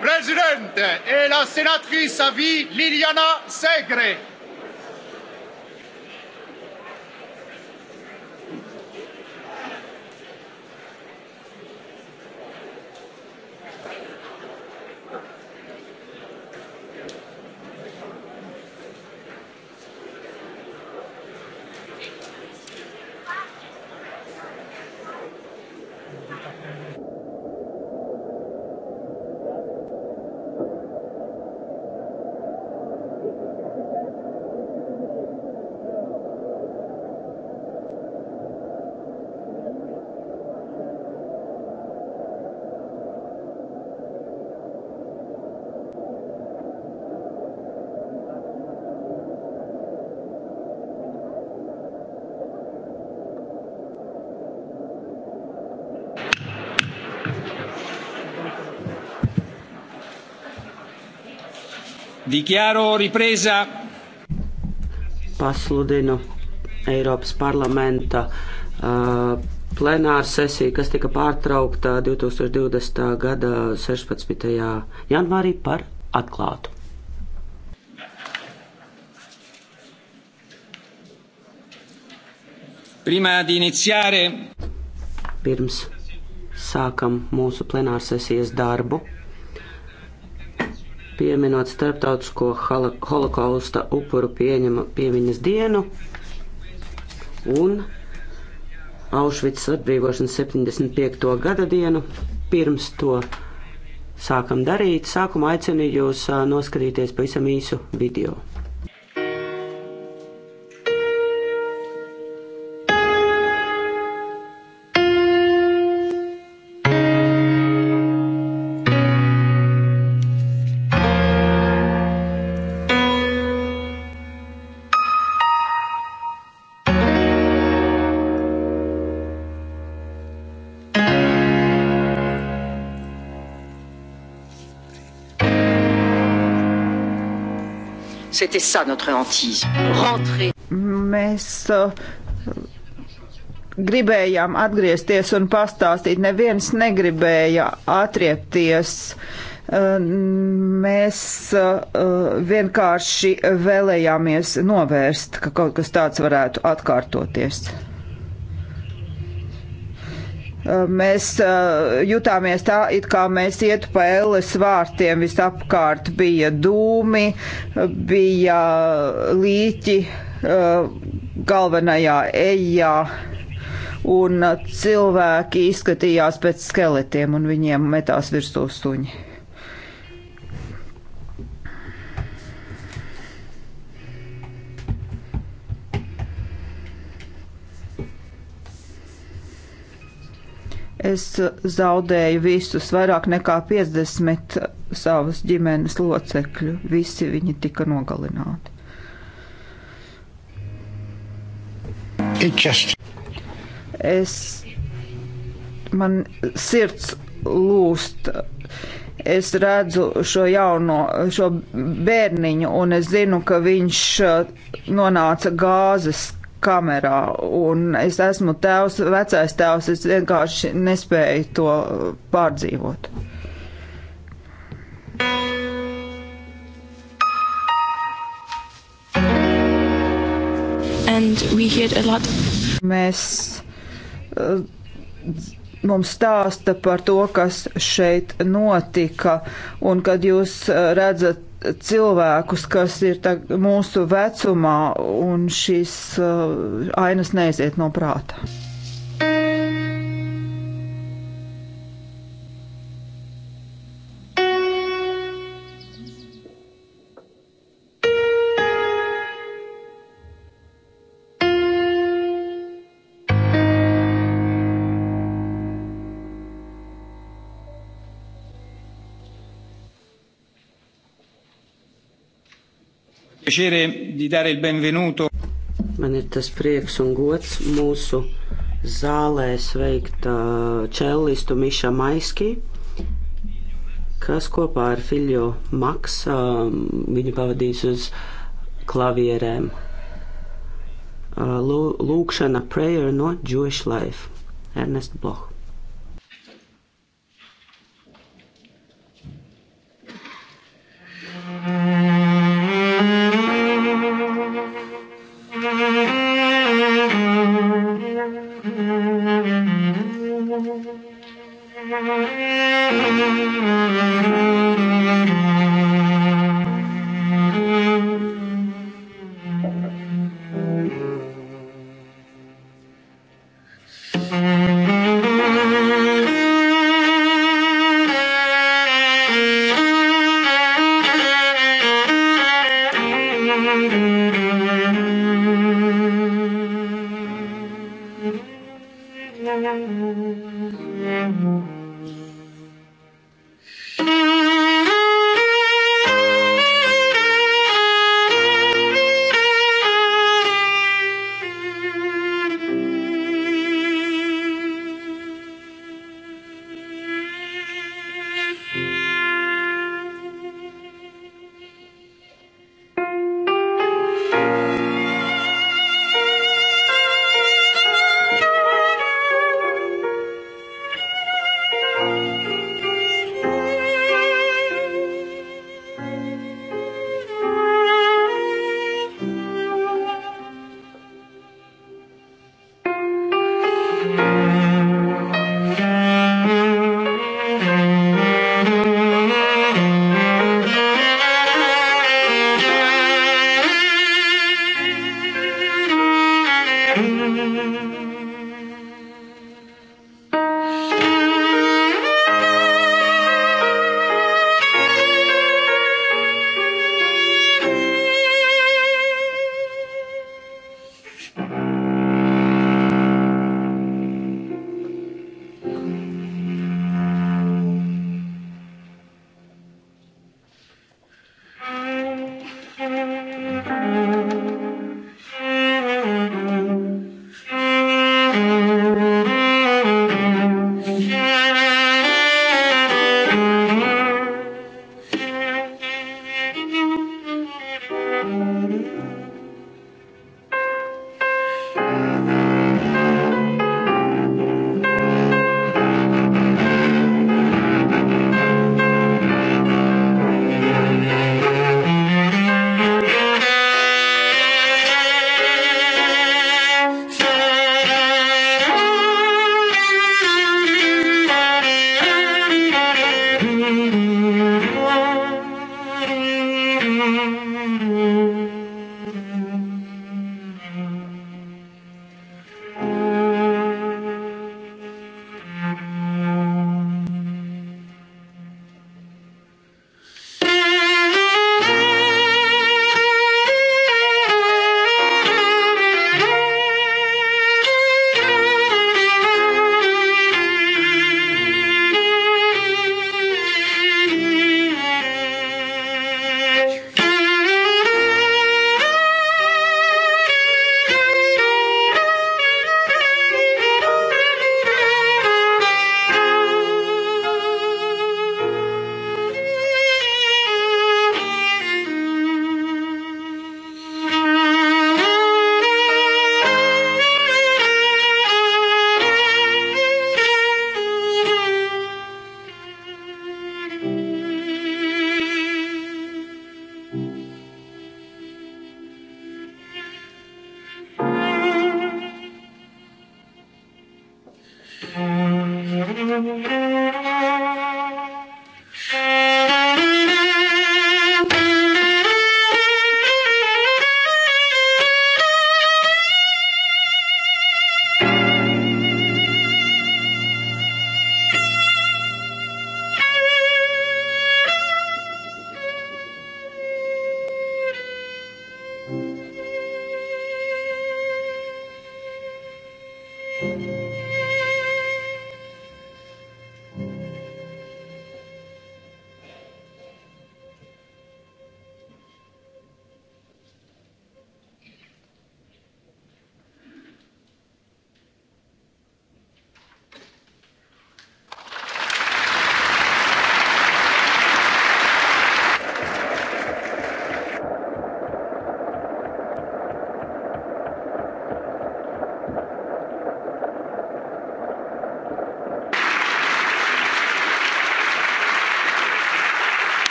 Presidente e la senatrice a vie Liliana Segre. Dichiaro ripresa. Pasludinu Eiropas parlamenta uh, plenāra sesija, kas tika pārtraukta 2020. gada 16. janvārī par atklātu. Prima di iniziare. Pirms sākam mūsu plenārsesijas darbu pieminot starptautisko holokausta upuru pieņema piemiņas dienu un Aušvicas atbrīvošanas 75. gada dienu. Pirms to sākam darīt, sākumā aicinu jūs noskatīties pavisam īsu video. C'était ça notre hantise. Rentrer. Mēs uh, gribējām atgriezties un pastāstīt. Neviens negribēja atriepties. Uh, mēs uh, vienkārši vēlējāmies novērst, ka kaut kas tāds varētu atkārtoties mēs jutāmies tā, it kā mēs ietu pa elles vārtiem, visapkārt bija dūmi, bija līķi galvenajā ejā un cilvēki izskatījās pēc skeletiem, un viņiem metās virsū suņi. Es zaudēju visus, vairāk nekā 50 savas ģimenes locekļu. Visi viņi tika nogalināti. Just... Es, man sirds lūst es redzu šo jauno, šo bērniņu, un es zinu, ka viņš eh, nonāca gāzes kamerā. Un es esmu tēvs, vecais tēvs, es vienkārši nespēju to pārdzīvot. Mēs uh, mums stāsta par to, kas šeit notika, un kad jūs uh, redzat cilvēkus, kas ir mūsu vecumā, un šīs uh, ainas neiziet no prāta. piacere di dare il benvenuto. Man ir tas prieks un gods mūsu zālē sveikt čellistu Miša Maiski, kas kopā ar Filjo Maks viņu pavadīs uz klavierēm. Lūkšana prayer no Jewish Life. Ernest Bloch.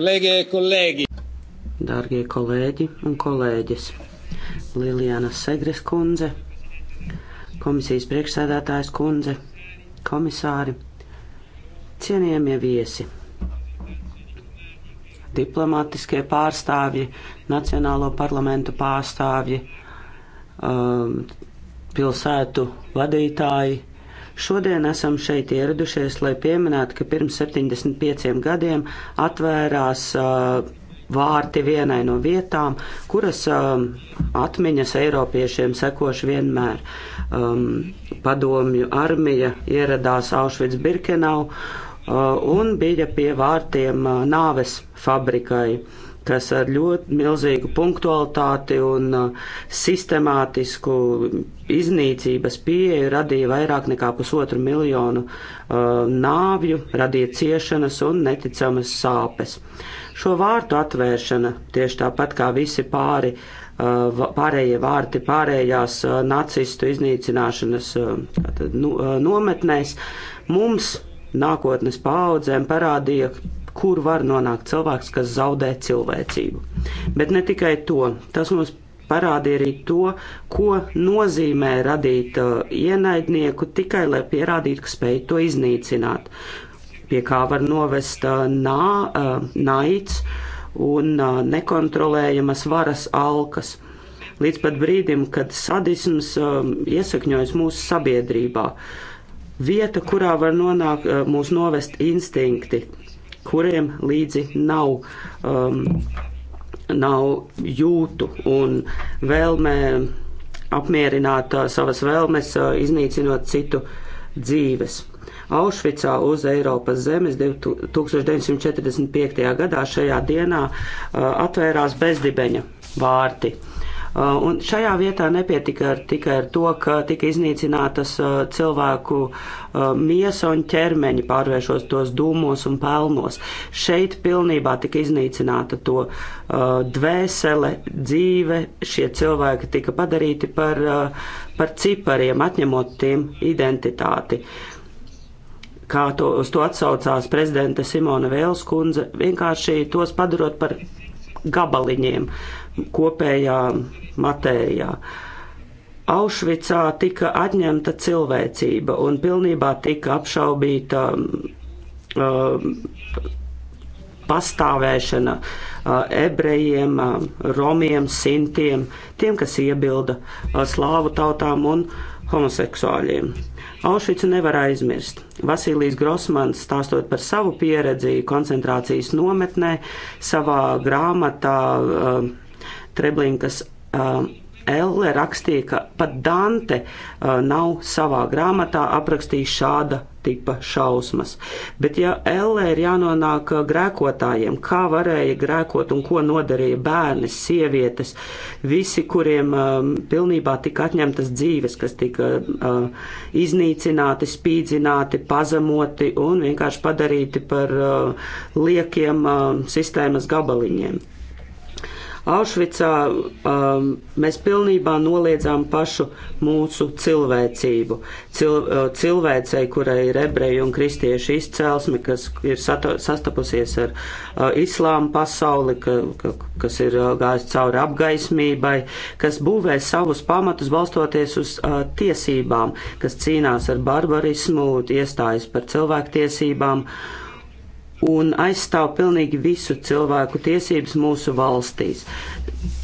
Kolēģi, kolēģi! Dārgie kolēģi un kolēģis! Lilijana Segres kundze, komisijas priekšsēdētājs kundze, komisāri, cienījamie viesi, diplomātiskie pārstāvji, nacionālo parlamentu pārstāvji, um, pilsētu vadītāji, Šodien esam šeit ieradušies, lai pieminētu, ka pirms 75 gadiem atvērās uh, vārti vienai no vietām, kuras um, atmiņas Eiropiešiem sekoši vienmēr. Um, padomju armija ieradās Aušvic-Birkenau uh, un bija pie vārtiem uh, nāves fabrikai. Uh, kas ar ļoti milzīgu punktualitāti un uh, sistemātisku iznīcības pieeju radīja vairāk nekā pusotru miljonu uh, nāvju, radīja ciešanas un neticamas sāpes. Šo vārtu atvēršana, tieši tāpat kā visi pāri, uh, pārējie vārti pārējās uh, nacistu iznīcināšanas uh, nu, uh, nometnēs, mums nākotnes paaudzēm parādīja, kur var nonākt cilvēks, kas zaudē cilvēcību. Bet ne tikai to, tas mums parādīja arī to, ko nozīmē radīt uh, ienaidnieku tikai, lai pierādītu, ka spēj to iznīcināt, pie kā var novest uh, nā, uh, naids un uh, nekontrolējamas varas alkas līdz pat brīdim, kad sadisms um, iesakņojas mūsu sabiedrībā. Vieta, kurā var nonākt uh, mūsu novest instinkti, kuriem līdzi nav. Um, nav jūtu un vēlmē apmierināt uh, savas vēlmes, uh, iznīcinot citu dzīves. Aušvicā uz Eiropas zemes 1945. gadā šajā dienā uh, atvērās bezdibeņa vārti. Uh, un šajā vietā nepietika ar, tikai ar to, ka tika iznīcinātas uh, cilvēku uh, miesa un ķermeņi, pārvēršot tos dūmos un pelnos. Šeit pilnībā tika iznīcināta to dvēsele, dzīve. Šie cilvēki tika padarīti par, par cipariem, atņemot tiem identitāti kā to, uz to atsaucās prezidenta Simona Vēles kundze, vienkārši tos padarot par gabaliņiem. Uh, kopējā matērijā. Aušvicā tika atņemta cilvēcība un pilnībā tika apšaubīta uh, pastāvēšana uh, ebrejiem, uh, romiem, sintiem, tiem, kas iebilda uh, slāvu tautām un homoseksuāļiem. Aušvicu nevar aizmirst. Vasilijs Grosmans, stāstot par savu pieredzi koncentrācijas nometnē, savā grāmatā uh, Treblinkas um, Elle rakstīja, ka pat Dante uh, nav savā grāmatā aprakstījis šāda tipa šausmas. Bet ja Elle ir jānonāk uh, grēkotājiem, kā varēja grēkot un ko nodarīja bērni, sievietes, visi, kuriem um, pilnībā tika atņemtas dzīves, kas tika uh, iznīcināti, spīdzināti, pazemoti un vienkārši padarīti par uh, liekiem uh, sistēmas gabaliņiem. Aušvicā um, mēs pilnībā noliedzām pašu mūsu cilvēcību. Cil, uh, cilvēcei, kurai ir ebreju un kristiešu izcelsme, kas ir sato, sastapusies ar uh, islāmu pasauli, ka, ka, kas ir uh, gājis cauri apgaismībai, kas būvē savus pamatus balstoties uz uh, tiesībām, kas cīnās ar barbarismu, iestājas par cilvēktiesībām. Uh, un aizstāv pilnīgi visu cilvēku tiesības mūsu valstīs.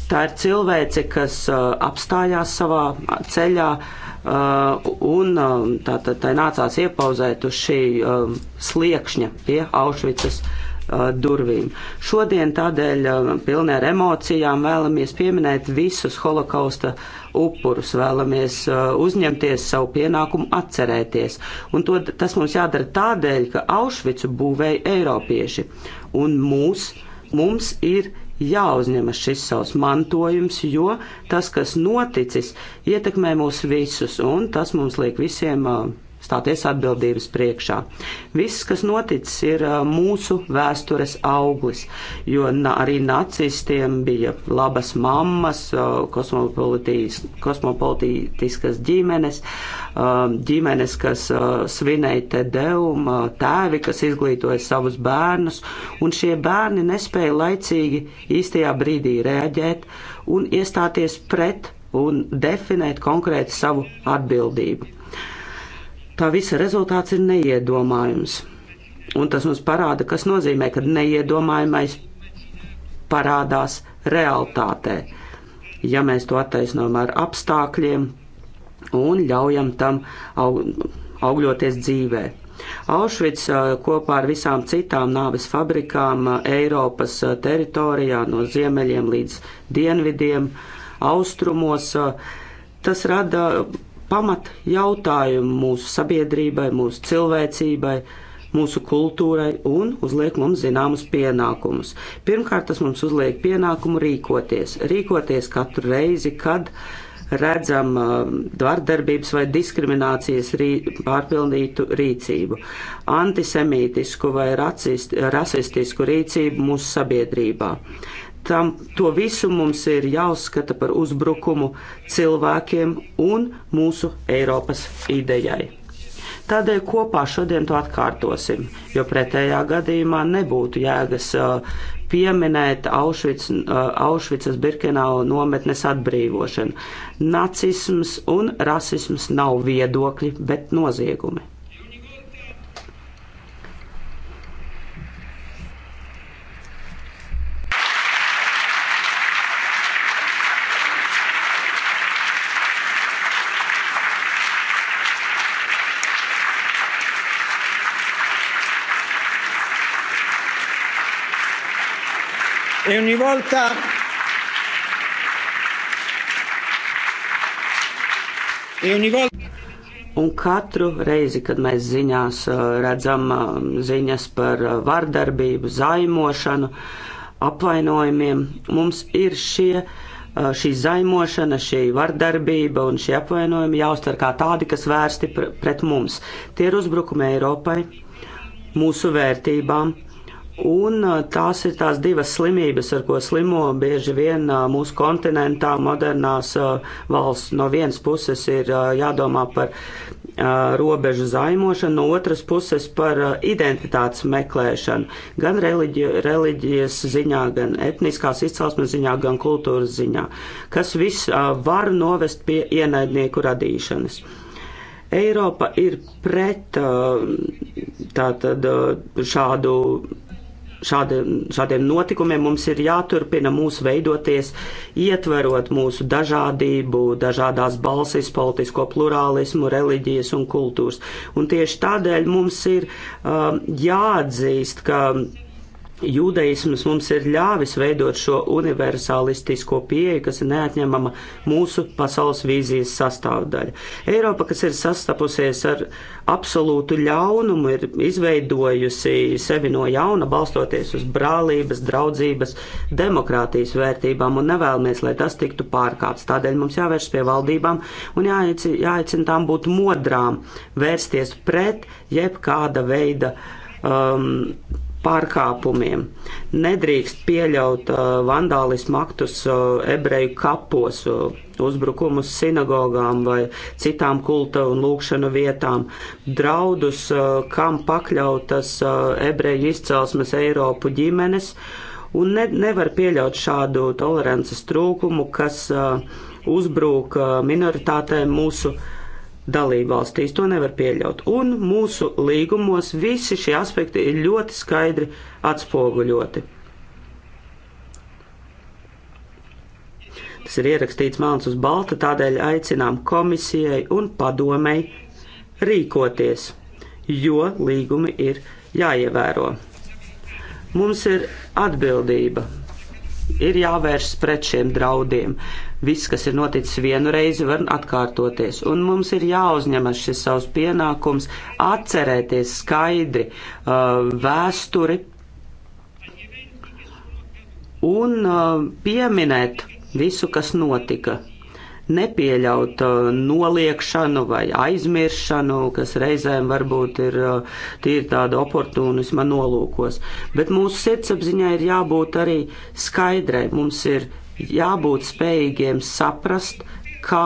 Tā ir cilvēce, kas uh, apstājās savā ceļā uh, un uh, tā, tā, tā nācās iepauzēt uz šī uh, sliekšņa pie Aušvicas uh, durvīm. Šodien tādēļ um, pilnē ar emocijām vēlamies pieminēt visus holokausta upurus, vēlamies uh, uzņemties savu pienākumu atcerēties. Un to, tas mums jādara tādēļ, ka Aušvicu būvēja Eiropieši. Un mūs, mums ir jāuzņemas šis savs mantojums, jo tas, kas noticis, ietekmē mūs visus, un tas mums liek visiem uh, stāties atbildības priekšā. Viss, kas noticis, ir mūsu vēstures auglis, jo arī nacistiem bija labas mammas, kosmopolitiskas ģimenes, ģimenes, kas svinēja te devumu, tēvi, kas izglītoja savus bērnus, un šie bērni nespēja laicīgi īstajā brīdī reaģēt un iestāties pret un definēt konkrēti savu atbildību. Tā visa rezultāts ir neiedomājums. Un tas mums parāda, kas nozīmē, kad neiedomājamais parādās realtātē. Ja mēs to attaisnojam ar apstākļiem un ļaujam tam aug, augļoties dzīvē. Aušvics kopā ar visām citām nāves fabrikām Eiropas teritorijā no ziemeļiem līdz dienvidiem, austrumos, tas rada pamat jautājumu mūsu sabiedrībai, mūsu cilvēcībai, mūsu kultūrai un uzliek mums zināmus pienākumus. Pirmkārt, tas mums uzliek pienākumu rīkoties. Rīkoties katru reizi, kad redzam uh, vardarbības vai diskriminācijas rī, pārpildītu rīcību, antisemītisku vai racist, rasistisku rīcību mūsu sabiedrībā. Uh, tam, to visu mums ir jāuzskata par uzbrukumu cilvēkiem un mūsu Eiropas idejai. Tādēļ kopā šodien to atkārtosim, jo pretējā gadījumā nebūtu jēgas uh, pieminēt Aušvic, uh, Aušvicas Birkenau nometnes atbrīvošanu. Nacisms un rasisms nav viedokļi, bet noziegumi. E ogni volta e ogni volta Un katru reizi, kad mēs ziņās uh, redzam um, ziņas par uh, vardarbību, zaimošanu, apvainojumiem, mums ir šie, uh, šī zaimošana, šī vardarbība un šie apvainojumi jāuztver kā tādi, kas vērsti pret mums. Tie ir uzbrukumi Eiropai, mūsu vērtībām, Un tās ir tās divas slimības, ar ko slimo bieži vien mūsu kontinentā modernās valsts. No vienas puses ir jādomā par robežu zaimošanu, no otras puses par identitātes meklēšanu. Gan reliģi, reliģijas ziņā, gan etniskās izcelsmes ziņā, gan kultūras ziņā. Kas viss var novest pie ienaidnieku radīšanas. Eiropa ir pret tātad šādu šādi, šādiem notikumiem mums ir jāturpina mūsu veidoties, ietverot mūsu dažādību, dažādās balsis, politisko plurālismu, reliģijas un kultūras. Un tieši tādēļ mums ir um, jāatzīst, ka jūdeisms mums ir ļāvis veidot šo universālistisko pieeju, kas ir neatņemama mūsu pasaules vīzijas sastāvdaļa. Eiropa, kas ir sastapusies ar absolūtu ļaunumu, ir izveidojusi sevi no jauna, balstoties uz brālības, draudzības, demokrātijas vērtībām un nevēlamies, lai tas tiktu pārkāpts. Tādēļ mums jāvērš pie valdībām un jāicina, jāicina tām būt modrām, vērsties pret jebkāda veida um, pārkāpumiem. Nedrīkst pieļaut uh, vandālismu aktus uh, ebreju kapos, uh, uzbrukumus sinagogām vai citām kulta un lūkšanu vietām, draudus, uh, kam pakļautas uh, ebreju izcelsmes Eiropu ģimenes, un ne, nevar pieļaut šādu tolerances trūkumu, kas uh, uzbrūk uh, minoritātēm mūsu uh, dalībvalstīs. To nevar pieļaut. Un mūsu līgumos visi šie aspekti ir ļoti skaidri atspoguļoti. Tas ir ierakstīts melns uz balta, tādēļ aicinām komisijai un padomei rīkoties, jo līgumi ir jāievēro. Mums ir atbildība, ir jāvēršas pret šiem draudiem. Viss, kas ir noticis vienu reizi, var atkārtoties, un mums ir jāuzņemas šis savs pienākums atcerēties skaidri uh, vēsturi un uh, pieminēt visu, kas notika. Nepieļaut uh, noliekšanu vai aizmiršanu, kas reizēm varbūt ir uh, tīri tāda oportunisma nolūkos. Bet mūsu sirdsapziņā ir jābūt arī skaidrai. Mums ir jābūt spējīgiem saprast, kā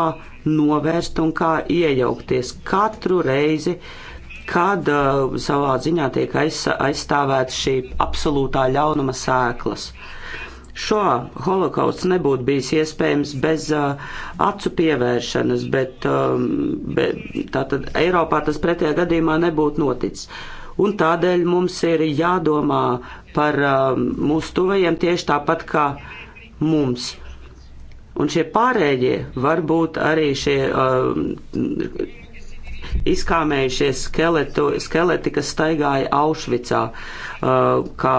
novērst un kā iejaukties katru reizi, kad uh, savā ziņā tiek aiz, aizstāvēta šī absolūtā ļaunuma sēklas. Šo holokausts nebūtu bijis iespējams bez uh, acu pievēršanas, bet, um, bet tātad Eiropā tas pretējā gadījumā nebūtu noticis. Un tādēļ mums ir jādomā par um, mūsu tuvajiem tieši tāpat kā uh, mums. Un šie pārējie var būt arī šie uh, izkāmējušies skeletu, skeleti, kas staigāja Aušvicā, uh, kā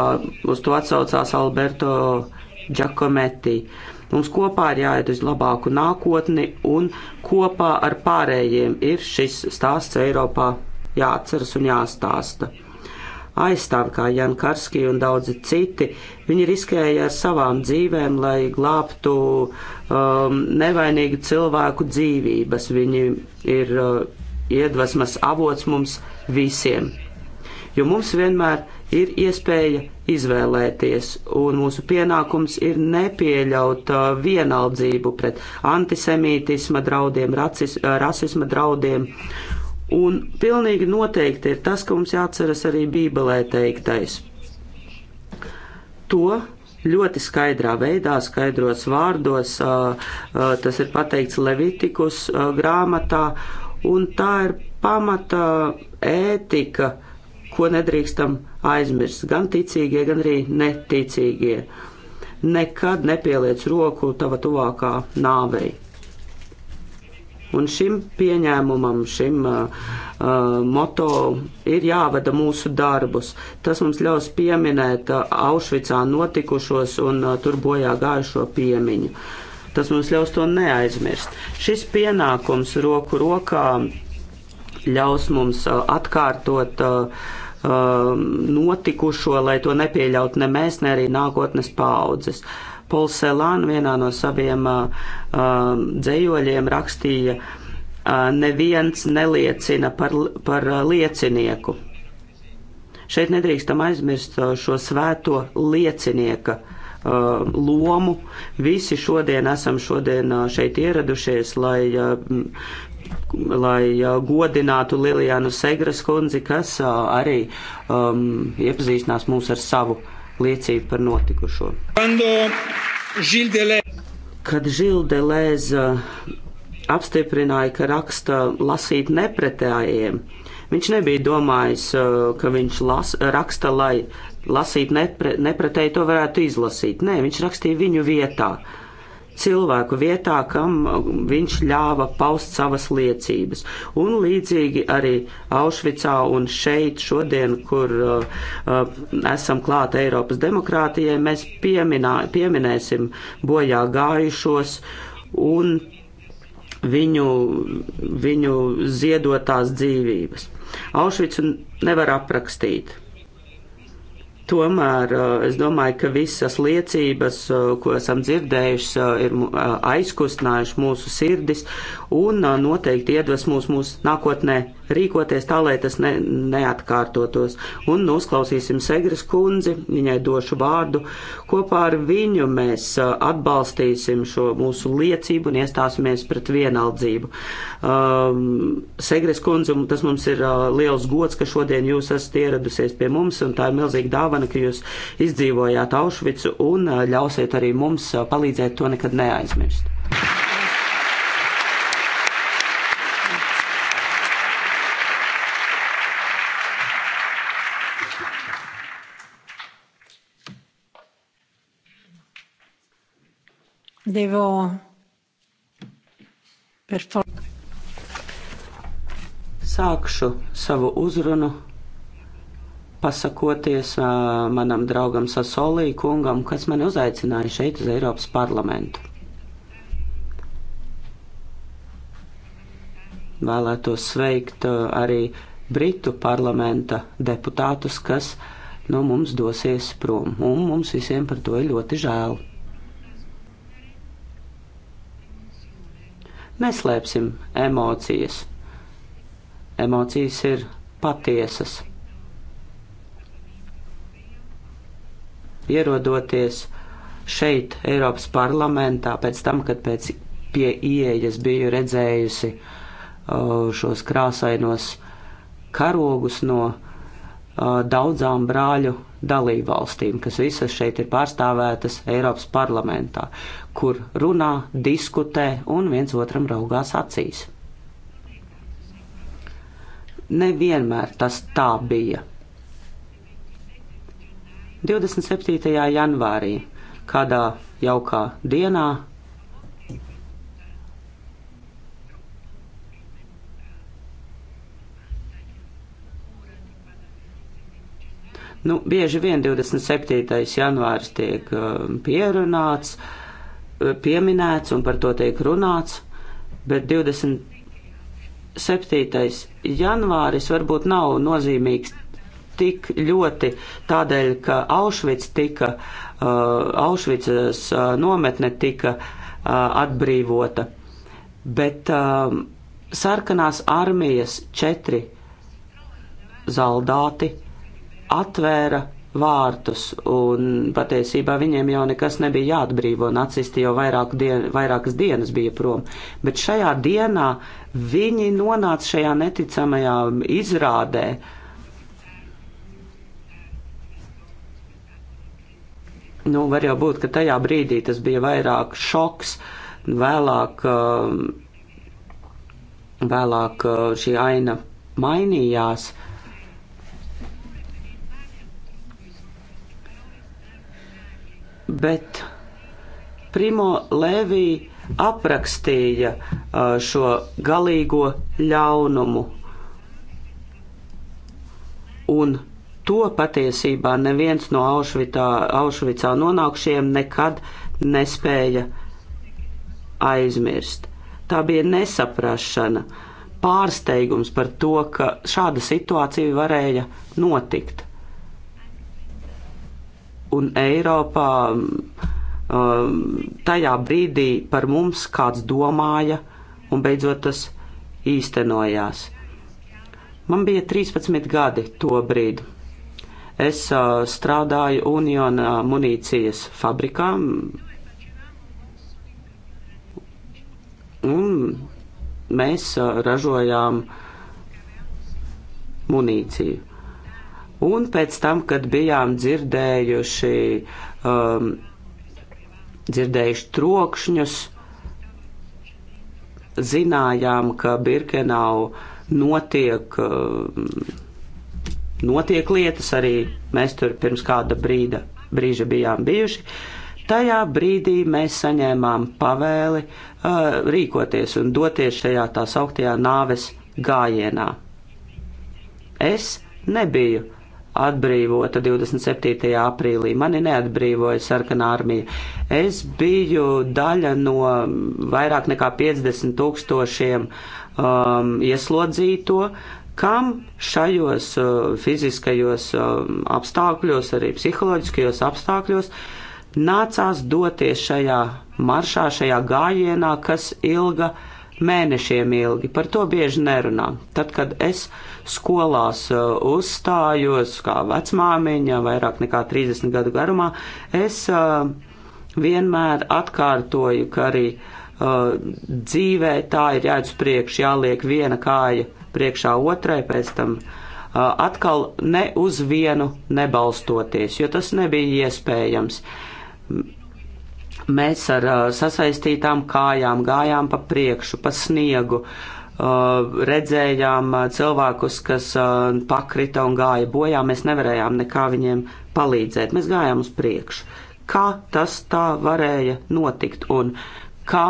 uz to atsaucās Alberto Giacometti. Mums kopā ir jāiet uz labāku nākotni un kopā ar pārējiem ir šis stāsts Eiropā jāatceras un jāstāsta aizstāvi, kā Jan Karski un daudzi citi. Viņi riskēja ar savām dzīvēm, lai glābtu um, nevainīgu cilvēku dzīvības. Viņi ir uh, iedvesmas avots mums visiem. Jo mums vienmēr ir iespēja izvēlēties, un mūsu pienākums ir nepieļaut uh, vienaldzību pret antisemītisma draudiem, racis, uh, rasisma draudiem Un pilnīgi noteikti ir tas, ka mums jāatceras arī Bībelē teiktais. To ļoti skaidrā veidā, skaidros vārdos, tas ir pateikts Levitikus grāmatā, un tā ir pamata ētika, ko nedrīkstam aizmirst, gan ticīgie, gan arī neticīgie. Nekad nepieliec roku tava tuvākā nāvei. Un šim pieņēmumam, šim uh, uh, moto ir jāvada mūsu darbus. Tas mums ļaus pieminēt uh, Aušvicā notikušos un uh, tur bojā gājušo piemiņu. Tas mums ļaus to neaizmirst. Šis pienākums roku rokā ļaus mums uh, atkārtot uh, uh notikušo, lai to nepieļaut ne mēs, ne arī nākotnes paudzes. Uh, Pols Selāna vienā no saviem uh, um, dzējoļiem rakstīja, uh, neviens neliecina par, par uh, liecinieku. Šeit nedrīkstam aizmirst uh, šo svēto liecinieka uh, lomu. Visi šodien esam šodien uh, šeit ieradušies, lai uh, lai uh, godinātu Lilijānu Segras kundzi, kas uh, arī um, iepazīstinās mūs ar savu liecību par notikušo. Kad Žildelēza apstiprināja, ka raksta lasīt nepretējiem, viņš nebija domājis, eh, ka viņš las, raksta, lai lasīt nepre, nepretēji to varētu izlasīt. Nē, viņš rakstīja viņu vietā cilvēku vietā, kam viņš ļāva paust savas liecības. Un līdzīgi arī Aušvicā un šeit šodien, kur uh, uh, esam klāt Eiropas demokrātijai, mēs pieminā, pieminēsim bojā gājušos un viņu, viņu ziedotās dzīvības. Aušvicu nevar aprakstīt Tomēr eh, es domāju, ka visas liecības, eh, ko esam dzirdējuši, eh, ir aizkustinājuši mūsu sirdis un noteikti iedvesmos mūs, mūsu nākotnē rīkoties tā, lai tas ne, neatkārtotos. Un uzklausīsim Segras kundzi, viņai došu vārdu. Kopā ar viņu mēs uh, atbalstīsim šo mūsu liecību un iestāsimies pret vienaldzību. Um, Segras kundze, tas mums ir uh, liels gods, ka šodien jūs esat ieradusies pie mums, un tā ir milzīga dāvana, ka jūs izdzīvojāt Aušvicu un uh, ļausiet arī mums uh, palīdzēt to nekad neaizmirst. Devo per forza. Sākšu savu uzrunu pasakoties uh, manam draugam Sasolī kungam, kas mani uzaicināja šeit uz Eiropas parlamentu. Vēlētos sveikt uh, arī Britu parlamenta deputātus, kas no nu, mums dosies prom, un mums visiem par to ir ļoti žēl. Neslēpsim emocijas. Emocijas ir patiesas. Ierodoties šeit, Eiropas parlamentā, pēc tam, kad pēc pie ieejas biju redzējusi šos krāsainos karogus no daudzām brāļu dalībvalstīm, kas visas šeit ir pārstāvētas Eiropas parlamentā kur runā, diskutē un viens otram raugās acīs. Nevienmēr tas tā bija. 27. janvārī, kādā jaukā dienā, Nu, bieži vien 27. janvārs tiek uh, pierunāts, uh, pieminēts un par to tiek runāts, bet 27. janvāris varbūt nav nozīmīgs tik ļoti tādēļ, ka Aušvic tika, uh, Aušvicas uh, nometne tika uh, atbrīvota, bet uh, sarkanās armijas četri zaldāti atvēra vārtus, un patiesībā viņiem jau nekas nebija jāatbrīvo, nacisti jau vairāk dien, vairākas dienas bija prom. Bet šajā dienā viņi nonāca šajā neticamajā izrādē. Nu, var jau būt, ka tajā brīdī tas bija vairāk šoks, vēlāk, um, vēlāk uh, šī aina mainījās. bet Primo Levī aprakstīja uh, šo galīgo ļaunumu. Un to patiesībā neviens no Aušvitā, Aušvicā nonākušiem nekad nespēja aizmirst. Tā bija nesaprašana, pārsteigums par to, ka šāda situācija varēja notikt un Eiropā um, tajā brīdī par mums kāds domāja un beidzot tas īstenojās. Man bija 13 gadi to brīdi. Es uh, strādāju Unionā uh, munīcijas fabrikā. Un mēs uh, ražojām munīciju Un pēc tam, kad bijām dzirdējuši, um, dzirdējuši trokšņus, zinājām, ka Birkenau notiek, um, notiek lietas, arī mēs tur pirms kāda brīda, brīža bijām bijuši. Tajā brīdī mēs saņēmām pavēli uh, rīkoties un doties šajā tā sauktajā nāves gājienā. Es nebiju atbrīvota 27. aprīlī. Mani neatbrīvoja sarkanā armija. Es biju daļa no vairāk nekā 50 tūkstošiem um, ieslodzīto, kam šajos uh, fiziskajos uh, apstākļos, arī psiholoģiskajos apstākļos, nācās doties šajā maršā, šajā gājienā, kas ilga mēnešiem ilgi. Par to bieži nerunā. Tad, kad es uh, skolās e, uzstājos kā vecmāmiņa vairāk nekā 30 gadu garumā, es e, vienmēr atkārtoju, ka arī e, dzīvē tā ir jāiet uz priekšu, jāliek viena kāja priekšā otrai, pēc tam atkal ne uz vienu nebalstoties, jo tas nebija iespējams mēs ar sasaistītām kājām gājām pa priekšu, pa sniegu, Uh, redzējām uh, cilvēkus, kas uh, pakrita un gāja bojā, mēs nevarējām nekā viņiem palīdzēt. Mēs gājām uz priekšu. Kā tas tā varēja notikt un kā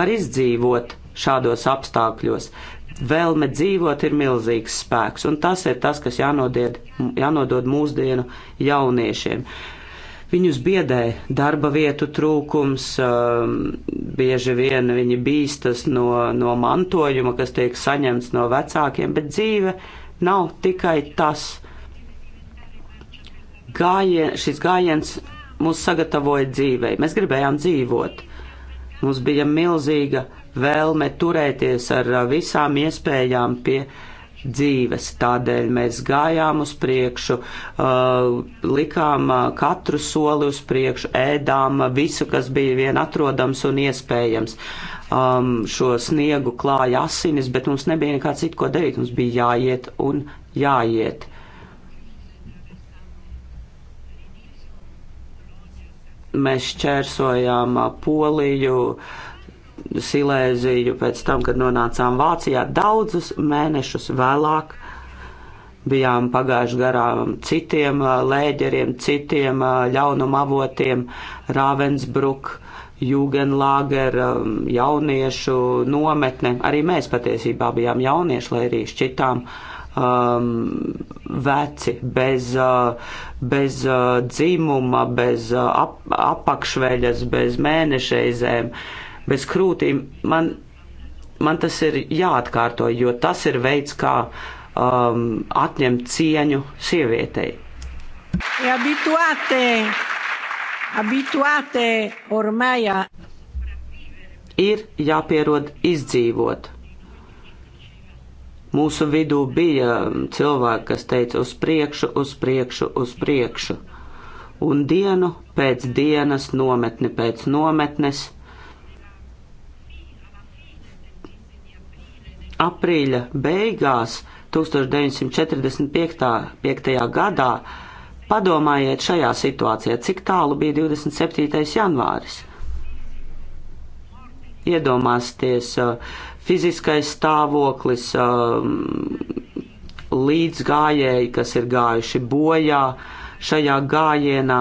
var izdzīvot šādos apstākļos? Vēlme dzīvot ir milzīgs spēks, un tas ir tas, kas jānodied, jānodod mūsdienu jauniešiem. Uh, Viņus biedē darba vietu trūkums, um, bieži vien viņi bīstas no, no mantojuma, kas tiek saņemts no vecākiem, bet dzīve nav tikai tas. Gājien, šis gājiens mūs sagatavoja dzīvei. Mēs gribējām dzīvot. Mums bija milzīga vēlme turēties ar uh, visām iespējām pie uh, dzīves. Tādēļ mēs gājām uz priekšu, uh, likām uh, katru soli uz priekšu, ēdām uh, visu, kas bija vien atrodams un iespējams. Um, šo sniegu klāja asinis, bet mums nebija nekā citu, ko darīt. Mums bija jāiet un jāiet. Mēs šķērsojām uh, Poliju. Uh, Silēziju pēc tam, kad nonācām Vācijā, daudzus mēnešus vēlāk bijām pagājuši garām citiem lēģeriem, citiem ļaunuma avotiem, Ravensbruk, Jugendlager, jauniešu nometne. Arī mēs patiesībā bijām jaunieši, lai arī šķitām um, veci, bez, bez dzimuma, bez ap, apakšveļas, bez mēnešreizēm. Uh, bez krūtīm, man, man tas ir jāatkārto, jo tas ir veids, kā um, atņemt cieņu sievietei. E abituate, abituate ormai. Ir jāpierod izdzīvot. Mūsu vidū bija um, cilvēki, kas teica uz priekšu, uz priekšu, uz priekšu. Un dienu pēc dienas, nometni pēc nometnes aprīļa beigās 1945. gadā, padomājiet šajā situācijā, cik tālu bija 27. janvāris. Iedomāsties uh, fiziskais stāvoklis, um, līdzgājēji, kas ir gājuši bojā šajā gājienā.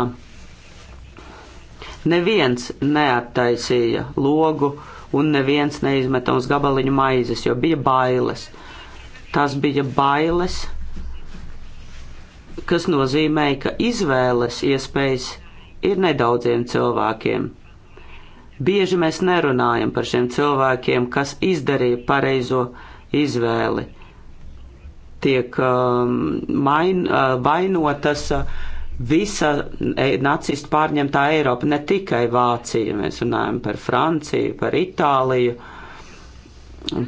Neviens neattaisīja logu un neviens neizmeta uz gabaliņu maizes, jo bija bailes. Tas bija bailes, kas nozīmēja, ka izvēles iespējas ir nedaudziem cilvēkiem. Bieži mēs nerunājam par šiem cilvēkiem, kas izdarīja pareizo izvēli. Tiek um, main, uh, vainotas. Uh, visa e, nacistu pārņemtā Eiropa, ne tikai Vācija, mēs runājam par Franciju, par Itāliju,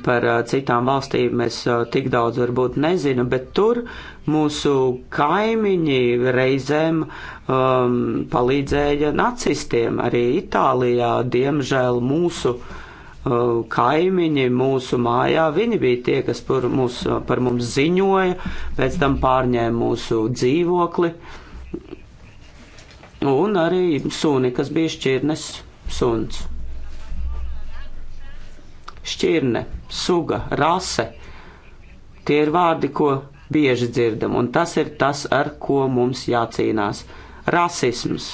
par e, citām valstīm mēs e, tik daudz varbūt nezinām, bet tur mūsu kaimiņi reizēm um, palīdzēja nacistiem, arī Itālijā, diemžēl mūsu kaimiņi mūsu mājā, viņi bija tie, kas par mums, par mums ziņoja, pēc tam pārņēma mūsu dzīvokli. Uh, Un arī suni, kas bija šķirnes suns. Šķirne, suga, rase - tie ir vārdi, ko bieži dzirdam, un tas ir tas, ar ko mums jācīnās. Rasisms,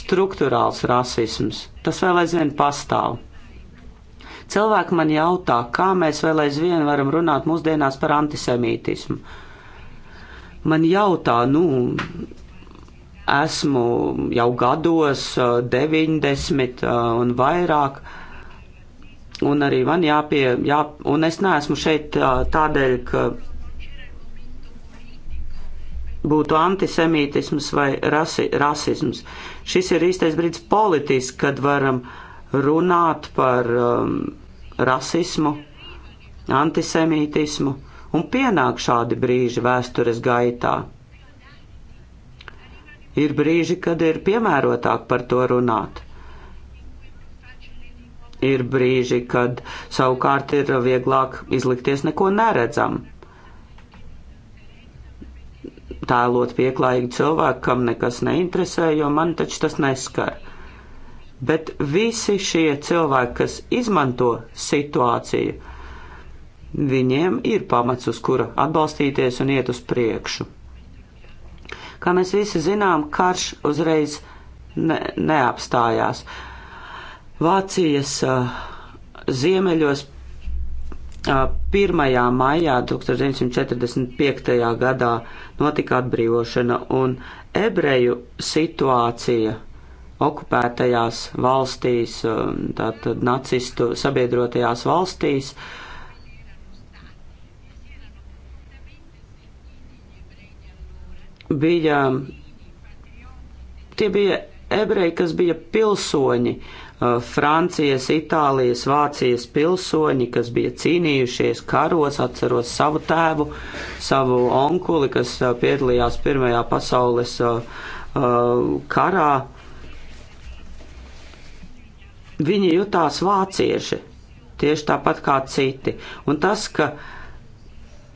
struktūrāls rasisms, tas vēl aizvien pastāv. Cilvēki man jautā, kā mēs vēl aizvien varam runāt mūsdienās par antisemītismu. Man jautā, nu, esmu jau gados 90 un vairāk. Un arī man jāpie, jā, un es neesmu šeit tādēļ, ka būtu antisemītisms vai rasi, rasisms. Šis ir īstais brīdis politiski, kad varam runāt par um, rasismu, antisemītismu, un pienāk šādi brīži vēstures gaitā. Ir brīži, kad ir piemērotāk par to runāt. Ir brīži, kad savukārt ir vieglāk izlikties neko neredzam. Tēlot pieklājīgi cilvēkam nekas neinteresē, jo man taču tas neskar bet visi šie cilvēki, kas izmanto situāciju, viņiem ir pamats, uz kura atbalstīties un iet uz priekšu. Kā mēs visi zinām, karš uzreiz ne, neapstājās. Vācijas uh, ziemeļos uh, 1. maijā 1945. gadā notika atbrīvošana un ebreju situācija okupētajās valstīs, tātad nacistu sabiedrotajās valstīs, uh, bija, tie bija ebreji, kas bija pilsoņi, uh, Francijas, Itālijas, Vācijas pilsoņi, kas bija cīnījušies karos, atceros savu tēvu, savu onkuli, kas uh, piedalījās Pirmajā pasaules uh, karā. Viņi jutās vācieši, tieši tāpat kā citi. Un tas, ka uh,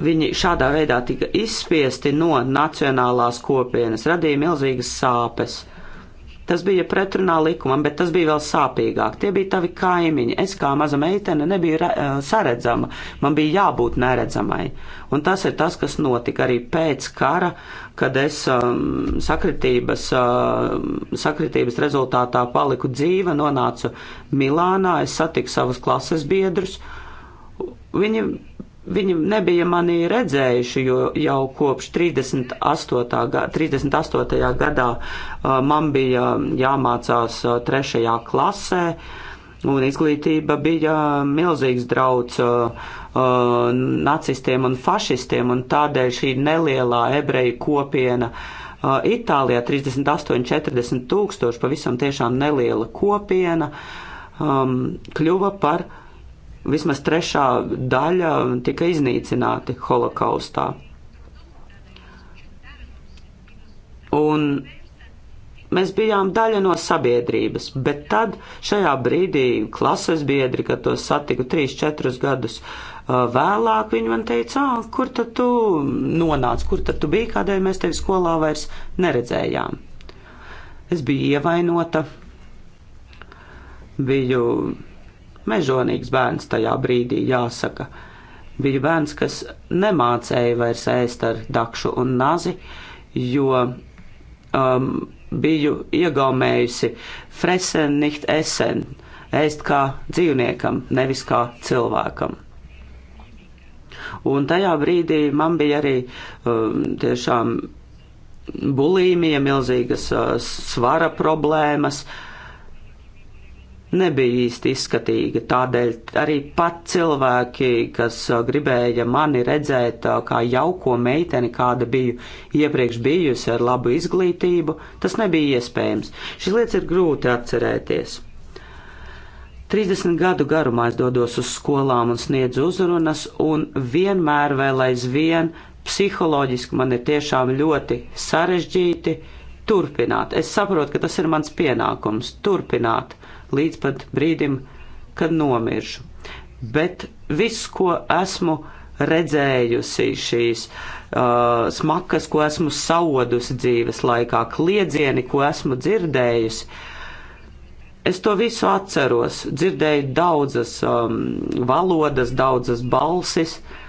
Viņi šādā veidā tika izspiesti no nacionālās kopienas, radīja milzīgas sāpes. Tas bija pretrunā likumam, bet tas bija vēl sāpīgāk. Tie bija tavi kaimiņi. Es kā maza meitene nebiju re, eh, saredzama, man bija jābūt neredzamai. Un tas ir tas, kas notika arī pēc kara, kad es um, sakritības, uh, sakritības rezultātā paliku dzīva, nonācu Milānā, es satiku savus klases biedrus. Viņi Viņi nebija mani redzējuši, jo jau kopš 38. Ga, 38. gadā uh, man bija jāmācās uh, trešajā klasē, un izglītība bija milzīgs drauds uh, nacistiem un fašistiem, un tādēļ šī nelielā ebreju kopiena Itālijā 38-40 tūkstoši, pavisam tiešām neliela kopiena, um, kļuva par vismaz trešā daļa tika iznīcināti holokaustā. Un mēs bijām daļa no sabiedrības, bet tad šajā brīdī klases biedri, kad to satiku 3-4 gadus uh, vēlāk, viņi man teica, ah, kur tad tu nonāc, kur tad tu biji, kādēļ mēs tevi skolā vairs neredzējām. Es biju ievainota, biju mežonīgs bērns tajā brīdī, jāsaka. Bija bērns, kas nemācēja vairs ēst ar dakšu un nazi, jo um, biju iegaumējusi fresen, nicht esen, ēst kā dzīvniekam, nevis kā cilvēkam. Un tajā brīdī man bija arī um, tiešām bulīmija, milzīgas uh, svara problēmas, uh, nebija īsti izskatīga. Tādēļ arī pat cilvēki, kas uh, gribēja mani redzēt uh, kā jauko meiteni, kāda biju iepriekš bijusi ar labu izglītību, tas nebija iespējams. Šis lietas ir grūti atcerēties. 30 gadu garumā es dodos uz skolām un sniedzu uzrunas, un vienmēr vēl aizvien psiholoģiski man ir tiešām ļoti sarežģīti turpināt. Es saprotu, ka tas ir mans pienākums - turpināt līdz pat brīdim, kad nomiršu. Bet viss, ko esmu redzējusi, šīs uh, smakas, ko esmu saudusi dzīves laikā, kliedzieni, ko esmu dzirdējusi, es to visu atceros. Dzirdēju daudzas um, valodas, daudzas balsis. Uh,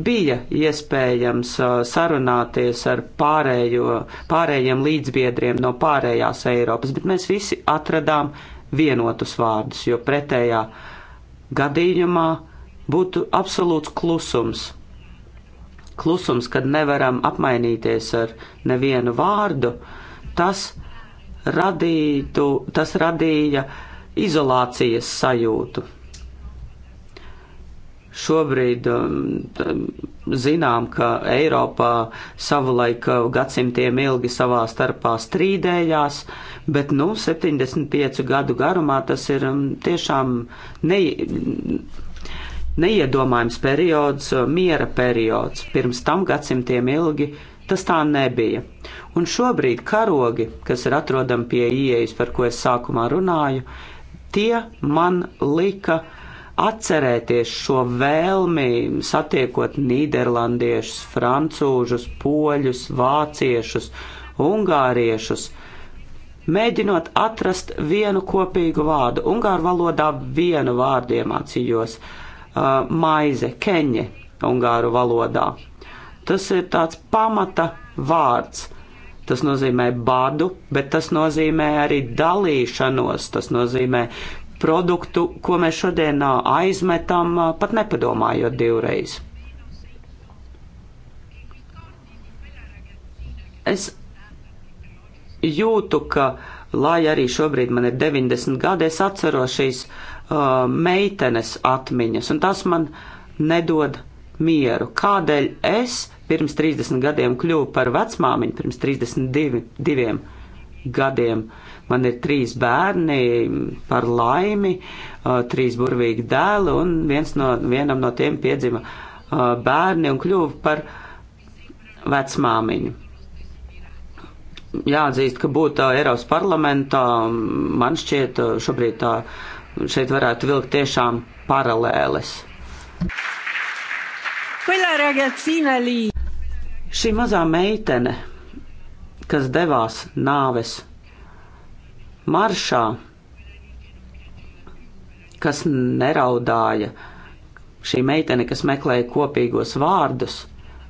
bija iespējams sarunāties ar pārējo, pārējiem līdzbiedriem no pārējās Eiropas, bet mēs visi atradām vienotus vārdus, jo pretējā gadījumā būtu absolūts klusums. Klusums, kad nevaram apmainīties ar nevienu vārdu, tas, radītu, tas radīja izolācijas sajūtu. Šobrīd um, zinām, ka Eiropā savulaik uh, gadsimtiem ilgi savā starpā strīdējās, bet nu 75 gadu garumā tas ir um, tiešām ne, neiedomājams periods, uh, miera periods. Pirms tam gadsimtiem ilgi tas tā nebija. Un šobrīd karogi, kas ir atrodami pie ieejas, par ko es sākumā runāju, tie man lika uh, atcerēties šo vēlmi, satiekot nīderlandiešus, francūžus, poļus, vāciešus, ungāriešus, mēģinot atrast vienu kopīgu vārdu. Ungāru valodā vienu vārdu iemācījos uh, - maize, keņe, ungāru valodā. Tas ir tāds pamata vārds. Tas nozīmē badu, bet tas nozīmē arī dalīšanos, tas nozīmē produktu, ko mēs šodien aizmetam, pat nepadomājot divreiz. Es jūtu, ka, lai arī šobrīd man ir 90 gadi, es atceros šīs uh, meitenes atmiņas, un tas man nedod mieru. Kādēļ es pirms 30 gadiem kļuvu par vecmāmiņu, pirms 32 gadiem? Uh, gadiem. Man ir trīs bērni, par laimi, trīs burvīgi dēli, un viens no, vienam no tiem piedzima bērni un kļuva par vecmāmiņu jāatzīst, ka būt tā Eiropas parlamentā, man šķiet, šobrīd tā šeit varētu vilkt tiešām paralēles. Šī mazā meitene, kas devās nāves maršā, kas neraudāja, šī meitene, kas meklēja kopīgos vārdus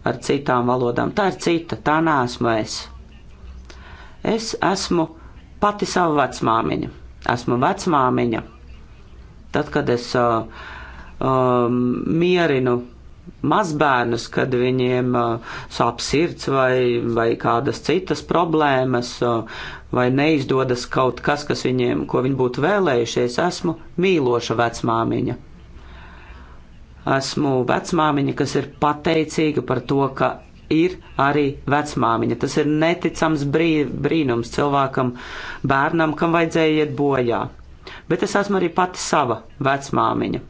ar citām valodām, tā ir cita, tā nesmu es. Es esmu pati sava vecmāmiņa. Esmu vecmāmiņa. Tad, kad es uh, um, mierinu mazbērnus, kad viņiem uh, sāp sirds vai, vai kādas citas problēmas, uh, vai neizdodas kaut kas, kas viņiem, ko viņi būtu vēlējušies, esmu mīloša vecmāmiņa. Esmu vecmāmiņa, kas ir pateicīga par to, ka ir arī vecmāmiņa. Tas ir neticams brī, brīnums cilvēkam, bērnam, kam vajadzēja iet bojā. Bet es esmu arī pati sava vecmāmiņa.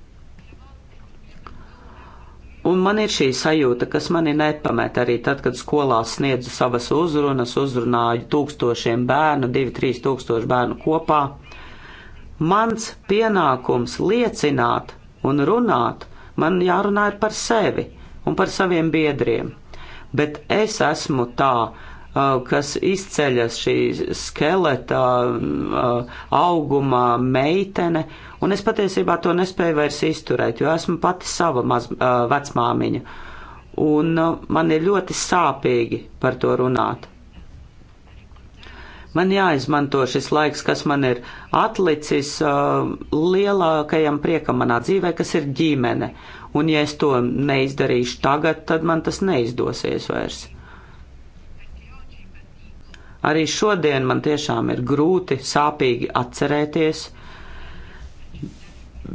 Un man ir šī sajūta, kas mani nepamet arī tad, kad skolā sniedzu savas uzrunas, uzrunāju tūkstošiem bērnu, divi, trīs tūkstoši bērnu kopā. Mans pienākums liecināt un runāt, man jārunā ir par sevi un par saviem biedriem. Bet es esmu tā, uh, Uh, kas izceļas šī skeletā uh, augumā meitene, un es patiesībā to nespēju vairs izturēt, jo esmu pati sava maz, uh, vecmāmiņa, un man ir ļoti sāpīgi par to runāt. Man jāizmanto šis laiks, kas man ir atlicis lielākajam priekam manā dzīvē, kas ir ģimene, un ja es to neizdarīšu tagad, tad man tas neizdosies vairs. Arī šodien man tiešām ir grūti, sāpīgi atcerēties,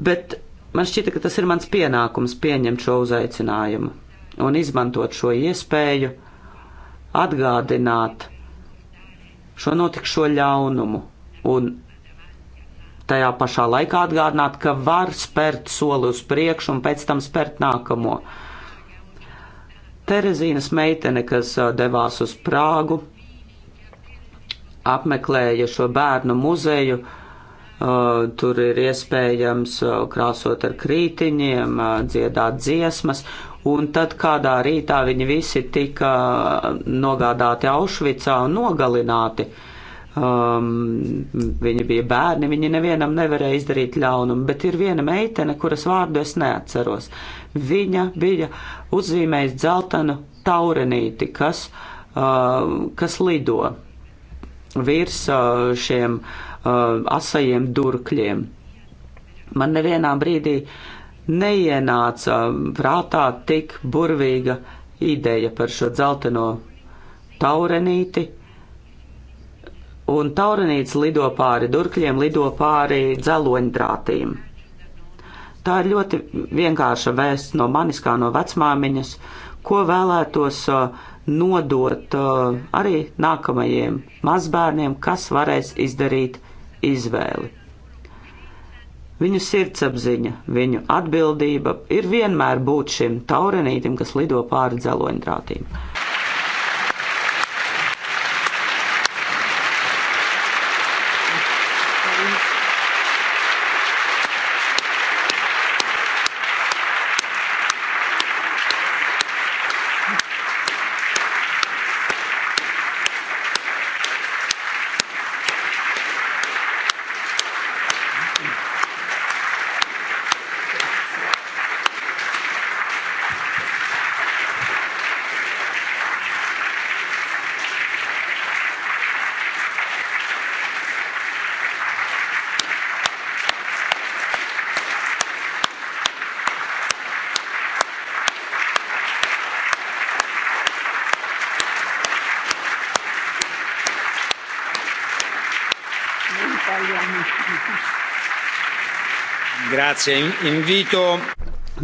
bet man šķita, ka tas ir mans pienākums pieņemt šo uzaicinājumu un izmantot šo iespēju atgādināt šo notikšo ļaunumu un tajā pašā laikā atgādināt, ka var spērt soli uz priekšu un pēc tam spērt nākamo. Terezīnas meitene, kas uh, devās uz Prāgu, apmeklēja šo bērnu muzeju. Uh, tur ir iespējams uh, krāsot ar krītiņiem, uh, dziedāt dziesmas, un tad kādā rītā viņi visi tika uh, nogādāti Aušvicā un nogalināti. Um, viņi bija bērni, viņi nevienam nevarēja izdarīt ļaunumu, bet ir viena meitene, kuras vārdu es neatceros. Viņa bija uzzīmējis dzeltenu taurenīti, kas, uh, kas lido virs šiem asajiem durkļiem. Man nevienā brīdī neienāca prātā tik burvīga ideja par šo dzelteno taurenīti, un taurenīts lido pāri durkļiem, lido pāri dzeloņdrātīm. Tā ir ļoti vienkārša vēsts no manis kā no vecmāmiņas, ko vēlētos uh, nodot uh, arī nākamajiem mazbērniem, kas varēs izdarīt izvēli. Viņu sirdsapziņa, viņu atbildība ir vienmēr būt šim taurenītim, kas lido pāri dzeloņdrātīm. Grazie, invito.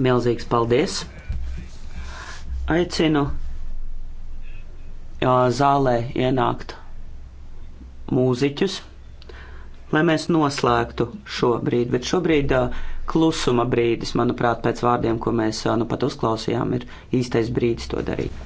Milzīgs paldies. Aicinu zālē ienākt mūziķus, lai mēs noslēgtu šo brīdi. Bet šobrīd klusuma brīdis, manuprāt, pēc vārdiem, ko mēs nu pat uzklausījām, ir īstais brīdis to darīt.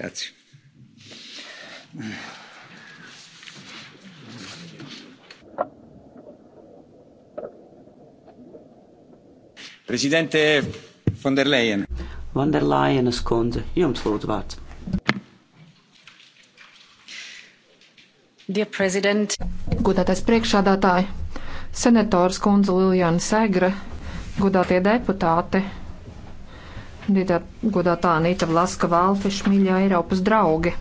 Grazie. Prezidente von der Leyen. Von der Leyenas kundze, jums lūdzu vārds. Dear President. Godātais priekšādātāji, senators kundze Liljana Segre, godātie deputāti godātā Anita Vlaska Valfiša, mīļā Eiropas draugi.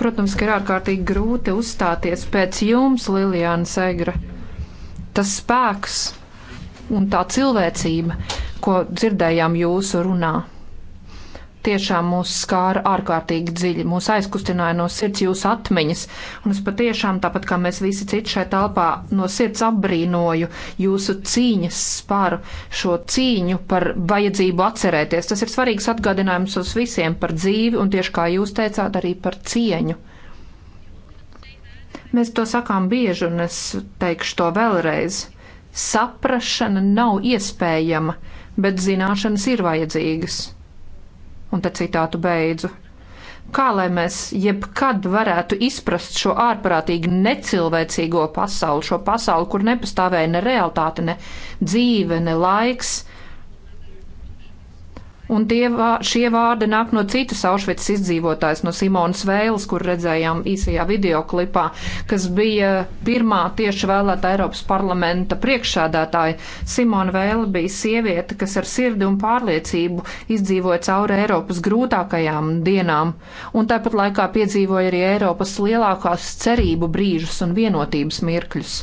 Protams, ka ir ārkārtīgi grūti uzstāties pēc jums, Liljāna Segra. Tas spēks un tā cilvēcība, ko dzirdējām jūsu runā tiešām mūs skāra ārkārtīgi dziļi, mūs aizkustināja no sirds jūsu atmiņas, un es patiešām, tāpat kā mēs visi citi šai telpā, no sirds apbrīnoju jūsu cīņas spāru, šo cīņu par vajadzību atcerēties. Tas ir svarīgs atgādinājums uz visiem par dzīvi, un tieši kā jūs teicāt, arī par cieņu. Mēs to sakām bieži, un es teikšu to vēlreiz. Saprašana nav iespējama, bet zināšanas ir vajadzīgas. Un te citātu beidzu. Kā lai mēs jebkad varētu izprast šo ārprātīgi necilvēcīgo pasauli, šo pasauli, kur nepastāvēja ne realitāte, ne dzīve, ne laiks? Un tie, šie vārdi nāk no citas Aušvicas izdzīvotājas, no Simonas Vēles, kur redzējām īsajā videoklipā, kas bija pirmā tieši vēlēta Eiropas parlamenta priekšsādātāja. Simona Vēle bija sieviete, kas ar sirdi un pārliecību izdzīvoja cauri Eiropas grūtākajām dienām, un tāpat laikā piedzīvoja arī Eiropas lielākās cerību brīžus un vienotības mirkļus.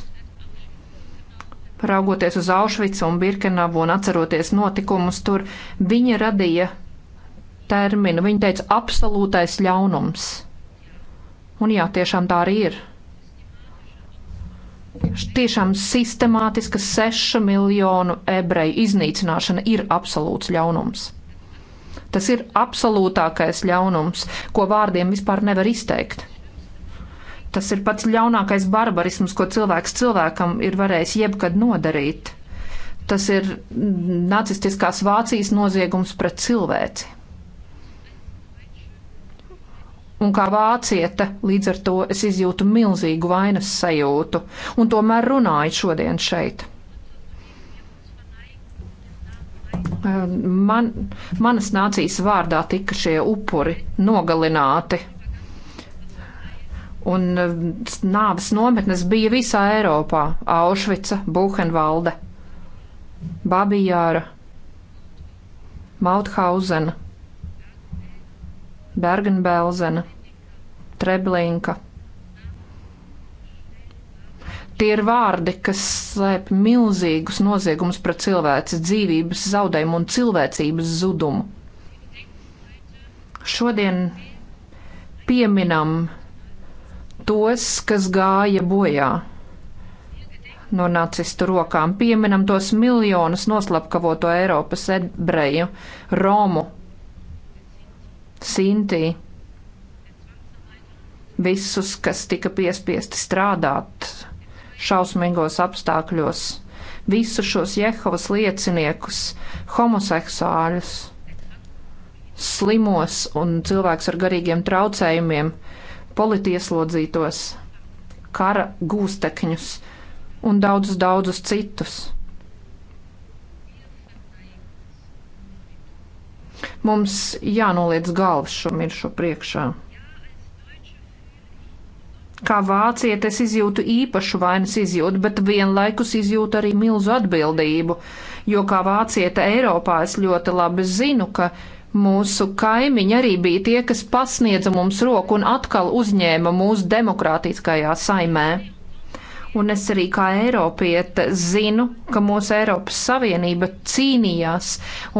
Raugoties uz Aušvicu un Birkenavu un atceroties notikumus tur, viņa radīja terminu. Viņa teica absolūtais ļaunums. Un jā, tiešām tā arī ir. Tiešām sistemātiska sešu miljonu ebreju iznīcināšana ir absolūts ļaunums. Tas ir absolūtākais ļaunums, ko vārdiem vispār nevar izteikt. Tas ir pats ļaunākais barbarisms, ko cilvēks cilvēkam ir varējis jebkad nodarīt. Tas ir nacistiskās Vācijas noziegums pret cilvēci. Un kā vāciete, līdz ar to es izjūtu milzīgu vainas sajūtu, un tomēr runāju šodien šeit. Ehm, man, manas nācijas vārdā tika šie upuri nogalināti un eh, nāves nometnes bija visā Eiropā - Aušvica, Buhenvalde, Babijāra, Mauthauzena, Bergenbelzena, Treblinka. Tie ir vārdi, kas slēpj milzīgus noziegumus pret cilvēces dzīvības zaudējumu un cilvēcības zudumu. Šodien pieminam tos, kas gāja bojā no nacistu rokām. Pieminam tos miljonus noslapkavoto Eiropas ebreju, Romu, Sintī, visus, kas tika piespiesti strādāt šausmīgos apstākļos, visus šos Jehovas lieciniekus, homoseksuāļus, slimos un cilvēks ar garīgiem traucējumiem, politieslodzītos, kara gūstekņus un daudzus, daudzus citus. Mums jānoliec galvas šo miršu priekšā. Kā vāciet, es izjūtu īpašu vainas izjūtu, bet vienlaikus izjūtu arī milzu atbildību, jo kā vācieta Eiropā es ļoti labi zinu, ka Mūsu kaimiņi arī bija tie, kas pasniedza mums roku un atkal uzņēma mūsu demokrātiskajā saimē. Un es arī kā Eiropiete zinu, ka mūsu Eiropas Savienība cīnījās,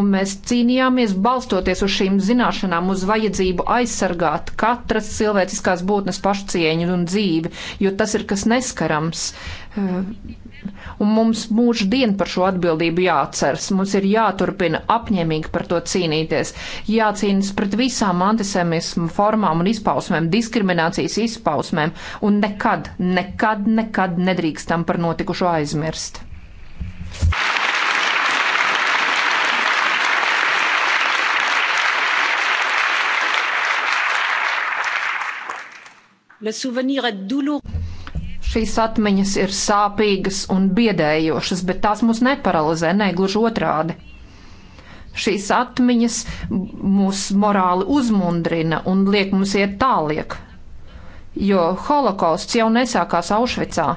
un mēs cīnījāmies balstoties uz šīm zināšanām, uz vajadzību aizsargāt katras cilvēciskās būtnes pašcieņu un dzīvi, jo tas ir kas neskarams. Uh, un mums mūžu dienu par šo atbildību jāatceras. Mums ir jāturpina apņēmīgi par to cīnīties, jācīnas pret visām antisemismu formām un izpausmēm, diskriminācijas izpausmēm, un nekad, nekad, nekad nedrīkstam par notikušo aizmirst. Le souvenir est douloureux. Šīs atmiņas ir sāpīgas un biedējošas, bet tās mūs neparalizē, ne gluži otrādi. Šīs atmiņas mūs morāli uzmundrina un liek mums iet tālāk, jo holokausts jau nesākās Aušvicā.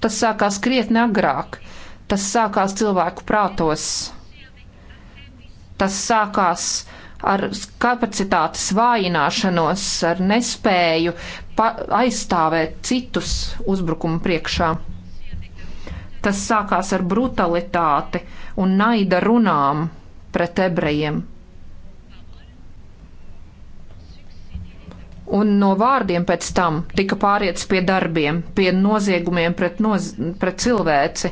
Tas sākās krietni agrāk, tas sākās cilvēku prātos, tas sākās ar kapacitātes vājināšanos, ar nespēju aizstāvēt citus uzbrukumu priekšā. Tas sākās ar brutalitāti un naida runām pret ebrejiem. Un no vārdiem pēc tam tika pārietis pie darbiem, pie noziegumiem pret, noz pret cilvēci.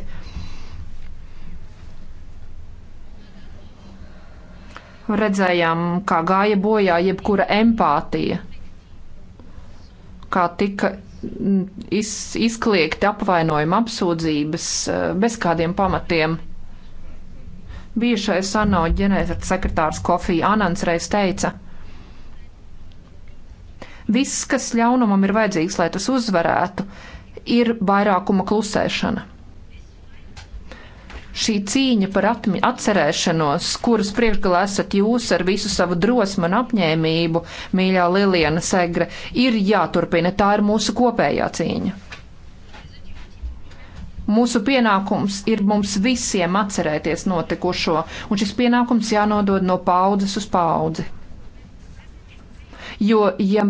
Redzējām, kā gāja bojā jebkura empātija kā tika mm, iz, izkliegti apvainojumi, apsūdzības eh, bez kādiem pamatiem. Bijušais ANO ģenerālsekretārs Kofija Anans reiz teica, viss, kas ļaunumam ir vajadzīgs, lai tas uzvarētu, ir vairākuma klusēšana šī cīņa par atmi, atcerēšanos, kuras priekšgalā esat jūs ar visu savu drosmu un apņēmību, mīļā Liliana Segre, ir jāturpina. Tā ir mūsu kopējā cīņa. Mūsu pienākums ir mums visiem atcerēties notikušo, un šis pienākums jānodod no paudzes uz paudzi. Jo, ja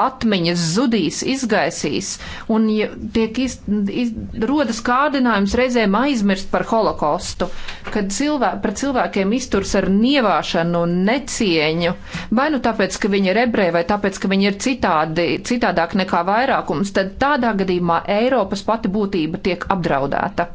atmiņas zudīs, izgaisīs, un ja tiek iz, iz, rodas kārdinājums reizēm aizmirst par holokostu, kad cilvē, pret cilvēkiem izturs ar nievāšanu un necieņu, vai nu tāpēc, ka viņi ir ebreji, vai tāpēc, ka viņi ir citādi, citādāk nekā vairākums, tad tādā gadījumā Eiropas pati būtība tiek apdraudēta.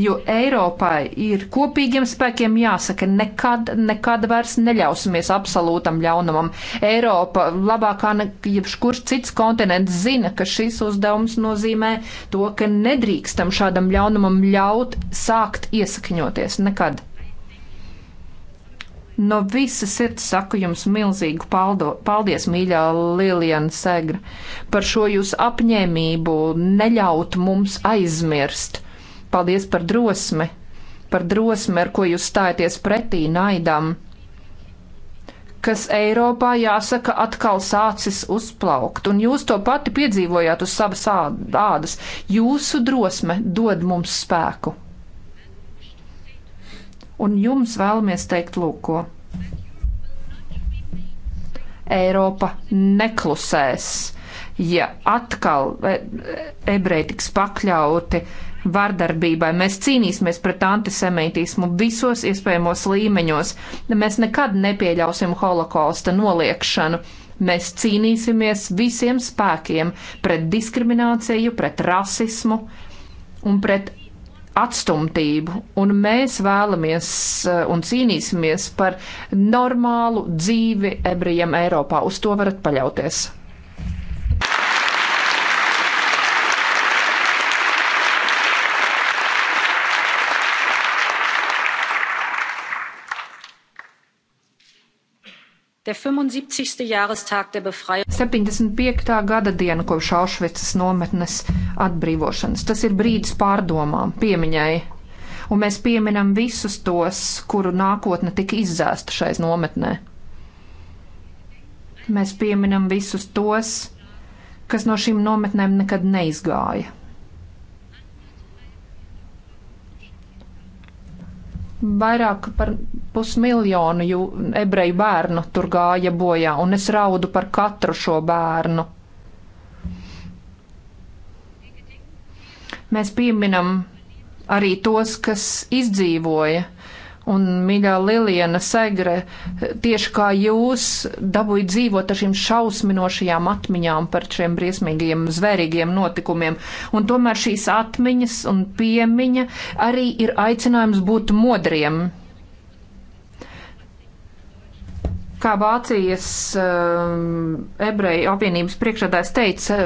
Jo Eiropai ir kopīgiem spēkiem jāsaka, nekad, nekad vairs neļausimies absolūtam ļaunumam. Eiropa labākā nekā jebkurš cits kontinents zina, ka šis uzdevums nozīmē to, ka nedrīkstam šādam ļaunumam ļaut sākt iesakņoties nekad. No visas sirds saku jums milzīgu paldo, paldies, mīļā Lilijana Segra, par šo jūsu apņēmību neļaut mums aizmirst Paldies par drosmi, par drosmi, ar ko jūs stājaties pretī naidam, kas Eiropā, jāsaka, atkal sācis uzplaukt, un jūs to pati piedzīvojāt uz savas ādas. Jūsu drosme dod mums spēku. Un jums vēlamies teikt lūko. Eiropa neklusēs, ja atkal e, ebreji tiks pakļauti vardarbībai. Mēs cīnīsimies pret antisemītismu visos iespējamos līmeņos. Mēs nekad nepieļausim holokausta noliekšanu. Mēs cīnīsimies visiem spēkiem pret diskrimināciju, pret rasismu un pret atstumtību, un mēs vēlamies eh, un cīnīsimies par normālu dzīvi ebrejiem Eiropā. Uz to varat paļauties. Der 75. Jahrestag der Befreiung. 75. gada diena kopš Auschwitzes nometnes atbrīvošanas. Tas ir brīdis pārdomām, piemiņai. Un mēs pieminam visus tos, kuru nākotne tika izzēsta šais nometnē. Mēs pieminam visus tos, kas no šīm nometnēm nekad neizgāja. Vairāk par pusmiljonu jū, ebreju bērnu tur gāja bojā, un es raudu par katru šo bērnu. Mēs pieminam arī tos, kas izdzīvoja Un, mīļā Liliana Segre, tieši kā jūs dabūjāt dzīvot ar šīm šausminošajām atmiņām par šiem briesmīgiem, zvērīgiem notikumiem. Un tomēr šīs atmiņas un piemiņa arī ir aicinājums būt modriem kā Vācijas um, ebreju apvienības priekšādājs teica,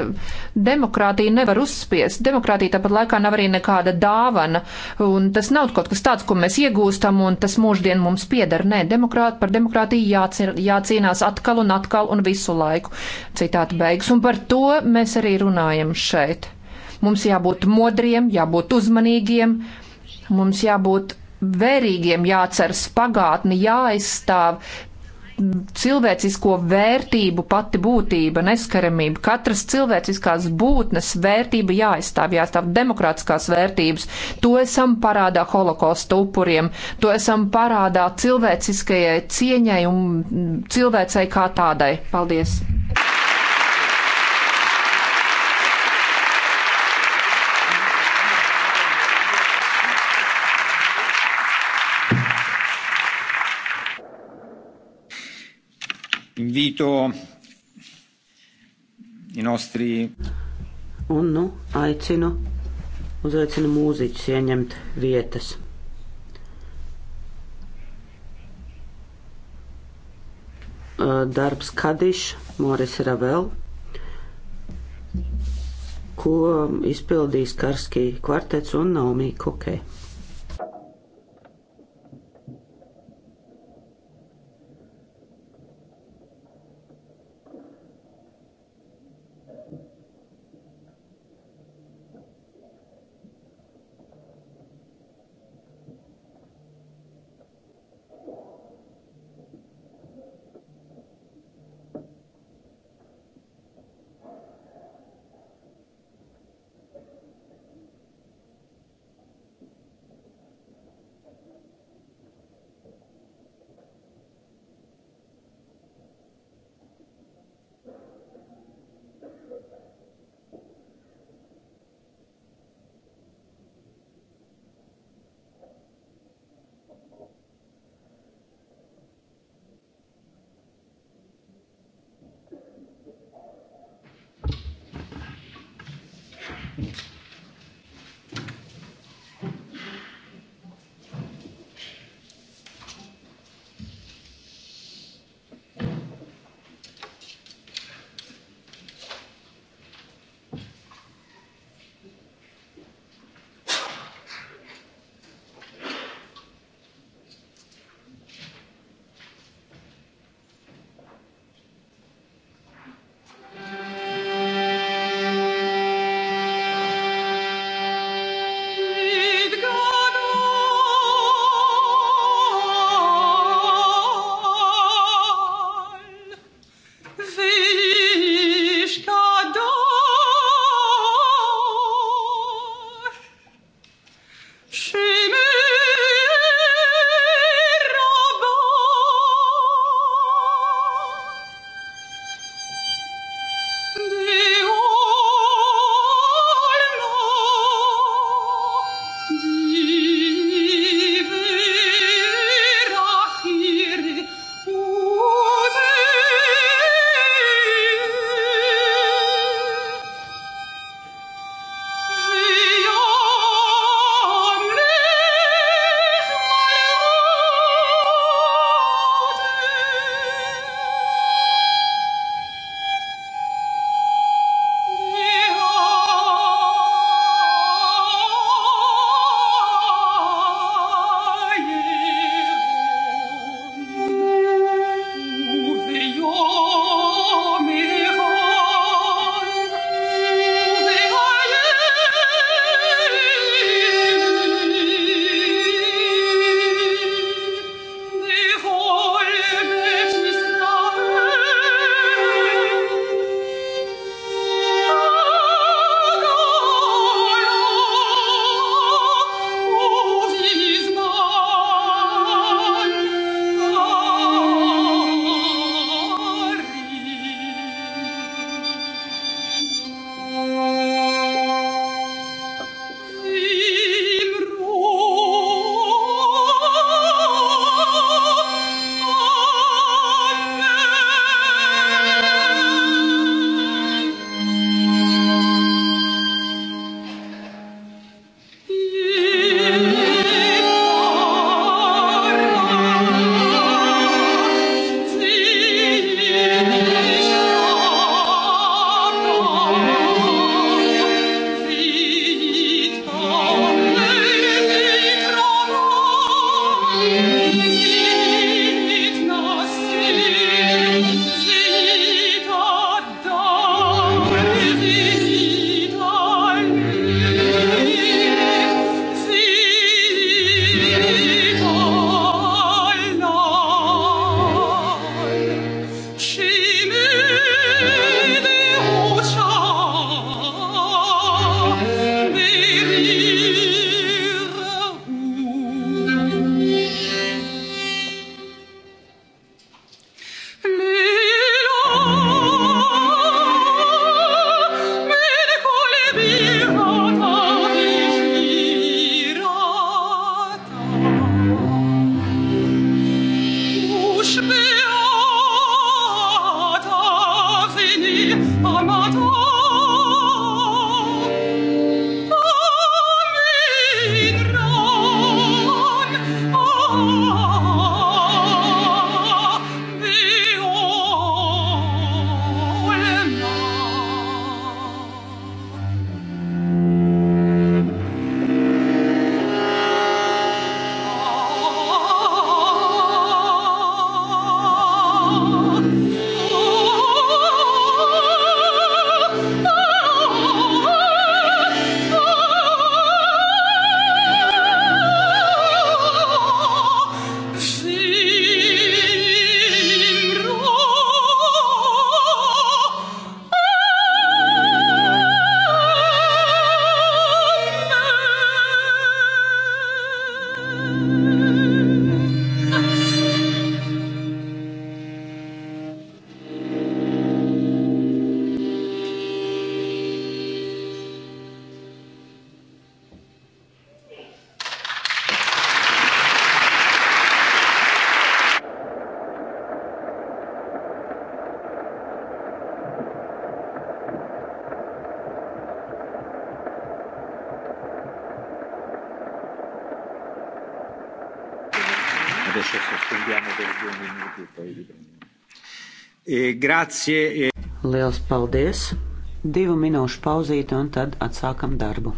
demokrātija nevar uzspiest. Demokrātija tāpat laikā nav arī nekāda dāvana, un tas nav kaut kas tāds, ko mēs iegūstam, un tas mūždien mums pieder. Nē, demokrāt, par demokrātiju jācīn, jācīnās atkal un atkal un visu laiku. Citāta beigas, un par to mēs arī runājam šeit. Mums jābūt modriem, jābūt uzmanīgiem, mums jābūt vērīgiem jāceras pagātni, jāaizstāv cilvēcisko vērtību pati būtība, neskaramība, katras cilvēciskās būtnes vērtība jāaizstāv, jāaizstāv demokrātiskās vērtības. To esam parādā holokosta upuriem, to esam parādā cilvēciskajai cieņai un cilvēcei kā tādai. Paldies! Invito i nostri. Un nu aicinu, uzaicinu mūziķus ieņemt vietas. Darbs Kadiš, Moris Ravel, ko izpildīs Karskī kvartets un Naumī Kokei. E, grazie. E- Liels paldies! Divu minūšu pauzīti un tad atsākam darbu.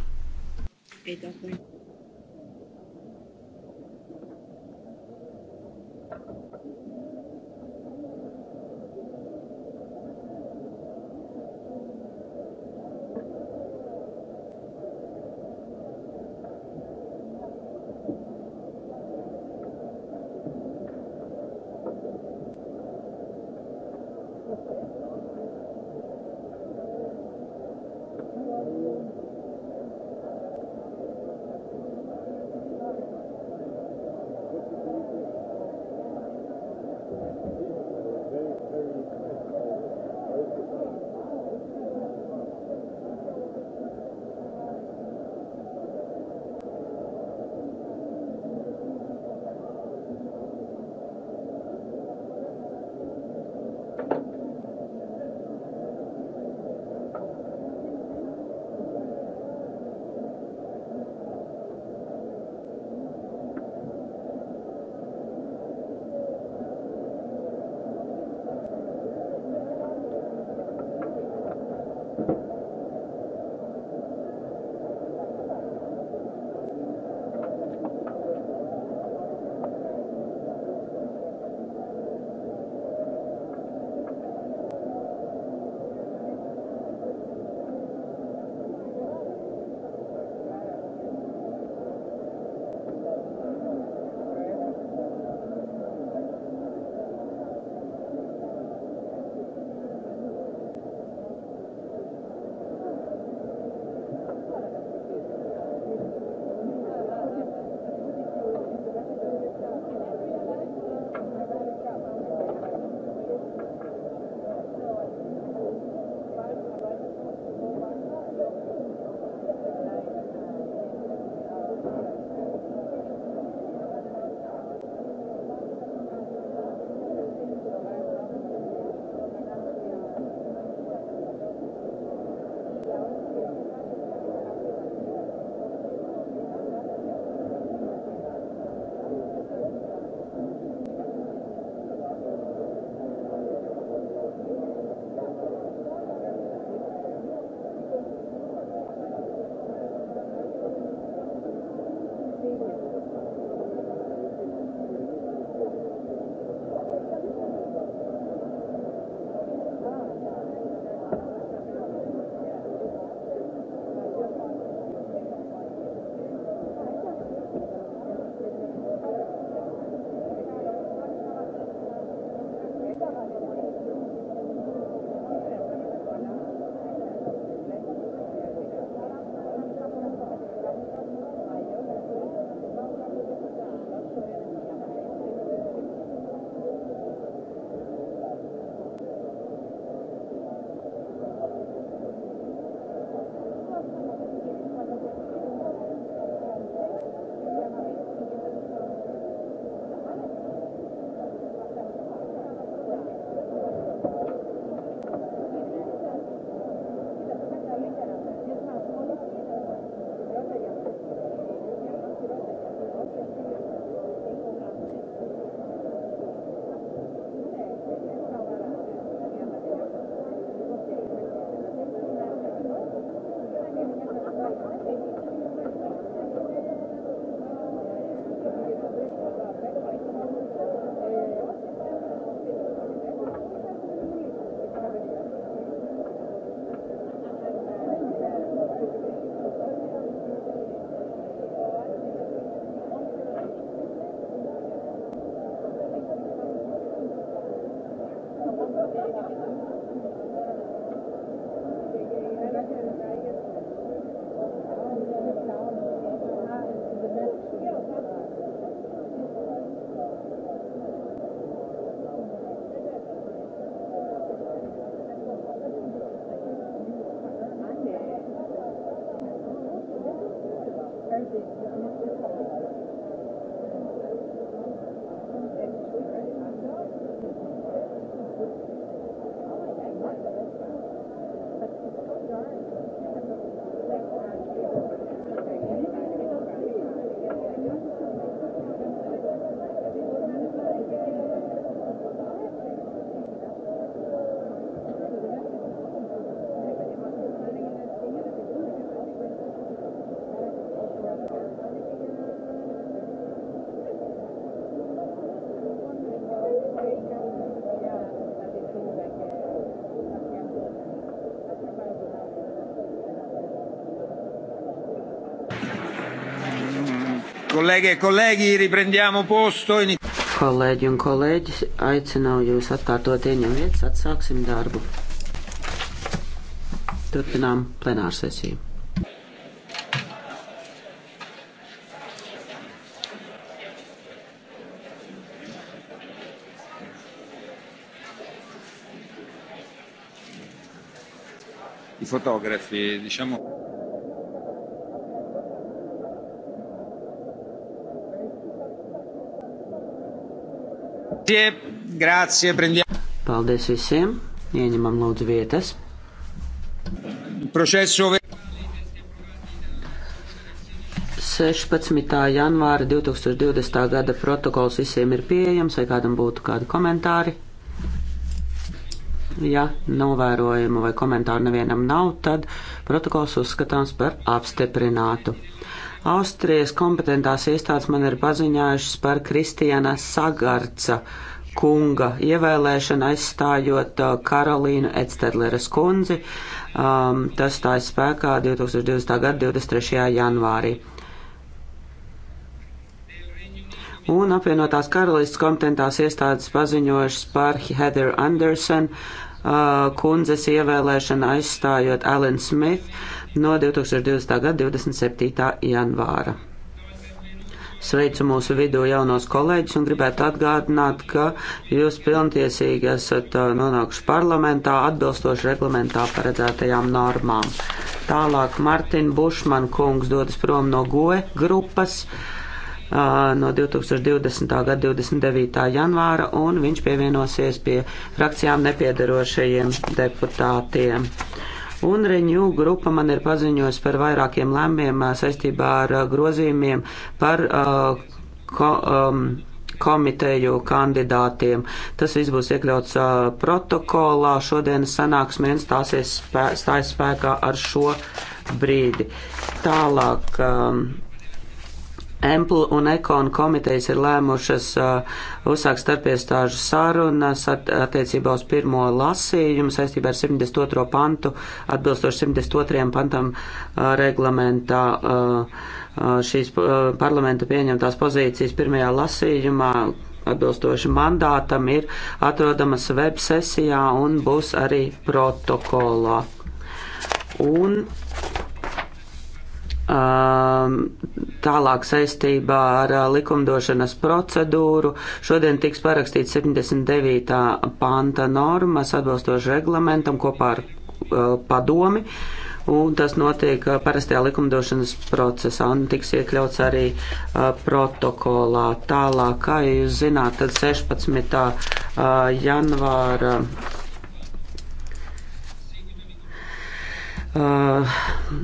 Kolēģi, kolēģi, riprendiamo posto. Kolēģi un kolēģis, aicināju jūs atkārtot ieņem vietas, atsāksim darbu. Turpinām plenāru sesiju. I fotografi, diciamo. Grazie, grazie, prendiamo. Paldies visiem. Ieņemam lūdzu vietas. Procesu. 16. janvāra 2020. gada protokols visiem ir pieejams, vai kādam būtu kādi komentāri? Ja novērojumu vai komentāru nevienam nav, tad protokols uzskatāms par apstiprinātu. Austrijas kompetentās iestādes man ir paziņojušas par Kristiāna Sagarca kunga ievēlēšanu aizstājot uh, Karolīnu Edsterleres kundzi. Um, tas stājas spēkā 2020. gada 23. janvārī. Un apvienotās karalistas kompetentās iestādes paziņojušas par Heather Anderson uh, kundzes ievēlēšanu aizstājot Alan Smith. Uh, no 2020. gada 27. janvāra. Sveicu mūsu vidū jaunos kolēģus un gribētu atgādināt, ka jūs pilntiesīgi esat uh, nonākuši parlamentā atbilstoši reglamentā paredzētajām normām. Tālāk Martin Bušman kungs dodas prom no GOE grupas uh, no 2020. gada 29. janvāra, un viņš pievienosies pie frakcijām nepiedarošajiem deputātiem. Un Renew grupa man ir paziņojusi par vairākiem lēmumiem saistībā ar grozījumiem par uh, ko, um, komiteju kandidātiem. Tas viss būs iekļauts uh, protokolā. Šodienas sanāksmēns stāsies spē, stājas spēkā ar šo brīdi. Tālāk. Um, Empl un Ekon komitejas ir lēmušas uh, uzsākt starpiestāžu sarunas at, attiecībā uz pirmo lasījumu saistībā ar 72. pantu, atbilstoši 72. pantam uh, reglamentā. Uh, uh šīs uh, parlamenta pieņemtās pozīcijas pirmajā lasījumā atbilstoši mandātam ir atrodamas web sesijā un būs arī protokolā. Un Um, tālāk saistībā ar uh, likumdošanas procedūru. Šodien tiks parakstīts 79. panta normas atbilstoši reglamentam kopā ar uh, padomi. Un tas notiek uh, parastajā likumdošanas procesā un tiks iekļauts arī protokolā. Tālāk, kā jūs zināt, tad 16. janvāra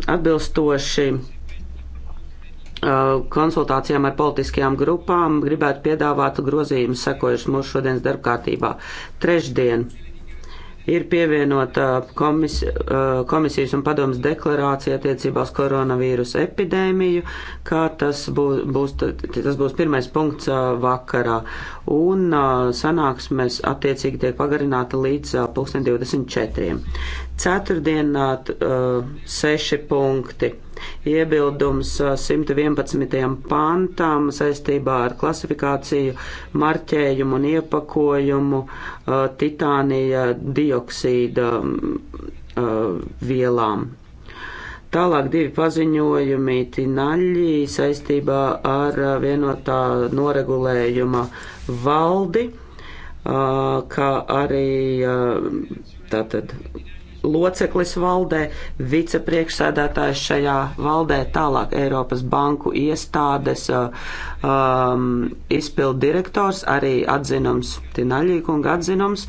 atbilstoši Uh, konsultācijām ar politiskajām grupām gribētu piedāvāt grozījumus sekojušas mūsu šodienas darbkārtībā. Trešdien ir pievienota komis, uh, komisijas un padomas deklarācija attiecībā uz koronavīrus epidēmiju, kā tas būs, būs, tas būs pirmais punkts uh, vakarā. Un sanāksmes attiecīgi tiek pagarināta līdz 2024. Ceturtdien seši punkti iebildums 111. pantam saistībā ar klasifikāciju, marķējumu un iepakojumu titānija dioksīda vielām. Tālāk divi paziņojumi Tinaļī saistībā ar vienotā noregulējuma valdi, kā arī tātad loceklis valdē, vicepriekšsēdētājs šajā valdē, tālāk Eiropas banku iestādes uh, um, izpildu direktors, arī atzinums, Tinaļīkunga atzinums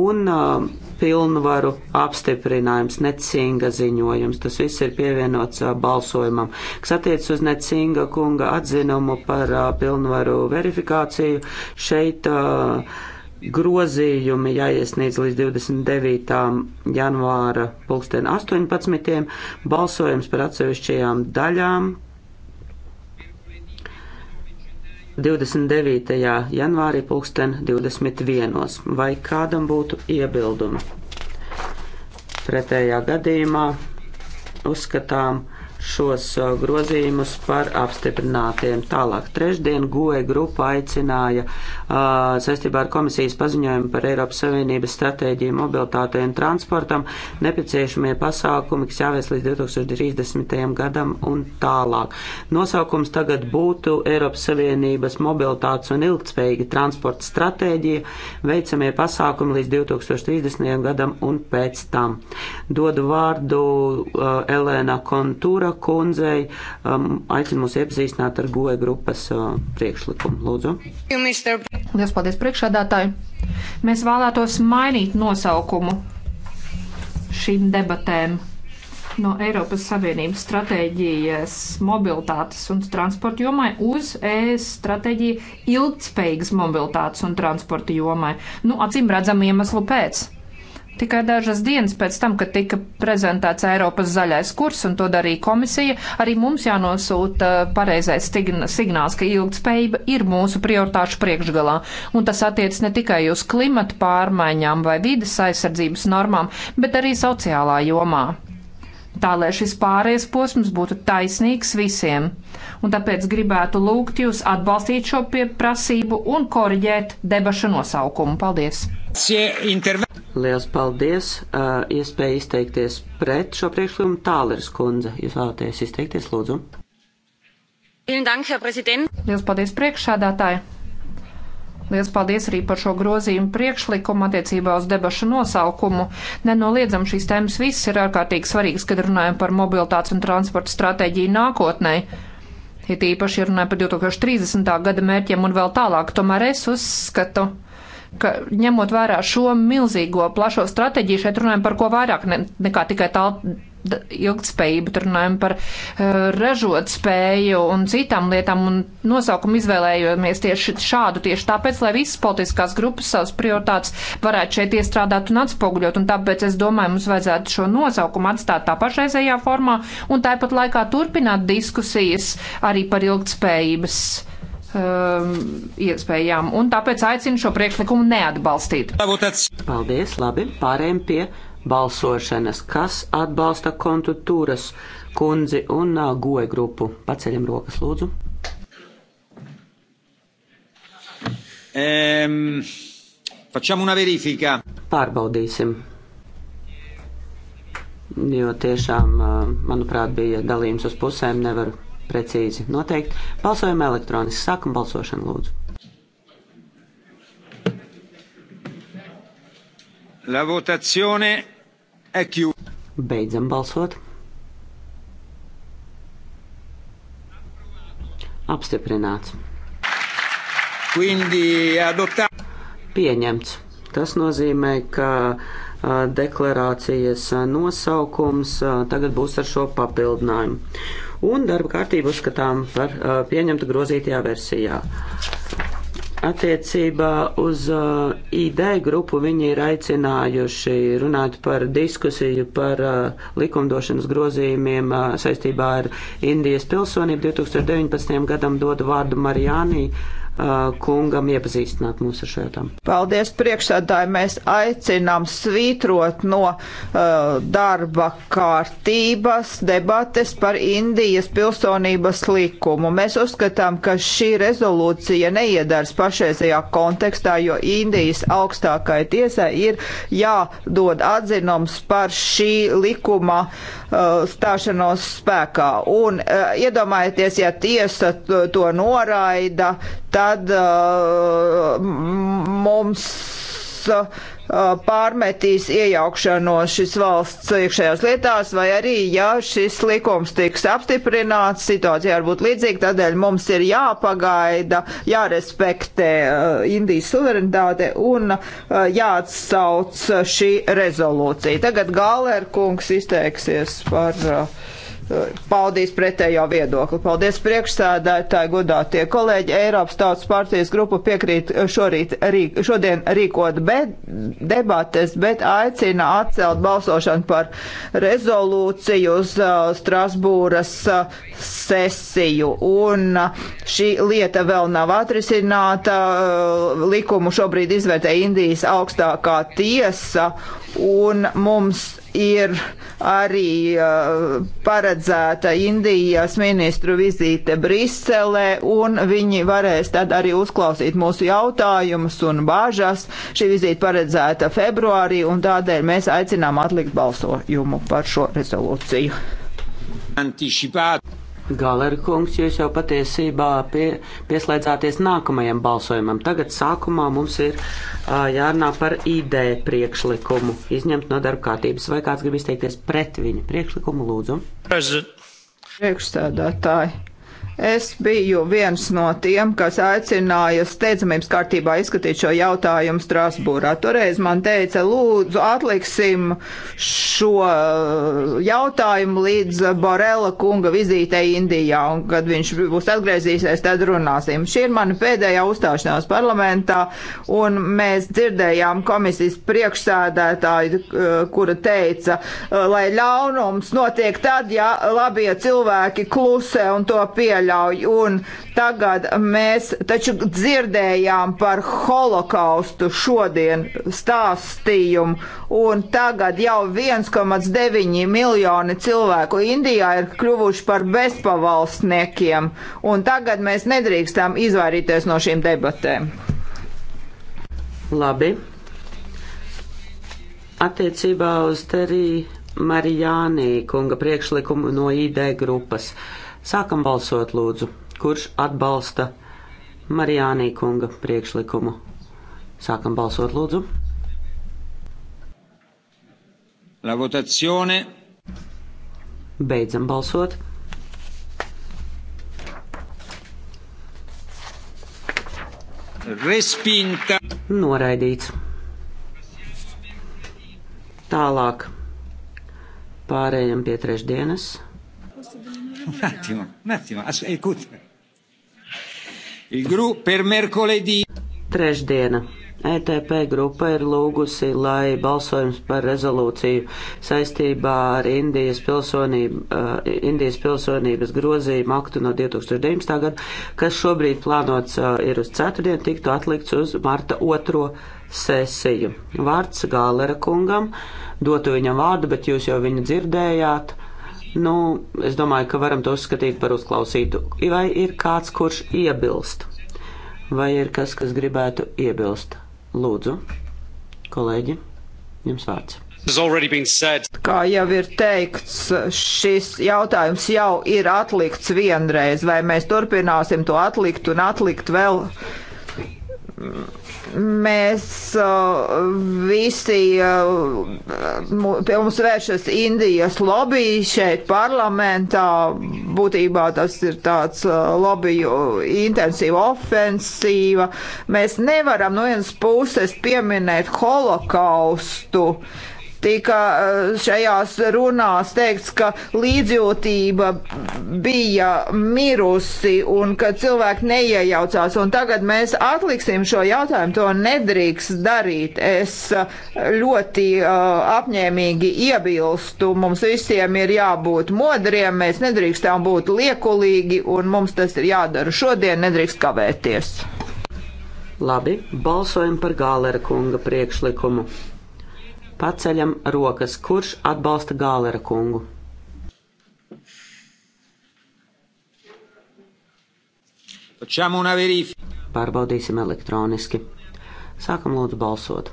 un um, pilnvaru apstiprinājums, necinga ziņojums. Tas viss ir pievienots uh, balsojumam. Kas attiec uz necinga kunga atzinumu par uh, pilnvaru verifikāciju, šeit uh, grozījumi jāiesniedz līdz 29. janvāra pulksten 18. balsojums par atsevišķajām daļām 29. janvārī pulksten 21. Vai kādam būtu iebildumi? Pretējā gadījumā uzskatām, šos grozījumus par apstiprinātiem. Tālāk, trešdien GOE grupa aicināja uh, saistībā ar komisijas paziņojumu par Eiropas Savienības stratēģiju mobilitātei un transportam nepieciešamie pasākumi, kas jāvēs līdz 2030. gadam un tālāk. Nosaukums tagad būtu Eiropas Savienības mobilitātes un ilgtspējīga transporta stratēģija, veicamie pasākumi līdz 2030. gadam un pēc tam. Dodu vārdu uh, Elēna Kontūra Matera kundzei. Um, aicinu mūs iepazīstināt ar goja e grupas uh, priekšlikumu. Lūdzu. Lielas paldies priekšādātāji. Mēs vēlētos mainīt nosaukumu šīm debatēm no Eiropas Savienības stratēģijas mobilitātes un transporta jomai uz ES stratēģiju ilgtspējīgas mobilitātes un transporta jomai. Nu, acīm redzam iemeslu pēc Tikai dažas dienas pēc tam, kad tika prezentēts Eiropas zaļais kurs un to darīja komisija, arī mums jānosūta pareizais signāls, ka ilgtspējība ir mūsu prioritāšu priekšgalā. Un tas attiec ne tikai uz klimatu pārmaiņām vai vidas aizsardzības normām, bet arī sociālā jomā. Tā, lai šis pārējais posms būtu taisnīgs visiem. Un tāpēc gribētu lūgt jūs atbalstīt šo pieprasību un koriģēt debašu nosaukumu. Paldies! Liels paldies! Uh, iespēja izteikties pret šo priekšlikumu Tāleris kundze. Jūs vēlaties izteikties, lūdzu. Liels paldies priekšsādātāji! Liels paldies arī par šo grozījumu priekšlikumu attiecībā uz debašu nosaukumu. Nenoliedzam šīs tēmas viss ir ārkārtīgi svarīgas, kad runājam par mobilitātes un transporta stratēģiju nākotnē. Ir ja īpaši runājam par 2030. gada mērķiem un vēl tālāk. Tomēr es uzskatu, ka ņemot vērā šo milzīgo plašo stratēģiju, šeit runājam par ko vairāk ne, nekā tikai tā ilgtspējību, tur runājam par uh, eh, ražot spēju un citām lietām, un nosaukumu izvēlējamies tieši šādu, tieši tāpēc, lai visas politiskās grupas savas prioritātes varētu šeit iestrādāt un atspoguļot, un tāpēc es domāju, mums vajadzētu šo nosaukumu atstāt tā pašreizējā formā, un tāpat laikā turpināt diskusijas arī par ilgtspējības um, iespējām, un tāpēc aicinu šo priekšlikumu neatbalstīt. Paldies, labi, pārējiem pie balsošanas. Kas atbalsta kontūras kundzi un uh, goja grupu? Paceļam rokas, lūdzu. Um, facciamo una verifica. Pārbaudīsim. Jo tiešām, uh, manuprāt, bija dalījums uz pusēm, nevaru precīzi noteikti. Balsojam elektroniski. Sākam balsošanu, lūdzu. La votazione è chiusa. Beidzam balsot. Apstiprināts. Quindi adottā... Pieņemts. Tas nozīmē, ka deklarācijas nosaukums tagad būs ar šo papildinājumu un darba kārtību uzskatām par uh, pieņemtu grozītajā versijā. Attiecībā uz uh, ID grupu viņi ir aicinājuši runāt par diskusiju par uh, likumdošanas grozījumiem uh, saistībā ar Indijas pilsonību. 2019. gadam dodu vārdu Marijānī Uh, kungam iepazīstināt mūs ar šo jautājumu. Paldies priekšsēdāji, mēs aicinām svītrot no uh, darba kārtības debates par Indijas pilsonības likumu. Mēs uzskatām, ka šī rezolūcija neiedars pašreizajā kontekstā, jo Indijas augstākai tiesai ir jādod atzinums par šī likuma uh, stāšanos spēkā. Un uh, iedomājieties, ja tiesa to, to noraida, tad kad uh, mums uh, pārmetīs iejaukšanos šis valsts iekšējās lietās, vai arī, ja šis likums tiks apstiprināts, situācija var būt līdzīga, tādēļ mums ir jāpagaida, jārespektē uh, Indijas suverenitāte un uh, jāatsauc šī rezolūcija. Tagad Gālērkungs izteiksies par. Uh, paudīs pretējo viedokli. Paldies priekšsēdētāji, godātie kolēģi. Eiropas Tautas partijas grupa piekrīt šorīt, rī, šodien rīkot bet, debates, bet aicina atcelt balsošanu par rezolūciju uz uh, Strasbūras uh, sesiju. Un uh, šī lieta vēl nav atrisināta. Uh, likumu šobrīd izvērtē Indijas augstākā tiesa. Un mums ir arī uh, paredzēta Indijas ministru vizīte Briselē, un viņi varēs tad arī uzklausīt mūsu jautājumus un bāžas. Šī vizīte paredzēta februārī, un tādēļ mēs aicinām atlikt balsojumu par šo rezolūciju. Anticipāt. Galerkungs, jūs jau patiesībā pie, pieslēdzāties nākamajam balsojumam. Tagad sākumā mums ir uh, jārunā par ID priekšlikumu, izņemt no darba kārtības. Vai kāds grib izteikties pret viņa priekšlikumu, lūdzu? President. Priekšstādātāji. Es biju viens no tiem, kas aicināja steidzamības kārtībā izskatīt šo jautājumu Strasbūrā. Toreiz man teica, lūdzu, atliksim šo uh, jautājumu līdz Borela kunga vizītei Indijā, un kad viņš būs atgriezīsies, tad runāsim. Šī ir mana pēdējā uzstāšanās parlamentā, un mēs dzirdējām komisijas priekšsēdētāju, uh, kura teica, uh, lai ļaunums notiek tad, ja labie cilvēki klusē un to pieļauj jāpieļauj. Un tagad mēs taču dzirdējām par holokaustu šodien stāstījumu, un tagad jau 1,9 miljoni cilvēku Indijā ir kļuvuši par bezpavalstniekiem, un tagad mēs nedrīkstam izvairīties no šīm debatēm. Labi. Attiecībā uz Teriju Marijānī kunga priekšlikumu no ID grupas. Uh, Sākam balsot, lūdzu. Kurš atbalsta Marijānī kunga priekšlikumu? Sākam balsot, lūdzu. La votazione. Beidzam balsot. Respinta. Noraidīts. Tālāk pārējiem pie trešdienas un attimo, un attimo, ascolta. Eh, Il gruppo per mercoledì. Trešdiena. ETP grupa ir lūgusi, lai balsojums par rezolūciju saistībā ar Indijas, pilsonību, uh, Indijas pilsonības grozījumu aktu no 2019. gada, kas šobrīd plānots uh, ir uz ceturtdienu, tiktu atlikts uz marta otro sesiju. Vārds Gālera kungam, dotu viņam vārdu, bet jūs jau viņu dzirdējāt. Uh, Nu, es domāju, ka varam to uzskatīt par uzklausītu. Vai ir kāds, kurš iebilst? Vai ir kas, kas gribētu iebilst? Lūdzu, kolēģi, jums vārds. Kā jau ir teikts, šis jautājums jau ir atlikts vienreiz, vai mēs turpināsim to atlikt un atlikt vēl mēs uh, visi, uh, pie mums vēršas Indijas lobby šeit parlamentā, būtībā tas ir tāds uh, lobiju intensīva ofensīva. Mēs nevaram no vienas puses pieminēt holokaustu, uh, tika eh, šajās runās teikts, ka līdzjūtība bija mirusi un ka cilvēki neiejaucās. Un tagad mēs atliksim šo jautājumu, to nedrīkst darīt. Es eh, ļoti uh, apņēmīgi iebilstu. Mums visiem ir jābūt modriem, mēs nedrīkstam būt liekulīgi un mums tas ir jādara šodien, nedrīkst kavēties. Labi, balsojam par Gālera kunga priekšlikumu. Paceļam rokas. Kurš atbalsta Gālera kungu? Pārbaudīsim elektroniski. Sākam lūdzu balsot.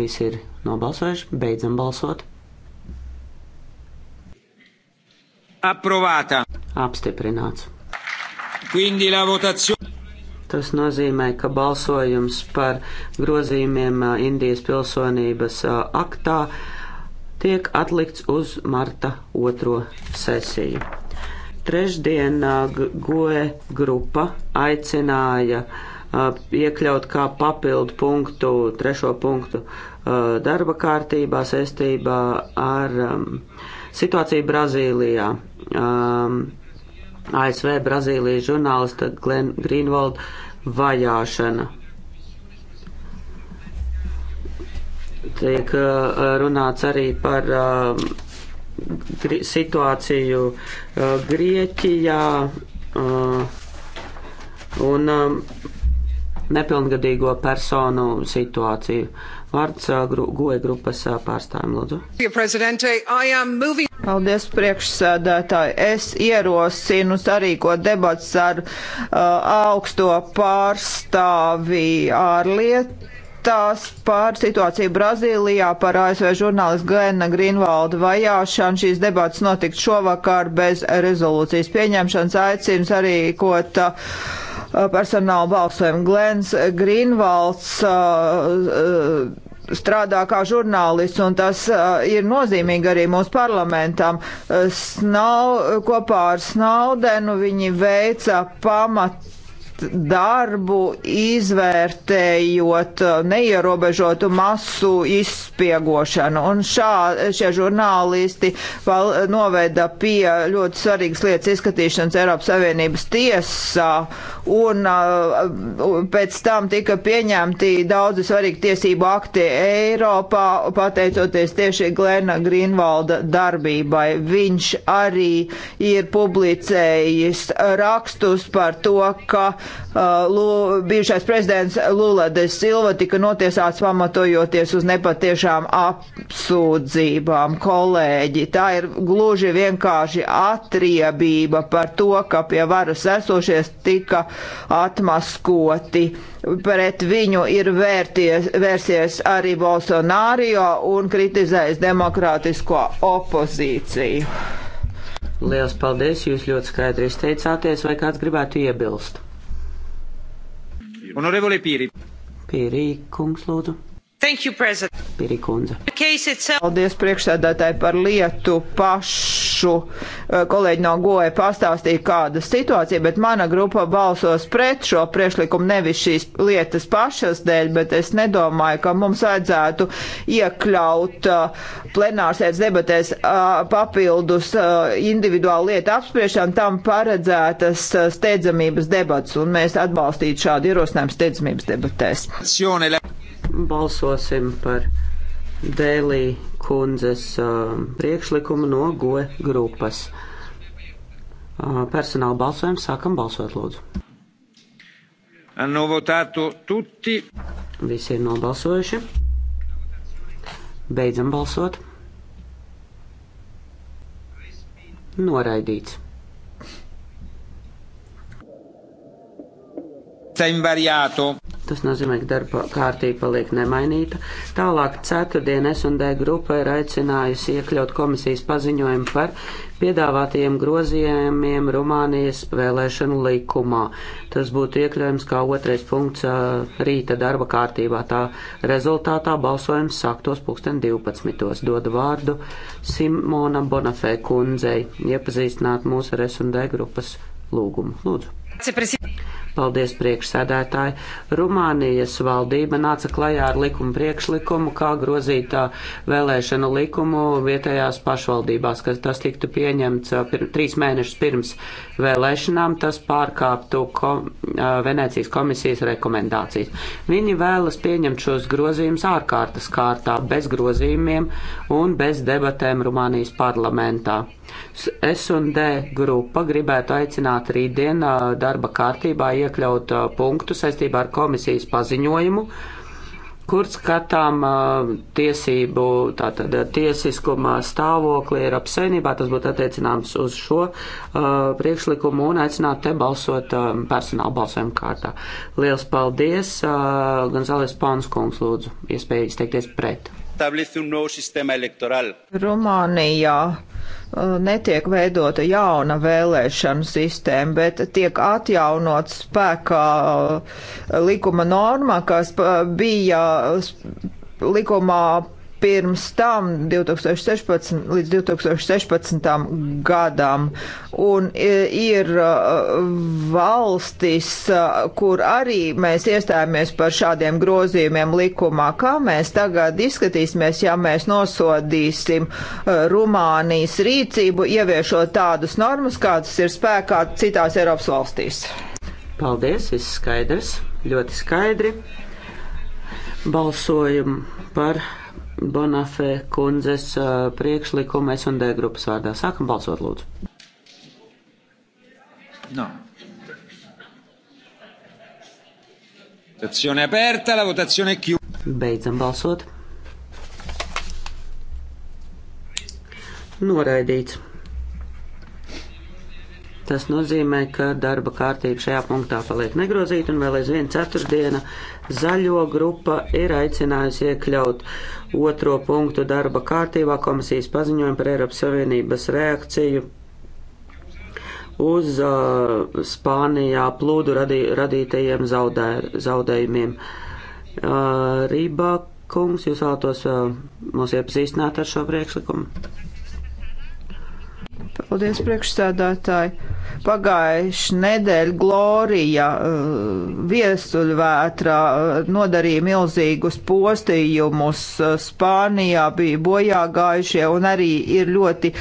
Visi ir nobalsojuši, beidzam balsot. Approvata. Apstiprināts. Quindi la votazione. Tas nozīmē, ka balsojums par grozījumiem Indijas pilsonības aktā tiek atlikts uz marta otro sesiju. Trešdien GOE grupa aicināja iekļaut kā papildu punktu, trešo punktu darba kārtībā saistībā ar situāciju Brazīlijā. ASV Brazīlijas žurnālista Glenn Greenwald vajāšana. Tiek uh, runāts arī par uh, situāciju uh, Grieķijā un um, nepilngadīgo personu situāciju. Vārds gru, goja grupas pārstāvjiem, lūdzu. Paldies, priekšsēdētāji. Es ierosinu sarīkot debats ar uh, augsto pārstāvi ārlietu tās par situāciju Brazīlijā, par ASV žurnālistu Glena Grīnvalda vajāšanu. Šīs debats notiks šovakar bez rezolūcijas pieņemšanas aicinums arī, ko tā. Uh, Uh, personāla balsojumu. Glens Grīnvalds uh, uh, strādā kā žurnālists, un tas uh, ir nozīmīgi arī mūsu parlamentam. Snau, kopā ar Snaudenu viņi veica pamat darbu, izvērtējot eh, neierobežotu masu izspiegošanu. Un šā, šie žurnālisti val, noveda pie ļoti svarīgas lietas izskatīšanas Eiropas Savienības tiesā, un eh, pēc tam tika pieņemti daudzi svarīgi tiesību akti Eiropā, pateicoties tieši Glena Grīnvalda darbībai. Viņš arī ir publicējis rakstus par to, ka Uh, Lū, bijušais prezidents Lulades Silva tika notiesāts pamatojoties uz nepatiešām apsūdzībām. Kolēģi, tā ir gluži vienkārši atriebība par to, ka pie varas esošies tika atmaskoti. Pret viņu ir vērties, vērsies arī Bolsonārio un kritizējis demokrātisko opozīciju. Lielas paldies, jūs ļoti skaidri izteicāties, vai kāds gribētu iebilst? Honorevole Pīri. Pīrī, kungs, lūdzu. You, Paldies priekšsēdētāji par lietu pašu. Eh, kolēģi no Goja pastāstīja, kāda situācija, bet mana grupa balsos pret šo priekšlikumu nevis šīs lietas pašas dēļ, bet es nedomāju, ka mums vajadzētu iekļaut eh, plenārsēdes debatēs eh, papildus individuālu lietu apspriešanu, tam paredzētas steidzamības debats, un mēs atbalstītu šādu ierosinājumu steidzamības debatēs balsosim par Dēlī kundzes uh, priekšlikumu no GOE grupas. Uh, personāla balsojumu sākam balsot, lūdzu. Hanno votato tutti. Visi ir nobalsojuši. Beidzam balsot. Noraidīts. Invariato. Tas nozīmē, ka darba kārtība paliek nemainīta. Tālāk ceturtdien S&D grupa ir aicinājusi iekļaut komisijas paziņojumu par piedāvātajiem grozījumiem Rumānijas vēlēšanu likumā. Tas būtu iekļaujams kā otrais punkts rīta darba kārtībā. Tā rezultātā balsojums sāktos pulksten 12. Dodu vārdu Simona Bonafē kundzei iepazīstināt mūsu ar S&D grupas lūgumu. Lūdzu. Paldies, priekšsēdētāji. Rumānijas valdība nāca klajā ar likuma priekšlikumu, kā grozīt uh, vēlēšanu likumu vietējās pašvaldībās, ka tas tiktu pieņemts uh, pir, trīs mēnešus pirms vēlēšanām, tas pārkāptu kom, uh, Venecijas komisijas rekomendācijas. Viņi vēlas pieņemt šos grozījumus ārkārtas kārtā, bez grozījumiem un bez debatēm Rumānijas parlamentā. S&D grupa gribētu aicināt rītdien darba kārtībā iekļaut punktu saistībā ar komisijas paziņojumu, kur skatām tiesību, tātad tiesiskuma stāvokli ir apsainībā, tas būtu attiecināms uz šo priekšlikumu un aicināt te balsot personāla balsojumu kārtā. Liels paldies, Gonzales Ponskungs, lūdzu, iespēju izteikties pret. Rumānijā Eh, netiek veidota jauna vēlēšanu sistēma, bet tiek atjaunot spēkā eh, likuma norma, kas eh, bija likumā pirms tam 2016 līdz 2016 gadam. Un e, ir e, valstis, e, kur arī mēs iestājāmies par šādiem grozījumiem likumā, kā mēs tagad izskatīsimies, ja mēs nosodīsim Rumānijas rīcību, ieviešot tādas normas, kādas ir spēkā citās Eiropas valstīs. Paldies, viss skaidrs, ļoti skaidri. Balsojumu par Bonafē kundzes uh, priekšlikumu S&D grupas vārdā. Sākam balsot, lūdzu. No. Votazione aperta, la votazione è chiusa. Beidzam balsot. Noraidīts. Tas nozīmē, ka darba kārtība šajā punktā paliek negrozīta, un vēl aizvien ceturtdiena zaļo grupa ir aicinājusi iekļaut otro punktu darba kārtībā komisijas paziņojumu par Eiropas Savienības reakciju uz uh, Spānijā plūdu radī, radītajiem zaudē, zaudējumiem. Uh, Rībā kungs, jūs vēlatos uh, mūs iepazīstināt ar šo priekšlikumu? Paldies, priekšsēdētāji. Pagājuši nedēļa Glorija eh, viesuļvētrā eh, nodarīja milzīgus postījumus. Eh, Spānijā bija bojā gājušie un arī ir ļoti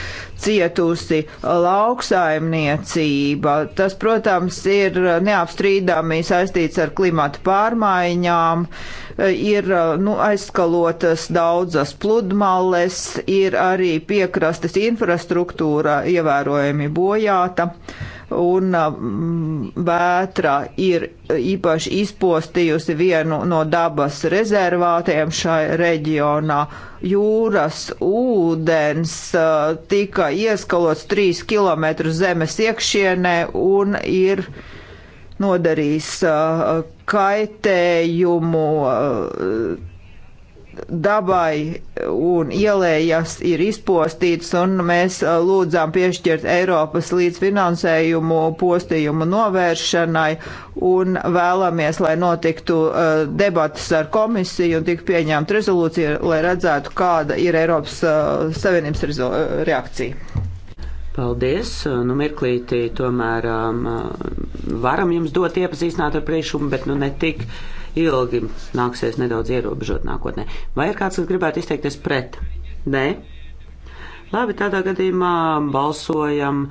cietusi lauksaimniecība. Tas, protams, ir neapstrīdami saistīts ar klimatu pārmaiņām, ir nu, aizskalotas daudzas pludmales, ir arī piekrastes infrastruktūra ievērojami bojāta. Uh, un um, vētra ir īpaši izpostījusi vienu no dabas rezervātiem šai reģionā. Jūras ūdens uh, tika ieskalots trīs kilometrus zemes iekšienē un ir nodarījis uh, kaitējumu uh, dabai un ielējas ir izpostīts, un mēs uh, lūdzām piešķirt Eiropas līdzfinansējumu postījumu novēršanai un vēlamies, lai notiktu uh, debatas ar komisiju un tik pieņemt rezolūciju, lai redzētu, kāda ir Eiropas uh, Savienības reakcija. Paldies! Nu, mirklītī tomēr um, varam jums dot iepazīstināt ar priekšlikumu, bet nu ne tik ilgi nāksies nedaudz ierobežot nākotnē. Vai ir kāds, kas gribētu izteikties pret? Nē? Labi, tādā gadījumā balsojam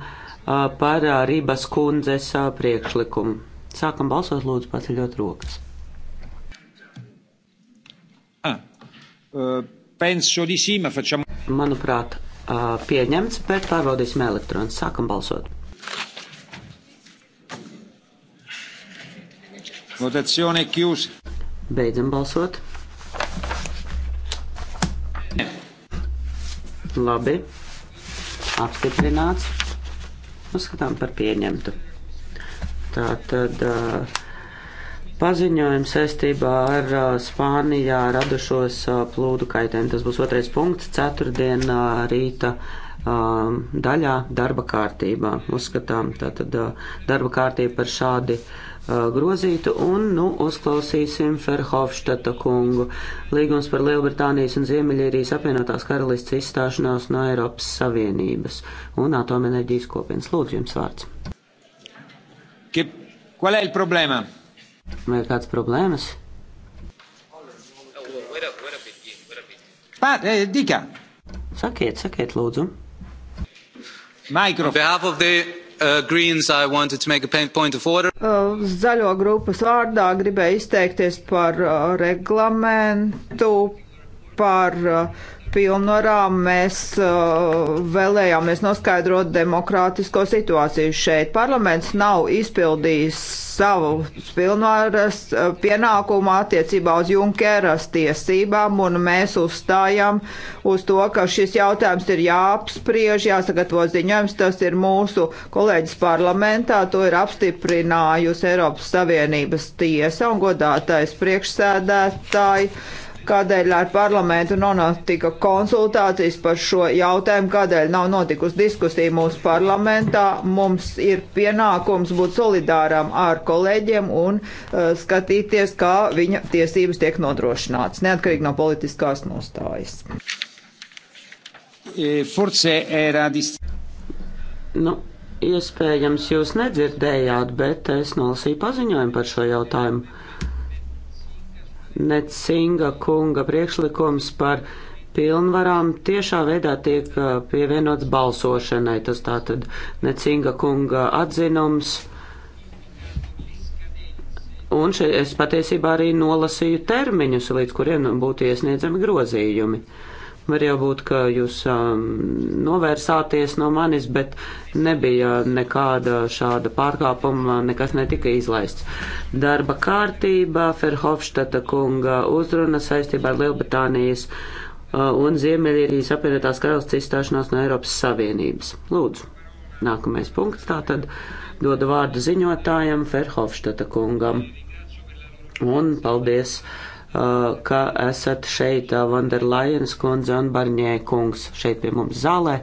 par Rības kundzes priekšlikumu. Sākam balsot, lūdzu, paceļot rokas. Ah, penso di sì, ma facciamo. Manuprāt, pieņemts, bet pārbaudīsim elektronu. Sākam balsot. Votazione chiusa. Beidzam balsot. Labi. Apstiprināts. Uzskatām par pieņemtu. Tā tad uh, paziņojums saistībā ar uh, Spānijā radušos uh, plūdu kaitēm. Tas būs otrais punkts ceturtdien uh, rīta daļā darba kārtībā. Uzskatām tātad darba kārtība par šādi uh, grozītu, un, nu, uzklausīsim Ferhofštata kungu. Līgums par Lielbritānijas un Ziemeļīrijas apvienotās karalists izstāšanās no Eiropas Savienības un atomenerģijas kopienas. Lūdzu, jums vārds. Qual è il problema? Vai ir kāds problēmas? Pat, eh, dika. Sakiet, sakiet, lūdzu. Mikrofons uh, Greens, I wanted to make a point of order. Uh, zaļo grupas vārdā gribēju izteikties par uh, reglamentu, par uh, pilnvarām mēs uh, vēlējāmies noskaidrot demokrātisko situāciju šeit. Parlaments nav izpildījis savu pilnvaras uh, pienākumu attiecībā uz Junkeras tiesībām, un mēs uzstājam uz to, ka šis jautājums ir jāapspriež, jāsagatavo ziņojums, tas ir mūsu kolēģis parlamentā, to ir apstiprinājusi Eiropas Savienības tiesa un godātais priekšsēdētāji. Uh, kādēļ ar parlamentu nenotika konsultācijas par šo jautājumu, kādēļ nav notikusi diskusija mūsu parlamentā. Mums ir pienākums būt solidāram ar kolēģiem un uh, skatīties, kā viņa tiesības tiek nodrošināts, neatkarīgi no politiskās nostājas. E, forse era dist... Nu, iespējams, jūs nedzirdējāt, bet es nolasīju paziņojumu par šo jautājumu. Necinga kunga priekšlikums par pilnvarām tiešā veidā tiek uh, pievienots balsošanai. Tas tātad Necinga kunga atzinums. Un šeit es patiesībā arī nolasīju termiņus, līdz kuriem būtu iesniedzami grozījumi. Uh, Var jau būt, ka jūs um, novērsāties no manis, bet nebija nekāda šāda pārkāpuma, nekas netika izlaists. Darba kārtība, Ferhofštata kunga uzruna saistībā ar Lielbritānijas uh, un Ziemeļīrijas apvienotās karalists izstāšanos no Eiropas Savienības. Lūdzu, nākamais punkts tātad dodu vārdu ziņotājam Ferhofštata kungam. Un paldies! Uh, Uh, ka esat šeit, uh, Vanderlajenas kundze un Barņē kungs, šeit pie mums zālē.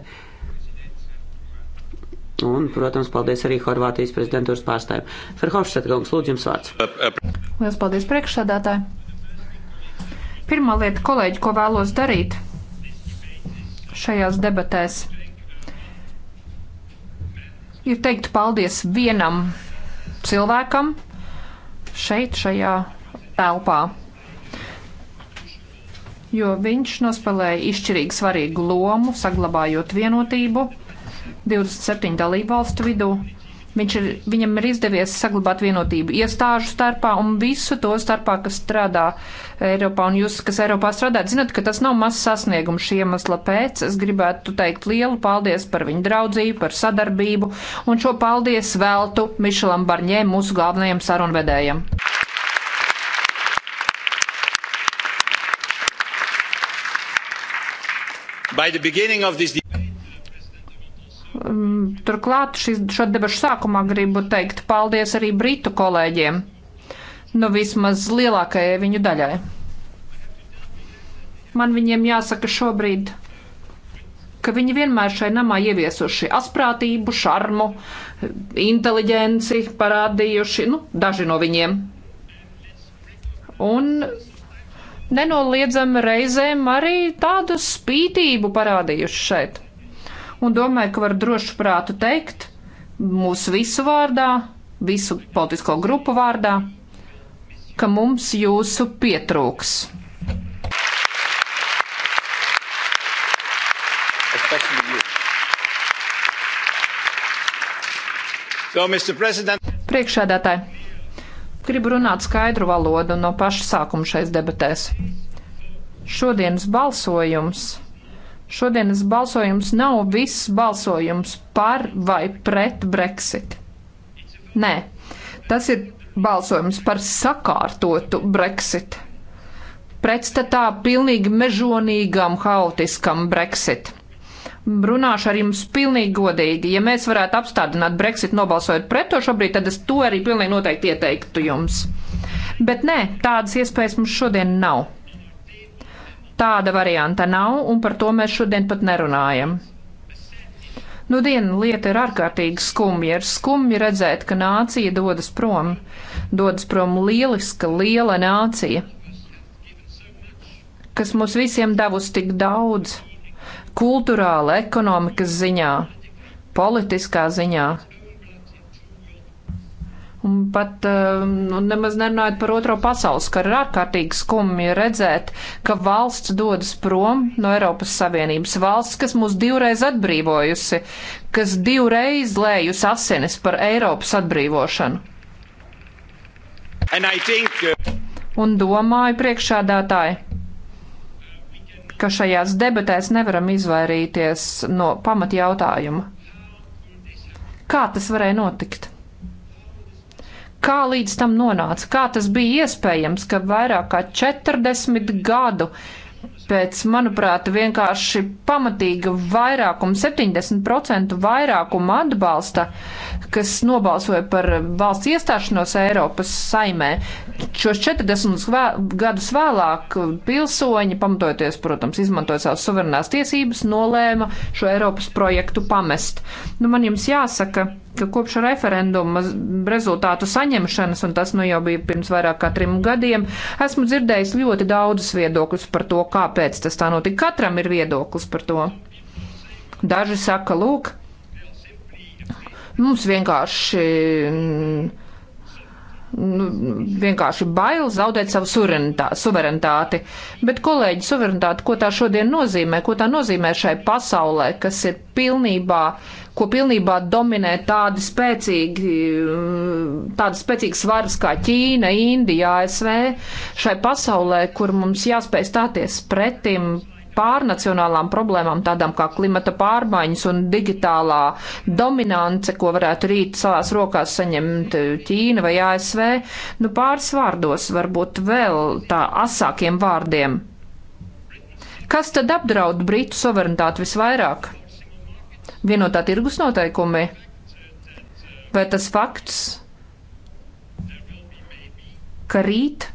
Un, protams, paldies arī Horvātijas prezidentūras pārstāvjiem. Ferhofštad kungs, lūdzu jums vārds. Lielas paldies priekšsādātāji. Pirmā lieta, kolēģi, ko vēlos darīt šajās debatēs, ir teikt paldies vienam cilvēkam šeit, šajā telpā jo viņš nospēlēja izšķirīgi svarīgu lomu, saglabājot vienotību 27 dalību valstu vidū. Viņš ir, viņam ir izdevies saglabāt vienotību iestāžu starpā un visu to starpā, kas strādā Eiropā un jūs, kas Eiropā strādājat, zinat, ka tas nav mazs sasniegums šī iemesla pēc. Es gribētu teikt lielu paldies par viņu draudzību, par sadarbību un šo paldies veltu Mišelam Barņē, mūsu galvenajam sarunvedējam. This... Mm, turklāt šis, šo debašu sākumā gribu teikt paldies arī britu kolēģiem, nu vismaz lielākajai viņu daļai. Man viņiem jāsaka šobrīd, ka viņi vienmēr šai namā ieviesuši asprātību, šarmu, inteliģenci parādījuši, nu, daži no viņiem. Un nenoliedzami reizēm arī tādu spītību parādījuši šeit. Un domāju, ka var droši prātu teikt mūsu visu vārdā, visu politisko grupu vārdā, ka mums jūsu pietrūks. So, Priekšādātāji, Gribu runāt skaidru valodu no paša sākuma šais debatēs. Šodienas balsojums. Šodienas balsojums nav viss balsojums par vai pret Brexit. Nē, tas ir balsojums par sakārtotu Brexit pretstatā pilnīgi mežonīgam, haotiskam Brexit runāšu ar jums pilnīgi godīgi. Ja mēs varētu apstādināt Brexit nobalsojot pret to šobrīd, tad es to arī pilnīgi noteikti ieteiktu jums. Bet nē, tādas iespējas mums šodien nav. Tāda varianta nav, un par to mēs šodien pat nerunājam. Nu, diena lieta ir ārkārtīgi skumja. Ir skumji redzēt, ka nācija dodas prom. Dodas prom lieliska, liela nācija, kas mums visiem devusi tik daudz kultūrāla, ekonomikas ziņā, politiskā ziņā. Un pat eh, nu, nemaz nerunājot par otro pasaules karu, ir ārkārtīgi skumji redzēt, ka valsts dodas prom no Eiropas Savienības. Valsts, kas mūs divreiz atbrīvojusi, kas divreiz lējusi asinis par Eiropas atbrīvošanu. Think... Uh, Un domāju priekšādātāji ka šajās debatēs nevaram izvairīties no pamatjautājuma. Kā tas varēja notikt? kā līdz tam nonāca, kā tas bija iespējams, ka vairāk kā 40 gadu pēc, manuprāt, vienkārši pamatīga vairākuma, 70% vairākuma atbalsta, kas nobalsoja par valsts iestāšanos Eiropas saimē. Šos 40 gadus vēlāk pilsoņi, pamatojoties, protams, izmantoja savas suverenās tiesības, nolēma šo Eiropas projektu pamest. Nu, man jums jāsaka, ka kopš referenduma rezultātu saņemšanas, un tas nu jau bija pirms vairāk kā trim gadiem, esmu dzirdējis ļoti daudzus viedokļus par to, kāpēc tas tā notika. Katram ir viedoklis par to. Daži saka, lūk, mums vienkārši. Nu, vienkārši bail zaudēt savu suverenitāti. Bet, kolēģi, suverenitāte, ko tā šodien nozīmē, ko tā nozīmē šai pasaulē, kas ir pilnībā uh, ko pilnībā dominē tādi spēcīgi, tādas spēcīgas varas kā Ķīna, Indija, ASV, šai pasaulē, kur mums jāspēj stāties pretim pārnacionālām problēmām, tādām kā klimata pārmaiņas un digitālā dominance, ko varētu rīt savās rokās saņemt Ķīna vai ASV, nu pāris vārdos, varbūt vēl tā asākiem vārdiem. Kas tad apdraud Britu suverenitāti visvairāk? vienotā tirgus noteikumi, vai tas fakts, ka rīt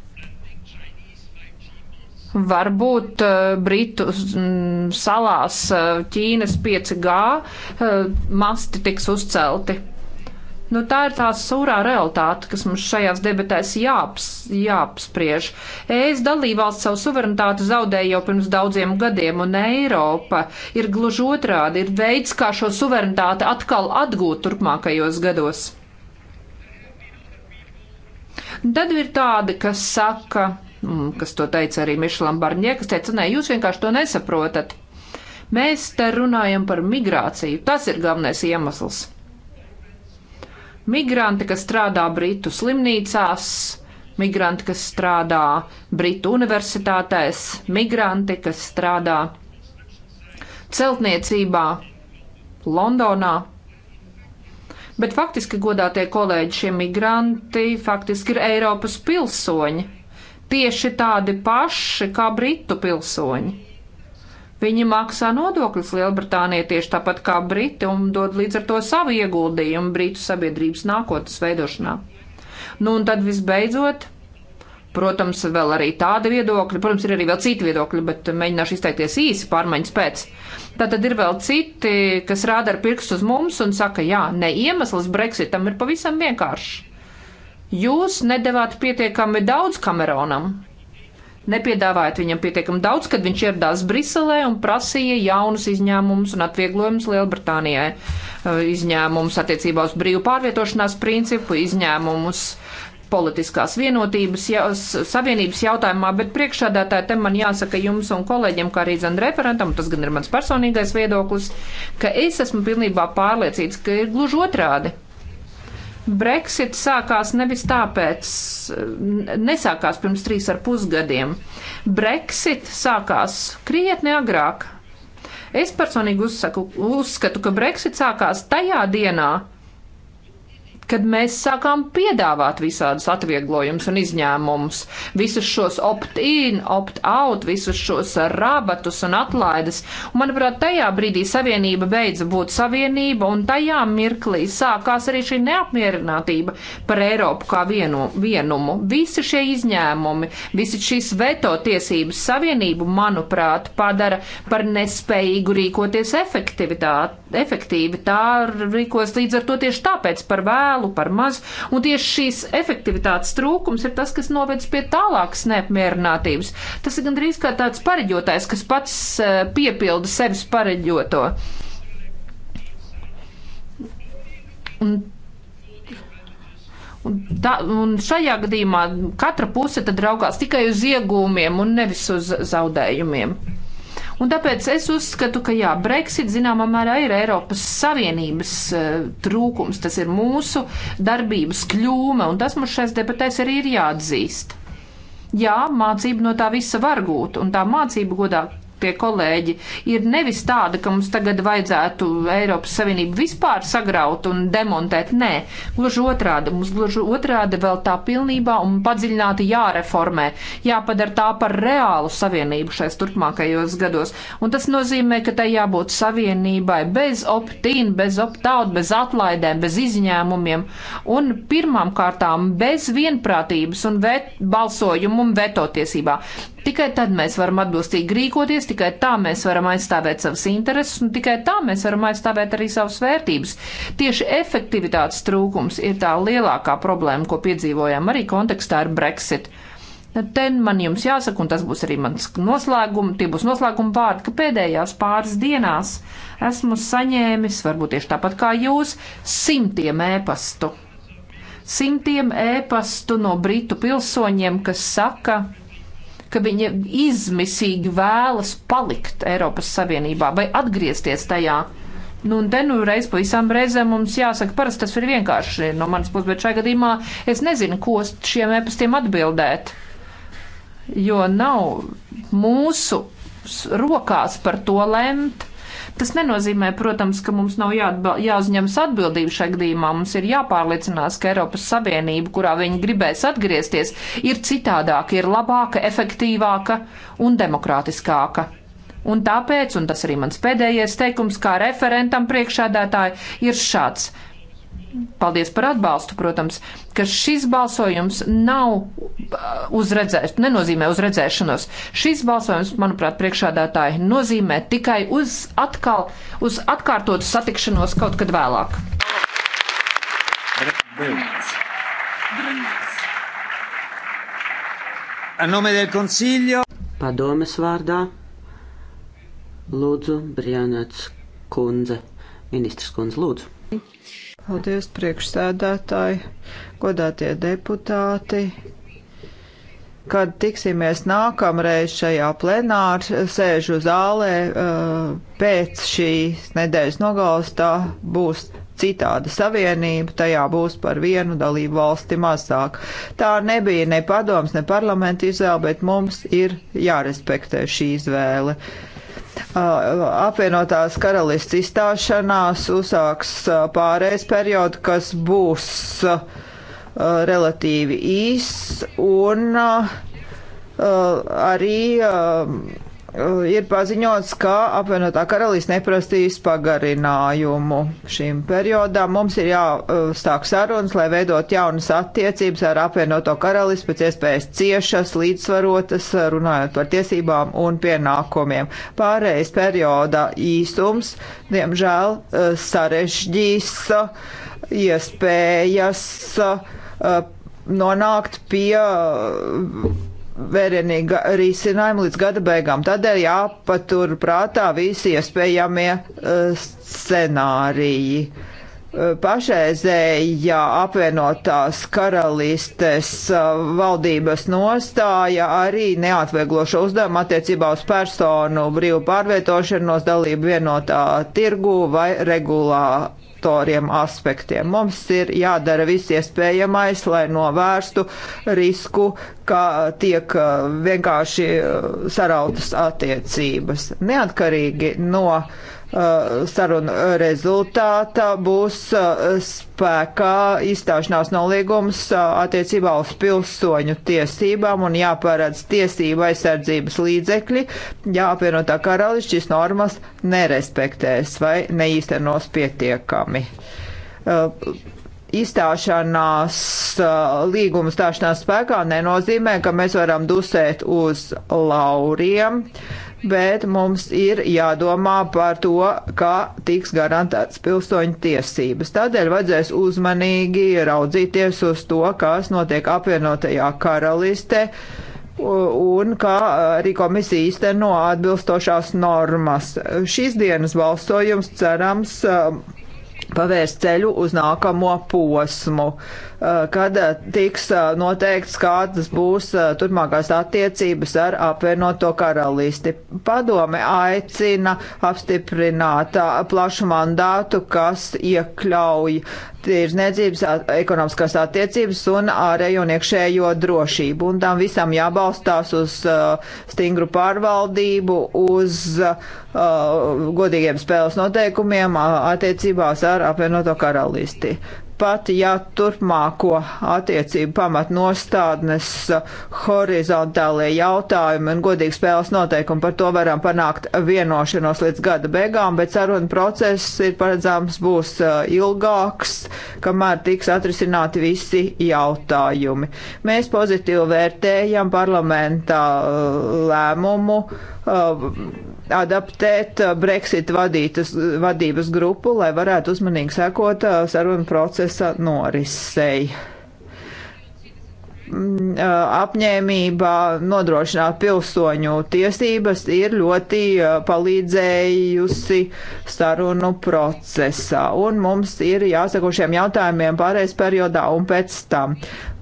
varbūt eh, Britu salās eh, Ķīnas 5G eh, masti tiks uzcelti. Nu, tā ir tā sūrā realitāte, kas mums šajās debatēs jāps, jāapspriež. ES dalībvalsts savu suverenitāti zaudēja jau pirms daudziem gadiem, un Eiropa ir gluži otrādi, ir veids, kā šo suverenitāti atkal atgūt turpmākajos gados. Tad ir tādi, kas saka, mm, kas to teica arī Mišelam Barņē, kas teica, nē, jūs vienkārši to nesaprotat. Mēs te runājam par migrāciju. Tas ir galvenais iemesls. Migranti, kas strādā Britu slimnīcās, migranti, kas strādā Britu universitātēs, migranti, kas strādā celtniecībā, Londonā. Bet faktiski, godātie kolēģi, šie migranti faktiski ir Eiropas pilsoņi. Tieši tādi paši kā Britu pilsoņi. Viņi maksā nodokļus Lielbritānijai tieši tāpat kā Briti un dod līdz ar to savu ieguldījumu Brītu sabiedrības nākotnes veidošanā. Nu un tad visbeidzot, protams, vēl arī tāda viedokļa, protams, ir arī vēl citi viedokļi, bet mēģināšu izteikties īsi pārmaiņas pēc. Tā tad ir vēl citi, kas rāda ar pirkstu uz mums un saka, jā, ne iemesls Brexitam ir pavisam vienkāršs. Jūs nedavāt pietiekami daudz Kameronam, nepiedāvājot viņam pietiekami daudz, kad viņš ieradās Briselē un prasīja jaunus izņēmumus un atvieglojumus Lielbritānijai. Uh, izņēmumus attiecībā uz brīvu pārvietošanās principu, izņēmumus politiskās vienotības ja, savienības jautājumā, bet priekšādātāji te man jāsaka jums un kolēģiem, kā arī zem referentam, tas gan ir mans personīgais viedoklis, ka es esmu pilnībā pārliecīts, ka ir gluži otrādi Brexit sākās nevis tāpēc, nesākās pirms trīs ar pusgadiem. Brexit sākās krietni agrāk. Es personīgi uzsaku, uzskatu, ka Brexit sākās tajā dienā, kad mēs sākām piedāvāt visādus atvieglojumus un izņēmumus, visus šos opt-in, opt-out, visus šos rabatus un atlaides. Un, manuprāt, tajā brīdī savienība beidza būt savienība, un tajā mirklī sākās arī šī neapmierinātība par Eiropu kā vienu, vienumu. Visi šie izņēmumi, visi šīs veto tiesības savienību, manuprāt, padara par nespējīgu rīkoties efektīvi. Tā rīkos līdz ar to tieši tāpēc par vēlu vēlu, par maz, un tieši šīs efektivitātes trūkums ir tas, kas novedz pie tālākas neapmierinātības. Tas ir gandrīz kā tāds pareģotājs, kas pats eh, piepilda sevis pareģoto. Un Un, tā, un šajā gadījumā katra puse tad raugās tikai uz iegūmiem un nevis uz zaudējumiem. Un tāpēc es uzskatu, ka jā, Brexit zināmā mērā ir Eiropas Savienības uh, trūkums, tas ir mūsu darbības kļūme, un tas mums šais debatēs arī ir jāatzīst. Jā, mācība no tā visa var gūt, un tā mācība godā tie kolēģi, ir nevis tāda, ka mums tagad vajadzētu Eiropas Savienību vispār sagraut un demontēt. Nē, gluži otrādi. Mums gluži otrādi vēl tā pilnībā un padziļināti jāreformē, jāpadara tā par reālu savienību šais turpmākajos gados. Un tas nozīmē, ka tai jābūt savienībai bez optīna, bez optaut, bez atlaidēm, bez izņēmumiem un pirmām kārtām bez vienprātības un vet, balsojumu un veto tiesībā. Tikai tad mēs varam atbilstīgi rīkoties, tikai tā mēs varam aizstāvēt savas intereses un tikai tā mēs varam aizstāvēt arī savas vērtības. Tieši efektivitātes trūkums ir tā lielākā problēma, ko piedzīvojam arī kontekstā ar Brexit. Nu, ten man jums jāsaka, un tas būs arī mans noslēgums, tie būs noslēguma vārdi, ka pēdējās pāris dienās esmu saņēmis, varbūt tieši tāpat kā jūs, simtiem ēpastu. Simtiem ēpastu no britu pilsoņiem, kas saka, ka ka viņa izmisīgi vēlas palikt Eiropas Savienībā vai atgriezties tajā. Nu, un te nu reiz pavisam reizēm mums jāsaka, parasti tas ir vienkārši no manas puses, bet šajā gadījumā es nezinu, ko šiem epistiem atbildēt. Jo nav mūsu rokās par to lemt Tas nenozīmē, protams, ka mums nav jāuzņemas atbildība šai gadījumā. Mums ir jāpārliecinās, ka Eiropas Savienība, kurā viņi gribēs atgriezties, ir citādāka, ir labāka, efektīvāka un demokrātiskāka. Un tāpēc, un tas arī mans pēdējais teikums kā referentam priekšādātāji, ir šāds paldies par atbalstu, protams, ka šis balsojums nav uh, uzredzēts, nenozīmē uzredzēšanos. Šis balsojums, manuprāt, priekšādātāji nozīmē tikai uz atkal, uz atkārtotu satikšanos kaut kad vēlāk. Padomes vārdā lūdzu Brianets kundze, ministrs kundze lūdzu. Paldies, priekšsēdētāji, godātie deputāti. Kad tiksimies nākamreiz šajā plenāru sēžu zālē, eh, pēc šīs nedēļas nogalas tā būs citāda savienība, tajā būs par vienu dalību valsti mazāk. Tā nebija ne padoms, ne parlamenta izvēle, bet mums ir jārespektē šī izvēle. Uh, Uh, apvienotās karalists izstāšanās uzsāks uh, pārējais periodu, kas būs uh, relatīvi īs un arī um, ir paziņots, ka apvienotā karalīs neprastīs pagarinājumu šim periodam. Mums ir jāstāk sarunas, lai veidot jaunas attiecības ar apvienoto karalīs pēc iespējas ciešas, līdzsvarotas, runājot par tiesībām un pienākumiem. Pārējais perioda īstums, diemžēl, sarežģīs iespējas eh, nonākt pie vērienīga risinājuma līdz gada beigām. Tādēļ jāpatur prātā visi iespējamie uh, scenāriji. Uh, pašreizējā apvienotās karalistes uh, valdības nostāja arī neatvieglo šo uzdevumu attiecībā uz personu brīvu pārvietošanos, dalību vienotā tirgu vai regulā sektoriem, aspektiem. Mums ir jādara viss iespējamais, lai novērstu risku, ka tiek uh, vienkārši uh, sarautas attiecības. Neatkarīgi no uh, Eh, sarunu rezultātā būs eh, spēkā izstāšanās nolīgums eh, attiecībā uz pilsoņu tiesībām un jāparedz tiesība aizsardzības līdzekļi, ja apvienotā karališķis šīs normas nerespektēs vai neīstenos pietiekami izstāšanās līguma stāšanās spēkā nenozīmē, ka mēs varam dusēt uz lauriem bet mums ir jādomā par to, kā tiks garantētas pilsoņu tiesības. Tādēļ vajadzēs uzmanīgi raudzīties uz to, kas notiek apvienotajā karalistē un kā arī komisija īsteno atbilstošās normas. Šīs dienas balsojums cerams um, pavērs ceļu uz nākamo posmu. Uh, Eh, kad eh, tiks eh, noteikts, kādas būs turpmākās attiecības ar apvienoto karalisti. Padome aicina apstiprināt plašu mandātu, kas iekļauj tirzniecības, ekonomiskās attiecības un ārējo un iekšējo drošību. Un tam visam jābalstās uz stingru pārvaldību, uz godīgiem spēles noteikumiem attiecībās ar apvienoto karalisti pat ja turpmāko attiecību pamatnostādnes uh, horizontālie jautājumi un godīgi spēles noteikumi par to varam panākt vienošanos līdz gada beigām, bet saruna process ir paredzams būs uh, ilgāks, kamēr tiks atrisināti visi jautājumi. Mēs pozitīvi vērtējam parlamentā uh, lēmumu adaptēt uh, Brexit vadītas, vadības grupu, lai varētu uzmanīgi sekot uh, sarunu procesa norisei mm, uh, apņēmība nodrošināt pilsoņu tiesības ir ļoti palīdzējusi sarunu procesā. Un mums ir jāsako šiem jautājumiem pārējais periodā un pēc tam.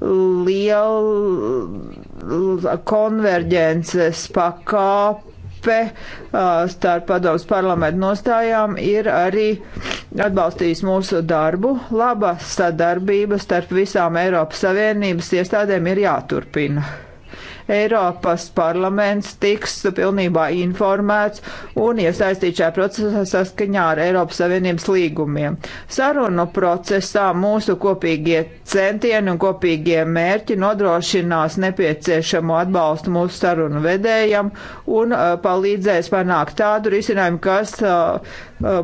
Liela konverģences pakāpe grupe starp padomus parlamentu nostājām ir arī atbalstījis mūsu darbu. Laba sadarbība starp visām Eiropas Savienības iestādēm ir jāturpina. Eiropas parlaments tiks pilnībā informēts un iesaistīts šajā procesā saskaņā ar Eiropas Savienības līgumiem. Sarunu procesā mūsu kopīgie centieni un kopīgie mērķi nodrošinās nepieciešamo atbalstu mūsu sarunu vedējam un uh, palīdzēs panākt tādu risinājumu, kas uh, Eh,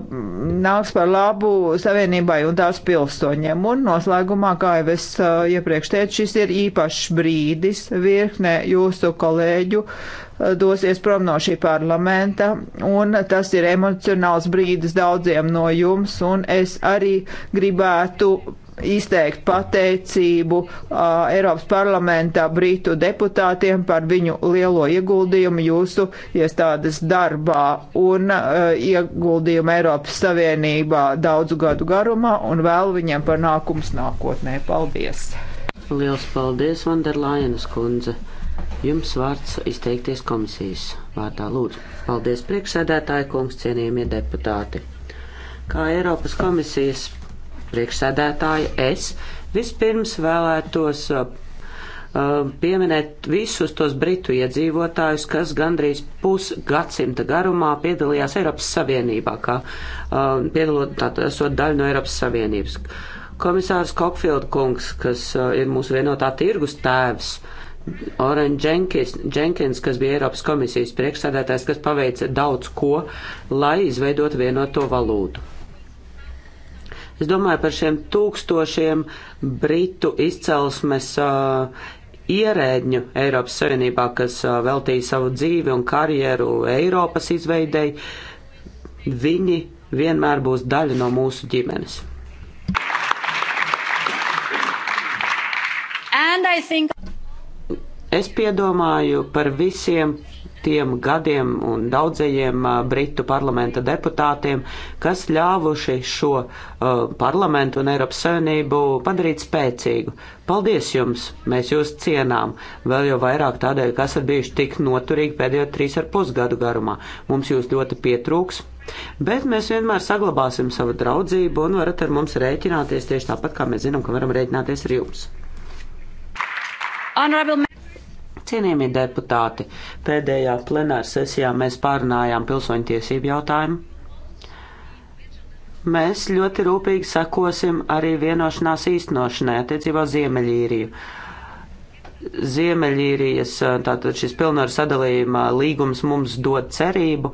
nāks par labu savienībai un tās pilsoņiem. Un noslēgumā, kā jau es eh, iepriekš teicu, šis ir īpašs brīdis virknē jūsu kolēģu eh, dosies prom no šī parlamenta, un tas ir emocionāls brīdis daudziem no jums, un es arī gribētu izteikt pateicību uh, Eiropas parlamentā brītu deputātiem par viņu lielo ieguldījumu jūsu iestādes darbā un uh, ieguldījumu Eiropas Savienībā daudzu gadu garumā un vēl viņiem par nākums nākotnē. Paldies! Liels paldies, Vanderlajenas kundze! Jums vārds izteikties komisijas vārdā lūdzu. Paldies priekšsēdētāji kungs, cienījamie deputāti! Kā Eiropas komisijas priekšsēdētāja, es vispirms vēlētos uh, uh, pieminēt visus tos britu iedzīvotājus, kas gandrīz pusgadsimta garumā piedalījās Eiropas Savienībā, kā uh, piedalot, tātad, esot daļa no Eiropas Savienības. Komisārs Kokfield kungs, kas ir mūsu vienotā tirgus tēvs, Oren Jenkins, Jenkins, kas bija Eiropas komisijas priekšsēdētājs, kas paveica daudz ko, lai izveidotu vienoto valūtu. Es domāju par šiem tūkstošiem britu izcelsmes uh, ierēģņu Eiropas Savienībā, kas uh, veltīja savu dzīvi un karjeru Eiropas izveidei. Viņi vienmēr būs daļa no mūsu ģimenes. Think... Es piedomāju par visiem tiem gadiem un daudzajiem Britu parlamenta deputātiem, kas ļāvuši šo parlamentu un Eiropas Savienību padarīt spēcīgu. Paldies jums! Mēs jūs cienām, vēl jau vairāk tādēļ, ka esat bijuši tik noturīgi pēdējo trīs ar pusgadu garumā. Mums jūs ļoti pietrūks, bet mēs vienmēr saglabāsim savu draudzību un varat ar mums rēķināties tieši tāpat, kā mēs zinām, ka varam rēķināties ar jums. Honorable Cienījamie deputāti, pēdējā plenāra sesijā mēs pārunājām pilsoņtiesību jautājumu. Mēs ļoti rūpīgi sekosim arī vienošanās īstenošanai attiecībā uz Ziemeļīriju. Ziemeļīrijas eh, tātad šis pilnvaru sadalījuma līgums mums dod cerību,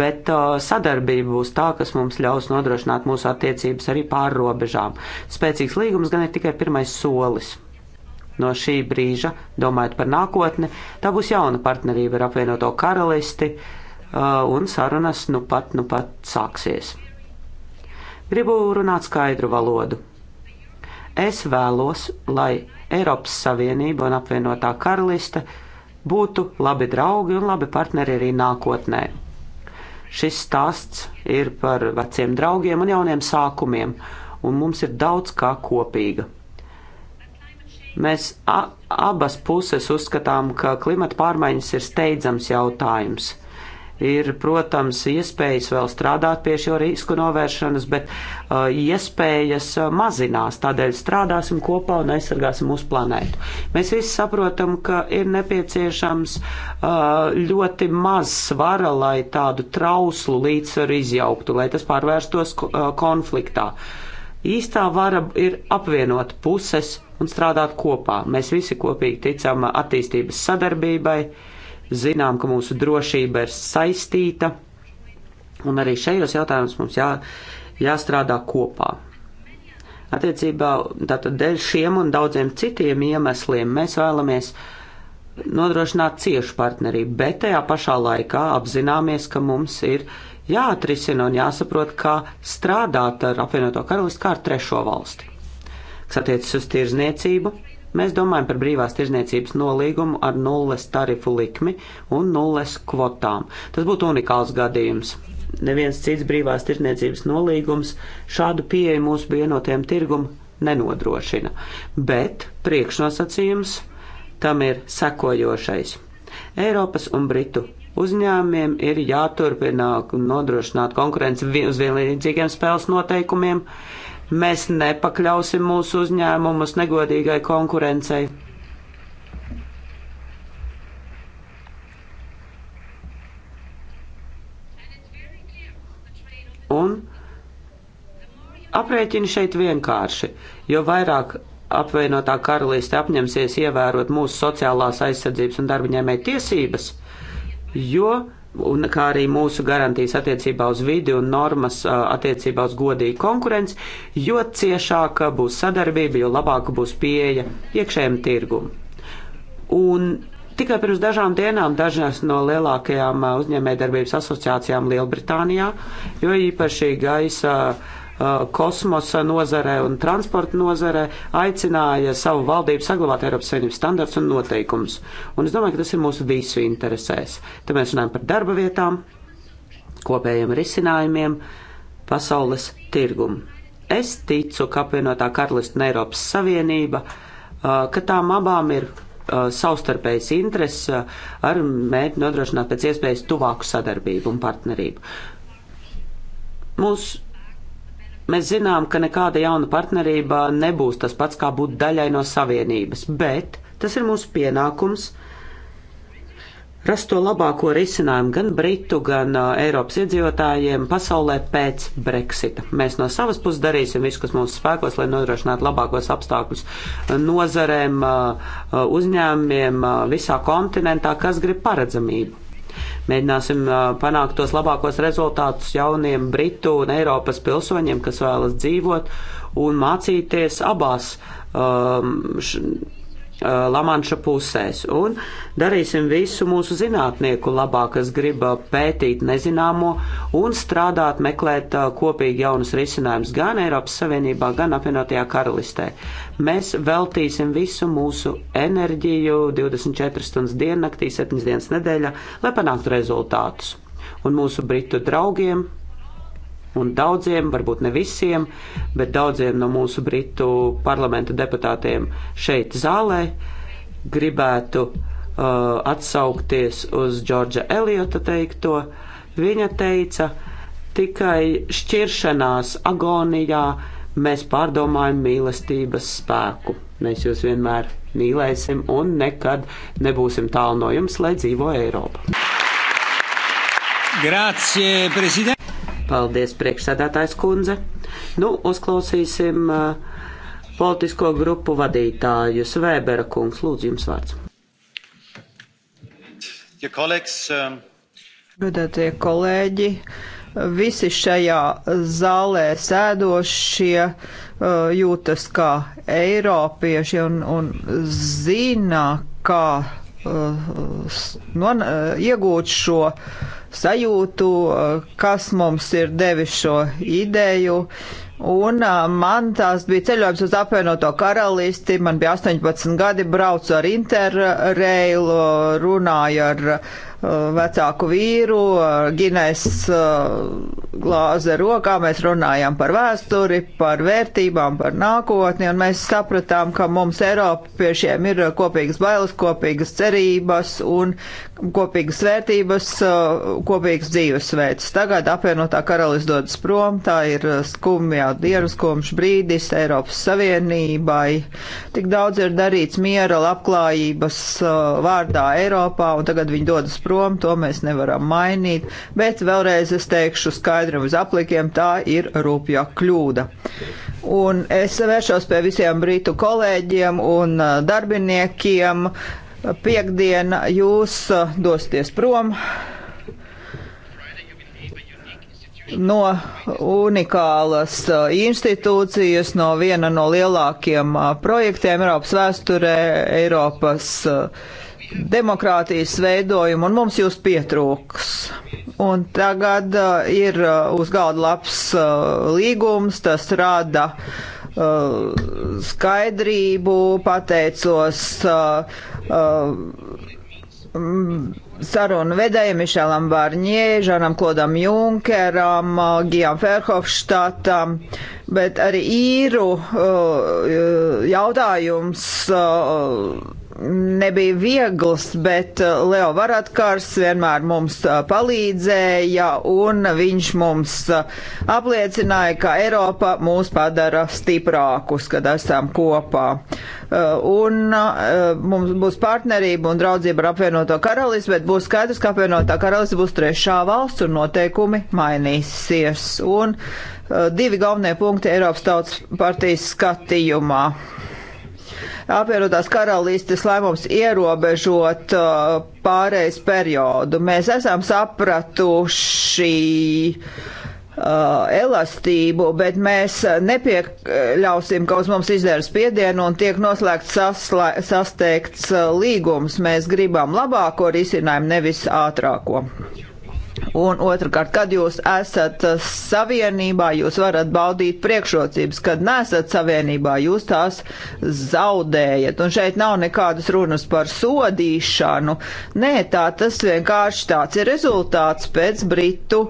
bet eh, sadarbība būs tā, kas mums ļaus nodrošināt mūsu attiecības arī pārrobežām. Spēcīgs līgums gan ir tikai pirmais solis no šī brīža, domājot par nākotni, tā būs jauna partnerība ar apvienoto karalisti, uh, un sarunas nu pat, nu pat sāksies. Gribu runāt skaidru valodu. Es vēlos, lai Eiropas Savienība un apvienotā karaliste būtu labi draugi un labi partneri arī nākotnē. Šis stāsts ir par veciem draugiem un jauniem sākumiem, un mums ir daudz kā kopīga. Mēs abas puses uzskatām, ka klimata pārmaiņas ir steidzams jautājums. Ir, protams, iespējas vēl strādāt pie šo risku novēršanas, bet uh, iespējas mazinās. Tādēļ strādāsim kopā un aizsargāsim mūsu planētu. Mēs visi saprotam, ka ir nepieciešams uh, ļoti maz svara, lai tādu trauslu līdzsvaru izjauktu, lai tas pārvērstos uh, konfliktā. Uh, Īstā vara ir apvienot puses un strādāt kopā. Mēs visi kopīgi ticam attīstības sadarbībai, zinām, ka mūsu drošība ir saistīta, un arī šajos jautājumos mums jā, jāstrādā kopā. Attiecībā tātad dēļ šiem un daudziem citiem iemesliem mēs vēlamies nodrošināt ciešu partnerību, bet tajā pašā laikā apzināmies, ka mums ir jāatrisina un jāsaprot, kā strādāt ar apvienoto karalistu kā ar trešo valsti. Kas attiecas uz tirzniecību, mēs domājam par brīvās tirzniecības nolīgumu ar nulles tarifu likmi un nulles kvotām. Tas būtu unikāls gadījums. Neviens cits brīvās tirzniecības nolīgums šādu pieeju mūsu vienotiem tirgumu nenodrošina. Bet priekšnosacījums tam ir sekojošais. Eiropas un Britu Uzņēmumiem ir jāturpina nodrošināt konkurenci uz vienlīdzīgiem spēles noteikumiem. Mēs nepakļausim mūsu uzņēmumus negodīgai konkurencei. Un aprēķini šeit vienkārši, jo vairāk apvienotā karalīste apņemsies ievērot mūsu sociālās aizsardzības un darbaņēmēja tiesības – jo un kā arī mūsu garantijas attiecībā uz vidi un normas attiecībā uz godīgu konkurenci, jo ciešāka būs sadarbība, jo labāka būs pieeja iekšējiem tirgum. Un tikai pirms dažām dienām dažas no lielākajām uzņēmējdarbības asociācijām Lielbritānijā, jo īpaši gaisa uh, kosmosa nozarē un transporta nozarē aicināja savu valdību saglabāt Eiropas Savienības standarts un noteikumus. Un es domāju, ka tas ir mūsu visu interesēs. Te mēs runājam par darba vietām, kopējiem risinājumiem, pasaules tirgumu. Es ticu, ka apvienotā karalista un Eiropas Savienība, ka tām abām ir savstarpējas intereses ar mērķi nodrošināt pēc iespējas tuvāku sadarbību un partnerību. Mūsu Mēs zinām, ka nekāda jauna partnerība nebūs tas pats, kā būt daļai no savienības, bet tas ir mūsu pienākums rast to labāko risinājumu gan Britu, gan uh, Eiropas iedzīvotājiem pasaulē pēc Brexita. Mēs no savas puses darīsim visu, kas mūsu spēkos, lai nodrošinātu labākos apstākļus nozarēm, uh, uh uzņēmumiem uh, visā kontinentā, kas grib paredzamību. Mēģināsim panākt tos labākos rezultātus jauniem Britu un Eiropas pilsoņiem, kas vēlas dzīvot un mācīties abās um, š, Lamanša pusēs un darīsim visu mūsu zinātnieku labā, kas grib pētīt nezināmo un strādāt, meklēt kopīgi jaunus risinājumus gan Eiropas Savienībā, gan apvienotajā karalistē. Mēs veltīsim visu mūsu enerģiju 24 stundas diennaktī, 7 dienas nedēļā, lai panāktu rezultātus. Un mūsu britu draugiem Un daudziem, varbūt ne visiem, bet daudziem no mūsu britu parlamenta deputātiem šeit zālē gribētu uh, atsaukties uz Džordža Eliota teikto. Viņa teica, tikai šķiršanās agonijā mēs pārdomājam mīlestības spēku. Mēs jūs vienmēr mīlēsim un nekad nebūsim tālu no jums, lai dzīvo Eiropa. Grazie, prezident! Paldies, priekšsēdētājs kundze. Nu, uzklausīsim uh, politisko grupu vadītājus. Vēbera kungs, lūdzu jums vārds. Um, Godātie um... kolēģi, visi šajā zālē sēdošie uh, jūtas kā eiropieši un, un zina, kā uh, non, uh, iegūt šo sajūtu, eh, kas mums ir devis šo ideju. Un eh, man tās bija ceļojums uz apvienoto karalisti, man bija 18 gadi, braucu ar interreilu, runāju ar vecāku vīru, Gines uh, glāze rokā, mēs runājām par vēsturi, par vērtībām, par nākotni, un mēs sapratām, ka mums Eiropiešiem ir kopīgas bailes, kopīgas cerības un kopīgas vērtības, uh, kopīgas dzīvesveids. Tagad apvienotā karalis dodas prom, tā ir skumjā dienu skumjš brīdis Eiropas Savienībai. Tik daudz ir darīts miera, labklājības uh, vārdā Eiropā, un tagad viņi dodas prom prom, to mēs nevaram mainīt, bet vēlreiz es teikšu skaidri uz aplikiem, tā ir rūpja kļūda. Un es vēršos pie visiem brītu kolēģiem un uh, darbiniekiem. Piektdien jūs uh, dosieties prom no unikālas uh, institūcijas, no viena no lielākiem projektiem Eiropas vēsturē, Eiropas uh, demokrātijas veidojumu, un mums jūs pietrūks. Un tagad uh, ir uh, uz galda labs uh, līgums, tas rada uh, skaidrību, pateicos. Uh, uh, sarunu vedēju Mišelam Barņē, Žanam Klodam Junkeram, uh, Gijam Ferhofštatam, bet arī īru uh, uh, jautājums nebija viegls, bet uh, Leo Varadkars vienmēr mums uh, palīdzēja, un viņš mums uh, apliecināja, ka Eiropa mūs padara stiprākus, kad esam kopā. Un mums būs partnerība un draudzība ar apvienoto karalisti, bet būs skaidrs, ka apvienotā karalisti būs trešā valsts un noteikumi mainīsies. Un divi galvenie punkti Eiropas tautas partijas skatījumā apvienotās karalistes lēmums ierobežot uh, pārējais periodu. Mēs esam sapratuši uh, elastību, bet mēs nepiekļausim, ka uz mums izdara spiedienu un tiek noslēgts sasla, sasteigts uh, līgums. Mēs gribam labāko risinājumu, nevis ātrāko. Un otrkārt, kad jūs esat savienībā, jūs varat baudīt priekšrocības, kad nesat savienībā, jūs tās zaudējat. Un šeit nav nekādas runas par sodīšanu. Nē, tā tas vienkārši tāds ir rezultāts pēc Britu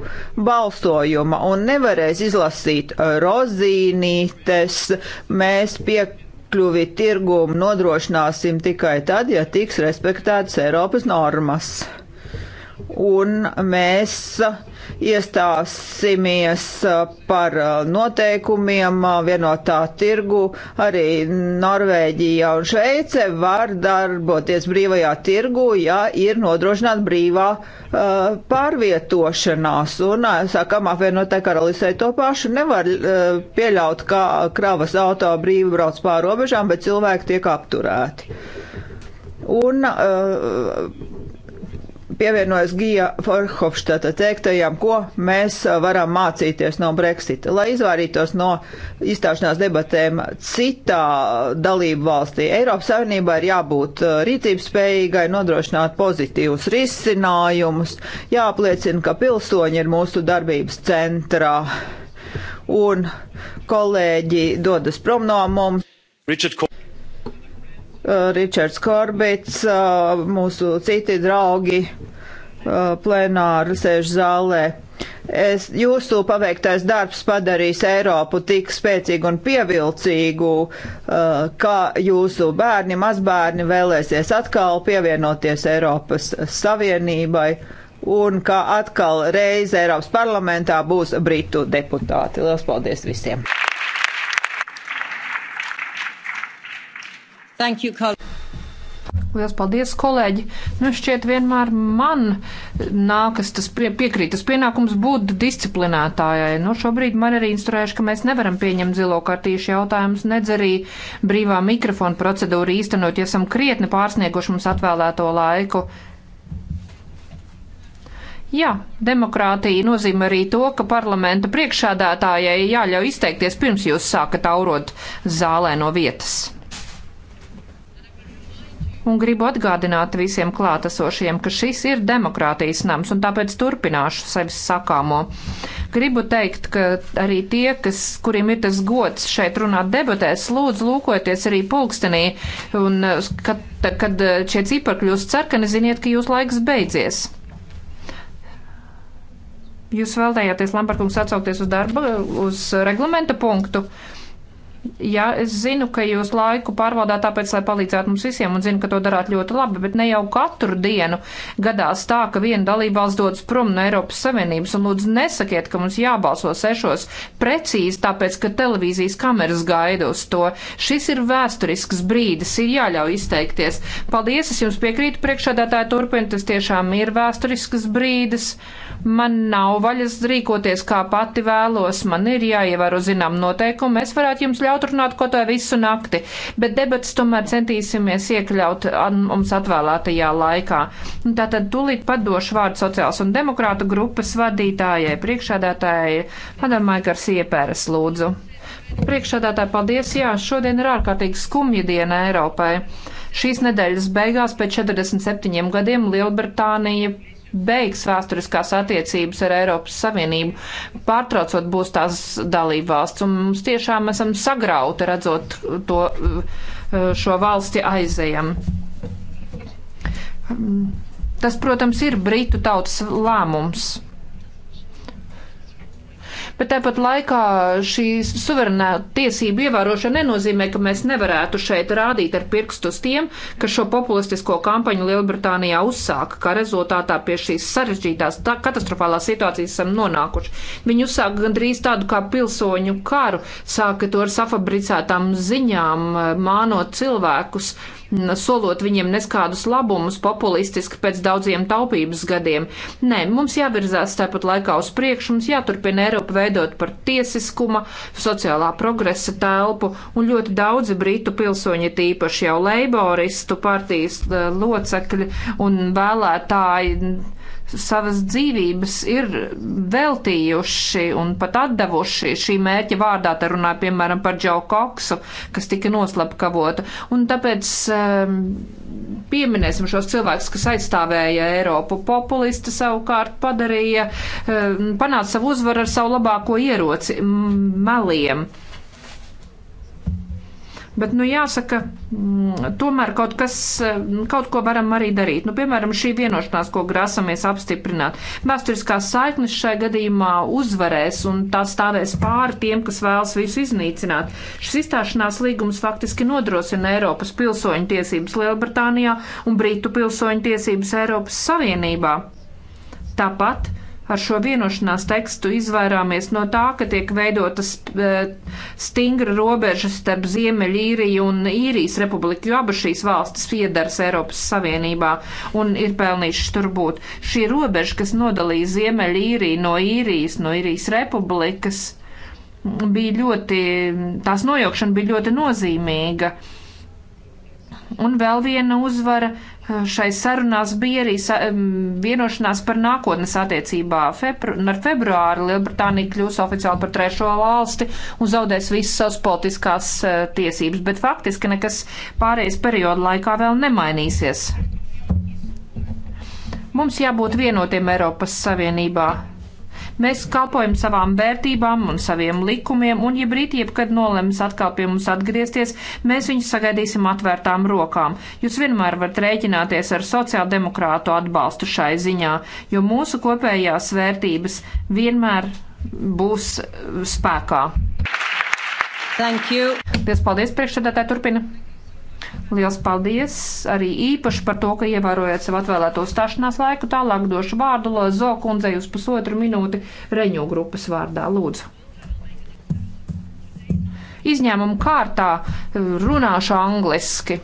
balsojuma. Un nevarēs izlasīt rozīnītes. Mēs pie piekļuvi tirgumu nodrošināsim tikai tad, ja tiks respektētas Eiropas normas un mēs iestāsimies par noteikumiem vienotā tirgu. Arī Norvēģija un Šveice var darboties brīvajā tirgu, ja ir nodrošināta brīvā uh, pārvietošanās. Un, uh, sakam, apvienotā karalisē to pašu nevar uh, pieļaut, kā kravas auto brīvi brauc pār robežām, bet cilvēki tiek apturēti. Un, uh, pievienojos Gija Forhofštata teiktajām, ko mēs varam mācīties no Brexita. Lai izvairītos no izstāšanās debatēm citā dalību valstī, Eiropas Savienībā ir jābūt uh, rīcības spējīgai, nodrošināt pozitīvus risinājumus, jāapliecina, ka pilsoņi ir mūsu darbības centrā. Un kolēģi dodas prom no mums. Richard Cor Ričards Korbits, mūsu citi draugi plenāra sēž zālē. Es, jūsu paveiktais darbs padarīs Eiropu tik spēcīgu un pievilcīgu, ka jūsu bērni, mazbērni vēlēsies atkal pievienoties Eiropas Savienībai un ka atkal reiz Eiropas parlamentā būs britu deputāti. Lielas paldies visiem! Thank you, Carl. Lielas paldies, kolēģi! Nu, šķiet, vienmēr man nākas tas pie, piekrīt, tas pienākums būt disciplinētājai. Nu, šobrīd man arī instruējuši, ka mēs nevaram pieņemt zilo kartīšu jautājumus, nedz arī brīvā mikrofona procedūru īstenot, ja esam krietni pārsnieguši mums atvēlēto laiku. Jā, demokrātija nozīmē arī to, ka parlamenta priekšādātājai jāļauj izteikties pirms jūs sākat aurot zālē no vietas un gribu atgādināt visiem klātesošiem, ka šis ir demokrātijas nams, un tāpēc turpināšu sevis sakāmo. Gribu teikt, ka arī tie, kas, kuriem ir tas gods šeit runāt debatēs, lūdzu lūkoties arī pulkstenī, un uh, kad, kad uh, šie cipari kļūst cerkani, ziniet, ka jūs laiks beidzies. Jūs vēlējāties, Lamberkungs, atsaukties uz darba, uz reglamenta punktu. Uh, Jā, es zinu, ka jūs laiku pārvaldāt tāpēc, lai palīdzētu mums visiem, un zinu, ka to darāt ļoti labi, bet ne jau katru dienu gadās tā, ka viena dalībvalsts dodas prom no Eiropas Savienības, un lūdzu nesakiet, ka mums jābalso sešos precīzi, tāpēc, ka televīzijas kameras gaida uz to. Šis ir vēsturisks brīdis, ir jāļauj izteikties. Paldies, es jums piekrītu priekšādātāju turpin, tas tiešām ir vēsturisks brīdis. Man nav vaļas rīkoties, kā pati vēlos, man ir jāievēro zinām noteikumi, es varētu jums ļaut ļautrunāt ko to visu nakti, bet debats tomēr centīsimies iekļaut mums atvēlētajā laikā. Nu, tātad tūlīt padošu vārdu sociāls un demokrātu grupas vadītājai, priekšādātājai Madamai Garsie Pēres lūdzu. Priekšādātāji, paldies! Jā, šodien ir ārkārtīgi skumja diena Eiropai. Šīs nedēļas beigās pēc 47 gadiem Lielbritānija beigs vēsturiskās attiecības ar Eiropas Savienību, pārtraucot būs tās dalība valsts. Un mums tiešām esam sagrauti redzot to, eh, šo valsti aizējam. Mm. Tas, protams, ir Britu tautas lēmums bet tāpat laikā šī suverenā tiesība ievērošana nenozīmē, ka mēs nevarētu šeit rādīt ar pirkstu uz tiem, kas šo populistisko kampaņu Lielbritānijā uzsāka, kā rezultātā pie šīs sarežģītās katastrofālās situācijas esam nonākuši. Viņi uzsāka gandrīz tādu kā pilsoņu karu, sāka to ar safabricētām ziņām, mānot cilvēkus solot viņiem neskādus labumus populistiski pēc daudziem taupības gadiem. Nē, mums jāvirzās tāpat laikā uz priekšu, mums jāturpina Eiropa veidot par tiesiskuma, sociālā progresa telpu, un ļoti daudzi britu pilsoņi, tīpaši jau leiboristu partijas eh, locekļi un vēlētāji, savas dzīvības ir veltījuši un pat atdevuši šī mērķa vārdā, te runāja piemēram par Džo Koksu, kas tika noslapkavota. Un tāpēc um, pieminēsim šos cilvēkus, kas aizstāvēja Eiropu. Populisti savukārt padarīja, um, panāca savu uzvaru ar savu labāko ieroci, meliem. Bet, nu, jāsaka, mm, tomēr kaut kas, mm, kaut ko varam arī darīt. Nu, piemēram, šī vienošanās, ko grasamies apstiprināt. Vēsturiskās saiknes šai gadījumā uzvarēs un tā stāvēs pāri tiem, kas vēlas visu iznīcināt. Šis izstāšanās līgums faktiski nodrosina Eiropas pilsoņu tiesības Lielbritānijā un Brītu pilsoņu tiesības Eiropas Savienībā. Tāpat ar šo vienošanās tekstu izvairāmies no tā, ka tiek veidotas eh, stingra robeža starp Ziemeļīriju un Īrijas republiku, jo abas šīs valstis piedars Eiropas Savienībā un ir pelnījušas tur būt. Šī robeža, kas nodalīja Ziemeļīriju no Īrijas, no Īrijas republikas, bija ļoti, tās nojaukšana bija ļoti nozīmīga. Un vēl viena uzvara Šai sarunās bija arī sa vienošanās par nākotnes attiecībā. Febru ar februāru Lielbritānija kļūs oficiāli par trešo valsti un zaudēs visas savas politiskās eh, tiesības, bet faktiski nekas pārējais periodu laikā vēl nemainīsies. Mums jābūt vienotiem Eiropas Savienībā. Mēs kalpojam savām vērtībām un saviem likumiem, un ja Briti jebkad nolems atkal pie mums atgriezties, mēs viņus sagaidīsim atvērtām rokām. Jūs vienmēr varat rēķināties ar sociāldemokrātu atbalstu šai ziņā, jo mūsu kopējās vērtības vienmēr būs uh, spēkā. Thank you. Paldies, paldies priekšsēdētāji, turpina. Liels paldies arī īpaši par to, ka ievērojat sev atvēlēto stašanās laiku. Tālāk došu vārdu Lozo kundzei uz pusotru minūti Reņu grupas vārdā. Lūdzu. Izņēmumu kārtā runāšu angliski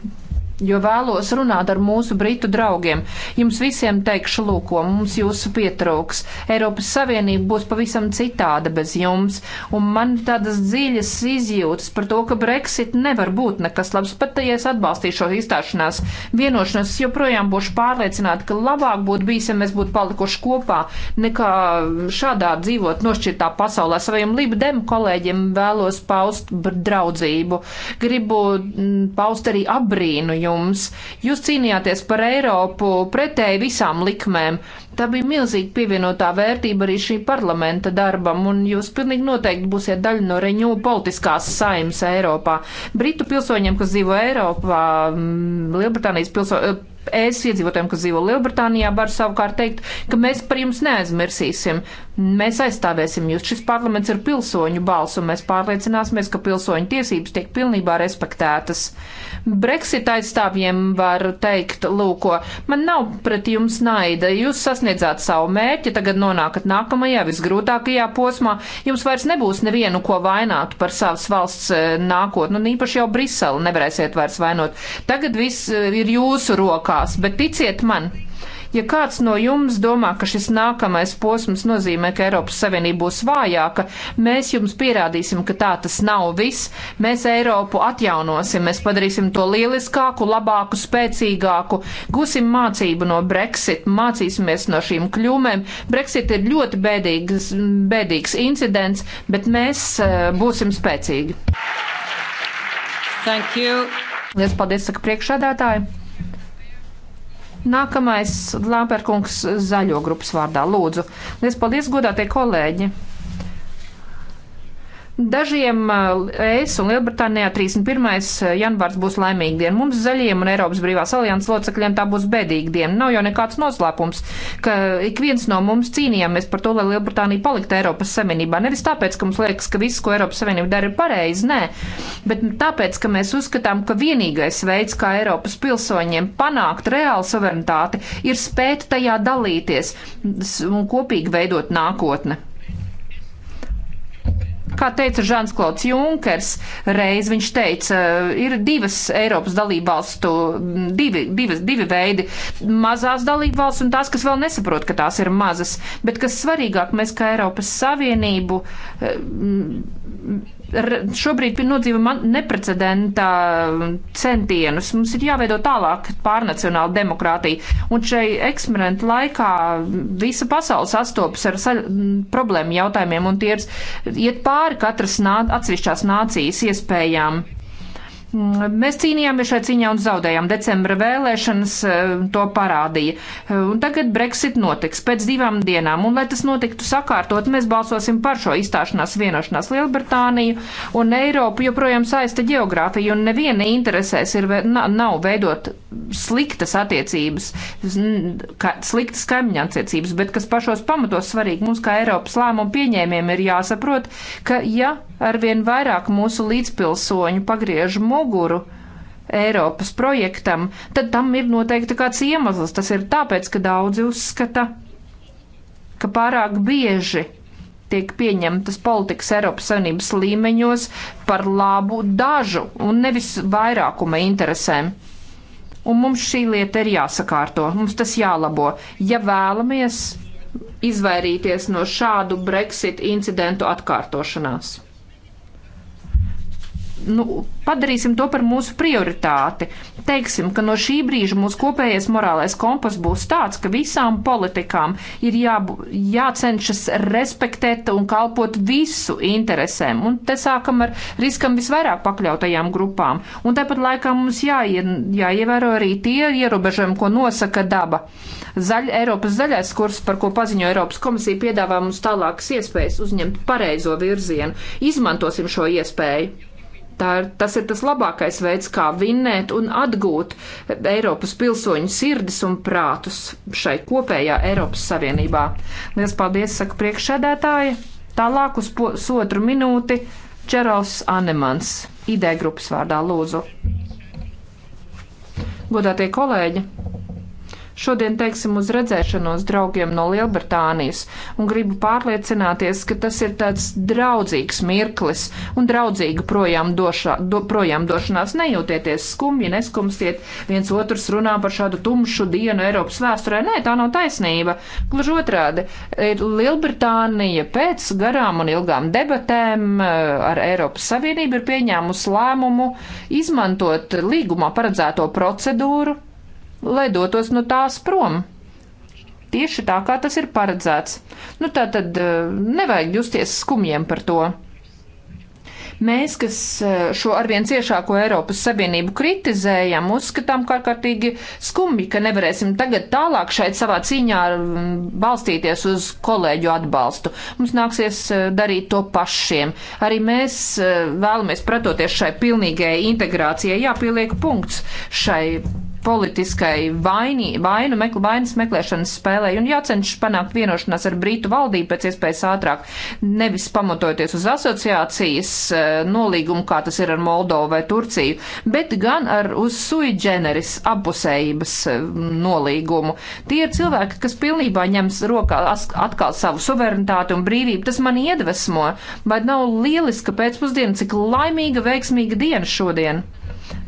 jo vēlos runāt ar mūsu britu draugiem. Jums visiem teikšu, lūk, mums jūsu pietrūks. Eiropas Savienība būs pavisam citāda bez jums, un man tādas dziļas izjūtas par to, ka Brexit nevar būt nekas labs, pat ja es atbalstīšu šo izstāšanās vienošanos, joprojām būšu pārliecināta, ka labāk būtu bijis, ja mēs būtu palikuši kopā, nekā šādā dzīvot nošķirtā pasaulē. Saviem libdem kolēģiem vēlos paust draudzību. Gribu mm, paust arī abrīnu jums jums. Jūs cīnījāties par Eiropu pretēji visām likmēm. Tā bija milzīga pievienotā vērtība arī šī parlamenta darbam, un jūs pilnīgi noteikti būsiet daļa no reņū politiskās saimas Eiropā. Britu pilsoņiem, kas dzīvo Eiropā, mm, Lielbritānijas pilsoņiem. Eh, es iedzīvotājiem, kas dzīvo Lielbritānijā, varu savukārt teikt, ka mēs par jums neaizmirsīsim. Mēs aizstāvēsim jūs. Šis parlaments ir pilsoņu balss, un mēs pārliecināsimies, ka pilsoņu tiesības tiek pilnībā respektētas. Brexit aizstāvjiem var teikt, lūko, man nav pret jums naida, jūs sasniedzāt savu mērķi, tagad nonākat nākamajā visgrūtākajā posmā, jums vairs nebūs nevienu, ko vaināt par savas valsts e, nākotni, un īpaši jau Briselu nevarēsiet vairs vainot. Tagad viss e, ir jūsu rokās, bet ticiet man, Ja kāds no jums domā, ka šis nākamais posms nozīmē, ka Eiropas Savienība būs vājāka, mēs jums pierādīsim, ka tā tas nav viss. Mēs Eiropu atjaunosim, mēs padarīsim to lieliskāku, labāku, spēcīgāku, gūsim mācību no Brexit, mācīsimies no šīm kļūmēm. Brexit ir ļoti bēdīgs, bēdīgs incidents, bet mēs uh, būsim spēcīgi. Thank you. Liels paldies, saka priekšādātāji. Nākamais Lamperkungs zaļo grupas vārdā. Lūdzu. Lies paldies, godātie kolēģi! Dažiem eh, ES un Lielbritānijā 31. Eh, janvārs būs laimīga diena. Mums zaļiem un Eiropas brīvās alianses locekļiem tā būs bedīga diena. Nav jau nekāds noslēpums, ka ik viens no mums cīnījāmies par to, lai Lielbritānija paliktu Eiropas Savienībā. Nevis tāpēc, ka mums liekas, ka viss, ko Eiropas Savienība dara, ir pareizi, nē, bet tāpēc, ka mēs uzskatām, ka vienīgais veids, kā Eiropas pilsoņiem panākt reālu suverenitāti, ir spēt tajā dalīties un kopīgi veidot nākotni. Kā teica Žans Klauds Junkers, reiz viņš teica, ir divas Eiropas dalībvalstu, divi, divas, divi veidi - mazās dalībvalsts un tās, kas vēl nesaprot, ka tās ir mazas, bet kas svarīgāk, mēs kā Eiropas Savienību eh, šobrīd nodzīvam neprecedentā centienus. Mums ir jāveido tālāk pārnacionāla demokrātija. Un šai eksperimentu laikā visa pasaule sastopas ar problēmu jautājumiem, un tie ir iet pāri katras nā, atsevišķās nācijas iespējām. Mm, mēs cīnījāmies šajā cīņā un zaudējām. Decembra vēlēšanas eh, to parādīja. Eh, un tagad Brexit notiks pēc divām dienām. Un, lai tas notiktu sakārtot, mēs balsosim par šo izstāšanās vienošanās Lielbritāniju un Eiropu joprojām saista geogrāfija. Un neviena interesēs ir, nav veidot sliktas attiecības, ka, sliktas kaimiņa attiecības, bet kas pašos pamatos svarīgi mums kā Eiropas lēmumu pieņēmiem ir jāsaprot, ka ja arvien vairāk mūsu līdzpilsoņu pagriež muguru, Eiropas projektam, tad tam ir noteikti kāds iemesls. Tas ir tāpēc, ka daudzi uzskata, ka pārāk bieži tiek pieņemtas politikas Eiropas Savienības līmeņos par labu dažu un nevis vairākuma interesēm. Un mums šī lieta ir jāsakārto, mums tas jālabo. Ja vēlamies izvairīties no šādu Brexit incidentu atkārtošanās nu, padarīsim to par mūsu prioritāti. Teiksim, ka no šī brīža mūsu kopējais morālais kompas būs tāds, ka visām politikām ir jā, jācenšas respektēt un kalpot visu interesēm. Un te sākam ar riskam visvairāk pakļautajām grupām. Un tāpat laikā mums jāie, jāievēro arī tie ierobežojumi, ko nosaka daba. Zaļ, Eiropas zaļais kurs, par ko paziņo Eiropas komisija, piedāvā mums tālākas iespējas uzņemt pareizo virzienu. Izmantosim šo iespēju. Tā, tas ir tas labākais veids, kā vinnēt un atgūt Eiropas pilsoņu sirdis un prātus šai kopējā Eiropas Savienībā. Lielas paldies, saka priekšsēdētāji. Tālāk uz pusotru minūti Čerals Anemans, ID grupas vārdā lūdzu. Godātie kolēģi! Šodien teiksim uz redzēšanos draugiem no Lielbritānijas un gribu pārliecināties, ka tas ir tāds draudzīgs mirklis un draudzīga projām, došā, do, projām došanās. Nejūtieties skumji, neskumstiet, viens otrs runā par šādu tumšu dienu Eiropas vēsturē. Nē, tā nav taisnība. Gluži otrādi, Lielbritānija pēc garām un ilgām debatēm eh, ar Eiropas Savienību ir pieņēmusi lēmumu izmantot līgumā paredzēto procedūru lai dotos no tās prom. Tieši tā, kā tas ir paredzēts. Nu, tā tad eh, nevajag justies skumjiem par to. Mēs, kas eh, šo arvien ciešāko Eiropas Savienību kritizējam, uzskatām kā kārtīgi skumji, ka nevarēsim tagad tālāk šeit savā cīņā mm, balstīties uz kolēģu atbalstu. Mums nāksies eh, darīt to pašiem. Arī mēs vēlamies pretoties šai pilnīgai integrācijai, jāpieliek punkts šai politiskai vaini, vainu, meklu, vainas meklēšanas spēlē un jācenšas panākt vienošanās ar Brītu valdību pēc iespējas ātrāk, nevis pamatoties uz asociācijas eh, nolīgumu, kā tas ir ar Moldovu vai Turciju, bet gan ar uz sui generis apusējības eh, nolīgumu. Tie ir cilvēki, kas pilnībā ņems rokā atkal savu suverenitāti un brīvību. Tas mani iedvesmo, vai nav lieliska pēcpusdiena, cik laimīga, veiksmīga diena šodien.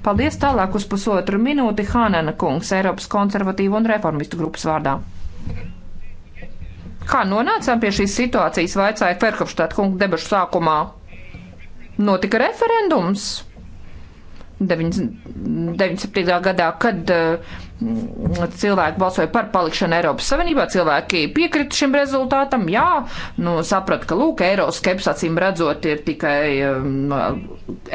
Paldies tālāk uz pusotru minūti Hānena kungs, Eiropas konservatīvu un reformistu grupas vārdā. Kā nonācām pie šīs situācijas, vaicāja Ferhofštāt kungu debašu sākumā. Notika referendums 97. gadā, kad uh, cilvēki balsoja par palikšanu Eiropas Savienībā, cilvēki piekrita šim rezultātam, jā, nu, saprata, ka, lūk, eiroskepsis acīm redzot ir tikai um,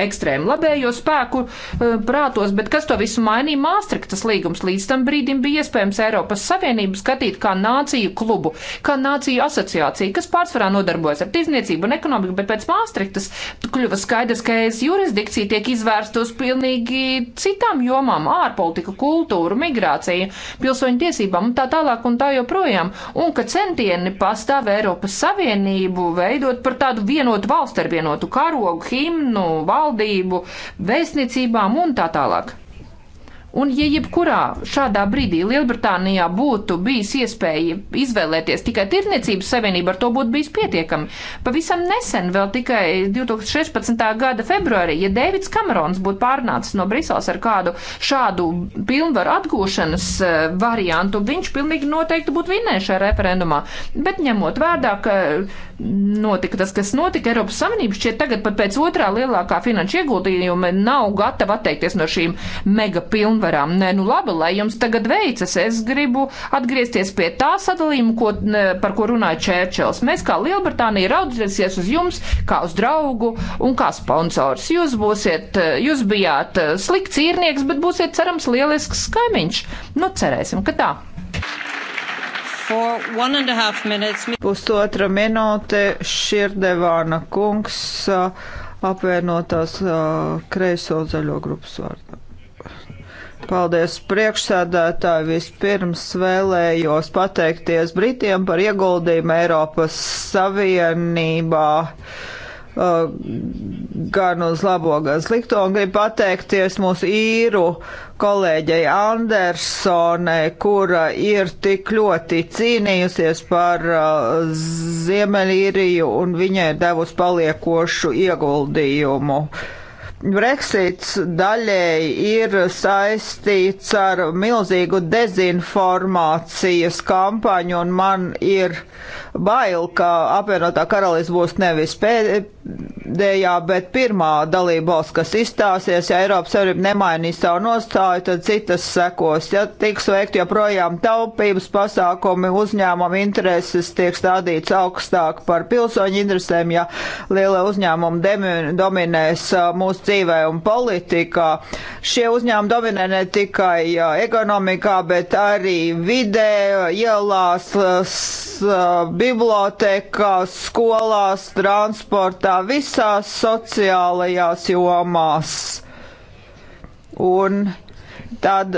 ekstrēmu labējo spēku uh, prātos, bet kas to visu mainīja? Māstriktas līgums līdz tam brīdim bija iespējams Eiropas Savienību skatīt kā nāciju klubu, kā nāciju asociāciju, kas pārsvarā nodarbojas ar tirzniecību un ekonomiku, bet pēc Māstriktas kļuva skaidrs, ka es jurisdikcija tiek izvērsta uz pilnīgi citām jomām - ārpolitika, kultūra, migrācija migrāciju, pilsoņu tiesībām un tā tālāk un tā joprojām, un ka centieni pastāv Eiropas Savienību veidot par tādu vienotu valstu ar vienotu karogu, himnu, valdību, vēstniecībām un tā tālāk. Un, ja jebkurā šādā brīdī Lielbritānijā būtu bijis iespēja izvēlēties tikai tirniecības savienību, ar to būtu bijis pietiekami. Pavisam nesen, vēl tikai 2016. gada februārī, ja Dēvids Kamerons būtu pārnācis no Briseles ar kādu šādu pilnvaru atgūšanas eh, variantu, viņš pilnīgi noteikti būtu vinējis šajā referendumā. Bet ņemot vērā, ka notika tas, kas notika Eiropas Savienība, šķiet tagad pat pēc otrā lielākā finanšu ieguldījuma nav gatava atteikties no šīm mega pilnvarām pilnvarām. Nē, nu labi, lai jums tagad veicas. Es gribu atgriezties pie tā sadalījuma, ko, ne, par ko runāja Čērčels. Mēs kā Lielbritānija raudzēsies uz jums, kā uz draugu un kā sponsors. Jūs būsiet, jūs bijāt eh, slikts īrnieks, bet būsiet cerams lielisks kaimiņš. Nu, cerēsim, ka tā. Pusotra minūte Širdevāna kungs eh, apvienotās eh, kreiso zaļo grupas vārdā. Paldies priekšsēdētāji. Vispirms vēlējos pateikties Britiem par ieguldījumu Eiropas Savienībā uh, gan uz labo, gan slikto. Un gribu pateikties mūsu īru kolēģei Andersonai, kura ir tik ļoti cīnījusies par uh, Ziemeļīriju un viņai devusi paliekošu ieguldījumu. Uh, Brexits daļēji ir saistīts ar milzīgu dezinformācijas kampaņu, un man ir bail, ka apvienotā karalis būs nevis pēdējā, bet pirmā dalībvalsts, kas izstāsies. Ja Eiropas Savienība nemainīs savu nostāju, tad citas sekos. Ja tiks veikt joprojām taupības pasākumi, uzņēmuma intereses tiek stādīts augstāk par pilsoņu interesēm, ja liela uzņēmuma dominēs uh, mūsu dzīvē un politikā. Šie uzņēmumi dominē ne tikai ekonomikā, bet arī vidē, ielās, bibliotekās, skolās, transportā, visās sociālajās jomās. Un tad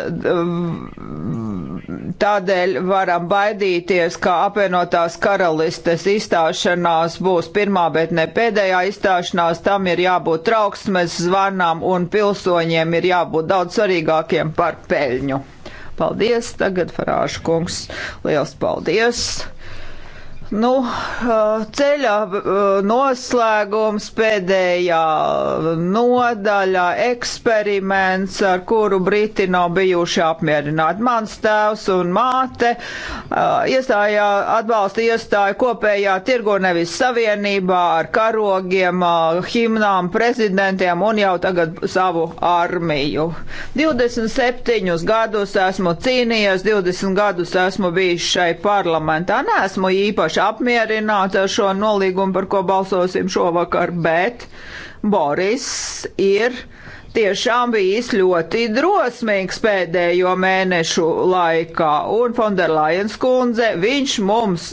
Tādēļ varam baidīties, ka apvienotās karalistes izstāšanās būs pirmā, bet ne pēdējā izstāšanās. Tam ir jābūt trauksmes zvanām un pilsoņiem ir jābūt daudz svarīgākiem par peļņu. Paldies, tagad Farāšu kungs. Liels paldies! Nu, eh, ceļa eh, noslēgums pēdējā nodaļā eksperiments, ar kuru Briti nav bijuši apmierināti. Mans tēvs un māte eh, iestājā, atbalsta iestāju kopējā tirgo nevis savienībā ar karogiem, himnām, prezidentiem un jau tagad savu armiju. 27 gadus esmu cīnījies, 20 gadus esmu bijis šai parlamentā. Nesmu īpaši īpaši apmierināta ar šo nolīgumu, par ko balsosim šovakar, bet Boris ir tiešām bijis ļoti drosmīgs pēdējo mēnešu laikā, un Fonderlajens kundze, viņš mums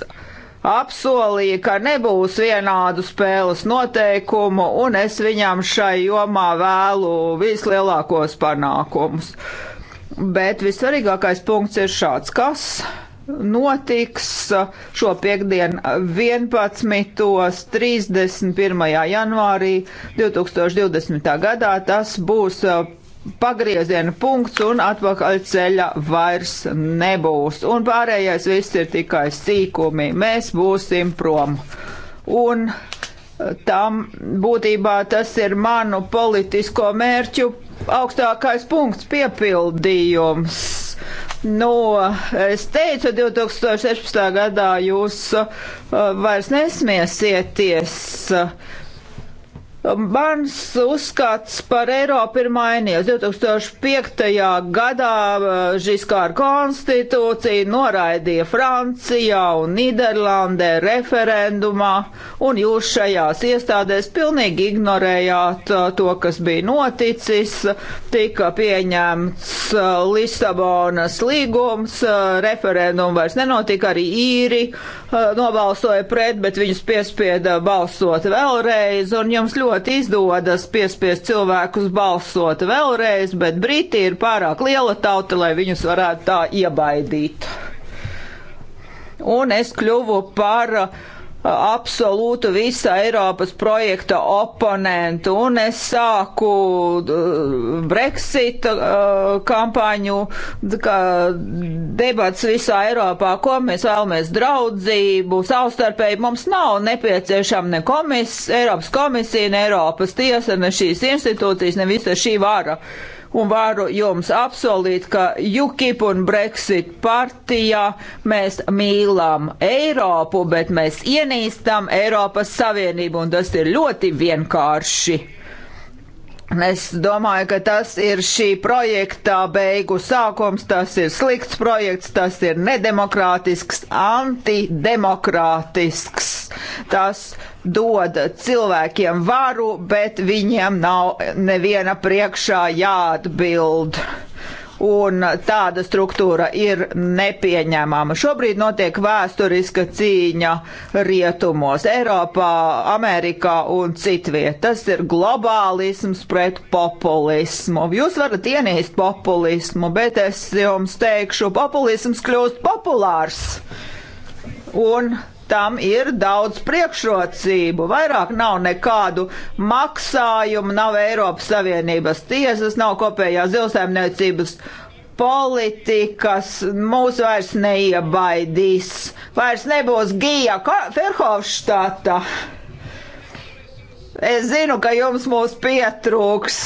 apsolīja, ka nebūs vienādu spēles noteikumu, un es viņam šai jomā vēlu vislielākos panākumus. Bet vissvarīgākais punkts ir šāds, kas notiks uh, šo piekdienu uh, 11.31. janvārī 2020. gadā. Tas būs uh, pagrieziena punkts un atpakaļ ceļa vairs nebūs. Un pārējais viss ir tikai sīkumi. Mēs būsim prom. Un tam būtībā tas ir manu politisko mērķu augstākais punkts piepildījums Nu, es teicu, 2016. gadā jūs uh, vairs nesmiesieties. Mans uzskats par Eiropu ir mainījies. 2005. gadā uh, Žiskāra konstitūcija noraidīja Francijā un Niderlandē referendumā, un jūs šajās iestādēs pilnīgi ignorējāt uh, to, kas bija noticis. Tika pieņemts uh, Lisabonas līgums, referendumu vairs nenotika, arī īri nobalsoja pret, bet viņus piespieda balsot vēlreiz, un jums ļoti ļoti izdodas piespiest cilvēkus balsot vēlreiz, bet Briti ir pārāk liela tauta, lai viņus varētu tā iebaidīt. Un es kļuvu par uh, absolūtu visa Eiropas projekta oponentu, un es sāku Brexit uh, kampaņu kā debats visā Eiropā, ko mēs vēlamies draudzību, savstarpēji mums nav nepieciešama ne komis, Eiropas komisija, ne Eiropas tiesa, ne šīs institūcijas, ne visa šī vara. Uh, un varu jums apsolīt, ka UKIP un Brexit partijā mēs mīlam Eiropu, bet mēs ienīstam Eiropas Savienību, un tas ir ļoti vienkārši. Es domāju, ka tas ir šī projekta beigu sākums, tas ir slikts projekts, tas ir nedemokrātisks, antidemokrātisks. Tas dod cilvēkiem varu, bet viņiem nav neviena priekšā jāatbild. Uh, un tāda struktūra ir nepieņemama. Šobrīd notiek vēsturiska cīņa rietumos, Eiropā, Amerikā un citviet. Tas ir globālisms pret populismu. Jūs varat ienīst populismu, bet es jums teikšu, populisms kļūst populārs. Un tam ir daudz priekšrocību. Vairāk nav nekādu maksājumu, nav Eiropas Savienības tiesas, nav kopējās zilsēmniecības politikas, mūs vairs neiebaidīs. Vairs nebūs Gija Ferhofštata. Es zinu, ka jums mūs pietrūks.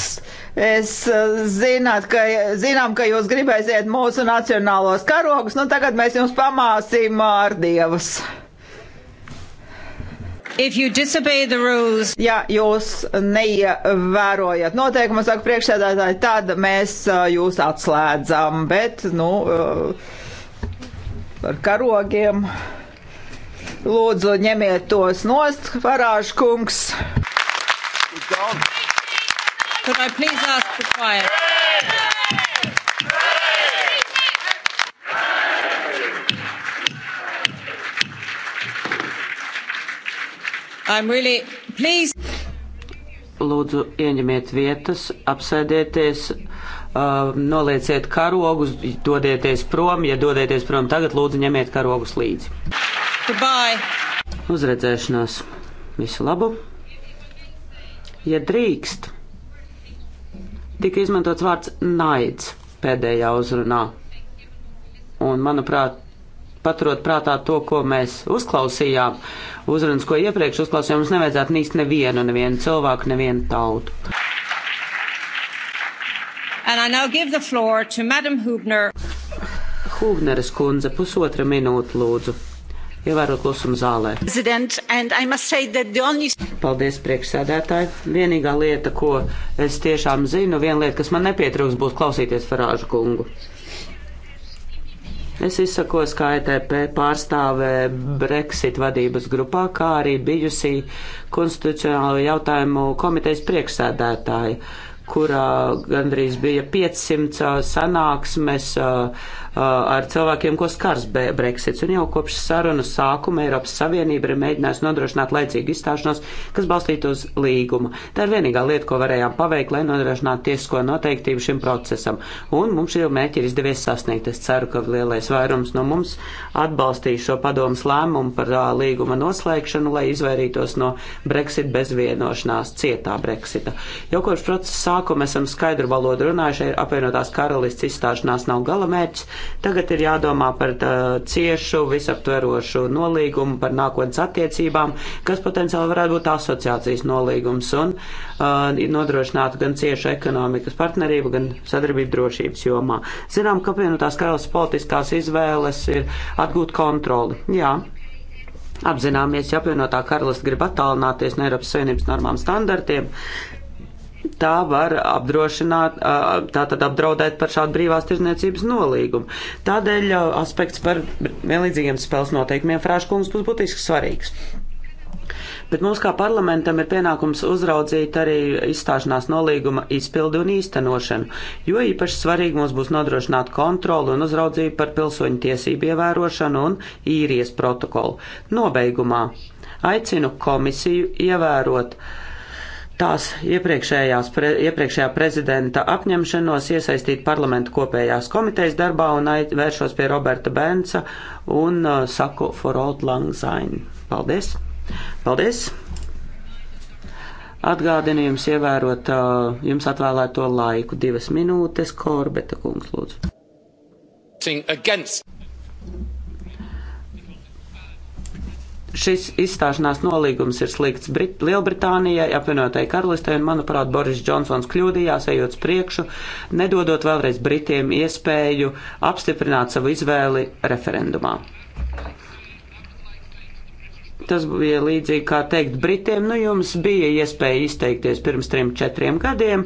Es eh, zināt, ka, zinām, ka jūs gribēsiet mūsu nacionālos karogus, nu tagad mēs jums pamāsim ārdievis. Rules... Ja jūs neievērojat noteikumus, saka priekšsēdētāji, tad mēs uh, jūs atslēdzam, bet, nu, uh, ar karogiem. Lūdzu, ņemiet tos nost, varāžu kungs. Could I please ask for quiet? Yeah! Really please... Lūdzu, ieņemiet vietas, apsēdieties, uh, nolieciet karogus, dodieties prom. Ja dodieties prom tagad, lūdzu, ņemiet karogus līdzi. Goodbye. Uzredzēšanās. Visu labu. Ja drīkst, tika izmantots vārds naids pēdējā uzrunā. Un, manuprāt, paturot prātā to, ko mēs uzklausījām, uzrunas, ko iepriekš uzklausījām, mums nevajadzētu nīst nevienu, nevienu cilvēku, nevienu tautu. Hubner. Hubneres kundze, pusotra minūte lūdzu. Ievērot klusumu zālē. Only... Paldies, priekšsēdētāji. Vienīgā lieta, ko es tiešām zinu, viena lieta, kas man nepietrūks, būs klausīties Farāžu kungu. Es izsakos kā ETP pārstāvē Brexit vadības grupā, kā arī bijusī konstitucionālo jautājumu komitejas priekšsēdētāja kurā gandrīz bija 500 uh, sanāksmes, uh, Uh, ar cilvēkiem, ko skars Brexits. Un jau kopš sarunas sākuma Eiropas Savienība ir mēģinājusi nodrošināt laicīgu izstāšanos, kas balstītu uz līgumu. Tā ir vienīgā lieta, ko varējām paveikt, lai nodrošinātu tiesisko noteiktību šim procesam. Un mums šī mērķi ir izdevies sasniegt. Es ceru, ka lielais vairums no mums atbalstīs šo padomas lēmumu par uh, līguma noslēgšanu, lai izvairītos no Brexit bezvienošanās cietā Brexita. Jau kopš procesa sākuma esam skaidru valodu runājuši, apvienotās karalists izstāšanās nav gala mērķis Tagad ir jādomā par tā, uh, ciešu, visaptverošu nolīgumu, par nākotnes attiecībām, kas potenciāli varētu būt asociācijas nolīgums un uh, nodrošinātu gan ciešu ekonomikas partnerību, gan sadarbību drošības jomā. Zinām, ka apvienotās karalists politiskās izvēles ir atgūt kontroli. Jā, Apzināmies, ja apvienotā karalista grib attālināties no Eiropas Savienības normām standartiem, tā var apdrošināt, tā tad apdraudēt par šādu brīvās tirzniecības nolīgumu. Tādēļ aspekts par vienlīdzīgiem spēles noteikumiem frāškungs būs būtiski svarīgs. Bet mums kā parlamentam ir pienākums uzraudzīt arī izstāšanās nolīguma izpildi un īstenošanu, jo īpaši svarīgi mums būs nodrošināt kontroli un uzraudzību par pilsoņu tiesību ievērošanu un īrijas protokolu. Nobeigumā aicinu komisiju ievērot uh, tās pre, iepriekšējā prezidenta apņemšanos iesaistīt parlamentu kopējās komitejas darbā un vēršos pie Roberta Benca un uh, saku for old lang syne. Paldies! Paldies! Atgādinījums ievērot uh, jums atvēlēto laiku - divas minūtes, Korbeta kungs lūdzu. Against šis izstāšanās nolīgums ir slikts Brit Lielbritānijai, apvienotai karalistē, un, manuprāt, Boris Džonsons kļūdījās, ejot priekšu, nedodot vēlreiz Britiem iespēju apstiprināt savu izvēli referendumā. Tas bija līdzīgi kā teikt Britiem, nu jums bija iespēja izteikties pirms trim, četriem gadiem,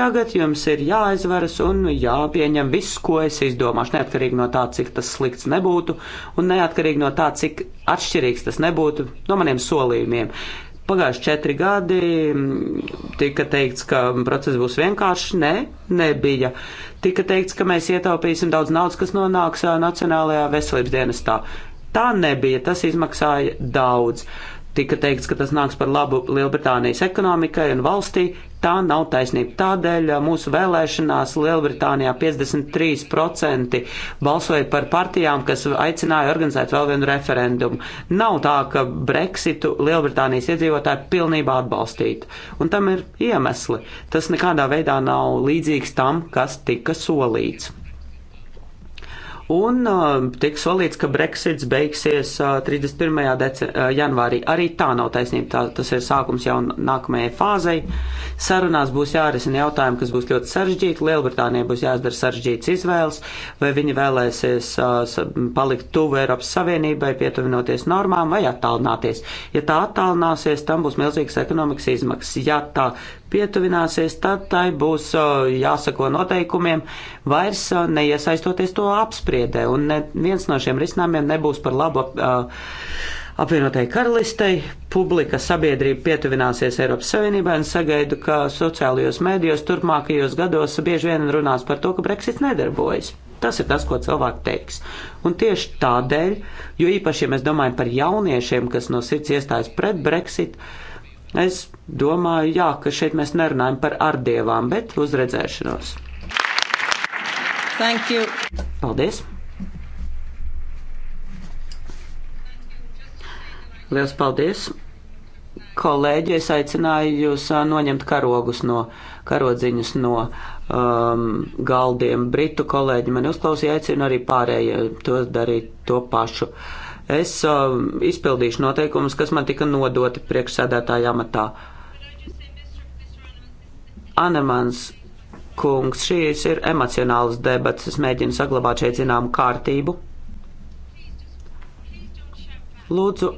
tagad jums ir jāizveras un jāpieņem viss, ko es izdomāšu, neatkarīgi no tā, cik tas slikts nebūtu un neatkarīgi no tā, cik atšķirīgs tas nebūtu no maniem solījumiem. Pagājuši četri gadi tika teikts, ka process būs vienkāršs. Nē, ne, nebija. Tika teikts, ka mēs ietaupīsim daudz naudas, kas nonāks Nacionālajā veselības dienestā. Tā nebija, tas izmaksāja daudz. Tika teikts, ka tas nāks par labu Lielbritānijas ekonomikai un valstī. Tā nav taisnība. Tādēļ mūsu vēlēšanās Lielbritānijā 53% balsoja par partijām, kas aicināja organizēt vēl vienu referendumu. Nav tā, ka Brexitu Lielbritānijas iedzīvotāji pilnībā atbalstītu. Un tam ir iemesli. Tas nekādā veidā nav līdzīgs tam, kas tika solīts. Un uh, tiek solīts, ka Brexits beigsies uh, 31. Dece, uh, janvārī. Arī tā nav taisnība. Tā, tas ir sākums jau nākamajai fāzei. Sarunās būs jārisina jautājumi, kas būs ļoti sarežģīti. Lielbritānijai būs jāizdara sarežģīts izvēles, vai viņi vēlēsies uh, palikt tuvu Eiropas Savienībai, pietuvinoties normām vai attālināties. Ja tā attālināsies, tam būs milzīgas ekonomikas izmaksas. Ja tā pietuvināsies, tad tai būs jāsako noteikumiem, vairs neiesaistoties to apspriedē. Un neviens no šiem risinājumiem nebūs par labu apvienotai karalistei. Publika sabiedrība pietuvināsies Eiropas Savienībai un sagaidu, ka sociālajos mēdījos turpmākajos gados bieži vien runās par to, ka Brexit nedarbojas. Tas ir tas, ko cilvēki teiks. Un tieši tādēļ, jo īpaši, ja mēs domājam par jauniešiem, kas no sirds iestājas pret Brexit, uh, Es domāju, jā, ka šeit mēs nerunājam par ardievām, bet uzredzēšanos. Thank you. Paldies! Liels paldies! Kolēģi, es aicināju jūs noņemt karogus no karodziņus no um, galdiem. Britu kolēģi mani uzklausīja, aicinu arī pārējie tos darīt to pašu. Uh, Es uh, izpildīšu noteikumus, kas man tika nodoti priekšsēdētāja amatā. Anemans kungs, šīs ir emocionālas debatas. Es mēģinu saglabāt šeit zināmu kārtību. Lūdzu,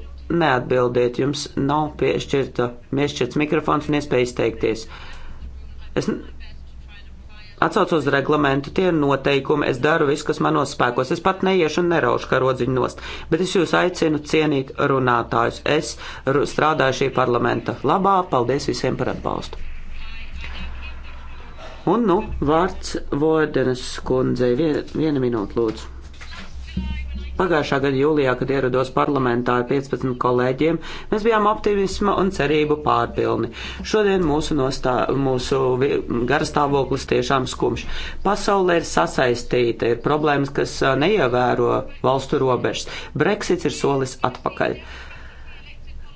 neatbildiet, jums nav piešķirta, piešķirts mikrofons un iespēja izteikties. Es Atcaucos uz reglamentu, tie ir noteikumi, es daru visu, kas manos spēkos. Es pat neiešu un neraušu karodziņu nost, bet es jūs aicinu cienīt runātājus. Es strādāju šī parlamenta labā, paldies visiem par atbalstu. Un, nu, vārds Vordenes kundzei. Vien, viena minūte, lūdzu. Pagājušā gada jūlijā, kad ierados parlamentā ar 15 kolēģiem, mēs bijām optimisma un cerību pārpilni. Šodien mūsu, nostā, mūsu garastāvoklis tiešām skumš. Pasaulē ir sasaistīta, ir problēmas, kas uh, neievēro valstu robežas. Brexits ir solis atpakaļ.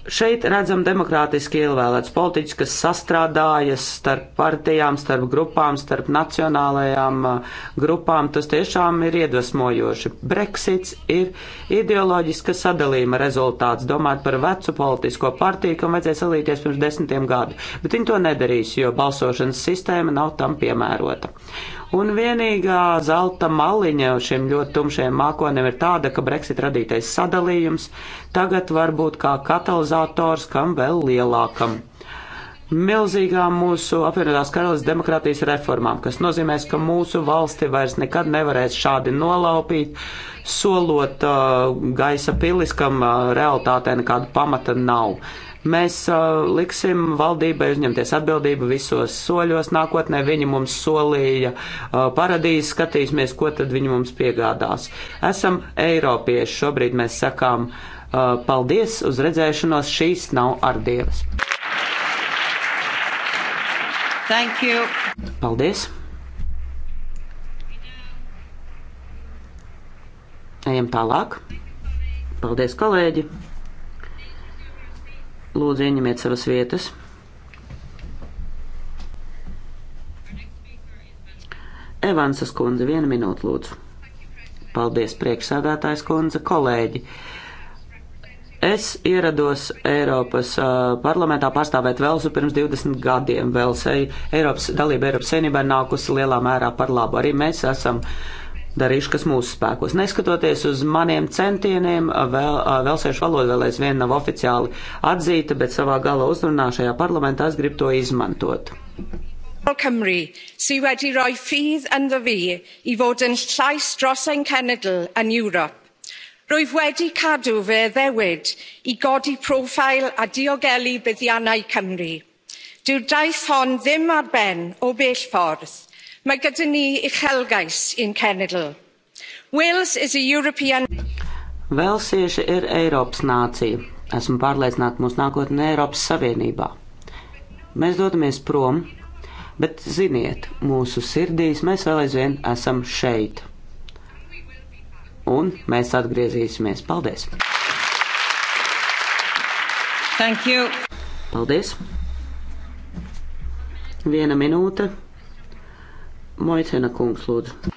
Šeit redzam demokrātiski ievēlēts politiķis, kas sastrādājas starp partijām, starp grupām, starp nacionālajām uh, grupām. Tas tiešām ir iedvesmojoši. Brexits ir ideoloģiska sadalījuma rezultāts. Domāt par vecu politisko partiju, kam vajadzēja salīties pirms desmitiem gadu. Bet viņi to nedarīs, jo balsošanas sistēma nav tam piemērota. Un vienīgā zelta maliņa šiem ļoti tumšajiem mākonim ir tāda, ka Brexit radītais sadalījums tagad var būt kā katalizators kam vēl lielākam milzīgām mūsu apvienotās karalists demokrātijas reformām, kas nozīmēs, ka mūsu valsti vairs nekad nevarēs šādi nolaupīt, solot uh, gaisa pilis, kam uh, realitātē nekāda pamata nav. Uh, Mēs uh, liksim valdībai uzņemties atbildību visos soļos. Nākotnē viņi mums solīja uh, paradīzi, skatīsimies, ko tad viņi mums piegādās. Esam eiropieši, šobrīd mēs sakām uh, paldies uz redzēšanos, šīs nav ar dievas. Paldies! Ejam tālāk. Paldies, kolēģi! Lūdzu, ieņemiet savas vietas. Evansas kundze, viena minūte, lūdzu. Paldies, priekšsādātājs kundze, kolēģi. Es ierados Eiropas uh, parlamentā pārstāvēt Velsu pirms 20 gadiem. Velsai Eiropas dalība Eiropas senībā nākusi lielā mērā par labu. Arī mēs esam uh, darīšu, kas mūsu spēkos. Neskatoties uz maniem centieniem, vēl, velsiešu valoda vēl aizvien nav oficiāli atzīta, bet savā gala uzrunā šajā parlamentā es gribu to izmantot. Cymru sydd wedi rhoi ffydd ynddo fi i fod yn llais dros ein cenedl yn Ewrop. Rwyf wedi cadw fy ddewyd i godi profil a diogelu buddiannau Cymru. Dyw'r daith hon ddim ar ben o bell ffordd mae gyda ni uchelgais i'n cenedl. Wales is a European... Velsieši ir Eiropas nācija. Esmu pārliecināta mūsu nākotnē Eiropas Savienībā. Mēs dodamies prom, bet ziniet, mūsu sirdīs mēs vēl aizvien esam šeit. Un mēs atgriezīsimies. Paldies! Thank you. Paldies! Viena minūte. Moitena kungs, lūdzu.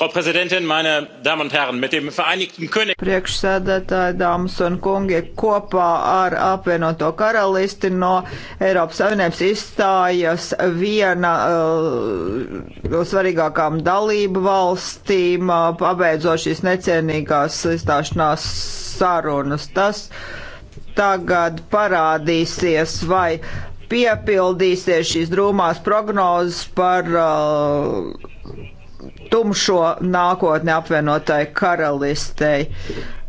Frau Präsidentin, meine Damen und Herren, mit dem Vereinigten König. Priekšsēdētāji, dāmas un kungi, kopā ar apvienoto karalisti no Eiropas Savienības izstājas viena uh, no uh, svarīgākām dalību valstīm, uh, pabeidzot šīs necienīgās izstāšanās sarunas. Tas tagad parādīsies, vai uh, piepildīsies šīs drūmās prognozes par uh, tumšo nākotni apvienotai karalistei.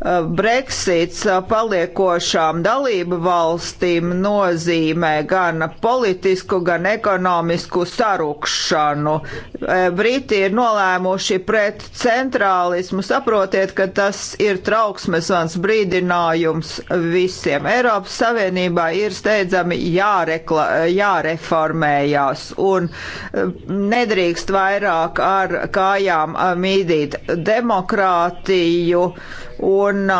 Uh, Brexits uh, paliekošām dalību valstīm nozīmē gan politisku, gan ekonomisku sarukšanu. Uh, Briti ir nolēmuši pret centrālismu. Saprotiet, ka tas ir trauksmes vans brīdinājums visiem. Eiropas Savienībā ir steidzami jārekla, jāreformējās un nedrīkst vairāk ar kā kājām mīdīt demokrātiju un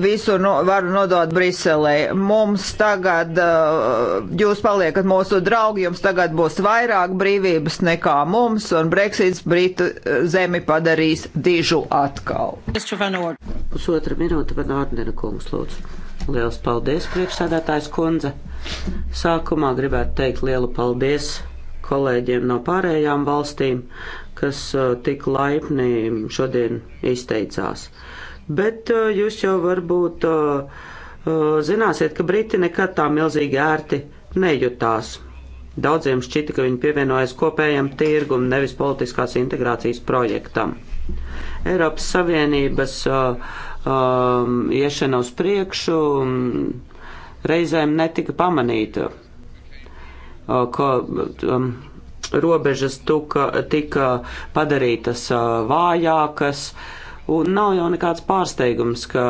visu no, varu nodot Briselē. Mums tagad, jūs paliekat mūsu draugi, jums tagad būs vairāk brīvības nekā mums, un Brexits Britu zemi padarīs dižu atkal. Pusotra minūte, Van Ordena kungs, lūdzu. Liels paldies, priekšsēdētājs kundze. Sākumā gribētu teikt lielu paldies kolēģiem no pārējām valstīm, kas tik laipni šodien izteicās. Bet jūs jau varbūt zināsiet, ka Briti nekad tā milzīgi ērti nejutās. Daudziem šķita, ka viņi pievienojas kopējam tirgum, nevis politiskās integrācijas projektam. Eiropas Savienības uh, um, iešana uz priekšu um, reizēm netika pamanīta. Uh, ko, um, robežas tuka, tika padarītas vājākas. Un nav jau nekāds pārsteigums, ka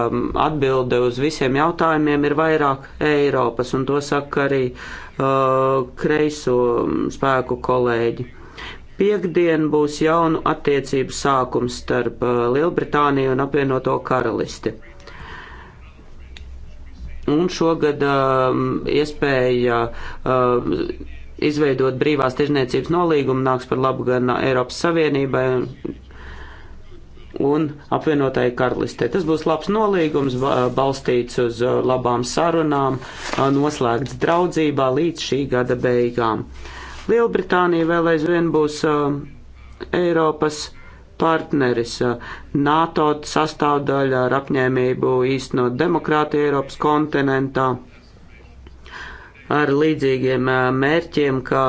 atbilde uz visiem jautājumiem ir vairāk Eiropas, un to saka arī uh, kreiso spēku kolēģi. Piektdien būs jaunu attiecību sākums starp uh, Lielbritāniju un apvienoto karalisti. Un šogad uh, iespēja uh, izveidot brīvās tirzniecības nolīgumu nāks par labu gan Eiropas Savienībai un apvienotai karalistē. Tas būs labs nolīgums, balstīts uz uh, labām sarunām, uh, noslēgts draudzībā līdz šī gada beigām. Lielbritānija vēl aizvien būs uh, Eiropas partneris. NATO sastāvdaļa ar apņēmību īstenot demokrātiju Eiropas kontinentā ar līdzīgiem mērķiem, kā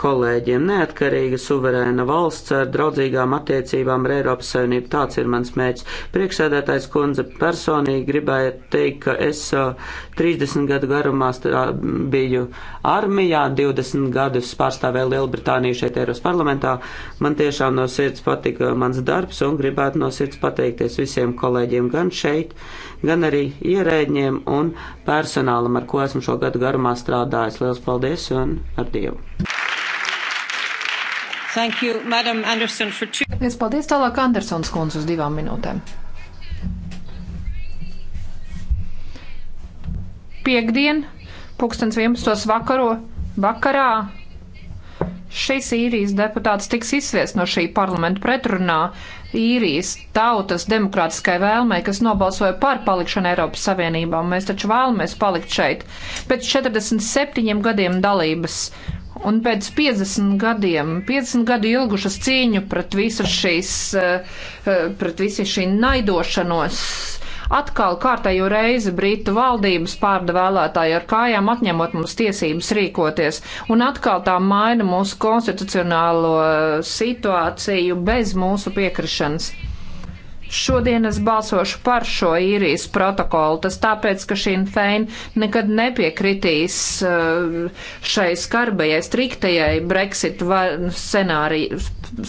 kolēģiem. Neatkarīga suverēna valsts ar draudzīgām attiecībām ar Eiropas Savienību. Tāds ir mans mērķis. Priekšsēdētājs kundze personīgi gribēja teikt, ka es 30 gadu garumā biju armijā, 20 gadus pārstāvēju Lielbritāniju šeit Eiros parlamentā. Man tiešām no sirds patika mans darbs un gribētu no sirds pateikties visiem kolēģiem gan šeit, gan arī ierēģiem un personālam, ar ko esmu šo gadu garumā strādājis. Liels paldies un ar Dievu! Thank you, Madam Anderson, for two. Es paldies tālāk Andersons kundz uz divām minūtēm. piekdien, pulkstens 11. vakaro, vakarā šis īrijas deputāts tiks izsviests no šī parlamenta pretrunā īrijas tautas demokrātiskai vēlmei, kas nobalsoja par palikšanu Eiropas Savienībā. Mēs taču vēlamies palikt šeit pēc 47 gadiem dalības. Un pēc 50 gadiem, 50 gadu ilgušas cīņu pret visu šīs, eh, eh, pret visu šī naidošanos, Atkal kārtējo reizi Britu valdības pārda vēlētāji ar kājām atņemot mums tiesības rīkoties, un atkal tā maina mūsu konstitucionālo situāciju bez mūsu piekrišanas. Šodien es balsošu par šo īrijas protokolu, tas tāpēc, ka šī feina nekad nepiekritīs eh, šai skarbajai, striktajai Brexit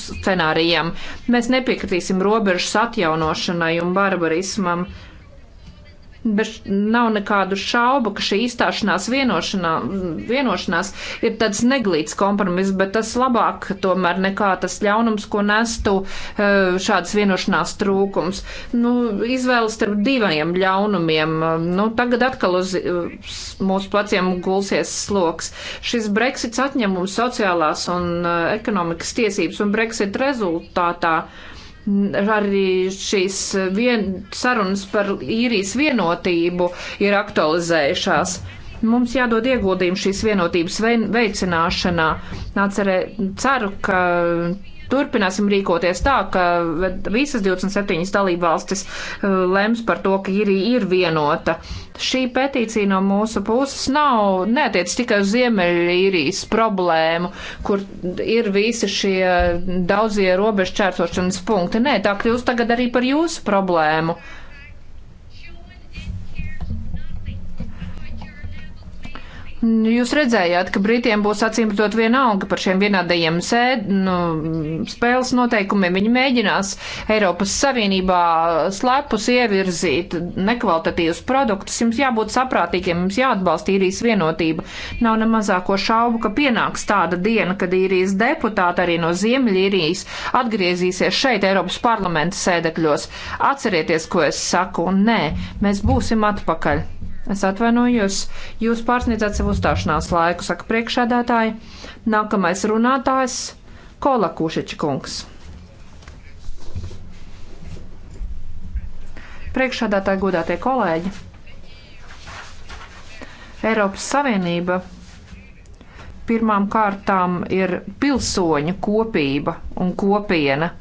scenārijam. Mēs nepiekritīsim robežas atjaunošanai un barbarismam bet nav nekādu šaubu, ka šī izstāšanās vienošanā, vienošanās ir tāds neglīts kompromiss, bet tas labāk tomēr nekā tas ļaunums, ko nestu e, šāds vienošanās trūkums. Nu, izvēles starp divajiem ļaunumiem. E, nu, tagad atkal uz e, mūsu pleciem gulsies sloks. Šis Brexits atņem mums sociālās un ekonomikas tiesības un Brexit rezultātā. Uh, arī šīs vien, sarunas par īrijas vienotību ir aktualizējušās. Mums jādod ieguldījumi šīs vienotības veicināšanā. Nācerē, ceru, ka turpināsim rīkoties tā, ka visas 27 dalībvalstis uh, lems par to, ka īrija ir vienota. Šī petīcija no mūsu puses nav, netiec tikai uz Ziemeļīrijas problēmu, kur ir visi šie daudzie robežu čērsošanas punkti. Nē, tā kļūst tagad arī par jūsu problēmu. Jūs redzējāt, ka Britiem būs acīmredzot vienalga par šiem vienādajiem sēd, nu, spēles noteikumiem. Viņi mēģinās Eiropas Savienībā slepus ievirzīt nekvalitatīvus produktus. Jums jābūt saprātīgiem, jums jāatbalsta īrijas vienotība. Nav ne mazāko šaubu, ka pienāks tāda diena, kad īrijas deputāti arī no Ziemeļīrijas atgriezīsies šeit Eiropas parlamenta sēdekļos. Atcerieties, ko es saku, un nē, mēs būsim atpakaļ. Es atvainojos, jūs pārsniedzat savu uzstāšanās laiku, saka priekšādātāji. Nākamais runātājs - Kola Kušiča kungs. Priekšādātāji godātie kolēģi. Eiropas Savienība pirmām kārtām ir pilsoņu kopība un kopiena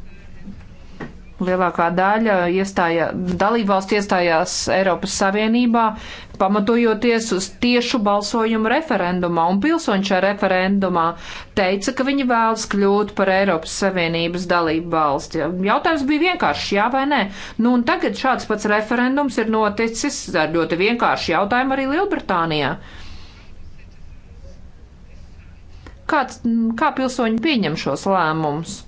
Lielākā daļa iestājā, dalībvalstu iestājās Eiropas Savienībā, pamatojoties uz tiešu balsojumu referendumā, un pilsoņi šajā referendumā teica, ka viņi vēlas kļūt par Eiropas Savienības dalību valsti. Jautājums bija vienkāršs, jā vai nē. Nu, un tagad šāds pats referendums ir noticis ar ļoti vienkāršu jautājumu arī Lielbritānijā kāds, kā pilsoņi pieņem šos lēmumus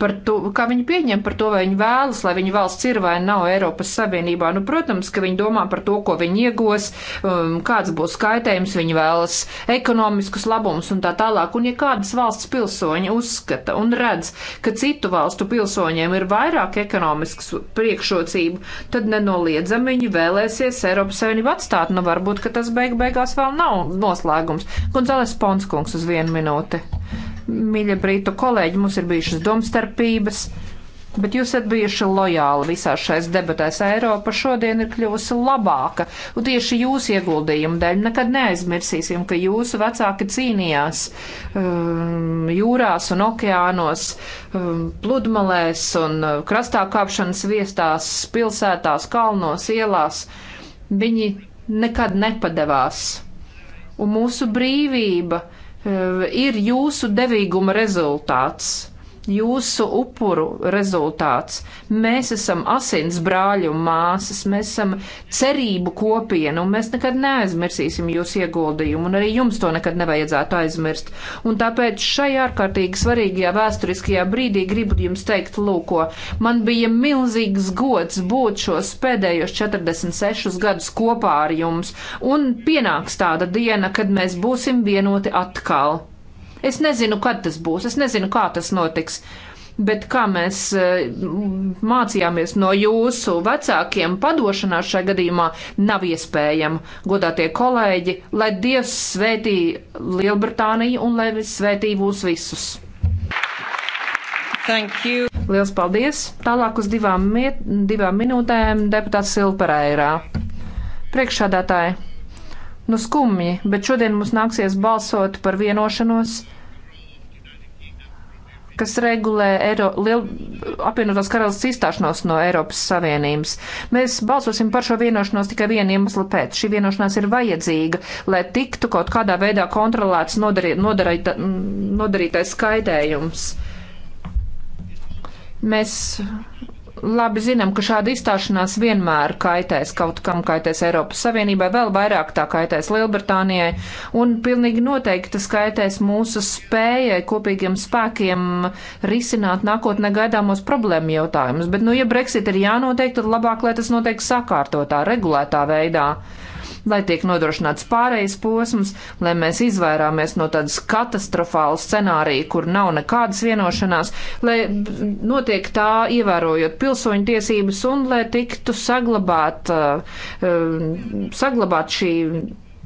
par to, kā viņi pieņem par to, vai viņi vēlas, lai viņa valsts ir vai nav Eiropas Savienībā. Nu, protams, ka viņi domā par to, ko viņi iegos, um, kāds būs skaitējums, viņi vēlas ekonomiskus labumus un tā tālāk. Un ja kādas valsts pilsoņi uzskata un redz, ka citu valstu pilsoņiem ir vairāk ekonomiskas priekšrocību, tad nenoliedzami viņi vēlēsies Eiropas Savienību atstāt. Nu, varbūt, ka tas beig beigās vēl nav noslēgums. Gonzales Ponskungs uz vienu minūti mīļa brītu kolēģi, mums ir bijušas domstarpības, bet jūs esat bijuši lojāli visās šais debatēs. Eiropa šodien ir kļuvusi labāka, un tieši jūsu ieguldījumu dēļ nekad neaizmirsīsim, ka jūsu vecāki cīnījās um, jūrās un okeānos, um, pludmalēs un uh, krastā kāpšanas viestās, pilsētās, kalnos, ielās. Viņi nekad nepadevās. Un mūsu brīvība Eh, ir jūsu devīguma rezultāts jūsu upuru rezultāts. Mēs esam asins brāļi un māsas, mēs esam cerību kopiena, un mēs nekad neaizmirsīsim jūsu ieguldījumu, un arī jums to nekad nevajadzētu aizmirst. Un tāpēc šajā ārkārtīgi svarīgajā vēsturiskajā brīdī gribu jums teikt, lūko, man bija milzīgs gods būt šos pēdējos 46 gadus kopā ar jums, un pienāks tāda diena, kad mēs būsim vienoti atkal. Es nezinu, kad tas būs, es nezinu, kā tas notiks. Bet kā mēs e, mācījāmies no jūsu vecākiem, padošanās šajā gadījumā nav iespējama. Godātie kolēģi, lai Dievs svētī Lielbritāniju un lai Viņš svētī mūs visus. Lielas paldies! Tālāk uz divām, divām minūtēm deputāts Silperērā. Priekšādātāji! Nu skumji, bet šodien mums nāksies balsot par vienošanos, kas regulē Eiro, liel, apvienotās karalists izstāšanos no Eiropas Savienības. Mēs balsosim par šo vienošanos tikai vienu iemeslu pēc. Šī vienošanās ir vajadzīga, lai tiktu kaut kādā veidā kontrolēts nodarī, nodarīta, nodarītais skaidējums. Mēs labi zinām, ka šāda izstāšanās vienmēr kaitēs kaut kam, kaitēs Eiropas Savienībai, vēl vairāk tā kaitēs Lielbritānijai, un pilnīgi noteikti tas kaitēs mūsu spējai kopīgiem spēkiem risināt nākotnē gaidāmos problēmu jautājumus. Bet, nu, ja Brexit ir jānotiek, tad labāk, lai tas notiek sakārtotā, regulētā veidā lai tiek nodrošināts pārējais posms, lai mēs izvairāmies no tādas katastrofālas scenārija, kur nav nekādas vienošanās, lai notiek tā ievērojot pilsoņu tiesības un lai tiktu saglabāt, eh, eh, saglabāt šī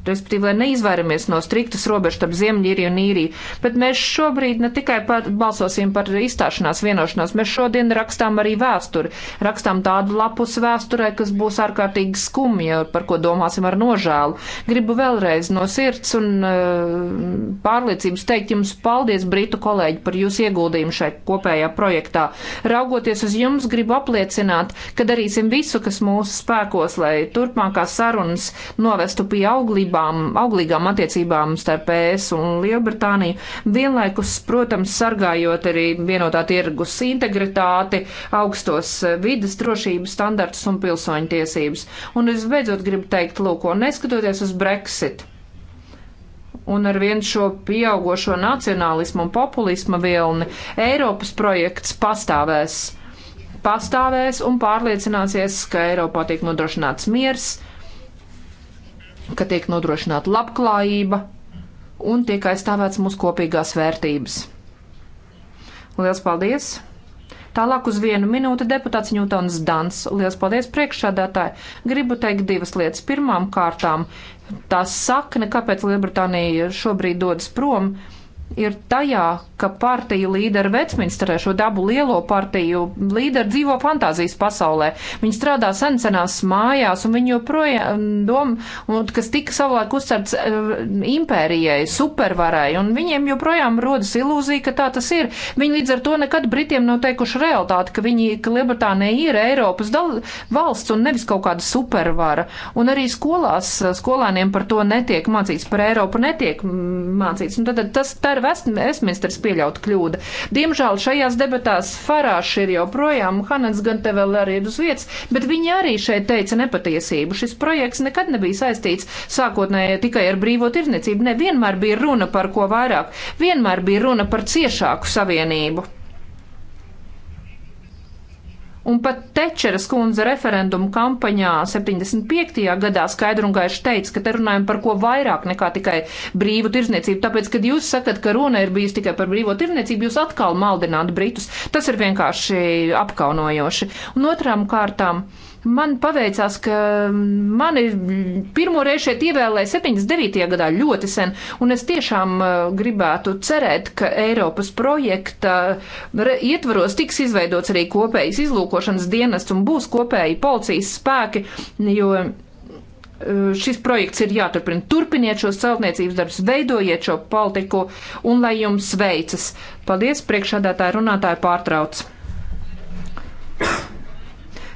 respektīvi, lai neizvairamies no striktas robežas starp Ziemeļīriju un Īriju. Bet mēs šobrīd ne tikai par, balsosim par izstāšanās vienošanos, mēs šodien rakstām arī vēsturi. Rakstām tādu lapus vēsturē, kas būs ārkārtīgi skumja, par ko domāsim ar nožēlu. Gribu vēlreiz no sirds un uh, pārliecības teikt jums paldies, Britu kolēģi, par jūsu ieguldījumu šai kopējā projektā. Raugoties uz jums, gribu apliecināt, ka darīsim visu, kas mūsu spēkos, lai turpmākās sarunas novestu pie auglības attiecībām, auglīgām attiecībām starp ES un Lielbritāniju, vienlaikus, protams, sargājot arī vienotā tirgus integritāti, augstos vidas drošības standartus un pilsoņu tiesības. Un es beidzot gribu teikt, lūk, neskatoties uz Brexit un ar vien šo pieaugošo nacionālismu un populisma vilni, Eiropas projekts pastāvēs. Pastāvēs un pārliecināsies, ka Eiropā tiek nodrošināts miers, ka tiek nodrošināta labklājība un tiek aizstāvēts mūsu kopīgās vērtības. Lielas paldies! Tālāk uz vienu minūti deputāts Ņūtons Dans. Lielas paldies priekšādātāji. Gribu teikt divas lietas. Pirmām kārtām tā sakne, kāpēc Lielbritānija šobrīd dodas prom, uh, ir tajā, ka partiju līderi Vecminsterē, šo dabu lielo partiju līderi dzīvo fantāzijas pasaulē. Viņi strādā sensenās mājās, un viņi joprojām dom, un, kas tika savulaik uzcerts eh, impērijai, supervarai, un viņiem joprojām rodas ilūzija, ka tā tas ir. Viņi līdz ar to nekad Britiem nav teikuši realitāti, ka viņi, ka Lielbritānija ir Eiropas dal, valsts un nevis kaut kāda supervara. Un arī skolās skolāniem par to netiek mācīts, par Eiropu netiek mācīts. Un tad, tad tas tā ir Westminsters pieļaut kļūda. Diemžēl šajās debatās Farāši ir joprojām, Hanans gan te vēl arī ir uz vietas, bet viņi arī šeit teica nepatiesību. Šis projekts nekad nebija saistīts sākotnēji tikai ar brīvo tirniecību. Ne vienmēr bija runa par ko vairāk, vienmēr bija runa par ciešāku savienību. Un pat Tečeras kundze referendumu kampaņā 75. gadā skaidru un gaišu teica, ka te runājam par ko vairāk nekā tikai brīvu tirzniecību. Tāpēc, kad jūs sakat, ka runa ir bijusi tikai par brīvo tirzniecību, jūs atkal maldināt Britus. Tas ir vienkārši apkaunojoši. Un otrām kārtām. Uh, Man paveicās, ka mani pirmo reizi šeit ievēlēja 79. gadā ļoti sen, un es tiešām uh, gribētu cerēt, ka Eiropas projekta uh, ietvaros tiks izveidots arī kopējas izlūkošanas dienests un būs kopēji policijas spēki, jo uh, šis projekts ir jāturpina. Turpiniet šos celtniecības darbus, veidojiet šo politiku un lai jums veicas. Paldies, priekšādātāja runātāja pārtrauc.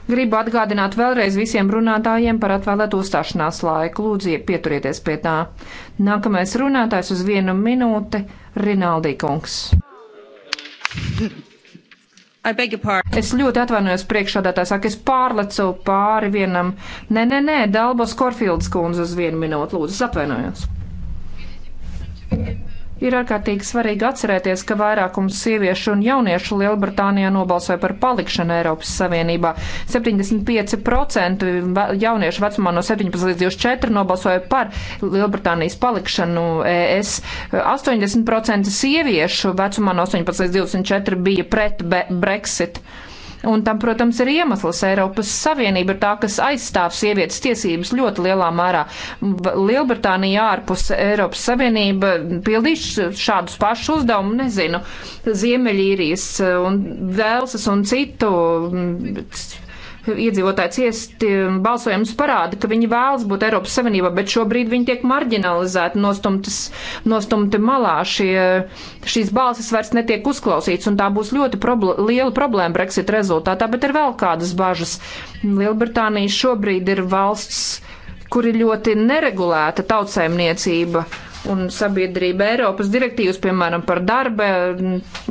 Gribu atgādināt vēlreiz visiem runātājiem par atvēlēt uzstāšanās laiku. Lūdzu, pieturieties pie tā. Nākamais runātājs uz vienu minūti - Rinaldī kungs. Es ļoti atvainojos priekšādātā, saka, es pārlecu pāri vienam. Nē, nē, nē, Dalbos Korfields kundze uz vienu minūtu, lūdzu, es atvainojos. Ir ārkārtīgi svarīgi atcerēties, ka vairākums sieviešu un jauniešu Lielbritānijā nobalsoja par palikšanu Eiropas Savienībā. 75% jauniešu vecumā no 17 līdz 24 nobalsoja par Lielbritānijas palikšanu e ES. 80% sieviešu vecumā no 18 līdz 24 bija pret Brexit. Un tam, protams, ir iemesls. Eiropas Savienība ir tā, kas aizstāv sievietes tiesības ļoti lielā mērā. Lielbritānija ārpus Eiropas Savienība pildīs šādus pašus uzdevumus, nezinu, Ziemeļīrijas un Velsas un citu iedzīvotāji ciesti balsojums parāda, ka viņi vēlas būt Eiropas Savienībā, bet šobrīd viņi tiek marginalizēti, nostumti malā. Šie, šīs balsis vairs netiek uzklausīts, un tā būs ļoti probl liela problēma Brexit rezultātā, bet ir vēl kādas bažas. Lielbritānija šobrīd ir valsts, kur ir ļoti neregulēta tautsēmniecība un sabiedrība Eiropas direktīvas, piemēram, par darba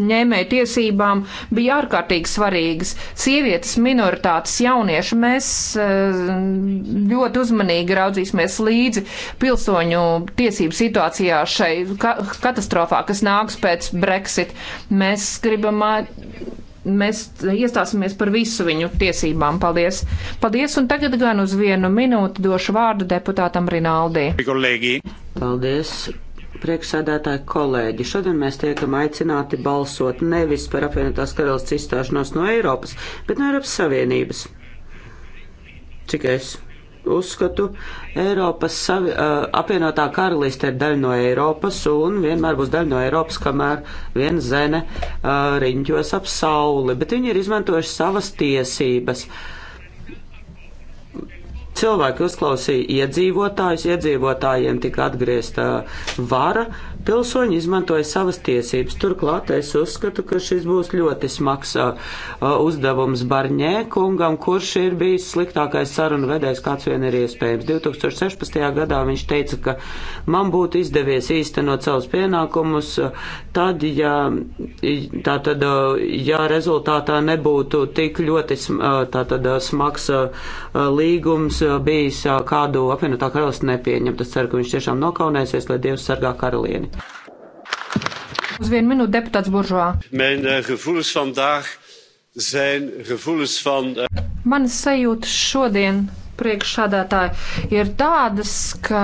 ņēmēju tiesībām, bija ārkārtīgi svarīgas. Sievietes, minoritātes, jaunieši, mēs eh, ļoti uzmanīgi raudzīsimies līdzi pilsoņu tiesību situācijā šai katastrofā, kas nāks pēc Brexit. Mēs gribam mēs iestāsimies par visu viņu tiesībām. Paldies! Paldies! Un tagad gan uz vienu minūti došu vārdu deputātam Rinaldī. Paldies! Priekšsēdētāji kolēģi, šodien mēs tiekam aicināti balsot nevis par apvienotās karalists izstāšanos no Eiropas, bet no Eiropas Savienības. Cik es uzskatu, Eiropas savi, uh, apvienotā karaliste ir daļa no Eiropas un vienmēr būs daļa no Eiropas, kamēr viena zene uh, riņķos ap sauli, bet viņi ir izmantojuši savas tiesības. Cilvēki uzklausīja iedzīvotājus, iedzīvotājiem tika atgriezta uh, vara, uh, pilsoņi izmantoja savas tiesības. Turklāt es uzskatu, ka šis būs ļoti smags uh, uh, uzdevums Barņē kungam, kurš ir bijis sliktākais sarunu vedējs, kāds vien ir iespējams. 2016. gadā viņš teica, ka man būtu izdevies īstenot savus pienākumus, uh, tad, ja, tātad, uh, ja rezultātā nebūtu tik ļoti tātad, smags līgums bijis kādu apvienotā karalistu nepieņemtas. Ceru, ka viņš tiešām nokaunēsies, lai Dievs sargā karalieni uz vienu minūti deputāts Buržovā. Manas sajūtas šodien priekšsādātāji ir tādas, ka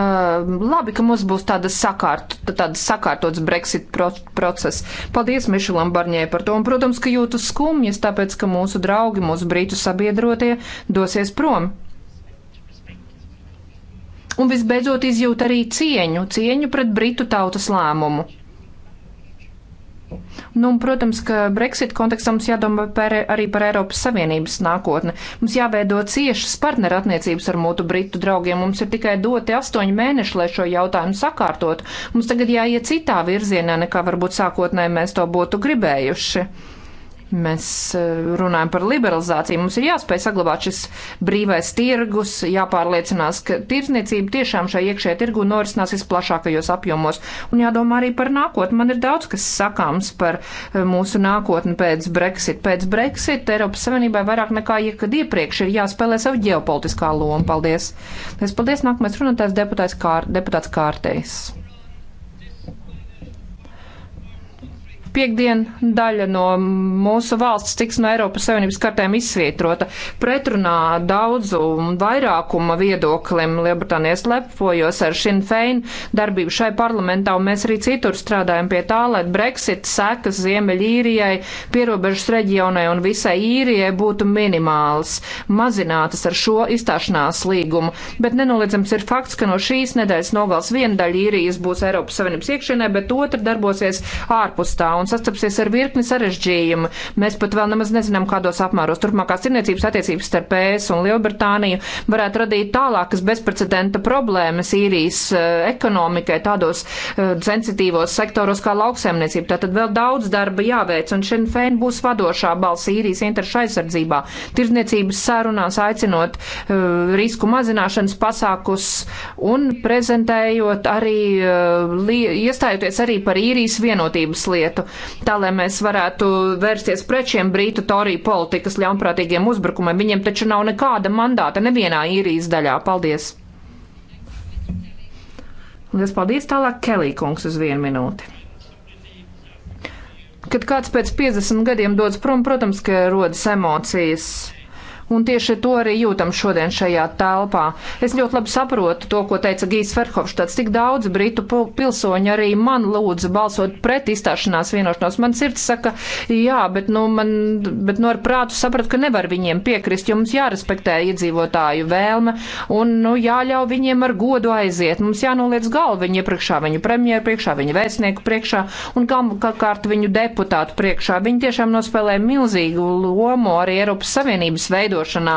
labi, ka mums būs tādas sakārt, tādas sakārtots Brexit pro process. Paldies Mišelam Barņē par to, un, protams, ka jūtu skumjas, tāpēc, ka mūsu draugi, mūsu brītu sabiedrotie dosies prom. Un visbeidzot izjūt arī cieņu, cieņu pret britu tautas lēmumu. Nu, protams, ka Brexit kontekstā mums jādomā par, arī par Eiropas Savienības nākotni. Mums jāveido ciešas partnerattiecības ar mūsu britu draugiem. Mums ir tikai doti astoņi mēneši, lai šo jautājumu sakārtotu. Mums tagad jāiet citā virzienā, nekā varbūt sākotnēji mēs to būtu gribējuši. Mēs eh, runājam par liberalizāciju. Mums ir jāspēj saglabāt šis brīvais tirgus, jāpārliecinās, ka tirsniecība tiešām šai iekšējā tirgu norisinās visplašākajos apjomos. Un jādomā arī par nākotni. Man ir daudz, kas sakāms par eh, mūsu nākotni pēc Brexit. Pēc Brexit Eiropas Savienībai vairāk nekā jebkad iepriekš ir jāspēlē savu ģeopolitiskā loma. Paldies! Es paldies! Nākamais runātājs deputāts, kār, deputāts Kārtējs. Piektdien daļa no mūsu valsts tiks no Eiropas Savienības kartēm izsvietrota pretrunā daudzu un vairākuma viedoklim. Lielbritānijas lepojos ar Sinn Fein darbību šai parlamentā, un mēs arī citur strādājam pie tā, lai Brexit sekas Ziemeļīrijai, pierobežas reģionai un visai īrijai būtu minimāls, mazinātas ar šo izstāšanās līgumu. Bet nenoliedzams ir fakts, ka no šīs nedēļas nogals viena daļa īrijas būs Eiropas Savienības iekšienē, bet otra darbosies ārpus tā un sastapsies ar virkni sarežģījumu. Mēs pat vēl nemaz nezinām, kādos apmēros turpmākās tirniecības attiecības starp ES un Lielbritāniju varētu radīt tālākas bezprecedenta problēmas īrijas eh, ekonomikai tādos eh, sensitīvos sektoros kā lauksaimniecība. Tātad vēl daudz darba jāveic, un Šin Fein būs vadošā balss īrijas interešu aizsardzībā, tirdzniecības sarunās aicinot uh, risku mazināšanas pasākus un prezentējot arī, uh, li, iestājoties arī par īrijas vienotības lietu tā lai mēs varētu vērsties pret šiem brītu toriju politikas ļaunprātīgiem uzbrukumiem. Viņiem taču nav nekāda mandāta nevienā īrijas daļā. Paldies! Lielas paldies tālāk Kelī kungs uz vienu minūti. Kad kāds pēc 50 gadiem dodas prom, protams, ka rodas emocijas un tieši to arī jūtam šodien šajā telpā. Es ļoti labi saprotu to, ko teica Gijs Verhofstads. Tik daudz britu pilsoņu arī man lūdzu balsot pret izstāšanās vienošanos. Man sirds saka, jā, bet, nu, man, bet nu, ar prātu sapratu, ka nevar viņiem piekrist, jo mums jārespektē iedzīvotāju vēlme un nu, jāļauj viņiem ar godu aiziet. Mums jānoliec galvu viņu priekšā, viņu premjeru priekšā, viņu vēstnieku priekšā un galvenokārt viņu deputātu priekšā. Viņi tiešām nospēlē milzīgu lomu arī Eiropas Savienības veidot veidošanā.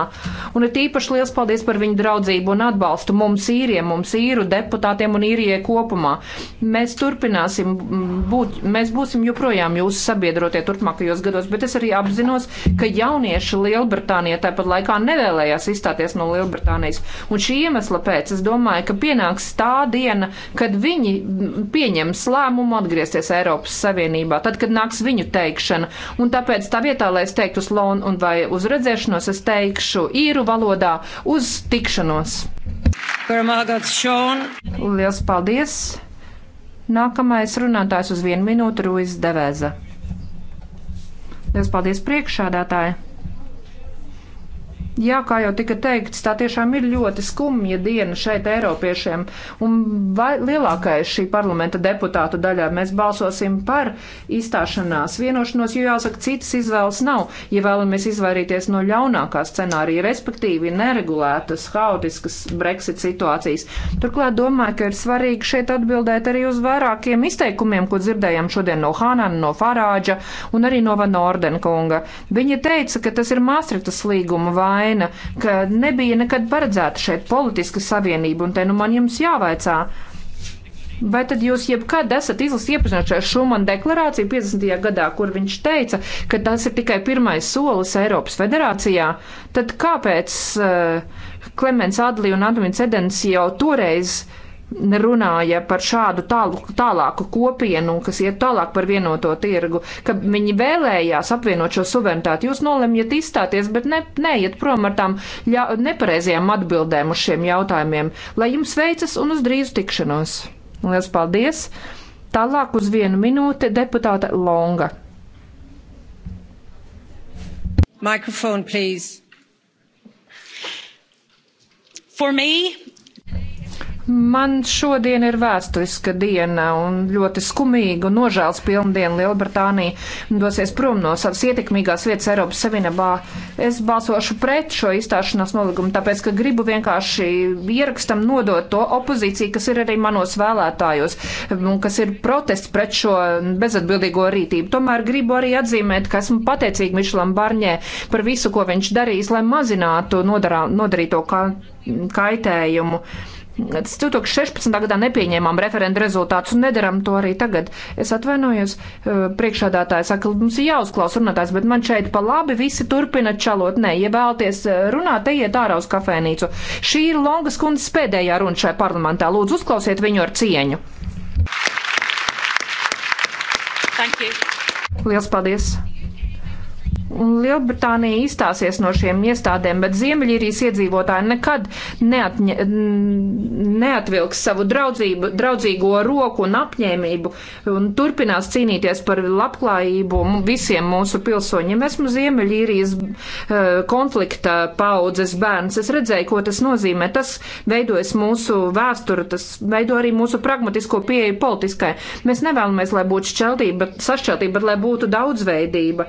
Un ir tīpaši liels paldies par viņu draudzību un atbalstu mums īriem, mums īru deputātiem un īrijai kopumā. Mēs turpināsim būt, mēs būsim joprojām jūsu sabiedrotie turpmākajos gados, bet es arī apzinos, ka jaunieši Lielbritānijā tāpat laikā nevēlējās izstāties no Lielbritānijas. Un šī iemesla pēc es domāju, ka pienāks tā diena, kad viņi pieņems lēmumu atgriezties Eiropas Savienībā, tad, kad nāks viņu teikšana. Un tāpēc tā vietā, lai es teiktu uz lonu un vai uz redzēšanos, es teiktu, teikšu īru valodā uz tikšanos. Lielas paldies! Nākamais runātājs uz vienu minūtu Ruiz Deveza. Lielas paldies priekšādātāji! Jā, kā jau tika teikts, tā tiešām ir ļoti skumja diena šeit Eiropiešiem, un vai, lielākai šī parlamenta deputātu daļā mēs balsosim par izstāšanās vienošanos, jo jāsaka, citas izvēles nav, ja vēlamies izvairīties no ļaunākā scenārija, respektīvi neregulētas, haotiskas Brexit situācijas. Turklāt domāju, ka ir svarīgi šeit atbildēt arī uz vairākiem izteikumiem, ko dzirdējām šodien no Hanana, no Farāģa un arī no Van Ordenkunga. Viņa teica, ka tas ir Maastrichtas līguma vaina vaina, ka nebija nekad paredzēta šeit politiska savienība, un te nu man jums jāvaicā. Vai tad jūs jebkad esat iepazinušies ar Šumana deklarāciju 50. gadā, kur viņš teica, ka tas ir tikai pirmais solis Eiropas federācijā? Tad kāpēc uh, Klemens Adlī un Antoni Cedens jau toreiz uh, runāja par šādu tālu, tālāku kopienu, kas iet tālāk par vienoto tirgu, ka viņi vēlējās apvienot šo suverenitāti. Jūs nolemjat izstāties, bet ne, neiet prom ar tām ļa, nepareizajām atbildēm uz šiem jautājumiem. Lai jums veicas un uz drīz tikšanos. Lielas paldies! Tālāk uz vienu minūti deputāte Longa. Microphone, please. For me, Man šodien ir vēsturiska diena un ļoti skumīga un nožēls pilna diena. Lielbritānija dosies prom no savas ietekmīgās vietas Eiropas Savienībā. Es balsošu pret šo izstāšanās noligumu, tāpēc, ka gribu vienkārši ierakstam nodot to opozīciju, kas ir arī manos vēlētājos un kas ir protests pret šo bezatbildīgo rītību. Tomēr gribu arī atzīmēt, ka esmu pateicīga Mišlam Barņē par visu, ko viņš darīs, lai mazinātu nodarā, nodarīto kaitējumu. Kā, 2016. gadā nepieņēmām referendu rezultātus un nedaram to arī tagad. Es atvainojos, eh, priekšādātāja saka, mums ir jāuzklaus runātājs, bet man šeit pa labi visi turpina čalot. Nē, ja vēlties eh, runāt, ejiet ārā uz kafēnīcu. Šī ir Longas kundzes pēdējā runa šajā parlamentā. Lūdzu, uzklausiet viņu ar cieņu. Liels paldies! Lielbritānija izstāsies no šiem iestādēm, bet Ziemeļīrijas iedzīvotāji nekad neatņa, neatvilks savu draudzību, draudzīgo roku un apņēmību un turpinās cīnīties par labklājību visiem mūsu pilsoņiem. Esmu Ziemeļīrijas uh, konflikta paudzes bērns. Es redzēju, ko tas nozīmē. Tas veidojas mūsu vēsturu, tas veido arī mūsu pragmatisko pieeju politiskai. Mēs nevēlamies, lai būtu šķeltība, sašķeltība, bet lai būtu daudzveidība.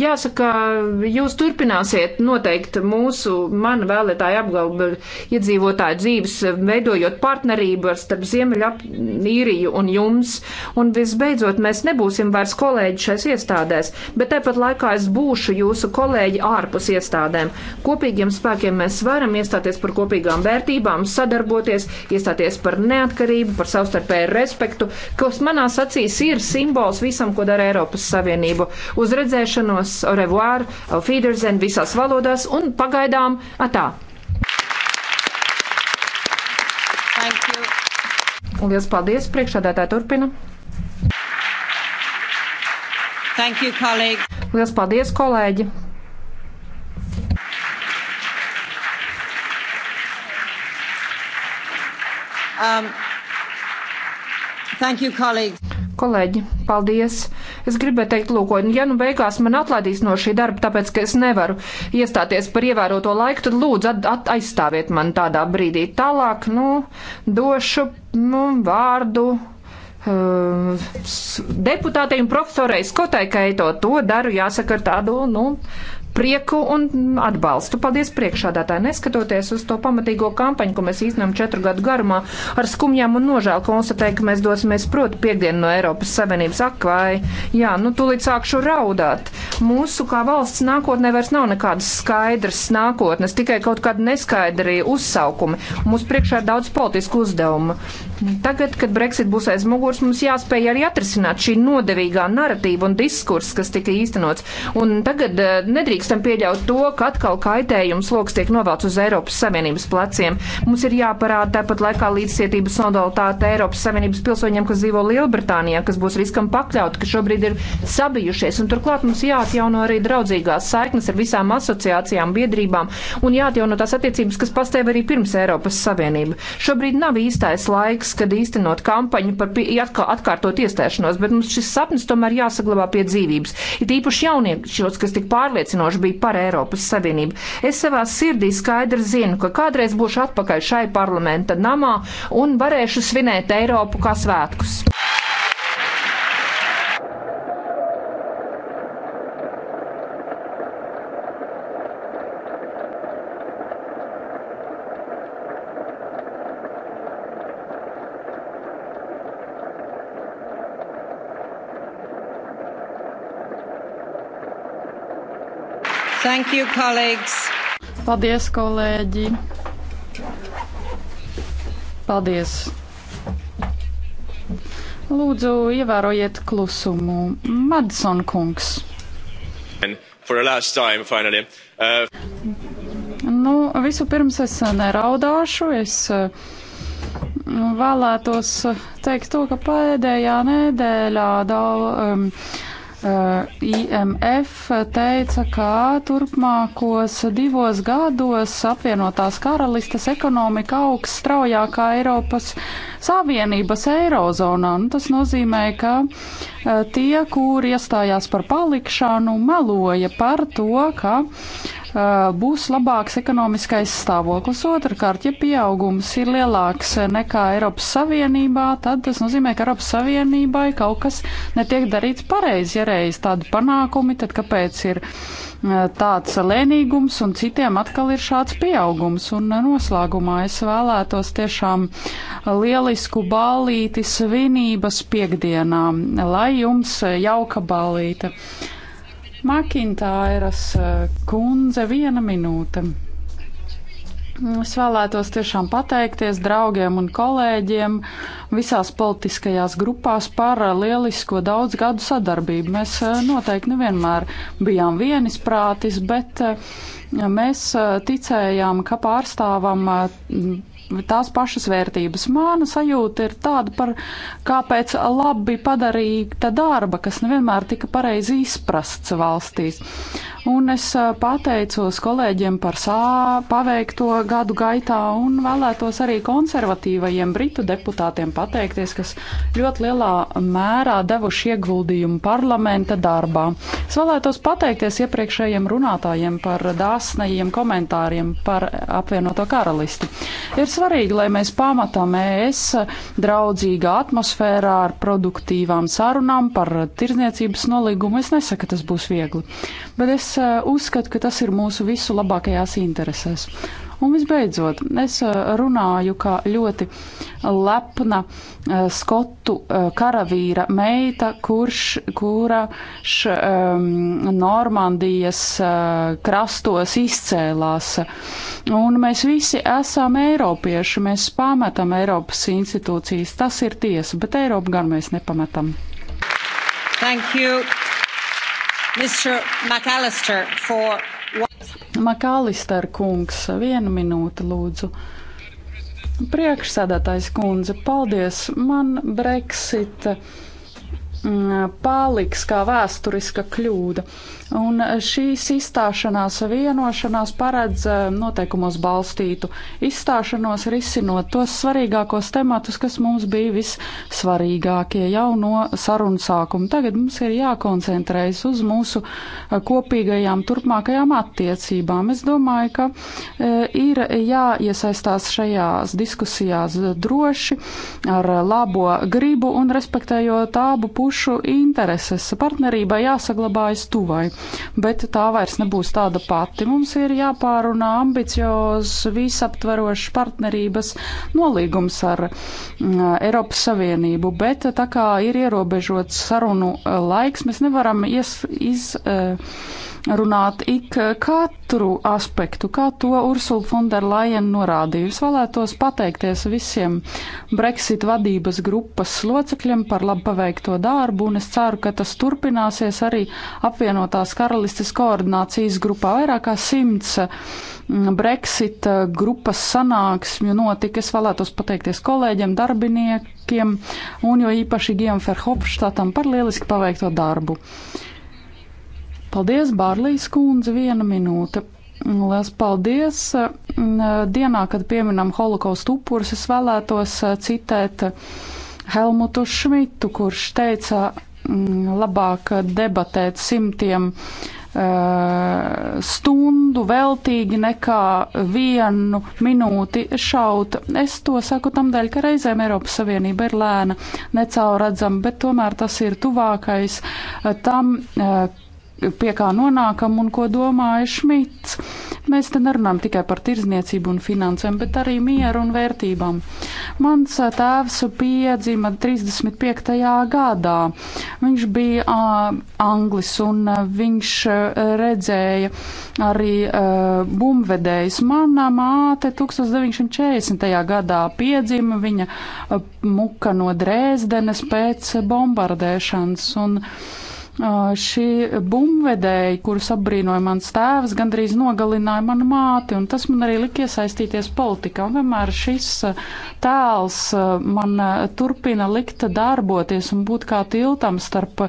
jāsaka, jūs turpināsiet noteikt mūsu, mana vēlētāja apgalba iedzīvotāju dzīves, veidojot partnerību ar starp Ziemeļapīriju un jums, un visbeidzot mēs nebūsim vairs kolēģi šais iestādēs, bet tāpat laikā es būšu jūsu kolēģi ārpus iestādēm. Kopīgiem spēkiem mēs varam iestāties par kopīgām vērtībām, sadarboties, iestāties par neatkarību, par savstarpēju respektu, kas manās acīs ir simbols visam, ko dara Eiropas Savienību. Uz uz redzēšanos, au revoir, au fiederzen visās valodās un pagaidām atā. Un liels paldies, priekšādātāja turpina. Thank you, colleague. Liels paldies, kolēģi. Um, thank you, colleagues. Kolēģi, paldies! Es gribēju teikt, lūk, ja nu beigās man atlaidīs no šī darba, tāpēc, ka es nevaru iestāties par ievēroto laiku, tad lūdzu at, at, aizstāviet man tādā brīdī. Tālāk, nu, došu nu, vārdu uh, deputātiem profesorai Skotai Kaito. To daru, jāsaka, ar tādu, nu, prieku un atbalstu. Paldies priekšādātāji, neskatoties uz to pamatīgo kampaņu, ko mēs īstenam četru gadu garumā, ar skumjām un nožēlu konstatēju, ka mēs dosimies proti piekdienu no Eiropas Savienības akvai. Jā, nu tulīt sākšu raudāt. Mūsu kā valsts nākotnē vairs nav nekādas skaidras nākotnes, tikai kaut kāda neskaidrība uzsaukumi. Mums priekšā ir daudz politisku uzdevumu. Tagad, kad Brexit būs aiz muguras, mums jāspēj arī atrisināt šī nodevīgā narratīva un diskurss, kas tika īstenots. Un tagad eh, nedrīkstam pieļaut to, ka atkal kaitējums loks tiek novelts uz Eiropas Savienības pleciem. Mums ir jāparāda tāpat laikā līdzcietības nodalitāte Eiropas Savienības pilsoņiem, kas dzīvo Lielbritānijā, kas būs riskam pakļauti, ka šobrīd ir sabijušies. Un turklāt mums jāatjauno arī draudzīgās saiknes ar visām asociācijām, biedrībām un jāatjauno tās attiecības, kas pastāv arī pirms Eiropas Savienība. Šobrīd nav īstais laiks laiks, kad īstenot kampaņu par atkārtot iestāšanos, bet mums šis sapnis tomēr jāsaglabā pie dzīvības. Ir īpaši jauniešos, kas tik pārliecinoši bija par Eiropas Savienību. Es savā sirdī skaidri zinu, ka kādreiz būšu atpakaļ šai parlamenta namā un varēšu svinēt Eiropu kā svētkus. Thank you, colleagues. Paldies, kolēģi. Paldies. Lūdzu, ievērojiet klusumu. Madison kungs. Time, finally. uh... Nu, visu pirms es uh, neraudāšu. Es, uh, vēlētos uh, teikt to, ka pēdējā nedēļā daudz. Um, Uh, IMF teica, ka turpmākos divos gados apvienotās karalistes ekonomika augs straujākā Eiropas Savienības eirozonā. Nu, tas nozīmē, ka uh, tie, kur iestājās par palikšanu, meloja par to, ka uh, būs labāks ekonomiskais stāvoklis. Otrakārt, ja pieaugums ir lielāks nekā Eiropas Savienībā, tad tas nozīmē, ka Eiropas Savienībai kaut kas netiek darīts pareizi. Ja reiz tādi panākumi, tad kāpēc ir tāds lēnīgums un citiem atkal ir šāds pieaugums? Un noslēgumā es vēlētos tiešām lielisku ballīti svinības piekdienām, lai jums jauka ballīte. Makintāras eh, kundze, viena minūte. Es vēlētos tiešām pateikties draugiem un kolēģiem visās politiskajās grupās par eh, lielisko daudz gadu sadarbību. Mēs eh, noteikti nevienmēr bijām vienisprātis, bet mēs ticējām, ka pārstāvam tās pašas vērtības. Mana sajūta ir tāda par kāpēc labi padarīta darba, kas nevienmēr tika pareizi izprasts valstīs. Un es pateicos kolēģiem par sā paveikto gadu gaitā un vēlētos arī konservatīvajiem britu deputātiem pateikties, kas ļoti lielā mērā devuši ieguldījumu parlamenta darbā. Es vēlētos pateikties iepriekšējiem runātājiem par dāsnajiem komentāriem par apvienoto karalisti. Ir svarīgi, lai mēs pamatām ES draudzīgā atmosfērā ar produktīvām sarunām par tirzniecības nolīgumu. Es nesaku, ka tas būs viegli, bet es eh, uzskatu, ka tas ir mūsu visu labākajās interesēs. Un visbeidzot, es eh, runāju kā ļoti lepna eh, skotu eh, karavīra meita, kurš, kura š, um, ehm, Normandijas uh, krastos izcēlās. Un mēs visi esam eiropieši, mēs pametam Eiropas institūcijas, tas ir tiesa, bet Eiropu gan mēs nepametam. Thank you, Mr. McAllister, for. Makālister kungs, viena minūte lūdzu. Priekšsēdētājs kundze, paldies. Man Brexit. Uh, Mm, paliks kā vēsturiska kļūda. Un šīs izstāšanās vienošanās paredz eh, noteikumos balstītu izstāšanos risinot tos svarīgākos tematus, kas mums bija vissvarīgākie jau no sarunu sākuma. Tagad mums ir jākoncentrējas uz mūsu eh, kopīgajām turpmākajām attiecībām. Es domāju, ka eh, ir jāiesaistās šajās diskusijās droši ar labo gribu un respektējot abu pušu pušu intereses. Partnerībai jāsaglabājas tuvai, bet tā vairs nebūs tāda pati. Mums ir jāpārunā ambiciozs, visaptverošs partnerības nolīgums ar mm, Eiropas Savienību, bet tā kā ir ierobežots sarunu laiks, mēs nevaram ies, iz. Uh, runāt ik katru aspektu, kā to Ursula Fonderlajen norādīja. Es vēlētos pateikties visiem Brexit vadības grupas locekļiem par labu paveikto darbu, un es ceru, ka tas turpināsies arī apvienotās karalistes koordinācijas grupā. Vairāk kā simts mm, Brexit mm, grupas sanāksmju notika. Es vēlētos pateikties kolēģiem, darbiniekiem un jo īpaši Gijam Ferhofštatam par lieliski paveikto darbu. Paldies, Bārlīs kundze, viena minūte. Lielas paldies! Dienā, kad pieminam holokaustu upurus, es vēlētos citēt Helmutu Šmitu, kurš teica, mm, labāk debatēt simtiem stundu veltīgi nekā vienu minūti šaut. Es to saku tamdēļ, ka reizēm Eiropas Savienība ir lēna, necauradzama, bet tomēr tas ir tuvākais tam, pie kā nonākam un ko domāja Šmits. Mēs te nerunājam tikai par tirzniecību un finansēm, bet arī mieru un vērtībām. Mans tēvs piedzima 35. gadā. Viņš bija uh, anglis un uh, viņš uh, redzēja arī uh, bumvedējus. Mana māte 1940. gadā piedzima, viņa uh, muka no Dresdenes pēc bombardēšanas. Un, uh, šī bumvedēja, kurus apbrīnoja mans tēvs, gandrīz nogalināja manu māti, un tas man arī lika iesaistīties politikā. Un vienmēr šis tēls man turpina likt darboties un būt kā tiltam starp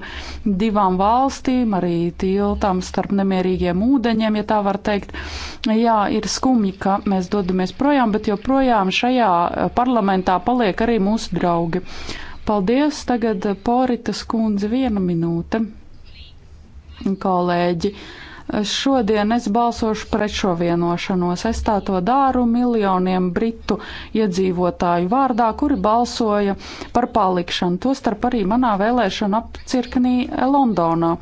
divām valstīm, arī tiltam starp nemierīgiem ūdeņiem, ja tā var teikt. Jā, ir skumji, ka mēs dodamies projām, bet joprojām šajā parlamentā paliek arī mūsu draugi. Paldies, tagad Poritas kundze viena minūte kolēģi. Šodien es balsošu pret šo vienošanos. Es tā to dāru miljoniem britu iedzīvotāju vārdā, kuri balsoja par palikšanu, tostarp arī manā vēlēšana apcirknī Londonā.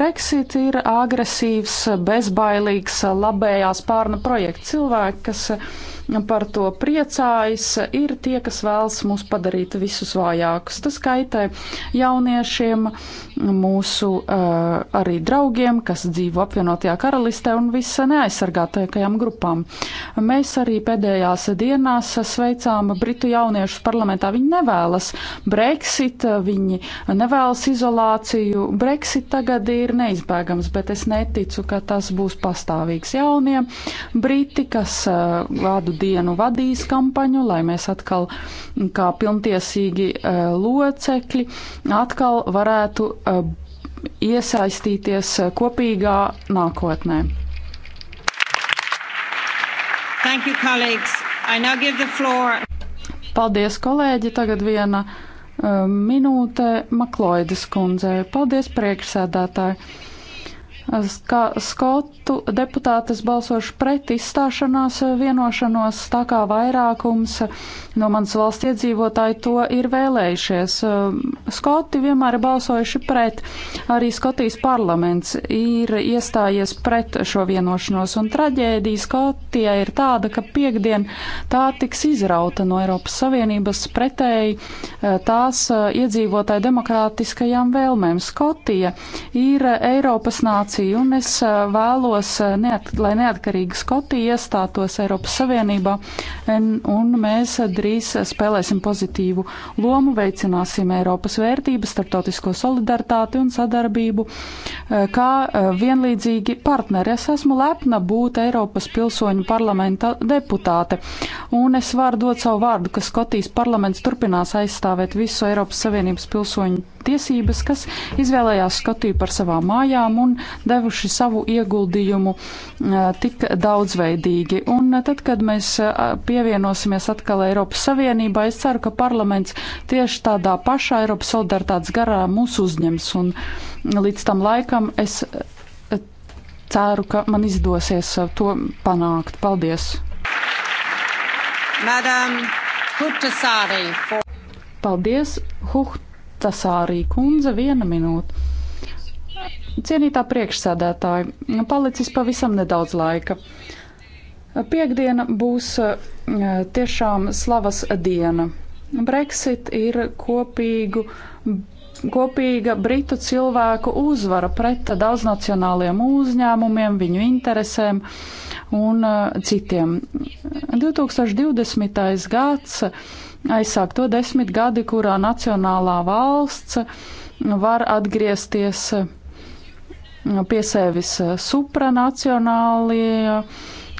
Brexit ir agresīvs, bezbailīgs, labējās pārna projekts cilvēki, kas par to priecājas, ir tie, kas vēlas mūs padarīt visus vājākus. Tas kaitē jauniešiem, mūsu uh, arī draugiem, kas dzīvo apvienotajā karalistē un visa neaizsargātākajām grupām. Mēs arī pēdējās dienās sveicām Britu jauniešus parlamentā. Viņi nevēlas Brexit, viņi nevēlas izolāciju. Brexit tagad ir neizbēgams, bet es neticu, ka tas būs pastāvīgs jaunie Briti, kas uh, eh, vādu dienu vadīs kampaņu, lai mēs atkal kā pilntiesīgi e, locekļi atkal varētu e, iesaistīties e, kopīgā nākotnē. Thank you, colleagues. I now give the floor. Paldies, kolēģi. Tagad viena uh, minūte Makloidas kundzei. Paldies, priekšsēdētāji kā skotu deputātes balsošu pret izstāšanās vienošanos, tā kā vairākums no manas valsts iedzīvotāji to ir vēlējušies. Skoti vienmēr ir balsojuši pret, arī Skotijas parlaments ir iestājies pret šo vienošanos, un traģēdija Skotijai ir tāda, ka piekdien tā tiks izrauta no Eiropas Savienības pretēji eh, tās eh, iedzīvotāju demokrātiskajām vēlmēm. Skotija ir Eiropas nācija situāciju, un es vēlos, neat, lai neatkarīgi Skoti iestātos Eiropas Savienībā, un, un mēs drīz spēlēsim pozitīvu lomu, veicināsim Eiropas vērtības, starptautisko solidaritāti un sadarbību, kā vienlīdzīgi partneri. Es esmu lepna būt Eiropas pilsoņu parlamenta deputāte, un es varu dot savu vārdu, ka Skotijas parlaments turpinās aizstāvēt visu Eiropas Savienības pilsoņu tiesības, kas izvēlējās Skotiju par savām mājām un devuši savu ieguldījumu tik daudzveidīgi. Un tad, kad mēs pievienosimies atkal Eiropas Savienībā, es ceru, ka parlaments tieši tādā pašā Eiropas solidaritātes garā mūs uzņems. Un līdz tam laikam es ceru, ka man izdosies to panākt. Paldies! Madam Huhtasārī. For... Paldies, Huhtasārī kundze, viena minūte. Cienītā priekšsēdētāja, palicis pavisam nedaudz laika. Piektdiena būs eh, tiešām slavas diena. Brexit ir kopīgu, kopīga britu cilvēku uzvara pret daudznacionāliem uzņēmumiem, viņu interesēm un eh, citiem. 2020. gads aizsāk to desmit gadi, kurā nacionālā valsts var atgriezties pie sevis eh, supranacionālie eh,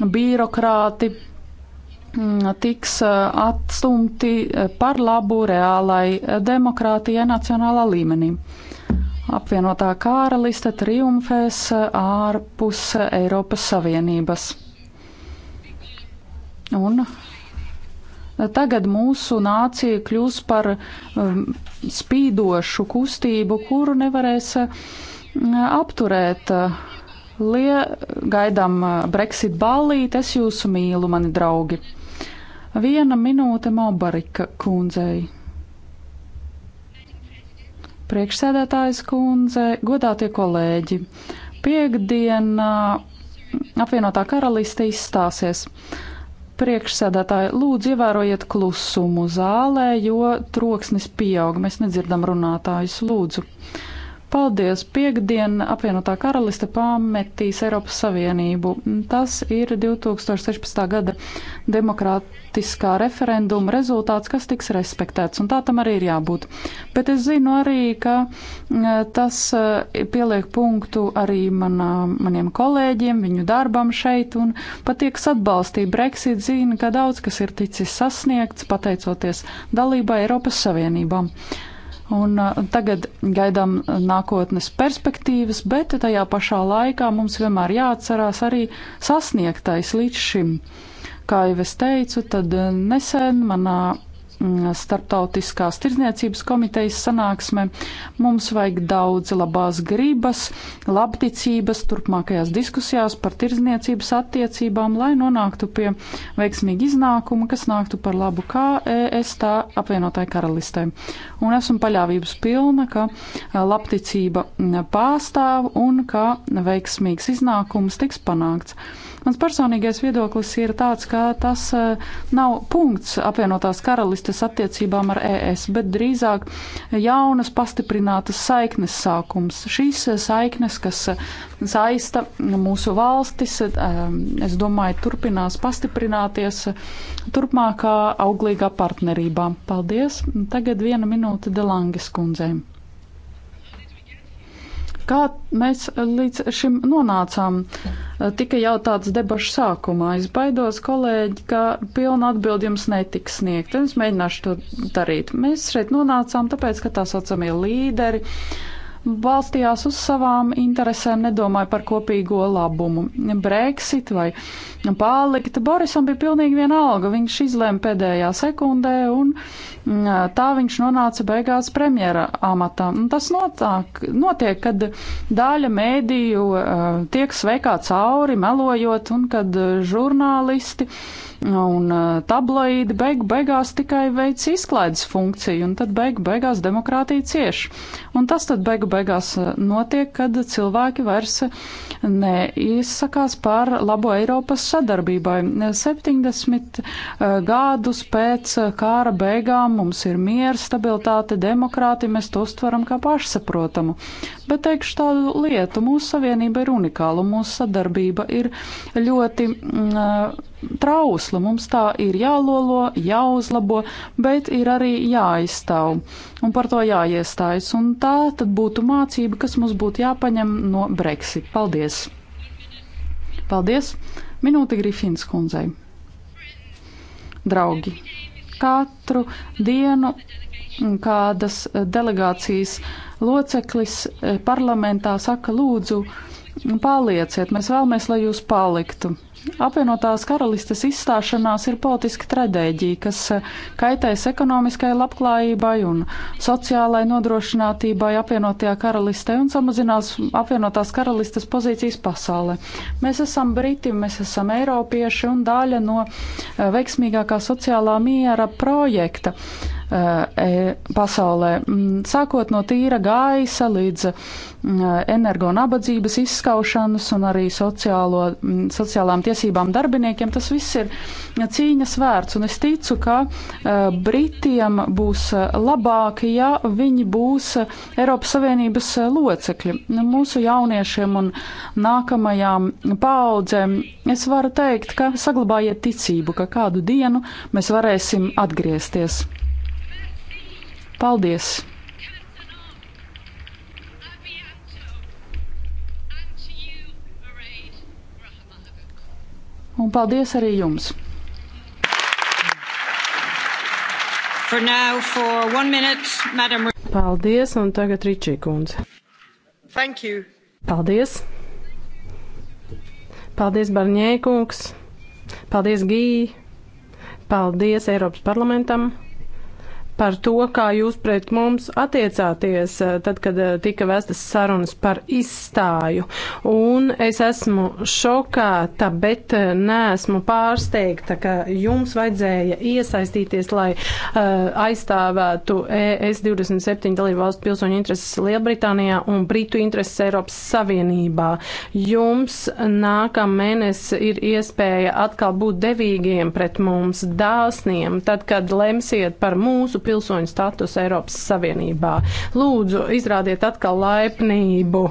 birokrāti mm, tiks eh, atstumti par labu reālai demokrātijai nacionālā līmenī. Apvienotā karaliste triumfēs ārpus Eiropas Savienības. Un Tagad mūsu nācija kļūs par um, spīdošu kustību, kuru nevarēs uh, apturēt. Eh, lie, gaidām eh, Brexit ballīti, es jūsu mīlu, mani draugi. Viena minūte Mobarika kundzei. Priekšsēdētājs kundze, godātie kolēģi, piekdienā eh, apvienotā karaliste izstāsies. Priekšsēdētāji, lūdzu, ievērojiet klusumu zālē, jo troksnis pieaug. Mēs nedzirdam runātājus, lūdzu. Uh, Paldies! Piektdien apvienotā karaliste pametīs Eiropas Savienību. Tas ir 2016. gada demokrātiskā referenduma rezultāts, kas tiks respektēts, un tā tam arī ir jābūt. Bet es zinu arī, ka tas e, pieliek punktu arī manā, maniem kolēģiem, viņu darbam šeit, un patieks atbalstīja Brexit zina, ka daudz kas ir ticis sasniegts pateicoties dalībai Eiropas Savienībām. Un uh, tagad gaidām nākotnes perspektīvas, bet tajā pašā laikā mums vienmēr jāatcerās arī sasniegtais līdz šim. Kā jau es teicu, tad uh, nesen manā Mm, Startautiskās tirdzniecības komitejas sanāksme. Mums vajag daudz labās gribas, labticības turpmākajās diskusijās par tirdzniecības attiecībām, lai nonāktu pie veiksmīga iznākuma, kas nāktu par labu kā ES, tā apvienotāji karalistē. Un esmu paļāvības pilna, ka eh, labticība mm, pārstāv un ka veiksmīgs iznākums tiks panākts. Mans personīgais viedoklis ir tāds, ka tas e, nav punkts apvienotās karalistes attiecībām ar ES, bet drīzāk jaunas pastiprinātas saiknes sākums. Šīs saiknes, kas saista mūsu valstis, e, es domāju, turpinās pastiprināties turpmākā auglīgā partnerībā. Paldies! Tagad viena minūte Delanges kundzei. Kā mēs līdz šim nonācām? Tika jau tāds debašu sākumā. Es baidos, kolēģi, ka pilna atbildi jums netiks sniegt. Es mēģināšu to darīt. Mēs šeit nonācām tāpēc, ka tā saucamie līderi balstījās uz savām interesēm, nedomāja par kopīgo labumu. Brexit vai. Uh, Nu, palikt. Borisam bija pilnīgi vienalga. Viņš izlēma pēdējā sekundē, un mm, tā viņš nonāca beigās premjera amatā. Un tas notāk, notiek, kad daļa mēdīju eh, tiek sveikā cauri, melojot, un kad eh, žurnālisti un eh, tabloīdi beigu beigās tikai veic izklaides funkciju, un tad beigu beigās demokrātija cieš. Un tas tad beigu beigās notiek, kad cilvēki vairs neizsakās par labo Eiropas sadarbībai. 70 eh, gadus pēc eh, kāra beigām mums ir miera, stabilitāte, demokrāti, mēs to uztveram kā pašsaprotamu. Bet teikšu tādu lietu, mūsu savienība ir unikāla, un mūsu sadarbība ir ļoti. Uh, trausla, mums tā ir jālolo, jāuzlabo, bet ir arī jāizstāv un par to jāiestājas. Un tā tad būtu mācība, kas mums būtu jāpaņem no Brexit. Paldies! Paldies! Minūte Grifins kundzei. Draugi, katru dienu kādas e, delegācijas loceklis e, parlamentā saka lūdzu, palieciet, mēs vēlamies, lai jūs paliktu apvienotās karalistes izstāšanās ir politiska traģēdija, kas eh, kaitēs ekonomiskai labklājībai un sociālai nodrošinātībai apvienotajā karalistē un samazinās apvienotās karalistes pozīcijas pasaulē. Mēs esam briti, mēs esam eiropieši un daļa no eh, veiksmīgākā sociālā miera projekta. Uh, E, pasaulē. Mm, sākot no tīra gaisa līdz mm, energo nabadzības izskaušanas un arī sociālo, mm, sociālām tiesībām darbiniekiem, tas viss ir cīņas vērts. Un es ticu, ka e, Britiem būs labāk, ja viņi būs Eiropas Savienības locekļi. Mūsu jauniešiem un nākamajām paaudzēm es varu teikt, ka saglabājiet ticību, ka kādu dienu mēs varēsim atgriezties. Paldies! Un paldies arī jums! For now, for minute, Madam... Paldies, un tagad Ričī kundze. Thank you. Paldies! Paldies, Barņēkungs! Paldies, Gī! Paldies Eiropas parlamentam! par to, kā jūs pret mums attiecāties, eh, tad, kad eh, tika vestas sarunas par izstāju. Un es esmu šokāta, bet eh, neesmu pārsteigta, ka jums vajadzēja iesaistīties, lai uh, aizstāvētu e ES 27 dalību valstu pilsoņu intereses Lielbritānijā un Britu intereses Eiropas Savienībā. Jums nākam mēnes ir iespēja atkal būt devīgiem pret mums, dāsniem, tad, kad lemsiet par mūsu pilsoņu status Eiropas Savienībā. Lūdzu, izrādiet atkal laipnību.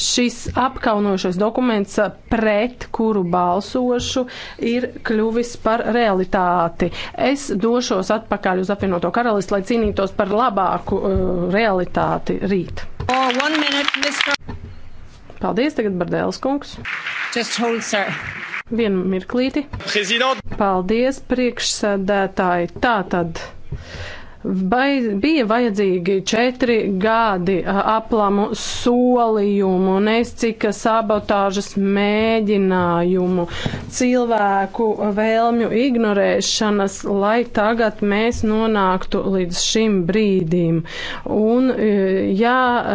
Šis apkaunošais dokuments, pret kuru balsošu, ir kļuvis par realitāti. Es došos atpakaļ uz apvienoto karalistu, lai cīnītos par labāku uh, realitāti rīt. Oh, minute, Paldies, tagad Bardēls kungs. Just hold, sir. Vienu mirklīti. President. Paldies, priekšsēdētāji. Tā tad. Vai bija vajadzīgi četri gadi aplamu solījumu, nescika sabotāžas mēģinājumu, cilvēku vēlmju ignorēšanas, lai tagad mēs nonāktu līdz šim brīdim? Un, e, jā, e,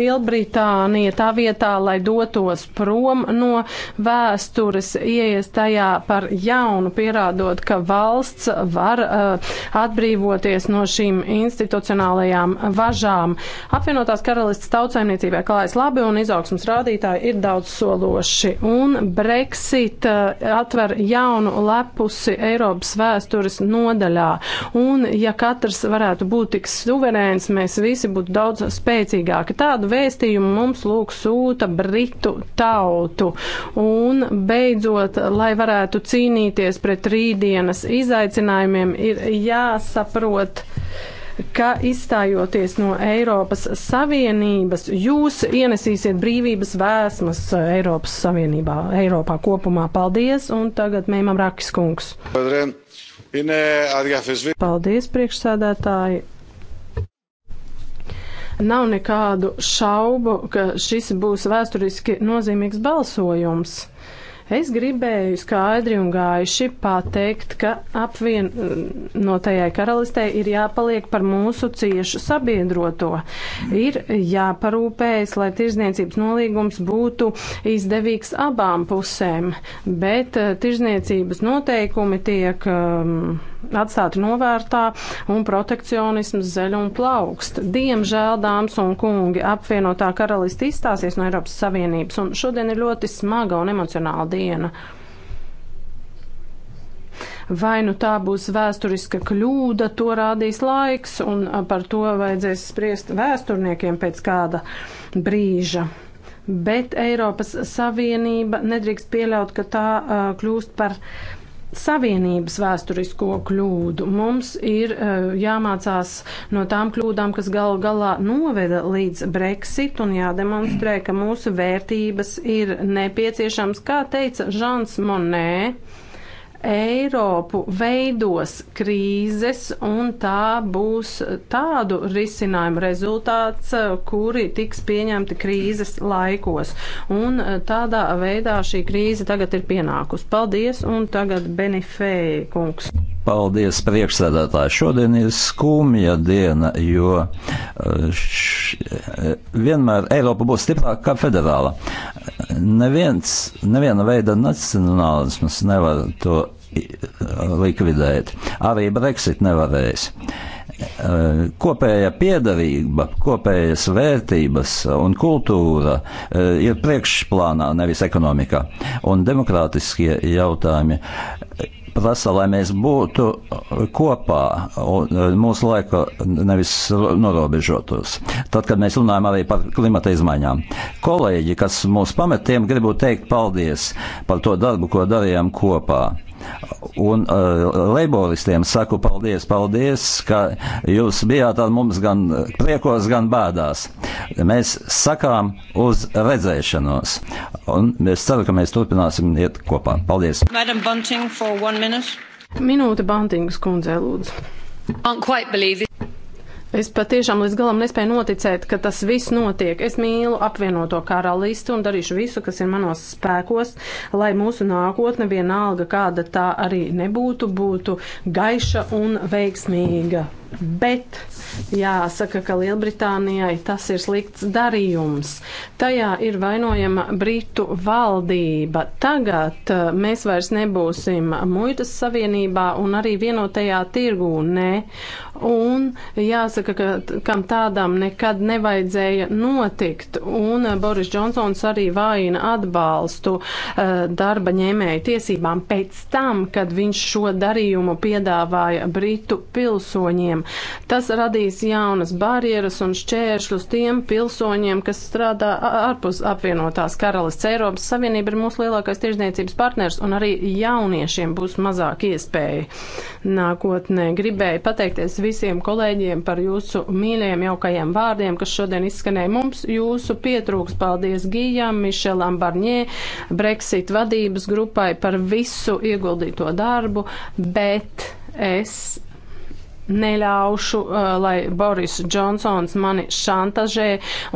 Lielbritānija tā vietā, lai dotos prom no vēstures, ieies tajā par jaunu, pierādot, ka valsts var uh, atbrīvoties izvairīties no šīm institucionālajām važām. Apvienotās karalistas tautsaimniecībai klājas labi un izaugsmas rādītāji ir daudz sološi. Un Brexit eh, atver jaunu lepusi Eiropas vēstures nodaļā. Un ja katrs varētu būt tik suverēns, mēs visi būtu daudz spēcīgāki. Tādu vēstījumu mums lūk sūta Britu tautu. Un beidzot, lai varētu cīnīties pret rītdienas izaicinājumiem, ir jāsaprot, uzskatāt, ka izstājoties no Eiropas Savienības, jūs ienesīsiet brīvības vēsmas Eiropas Savienībā, Eiropā kopumā. Paldies, un tagad mēmam Rakis kungs. Paldies, priekšsēdētāji. Nav nekādu šaubu, ka šis būs vēsturiski nozīmīgs balsojums Es gribēju skaidri un gaiši pateikt, ka apvienotajai karalistē ir jāpaliek par mūsu ciešu sabiedroto. Ir jāparūpējas, lai tirzniecības nolīgums būtu izdevīgs abām pusēm, bet eh, tirzniecības noteikumi tiek. Um, atstāti novērtā un protekcionisms zeļu un plaukst. Diemžēl, dāmas un kungi, apvienotā karalista izstāsies no Eiropas Savienības, un šodien ir ļoti smaga un emocionāla diena. Vai nu tā būs vēsturiska kļūda, to rādīs laiks, un par to vajadzēs spriest vēsturniekiem pēc kāda brīža. Bet Eiropas Savienība nedrīkst pieļaut, ka tā uh, kļūst par uh, Savienības vēsturisko kļūdu. Mums ir uh, jāmācās no tām kļūdām, kas gal galā noveda līdz Brexit un jādemonstrē, ka mūsu vērtības ir nepieciešams, kā teica Žans Monē. Eiropu veidos krīzes, un tā būs tādu risinājumu rezultāts, eh, kuri tiks pieņemti krīzes laikos. Un eh, tādā veidā šī krīze tagad ir pienākusi. Paldies, un tagad Benifēja kungs. Paldies, priekšsēdētāji. Šodien ir skumja diena, jo eh, š, vienmēr Eiropa būs stiprāka kā federāla. Neviens, neviena veida nacionālisms nevar to likvidēt. Arī Brexit nevarēs eh, kopējā piedarība, kopējas vērtības un kultūra eh, ir priekšplānā, nevis ekonomikā. Un demokrātiskie jautājumi prasa, lai mēs būtu kopā un e, mūsu laika nevis norobežotos. Tad, kad mēs runājam arī par klimata izmaiņām. Kolēģi, kas mūs pametiem, gribu teikt paldies par to darbu, ko darījām kopā. Un uh, leiboristiem saku paldies, paldies, ka jūs bijāt ar mums gan priekos, gan bādās. Mēs sakām uz redzēšanos. Un es ceru, ka mēs turpināsim iet kopā. Paldies! Bunting, Minūte Bantingas kundzei lūdzu. Es patiešām līdz galam nespēju noticēt, ka tas viss notiek. Es mīlu apvienoto karalisti un darīšu visu, kas ir manos spēkos, lai mūsu nākotne vienalga, kāda tā arī nebūtu, būtu gaiša un veiksmīga. Bet Jāsaka, ka Lielbritānijai tas ir slikts darījums. Tajā ir vainojama Britu valdība. Tagad eh, mēs vairs nebūsim muitas savienībā un arī vienotajā tirgū. Nē. Un jāsaka, ka kam tādam nekad nevajadzēja notikt. Un eh, Boris Džonsons arī vaina atbalstu eh, darba ņēmēju tiesībām pēc tam, kad viņš šo darījumu piedāvāja Britu pilsoņiem. Tas radīja radīs jaunas barjeras un šķēršļus tiem pilsoņiem, kas strādā ārpus apvienotās karalists. Eiropas Savienība ir mūsu lielākais tirzniecības partners, un arī jauniešiem būs mazāk iespēja nākotnē. Gribēju pateikties visiem kolēģiem par jūsu mīļajiem, jaukajiem vārdiem, kas šodien izskanēja mums. Jūsu pietrūks paldies Gijam, Mišelam Barņē, Brexit vadības grupai par visu ieguldīto darbu, bet es neļaušu, uh, lai Boris Džonsons mani šantažē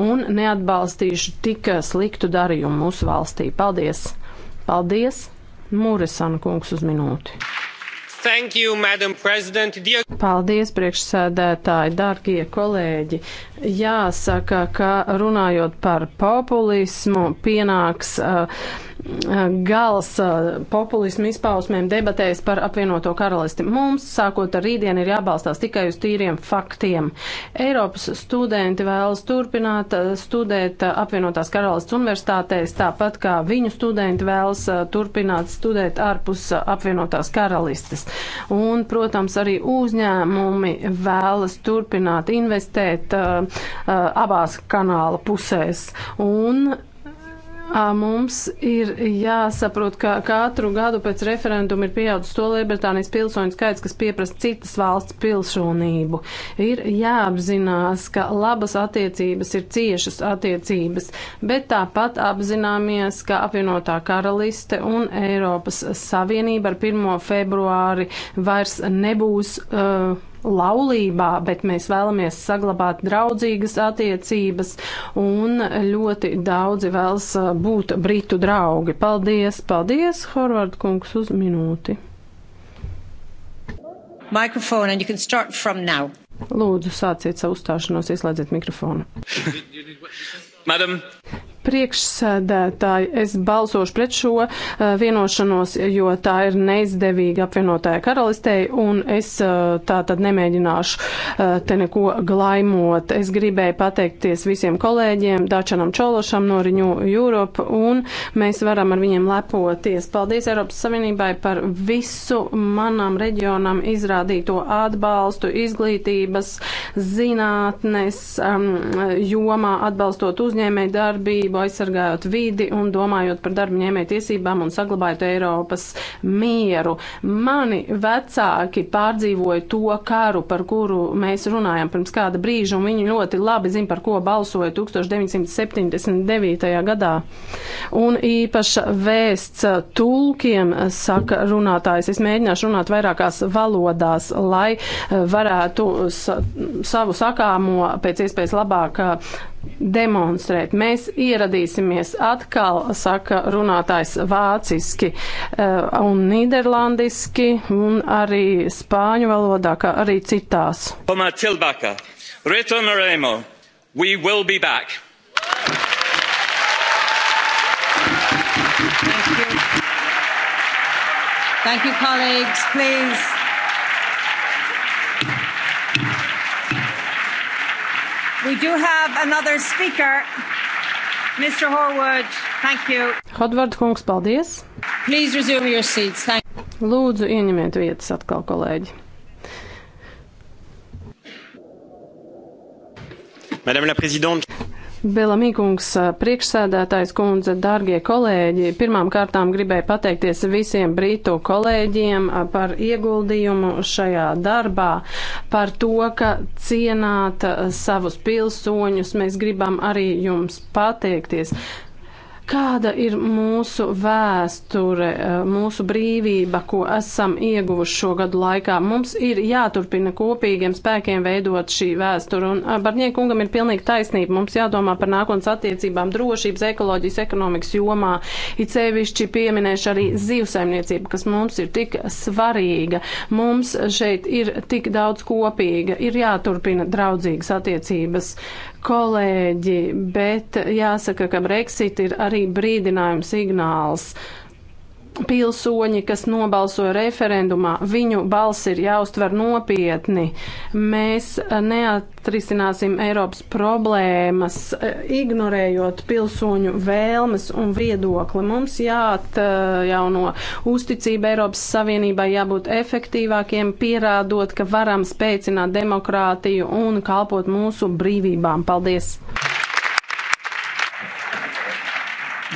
un neatbalstīšu tik sliktu darījumu mūsu valstī. Paldies! Paldies! Mūresana kungs uz minūti. Thank you, Madam President. Dear... Paldies, priekšsēdētāji, dārgie kolēģi. Jāsaka, ka runājot par populismu, pienāks uh, gals populismu izpausmēm debatēs par apvienoto karalisti. Mums, sākot ar rītdienu, ir jābalstās tikai uz tīriem faktiem. Eiropas studenti vēlas turpināt studēt apvienotās karalists universitātēs, tāpat kā viņu studenti vēlas turpināt studēt ārpus apvienotās karalistes. Un, protams, arī uzņēmumi vēlas turpināt investēt uh, uh, abās kanāla pusēs. Un Mums ir jāsaprot, ka katru gadu pēc referenduma ir pieaudzis to Lielbritānijas pilsoņu skaits, kas pieprasa citas valsts pilsonību. Ir jāapzinās, ka labas attiecības ir ciešas attiecības, bet tāpat apzināmies, ka apvienotā karaliste un Eiropas Savienība ar 1. februāri vairs nebūs. Uh, laulībā, bet mēs vēlamies saglabāt draudzīgas attiecības un ļoti daudzi vēlas uh, būt britu draugi. Paldies, paldies, Horvard kungs, uz minūti. Microphone and you can start from now. Lūdzu, sāciet savu uzstāšanos, ieslēdziet mikrofonu. Madam priekšsēdētāji, es balsošu pret šo uh, vienošanos, jo tā ir neizdevīga apvienotāja karalistei, un es uh, tā tad nemēģināšu uh, te neko glaimot. Es gribēju pateikties visiem kolēģiem, Dačanam Čološam no Riņu Europe, un mēs varam ar viņiem lepoties. Paldies Eiropas Savienībai par visu manam reģionam izrādīto atbalstu izglītības, zinātnes um, jomā, atbalstot uzņēmēju darbību uzmanību, aizsargājot vidi un domājot par darba ņēmēju tiesībām un saglabājot Eiropas mieru. Mani vecāki pārdzīvoja to karu, par kuru mēs runājam pirms kāda brīža, un viņi ļoti labi zina, par ko balsoja 1979. gadā. Un īpaša vēsts tulkiem, saka runātājs, es mēģināšu runāt vairākās valodās, lai varētu sa savu sakāmo pēc iespējas labāk demonstrēt. Mēs ieradīsimies atkal, saka runātājs vāciski eh, un nīderlandiski un arī spāņu valodā, kā arī citās. Retornaremo. We will be back. Thank you. Thank you, colleagues. Please. We do have another speaker. Mr. Horwood, thank you. Hodvard kungs, paldies. Please resume your seats. Thank you. Lūdzu, ieņemiet vietas atkal, kolēģi. Madame la Présidente. Belamīkungs, priekšsēdētājs kundze, dārgie kolēģi, pirmām kārtām gribēju pateikties visiem brītu kolēģiem par ieguldījumu šajā darbā, par to, ka cienāt savus pilsoņus. Mēs gribam arī jums pateikties. Kāda ir mūsu vēsture, eh, mūsu brīvība, ko esam ieguvuši šo gadu laikā? Mums ir jāturpina kopīgiem spēkiem veidot šī vēsture, un eh, Barņiekungam ir pilnīgi taisnība. Mums jādomā par nākotnes attiecībām drošības, ekoloģijas, ekonomikas jomā. It sevišķi pieminēšu arī zivsaimniecību, kas mums ir tik svarīga. Mums šeit ir tik daudz kopīga, ir jāturpina draudzīgas attiecības kolēģi, bet jāsaka, ka Brexit ir arī brīdinājums signāls. Uh, pilsoņi, kas nobalsoja referendumā, viņu balss ir jāuztver nopietni. Mēs eh, neatrisināsim Eiropas problēmas, eh, ignorējot pilsoņu vēlmes un viedokli. Mums jāatjauno uzticība Eiropas Savienībai, jābūt efektīvākiem, pierādot, ka varam spēcināt demokrātiju un kalpot mūsu brīvībām. Paldies!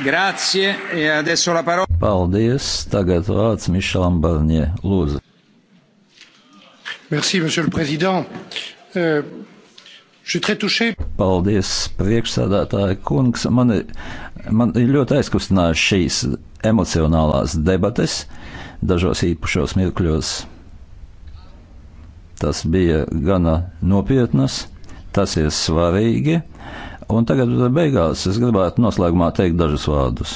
Grācie, ja e adesso la parola. Paldies, tagad vārds Mišelam Barņē, lūdzu. Merci, monsieur le président. Euh, Paldies, priekšsādātāja kungs. Man, man ļoti aizkustināja šīs emocionālās debates dažos īpašos mirkļos. Tas bija gana nopietnas, tas ir svarīgi. Uh, Un tagad beigās es gribētu noslēgumā teikt dažus vārdus.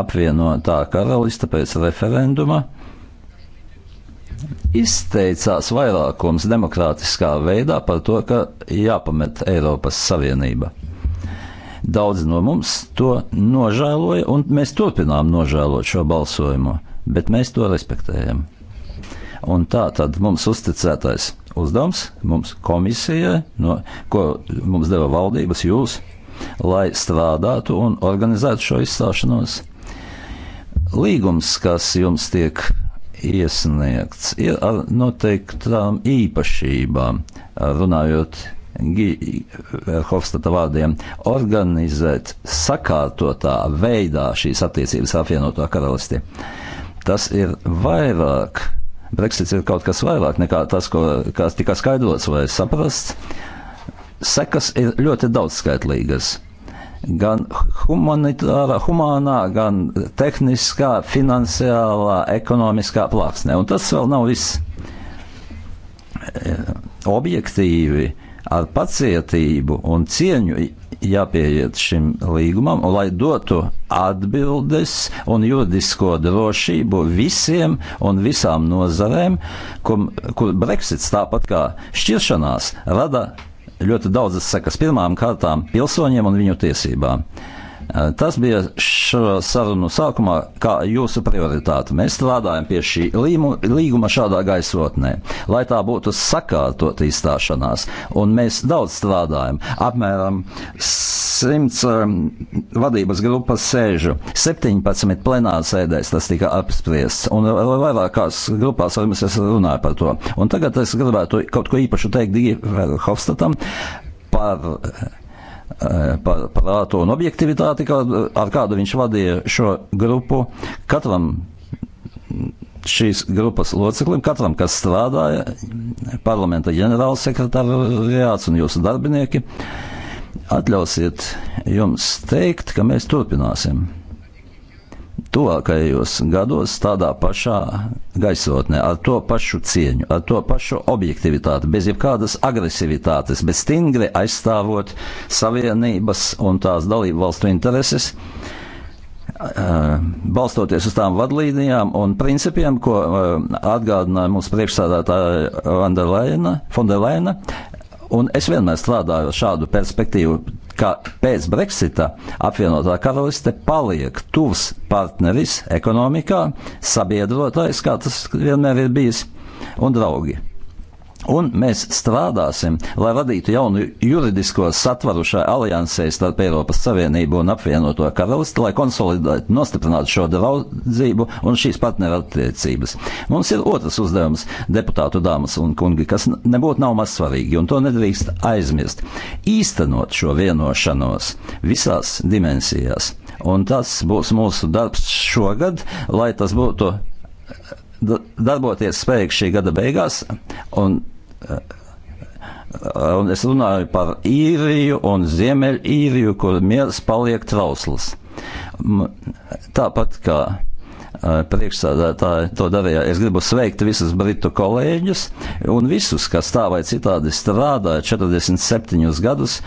Apvienotā karalista pēc referenduma izteicās vairākums demokrātiskā veidā par to, ka jāpamet Eiropas Savienība. Daudzi no mums to nožēloja, un mēs turpinām nožēlot šo balsojumu, bet mēs to respektējam. Un tā tad mums uzticētais uzdevums mums komisijai, no, ko mums deva valdības jūs, lai strādātu un organizētu šo izstāšanos. Līgums, kas jums tiek iesniegts, ir ar noteiktām īpašībām, runājot Hofstata vārdiem, organizēt sakārtotā veidā šīs attiecības apvienotā karalistē. Tas ir vairāk Brexits ir kaut kas vairāk nekā tas, ko, kas tika skaidrots vai saprasts. Sekas ir ļoti daudzskaitlīgas. Gan humanitārā, humānā, gan tehniskā, finansiālā, ekonomiskā plāksnē. Un tas vēl nav viss. E, objektīvi ar pacietību un cieņu jāpieiet šim līgumam, un, lai dotu atbildes un juridisko drošību visiem un visām nozarēm, kur, kur Brexits tāpat kā šķiršanās rada ļoti daudzas sekas pirmām kārtām pilsoņiem un viņu tiesībām. Eh, tas bija šo sarunu sākumā, kā jūsu prioritāte. Mēs strādājam pie šī līmu, līguma šādā gaisotnē, lai tā būtu sakārtot izstāšanās, un mēs daudz strādājam. Apmēram 100 um, ehm, vadības grupas sēžu, 17 plenāra sēdēs tas tika apspriests, un vairākās grupās arī mēs runājam par to. Un tagad es gribētu kaut ko īpašu teikt Digi Verhofstadam par Eh, par, prātu un objektivitāti, kā, ar kādu viņš vadīja šo grupu. Katram šīs grupas loceklim, katram, kas strādāja, parlamenta ģenerālsekretariāts un jūsu darbinieki, atļausiet jums teikt, ka mēs turpināsim tuvākajos gados tādā pašā gaisotnē, ar to pašu cieņu, ar to pašu objektivitāti, bez jebkādas agresivitātes, bet stingri aizstāvot savienības un tās dalību valstu intereses eh, balstoties uz tām vadlīnijām un principiem, ko eh, atgādināja mūsu priekšsādātāja Fonderlaina, Un es vienmēr strādāju ar šādu perspektīvu, ka pēc Brexita apvienotā karaliste paliek tuvs partneris ekonomikā, sabiedrotais, kā tas vienmēr ir bijis, un draugi. Un mēs strādāsim, lai radītu jaunu juridisko satvaru šai aliansē starp Eiropas Savienību un apvienoto karalisti, lai konsolidētu, nostiprinātu šo draudzību un šīs partnerattiecības. Mums ir otrs uzdevums - deputātu dāmas un kungi, kas nebūtu nav maz svarīgi, un to nedrīkst aizmirst - īstenot šo vienošanos visās dimensijās. Un tas būs mūsu darbs šogad, lai tas būtu darboties spējīgs šī gada beigās. Un, eh, un es runāju par īriju un ziemeļīriju, kur miers paliek trausls. Tāpat kā eh, priekšsādātāji to darīja. Es gribu sveikt visus britu kolēģus un visus, kas tā vai citādi strādāja 47 gadus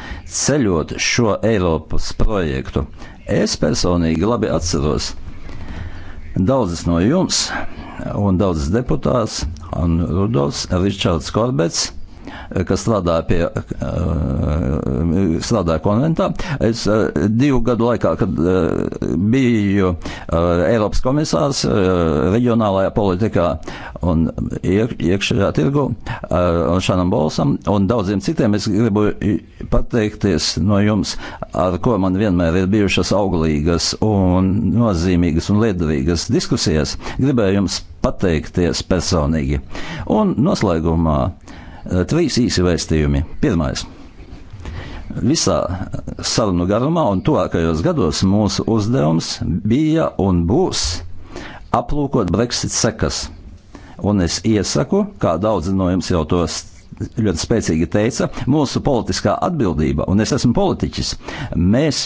ceļot šo Eiropas projektu. Es personīgi labi atceros Daudzas no jums un daudzas deputāts un Rudolfs Ričards Korbets Eh, kas strādāja pie, eh, eh, strādāja konventā. Es divu gadu laikā, kad biju Eiropas komisārs reģionālajā politikā un iek, iekšējā tirgu, un Šanam Bolsam un daudziem citiem, es gribu pateikties no jums, ar ko man vienmēr ir bijušas auglīgas un nozīmīgas un liederīgas diskusijas. Gribēju jums pateikties personīgi. Un noslēgumā Trīs īsi vēstījumi. Pirmais. Visā sarunu garumā un tuvākajos gados mūsu uzdevums bija un būs aplūkot Brexit sekas. Un es iesaku, kā daudzi no jums jau to ļoti spēcīgi teica, mūsu politiskā atbildība, un es esmu politiķis, mēs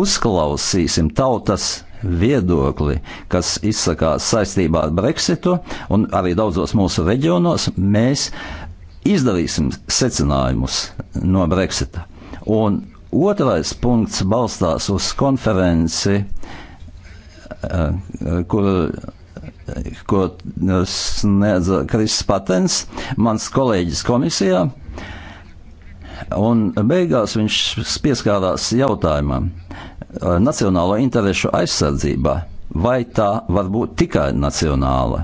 uzklausīsim tautas viedokli, kas izsakās saistībā ar Brexitu un arī daudzos mūsu reģionos, mēs izdarīsim secinājumus no Brexita. Un otrais punkts balstās uz konferenci, eh, kur ko sniedz Kristis Patens, mans kolēģis komisijā. Un beigās viņš pieskārās jautājumam, Uh, nacionālo interesu aizsardzībā, vai tā var būt tikai nacionāla?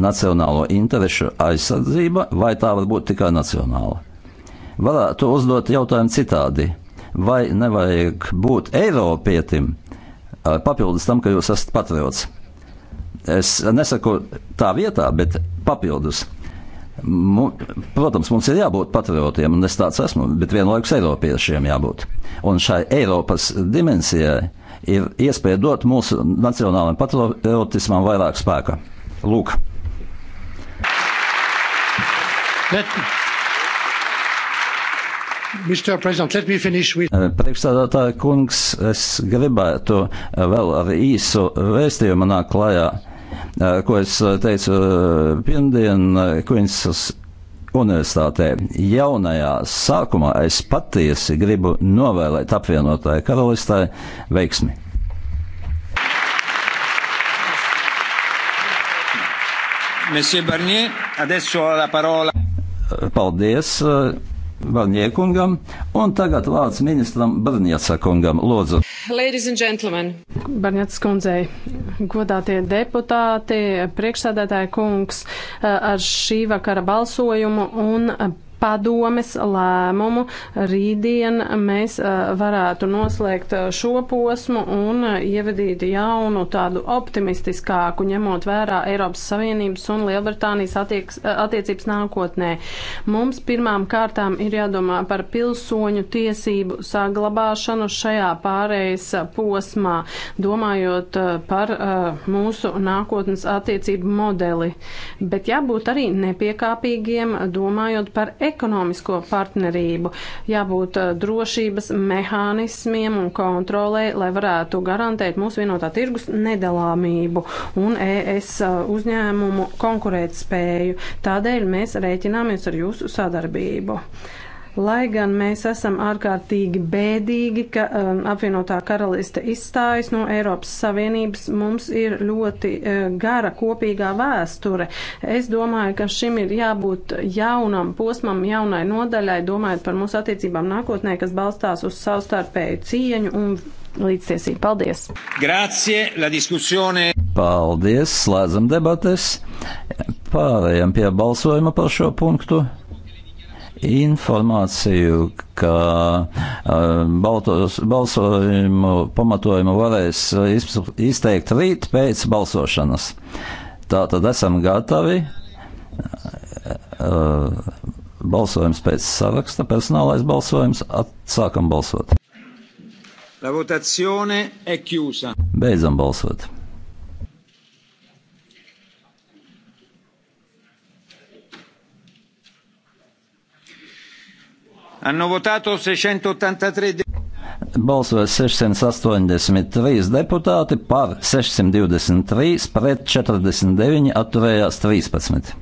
Nacionālo interesu aizsardzība, vai tā var būt tikai nacionāla? Varētu uzdot jautājumu citādi. Vai nevajag būt Eiropietim, uh, papildus tam, ka jūs esat patriots? Es nesaku tā vietā, bet papildus. Mu, protams, mums ir jābūt patriotiem, un es tāds esmu, bet vienlaikus Eiropiešiem jābūt. Un šai Eiropas dimensijai ir iespēja dot mūsu nacionālajam patriotismam vairāk spēka. Lūk. Let, With... Eh, Priekšstādātāja kungs, es gribētu eh, vēl ar īsu vēstījumu nāk klajā Eh, ko es eh, teicu eh, pirmdien Kvinsas universitātē. Jaunajā sākumā es patiesi gribu novēlēt apvienotāju karalistai veiksmi. Barnier, Paldies! Barņiekungam, un tagad vārds ministram Barņiecakungam. Lūdzu. Ladies and gentlemen. Barņiecas kundzei, godātie deputāti, priekšsēdētāji kungs, ar šī vakara balsojumu un padomes lēmumu. Rītdien mēs uh, varētu noslēgt uh, šo posmu un uh, ievadīt jaunu tādu optimistiskāku, ņemot vērā Eiropas Savienības un Lielbritānijas attieks, attiecības nākotnē. Mums pirmām kārtām ir jādomā par pilsoņu tiesību saglabāšanu šajā pārējais posmā, domājot par mūsu nākotnes attiecību modeli. Bet jābūt arī nepiekāpīgiem, domājot par ekonomiku ekonomisko partnerību, jābūt eh, drošības mehānismiem un kontrolē, lai varētu garantēt mūsu vienotā tirgus nedalāmību un ES eh, uzņēmumu konkurētspēju. Tādēļ mēs rēķināmies ar jūsu sadarbību. Lai gan mēs esam ārkārtīgi bēdīgi, ka um, apvienotā karaliste izstājas no Eiropas Savienības, mums ir ļoti uh, gara kopīgā vēsture. Es domāju, ka šim ir jābūt jaunam posmam, jaunai nodaļai, domājot par mūsu attiecībām nākotnē, kas balstās uz savstarpēju cieņu un līdztiesību. Paldies! Grazie, la diskusione! Paldies, slēdzam debates! Pārējām pie balsojuma par šo punktu informāciju, ka um, baltos, balsojumu pamatojumu varēs uh, izteikt rīt pēc balsošanas. Tā tad esam gatavi. Uh, balsojums pēc saraksta, personālais balsojums, atsākam balsot. La votazione è chiusa. Beidzam balsot. Hanno votato 683 deputāti. Balsoja 683 deputāti par 623, pret 49 atturējās 13.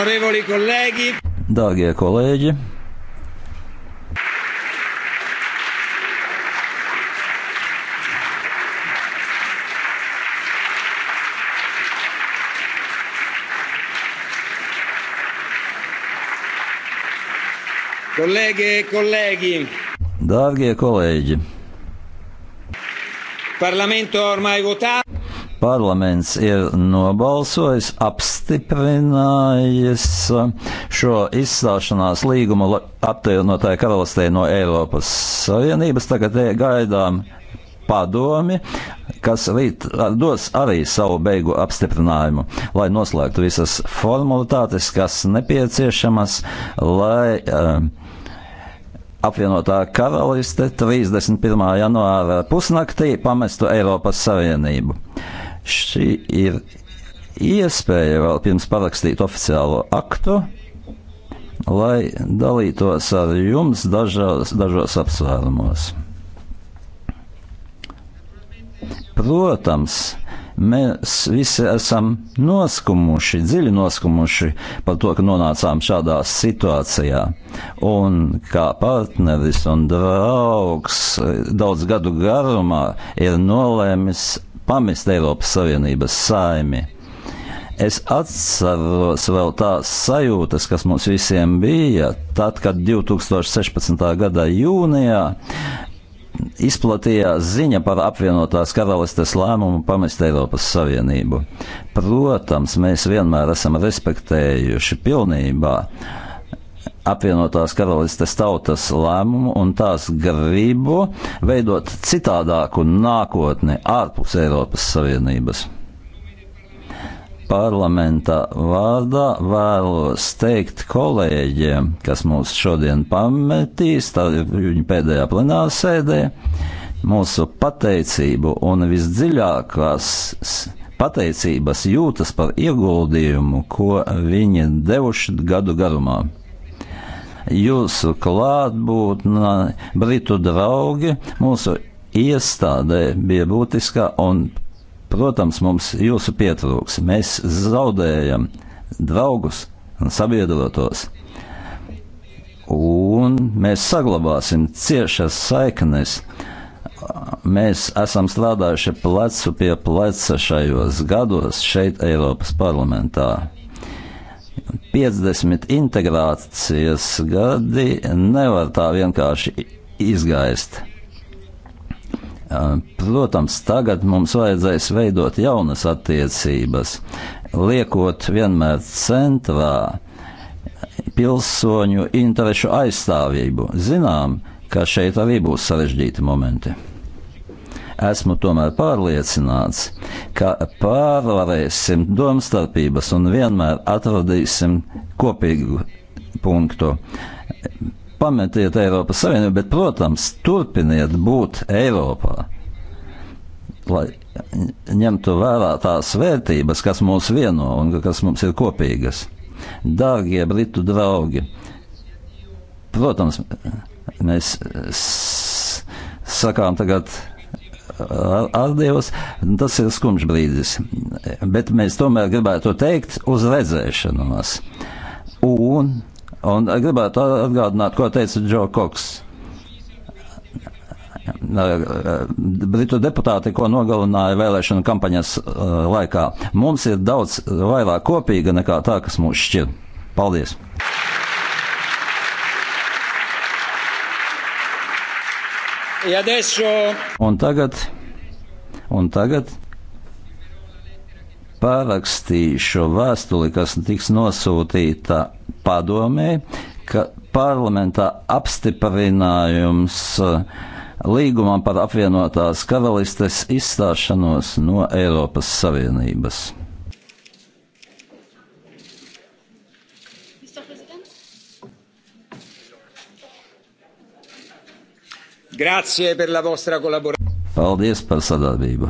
onorevoli colleghi. Dārgie kolēģi. Kolēģi, kolēģi. Dārgie kolēģi. Parlamento ormai votato. Parlaments ir nobalsojis, apstiprinājis šo izstāšanās līgumu apvienotāju karalistē no Eiropas Savienības. Tagad gaidām padomi, kas rīt dos arī savu beigu apstiprinājumu, lai noslēgtu visas formalitātes, kas nepieciešamas, lai uh, apvienotā karaliste 31. janvāra pusnaktī pamestu Eiropas Savienību. Šī ir iespēja vēl pirms parakstīt oficiālo aktu, lai dalītos ar jums dažos, dažos apsvērumos. Protams, mēs visi esam noskumuši, dziļi noskumuši par to, ka nonācām šādā situācijā. Un kā partneris un draugs daudz gadu garumā ir nolēmis pamest Eiropas Savienības saimi. Es atceros vēl tās sajūtas, kas mums visiem bija, tad, kad 2016. gada jūnijā izplatījās ziņa par apvienotās karalistes lēmumu pamest Eiropas Savienību. Protams, mēs vienmēr esam respektējuši pilnībā apvienotās karalistes tautas lēmumu un tās gribu veidot citādāku nākotni ārpus Eiropas Savienības. Parlamenta vārdā vēlos teikt kolēģiem, kas mūs šodien pametīs, tā ir viņa pēdējā plenāra sēdē, mūsu pateicību un visdziļākās pateicības jūtas par ieguldījumu, ko viņi devuši gadu garumā jūsu klātbūtne, Britu draugi, mūsu iestādē bija būtiskā un, protams, mums jūsu pietrūks. Mēs zaudējam draugus un sabiedrotos. Un mēs saglabāsim ciešas saiknes. Mēs esam strādājuši plecu pie pleca šajos gados šeit, Eiropas parlamentā. 50 integrācijas gadi nevar tā vienkārši izgaist. Protams, tagad mums vajadzēs veidot jaunas attiecības, liekot vienmēr centrā pilsoņu interešu aizstāvību. Zinām, ka šeit arī būs sarežģīti momenti. Esmu tomēr pārliecināts, ka pārvarēsim domstarpības un vienmēr atradīsim kopīgu punktu pametiet Eiropas Savienību, bet, protams, turpiniet būt Eiropā. Lai ņemtu vērā tās vērtības, kas mūs vieno un kas mums ir kopīgas. Dārgie britu draugi, protams, mēs sakām tagad atdevis, tas ir skumjš brīdis. Bet mēs tomēr gribētu teikt uz redzēšanos. Un, un gribētu atgādināt, ko teica Džo Koks. Britu deputāti, ko nogalināja vēlēšanu kampaņas uh, laikā. Mums ir daudz vairāk kopīga nekā tā, kas mūs šķir. Paldies! E un tagad, un tagad pārakstīšu vēstuli, kas tiks nosūtīta padomē, ka parlamentā apstiprinājums eh, līgumam par apvienotās karalistes izstāšanos no Eiropas Savienības. Grazie par la vostra collaborazione. Paldies par sadarbību.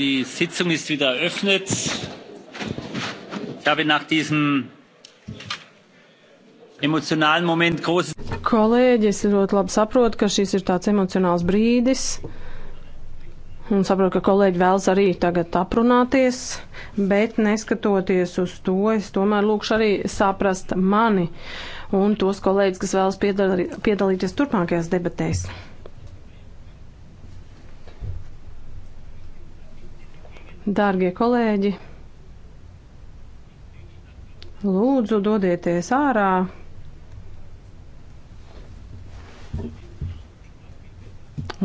Die Sitzung ist wieder eröffnet. Ich habe nach diesem emotionāli momenti, kas. Kolēģi, es ļoti labi saprotu, ka šis ir tāds emocionāls brīdis. Un saprotu, ka kolēģi vēlas arī tagad aprunāties, bet neskatoties uz to, es tomēr lūkšu arī saprast mani un tos kolēģis, kas vēlas piedalīties turpmākajās debatēs. Dārgie kolēģi, lūdzu dodieties ārā.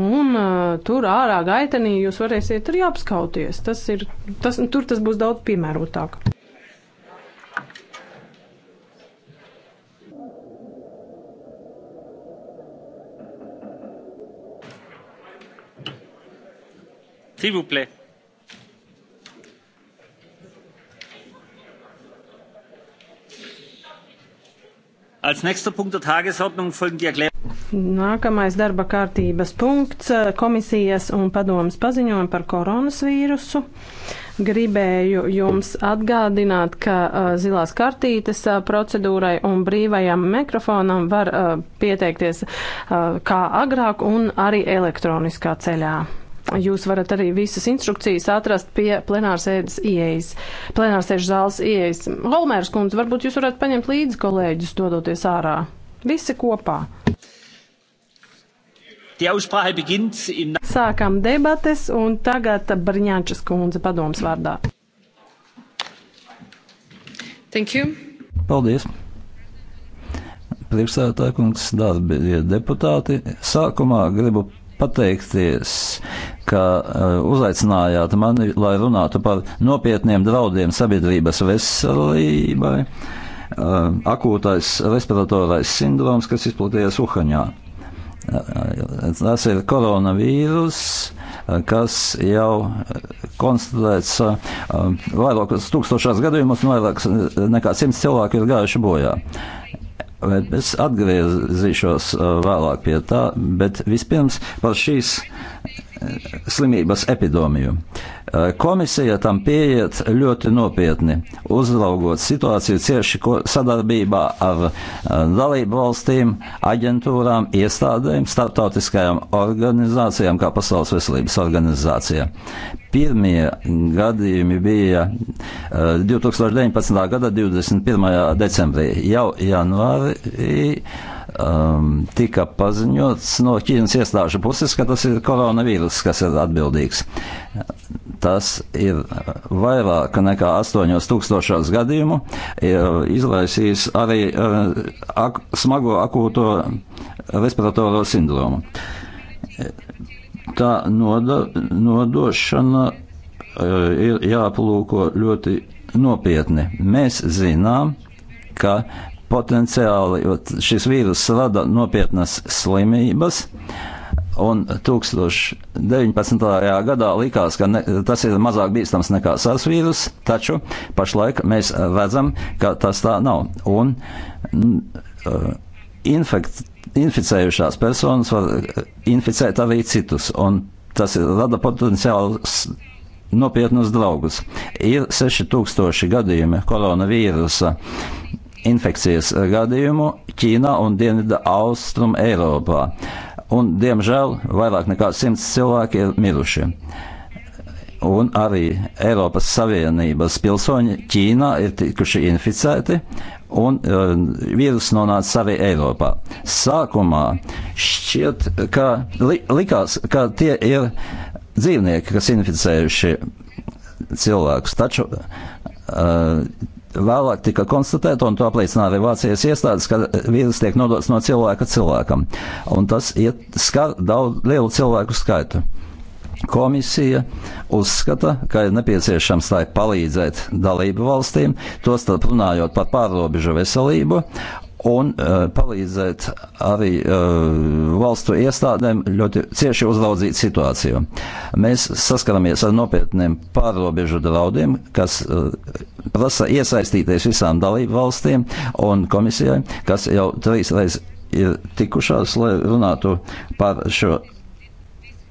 Un uh, tur ārā gaitenī jūs varēsiet arī apskauties. Tas ir, tas, nu, tur tas būs daudz piemērotāk. S'il vous plaît. Als nächster Punkt der Tagesordnung folgen die Erklärungen. Nākamais darba kārtības punkts eh, - komisijas un padomas paziņojumi par koronavīrusu. Gribēju jums atgādināt, ka uh, zilās kartītes uh, procedūrai un brīvajam mikrofonam var uh, pieteikties uh, kā agrāk un arī elektroniskā ceļā. Jūs varat arī visas instrukcijas atrast pie plenārsēdes ieejas, plenārsēžu zāles ieejas. Holmērs kundze, varbūt jūs varat paņemt līdzi kolēģus, dodoties ārā. Visi kopā. Sākam debates, un tagad Brņāčas kundze padoms vārdā. Thank you. Paldies priekšsēdētāja kungs, darbie deputāti. Sākumā gribu pateikties, ka eh, uzaicinājāt mani, lai runātu par nopietniem draudiem sabiedrības veselībai, eh, akūtais respiratorais sindroms, kas izplatījies Uhaņā. Eh, tas ir koronavīrus, kas jau konstatēts vairākos tūkstošās gadījumos, un vairāk nekā simts cilvēku ir gājuši bojā. Es atgriezīšos uh, vēlāk pie tā, bet vispirms par šīs slimības epidēmiju. Eh, komisija tam pieiet ļoti nopietni, uzraugot situāciju cieši sadarbībā ar eh, dalību valstīm, aģentūrām, iestādēm, starptautiskajām organizācijām, kā Pasaules veselības organizācija. Pirmie gadījumi bija 2019. Eh, gada 21. decembrī. Jau janvārī um, tika paziņots no Ķīnas iestāžu puses, ka tas ir koronavīruss, kas ir atbildīgs. Tas ir vairāk nekā 8000 gadījumu, ir e, izraisījis arī uh, ak smago akūto respiratoro sindromu. Tā noda, nodošana uh, ir jāplūko ļoti nopietni. Mēs zinām, ka potenciāli, jo šis vīrus rada nopietnas slimības. Un 2019. gadā likās, ka ne, tas ir mazāk bīstams nekā SARS vīrus, taču pašlaik mēs redzam, ka tas tā nav. Un uh, infekt, inficējušās personas var uh, inficēt arī citus, un tas ir, rada potenciālus nopietnus draugus. Ir 6000 gadījumi koronavīrusa infekcijas eh, gadījumu Ķīnā un Dienvidu Austrum Eiropā. Un, diemžēl, vairāk nekā simts cilvēki ir miruši un arī Eiropas Savienības pilsoņi Ķīnā ir tikuši inficēti, un uh, vīrus nonāca arī Eiropā. Sākumā šķiet, ka li, likās, ka tie ir dzīvnieki, kas inficējuši cilvēkus, taču uh, vēlāk tika konstatēta, un to apliecināja arī Vācijas iestādes, ka vīrus tiek nodots no cilvēka cilvēkam. Un tas iet, skar daudz lielu cilvēku skaitu. Komisija uzskata, ka ir nepieciešams tai palīdzēt dalību valstīm, tostarp runājot par pārrobežu veselību un uh, palīdzēt arī uh, valstu iestādēm ļoti cieši uzraudzīt situāciju. Mēs saskaramies ar nopietniem pārobežu draudiem, kas uh, prasa iesaistīties visām dalību valstīm un komisijai, kas jau trīs reizes ir tikušās, lai runātu par šo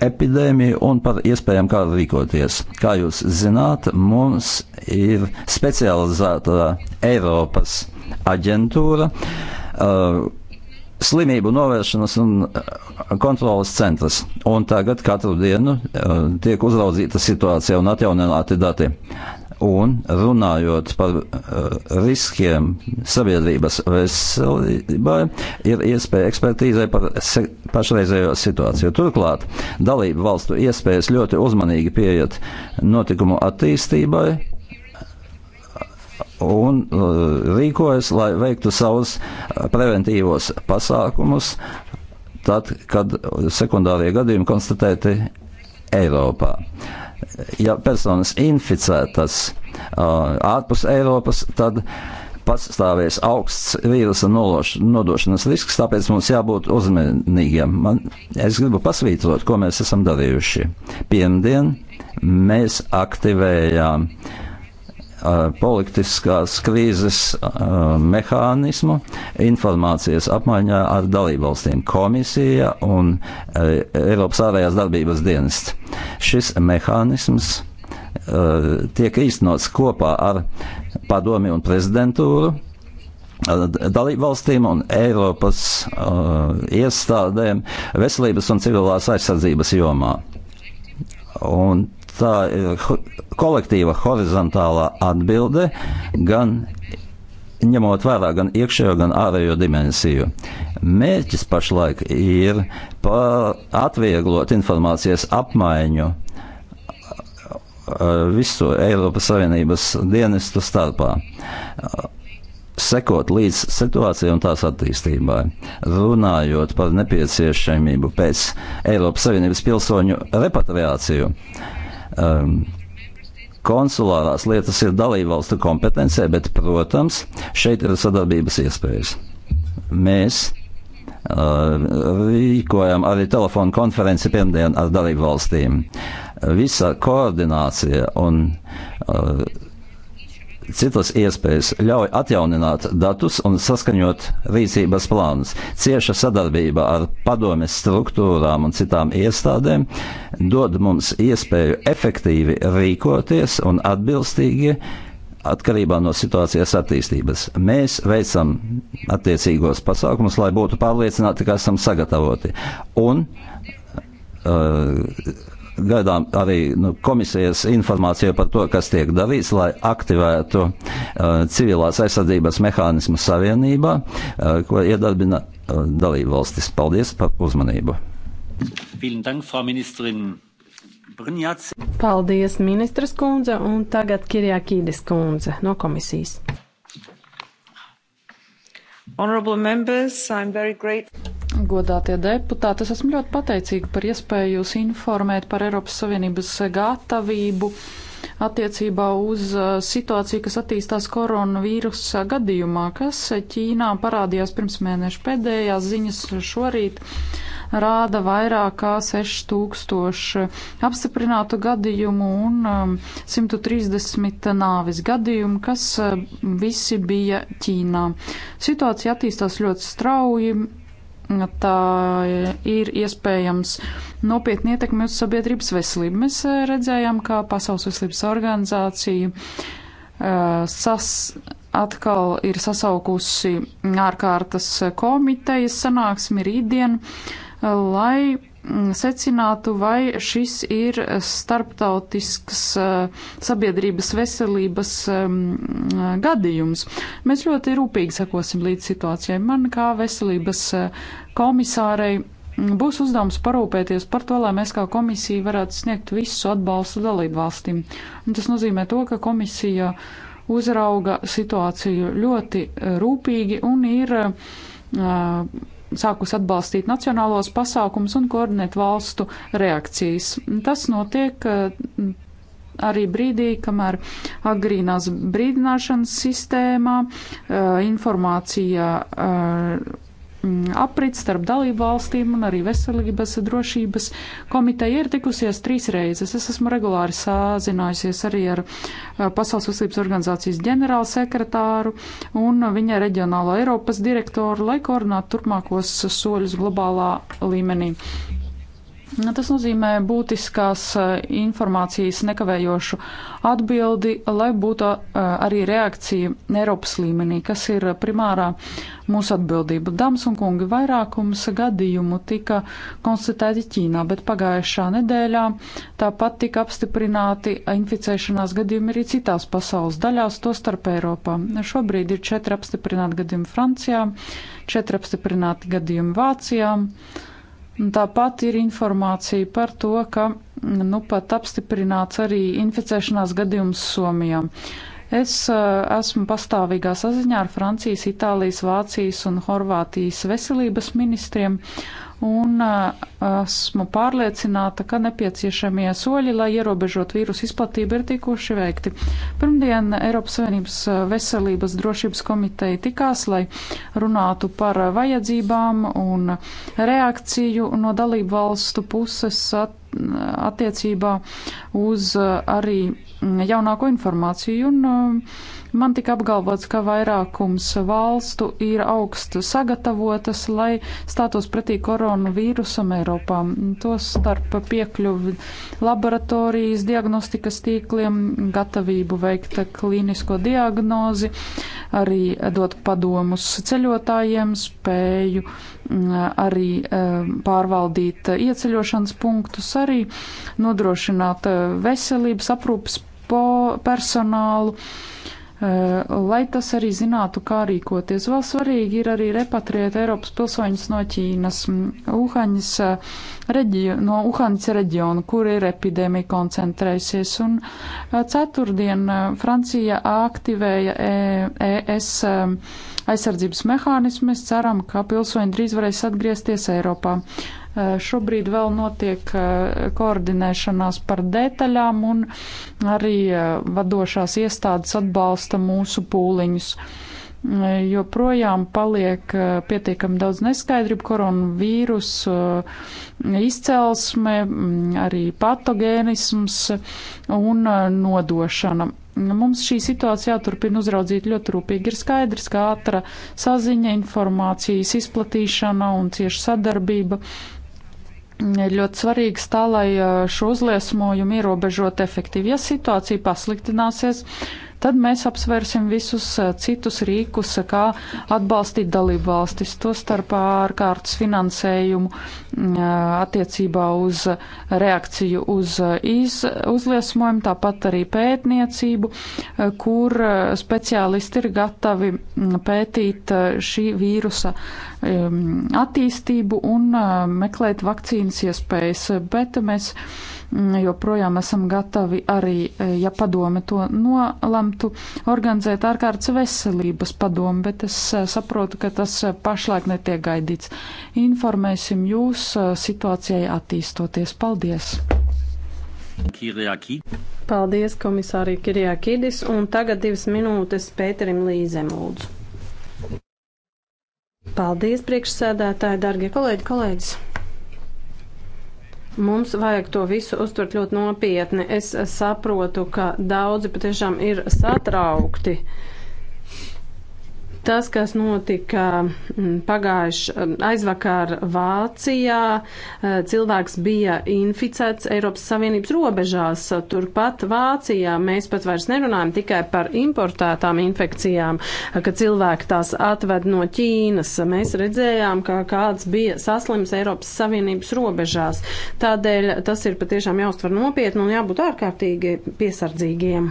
epidēmiju un par iespējām, kā rīkoties. Kā jūs zināt, mums ir specializēta Eiropas aģentūra, uh, slimību novēršanas un uh, kontrolas centrs. Un tagad katru dienu uh, tiek uzraudzīta situācija un atjaunināti dati. Un runājot par uh, riskiem sabiedrības veselībai, ir iespēja ekspertīzē par pašreizējo situāciju. Turklāt dalību valstu iespējas ļoti uzmanīgi pieiet notikumu attīstībai un uh, rīkojas, lai veiktu savus uh, preventīvos pasākumus, tad, kad sekundārie gadījumi konstatēti Eiropā. Ja personas inficētas uh, ārpus Eiropas, tad pastāvēs augsts vīrusa nološ, nodošanas risks, tāpēc mums jābūt uzmanīgiem. Man, es gribu pasvītrot, ko mēs esam darījuši. Pirmdien mēs aktivējām uh, Uh, politiskās krīzes uh, mehānismu informācijas apmaiņā ar dalībvalstīm komisija un uh, Eiropas ārējās darbības dienests. Šis mehānisms tiek īstenots kopā ar padomi un prezidentūru dalībvalstīm un Eiropas uh, iestādēm veselības un civilās aizsardzības jomā. Un tā e, kolektīva horizontālā atbilde gan ņemot vērā gan iekšējo, gan ārējo dimensiju. Mērķis pašlaik ir pa atvieglot informācijas apmaiņu e, visu Eiropas Savienības dienestu starpā sekot līdz situācijai un tās attīstībai. Runājot par nepieciešamību pēc Eiropas Savienības pilsoņu repatriāciju, uh, Um, konsulārās lietas ir dalībvalstu kompetencē, bet, protams, šeit ir sadarbības iespējas. Mēs uh, rīkojam arī telefonu konferenci pirmdien ar dalībvalstīm. Visa koordinācija un uh, Citas iespējas ļauj atjaunināt datus un saskaņot rīcības plānus. Cieša sadarbība ar padomes struktūrām un citām iestādēm dod mums iespēju efektīvi rīkoties un atbilstīgi atkarībā no situācijas attīstības. Mēs veicam attiecīgos pasākumus, lai būtu pārliecināti, ka esam sagatavoti. Un, uh, gadām arī nu, komisijas informācija par to, kas tiek darīts, lai aktivētu uh, civilās aizsardzības mehānismu savienībā, uh, ko iedarbina uh, dalību valstis. Paldies par uzmanību! Paldies, ministras kundze, un tagad Kirjā Kīdes kundze no komisijas. Godātie deputāti, es esmu ļoti pateicīga par iespēju jūs informēt par Eiropas Savienības gatavību attiecībā uz uh, situāciju, kas attīstās koronavīrusa gadījumā, kas Ķīnā parādījās pirms mēneša pēdējās ziņas šorīt. Uh, rāda vairāk kā 6000 apstiprinātu gadījumu un 130 um, nāvis gadījumu, kas um, visi bija Ķīnā. Situācija attīstās ļoti strauji. Tā ir iespējams nopietni ietekmi uz sabiedrības veselību. Mēs uh, redzējām, kā Pasaules veselības organizācija uh, sas, atkal ir sasaukusi ārkārtas uh, komitejas sanāksmi rītdien. Uh, lai mm, secinātu, vai šis ir starptautisks eh, sabiedrības veselības mm, eh, gadījums. Mēs ļoti rūpīgi sekosim līdz situācijai. Man kā veselības eh, komisārei mm, būs uzdevums parūpēties par to, lai mēs kā komisija varētu sniegt visu atbalstu dalību valstīm. Un tas nozīmē to, ka komisija uzrauga situāciju ļoti rūpīgi un ir uh, sākus atbalstīt nacionālos pasākumus un koordinēt valstu reakcijas. Tas notiek eh, arī brīdī, kamēr agrīnās brīdināšanas sistēmā eh, informācija eh, Mm, aprits starp dalību valstīm un arī veselības drošības komiteja ir tikusies trīs reizes. Es esmu regulāri sāzinājusies arī ar eh, Pasaules veselības organizācijas ģenerālu sekretāru un viņa reģionālo Eiropas direktoru, lai koordinātu turpmākos soļus globālā līmenī. Nu, tas nozīmē būtiskās eh, informācijas nekavējošu atbildi, lai būtu eh, arī reakcija Eiropas līmenī, kas ir primārā mūsu atbildība. Dāmas un kungi, vairākums gadījumu tika konstatēti Ķīnā, bet pagājušā nedēļā tāpat tika apstiprināti inficēšanās gadījumi arī citās pasaules daļās, to starp Eiropā. Šobrīd ir četri apstiprināti gadījumi Francijā, četri apstiprināti gadījumi Vācijā. Tāpat ir informācija par to, ka mm, nu, pat apstiprināts arī inficēšanās gadījums Somijā. Es esmu pastāvīgā saziņā ar Francijas, Itālijas, Vācijas un Horvātijas veselības ministriem, un esmu pārliecināta, ka nepieciešamie soļi, lai ierobežot vīrusu izplatību, ir tikuši veikti. Pirmdien Eiropas Savienības veselības drošības komiteja tikās, lai runātu par vajadzībām un reakciju no dalību valstu puses attiecībā uz arī jaunāko informāciju. Un, Man tika apgalvots, ka vairākums valstu ir augstu sagatavotas, lai stātos pretī koronavīrusam Eiropā. Tostarp piekļuvi laboratorijas diagnostikas tīkliem, gatavību veikt klīnisko diagnozi, arī dot padomus ceļotājiem, spēju mm, arī eh, pārvaldīt ieceļošanas punktus, arī nodrošināt eh, veselības aprūpas personālu Eh, lai tas arī zinātu, kā rīkoties. Vēl svarīgi ir arī repatriēt Eiropas pilsoņus no Ķīnas, mm, Uhaņas eh, reģio, no Uhaņas reģiona, kur ir epidēmija koncentrējusies. Un eh, ceturtdien Francija aktivēja ES. E, e aizsardzības mehānismu. Mēs ceram, ka pilsoņi drīz varēs atgriezties Eiropā. Eh, šobrīd vēl notiek eh, koordinēšanās par detaļām un arī eh, vadošās iestādes atbalsta mūsu pūliņus joprojām paliek pietiekami daudz neskaidrību, koronavīrus izcelsme, mm, arī patogēnisms un nodošana. Nu, mums šī situācija jāturpina uzraudzīt ļoti rūpīgi. Ir skaidrs, ka ātra saziņa, informācijas izplatīšana un cieša sadarbība ir ļoti svarīgas tā, lai šo uzliesmojumu ierobežot efektīvi. Ja situācija pasliktināsies, uh, Tad mēs apsvērsim visus eh, citus rīkus, eh, kā atbalstīt dalību valstis, to starp ārkārtas finansējumu mm, eh, attiecībā uz reakciju uz iz, uzliesmojumu, tāpat arī pētniecību, kur speciālisti ir gatavi mm, pētīt šī vīrusa attīstību un meklēt vakcīnas iespējas. Bet mēs Mm, joprojām esam gatavi arī, e, ja padome to nolemtu, organizēt ārkārtas veselības padomu, bet es e, saprotu, ka tas e, pašlaik netiek gaidīts. Informēsim jūs situācijai attīstoties. Paldies! Kirjaki. Paldies, komisārija Kirjākidis, un tagad divas minūtes Pēterim Līzem lūdzu. Paldies, priekšsēdētāji, dargie kolēģi, kolēģis! Mums vajag to visu uztvert ļoti nopietni. Es saprotu, ka daudzi patiešām ir satraukti. Uh, Tas, kas notika mm, pagājuši mm, aizvakar Vācijā, eh, cilvēks bija inficēts Eiropas Savienības robežās. Turpat Vācijā mēs pat vairs nerunājam tikai par importētām infekcijām, eh, ka cilvēki tās atved no Ķīnas. Mēs redzējām, ka kāds bija saslims Eiropas Savienības robežās. Tādēļ tas ir patiešām jāuztver nopietni un jābūt ārkārtīgi piesardzīgiem.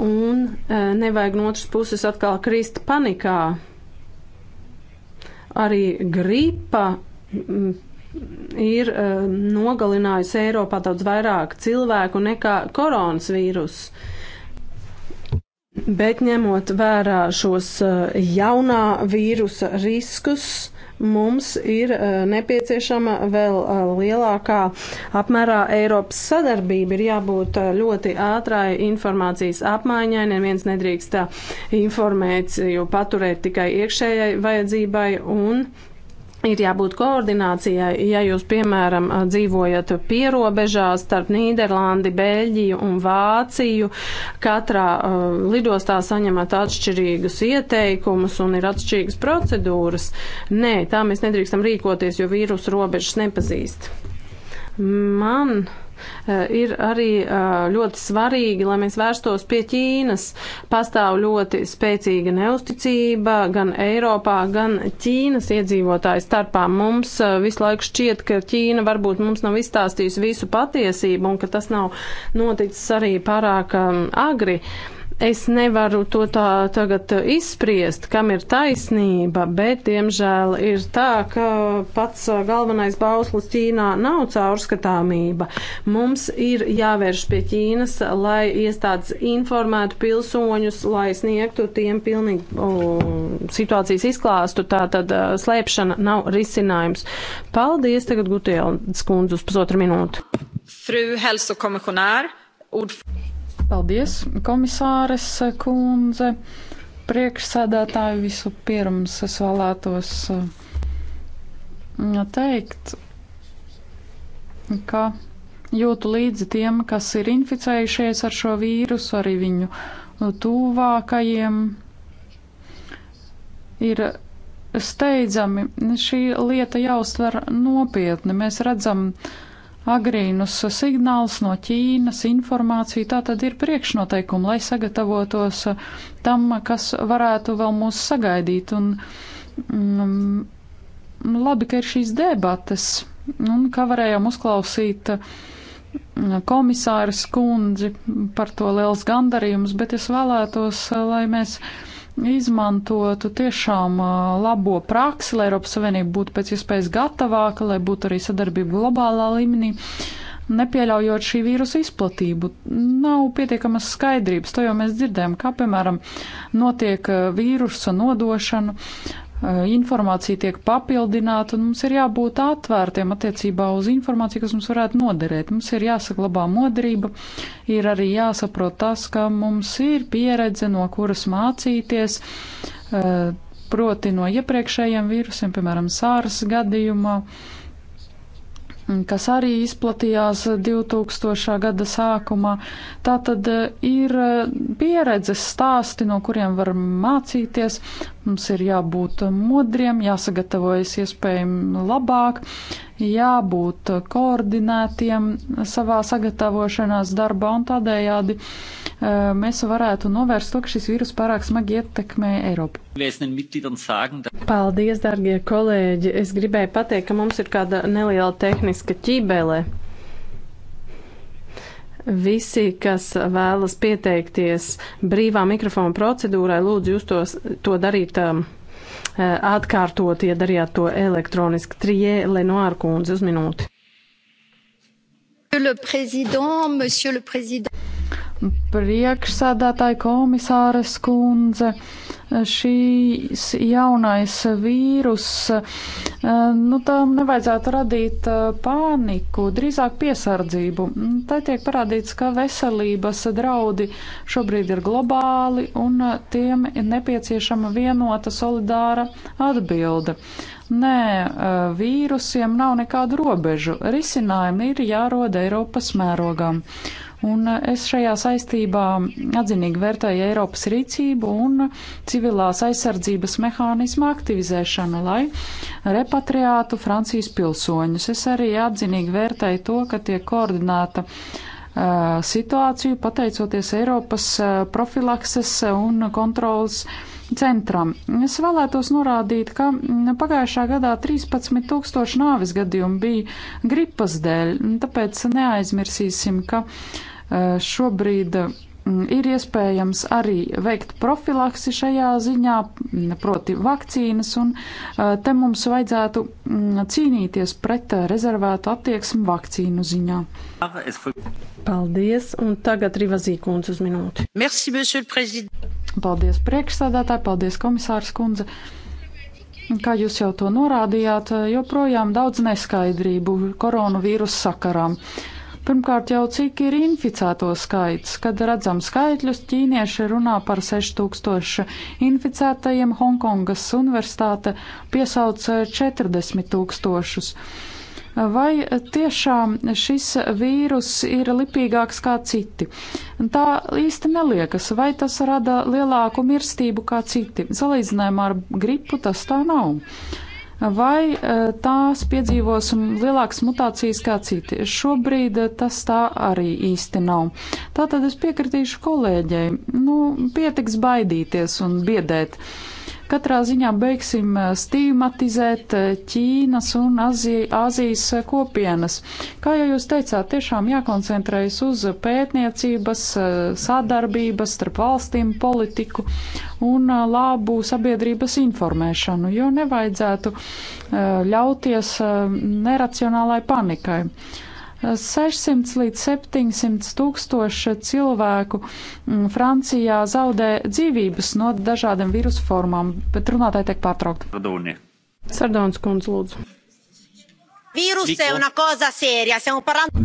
Un e, nevajag no otras puses atkal krist panikā. Arī gripa ir e, nogalinājusi Eiropā daudz vairāk cilvēku nekā koronas vīrus. Bet ņemot vērā šos e, jaunā vīrusa riskus, mums ir eh, nepieciešama vēl eh, lielākā apmērā Eiropas sadarbība. Ir jābūt eh, ļoti ātrai informācijas apmaiņai, neviens nedrīkst informēt, jo paturēt tikai iekšējai vajadzībai un ir jābūt koordinācijai, ja jūs, piemēram, dzīvojat pierobežā starp Nīderlandi, Beļģiju un Vāciju. Katrā uh, lidostā saņemat atšķirīgus ieteikumus un ir atšķirīgas procedūras. Nē, tā mēs nedrīkstam rīkoties, jo vīrus robežas nepazīst. Man Eh, ir arī eh, ļoti svarīgi, lai mēs vērstos pie Ķīnas. Pastāv ļoti spēcīga neusticība gan Eiropā, gan Ķīnas iedzīvotāju starpā. Mums eh, visu laiku šķiet, ka Ķīna varbūt mums nav izstāstījusi visu patiesību un ka tas nav noticis arī pārāk agri. Uh, Es nevaru to tā tagad izspriest, kam ir taisnība, bet, diemžēl, ir tā, ka pats galvenais bauslis Ķīnā nav caurskatāmība. Mums ir jāvērš pie Ķīnas, lai iestādes informētu pilsoņus, lai sniegtu tiem pilnīgi o, situācijas izklāstu. Tā tad slēpšana nav risinājums. Paldies, tagad Gutields kundze uz pusotru minūtu. Fru hälsokommissionär, ordförande. Paldies, komisāres kundze, priekšsēdētāju visu pirms es vēlētos mm, teikt, ka jūtu līdzi tiem, kas ir inficējušies ar šo vīrusu, arī viņu nu, tuvākajiem. Ir steidzami šī lieta jāuztver nopietni. Mēs redzam, uh, agrīnus signālus no Ķīnas, informāciju. Tā tad ir priekšnoteikumi, lai sagatavotos uh, tam, kas varētu vēl mūs sagaidīt. Un, mm, mm labi, ka ir šīs debates, un kā varējām uzklausīt mm, komisāras kundzi par to liels gandarījums, bet es vēlētos, uh, lai mēs. Mm, izmantotu tiešām labo praksi, lai Eiropas Savienība būtu pēc iespējas gatavāka, lai būtu arī sadarbība globālā līmenī nepieļaujot šī vīrusa izplatību. Nav pietiekamas skaidrības, to jau mēs dzirdējam, kā piemēram notiek vīrusa nodošana Eh, informācija tiek papildināta, un mums ir jābūt atvērtiem attiecībā uz informāciju, kas mums varētu noderēt. Mums ir jāsaglabā modrība, ir arī jāsaprot tas, ka mums ir pieredze, no kuras mācīties, eh, proti no iepriekšējiem vīrusiem, piemēram, sāras gadījumā, kas arī izplatījās 2000. gada sākumā. Tā tad eh, ir pieredzes stāsti, no kuriem var mācīties, Mums ir jābūt modriem, jāsagatavojas iespējami labāk, jābūt koordinētiem savā sagatavošanās darbā un tādējādi eh, mēs varētu novērst to, ka šis vīrus pārāk smagi ietekmē Eiropu. Paldies, darbie kolēģi! Es gribēju pateikt, ka mums ir kāda neliela tehniska ķībele. Visi, kas vēlas pieteikties brīvā mikrofona procedūrai, lūdzu jūs tos, to darīt um, eh, atkārtot, ja darījāt to elektroniski. Trijē Lenoāra kundze uz minūti. Le président, monsieur le président. Priekšsēdētāji komisāres kundze. Uh, šīs jaunais vīrus, eh, nu tam nevajadzētu radīt eh, pāniku, drīzāk piesardzību. Tā tiek parādīts, ka veselības draudi šobrīd ir globāli un eh, tiem ir nepieciešama vienota solidāra atbilde. Nē, vīrusiem nav nekādu robežu. Risinājumi ir jāroda Eiropas mērogām. Un es šajā saistībā atzinīgi vērtēju Eiropas rīcību un civilās aizsardzības mehānismu aktivizēšanu, lai repatriātu Francijas pilsoņus. Es arī atzinīgi vērtēju to, ka tiek koordinēta situāciju pateicoties Eiropas profilakses un kontrolas centram. Es vēlētos norādīt, ka pagājušā gadā 13 tūkstoši nāvis gadījumu bija gripas dēļ, tāpēc neaizmirsīsim, ka uh, Eh, šobrīd mm, ir iespējams arī veikt profilaksi šajā ziņā, mm, proti vakcīnas, un eh, te mums vajadzētu mm, cīnīties pret eh, rezervētu attieksmi vakcīnu ziņā. Paldies, un tagad Rivazīkundze uz minūti. Merci, Paldies priekšsādātāji, paldies komisārs kundze. Kā jūs jau to norādījāt, joprojām daudz neskaidrību koronavīrus sakarām. Uh, Pirmkārt jau cik ir inficēto skaits. Kad redzam skaitļus, ķīnieši runā par 6000 inficētajiem, Hongkongas universitāte piesauc 40 tūkstošus. Vai tiešām šis vīrus ir lipīgāks kā citi? Tā īsti neliekas, vai tas rada lielāku mirstību kā citi. Salīdzinājumā ar gripu tas tā nav vai e, tās piedzīvos lielākas mutācijas kā citi. Šobrīd e, tas tā arī īsti nav. Tātad es piekritīšu kolēģei, nu, pietiks baidīties un biedēt. Uh, Katrā ziņā beigsim eh, stigmatizēt eh, Ķīnas un Azijas eh, kopienas. Kā jau jūs teicāt, tiešām jākoncentrējas uz pētniecības, sadarbības starp valstīm, politiku un labu sabiedrības informēšanu, jo nevajadzētu ļauties neracionālai panikai. 600 līdz 700 tūkstoši cilvēku mm, Francijā zaudē dzīvības no dažādiem virusu formām, bet runātāji tiek pārtraukti. Sardons kundz, lūdzu.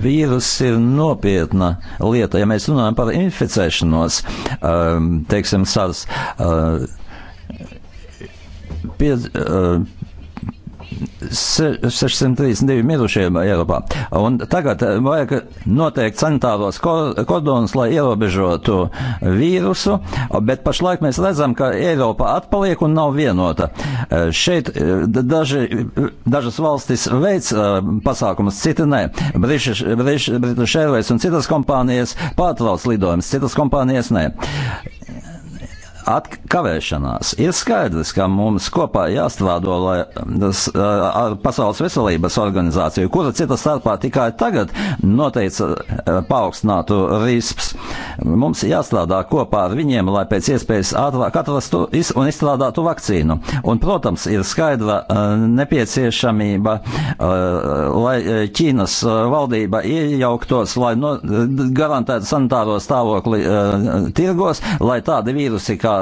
Vīrus ir nopietna lieta, ja mēs runājam par inficēšanos, um, teiksim, SARS. Uh, ehm, pie, uh, ehm, 632 mirušiem Eiropā. Un tagad eh, vajag noteikt sanitāros kordonus, lai ierobežotu vīrusu, bet pašlaik mēs redzam, ka Eiropa atpaliek un nav vienota. Eh, šeit eh, daži, dažas valstis veic pasākumus, citi nē. British Airways un citas kompānijas pārtrauc lidojumus, citas kompānijas nē atkavēšanās. Ir skaidrs, ka mums kopā jāstrādā, lai tas, ar Pasaules veselības organizāciju, kura cita starpā tikai tagad noteica paaugstinātu risks, mums jāstrādā kopā ar viņiem, lai pēc iespējas ātrāk atrastu iz, un izstrādātu vakcīnu. Un, protams, ir skaidra nepieciešamība, lai Ķīnas valdība iejauktos, lai no, garantētu sanitāro stāvokli tirgos, lai tādi vīrusi kā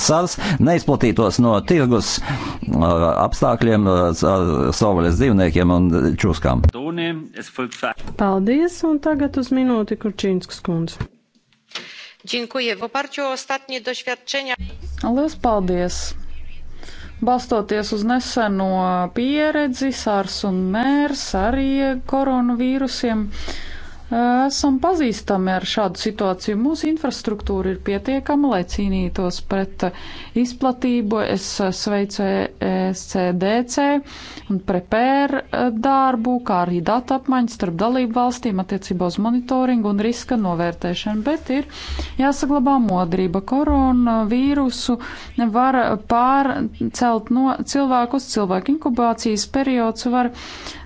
sars neizplatītos no tirgus uh, apstākļiem uh, savvaļas dzīvniekiem un čūskām. Paldies, un tagad uz minūti Kurčīnskas kundze. Dziękuję. W oparciu o ostatnie doświadczenia. Lielas paldies! Balstoties uz neseno pieredzi, SARS un MERS arī koronavīrusiem. Uh, esam pazīstami ar šādu situāciju. Mūsu infrastruktūra ir pietiekama, lai cīnītos pret izplatību. Es sveicu e SCDC un prepēr darbu, kā arī datu apmaiņas starp dalību valstīm attiecībā uz monitoringu un riska novērtēšanu, bet ir jāsaglabā modrība. Koronavīrusu var pārcelt no cilvēku uz cilvēku. Inkubācijas periods var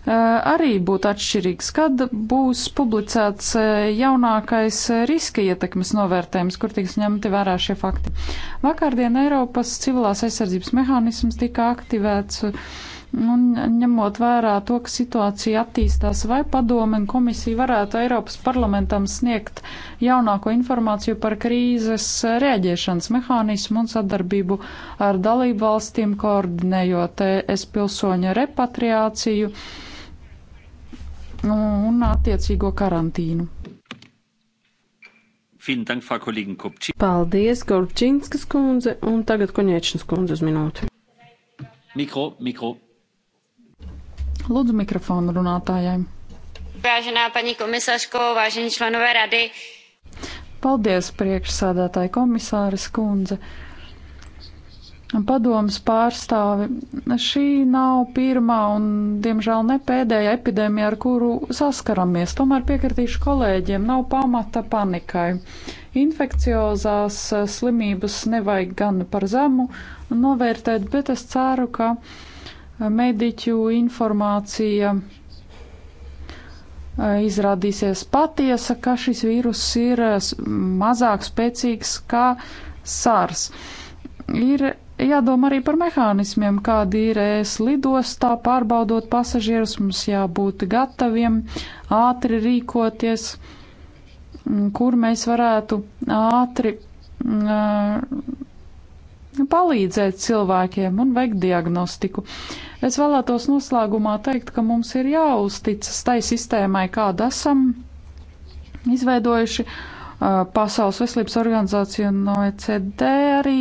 Eh, arī būtu atšķirīgs, kad būs publicēts eh, jaunākais riska ietekmes novērtējums, kur tiks ņemti vērā šie fakti. Vakardien Eiropas civilās aizsardzības mehānisms tika aktivēts. Un ņemot vērā to, ka situācija attīstās, vai padome un komisija varētu Eiropas parlamentam sniegt jaunāko informāciju par krīzes rēģēšanas mehānismu un sadarbību ar dalību valstīm, koordinējot eh, es pilsoņa repatriāciju, uh, Nu, un attiecīgo karantīnu. Paldies, Gorčinskas kundze, un tagad Koņēčnas kundze uz minūti. Mikro, mikro. Lūdzu mikrofonu runātājai. Vážená paní komisařko, vážení členové rady. Paldies, priekšsādātāji komisāres kundze. Uh, padomas pārstāvi. Šī nav pirmā un, diemžēl, ne pēdējā epidēmija, ar kuru saskaramies. Tomēr piekritīšu kolēģiem, nav pamata panikai. Infekciozās eh, slimības nevajag gan par zemu novērtēt, bet es ceru, ka eh, mediķu informācija eh, izrādīsies patiesa, ka šis vīrus ir mazāk spēcīgs kā SARS. Ir jādomā arī par mehānismiem, kādi ir ēs e lidostā, pārbaudot pasažierus, mums jābūt gataviem ātri rīkoties, kur mēs varētu ātri palīdzēt cilvēkiem un veikt diagnostiku. Es vēlētos noslēgumā teikt, ka mums ir jāuzticas tai sistēmai, kāda esam izveidojuši, uh, Uh, Pasaules veselības organizācija un OECD arī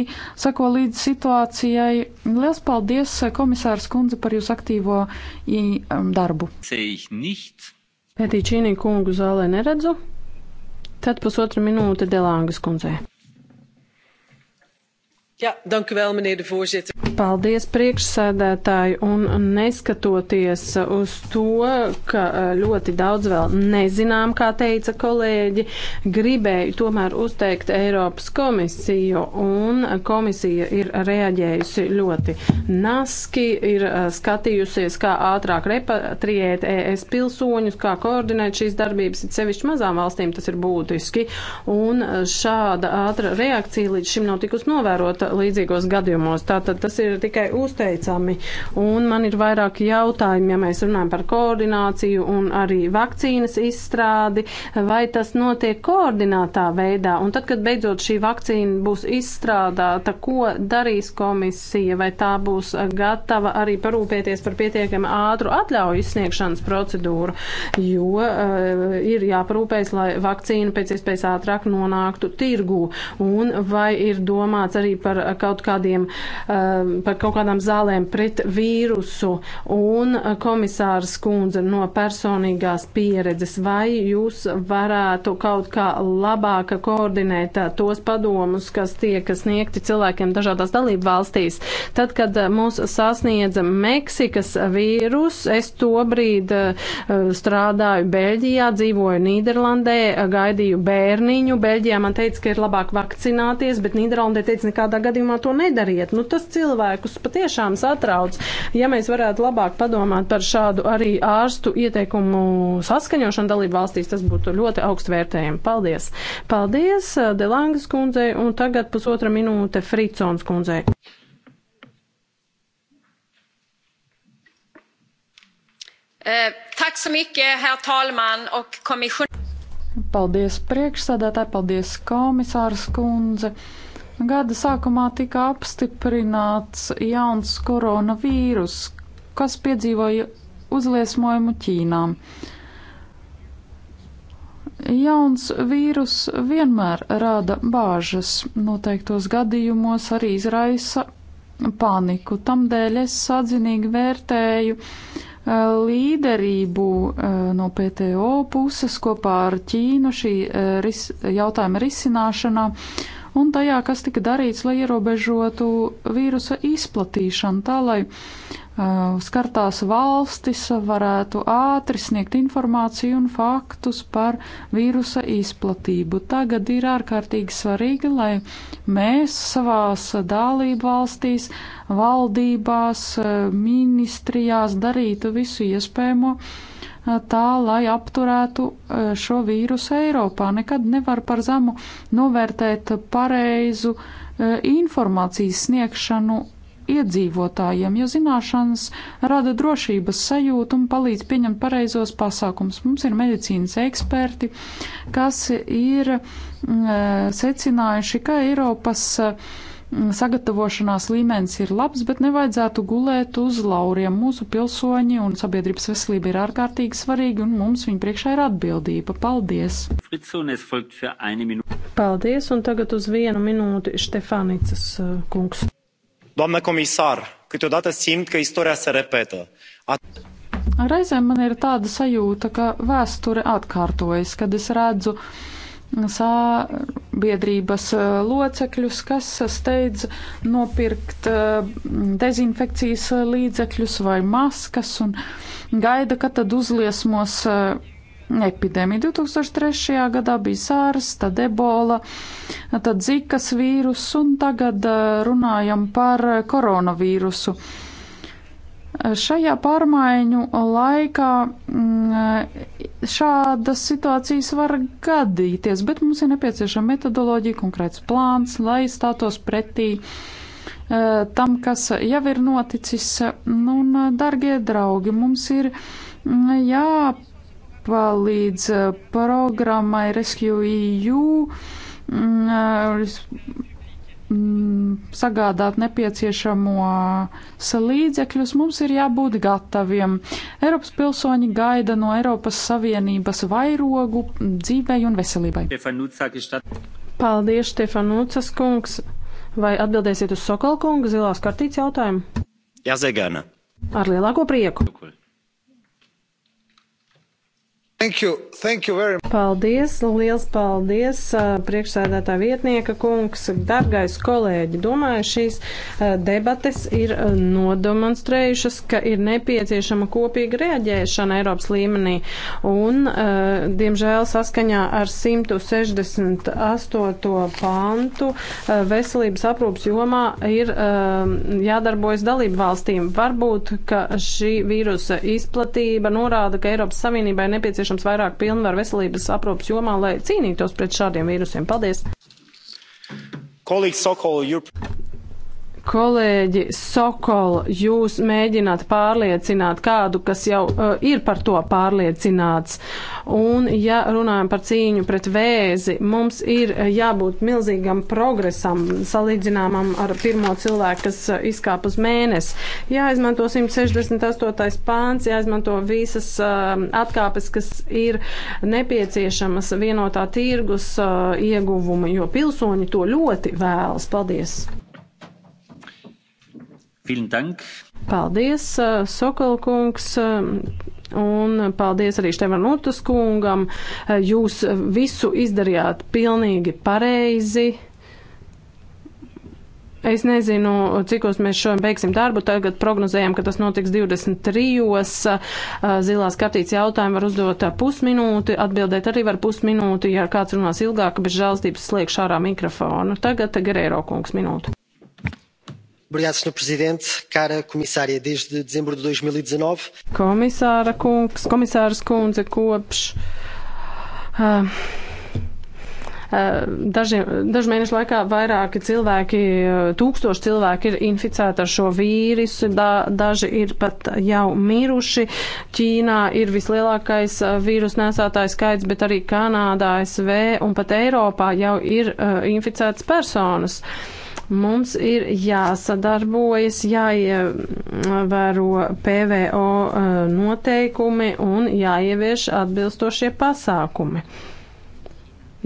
sako līdz situācijai. Lielas paldies, uh, komisārs kundze, par jūsu aktīvo um, darbu. Pētīčīnī kungu zālē neredzu. Tad pusotra minūte Delāngas kundzei. Ja, vēl, Paldies, priekšsēdētāji, un neskatoties uz to, ka eh, ļoti daudz vēl nezinām, kā teica kolēģi, gribēju tomēr uzteikt Eiropas komisiju, un komisija ir reaģējusi ļoti naski, ir eh, skatījusies, kā ātrāk repatriēt ES pilsoņus, kā koordinēt šīs darbības, it sevišķi mazām valstīm tas ir būtiski, un eh, šāda ātra reakcija līdz šim nav tikus novērota izmantota līdzīgos gadījumos. Tātad tas ir tikai uzteicami. Un man ir vairāki jautājumi, ja mēs runājam par koordināciju un arī vakcīnas izstrādi, vai tas notiek koordinātā veidā. Un tad, kad beidzot šī vakcīna būs izstrādāta, ko darīs komisija, vai tā būs gatava arī parūpēties par pietiekami ātru atļauju izsniegšanas procedūru, jo uh, ir jāparūpēs, lai vakcīna pēc iespējas ātrāk nonāktu tirgū. Un vai ir domāts arī par par kaut, kādiem, eh, par kaut kādām zālēm pret vīrusu un eh, komisārs kundze no personīgās pieredzes. Vai jūs varētu kaut kā labāk koordinēt eh, tos padomus, kas tiek sniegti cilvēkiem dažādās dalību valstīs? Tad, kad mūs sasniedza Meksikas vīrus, es to brīdi strādāju Beļģijā, dzīvoju Nīderlandē, gaidīju bērniņu. Beļģijā man teica, ka ir labāk vakcināties, bet Nīderlandē teica nekādā gadījumā to nedariet. Nu, tas cilvēkus patiešām satrauc. Ja mēs varētu labāk padomāt par šādu arī ārstu ieteikumu saskaņošanu dalību valstīs, tas būtu ļoti augstu vērtējami. Paldies! Paldies eh, Delangas kundzei un tagad pusotra minūte Fricons kundzei. Eh, tack så mycket, herr talman och kommission. Paldies priekšsēdētāji, paldies komisārs kundze. Uh, Gada sākumā tika apstiprināts jauns koronavīrus, kas piedzīvoja uzliesmojumu Ķīnām. Jauns vīrus vienmēr rada bāžas, noteiktos gadījumos arī izraisa paniku. Tamdēļ es sadzinīgi vērtēju eh, līderību eh, no PTO puses kopā ar Ķīnu šī eh, ris jautājuma risināšanā un tajā, kas tika darīts, lai ierobežotu vīrusa izplatīšanu, tā lai uh, skartās valstis varētu ātri sniegt informāciju un faktus par vīrusa izplatību. Tagad ir ārkārtīgi svarīgi, lai mēs savās dālību valstīs, valdībās, uh, ministrijās darītu visu iespējamo, uh, tā, lai apturētu e, šo vīrusu Eiropā. Nekad nevar par zemu novērtēt pareizu e, informācijas sniegšanu iedzīvotājiem, jo zināšanas rada drošības sajūtu un palīdz pieņemt pareizos pasākums. Mums ir medicīnas eksperti, kas ir mm, e, secinājuši, ka Eiropas uh, sagatavošanās līmenis ir labs, bet nevajadzētu gulēt uz lauriem. Mūsu pilsoņi un sabiedrības veselība ir ārkārtīgi svarīgi, un mums viņa priekšā ir atbildība. Paldies! Paldies, un tagad uz vienu minūti Štefanicas uh, kungs. Doamna komisār, câteodată simt, ka istorijā se repetă. At... Reizēm man ir tāda sajūta, ka vēsture atkārtojas, kad es redzu sā, biedrības eh, locekļus, kas steidz nopirkt eh, dezinfekcijas eh, līdzekļus vai maskas un gaida, ka tad uzliesmos epidēmija. 2003. gadā bija sārs, tad ebola, tad zikas vīrus un tagad runājam par koronavīrusu. Šajā pārmaiņu laikā mm, šādas situācijas var gadīties, bet mums ir nepieciešama metodoloģija, konkrēts plāns, lai stātos pretī eh, tam, kas jau ir noticis. Nu, un, eh, dargie draugi, mums ir mm, jāpalīdz eh, programmai Rescue EU mm, Mm, sagādāt nepieciešamos līdzekļus, mums ir jābūt gataviem. Eiropas pilsoņi gaida no Eiropas Savienības vairogu dzīvei un veselībai. Paldies, Stefanūcas kungs. Vai atbildēsiet uz Sokalkunga zilās kartītes jautājumu? Jā, Zegana. Ar lielāko prieku. Jukul. Thank you. Thank you very... Paldies, liels paldies, priekšsēdētā vietnieka kungs, dargais kolēģi. Domāju, šīs debates ir nodemonstrējušas, ka ir nepieciešama kopīga reaģēšana Eiropas līmenī. Un, diemžēl, saskaņā ar 168. pantu veselības aprūpas jomā ir jādarbojas dalību valstīm. Varbūt, ka šī vīrusa izplatība norāda, ka Eiropas Savienībai nepieciešama nepieciešams vairāk pilnvaru veselības aprūpas jomā, lai cīnītos pret šādiem vīrusiem. Paldies! Kolīgs Sokola, Europe. Kolēģi Sokol, jūs mēģināt pārliecināt kādu, kas jau uh, ir par to pārliecināts. Un, ja runājam par cīņu pret vēzi, mums ir eh, jābūt milzīgam progresam, salīdzināmam ar pirmo cilvēku, kas uh, eh, izkāp uz mēnesi. Jāizmanto 168. pāns, jāizmanto visas uh, atkāpes, kas ir nepieciešamas vienotā tirgus uh, ieguvuma, jo pilsoņi to ļoti vēlas. Paldies! Paldies, uh, Sokolkungs, um, un paldies arī Števan Utas kungam. Uh, jūs visu izdarījāt pilnīgi pareizi. Es nezinu, cikos mēs šodien beigsim darbu. Tagad prognozējam, ka tas notiks 23. Uh, zilās kartītes jautājumu var uzdot pusminūti, atbildēt arī var pusminūti, ja kāds runās ilgāk, bez žēlstības sliekš ārā mikrofonu. Tagad Gerēro kungs minūtu senhor presidente cara komisārie desde dezembro de 2019 komisāra e kungs komisārs kundze kopš uh, ah, ah, daži, daži mēneši laikā vairāki cilvēki, tūkstoši cilvēki ir inficēti ar šo vīrisu, da, daži ir pat jau miruši. Ķīnā ir vislielākais ah, vīrusu nesātājs skaits, bet arī Kanādā, SV un pat Eiropā jau ir uh, inficētas personas. Uh, Mums ir jāsadarbojas, jāievēro PVO eh, noteikumi un jāievieš atbilstošie pasākumi.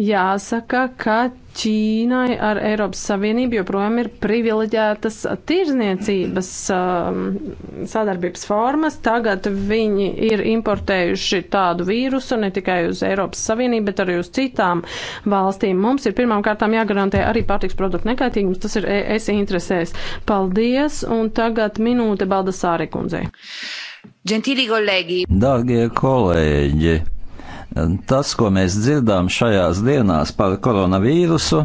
Jāsaka, ka Ķīnai ar Eiropas Savienību joprojām ir privileģētas tirzniecības um, sadarbības formas. Tagad viņi ir importējuši tādu vīrusu ne tikai uz Eiropas Savienību, bet arī uz citām valstīm. Mums ir pirmām kārtām jāgarantē arī pārtiks produktu nekaitīgums. Tas ir e- es interesēs. Paldies, un tagad minūte Baldasāri kundzei. Gentili kolēģi! Dārgie kolēģi! Tas, ko mēs dzirdām šajās dienās par koronavīrusu,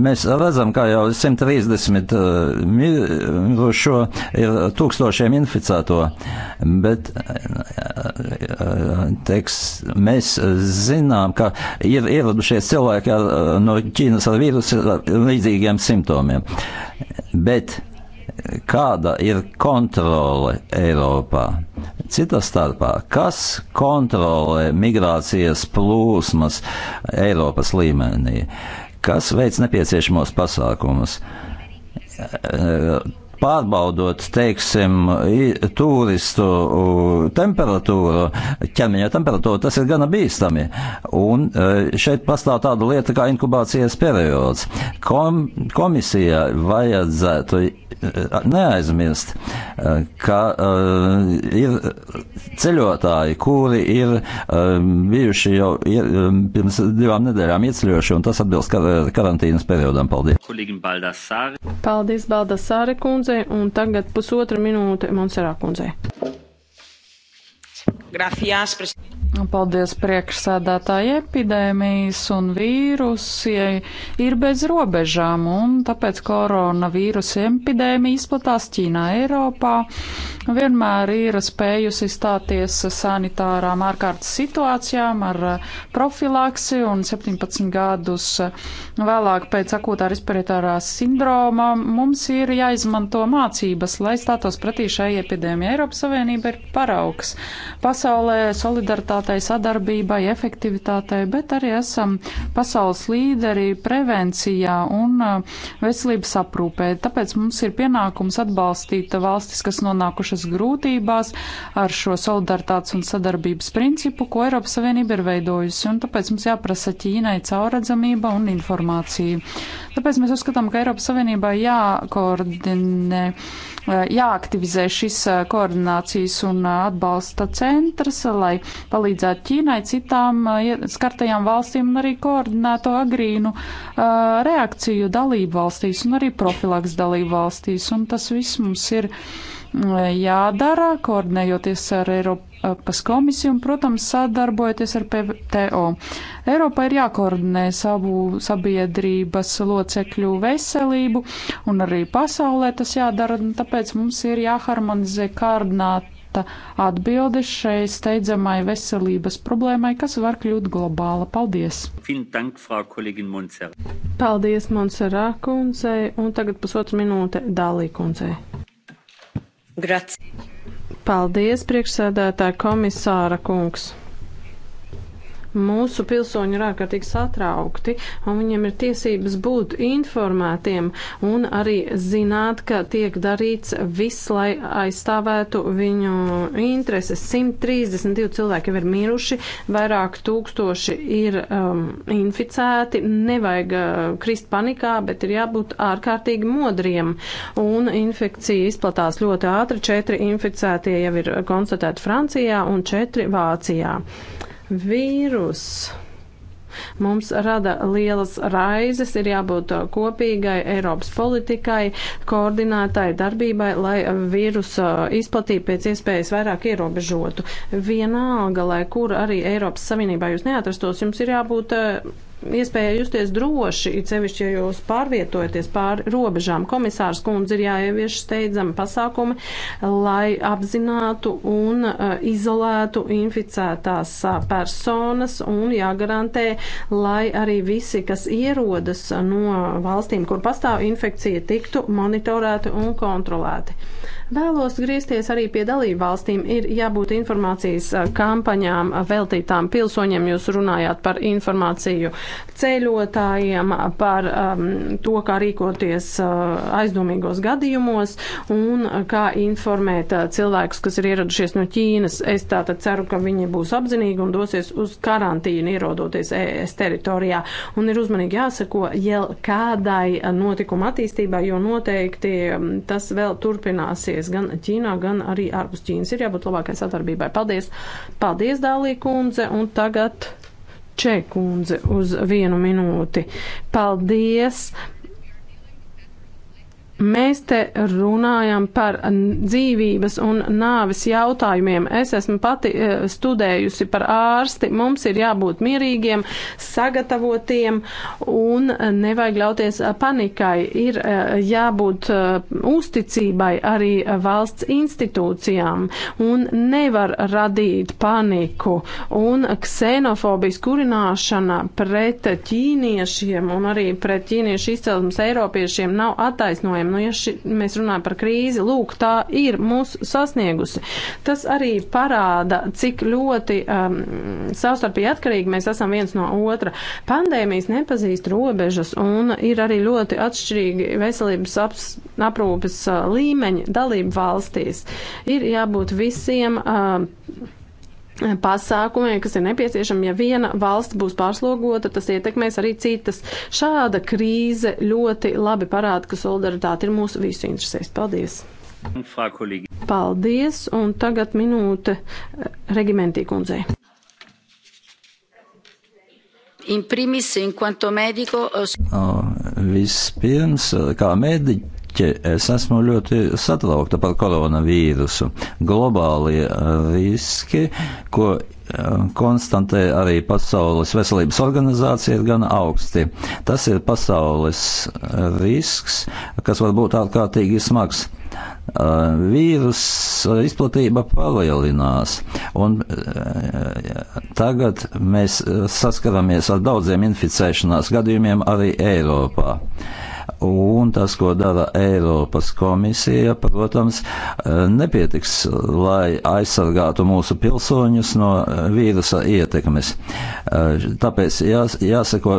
mēs redzam, kā jau 130 eh, mirušo ir tūkstošiem inficēto, bet eh, teiks, mēs zinām, ka ir ieradušies cilvēki ar, eh, no Ķīnas ar vīrusu līdzīgiem simptomiem. Bet kāda ir kontrole Eiropā. Cita starpā, kas kontrolē migrācijas plūsmas Eiropas līmenī, kas veic nepieciešamos pasākumus pārbaudot, teiksim, turistu temperatūru, ķermeņa temperatūru, tas ir gana bīstami. Un e, šeit pastāv tāda lieta kā inkubācijas periods. Kom, komisijai vajadzētu e, neaizmirst, e, ka ir ceļotāji, kuri ir bijuši jau ir, pirms divām nedēļām ieceļojuši, un tas atbilst kar karantīnas periodam. Paldies! Paldies, Baldasāri kundze! kundzei, un tagad pusotra minūte Monserā kundzei. Gracias, presidente. Paldies priekšsēdētāji epidēmijas un vīrusiem ir bez robežām, un tāpēc koronavīrusa epidēmija izplatās Ķīnā, Eiropā. Vienmēr ir spējusi stāties sanitārām ārkārtas situācijām ar profilaksi un 17 gadus Vēlāk pēc akūtā respiratorā sindroma mums ir jāizmanto mācības, lai stātos pretī šai epidēmijai. Eiropas Savienība ir paraugs pasaulē solidaritātei, sadarbībai, efektivitātei, bet arī esam pasaules līderi prevencijā un uh, veselības aprūpē. Tāpēc mums ir pienākums atbalstīt valstis, kas nonākušas grūtībās ar šo solidaritātes un sadarbības principu, ko Eiropas Savienība ir veidojusi. Un tāpēc mums jāprasa Ķīnai caurredzamība un informācija informāciju. Tāpēc mēs uzskatām, ka Eiropas Savienībā jākoordinē, eh, jāaktivizē šis eh, koordinācijas un eh, atbalsta centrs, lai palīdzētu Ķīnai, citām skartajām valstīm un arī koordinēto agrīnu reakciju dalību valstīs un arī profilaks dalību valstīs. Un tas viss mums ir jādara, koordinējoties ar Eiropas komisiju un, protams, sadarbojoties ar PTO. Eiropa ir jākoordinē savu sabiedrības locekļu veselību un arī pasaulē tas jādara, tāpēc mums ir jāharmonizē kārdināt atbildi šai steidzamai veselības problēmai, kas var kļūt globāla. Paldies! Dank, Paldies, Monserā kundzei, un tagad pusotru minūte Dālī kundzei. Grazie. Paldies, priekšsēdētāja komisāra kungs. Mūsu pilsoņi ir ārkārtīgi satraukti, un viņiem ir tiesības būt informētiem un arī zināt, ka tiek darīts viss, lai aizstāvētu viņu intereses. 132 cilvēki jau ir miruši, vairāk tūkstoši ir um, inficēti. Nevajag uh, krist panikā, bet ir jābūt ārkārtīgi modriem. Un infekcija izplatās ļoti ātri. Četri inficētie jau ir konstatēti Francijā un četri Vācijā vīruss mums rada lielas raizes, ir jābūt kopīgai Eiropas politikai, koordinētai darbībai, lai vīrusu uh, izplatību pēc iespējas vairāk ierobežotu. Vienalga, lai kur arī Eiropas Savienībā jūs neatrastos, jums ir jābūt uh, iespēja justies droši, it sevišķi, ja jūs pārvietojaties pāri robežām. Komisārs kundze ir jāievieš steidzami pasākumi, lai apzinātu un uh, izolētu inficētās uh, personas un jāgarantē, lai arī visi, kas ierodas no valstīm, kur pastāv infekcija, tiktu monitorēti un kontrolēti. Vēlos griezties arī pie dalību valstīm. Ir jābūt informācijas eh, kampaņām eh, veltītām pilsoņiem. Jūs runājāt par informāciju ceļotājiem, par um, to, kā rīkoties uh, aizdomīgos gadījumos un kā informēt uh, cilvēkus, kas ir ieradušies no Ķīnas. Es tātad ceru, ka viņi būs apzinīgi un dosies uz karantīnu ierodoties ES teritorijā. Un ir uzmanīgi jāsako, ja kādai notikuma attīstībai, jo noteikti um, tas vēl turpināsies darboties gan Ķīnā, gan arī ārpus Ķīnas. Ir jābūt labākai sadarbībai. Paldies! Paldies, Dālī kundze! Un tagad Čekundze uz vienu minūti. Paldies! Mēs te runājam par dzīvības un nāves jautājumiem. Es esmu pati e, studējusi par ārsti. Mums ir jābūt mierīgiem, sagatavotiem un nevajag ļauties e, panikai. Ir e, jābūt uzticībai arī valsts institūcijām un nevar radīt paniku. Un ksenofobijas kurināšana pret ķīniešiem un arī pret ķīniešu izcelsmes eiropiešiem nav attaisnojama problēma. Nu, ja ši, mēs runājam par krīzi, lūk, tā ir mūs sasniegusi. Tas arī parāda, cik ļoti um, savstarpīgi atkarīgi mēs esam viens no otra. Pandēmijas nepazīst robežas un ir arī ļoti atšķirīgi veselības aps, aprūpes uh, līmeņi dalību valstīs. Ir jābūt visiem. Uh, pasākumiem, kas ir nepieciešami. Ja viena valsts būs pārslogota, tas ietekmēs arī citas. Šāda krīze ļoti labi parāda, ka solidaritāte ir mūsu visu interesēs. Paldies! Paldies, un tagad minūte eh, regimentī kundzei. In primis, in quanto medico... Os... Eh, oh, vispirms, eh, kā mediķis Mārķe, es esmu ļoti satraukta par koronavīrusu. Globālie eh, riski, ko eh, konstantē arī Pasaules veselības organizācija, ir gan augsti. Tas ir pasaules eh, risks, kas var būt ārkārtīgi smags vīrusa izplatība palielinās. Un tagad mēs saskaramies ar daudziem inficēšanās gadījumiem arī Eiropā un tas, ko dara Eiropas komisija, protams, e, nepietiks, lai aizsargātu mūsu pilsoņus no vīrusa ietekmes. E, tāpēc jās, jāsako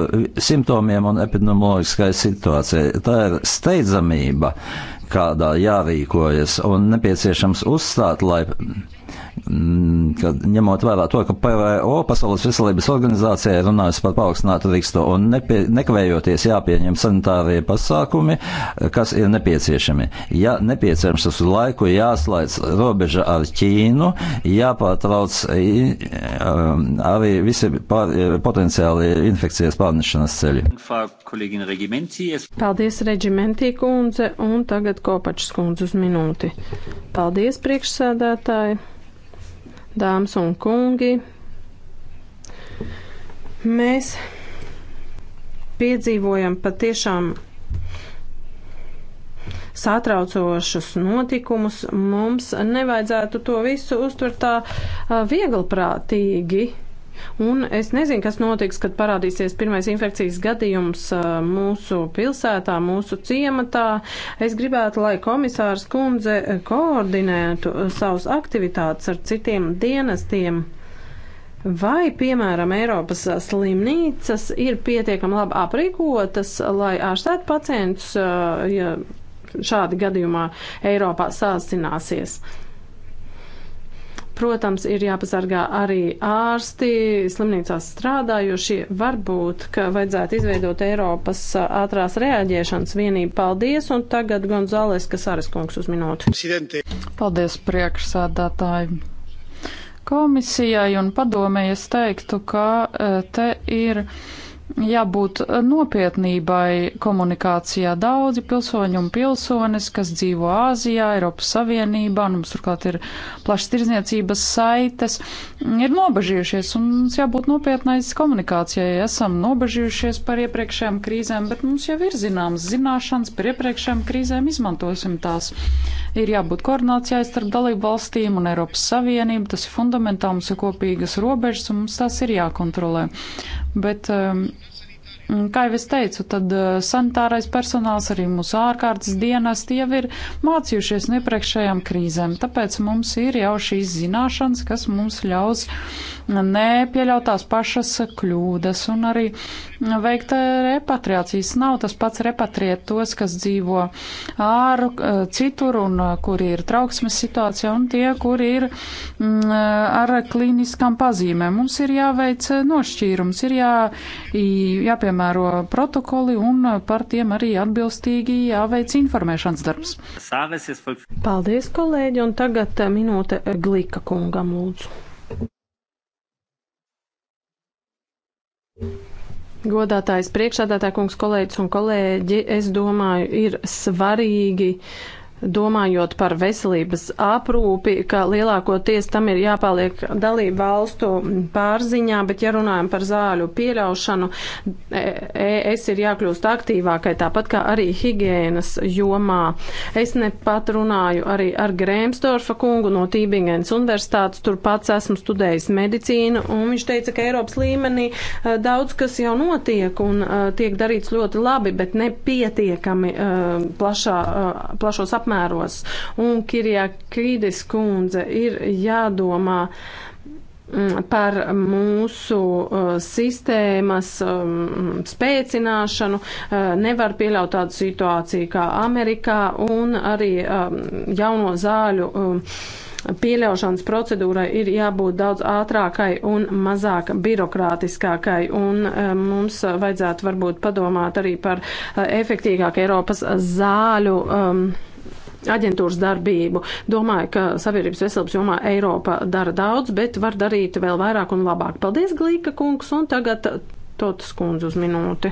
simptomiem un epidemioloģiskai situācijai. Tā ir steidzamība, kādā jārīkojas, un nepieciešams uzstāt, lai Mm, kad ņemot vērā to, ka PVO Pasaules veselības organizācija runājas par paaugstinātu rikstu un nepie, nekavējoties jāpieņem sanitārie pasākumi, kas ir nepieciešami. Ja nepieciešams uz laiku jāslēdz robeža ar Ķīnu, jāpārtrauc um, arī visi pār, e, potenciāli infekcijas pārnešanas ceļi. Paldies, Reģimentī kundze, un tagad Kopačs kundze uz minūti. Paldies, priekšsēdētāji! dāmas un kungi, mēs piedzīvojam patiešām satraucošus notikumus. Mums nevajadzētu to visu uztvert tā viegli prātīgi. Un es nezinu, kas notiks, kad parādīsies pirmais infekcijas gadījums uh, mūsu pilsētā, mūsu ciematā. Es gribētu, lai komisārs kundze koordinētu uh, savus aktivitātes ar citiem dienestiem. Vai, piemēram, Eiropas slimnīcas ir pietiekami labi aprīkotas, lai ārstētu pacientus, uh, ja šādi gadījumā Eiropā sācināsies? Protams, ir jāpasargā arī ārsti, slimnīcās strādājošie. Varbūt, ka vajadzētu izveidot Eiropas ātrās reaģēšanas vienību. Paldies, un tagad Gonzales Kasares kungs uz minūti. Presidente. Paldies, priekšsādātāji. Komisijai un padomēji es teiktu, ka e, te ir jābūt nopietnībai komunikācijā. Daudzi pilsoņi un pilsonis, kas dzīvo Āzijā, Eiropas Savienībā, un mums turklāt ir plašas tirzniecības saites, ir nobežījušies, un mums jābūt nopietnais komunikācijai. Esam nobežījušies par iepriekšējām krīzēm, bet mums jau ir zināmas zināšanas par iepriekšējām krīzēm, izmantosim tās. Ir jābūt koordinācijai starp dalību valstīm un Eiropas Savienību, tas ir fundamentāls, mums ir kopīgas robežas, un mums tās ir jākontrolē bet um, Mm, kā jau es teicu, tad uh, sanitārais personāls, arī mūsu ārkārtas dienesti jau ir mācījušies no iepriekšējām krīzēm. Tāpēc mums ir jau šīs zināšanas, kas mums ļaus nepieļaut tās pašas kļūdas un arī veikt uh, repatriācijas. Nav tas pats repatriēt tos, kas dzīvo āru, uh, citur un kuri ir trauksmes situācijā un tie, kuri ir mm, ar klīniskām pazīmēm. Mums ir jāveic nošķīrums, ir jā, jāpiemēr jāpiemēro protokoli un par tiem arī atbilstīgi jāveic informēšanas darbs. Paldies, kolēģi, un tagad eh, minūte eh, Glika kungam lūdzu. Godātājs priekšādātā kungs, kolēģis un kolēģi, es domāju, ir svarīgi uh, domājot par veselības aprūpi, ka lielākoties tam ir jāpaliek dalību valstu pārziņā, bet ja runājam par zāļu pieļaušanu, e, es ir jākļūst aktīvākai, tāpat kā arī higienas jomā. Es nepat runāju arī ar Grēmstorfa kungu no Tībingens universitātes, tur pats esmu studējis medicīnu, un viņš teica, ka Eiropas līmenī e, daudz kas jau notiek un e, tiek darīts ļoti labi, bet nepietiekami plašā, plašos apmērā apmēros. Un Kirjā Krīdis kundze ir jādomā mm, par mūsu uh, sistēmas um, spēcināšanu. Uh, nevar pieļaut tādu situāciju kā Amerikā un arī um, jauno zāļu. Um, pieļaušanas procedūrai ir jābūt daudz ātrākai un mazāk birokrātiskākai, un um, mums vajadzētu varbūt padomāt arī par uh, efektīgāku Eiropas zāļu. Um, aģentūras darbību. Domāju, ka sabiedrības veselības jomā Eiropa dara daudz, bet var darīt vēl vairāk un labāk. Paldies, Glīka kungs, un tagad Totas kundze uz minūti.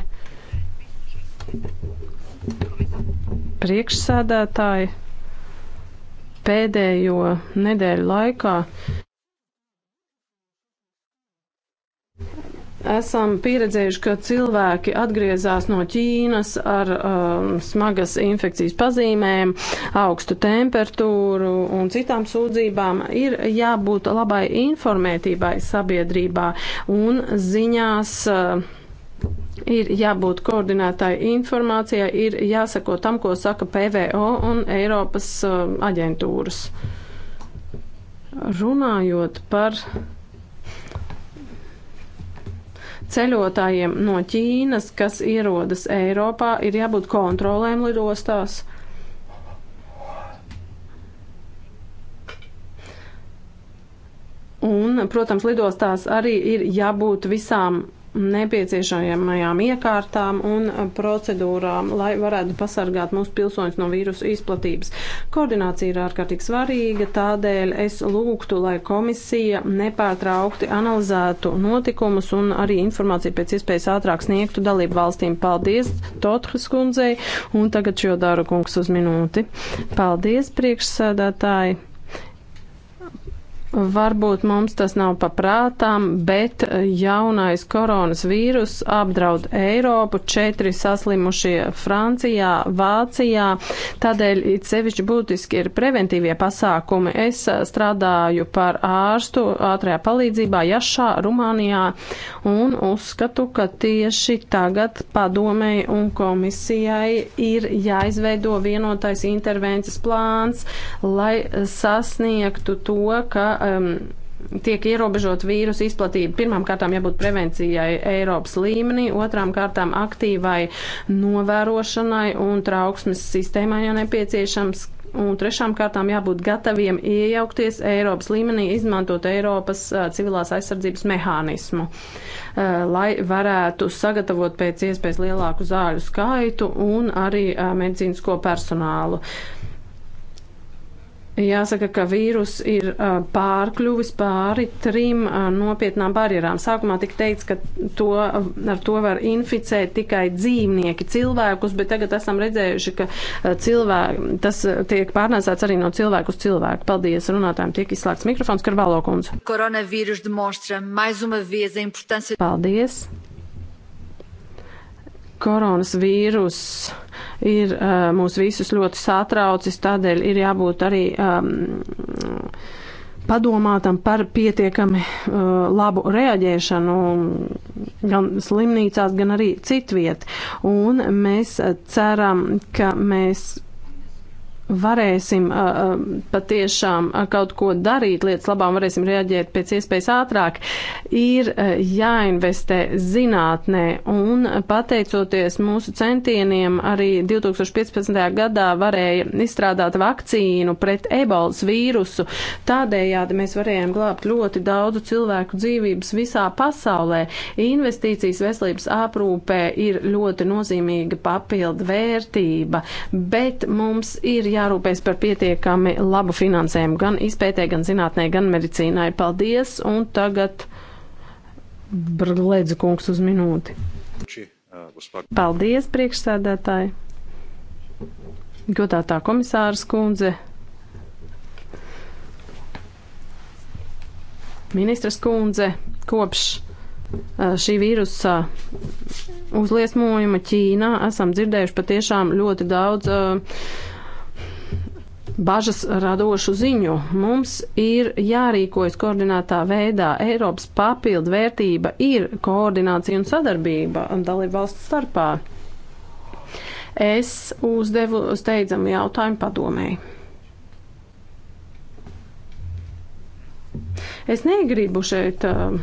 Priekšsēdētāji pēdējo nedēļu laikā esam pieredzējuši, ka cilvēki atgriezās no Ķīnas ar um, smagas infekcijas pazīmēm, augstu temperatūru un citām sūdzībām, ir jābūt labai informētībai sabiedrībā un ziņās. Uh, Ir jābūt koordinētai informācijai, ir jāsako tam, ko saka PVO un Eiropas uh, aģentūras. Runājot par uh, ceļotājiem no Ķīnas, kas ierodas Eiropā, ir jābūt kontrolēm lidostās. Un, protams, lidostās arī ir jābūt visām nepieciešamajām iekārtām un procedūrām, lai varētu pasargāt mūsu pilsoņus no vīrusu izplatības. Koordinācija ir ārkārtīgi svarīga, tādēļ es lūgtu, lai komisija nepārtraukti analizētu notikumus un arī informāciju pēc iespējas ātrāk sniegtu dalību valstīm. Paldies Totras kundzei un tagad šo daru kungs uz minūti. Paldies priekšsēdētāji! Varbūt mums tas nav paprātām, bet eh, jaunais koronas vīrus apdraud Eiropu, četri saslimušie Francijā, Vācijā, tādēļ it sevišķi būtiski ir preventīvie pasākumi. Es eh, strādāju par ārstu ātrajā palīdzībā Jašā, Rumānijā, un uzskatu, ka tieši tagad padomēji un komisijai ir jāizveido vienotais intervences plāns, lai sasniegtu to, ka um, tiek ierobežot vīrusu izplatība. Pirmām kārtām jābūt prevencijai Eiropas līmenī, otrām kārtām aktīvai novērošanai un trauksmes sistēmai, ja nepieciešams. Un trešām kārtām jābūt gataviem iejaukties Eiropas līmenī, izmantot Eiropas uh, civilās aizsardzības mehānismu, uh, lai varētu sagatavot pēc iespējas lielāku zāļu skaitu un arī uh, medicīnisko personālu. Uh, Jāsaka, ka vīrus ir uh, pārkļuvis pāri trim uh, nopietnām barjerām. Sākumā tika teikts, ka to, ar to var inficēt tikai dzīvnieki, cilvēkus, bet tagad esam redzējuši, ka uh, cilvēki, tas tiek pārnēsāts arī no cilvēku uz cilvēku. Paldies runātājiem, tiek izslēgts mikrofons Karvalokums. Paldies! Koronas vīrus ir uh, mūs visus ļoti satraucis, tādēļ ir jābūt arī um, padomātam par pietiekami uh, labu reaģēšanu gan slimnīcās, gan arī citviet. Un mēs ceram, ka mēs varēsim uh, um, patiešām uh, kaut ko darīt lietas labā un varēsim reaģēt pēc iespējas ātrāk, ir uh, jāinvestē zinātnē. Un uh, pateicoties mūsu centieniem, arī 2015. gadā varēja izstrādāt vakcīnu pret ebolas vīrusu. Tādējādi mēs varējām glābt ļoti daudzu cilvēku dzīvības visā pasaulē. Investīcijas veselības aprūpē ir ļoti nozīmīga papildu vērtība, bet mums ir jā jārūpēs par pietiekami labu finansējumu gan izpētē, gan zinātnē, gan medicīnai. Paldies! Un tagad Brledzu kungs uz minūti. Paldies, priekšsēdētāji! Godātā komisāras kundze, ministras kundze, kopš šī vīrusa uzliesmojuma Ķīnā esam dzirdējuši patiešām ļoti daudz uh, bažas radošu ziņu. Mums ir jārīkojas koordinētā veidā. Eiropas papildu vērtība ir koordinācija un sadarbība dalību valstu starpā. Es uzdevu steidzamu jautājumu padomēji. Es negribu šeit uh,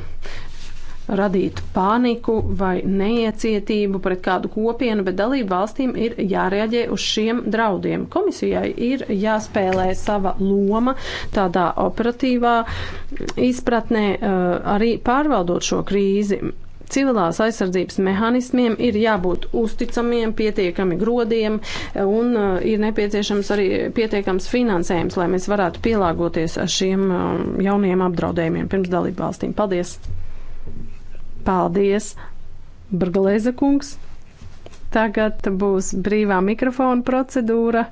radīt paniku vai neiecietību pret kādu kopienu, bet dalību valstīm ir jārēģē uz šiem draudiem. Komisijai ir jāspēlē sava loma tādā operatīvā izpratnē, eh, arī pārvaldot šo krīzi. Civilās aizsardzības mehānismiem ir jābūt uzticamiem, pietiekami grodiem eh, un eh, ir nepieciešams arī pietiekams finansējums, lai mēs varētu pielāgoties šiem jauniem apdraudējumiem pirms dalību valstīm. Paldies! Paldies, Brgleza kungs. Tagad būs brīvā mikrofona procedūra.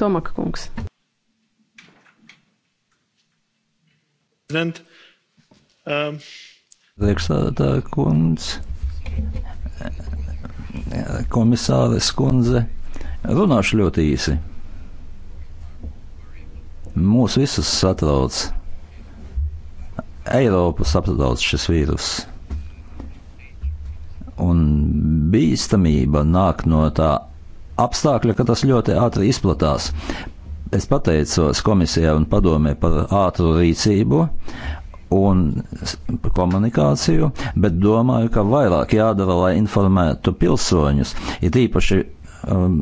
Tomaka kungs. Prezident, um... Priekšsādātāja kundze, komisāres kundze, runāšu ļoti īsi. Mūs visus satrauc Eiropas apdraudz šis vīrus. Un bīstamība nāk no tā apstākļa, ka tas ļoti ātri izplatās. Es pateicos komisijai un padomē par ātru rīcību un komunikāciju, bet domāju, ka vairāk jādara, lai informētu pilsoņus, ir īpaši um,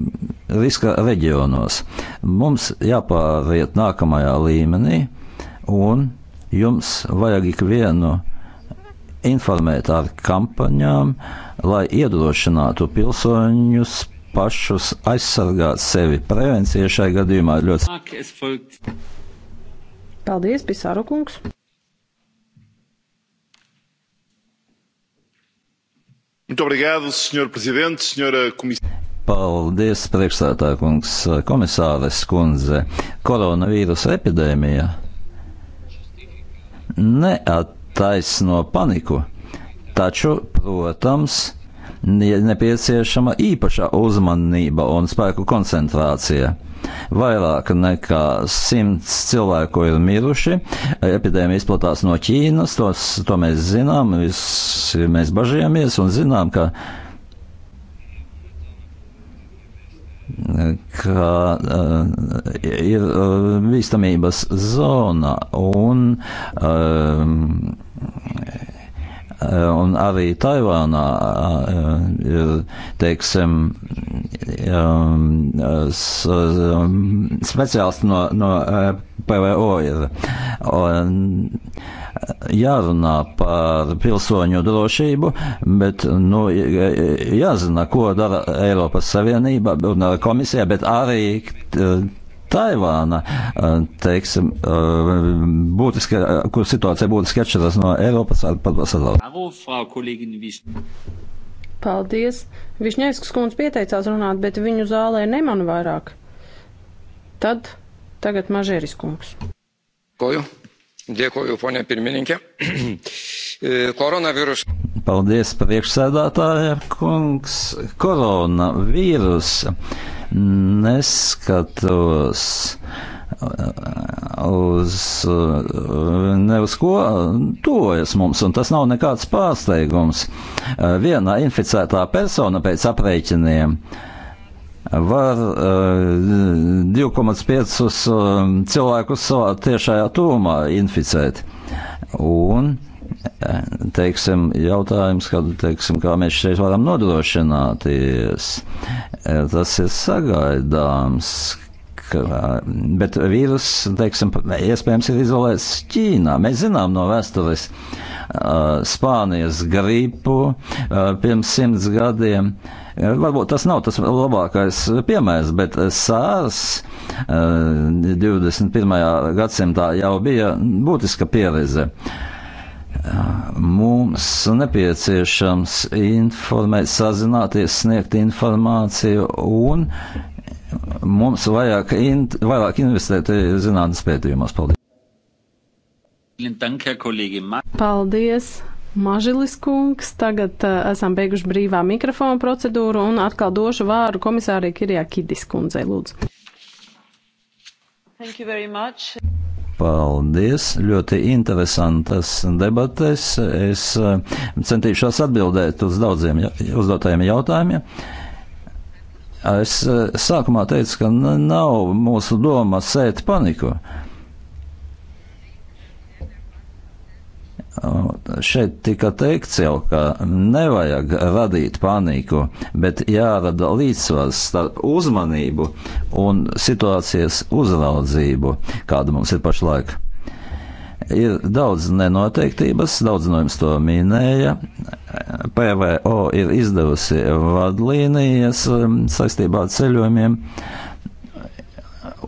riska reģionos. Mums jāpāriet nākamajā līmenī un Jums vajag ikvienu informēt ar kampaņām, lai iedrošinātu pilsoņus pašus aizsargāt sevi. Prevencija šai gadījumā ir ļoti. Paldies, Pisāru kungs! Muito obrigado, Sr. Presidente, Sra. Comissária. Paldies, priekšsētākungs, komisāres kundze. Koronavīrusa epidēmija neattaisno paniku, taču, protams, ir nepieciešama īpaša uzmanība un spēku koncentrācija. Vairāk nekā simts cilvēku ir miruši. Epidēmija izplatās no Ķīnas, tos, to mēs zinām, vis, mēs bažījāmies un zinām, ka ka uh, ir uh, bīstamības zona un uh, Eh, un arī Taivānā ir, eh, eh, teiksim, speciālisti no, no PVO ir. Un, jārunā par pilsoņu drošību, bet nu, jāzina, ko dara Eiropas Savienība un komisija, bet arī Taivāna, eh, teiksim, eh, būtiski, eh, kur situācija būtiski atšķiras no Eiropas ar pat pasaules. Paldies! Višņevskas kundze pieteicās runāt, bet viņu zālē neman vairāk. Tad tagad mažēris kungs. Koju? Dėkoju, ponė pirmininkė. E, Koronavīrus. Paldies, priekšsēdātāja kungs. Koronavīrus neskatos uh, uz uh, ne uz ko tuvojas mums, un tas nav nekāds pārsteigums. Uh, Viena inficētā persona pēc aprēķiniem var uh, 2,5 um, cilvēkus savā tiešajā tūmā inficēt. Un uh, teiksim, jautājums, kad, teiksim, kā mēs šeit varam nodrošināties, e, tas ir sagaidāms. Ka, bet vīrus, teiksim, iespējams, ir izolēts Ķīnā. Mēs zinām no vēstures uh, e, Spānijas gripu uh, e, pirms simts gadiem. Varbūt tas nav tas labākais piemērs, bet SARS uh, 21. gadsimtā jau bija būtiska pieredze. Uh, Mums nepieciešams informēt, sazināties, sniegt informāciju un mums vajag in, vairāk investēt e, zinātnes pētījumos. Paldies! Paldies! Mažilis kungs, tagad uh, esam beiguši brīvā mikrofona procedūru un atkal došu vāru komisārai Kirjā Kidis kundzei, lūdzu. Thank you very much. Paldies! Ļoti interesantas debates. Es eh, centīšos atbildēt uz daudziem uzdotajiem jautājumiem. Es eh, sākumā teicu, ka nav mūsu doma sēt paniku. Uh, Šeit tika teikts jau, ka nevajag radīt paniku, bet jārada līdzsvars starp uzmanību un situācijas uzraudzību, kāda mums ir pašlaik. Ir daudz nenoteiktības, daudz no jums to minēja. PVO ir izdevusi vadlīnijas um, saistībā ar ceļojumiem. Uh,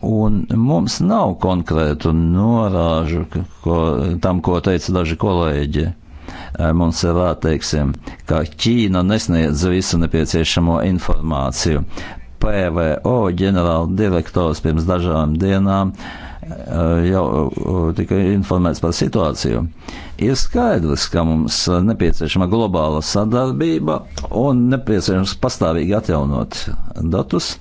un mums nav konkrētu norāžu ko, tam, ko teica daži kolēģi. E, mums ir jāteiksim, ka Ķīna nesniedz visu nepieciešamo informāciju. PVO ģenerāla direktors pirms dažām dienām e, jau e, tika informēts par situāciju. Ir skaidrs, ka mums nepieciešama globāla sadarbība un nepieciešams pastāvīgi atjaunot datus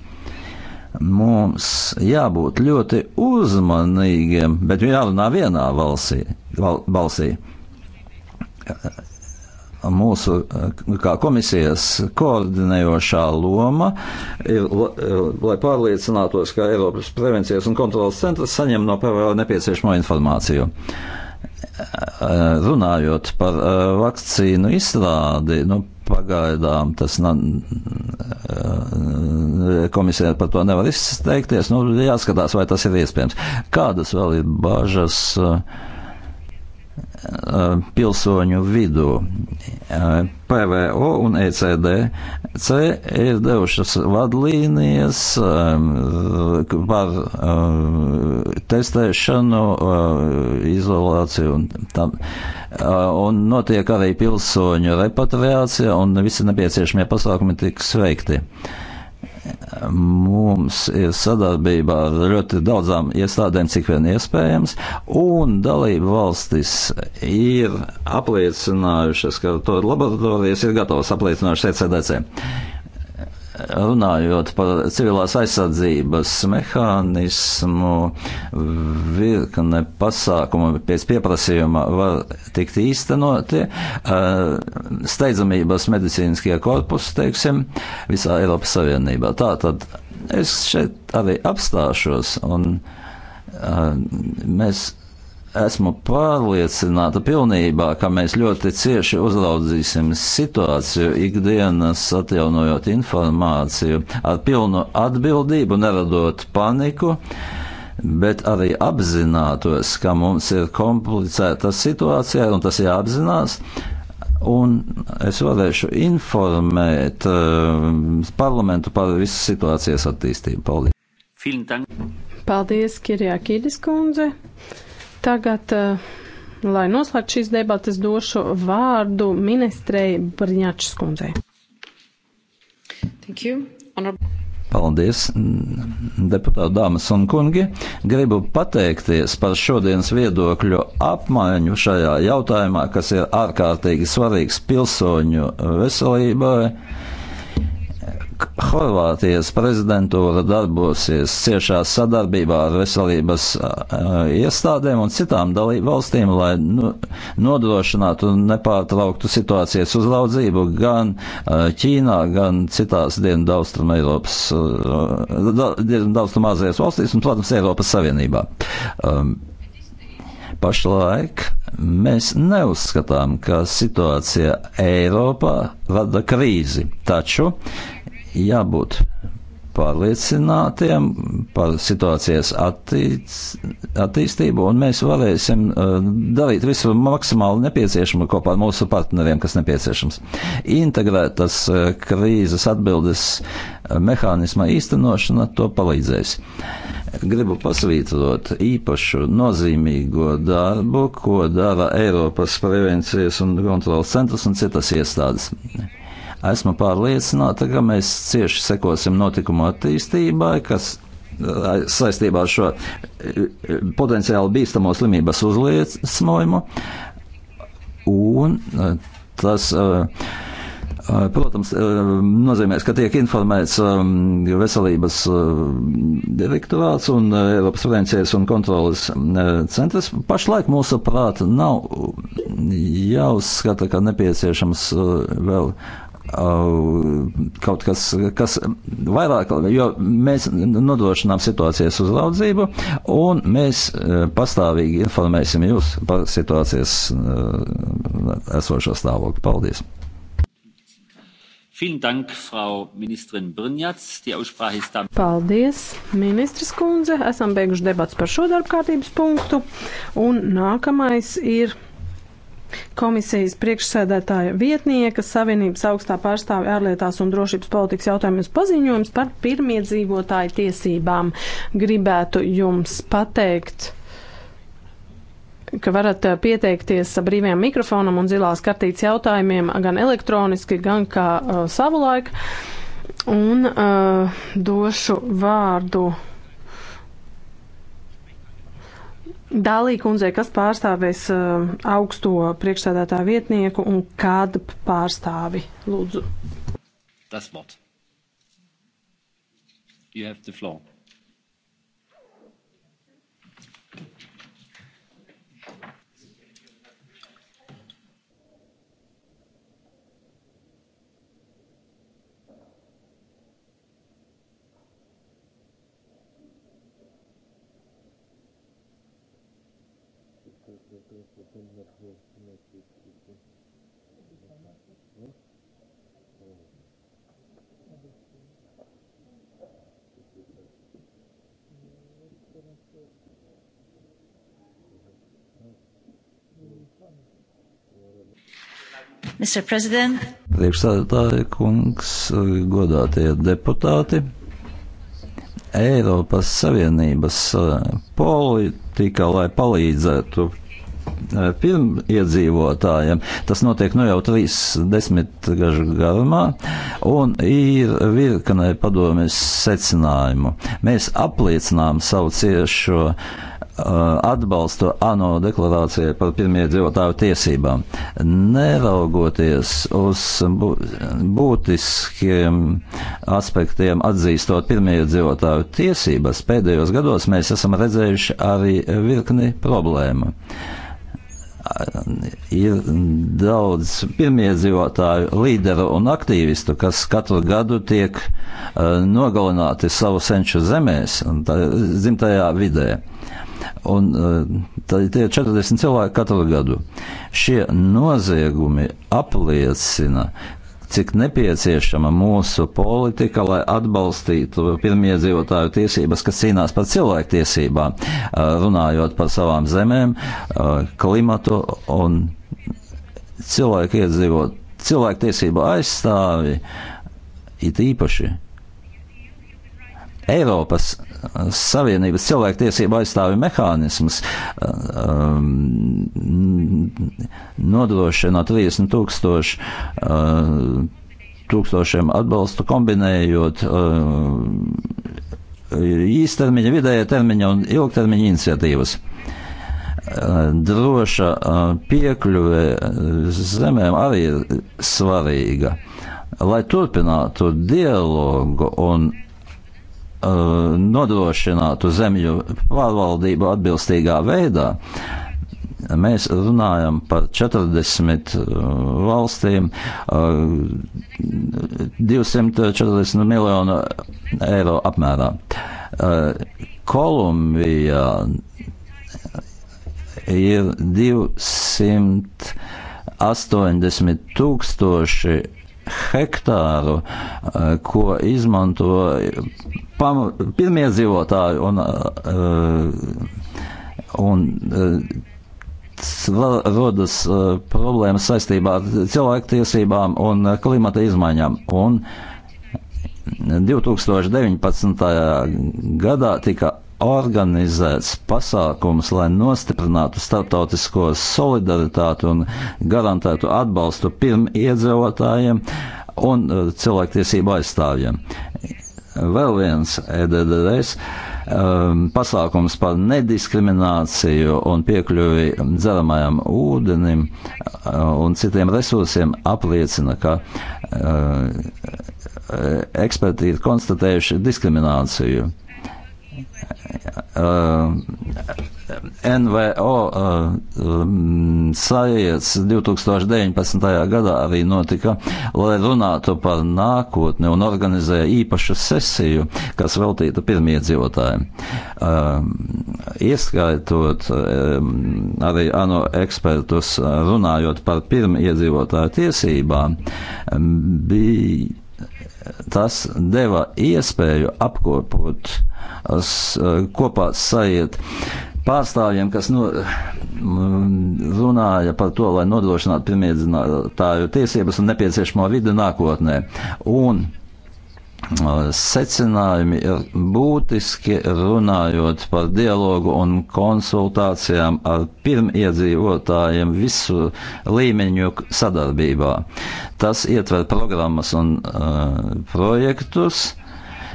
Mums jābūt ļoti uzmanīgiem, bet jārunā vienā valsī, val, balsī. Mūsu kā komisijas koordinējošā loma ir, lai pārliecinātos, ka Eiropas prevencijas un kontrolas centrs saņem no PVO nepieciešamo informāciju runājot par eh, vakcīnu izstrādi, nu, Pagaidām tas na, eh, komisija par to nevar izteikties. Nu, jāskatās, vai tas ir iespējams. Kādas vēl ir bažas? Uh, Uh, pilsoņu vidū. Uh, PVO un ECDC ir devušas vadlīnijas um, par uh, testēšanu, izolāciju un tam. Un notiek arī pilsoņu repatriācija un visi nepieciešamie pasākumi tiks veikti. Uh, Mums ir sadarbība ar ļoti daudzām iestādēm, cik vien iespējams, un dalība valstis ir apliecinājušas, ka to laboratorijas ir gatavas apliecinājušas ECDC runājot par civilās aizsardzības mehānismu, virkne pasākumu pēc pieprasījuma var tikt īstenoti. Eh, steidzamības medicīniskie korpusi, teiksim, visā Eiropas Savienībā. Tā tad es šeit arī apstāšos un eh, mēs Esmu pārliecināta pilnībā, ka mēs ļoti cieši uzraudzīsim situāciju ikdienas atjaunojot informāciju ar pilnu atbildību, neradot paniku bet arī apzinātos, ka mums ir komplicēta situācija un tas jāapzinās. Un es varēšu informēt uh, parlamentu par visu situācijas attīstību. Paldies! Paldies, Kirjā Kīdis kundze! Tagad, eh, lai noslēgtu šīs debatas, došu vārdu ministrei Brņāčs kundzei. Thank you. Honorable. Paldies, deputāti, dāmas un kungi. Gribu pateikties par šodienas viedokļu apmaiņu šajā jautājumā, kas ir ārkārtīgi svarīgs pilsoņu veselībai Horvātijas prezidentūra darbosies ciešā sadarbībā ar veselības eh, iestādēm un citām dalību valstīm, lai nu, nodrošinātu nepārtrauktu situācijas uzraudzību gan eh, Ķīnā, gan citās Dienvidaustrumē Eiropas, eh, Dienvidaustrumā Azijas valstīs un, protams, Eiropas Savienībā. Ehm, pašlaik Mēs neuzskatām, ka situācija Eiropā rada krīzi, taču jābūt pārliecinātiem par situācijas attīc, attīstību, un mēs varēsim uh, darīt visu maksimāli nepieciešamo kopā ar mūsu partneriem, kas nepieciešams. Integrētas uh, krīzes atbildes uh, mehānisma īstenošana to palīdzēs. Gribu pasvītrot īpašu nozīmīgo darbu, ko dara Eiropas prevencijas un kontrolas centrs un citas iestādes. Esmu pārliecināta, ka mēs cieši sekosim notikumu attīstībai, kas eh, saistībā ar šo eh, potenciāli bīstamo slimības uzliesmojumu. Un eh, tas, protams, nozīmēs, ka tiek informēts veselības direktorāts un Eiropas prevencijas un kontrolas centrs. Pašlaik mūsu prāta nav jāuzskata, ka nepieciešams vēl Uh, kaut kas, kas vairāk, jo mēs nodrošinām situācijas uzraudzību un mēs uh, pastāvīgi informēsim jūs par situācijas uh, esošo stāvokli. Paldies! Paldies, ministrs kundze. Esam beiguši debats par šo darbkārtības punktu. Un nākamais ir komisijas priekšsēdētāja vietnieka Savienības augstā pārstāvja ārlietās un drošības politikas jautājumus paziņojums par pirmiedzīvotāju tiesībām. Gribētu jums pateikt ka varat eh, pieteikties brīvajam mikrofonam un zilās kartītes jautājumiem gan elektroniski, gan kā uh, savulaik. Un uh, došu vārdu Dālī kundzei, kas pārstāvēs uh, augsto priekšsēdētā vietnieku un kādu pārstāvi, lūdzu? Tas vārds. You have the floor. Mr. President. Priekšstādātāja kungs, godātie deputāti. Eiropas Savienības eh, politika, lai palīdzētu eh, pirmiedzīvotājiem. Tas notiek nu jau trīs desmitgažu garumā, un ir virkne padomjas secinājumu. Mēs apliecinām savu ciešo Uh, atbalstu ANO deklarācijai par pirmie dzīvotāju tiesībām, neraugoties uz būtiskiem aspektiem atzīstot pirmie dzīvotāju tiesības, pēdējos gados mēs esam redzējuši arī virkni problēmu ir daudz pirmiedzīvotāju, līderu un aktīvistu, kas katru gadu tiek uh, nogalināti savu senču zemēs un dzimtajā vidē. Uh, Un e, tad tie ir 40 cilvēki katru gadu. Šie noziegumi apliecina, cik nepieciešama mūsu politika, lai atbalstītu pirmiedzīvotāju tiesības, kas cīnās par cilvēktiesībām, e, runājot par savām zemēm, e, klimatu un cilvēku iedzīvot. Cilvēktiesība aizstāvi ir īpaši Eiropas Savienības cilvēktiesību aizstāvi mehānisms um, nodrošina 30 tūkstoši. Uh, Tūkstošiem atbalstu kombinējot uh, īstermiņa, vidēja termiņa un ilgtermiņa iniciatīvas. Uh, droša uh, piekļuve zemēm arī ir svarīga. Lai turpinātu dialogu un uh, nodrošinātu zemju pārvaldību atbilstīgā veidā, mēs runājam par 40 uh, valstīm, 240 uh, miljonu eiro apmērā. Uh, Kolumbijā ir 280 tūkstoši hektāru, ko izmanto pam, pirmie dzīvotāji un, eh, un, un eh, rodas eh, problēmas saistībā ar cilvēku tiesībām un klimata izmaiņām. Un 2019. gadā tika organizēts pasākums, lai nostiprinātu starptautisko solidaritāti un garantētu atbalstu pirmiedzīvotājiem un cilvēktiesību aizstāvjiem vēl viens EDDS um, pasākums par nediskrimināciju un piekļuvi dzeramajam ūdenim uh, un citiem resursiem apliecina, ka uh, e, eksperti ir konstatējuši diskrimināciju. NVO sajēts 2019. gadā arī notika, lai runātu par nākotni un organizēja īpašu sesiju, kas veltīta pirmiedzīvotājiem. Um, ieskaitot um, arī ANO ekspertus runājot par pirmiedzīvotāju tiesībām, um, bija tas deva iespēju apkopot, kopā sajiet pārstāvjiem, kas nu, runāja par to, lai nodrošinātu pirmiedzinātāju tiesības un nepieciešamo vidi nākotnē. Un secinājumi ir būtiski runājot par dialogu un konsultācijām ar pirmiedzīvotājiem visu līmeņu sadarbībā. Tas ietver programmas un uh, projektus,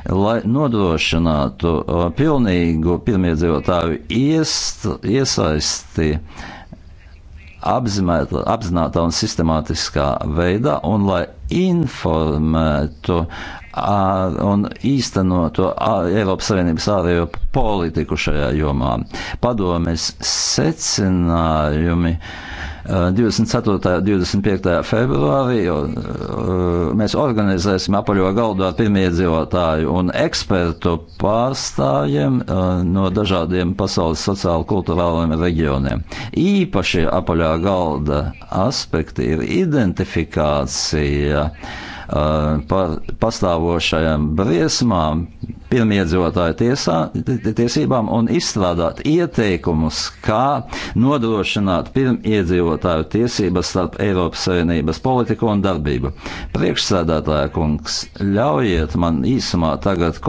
lai nodrošinātu uh, pilnīgu pirmiedzīvotāju iest, iesaisti apzinātā un sistemātiskā veidā, un lai informētu ar, un īstenotu Eiropas Savienības ārējo politiku šajā jomā. Padomes secinājumi 24. un 25. februārī mēs organizēsim apaļo galdu ar pirmiedzīvotāju un ekspertu pārstāvjiem no dažādiem pasaules sociāli kulturāliem reģioniem. Īpaši apaļā galda aspekti ir identifikācija 的 par pastāvošajām briesmām, pirmiedzotāju tiesā, tiesībām un izstrādāt ieteikumus, kā nodrošināt pirmiedzīvotāju tiesības starp Eiropas Savienības politiku un darbību. Priekšsēdētāja kungs, ļaujiet man īsumā tagad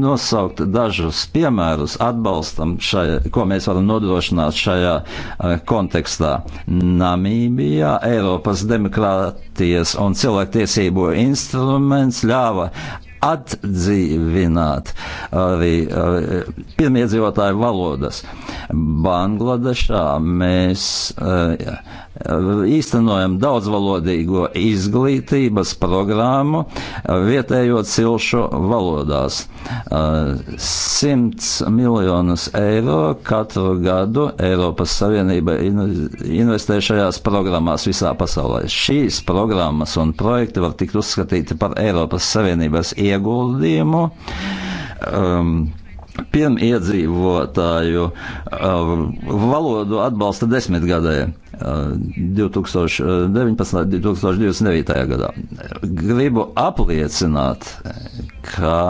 nosaukt dažus piemērus atbalstam, šajā, ko mēs varam nodrošināt šajā uh, kontekstā. Namībijā Eiropas demokrātijas un cilvēktiesības tiesību instruments ļāva atdzīvināt arī pirmiedzīvotāju valodas. Bangladešā mēs eh, Eh, īstenojam daudzvalodīgo izglītības programmu eh, vietējo cilšu valodās. 100 eh, miljonus eiro katru gadu Eiropas Savienība investē šajās programmās visā pasaulē. Šīs programmas un projekti var tikt uzskatīti par Eiropas Savienības ieguldījumu. Um, ehm, pirmiedzīvotāju uh, valodu atbalsta desmitgadē. 2019. 2029. gadā. Gribu apliecināt, ka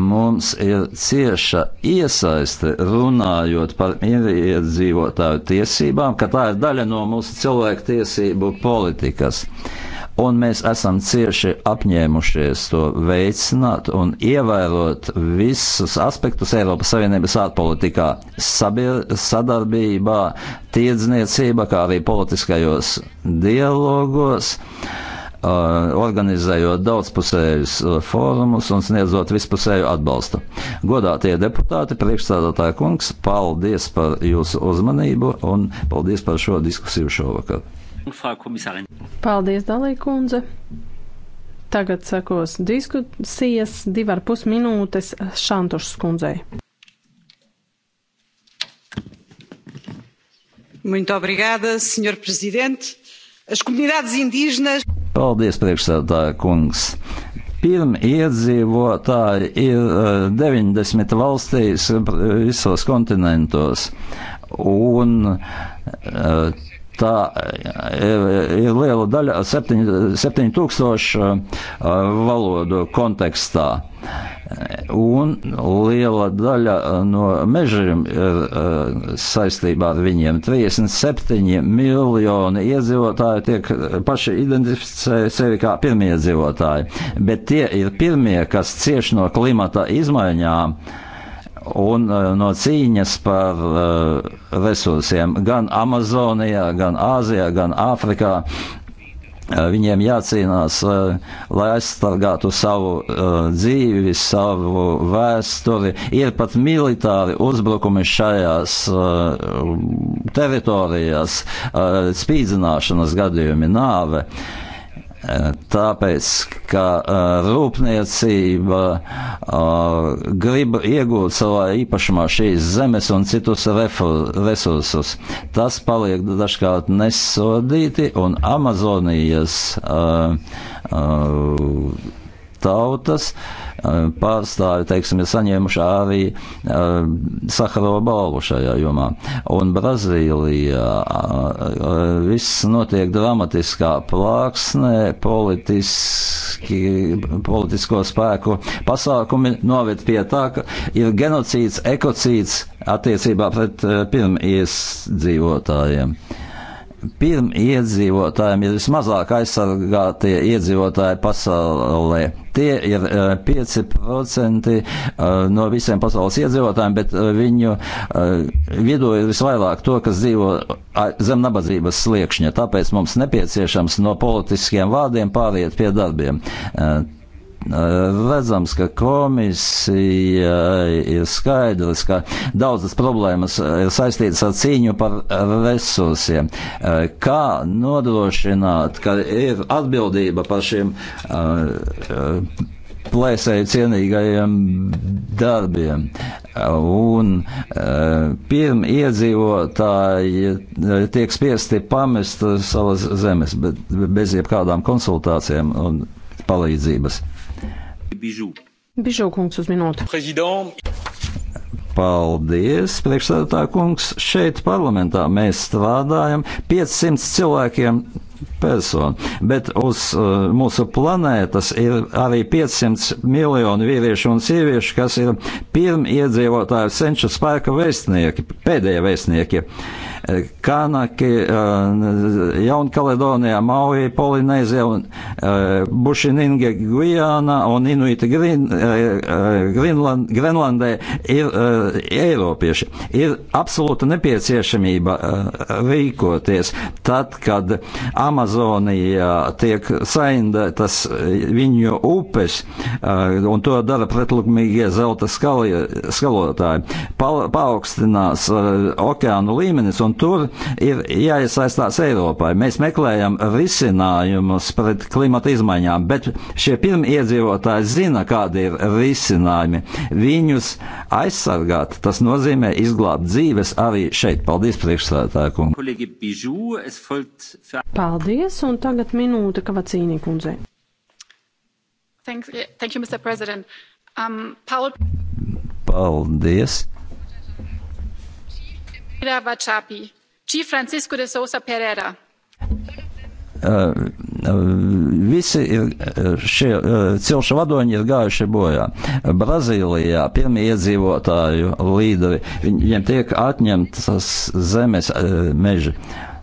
mums ir cieša iesaiste runājot par iedzīvotāju tiesībām, ka tā ir daļa no mūsu cilvēku tiesību politikas. Uh, un mēs esam cieši apņēmušies to veicināt un ievērot visus aspektus Eiropas Savienības ārpolitikā, sabir, sadarbībā, tirdzniecība, kā arī politiskajos dialogos. Uh, organizējot daudzpusējus uh, fórumus un sniedzot vispusēju atbalstu. Godātie deputāti, priekšstādātāja kungs, paldies par jūsu uzmanību un paldies par šo diskusiju šovakar. Paldies, Dalīkundze! Tagad sekos diskusijas divi ar pus minūtes Šantušas kundzei. Muito obrigada, Sr. Presidente. As comunidades indígenas. Paldies, priekšsēdētāja kungs. Pirmie iedzīvotāji ir 90 eh, valstīs, eh, visos kontinentos. Un eh, tā e, e, ir liela daļa, 7000 e, valodu kontekstā. Un liela daļa no mežiem ir saistībā ar viņiem. 37 miljoni iedzīvotāji tiek paši identificē sevi kā pirmie iedzīvotāji, bet tie ir pirmie, kas cieš no klimata izmaiņām un eh, no cīņas par eh, resursiem gan Amazonijā, gan Āzijā, gan Āfrikā. Eh, viņiem jācīnās, lai aizsargātu savu dzīvi, savu vēsturi. Ir pat militāri uzbrukumi šajās teritorijās, spīdzināšanas gadījumi, nāve. Tāpēc, ka rūpniecība grib iegūt savā īpašumā šīs zemes un citus resursus. Tas paliek dažkārt nesodīti, un Amazonijas uh, uh, tautas eh, pārstāvi, teiksim, ir saņēmuši arī uh, Sakarova balvu šajā jomā. Un Brazīlijā uh, eh, viss notiek dramatiskā plāksnē, politiski, politisko spēku pasākumi noved pie tā, ka ir genocīds, ekocīds attiecībā pret uh, pirmiesdzīvotājiem. Uh, pirmiedzīvotājiem ir vismazāk aizsargātie iedzīvotāji pasaulē. Tie ir 5% eh, eh, no visiem pasaules iedzīvotājiem, bet eh, viņu vidū ir visvairāk to, kas dzīvo zem nabadzības sliekšņa. Tāpēc mums nepieciešams no politiskiem vārdiem pāriet pie darbiem redzams, ka komisija ir skaidrs, ka daudzas problēmas ir saistītas ar cīņu par resursiem. Kā nodrošināt, ka ir atbildība par šiem eh, plēsēju cienīgajiem darbiem. Un eh, pirmie iedzīvotāji tiek spiesti pamest savas zemes bez jebkādām konsultācijām un palīdzības. Bižu. Bižu kungs uz minūti. Prezident. Paldies, priekšsēdētā kungs. Šeit parlamentā mēs strādājam 500 cilvēkiem personu. Bet uz uh, mūsu planētas ir arī 500 miljoni vīriešu un sieviešu, kas ir pirmiedzīvotāju senču spēka vēstnieki, pēdējie vēstnieki. Uh, Kanaki, eh, Jaunkaledonijā, Maui, Polinēzija un eh, Bušininga Gujāna un Inuita Grin, eh, Grinland, Grenlandē ir Eiropieši. Ir absolūta nepieciešamība rīkoties tad, kad Amazonijā tiek saindētas viņu upes un to dara pretlikumīgie zelta skali, skalotāji. Pa, paaugstinās okeānu līmenis un tur ir jāiesaistās Eiropai. Mēs meklējam risinājumus pret klimata izmaiņām, bet šie pirmiedzīvotāji zina, kādi ir risinājumi. Viņus aizsargāt, tas nozīmē izglābt dzīves arī šeit. Paldies, priekšsēdētāju kungu. Paldies, un tagad minūte Kavacīnī kundzei. Thank you, Mr. President. Um, Paul... Paldies. Vačapi, Čī Francisku de Sousa Pereira. Uh, visi ir, šie cilšu vadoņi ir gājuši bojā. Brazīlijā pirmie iedzīvotāju līderi, viņiem tiek atņemtas zemes meži. Uh,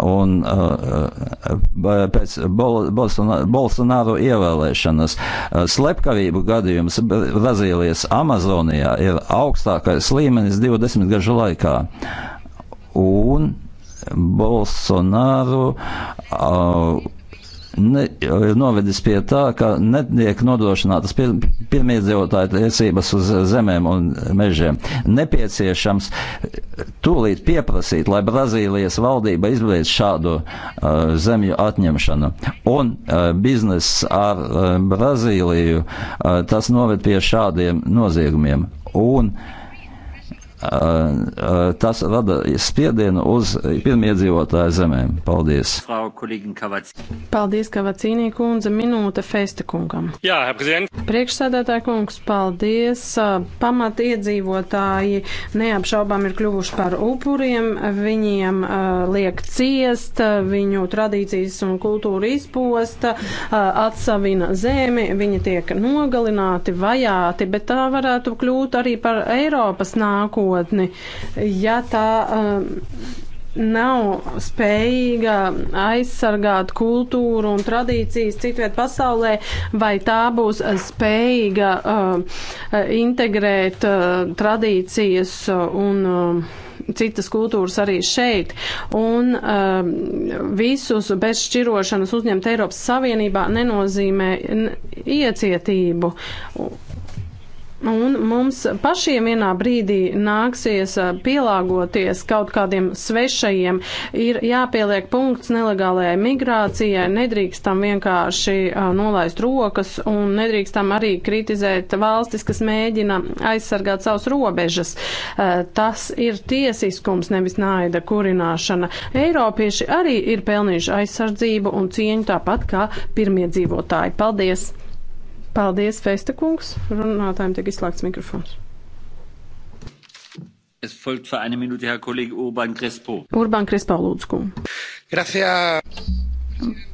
un uh, uh, uh, pēc Bol Bolsonaro, Bolsonaro ievēlēšanas uh, slepkavību gadījums Brazīlijas Amazonijā ir augstākais līmenis 20 gažu laikā. Un Bolsonaro uh, ne, novedis pie tā, ka netiek nodrošinātas pir, pirmie dzīvotāju tiesības uz zemēm un mežiem. Nepieciešams tūlīt pieprasīt, lai Brazīlijas valdība izbeidz šādu uh, zemju atņemšanu. Un uh, bizness ar uh, Brazīliju uh, tas noved pie šādiem noziegumiem. Un, uh, Eh, eh, tas rada spiedienu uz pirmiedzīvotāju zemēm. Paldies! Paldies, Kavacīnī kundze, minūte Feista kungam. Jā, Priekšsēdētāja kungs, paldies! Eh, pamat iedzīvotāji neapšaubām ir kļuvuši par upuriem, viņiem uh, liek ciest, viņu tradīcijas un kultūra izposta, uh, atsavina zemi, viņi tiek nogalināti, vajāti, bet tā varētu kļūt arī par Eiropas nākotni nākotni. Ja tā, um, nav spējīga aizsargāt kultūru un tradīcijas citviet pasaulē, vai tā būs spējīga uh, integrēt uh, tradīcijas uh, un uh, citas kultūras arī šeit. Un uh, visus bez šķirošanas uzņemt Eiropas Savienībā nenozīmē iecietību. Un mums pašiem vienā brīdī nāksies eh, pielāgoties kaut kādiem svešajiem. Ir jāpieliek punkts nelegālajai migrācijai, nedrīkstam vienkārši eh, nolaist rokas un nedrīkstam arī kritizēt valstis, kas mēģina aizsargāt savus robežas. Eh, tas ir tiesiskums, nevis naida kurināšana. Eiropieši arī ir pelnījuši aizsardzību un cieņu tāpat kā pirmie dzīvotāji. Paldies! Paldies, Festa kungs. Runātājiem tiek izslēgts mikrofons. Es folgt für eine Minute Herr Kollege Urban Crespo. Urban Crespo, lūdzu, kungu. Gracias.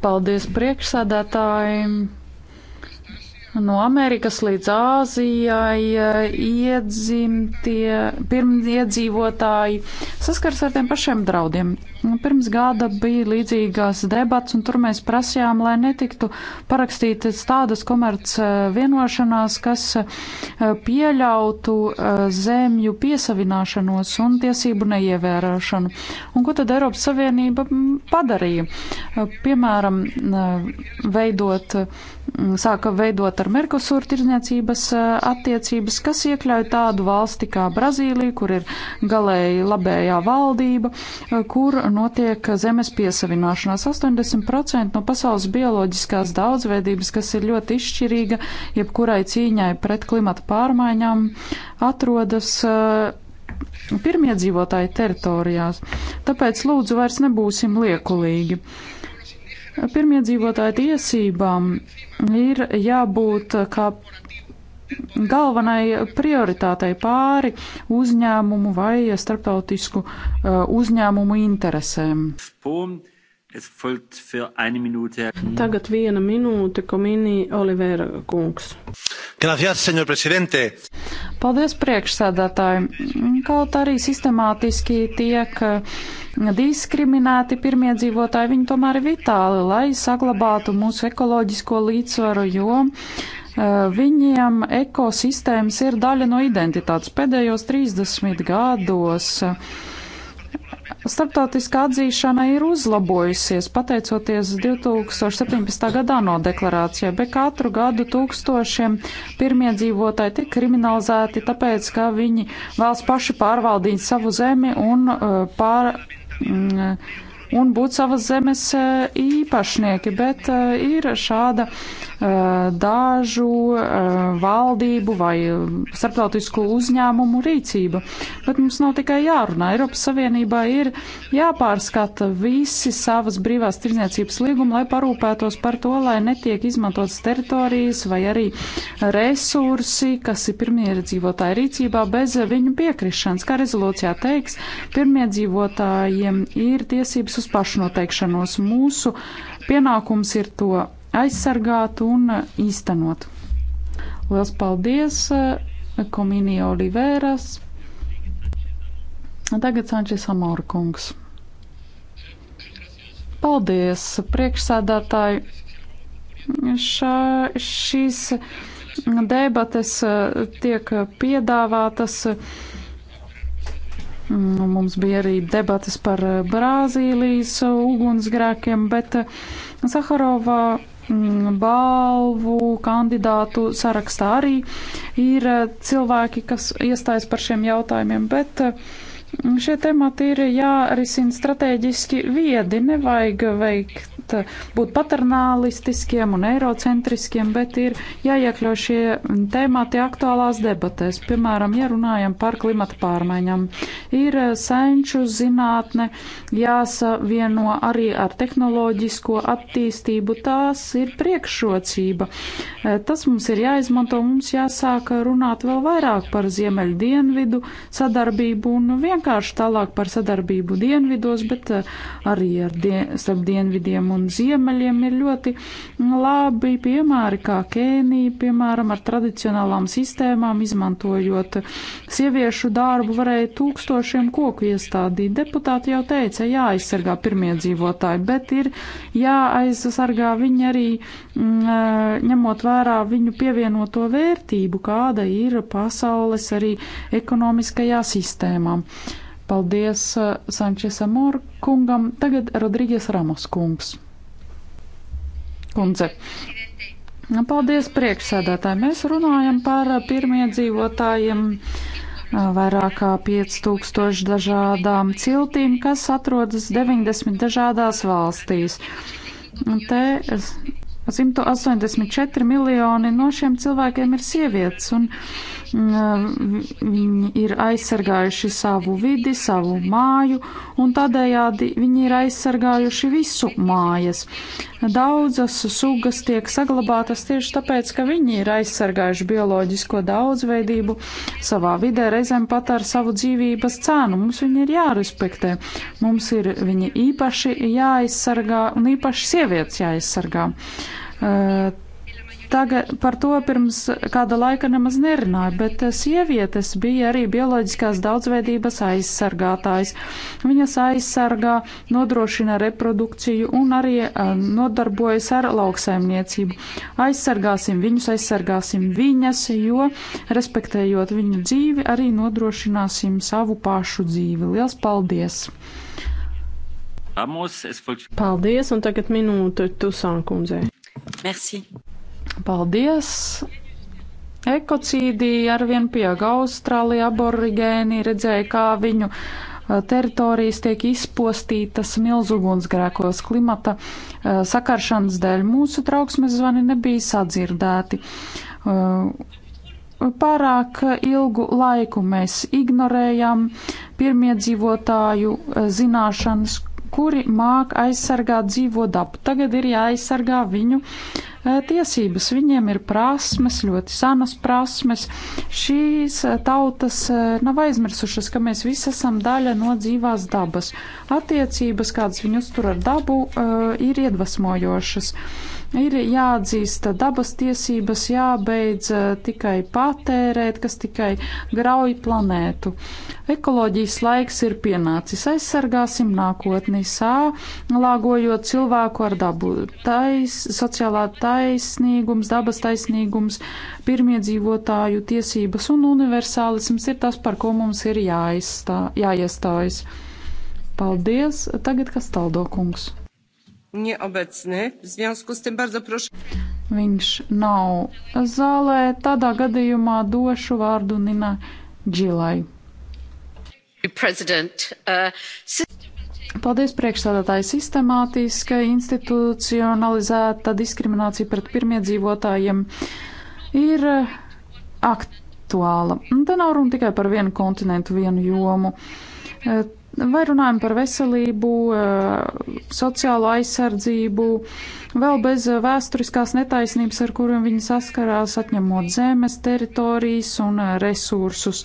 Paldies priekšsādātājiem. No Amerikas līdz Āzijai eh, iedzimtie pirmiedzīvotāji saskars ar tiem pašiem draudiem Nu, pirms gada bija līdzīgās debats, un tur mēs prasījām, lai netiktu parakstītas tādas komerc eh, vienošanās, kas eh, pieļautu eh, zemju piesavināšanos un tiesību neievērošanu. Un ko tad Eiropas Savienība mm, padarīja? Piemēram, veidot, mm, sāka veidot ar Merkosur tirzniecības attiecības, kas iekļauj tādu valsti kā Brazīlija, kur ir galēji labējā valdība, kur notiek zemes piesavināšanās. 80% no pasaules bioloģiskās daudzveidības, kas ir ļoti izšķirīga jebkurai cīņai pret klimata pārmaiņām, atrodas uh, pirmiedzīvotāju teritorijās. Tāpēc lūdzu vairs nebūsim liekulīgi. Pirmiedzīvotāju tiesībām ir jābūt kā galvenai prioritātei pāri uzņēmumu vai starptautisku uh, uzņēmumu interesēm. Tagad viena minūte, Komīnī Olivera kungs. Gracias, senor presidente. Paldies priekšsēdētāji. Kaut arī sistemātiski tiek uh, diskriminēti pirmie dzīvotāji, viņi tomēr ir vitāli, lai saglabātu mūsu ekoloģisko līdzsvaru, jo Eh, viņiem ekosistēmas ir daļa no identitātes. Pēdējos 30 gados eh, starptautiskā atzīšana ir uzlabojusies pateicoties 2017. gadā no deklarācijai, bet katru gadu tūkstošiem pirmiedzīvotāji tik kriminalizēti, tāpēc, ka viņi vēlas paši pārvaldīt savu zemi un eh, pār. Mm, un būt savas zemes īpašnieki, bet ir šāda uh, Eh, dažu eh, valdību vai starptautisku uzņēmumu rīcība. Bet mums nav tikai jārunā. Eiropas Savienībā ir jāpārskata visi savas brīvās tirdzniecības līgumi, lai parūpētos par to, lai netiek izmantotas teritorijas vai arī resursi, kas ir pirmiedzīvotāju rīcībā bez viņu piekrišanas. Kā rezolūcijā teiks, pirmiedzīvotājiem ir tiesības uz pašnoteikšanos. Mūsu pienākums ir to aizsargāt un īstenot. Liels paldies, eh, Komīnija Olivēras. Tagad Sančes Amorkungs. Paldies, priekšsādātāji. Šā, šīs debates eh, tiek piedāvātas. Mm, mums bija arī debates par eh, Brāzīlijas ugunsgrēkiem, bet Zaharovā Mm, balvu kandidātu sarakstā arī ir eh, cilvēki, kas iestājas par šiem jautājumiem, bet eh, šie temati ir jārisina strateģiski viedi, nevajag veikt vajadzēt būt paternālistiskiem un eirocentriskiem, bet ir jāiekļauj šie tēmāti aktuālās debatēs. Piemēram, ja runājam par klimata pārmaiņām, ir senču zinātne jāsavieno arī ar tehnoloģisko attīstību. Tās ir priekšrocība. Tas mums ir jāizmanto, mums jāsāk runāt vēl vairāk par ziemeļu dienvidu sadarbību un vienkārši tālāk par sadarbību dienvidos, bet arī ar dien, starp dienvidiem un un ziemeļiem ir ļoti labi piemēri, kā Kēnija, piemēram, ar tradicionālām sistēmām, izmantojot sieviešu darbu, varēja tūkstošiem koku iestādīt. Deputāti jau teica, jāaizsargā pirmie dzīvotāji, bet ir jāaizsargā viņi arī mm, ņemot vērā viņu pievienoto vērtību, kāda ir pasaules arī ekonomiskajā sistēmā. Paldies Sančesam Orkungam, tagad Rodrīgies Ramos kungs kundze. Nu, paldies priekšsēdētāji. Mēs runājam par pirmiedzīvotājiem vairāk kā 5000 dažādām ciltīm, kas atrodas 90 dažādās valstīs. Te 184 miljoni no šiem cilvēkiem ir sievietes. Un, uh, Viņi ir aizsargājuši savu vidi, savu māju, un tādējādi viņi ir aizsargājuši visu mājas. Daudzas sugas tiek saglabātas tieši tāpēc, ka viņi ir aizsargājuši bioloģisko daudzveidību savā vidē, reizēm pat ar savu dzīvības cēnu. Mums viņi ir jārespektē. Mums ir viņi īpaši jāaizsargā, un īpaši sievietes jāaizsargā. Uh, Tagad par to pirms kāda laika nemaz nerunāju, bet sievietes bija arī bioloģiskās daudzveidības aizsargātājs. Viņas aizsargā, nodrošina reprodukciju un arī nodarbojas ar lauksaimniecību. Aizsargāsim viņus, aizsargāsim viņas, jo respektējot viņu dzīvi, arī nodrošināsim savu pašu dzīvi. Liels paldies! Paldies, un tagad minūte Tusānkundzei. Merci. Paldies! Ekocīdija arvien pieauga Austrālija, aborigēni redzēja, kā viņu teritorijas tiek izpostītas milzugunsgrēkos klimata sakaršanas dēļ. Mūsu trauksmes zvani nebija sadzirdēti. Pārāk ilgu laiku mēs ignorējām pirmiedzīvotāju zināšanas, kuri māk aizsargāt dzīvo dabu. Tagad ir jāaizsargā viņu e, tiesības. Viņiem ir prasmes, ļoti senas prasmes. Šīs e, tautas e, nav aizmirsušas, ka mēs visi esam daļa no dzīvās dabas. Attiecības, kādas viņi uztur ar dabu, ir iedvesmojošas. Ir jāatzīst dabas tiesības, jābeidz eh, tikai patērēt, kas tikai grauj planētu. Ekoloģijas laiks ir pienācis. Aizsargāsim nākotni sā, lāgojot cilvēku ar dabu. Tais, sociālā taisnīgums, dabas taisnīgums, pirmiedzīvotāju tiesības un universālisms ir tas, par ko mums ir jāizstā, jāiestājas. Paldies! Tagad kas taldo kungs? nieobecny. W związku z tym bardzo proszę. Viņš nav zālē. Tādā gadījumā došu vārdu Nina Džilai. Uh, Paldies priekšsādātāji sistemātiska, institucionalizēta diskriminācija pret pirmiedzīvotājiem ir uh, aktuāla. Un te nav runa tikai par vienu kontinentu, vienu jomu. Uh, Vai runājam par veselību, eh, sociālo aizsardzību, vēl bez eh, vēsturiskās netaisnības, ar kuriem viņi saskarās, atņemot zemes, teritorijas un eh, resursus.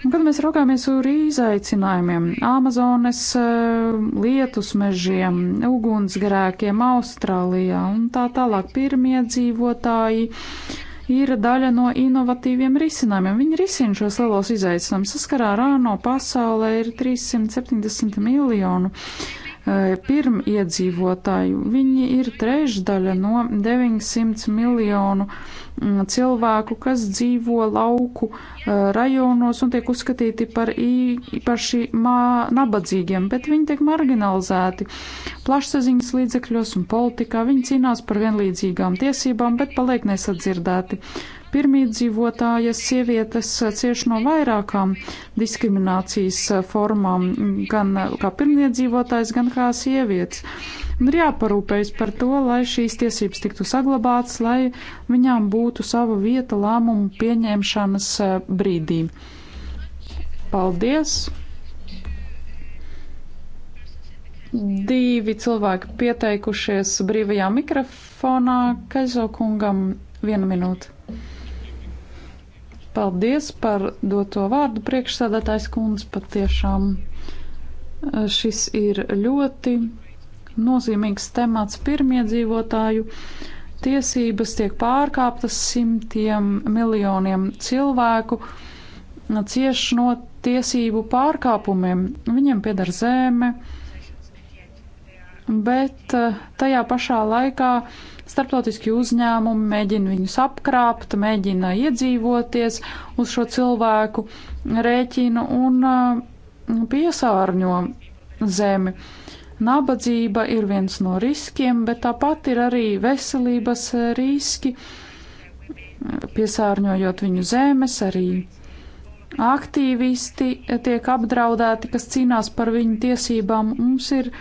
Un, kad mēs raugāmies uz izaicinājumiem, Amazonas lietus mežiem, ugunsgrēkiem Austrālijā un tā tālāk, pirmie dzīvotāji ir daļa no inovatīviem risinājumiem. Viņi risina šos lielos izaicinājumus. Saskarā ar ANO pasaulē ir 370 miljonu e, pirmiedzīvotāju. Viņi ir trešdaļa no 900 miljonu Mm, cilvēku, kas dzīvo lauku uh, rajonos un tiek uzskatīti par īpaši nabadzīgiem, bet viņi tiek marginalizēti. Plašsaziņas līdzekļos un politikā viņi cīnās par vienlīdzīgām tiesībām, bet paliek nesadzirdēti. Pirmīdzīvotājas sievietes cieš no vairākām diskriminācijas formām, gan kā pirmniedzīvotājs, gan kā sievietes Un ir jāparūpējas par to, lai šīs tiesības tiktu saglabātas, lai viņām būtu sava vieta lēmumu pieņemšanas eh, brīdī. Paldies! Divi cilvēki pieteikušies brīvajā mikrofonā. Kaizo kungam viena minūte. Paldies par doto vārdu priekšsēdētājs kundze. Patiešām eh, šis ir ļoti nozīmīgs temats pirmiedzīvotāju. Tiesības tiek pārkāptas simtiem miljoniem cilvēku, cieš no tiesību pārkāpumiem. Viņiem pieder zeme, bet eh, tajā pašā laikā starptautiski uzņēmumi mēģina viņus apkrāpt, mēģina iedzīvoties uz šo cilvēku rēķinu un eh, piesārņo zemi. Nabadzība ir viens no riskiem, bet tāpat ir arī veselības riski, piesārņojot viņu zemes, arī aktīvisti tiek apdraudēti, kas cīnās par viņu tiesībām. Mums ir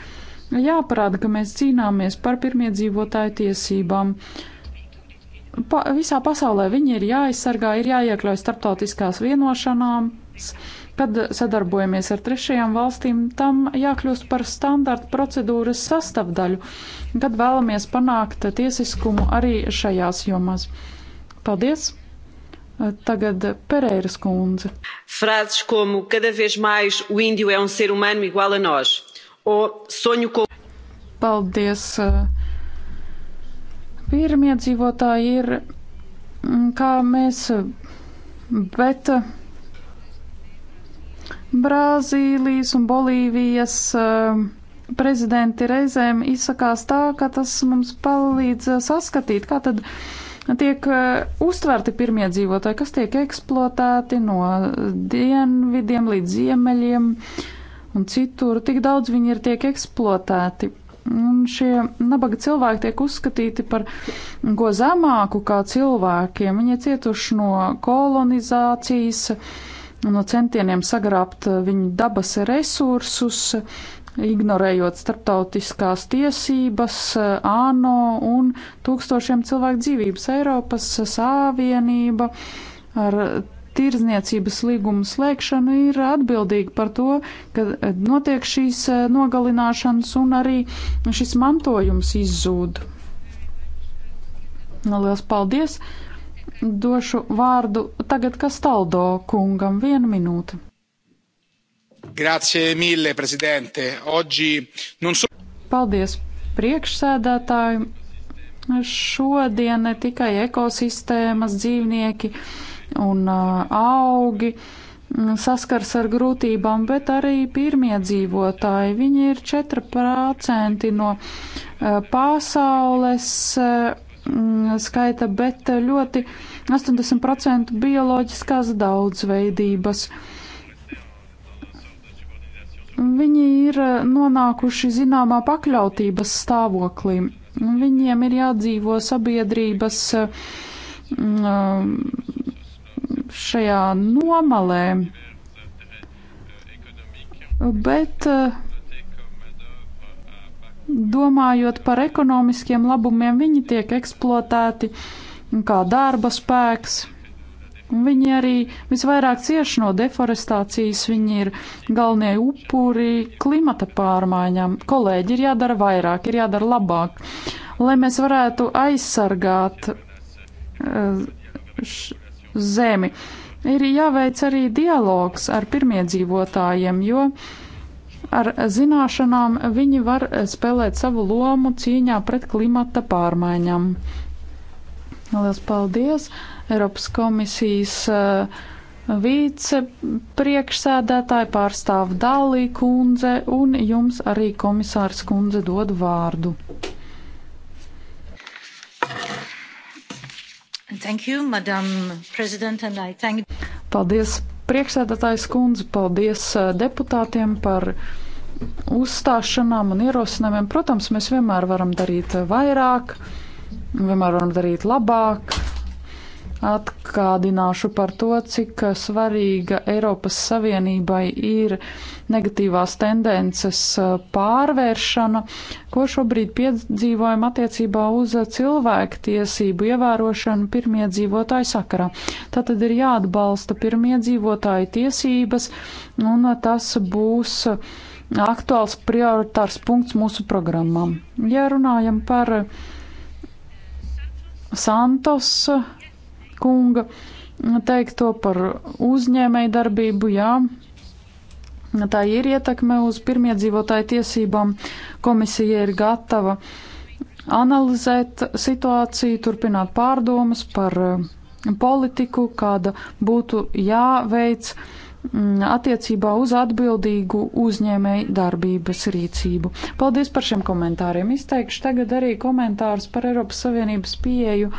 jāparāda, ka mēs cīnāmies par pirmiedzīvotāju tiesībām. Pa, visā pasaulē viņi ir jāaizsargā, ir jāiekļauj starptautiskās vienošanās. Kad sadarbojamies ar trešajām valstīm, tam jākļūst par standarta procedūras sastāvdaļu, kad vēlamies panākt tiesiskumu arī šajās jomās. Paldies! Tagad Pereiras kundze. Frāzes como cada vez mais o índio é um ser humano igual a nós. O sonho com... Paldies. Pirmie dzīvotāji ir, mm, kā mēs, bet Brazīlijas un Bolīvijas eh, prezidenti reizēm izsakās tā, ka tas mums palīdz eh, saskatīt, kā tad tiek eh, uztverti pirmie dzīvotāji, kas tiek eksploatēti no dienvidiem līdz ziemeļiem un citur. Tik daudz viņi ir tiek eksploatēti. Un šie nabaga cilvēki tiek uzskatīti par ko zemāku kā cilvēkiem. Viņi ir cietuši no kolonizācijas no centieniem sagrābt eh, viņu dabas resursus, ignorējot starptautiskās tiesības, eh, ANO un tūkstošiem cilvēku dzīvības Eiropas Savienība ar tirdzniecības līgumu slēgšanu ir atbildīga par to, ka eh, notiek šīs nogalināšanas un arī šis mantojums izzūd. Lielas paldies! došu vārdu tagad Kastaldo kungam vienu minūti. Grazie mille, prezidente. Oggi non so... Paldies priekšsēdētāju. Šodien ne tikai ekosistēmas dzīvnieki un augi saskars ar grūtībām, bet arī pirmie dzīvotāji. Viņi ir 4% no pasaules Mm, skaita, bet eh, ļoti 80% bioloģiskās daudzveidības. Viņi ir eh, nonākuši zināmā pakļautības stāvoklī. Viņiem ir jādzīvo sabiedrības eh, mm, šajā nomalē, bet uh, domājot par ekonomiskiem labumiem, viņi tiek eksploatēti kā darba spēks. Viņi arī visvairāk cieš no deforestācijas, viņi ir galvenie upuri klimata pārmaiņām. Kolēģi, ir jādara vairāk, ir jādara labāk, lai mēs varētu aizsargāt eh, zemi. Ir jāveic arī dialogs ar pirmiedzīvotājiem, jo Ar zināšanām viņi var spēlēt savu lomu cīņā pret klimata pārmaiņām. Lielas paldies! Eiropas komisijas uh, vicepriekšsēdētāji pārstāv Dālī kundze un jums arī komisārs kundze dod vārdu. Thank you, Madam President, and I thank. Paldies, Priekšsēdētājs kundze, paldies eh, deputātiem par uzstāšanām un ierosinājumiem. Protams, mēs vienmēr varam darīt eh, vairāk, vienmēr varam darīt labāk, Atkādināšu par to, cik svarīga Eiropas Savienībai ir negatīvās tendences uh, pārvēršana, ko šobrīd piedzīvojam attiecībā uz cilvēku tiesību ievērošanu pirmiedzīvotāju sakarā. Tātad ir jāatbalsta pirmiedzīvotāju tiesības, un tas būs aktuāls prioritārs punkts mūsu programmām. Ja runājam par Santos kunga teikto par uzņēmēju darbību, jā. Tā ir ietekme uz pirmiedzīvotāju tiesībām. Komisija ir gatava analizēt situāciju, turpināt pārdomas par eh, politiku, kāda būtu jāveic mm, attiecībā uz atbildīgu uzņēmēju darbības rīcību. Paldies par šiem komentāriem. Izteikšu tagad arī komentārus par Eiropas Savienības pieeju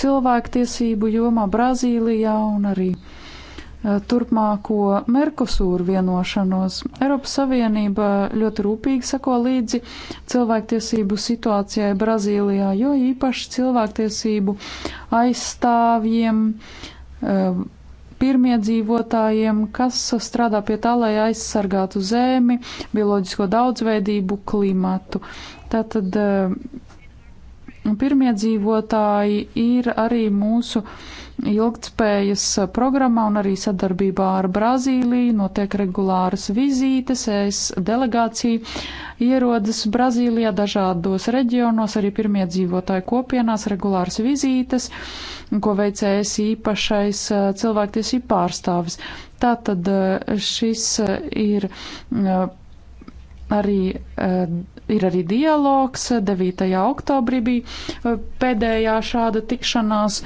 cilvēktiesību jomā Brazīlijā un arī e, turpmāko Merkosūru vienošanos. Eiropas Savienība ļoti rūpīgi sako līdzi cilvēktiesību situācijai Brazīlijā, jo īpaši cilvēktiesību aizstāvjiem, e, pirmiedzīvotājiem, kas strādā pie tā, lai aizsargātu zemi, bioloģisko daudzveidību, klimatu. Tātad e, pirmiedzīvotāji ir arī mūsu ilgtspējas programmā un arī sadarbībā ar Brazīliju notiek regulāras vizītes. Es delegācija ierodas Brazīlijā dažādos reģionos, arī pirmiedzīvotāju kopienās regulāras vizītes, ko veicējas īpašais eh, cilvēktiesību pārstāvis. Tātad eh, šis eh, ir arī uh, ir arī dialogs. 9. Eh, oktobrī bija eh, pēdējā šāda tikšanās,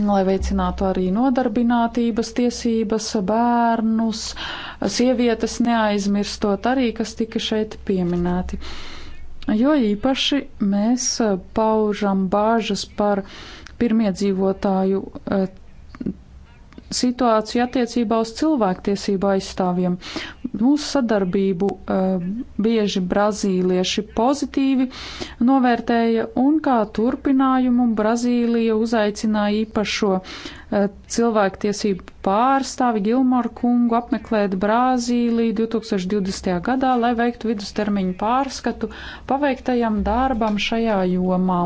lai veicinātu arī nodarbinātības tiesības, bērnus, sievietes neaizmirstot arī, kas tika šeit pieminēti. Jo īpaši mēs paužam bāžas par pirmiedzīvotāju situāciju attiecībā uz cilvēktiesību aizstāvjiem mūsu sadarbību eh, bieži brazīlieši pozitīvi novērtēja un kā turpinājumu Brazīlija uzaicināja īpašo eh, cilvēktiesību pārstāvi Gilmoru kungu apmeklēt Brazīliju 2020. gadā, lai veiktu vidustermiņu pārskatu paveiktajam darbam šajā jomā.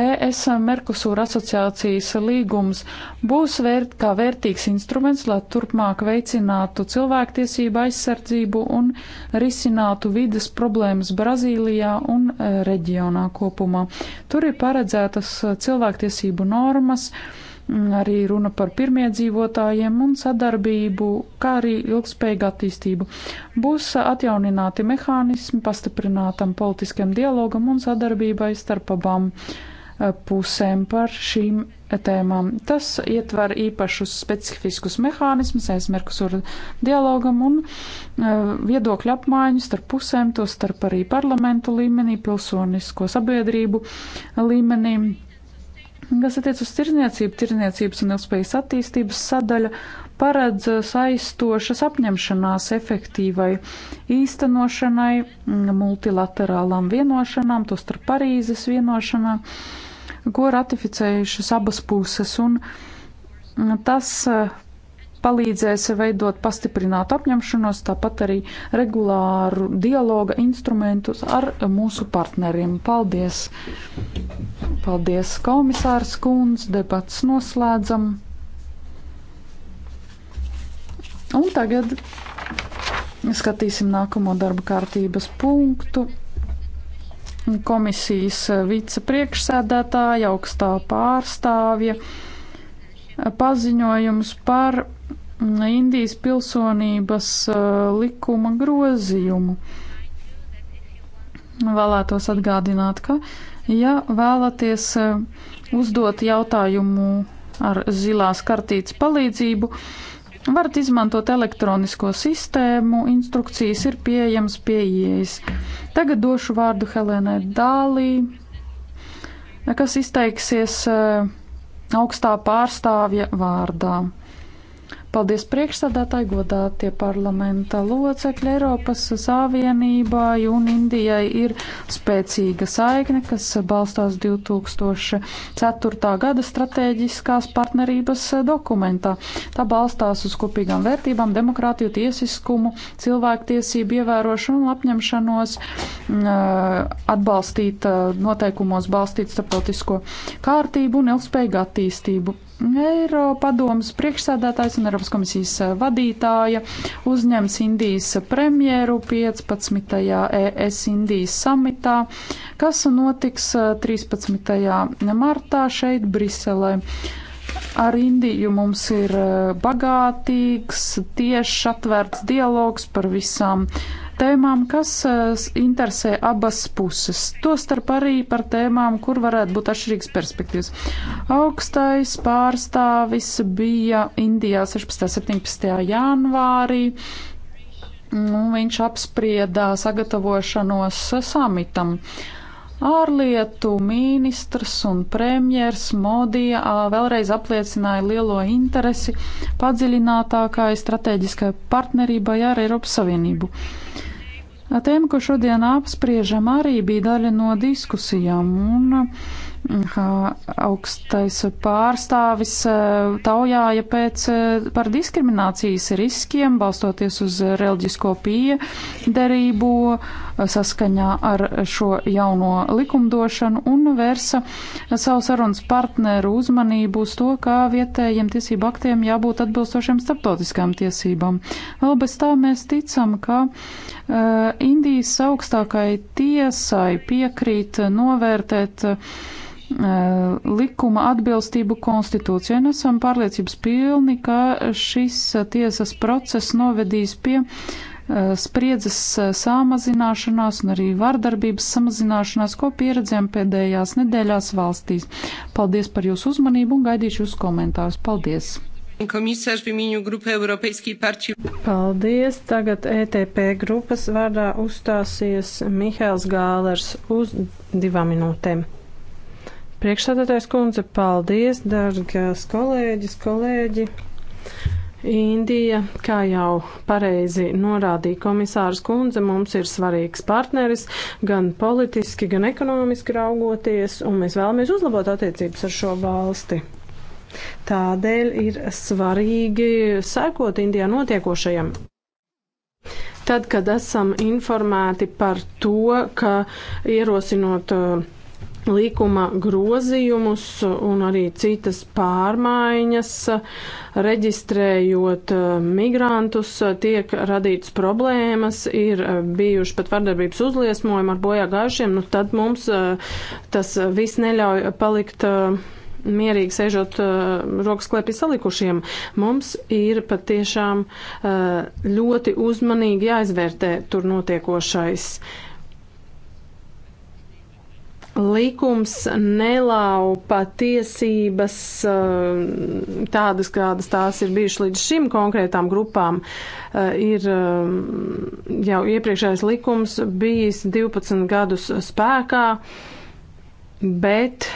ES Merkusūra asociācijas līgums būs vērt, kā vērtīgs instruments, lai turpmāk veicinātu cilvēktiesību aizsardzību un risinātu vides problēmas Brazīlijā un e, reģionā kopumā. Tur ir paredzētas e, cilvēktiesību normas, arī runa par pirmiedzīvotājiem un sadarbību, kā arī ilgspējīgu attīstību. Būs atjaunināti mehānismi pastiprinātam politiskam dialogam un sadarbībai starp abām uh, pusēm par šīm tēmām. Tas ietver īpašus specifiskus mehānismus, aizmerkusur dialogam un e, viedokļu apmaiņu starp pusēm, to starp arī parlamentu līmenī, pilsonisko sabiedrību līmenī. Kas attiec uz tirniecību, tirniecības un ilgspējas attīstības sadaļa paredz saistošas apņemšanās efektīvai īstenošanai, multilaterālām vienošanām, tostarp Parīzes vienošanām ko ratificējušas abas puses, un tas eh, palīdzēs veidot pastiprinātu apņemšanos, tāpat arī regulāru dialoga instrumentus ar mūsu partneriem. Paldies! Paldies, komisārs Kunz, debats noslēdzam. Un tagad skatīsim nākamo darba kārtības punktu komisijas eh, vicepriekšsēdētāja, augstā pārstāvja eh, paziņojums par mm, Indijas pilsonības eh, likuma grozījumu. Vēlētos atgādināt, ka, ja vēlaties uzdot jautājumu ar zilās kartītes palīdzību, Varat izmantot elektronisko sistēmu, instrukcijas ir pieejamas pieejas. Tagad došu vārdu Helēnai Dālī, kas izteiksies eh, augstā pārstāvja vārdā. Paldies priekšsādātāji, godātie parlamenta locekļi Eiropas Savienībai un Indijai ir spēcīga saikne, kas balstās 2004. gada strateģiskās partnerības dokumentā. Tā balstās uz kopīgām vērtībām, demokrātiju, tiesiskumu, cilvēktiesību ievērošanu un apņemšanos mm, atbalstīt noteikumos balstīt starptautisko kārtību un ilgspējīgu attīstību. Eiropadomas priekšsēdētājs un Eiropas komisijas eh, vadītāja uzņems Indijas premjeru 15. ES Indijas samitā, kas notiks 13. Eh, martā šeit Briselē. Ar Indiju mums ir eh, bagātīgs, tieši atvērts dialogs par visām uh, tēmām, kas eh, interesē abas puses. Tostarp arī par tēmām, kur varētu būt atšķirīgas perspektīvas. Augstais pārstāvis bija Indijā 16. un 17. janvārī. Nu, viņš apsprieda sagatavošanos samitam. Ārlietu ministrs un premjers Modija vēlreiz apliecināja lielo interesi padziļinātākai strateģiskai partnerībai ar Eiropas Savienību. Uh, Tēma, ko šodien apspriežam, arī bija daļa no diskusijām. Un, mm, augstais pārstāvis e, taujāja pēc e, par diskriminācijas riskiem, balstoties uz reliģisko piederību e, saskaņā ar šo jauno likumdošanu un vērsa savu sarunas partneru uzmanību uz to, kā vietējiem tiesību aktiem jābūt atbilstošiem starptautiskām tiesībām. Vēl bez tā mēs ticam, ka Eh, Indijas augstākai tiesai piekrīt novērtēt eh, likuma atbilstību konstitūcijai. Un esam pārliecības pilni, ka šis tiesas process novedīs pie eh, spriedzes samazināšanās un arī vardarbības samazināšanās, ko pieredzējām pēdējās nedēļās valstīs. Paldies par jūsu uzmanību un gaidīšu jūs komentārus. Paldies! Komisārs bija viņu grupa Eiropeiskī partija. Paldies! Tagad ETP grupas vārdā uzstāsies Mihails Gālers uz divām minūtēm. Priekšsādātājs kundze, paldies, dargās kolēģis, kolēģi! Indija, kā jau pareizi norādīja komisārs kundze, mums ir svarīgs partneris gan politiski, gan ekonomiski raugoties, un mēs vēlamies uzlabot attiecības ar šo valsti. Tādēļ ir svarīgi sekot Indijā notiekošajam. Tad, kad esam informēti par to, ka ierosinot uh, likuma grozījumus un arī citas pārmaiņas, reģistrējot uh, migrantus, uh, tiek radīts problēmas, ir uh, bijuši pat vardarbības uzliesmojumi ar bojā gājušiem, nu tad mums tas viss neļauj palikt mierīgi sēžot uh, rokas klēpī salikušiem. Mums ir patiešām uh, ļoti uzmanīgi jāizvērtē tur notiekošais. Likums nelaupa tiesības uh, tādas, kādas tās ir bijušas līdz šim konkrētām grupām. Uh, ir um, jau iepriekšējais likums bijis 12 gadus spēkā, bet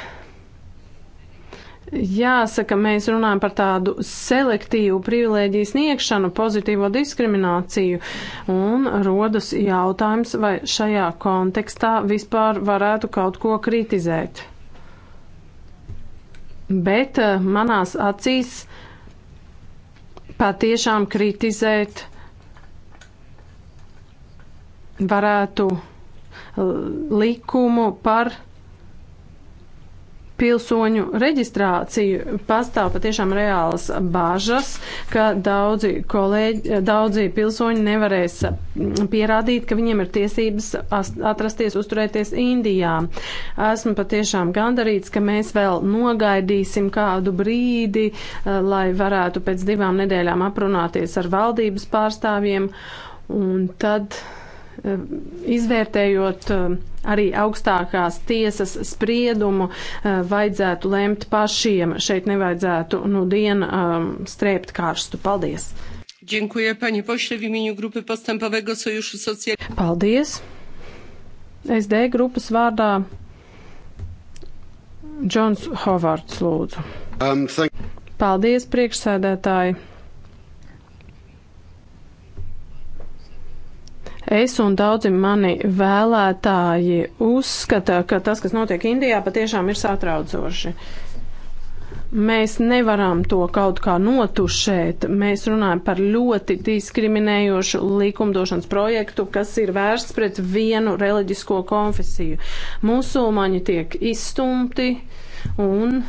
Jāsaka, mēs runājam par tādu selektīvu privilēģiju sniegšanu, pozitīvo diskrimināciju, un rodas jautājums, vai šajā kontekstā vispār varētu kaut ko kritizēt. Bet eh, manās acīs patiešām kritizēt varētu eh, likumu par pilsoņu reģistrāciju pastāv patiešām reālas bažas, ka daudzi, kolēģi, daudzi pilsoņi nevarēs mm, pierādīt, ka viņiem ir tiesības atrasties, uzturēties Indijā. Esmu patiešām gandarīts, ka mēs vēl nogaidīsim kādu brīdi, eh, lai varētu pēc divām nedēļām aprunāties ar valdības pārstāvjiem. Un tad Um, izvērtējot um, arī augstākās tiesas spriedumu, uh, vajadzētu lemt pašiem. Šeit nevajadzētu nu dienu um, strēpt karstu. Paldies! Dziękuję, panie pośle, w imieniu Grupy Postępowego Sojuszu Socjalistów. Paldies! SD grupas vārdā Džons Hovards lūdzu. Um, Paldies, priekšsēdētāji! Es un daudzi mani vēlētāji uzskata, ka tas, kas notiek Indijā, patiešām ir satraudzoši. Mēs nevaram to kaut kā notušēt. Mēs runājam par ļoti diskriminējošu likumdošanas projektu, kas ir vērsts pret vienu reliģisko konfesiju. Musulmaņi tiek izstumti un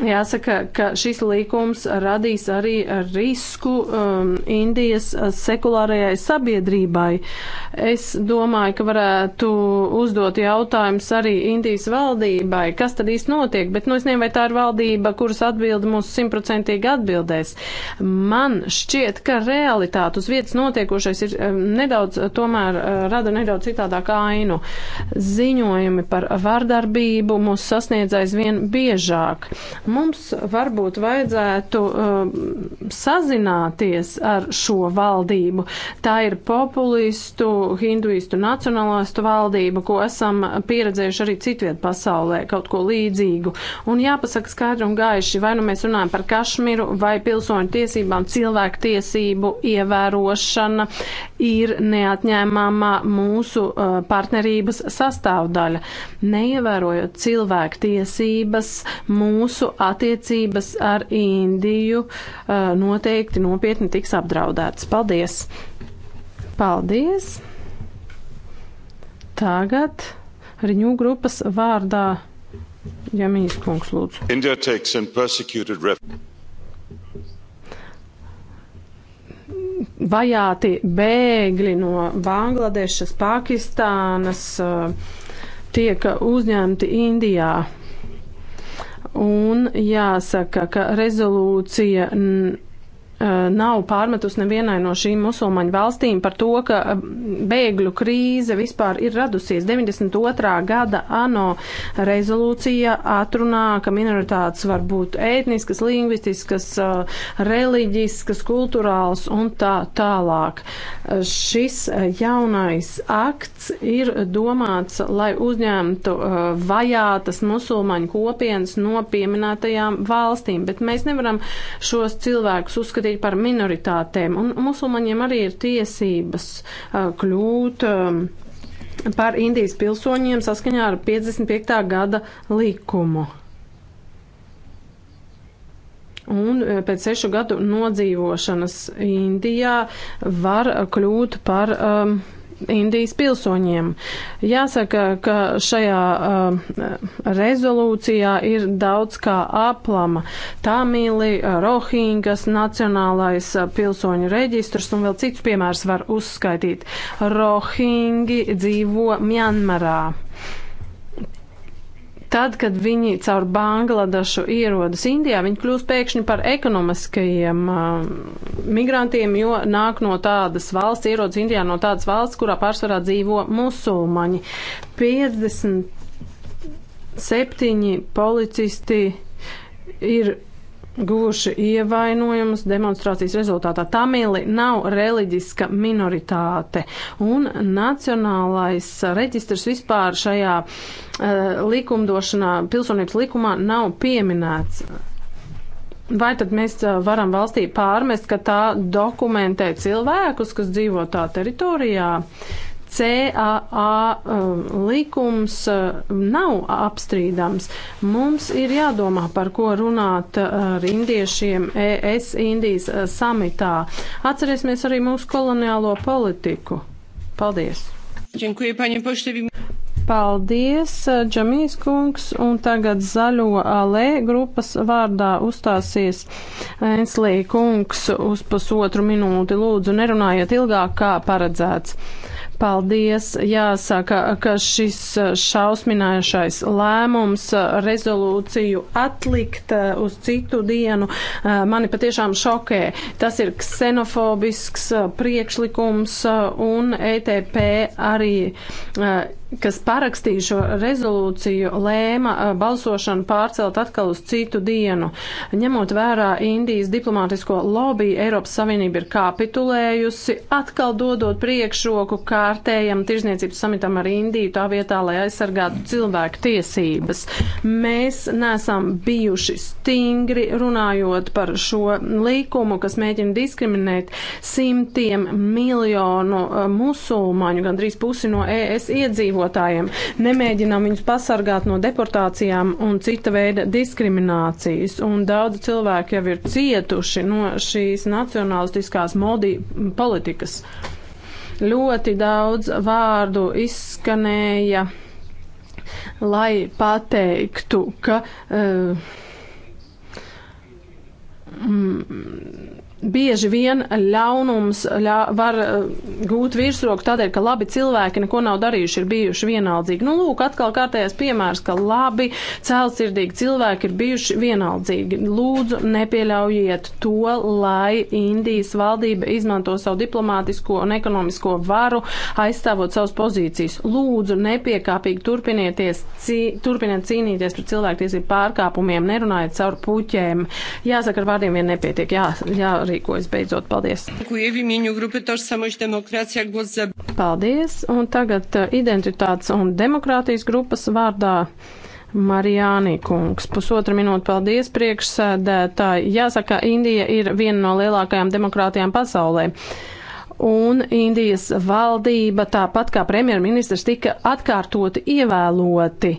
Jāsaka, ka šis līkums radīs arī risku um, Indijas sekulārajai sabiedrībai. Es domāju, ka varētu uzdot jautājumus arī Indijas valdībai, kas tad īsti notiek, bet nu es nezinu, vai tā ir valdība, kuras atbildi mūs simtprocentīgi atbildēs. Man šķiet, ka realitāte uz vietas notiekošais ir um, nedaudz, tomēr uh, rada nedaudz citādāk ainu. Ziņojumi par vardarbību mūs sasniedz aizvien biežāk Mums varbūt vajadzētu uh, sazināties ar šo valdību. Tā ir populistu, hinduistu, nacionālistu valdība, ko esam pieredzējuši arī citviet pasaulē, kaut ko līdzīgu. Un jāpasaka skaidri un gaiši, vai nu mēs runājam par Kašmiru vai pilsoņu tiesībām, cilvēku tiesību ievērošana ir neatņēmāmā mūsu uh, partnerības sastāvdaļa. Neievērojot cilvēku tiesības, mūsu attiecības ar Indiju uh, noteikti nopietni tiks apdraudētas. Paldies! Paldies! Tagad riņu grupas vārdā Jamīs Kungs lūdzu. India takes and persecuted refugees. vajāti bēgļi no Bangladešas, Pakistānas uh, tiek uzņemti Indijā. Un jāsaka, ka rezolūcija Uh, nav pārmetus nevienai no šīm musulmaņu valstīm par to, ka uh, bēgļu krīze vispār ir radusies. 92. gada ANO rezolūcija atrunā, ka minoritātes var būt ētniskas, lingvistiskas, uh, reliģiskas, kulturāls un tā tālāk. Šis jaunais akts ir domāts, lai uzņemtu vajātas musulmaņu kopienas no pieminētajām valstīm, bet mēs nevaram šos cilvēkus uzskatīt arī par minoritātēm, un musulmaņiem arī ir tiesības uh, kļūt um, par Indijas pilsoņiem saskaņā ar 55. gada likumu. Un uh, pēc sešu gadu nodzīvošanas Indijā var kļūt par um, Indijas pilsoņiem. Jāsaka, ka šajā uh, rezolūcijā ir daudz kā aplama. Tamili, uh, Rohingas, Nacionālais uh, pilsoņu reģistrs un vēl cits piemērs var uzskaitīt. Rohingi dzīvo Mjanmarā. Tad, kad viņi caur Bangladešu ierodas Indijā, viņi kļūst pēkšņi par ekonomiskajiem uh, migrantiem, jo nāk no tādas valsts, ierodas Indijā no tādas valsts, kurā pārsvarā dzīvo musulmaņi. 57 policisti ir guvuši ievainojumus demonstrācijas rezultātā. Tamili nav reliģiska minoritāte, un nacionālais reģistrs vispār šajā uh, likumdošanā, pilsonības likumā nav pieminēts. Vai tad mēs eh, varam valstī pārmest, ka tā dokumentē cilvēkus, kas dzīvo tā teritorijā? Uh, CAA um, likums um, nav apstrīdams. Mums ir jādomā, par ko runāt uh, ar indiešiem ES Indijas uh, samitā. Atcerēsimies arī mūsu koloniālo politiku. Paldies! Dziękuję, panie pośle. Paldies, uh, Džamijas kungs, un tagad zaļo alē e grupas vārdā uzstāsies Enslī kungs uz pusotru minūti. Lūdzu, nerunājiet ilgāk kā paredzēts. Paldies! Jāsaka, ka šis uh, šausminājušais lēmums uh, rezolūciju atlikt uh, uz citu dienu mani patiešām šokē. Tas ir ksenofobisks priekšlikums un ETP arī kas parakstīja šo rezolūciju, lēma eh, balsošanu pārcelt atkal uz citu dienu. Ņemot vērā Indijas diplomātisko lobby, Eiropas Savienība ir kapitulējusi, atkal dodot priekšroku kārtējam tirzniecības samitam ar Indiju tā vietā, lai aizsargātu cilvēku tiesības. Mēs nesam bijuši stingri runājot par šo likumu, kas mēģina diskriminēt simtiem miljonu eh, musulmaņu, gandrīz pusi no ES iedzīvotāju iedzīvotājiem. Nemēģinām viņus pasargāt no deportācijām un cita veida diskriminācijas. Un daudzi cilvēki jau ir cietuši no šīs nacionalistiskās modi politikas. Ļoti daudz vārdu izskanēja, lai pateiktu, ka. Uh, mm, bieži vien ļaunums ļa, var eh, gūt virsroku tādēļ, ka labi cilvēki neko nav darījuši, ir bijuši vienaldzīgi. Nu, lūk, atkal kārtējais piemērs, ka labi cēlsirdīgi cilvēki ir bijuši vienaldzīgi. Lūdzu, nepieļaujiet to, lai Indijas valdība izmanto savu diplomātisko un ekonomisko varu, aizstāvot savas pozīcijas. Lūdzu, nepiekāpīgi turpinieties, cī, turpiniet cīnīties par cilvēktiesību pārkāpumiem, nerunājiet caur puķēm. Jāsaka, ar vārdiem vien nepietiek. Jā, jā, jārīkojas beidzot. Paldies! Paldies! Un tagad e, identitātes un demokrātijas grupas vārdā. Marijāni kungs, pusotra minūte paldies priekšsēdētāji. Jāsaka, Indija ir viena no lielākajām demokrātijām pasaulē un Indijas valdība, tāpat kā premjerministrs, tika atkārtoti ievēloti.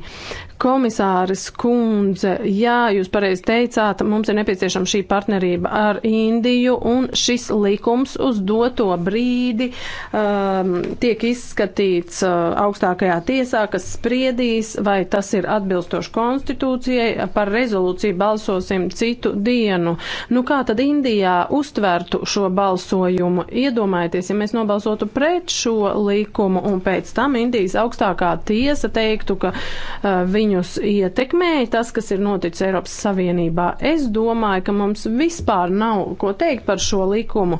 Komisāris kundze, jā, jūs pareizi teicāt, mums ir nepieciešama šī partnerība ar Indiju, un šis likums uz doto brīdi um, tiek izskatīts uh, augstākajā tiesā, kas spriedīs, vai tas ir atbilstoši konstitūcijai. Par rezolūciju balsosim citu dienu. Nu, kā tad Indijā uztvertu šo balsojumu? Iedomājieties, ja mēs nobalsotu pret šo likumu, un pēc tam Indijas augstākā tiesa teiktu, ka uh, viņi viņus ietekmēja tas, kas ir noticis Eiropas Savienībā. Es domāju, ka mums vispār nav ko teikt par šo likumu.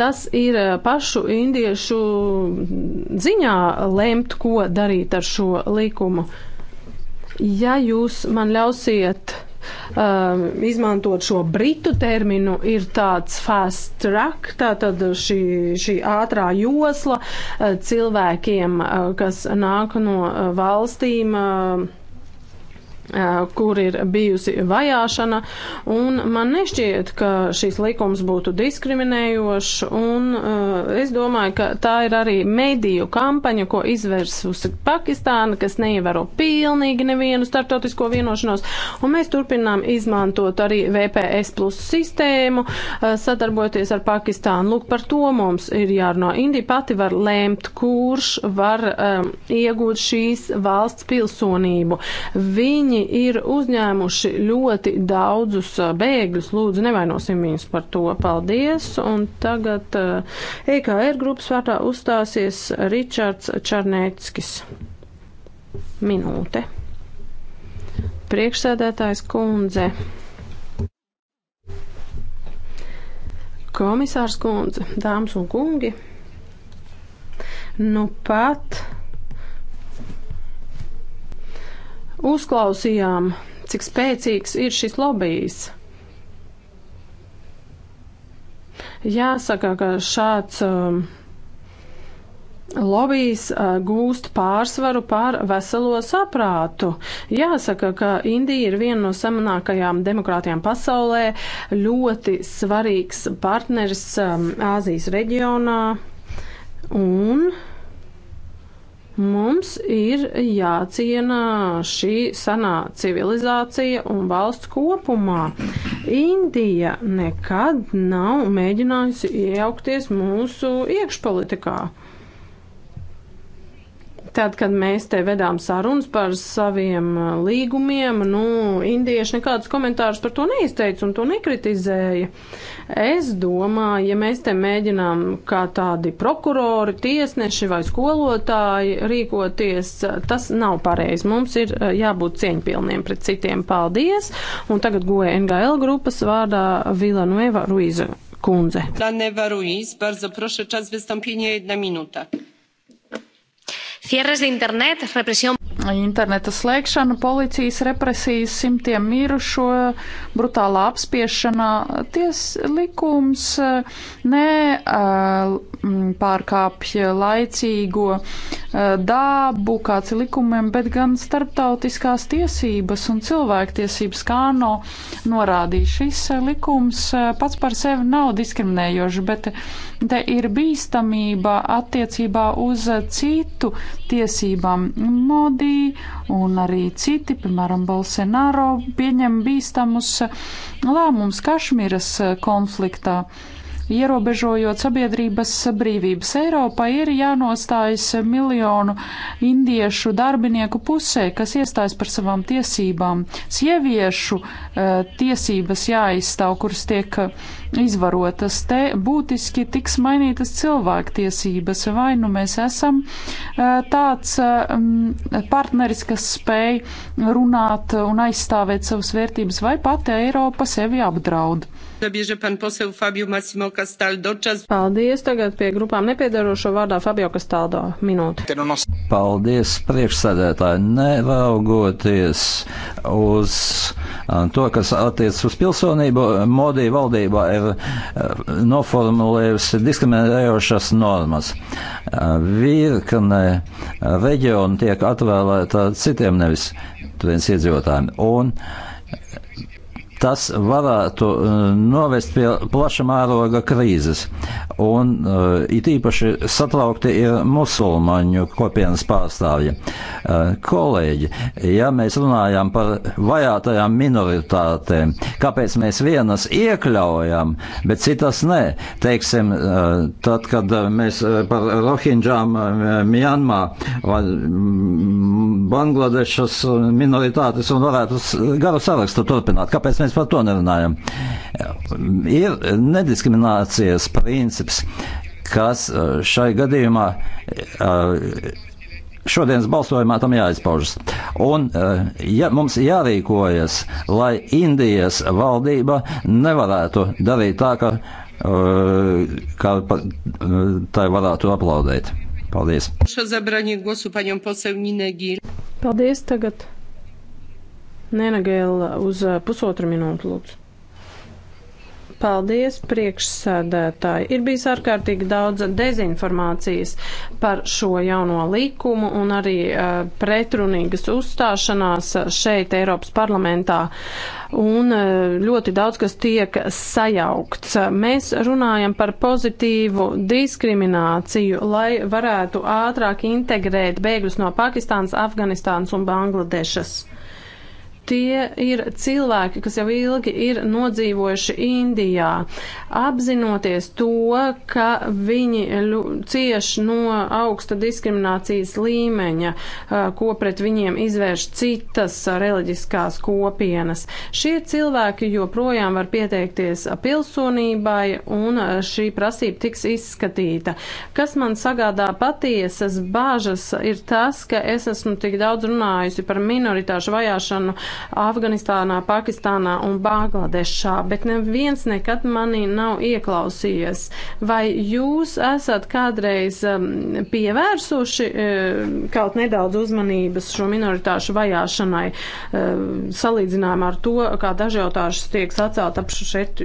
Tas ir eh, pašu indiešu ziņā lemt, ko darīt ar šo likumu. Ja jūs man ļausiet um, izmantot šo britu terminu, ir tāds fast track, tātad šī, šī ātrā josla eh, cilvēkiem, kas nāk no valstīm. Uh, kur ir bijusi vajāšana, un man nešķiet, ka šis likums būtu diskriminējošs, un es domāju, ka tā ir arī mediju kampaņa, ko izvērsusi Pakistāna, kas neievēro pilnīgi nevienu startautisko vienošanos, un mēs turpinām izmantot arī VPS plus sistēmu, sadarbojoties ar Pakistānu. Lūk, par to mums ir jārunā. Indija pati var lēmt, kurš var um, iegūt šīs valsts pilsonību. Viņi viņi ir uzņēmuši ļoti daudzus uh, bēgļus. Lūdzu, nevainosim viņus par to. Paldies! Un tagad uh, EKR grupas vārtā uzstāsies Ričards Čarnēckis. Minūte. Priekšsēdētājs kundze. Komisārs kundze, dāmas un kungi, nu pat uzklausījām, cik spēcīgs ir šis lobijs. Jāsaka, ka šāds um, lobijs uh, gūst pārsvaru pār veselo saprātu. Jāsaka, ka Indija ir viena no samanākajām demokrātijām pasaulē, ļoti svarīgs partneris um, Āzijas reģionā. Un Mums ir jāciena šī senā civilizācija un valsts kopumā. Indija nekad nav mēģinājusi iejaukties mūsu iekšpolitikā. Tad, kad mēs te vedām sarunas par saviem uh, līgumiem, nu, indieši nekādus komentārus par to neizteica un to nekritizēja. Es domāju, ja mēs te mēģinām kā tādi prokurori, tiesneši vai skolotāji rīkoties, uh, tas nav pareizi. Mums ir uh, jābūt cieņpilniem pret citiem. Paldies! Un tagad goja e NGL grupas vārdā Vilanueva Ruiza kundze. Vilanueva Ruiz, bardzo prošu čas vystąpienie, jedna minūte. Cierres de internet, represión. Interneta slēgšana, policijas represijas, simtiem mirušo, brutālā apspiešanā. Ties likums eh, ne eh, pārkāpj laicīgo eh, dābu, kāds ir likumiem, bet gan starptautiskās tiesības un cilvēktiesības, kā no norādīja. Šis likums pats par sevi nav diskriminējošs, bet te ir bīstamība attiecībā uz citu tiesībām. Modi un arī citi, piemēram, Bolsonaro, pieņem bīstamus lēmumus Kašmīras konfliktā ierobežojot sabiedrības brīvības. Eiropā ir jānostājas miljonu indiešu darbinieku pusē, kas iestājas par savām tiesībām. Sieviešu uh, tiesības jāizstāv, kuras tiek uh, izvarotas. Te būtiski tiks mainītas cilvēktiesības, vai nu mēs esam tāds partneris, kas spēj runāt un aizstāvēt savas vērtības, vai pati Eiropa sevi apdraud. Paldies tagad pie grupām nepiedarošo vārdā Fabio Kastaldo minūte. Paldies priekšsēdētāji, neraugoties uz to, kas attiec uz pilsonību, modī valdībā ir eh, noformulējusi diskriminējošas normas. Eh, virkne eh, reģionu tiek atvēlēta citiem nevis viens iedzīvotājiem. Un, uh, tas varētu eh, novest pie plaša mēroga krīzes. Un eh, it īpaši satraukti ir musulmaņu kopienas pārstāvji. Eh, kolēģi, ja mēs runājam par vajātajām minoritātēm, kāpēc mēs vienas iekļaujam, bet citas nē? Teiksim, tad, kad mēs par Rohinģām Mjanmā vai mm, Bangladešas minoritātes un varētu garu sarakstu turpināt, kāpēc mēs mēs par to nerunājam. Ir nediskriminācijas princips, kas uh, šai gadījumā uh, šodienas balsojumā tam jāizpaužas. Un uh, ja, mums jārīkojas, lai Indijas valdība nevarētu darīt tā, ka, ka tai varētu aplaudēt. Paldies. Paldies tagad. Nenagēla uz uh, pusotru minūtu, lūdzu. Paldies, priekšsēdētāji. Ir bijis ārkārtīgi daudz dezinformācijas par šo jauno likumu un arī uh, pretrunīgas uzstāšanās šeit Eiropas parlamentā. Un uh, ļoti daudz, kas tiek sajaukts. Mēs runājam par pozitīvu diskrimināciju, lai varētu ātrāk integrēt bēgļus no Pakistānas, Afganistānas un Bangladešas Tie ir cilvēki, kas jau ilgi ir nodzīvojuši Indijā, apzinoties to, ka viņi cieši no augsta diskriminācijas līmeņa, ko pret viņiem izvērš citas reliģiskās kopienas. Šie cilvēki joprojām var pieteikties pilsonībai, un šī prasība tiks izskatīta. Kas man sagādā patiesas bāžas, ir tas, ka es esmu tik daudz runājusi par minoritāšu vajāšanu Afganistānā, Pakistānā un Bangladešā, bet neviens nekad manī nav ieklausījies. Vai jūs esat kādreiz um, pievērsuši um, kaut nedaudz uzmanības šo minoritāšu vajāšanai, um, salīdzinājumā ar to, kā dažjautāšas tiek sacelt ap, šeit,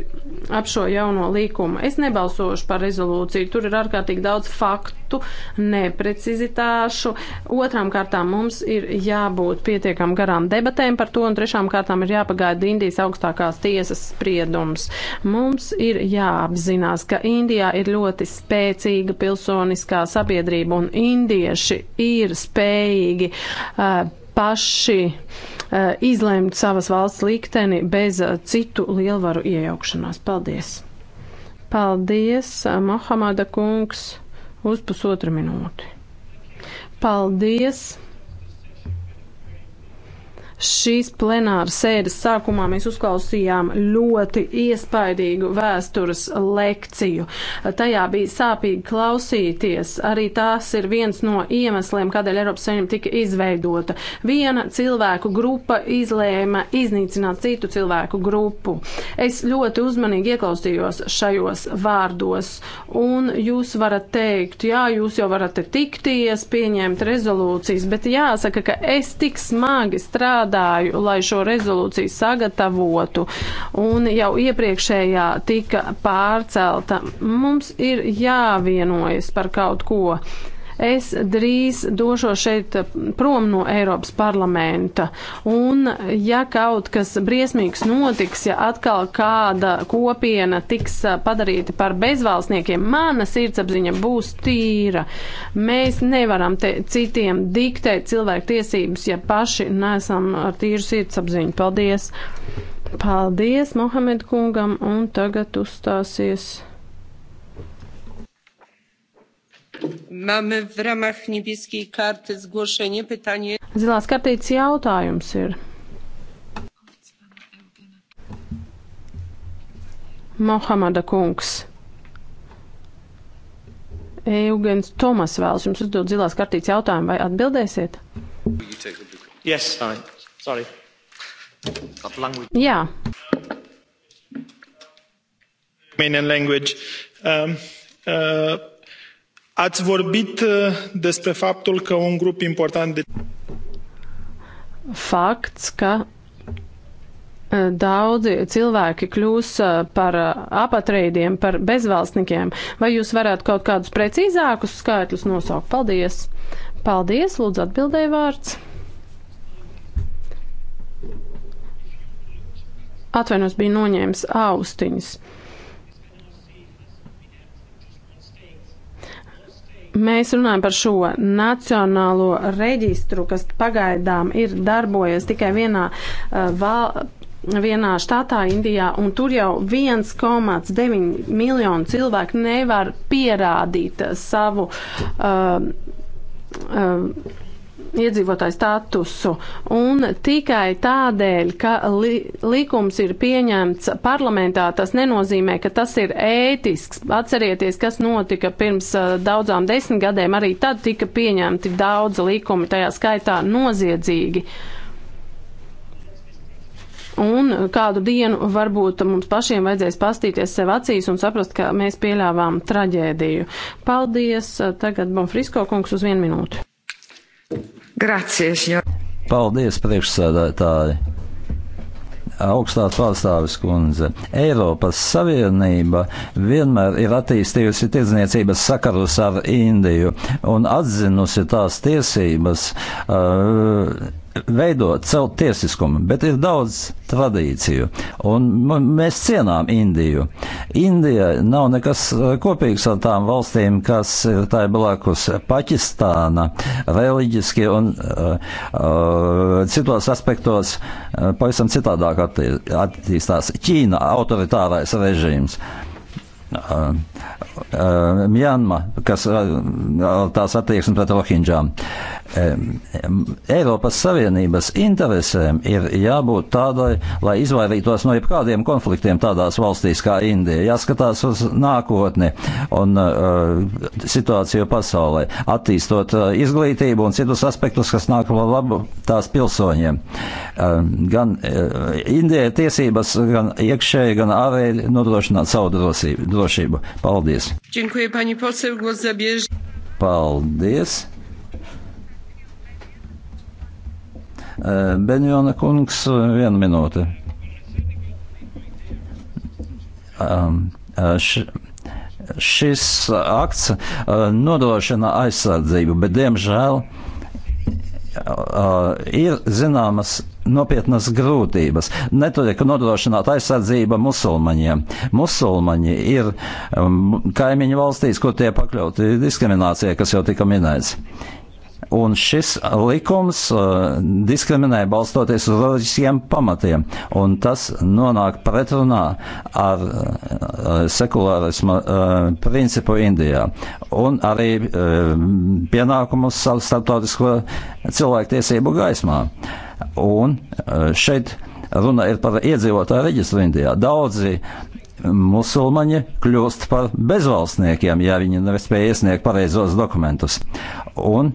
ap šo jauno līkumu? Es nebalsošu par rezolūciju, tur ir ārkārtīgi daudz faktu, neprecizitāšu. Otrām kārtām mums ir jābūt pietiekam garām debatēm par to, un trešām kārtām ir jāpagaida Indijas augstākās tiesas spriedums. Mums ir jāapzinās, ka Indijā ir ļoti spēcīga pilsoniskā sabiedrība, un indieši ir spējīgi uh, paši uh, izlēmt savas valsts likteni bez uh, citu lielvaru iejaukšanās. Paldies! Paldies, uh, Mohamada kungs, uz pusotru minūti. Paldies! Šīs plenāra sēdes sākumā mēs uzklausījām ļoti iespaidīgu vēstures lekciju. Tajā bija sāpīgi klausīties. Arī tās ir viens no iemesliem, kādēļ Eiropas Savienība tika izveidota. Viena cilvēku grupa izlēma iznīcināt citu cilvēku grupu. Es ļoti uzmanīgi ieklausījos šajos vārdos, un jūs varat teikt, jā, jūs jau varat tikties, pieņemt rezolūcijas, bet jāsaka, ka es tik smagi strādāju strādāju, lai šo rezolūciju sagatavotu, un jau iepriekšējā tika pārcelta. Mums ir jāvienojas par kaut ko. Es drīz došos šeit prom no Eiropas parlamenta. Un, ja kaut kas briesmīgs notiks, ja atkal kāda kopiena tiks padarīta par bezvalstniekiem, mana sirdsapziņa būs tīra. Mēs nevaram te citiem diktēt cilvēku tiesības, ja paši nesam ar tīru sirdsapziņu. Paldies! Paldies Mohamed kungam, un tagad uzstāsies. Mamy w ramach niebieskiej karty zgłoszenie, pytanie. Zilās kartītes jautājums ir. Mohameda kungs. Eugens Tomas vēlas jums uzdot zilās kartītes jautājumu, vai atbildēsiet? Yes, sorry. sorry. Jā. Main language. Um, uh, ați vorbit uh, despre faptul că un grup important de. Fakts, ka uh, daudzi cilvēki kļūs uh, par apatrīdiem, par bezvalstniekiem. Vai jūs varētu kaut kādus precīzākus skaitļus nosaukt? Paldies! Paldies! Lūdzu, atbildēja vārds. Atvainos, bija noņēmis austiņas. Uh, Mēs runājam par šo nacionālo reģistru, kas pagaidām ir darbojies tikai vienā uh, val, vienā štatā Indijā, un tur jau 1,9 miljonu cilvēku nevar pierādīt savu. Uh, uh, iedzīvotāju statusu. Un tikai tādēļ, ka li likums ir pieņemts parlamentā, tas nenozīmē, ka tas ir ētisks. Atcerieties, kas notika pirms uh, daudzām desmitgadēm. Arī tad tika pieņemti daudz likumi, tajā skaitā noziedzīgi. Un kādu dienu varbūt mums pašiem vajadzēs pastīties sev acīs un saprast, ka mēs pieļāvām traģēdiju. Paldies! Tagad Bonfrisko kungs uz vienu minūti. Gracias, jo. Paldies, priekšsādātāji! augstā pārstāvis kundze. Eiropas Savienība vienmēr ir attīstījusi tirdzniecības sakarus ar Indiju un atzinusi tās tiesības. Uh, veidot savu tiesiskumu, bet ir daudz tradīciju, un mēs cienām Indiju. Indija nav nekas eh, kopīgs ar tām valstīm, kas ir tā blakus Pakistāna, reliģiski un uh, uh, citos aspektos uh, pavisam citādāk attīstās Ķīna autoritārais režīms. Uh, Mjanma, kas tās attieksme pret Rohingjām. Eiropas Savienības interesēm ir jābūt tādai, lai izvairītos no jebkādiem konfliktiem tādās valstīs kā Indija. Jāskatās uz nākotni un uh, situāciju pasaulē, attīstot uh, izglītību un citus aspektus, kas nāk par labu tās pilsoņiem. Uh, gan uh, Indijai tiesības, gan iekšēji, gan ārēji nodrošināt savu drosību drošību. Paldies! Paldies! E, Benjona kungs, viena minūte. Um, e, š, šis akts e, nodrošina aizsardzību, bet diemžēl uh, uh, ir zināmas nopietnas grūtības. Netiek nodrošināta aizsardzība musulmaņiem. Musulmaņi ir um, kaimiņu valstīs, kur tie pakļauti diskriminācijai, kas jau tika minēts. Uh, Un šis likums uh, diskriminē balstoties uz reliģiskiem pamatiem, un tas nonāk pretrunā ar uh, sekulārisma uh, principu Indijā, un arī uh, pienākumus starptautisko cilvēktiesību gaismā. Un uh, šeit runa ir par iedzīvotāju reģistru Indijā. Daudzi musulmaņi kļūst par bezvalstniekiem, ja viņi nespēja iesniegt pareizos dokumentus. Un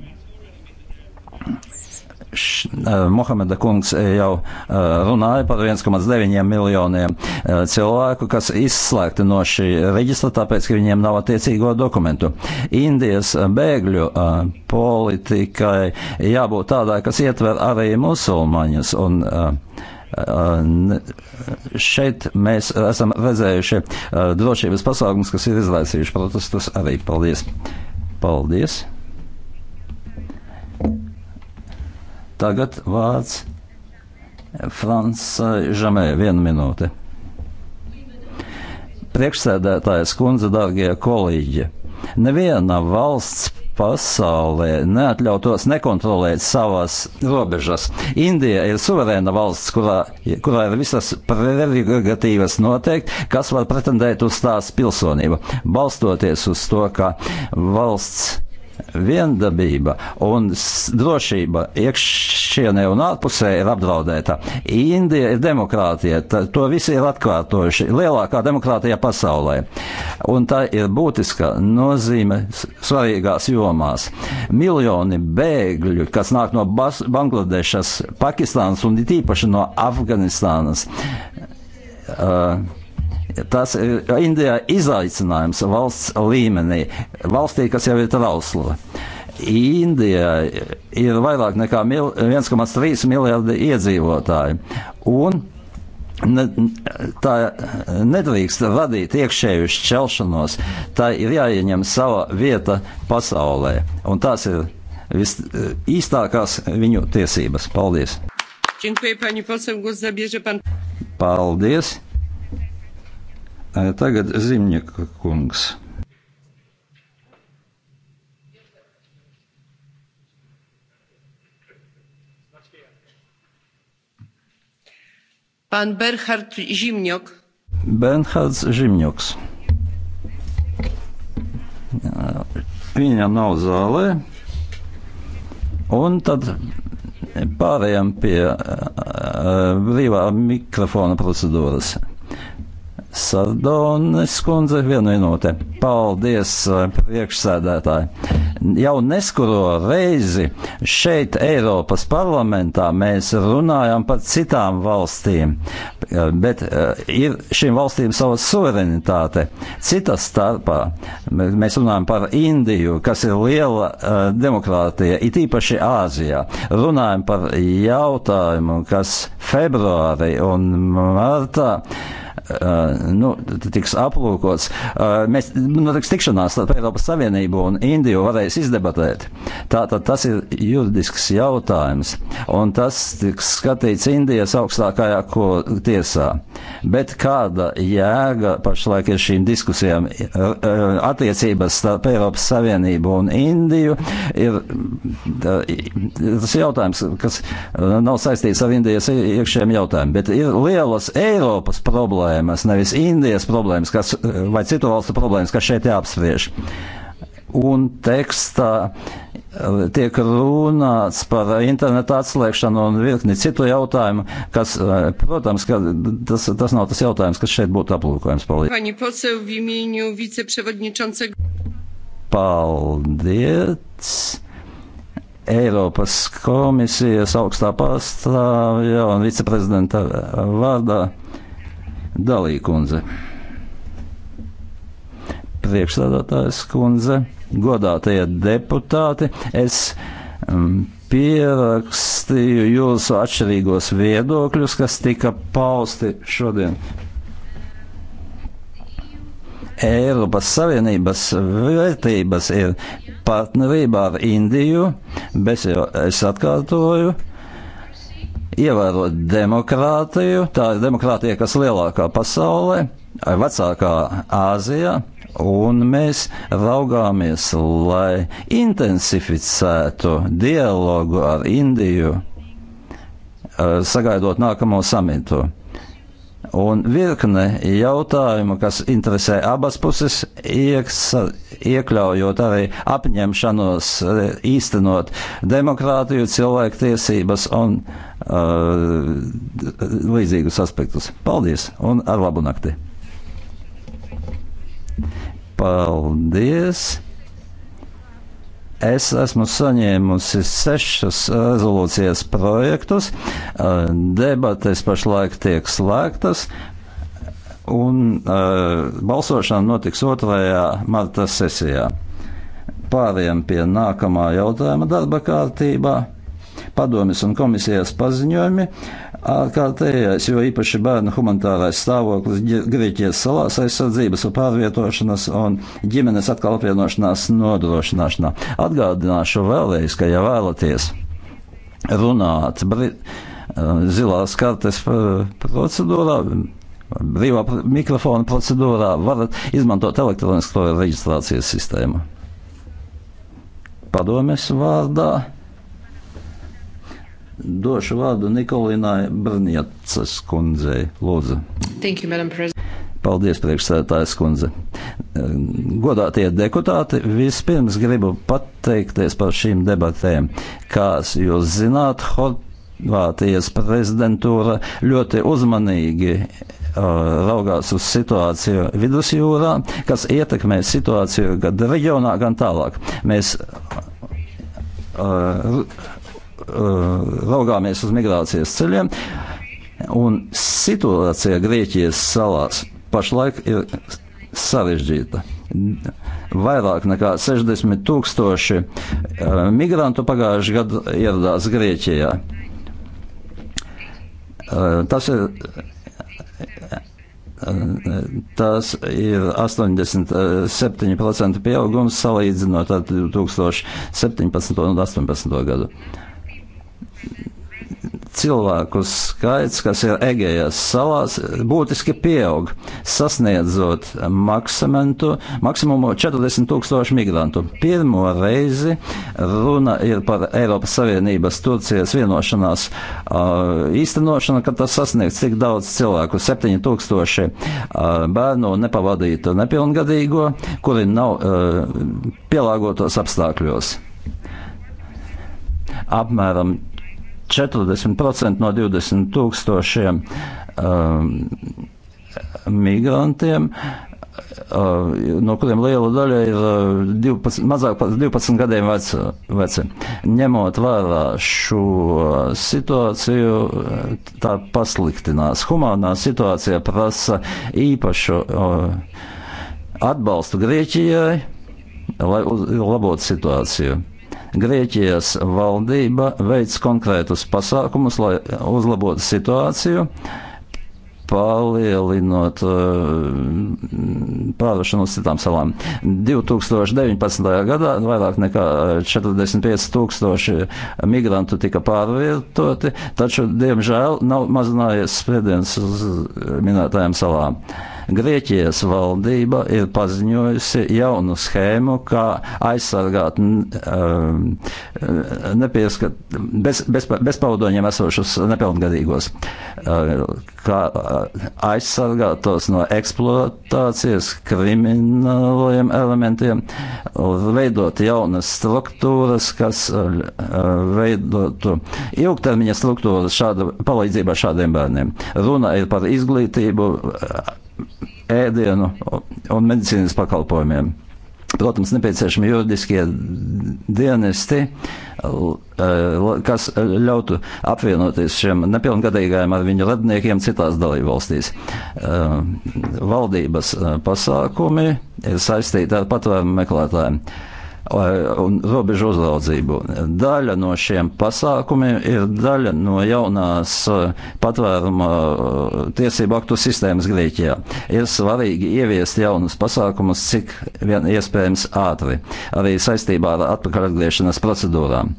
Mohameda kungs jau runāja par 1,9 miljoniem cilvēku, kas izslēgti no šī reģistra, tāpēc, ka viņiem nav attiecīgo dokumentu. Indijas bēgļu politikai jābūt tādai, kas ietver arī musulmaņus. Un, Šeit mēs esam redzējuši drošības pasākums, kas ir izraisījuši protestus arī. Paldies! Paldies! Tagad vārds Frans Žamē, viena minūte. Priekšsēdētājas kundze, dārgie kolīģi, neviena valsts pasaulē neatļautos nekontrolēt savas robežas. Indija ir suverēna valsts, kurā, kurā ir visas prerogatīvas noteikti, kas var pretendēt uz tās pilsonību, balstoties uz to, ka valsts viendabība un drošība iekšienē un ārpusē ir apdraudēta. Indija ir demokrātija, tā, to visi ir atkārtojuši, lielākā demokrātija pasaulē. Un tā ir būtiska nozīme svarīgās jomās. Miljoni bēgļu, kas nāk no Bas Bangladešas, Pakistānas un it īpaši no Afganistānas. Uh, Tas ir e, Indijā izaicinājums valsts līmenī, valstī, kas jau ir trausla. Indijā ir vairāk nekā 1,3 miljardi iedzīvotāji. Un Ne, tā nedrīkst radīt iekšēju šķelšanos. Tā ir jāieņem sava vieta pasaulē. Un tās ir visīstākās e, viņu tiesības. Paldies! Dziękuję, pani poseł. Głos zabierze pan. Paldies! Tagad Zimņaka kungs. Pan Bernhard Zimņok. Bernhards Zimņoks. Viņa nav zālē. Un tad pārējām pie brīvā mikrofona procedūras. Sardonis kundze, viena minūte. Paldies, eh, priekšsēdētāji. Jau neskuro reizi šeit Eiropas parlamentā mēs runājam par citām valstīm, eh, bet eh, ir šīm valstīm sava suverenitāte. Cita starpā mēs runājam par Indiju, kas ir liela demokrātija, it īpaši Āzijā. Runājam par jautājumu, kas februārī un martā Uh, nu, tiks aplūkots. Uh, mēs nu, notiks nu, tikšanās ar Eiropas Savienību un Indiju varēs izdebatēt. Tātad tas ir juridisks jautājums, un tas tiks skatīts Indijas augstākajā tiesā. Bet kāda jēga pašlaik ir šīm diskusijām uh, attiecības starp Eiropas Savienību un Indiju? Ir, tas ir jautājums, kas nav saistīts ar Indijas iekšējiem jautājumiem, bet ir lielas Eiropas problēmas problēmas, nevis Indijas problēmas kas, vai citu valstu problēmas, kas šeit jāapspriež. Un tekstā tiek runāts par internetu atslēgšanu un virkni citu jautājumu, kas, protams, ka tas, tas nav tas jautājums, kas šeit būtu aplūkojams. Paldies! Paldies. Eiropas komisijas augstā pārstāvja un viceprezidenta vārdā. Dalīkundze. Priekšstādātājs kundze, godātie deputāti, es um, pierakstīju jūsu atšķirīgos viedokļus, kas tika pausti šodien. Eiropas Savienības vērtības ir partnerībā ar Indiju, bet es atkārtoju, ievērot demokrātiju. Tā ir demokrātija, kas lielākā pasaulē, vecākā Āzijā, un mēs raugāmies, lai intensificētu dialogu ar Indiju, eh, sagaidot nākamo samitu. Un virkne jautājumu, kas interesē abas puses, ieksa, iekļaujot arī apņemšanos eh, īstenot demokrātiju, cilvēktiesības un uh, līdzīgus aspektus. Paldies un ar labu nakti! Paldies! Es esmu saņēmusi sešas rezolūcijas projektus. Debates pašlaik tiek slēgtas, un balsošana notiks 2. marta sesijā. Pāriem pie nākamā jautājuma darba kārtībā padomjas un komisijas paziņojumi, ārkārtējais, jo īpaši bērnu humanitārais stāvoklis Grieķijas salās aizsardzības un pārvietošanas un ģimenes atkal apvienošanās nodrošināšanā. Atgādināšu vēlreiz, ka ja vēlaties runāt bri, zilās kartes procedūrā, brīvā mikrofona procedūrā, varat izmantot elektronisko reģistrācijas sistēmu. Padomes vārdā. Došu vārdu Nikolinai Brņacas kundzei. Lūdzu. Thank you, Madam President. Paldies, priekšsēdētājas kundze. Godātie deputāti, vispirms gribu pateikties par šīm debatēm. Kā jūs zināt, Horvātijas prezidentūra ļoti uzmanīgi uh, raugās uz situāciju vidusjūrā, kas ietekmē situāciju gan reģionā, gan tālāk. Mēs uh, raugāmies eh, uz migrācijas ceļiem, un situācija Grieķijas salās pašlaik ir sarežģīta. Vairāk nekā 60 tūkstoši eh, migrantu pagājuši gadu ieradās Grieķijā. Eh, tas ir Tas ir 87% pieaugums salīdzinot ar 2017. un 2018. gadu cilvēku skaits, kas ir Egejas salās, būtiski pieaug, sasniedzot maksimumu 40 tūkstošu migrantu. Pirmo reizi runa ir par Eiropas Savienības Turcijas vienošanās uh, īstenošanu, kad tas sasniegts tik daudz cilvēku - 7 tūkstoši uh, bērnu nepavadītu nepilngadīgo, kuri nav uh, pielāgotos apstākļos. Apmēram 40% no 20 tūkstošiem um, migrantiem uh, no kuriem liela daļa ir 12, uh, mazāk par 12 gadiem veci. veci. Ņemot vērā šo situāciju, tā pasliktinās. Humanā situācija prasa īpašu uh, atbalstu Grieķijai, lai labotu situāciju. Grieķijas valdība veic konkrētus pasākumus, lai uzlabotu situāciju, palielinot uh, pārvešanu uz citām salām. 2019. gadā vairāk nekā 45 tūkstoši migrantu tika pārvietoti, taču, diemžēl, nav mazinājies spiediens uz minētajām salām. Uh, Grieķijas valdība ir paziņojusi jaunu schēmu, kā aizsargāt um, nepieskat, bez, bez, bezpaudoņiem esošus nepilngadīgos, uh, kā uh, aizsargāt tos no eksploatācijas krimināliem elementiem, veidot jaunas struktūras, kas uh, veidotu ilgtermiņa struktūras šāda palīdzībā šādiem bērniem. Runa ir par izglītību, ēdienu un medicīnas pakalpojumiem. Protams, nepieciešami juridiskie dienesti, e, kas ļautu apvienoties šiem nepilngadīgajiem ar viņu radniekiem citās dalībvalstīs. E, valdības e, pasākumi ir saistīti ar patvērumu meklētājiem un robežu uzraudzību. Daļa no šiem pasākumiem ir daļa no jaunās eh, patvēruma eh, tiesību aktu sistēmas Grieķijā. Ir svarīgi ieviest jaunus pasākumus, cik vien iespējams ātri, arī saistībā ar atpakaļ atgriešanās procedūrām.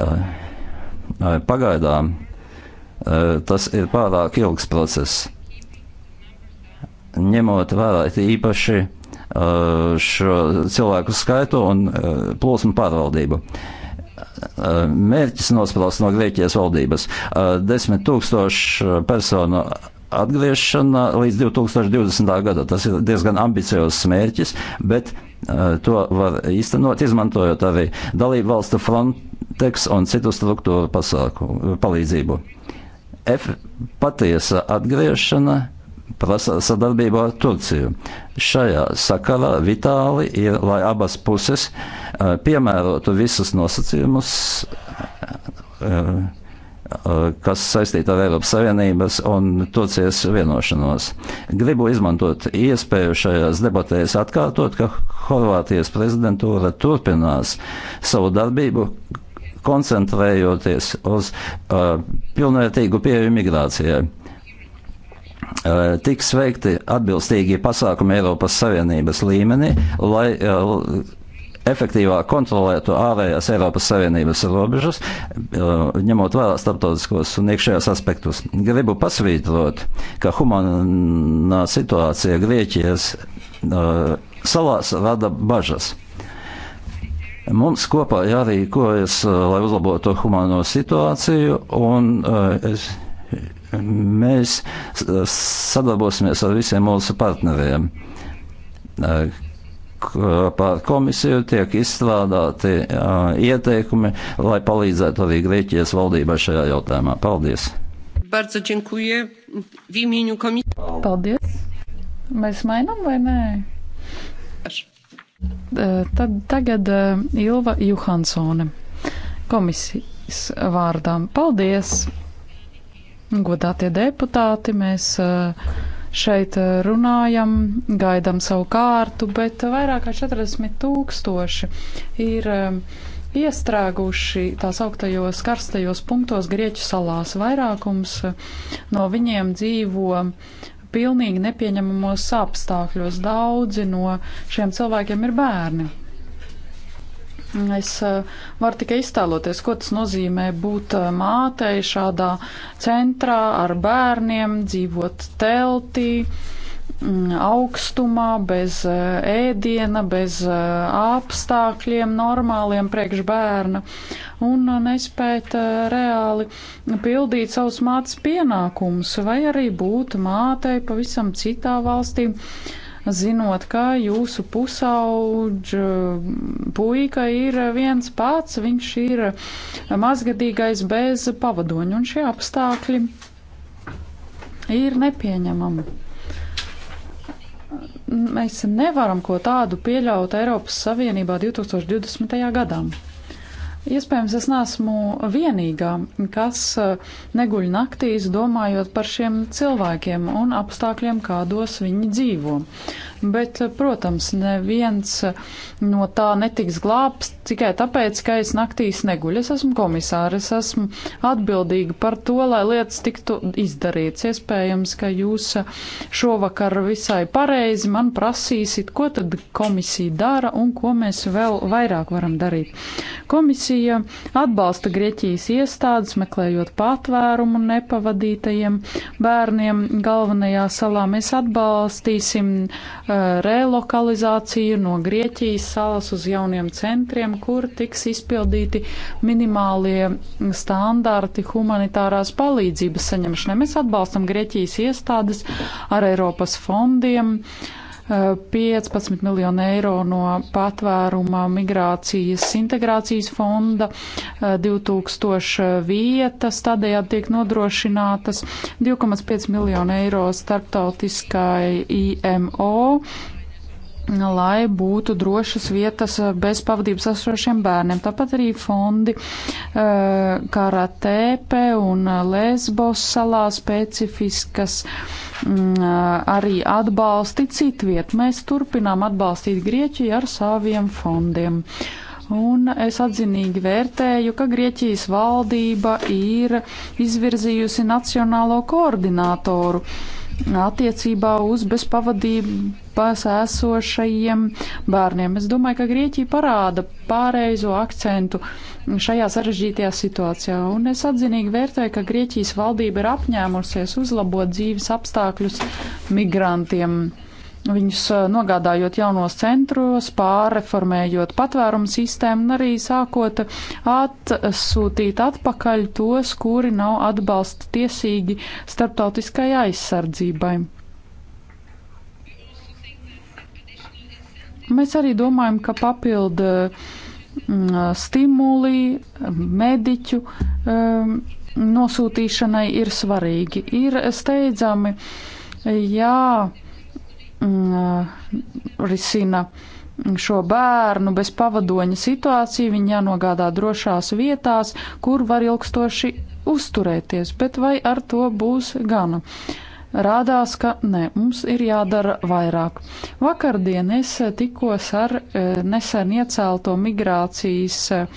Eh, pagaidām tas ir pārāk ilgs process ņemot vērā īpaši Uh, šo cilvēku skaitu un uh, plūsmu pārvaldību. Uh, mērķis nosprausts no Grieķijas valdības - desmit tūkstoši personu atgriešana līdz 2020. gadam. Tas ir diezgan ambiciozs mērķis, bet to var īstenot, izmantojot arī dalību valstu Frontex un citu struktūru pasāku palīdzību. F patiesa atgriešana prasa sadarbību ar Turciju. Šajā sakarā vitāli ir, lai abas puses eh, piemērotu visus nosacījumus, eh, eh, kas saistīta ar Eiropas Savienības un Turcijas vienošanos. Gribu izmantot iespēju šajās debatēs atkārtot, ka Horvātijas prezidentūra turpinās savu darbību, koncentrējoties uz uh, pilnvērtīgu pieeju migrācijai tiks veikti atbilstīgi pasākumi Eiropas Savienības līmenī, lai efektīvāk kontrolētu ārējās Eiropas Savienības robežas, ņemot vērā starptautiskos un iekšējos aspektus. Gribu pasvītrot, ka humanā situācija Grieķijas salās rada bažas. Mums kopā jārīkojas, lai uzlabotu humano situāciju, un es Mēs eh, sadarbosimies ar visiem mūsu partneriem. Eh, Pār komisiju tiek izstrādāti uh, ieteikumi, lai palīdzētu arī Grieķijas valdībai šajā jautājumā. Paldies! Paldies! Mēs mainām vai nē? Tad tagad Ilva Juhansone komisijas vārdām. Paldies! godātie deputāti, mēs uh, šeit uh, runājam, gaidam savu kārtu, bet vairāk kā 40 tūkstoši ir um, iestrēguši tās augtajos karstajos punktos Grieķu salās. Vairākums uh, no viņiem dzīvo pilnīgi nepieņemamos apstākļos. Daudzi no šiem cilvēkiem ir bērni. Es eh, varu tikai iztēloties, ko tas nozīmē būt eh, mātei šādā centrā ar bērniem, dzīvot teltī, mm, augstumā, bez eh, ēdiena, bez apstākļiem, normāliem priekš bērna un nespēt reāli pildīt savus mātes pienākumus vai arī būt mātei pavisam citā valstī zinot, ka jūsu pusauģa mm, puika ir viens pats, viņš ir mazgadīgais bez pavadoņa, un šie apstākļi ir nepieņemami. Mēs nevaram ko tādu pieļaut Eiropas Savienībā 2020. gadā. Iespējams, es neesmu vienīgā, kas eh, neguļ naktīs domājot par šiem cilvēkiem un apstākļiem, kādos viņi dzīvo. Bet, eh, protams, neviens eh, no tā netiks glābts tikai tāpēc, ka es naktīs neguļu. Es esmu komisāra, es esmu atbildīga par to, lai lietas tiktu izdarīts. Iespējams, ka jūs eh, šovakar visai pareizi man prasīsit, ko tad komisija dara un ko mēs vēl vairāk varam darīt. Komisija atbalsta Grieķijas iestādes, meklējot patvērumu nepavadītajiem bērniem galvenajā salā. Mēs atbalstīsim uh, relokalizāciju no Grieķijas salas uz jauniem centriem, kur tiks izpildīti minimālie standarti humanitārās palīdzības saņemšanai. Mēs atbalstam Grieķijas iestādes ar Eiropas fondiem. Uh, 15 miljonu eiro no patvēruma migrācijas integrācijas fonda, 2000 eh, eh, vietas tādējādi tiek nodrošinātas, 2,5 miljonu eiro starptautiskai IMO lai būtu drošas vietas eh, bez pavadības esošiem bērniem. Tāpat arī fondi Karatēpe un Lesbos salā specifiskas uh, Mm, arī atbalsti citviet. Mēs turpinām atbalstīt Grieķiju ar saviem fondiem. Un es atzinīgi vērtēju, ka Grieķijas valdība ir izvirzījusi nacionālo koordinātoru uh, attiecībā uz bezpavadībās esošajiem bērniem. Es domāju, ka Grieķija parāda pāreizo akcentu šajā sarežģītajā situācijā, un es atzinīgi vērtēju, ka Grieķijas valdība ir apņēmusies uzlabot dzīves apstākļus migrantiem viņus nogādājot jaunos centros, pārreformējot patvērumu sistēmu un arī sākot atsūtīt atpakaļ tos, kuri nav atbalsta tiesīgi starptautiskai aizsardzībai. Mēs arī domājam, ka papildu stimuli mediķu nosūtīšanai ir svarīgi. Ir steidzami jā. Ja Mm, risina šo bērnu bez pavadoņa situāciju, viņi jānogādā drošās vietās, kur var ilgstoši uzturēties, bet vai ar to būs gana? Rādās, ka nē, mums ir jādara vairāk. Vakardien es tikos ar eh, nesen iecelto migrācijas eh,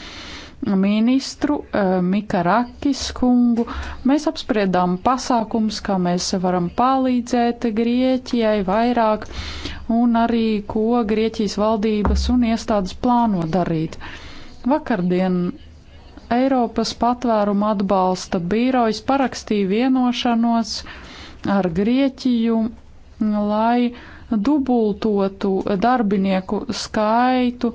ministru eh, Mikarakis kungu. Mēs apspriedām pasākums, kā mēs varam palīdzēt Grieķijai vairāk un arī ko Grieķijas valdības un iestādes plāno darīt. Vakardien Eiropas patvēruma atbalsta birojas parakstīja vienošanos ar Grieķiju, lai uh, dubultotu darbinieku skaitu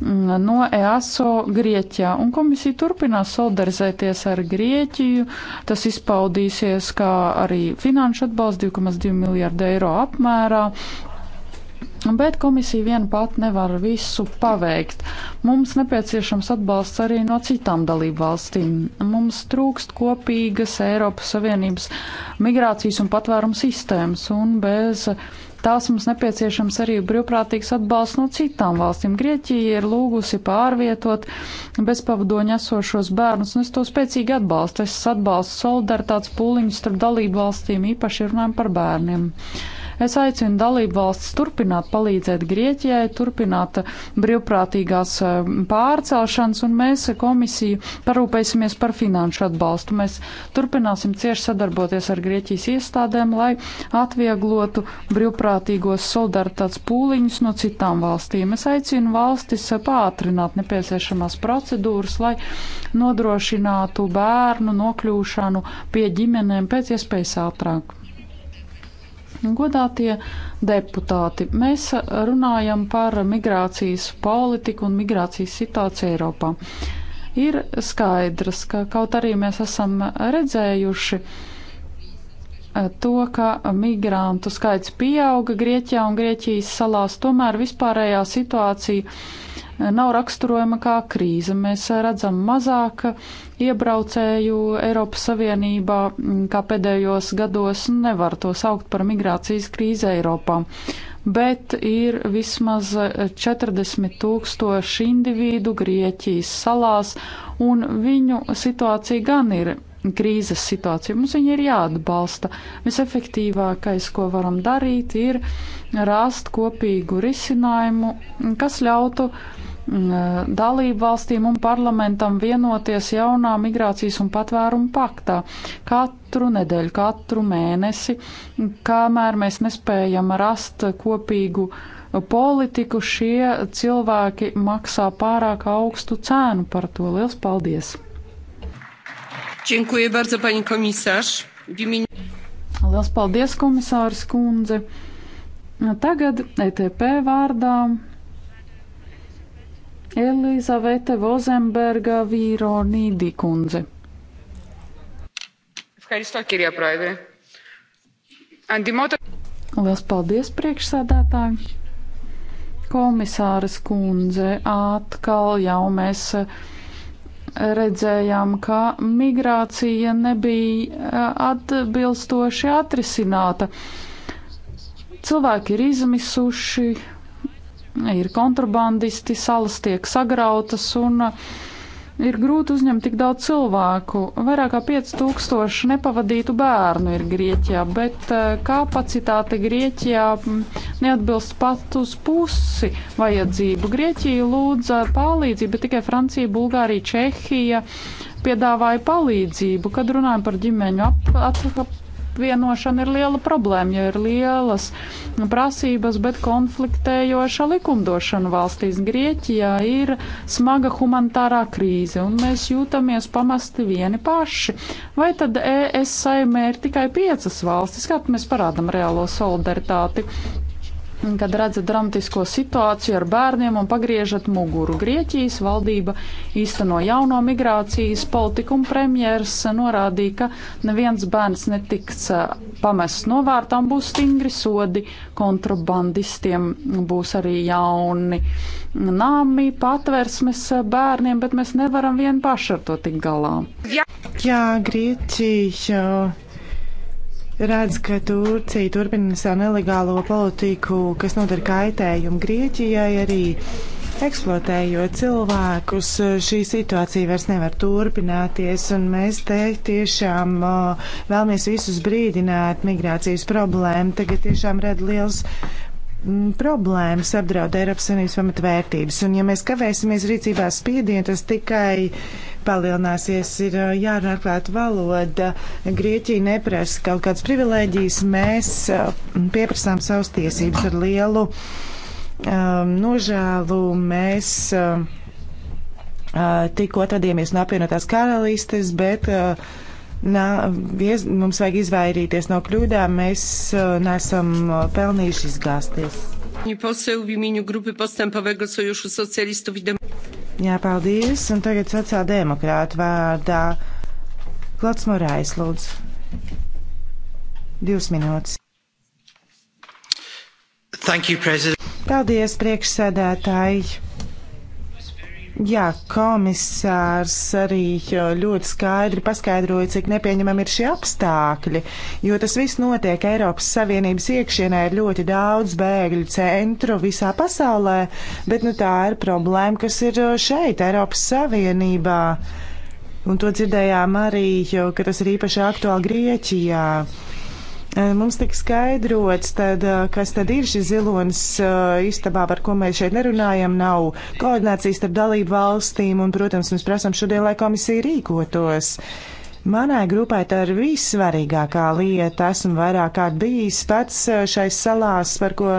mm, no EASO Grieķijā. Un komisija turpinās solidarizēties ar Grieķiju. Tas izpaudīsies kā arī finanšu atbalsts 2,2 miljārdu eiro apmērā. Bet komisija viena pat nevar visu paveikt. Mums nepieciešams atbalsts arī no citām dalību valstīm. Mums trūkst kopīgas Eiropas Savienības migrācijas un patvērums sistēmas, un bez uh, tās mums nepieciešams arī brīvprātīgs atbalsts no citām valstīm. Grieķija ir lūgusi pārvietot bezpavadoņa esošos bērnus, un es to spēcīgi atbalstu. Es atbalstu solidaritātes pūliņus starp dalību valstīm, īpaši runājam par bērniem. Uh, Es aicinu dalību valstis turpināt palīdzēt Grieķijai, turpināt brīvprātīgās eh, pārcelšanas, un mēs komisiju parūpēsimies par finanšu atbalstu. Mēs turpināsim cieši sadarboties ar Grieķijas iestādēm, lai atvieglotu brīvprātīgos solidaritātes pūliņus no citām valstīm. Es aicinu valstis pātrināt nepieciešamās procedūras, lai nodrošinātu bērnu nokļūšanu pie ģimenēm pēc iespējas ātrāk. Godātie deputāti, mēs runājam par migrācijas politiku un migrācijas situāciju Eiropā. Ir skaidrs, ka kaut arī mēs esam redzējuši, uh, to, ka migrantu skaits pieauga Grieķijā un Grieķijas salās, tomēr vispārējā situācija eh, nav raksturojama kā krīze. Mēs eh, redzam mazāk iebraucēju Eiropas Savienībā, mm, kā pēdējos gados nevar to saukt par migrācijas krīzi Eiropā. Bet ir vismaz 40 eh, tūkstoši individu Grieķijas salās, un viņu situācija gan ir krīzes situāciju. Mums viņi ir jāatbalsta. Visefektīvākais, ko varam darīt, ir rast kopīgu risinājumu, kas ļautu mm, dalību valstīm un parlamentam vienoties jaunā migrācijas un patvērumu paktā katru nedēļu, katru mēnesi, kamēr mēs nespējam rast kopīgu politiku, šie cilvēki maksā pārāk augstu cēnu par to. Liels paldies! Dziękuję bardzo, pani komisārz. Lielas paldies, komisārs kundze. Nu, tagad ETP vārdā Elizavete Vozemberga vīro Nīdī kundze. Lielas paldies, priekšsēdētāji. Komisāras kundze, atkal jau mēs. Uh, redzējām, ka migrācija nebija atbilstoši atrisināta. Cilvēki ir izmisuši, ir kontrabandisti, salas tiek sagrautas un uh, Ir grūti uzņemt tik daudz cilvēku. Vairāk kā 5000 nepavadītu bērnu ir Grieķijā, bet eh, kapacitāte Grieķijā mm, neatbilst pat uz pusi vajadzību. Grieķija lūdza eh, palīdzību, bet tikai Francija, Bulgārija, Čehija piedāvāja palīdzību. Kad runājam par ģimeņu ap, ap, ap, apvienošana ir liela problēma, jo ir lielas prasības, bet konfliktējoša likumdošana valstīs. Grieķijā ir smaga humanitārā krīze, un mēs jūtamies pamesti vieni paši. Vai tad ES saimē e ir tikai piecas valstis, kā mēs parādām reālo solidaritāti? kad redzat dramatisko situāciju ar bērniem un pagriežat muguru. Grieķijas valdība īsteno jauno migrācijas politiku un premjers norādīja, ka neviens bērns netiks eh, pamests novārtām, būs stingri sodi, kontrabandistiem būs arī jauni nami, patversmes bērniem, bet mēs nevaram vien paši ar to tik galā. Jā, Grieķija redz, ka Turcija turpina savu nelegālo politiku, kas nodara kaitējumu Grieķijai arī eksploatējot cilvēkus. Šī situācija vairs nevar turpināties, un mēs te tiešām vēlamies visus brīdināt migrācijas problēmu. Tagad tiešām redz liels Mm, problēmas apdraud Eiropas Savienības pamatvērtības. Un, ja mēs kavēsimies rīcībā spiedienu, tas tikai palielināsies. Ir uh, jārunā atklāta valoda. Grieķija neprasa kaut kādas privilēģijas. Mēs uh, pieprasām savas tiesības ar lielu um, nožēlu. Mēs. Um, Tikko atvadījāmies no apvienotās karalistes, bet uh, Nā, vies, mums vajag izvairīties no kļūdām, mēs neesam pelnījuši izgāzties. Jā, paldies, un tagad sociāldemokrāta vārdā Klots Morais, lūdzu. Divas minūtes. Thank you, President. Paldies, priekšsēdētāji. Jā, komisārs arī ļoti skaidri paskaidroja, cik nepieņemami ir šie apstākļi, jo tas viss notiek Eiropas Savienības iekšienē ir ļoti daudz bēgļu centru visā pasaulē, bet nu tā ir problēma, kas ir uh, šeit, Eiropas Savienībā. Un to dzirdējām arī, jo, ka tas ir īpaši aktuāli Grieķijā. Uh, Eh, mums tika skaidrots, tad, eh, kas tad ir šis zilonis eh, istabā, par ko mēs šeit nerunājam, nav koordinācijas starp dalību valstīm, un, protams, mēs prasām šodien, lai komisija rīkotos. Manai grupai tā ir vissvarīgākā lieta. Esmu vairāk kārt bijis pats šais salās, par ko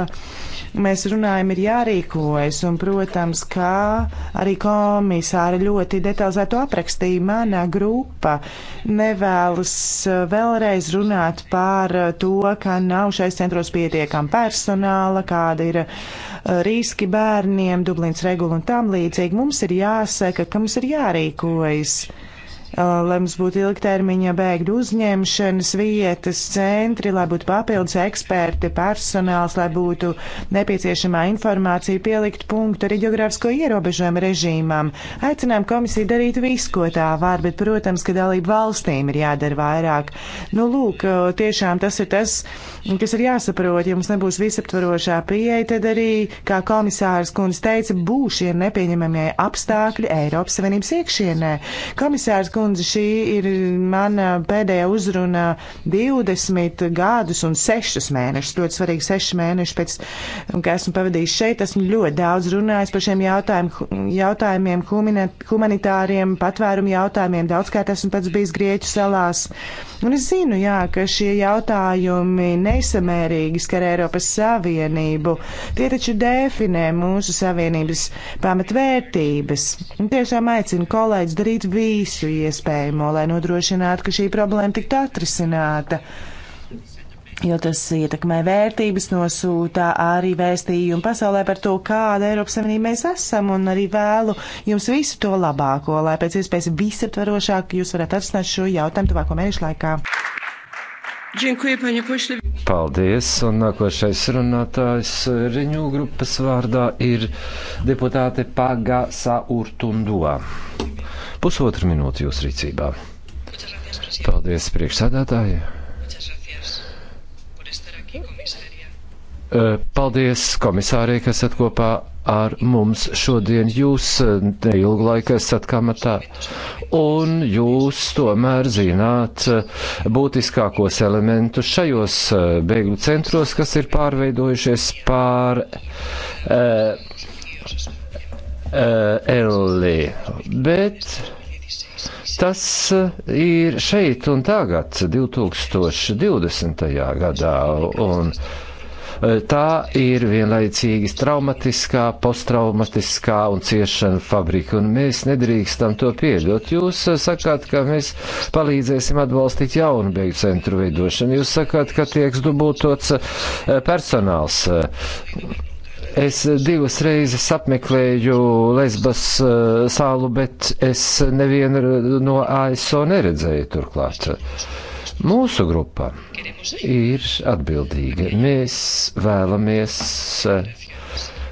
mēs runājam, ir jārīkojas, un, protams, kā arī komisāri ļoti detalizēto aprakstīja, mana grupa nevēlas eh, vēlreiz runāt par eh, to, ka nav šais centros pietiekam personāla, kāda ir eh, riski bērniem, Dublīns regula un tam līdzīgi. Mums ir jāsaka, ka mums ir jārīkojas. Uh, lai mums būtu ilgtermiņa bēgļu uzņemšanas vietas, centri, lai būtu papildus eksperti, personāls, lai būtu nepieciešamā informācija pielikt punktu arī geogrāfisko ierobežojumu režīmām. Aicinām komisiju darīt visu, ko tā var, bet, protams, ka dalību valstīm ir jādara vairāk. Nu, lūk, uh, tiešām tas ir tas, kas ir jāsaprot. Ja mums nebūs visaptvarošā pieeja, tad arī, kā komisārs kundze teica, būs šie nepieņemamie apstākļi Eiropas Savienības iekšienē. Komisārs kundze, šī ir mana pēdējā uzruna 20 gadus un 6 mēnešus. Ļoti svarīgi 6 mēneši pēc, ka esmu pavadījis šeit. Esmu ļoti daudz runājis par šiem jautājumiem, jautājumiem humanitāriem, patvērumu jautājumiem. Daudzkārt esmu pats bijis Grieķu salās. Un es zinu, jā, ka šie jautājumi nesamērīgi skar Eiropas Savienību. Tie taču definē mūsu Savienības pamatvērtības. Un tiešām aicinu kolēģis darīt visu iespējamo. Ja iespējamo, lai nodrošinātu, ka šī problēma tiktu atrisināta. Jo tas ietekmē vērtības, nosūtā arī vēstījumu pasaulē par to, kāda Eiropas Savienība mēs esam, un arī vēlu jums visu to labāko, lai pēc iespējas visaptvarošāk jūs varat atrisināt šo jautājumu tuvāko mēnešu laikā. Paldies, un nākošais runātājs Riņū grupas vārdā ir deputāte Paga Saurtundua. Pusotru minūti jūs rīcībā. Paldies, priekšsādātāji. Paldies komisārei, kas esat kopā ar mums šodien. Jūs eh, neilgu laiku esat kamatā, un jūs tomēr zināt eh, būtiskākos elementus šajos eh, bēgļu centros, kas ir pārveidojušies pār. Uh, uh, Elli, e. bet Tas ir šeit un tagad, 2020. gadā, un Eh, tā ir vienlaicīgi traumatiskā, posttraumatiskā un ciešana fabrika, un mēs nedrīkstam to pieļaut. Jūs eh, sakāt, ka mēs palīdzēsim atbalstīt jaunu beigu centru veidošanu. Jūs sakāt, ka tiek dubultots eh, personāls. Es divas reizes apmeklēju Lesbas sālu, bet es nevienu no ASO neredzēju turklāt. Mūsu grupa ir atbildīga. Mēs vēlamies eh,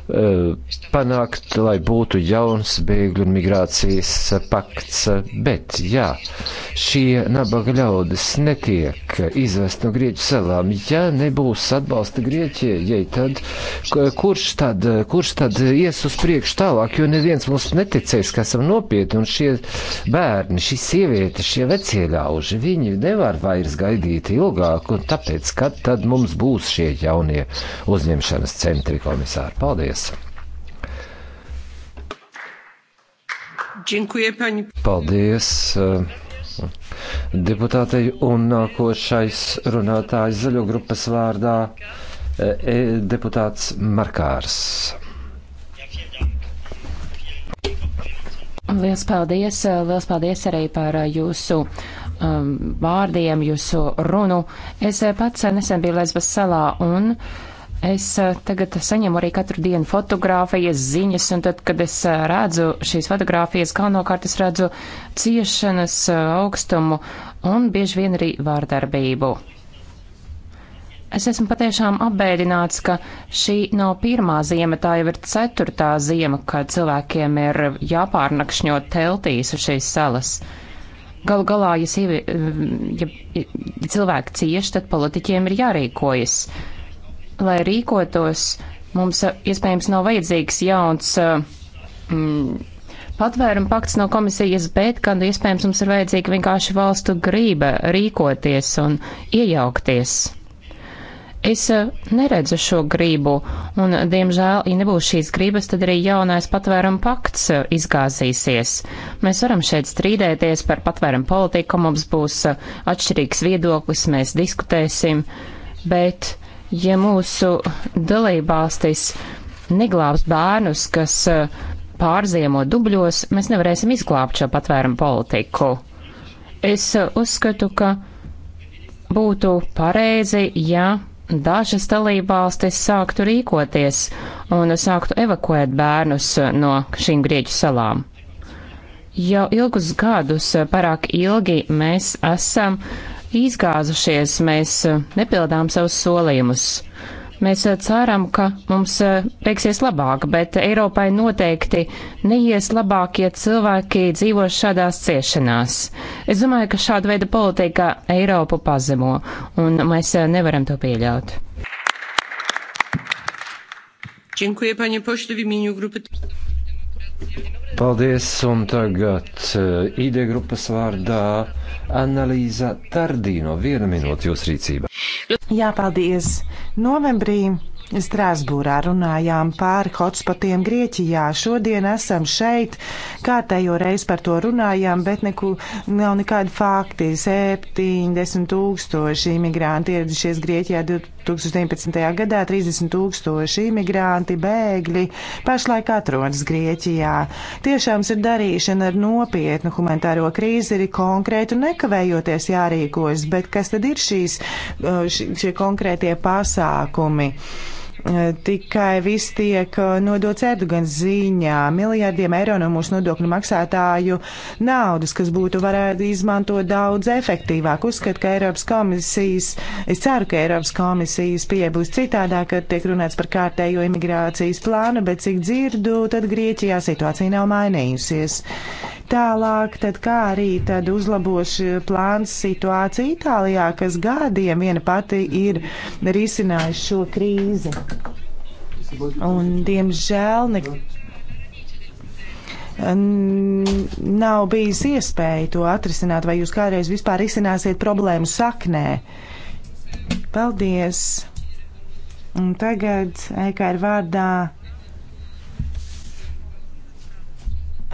Eh, panākt, lai būtu jauns bēgļu un migrācijas pakts. Bet, ja šie nabaga ļaudis netiek izvest no Grieķu salām, ja nebūs atbalsta Grieķijai, tad kurš tad, kurš tad ies uz priekšu tālāk, jo neviens mums neticēs, ka esam nopietni, un šie bērni, šīs sievietes, šie vecie ļauži, viņi nevar vairs gaidīt ilgāk, un tāpēc, kad tad mums būs šie jaunie uzņemšanas centri komisāri. Paldies! Paldies! Paldies! E, deputātei un nākošais runātājs zaļo grupas vārdā e, e, deputāts Markārs. Liels paldies! Liels paldies arī par jūsu um, vārdiem, jūsu runu. Es pats nesen biju Lesbas salā un uh, Es eh, tagad saņemu arī katru dienu fotogrāfijas ziņas, un tad, kad es eh, redzu šīs fotogrāfijas, galvenokārt es redzu ciešanas eh, augstumu un bieži vien arī vārdarbību. Es esmu patiešām apbēdināts, ka šī nav pirmā zima, tā jau ir ceturtā zima, kad cilvēkiem ir jāpārnakšņo teltīs uz šīs salas. Galu galā, ja, sievi, ja, ja cilvēki cieši, tad politiķiem ir jārīkojas. Uh, lai rīkotos, mums eh, iespējams nav vajadzīgs jauns eh, mm, patvērumu pakts no komisijas, bet kad iespējams mums ir vajadzīga vienkārši valstu grība rīkoties un iejaukties. Es eh, neredzu šo grību, un, diemžēl, ja nebūs šīs gribas, tad arī jaunais patvērumu pakts izgāzīsies. Mēs varam šeit strīdēties par patvērumu politiku, mums būs atšķirīgs viedoklis, mēs diskutēsim, bet ja mūsu dalībvalstis neglābs bērnus, kas eh, pārziemo dubļos, mēs nevarēsim izglābt šo patvērumu politiku. Es eh, uzskatu, ka būtu pareizi, ja dažas dalībvalstis sāktu rīkoties un sāktu evakuēt bērnus eh, no šīm grieķu salām. Jau ilgus gadus, parāk ilgi, mēs esam uh, izgāzušies, mēs e, nepildām savus solījumus. Mēs e, ceram, ka mums veiksies e, labāk, bet Eiropai noteikti neies labāk, ja cilvēki dzīvo šādās ciešanās. Es domāju, ka šāda veida politika Eiropu pazemo, un mēs nevaram to pieļaut. Dziękuję, panie pośle, w imieniu grupy. Paldies, un tagad eh, ID grupas vārdā Analīza Tardīno. Viena minūte jūs rīcībā. Jā, paldies. Novembrī Strāsbūrā runājām pār hotspotiem Grieķijā. Šodien esam šeit, kārtējo reizi par to runājām, bet neku, nav nekādi fakti. 70 tūkstoši imigranti ieradušies Grieķijā 2019. gadā, 30 tūkstoši imigranti, bēgļi pašlaik atrodas Grieķijā. Tiešām ir darīšana ar nopietnu humanitāro krīzi, ir konkrēti un nekavējoties jārīkojas, bet kas tad ir šīs, šie konkrētie pasākumi? tikai viss tiek uh, nodots Erdogan ziņā. Miljardiem eiro no mūsu nodokļu maksātāju naudas, kas būtu varētu izmantot daudz efektīvāk. Uzskat, ka Eiropas komisijas, es ceru, ka Eiropas komisijas pieeja būs citādāk, kad tiek runāts par kārtējo imigrācijas plānu, bet cik dzirdu, tad Grieķijā situācija nav mainījusies. Tālāk, tad kā arī tad uzlaboš eh, plāns situācija Itālijā, kas gadiem viena pati ir risinājusi šo krīzi. Un, diemžēl, ne, nav bijis iespēja to atrisināt, vai jūs kādreiz vispār risināsiet problēmu saknē. Paldies! Un tagad, kā ir vārdā,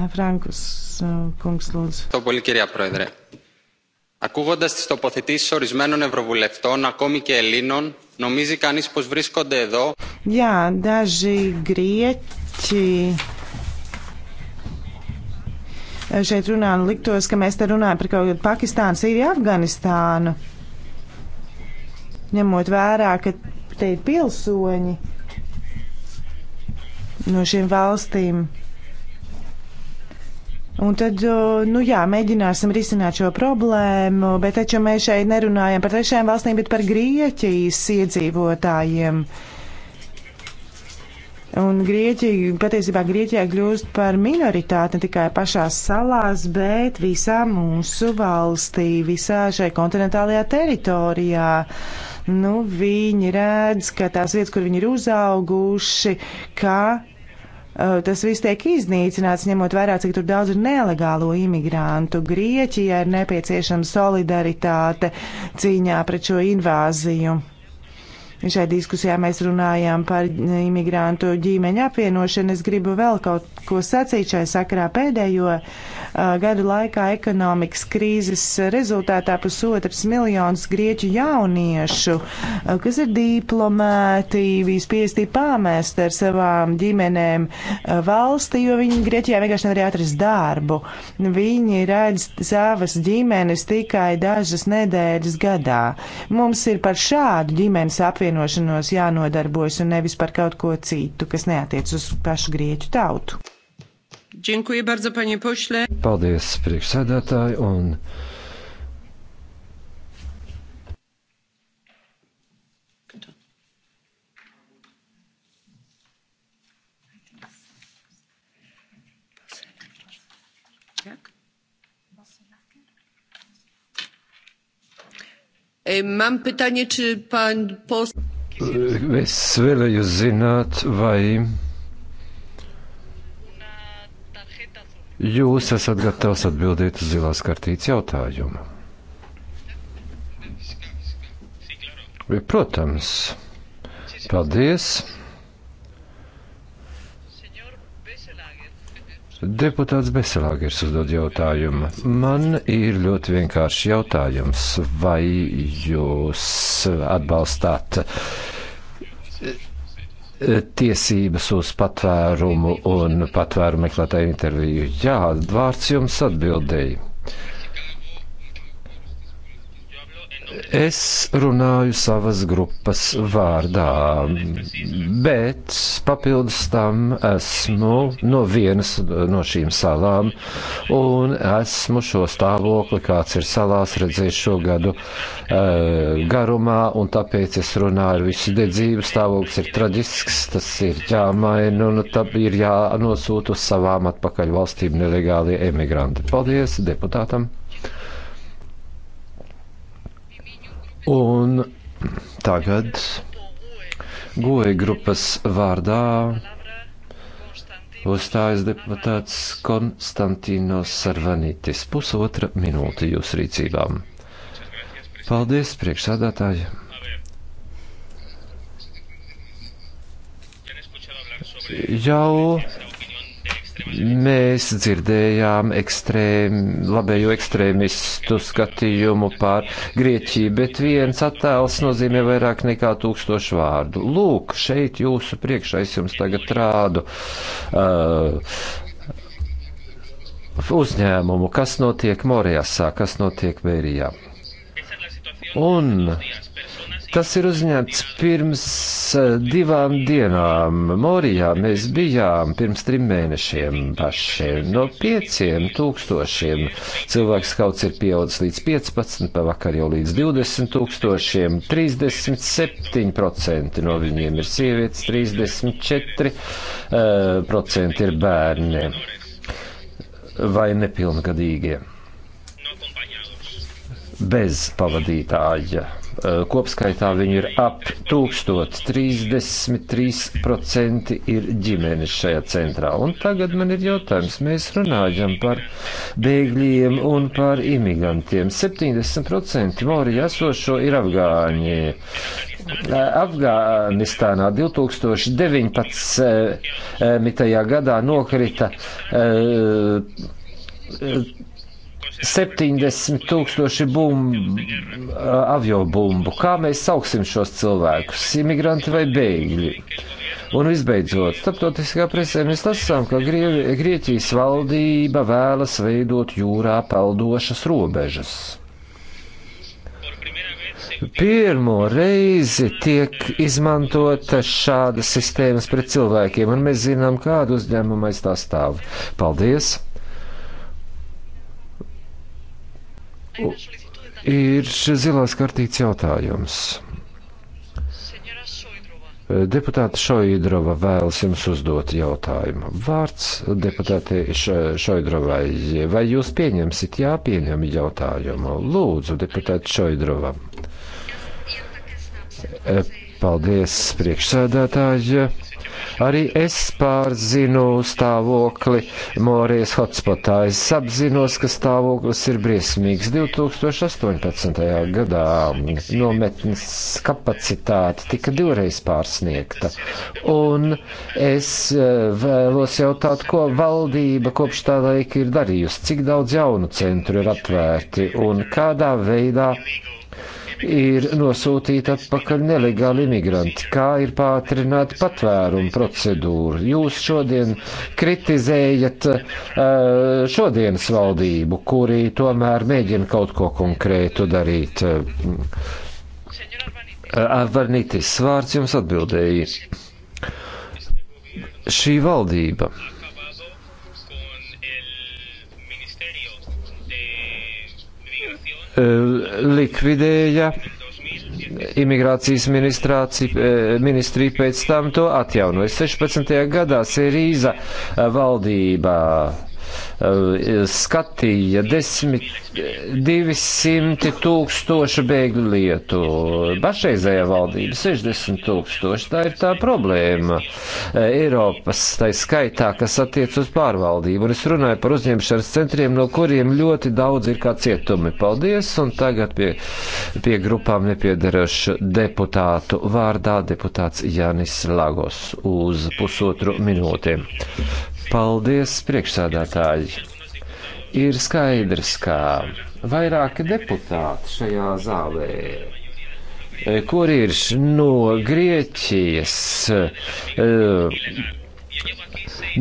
Φράγκος, κόγκς λόδς. Το πολύ κυρία Πρόεδρε. Ακούγοντας τις τοποθετήσεις ορισμένων ευρωβουλευτών, ακόμη και Ελλήνων, νομίζει κανείς πως βρίσκονται εδώ. Jā, daži grieķi šeit runā un liktos, ka mēs te runājam par kaut kādu Pakistānu, Sīriju, Afganistānu. Ņemot vērā, ka te ir pilsoņi no šīm valstīm. Un tad, nu jā, mēģināsim risināt šo problēmu, bet taču mēs šeit nerunājam par trešajām valstīm, bet par Grieķijas iedzīvotājiem. Un Grieķija, patiesībā Grieķijā kļūst par minoritāti ne tikai pašās salās, bet visā mūsu valstī, visā šai kontinentālajā teritorijā. Nu, viņi redz, ka tās vietas, kur viņi ir uzauguši, ka Eh, tas viss tiek iznīcināts, ņemot vērā, cik tur daudz ir nelegālo imigrantu. Grieķijai ir nepieciešama solidaritāte cīņā pret šo invāziju. Šai diskusijā mēs runājām par imigrantu ģimeņu apvienošanu. Es gribu vēl kaut ko sacīt šai sakrā pēdējo uh, gadu laikā ekonomikas krīzes rezultātā pusotrs miljons grieķu jauniešu, uh, kas ir diplomēti, bija spiesti pāmest ar savām ģimenēm uh, valsti, jo viņi Grieķijā vienkārši nevarēja atrast darbu. Viņi redz savas ģimenes tikai dažas nedēļas gadā. Mums ir par šādu ģimenes apvienošanu apvienošanos jānodarbojas un nevis par kaut ko citu, kas neatiec uz pašu grieķu tautu. Dziękuję bardzo, panie pośle. Paldies, priekšsēdētāji, un E, mam pytanie, czy pan pos... Es vēlējos zināt, vai jūs esat gatavs atbildēt uz zilās kartītes jautājumu. Protams. Paldies. Deputāts Beselāgers uzdod jautājumu. Man ir ļoti vienkārši jautājums. Vai jūs atbalstāt eh, tiesības uz patvērumu un patvērumu meklētāju interviju? Jā, vārds jums atbildēja. Es runāju savas grupas vārdā, bet papildus tam esmu no vienas no šīm salām un esmu šo stāvokli, kāds ir salās, redzējis šo gadu uh, garumā, un tāpēc es runāju ar visu dedzību. Stāvoklis ir traģisks, tas ir jāmaina, un tad ir jānosūt uz savām atpakaļ valstīm nelegālie emigranti. Paldies deputātam! Un tagad goja grupas vārdā uzstājas deputāts Konstantīnos Sarvanītis. Pusotra minūte jūs rīcībām. Paldies, priekšsādātāji! Jau Mēs dzirdējām ekstrēm, labējo ekstrēmistu skatījumu pār Grieķiju, bet viens attēls nozīmē vairāk nekā tūkstošu vārdu. Lūk, šeit jūsu priekšā es jums tagad rādu. Uh, uzņēmumu, kas notiek Morijasā, kas notiek Bērijā. Un Tas ir uzņemts pirms eh, divām dienām. Morijā mēs bijām pirms trim mēnešiem paši. No pieciem tūkstošiem cilvēks skauts ir pieaudzis līdz 15, pavakar jau līdz 20 tūkstošiem. 37% no viņiem ir sievietes, 34% uh, eh, ir bērni vai nepilngadīgie bez pavadītāja Eh, kopskaitā viņu ir ap 1033% ir ģimenes šajā centrā. Un tagad man ir jautājums, mēs runājam par bēgļiem un par imigrantiem. 70% Morijā esošo ir afgāņi. Eh, Afganistānā 2019. gadā nokrita eh, 70 tūkstoši bumbu, aviobumbu. Kā mēs sauksim šos cilvēkus? Imigranti vai bēgļi? Un visbeidzot, starptautiskā presē mēs lasām, ka Grie Grieķijas valdība vēlas veidot jūrā peldošas robežas. Pirmo reizi tiek izmantota šāda sistēmas pret cilvēkiem, un mēs zinām, kādu uzņēmumu aiz tā stāv. Paldies! ir zilās kartīts jautājums. Deputāte Šoidrova vēlas jums uzdot jautājumu. Vārds deputāte Šoidrovai. Vai jūs pieņemsit jāpieņem jautājumu? Lūdzu, deputāte Šoidrova. Paldies, priekšsēdētāji. Arī es pārzinu stāvokli Morijas hotspotā. Es apzinos, ka stāvoklis ir briesmīgs. 2018. gadā nometnes kapacitāte tika divreiz pārsniegta. Un es eh, vēlos jautāt, ko valdība kopš tā laika ir darījusi, cik daudz jaunu centru ir atvērti un kādā veidā ir nosūtīti atpakaļ nelegāli imigranti, kā ir pātrināta patvēruma procedūra. Jūs šodien kritizējat šodienas valdību, kuri tomēr mēģina kaut ko konkrētu darīt. Varnītis, vārds jums atbildēja. Šī valdība E, likvidēja imigrācijas ministrija e, pēc tam to atjaunoja. 16. gadā Sirīza e, valdībā Eh, skatīja desmit, 200 tūkstošu bēgļu lietu, pašreizējā valdība 60 tūkstoši. Tā ir tā problēma eh, Eiropas, tai skaitā, kas attiec uz pārvaldību. Un es runāju par uzņemšanas centriem, no kuriem ļoti daudz ir kā cietumi. Paldies! Un tagad pie, pie grupām nepiedarošu deputātu vārdā deputāts Janis Lagos uz pusotru minūtēm. Paldies, priekšsādātāji! Ir skaidrs, ka vairāki deputāti šajā zālē, kur ir no Grieķijas, eh,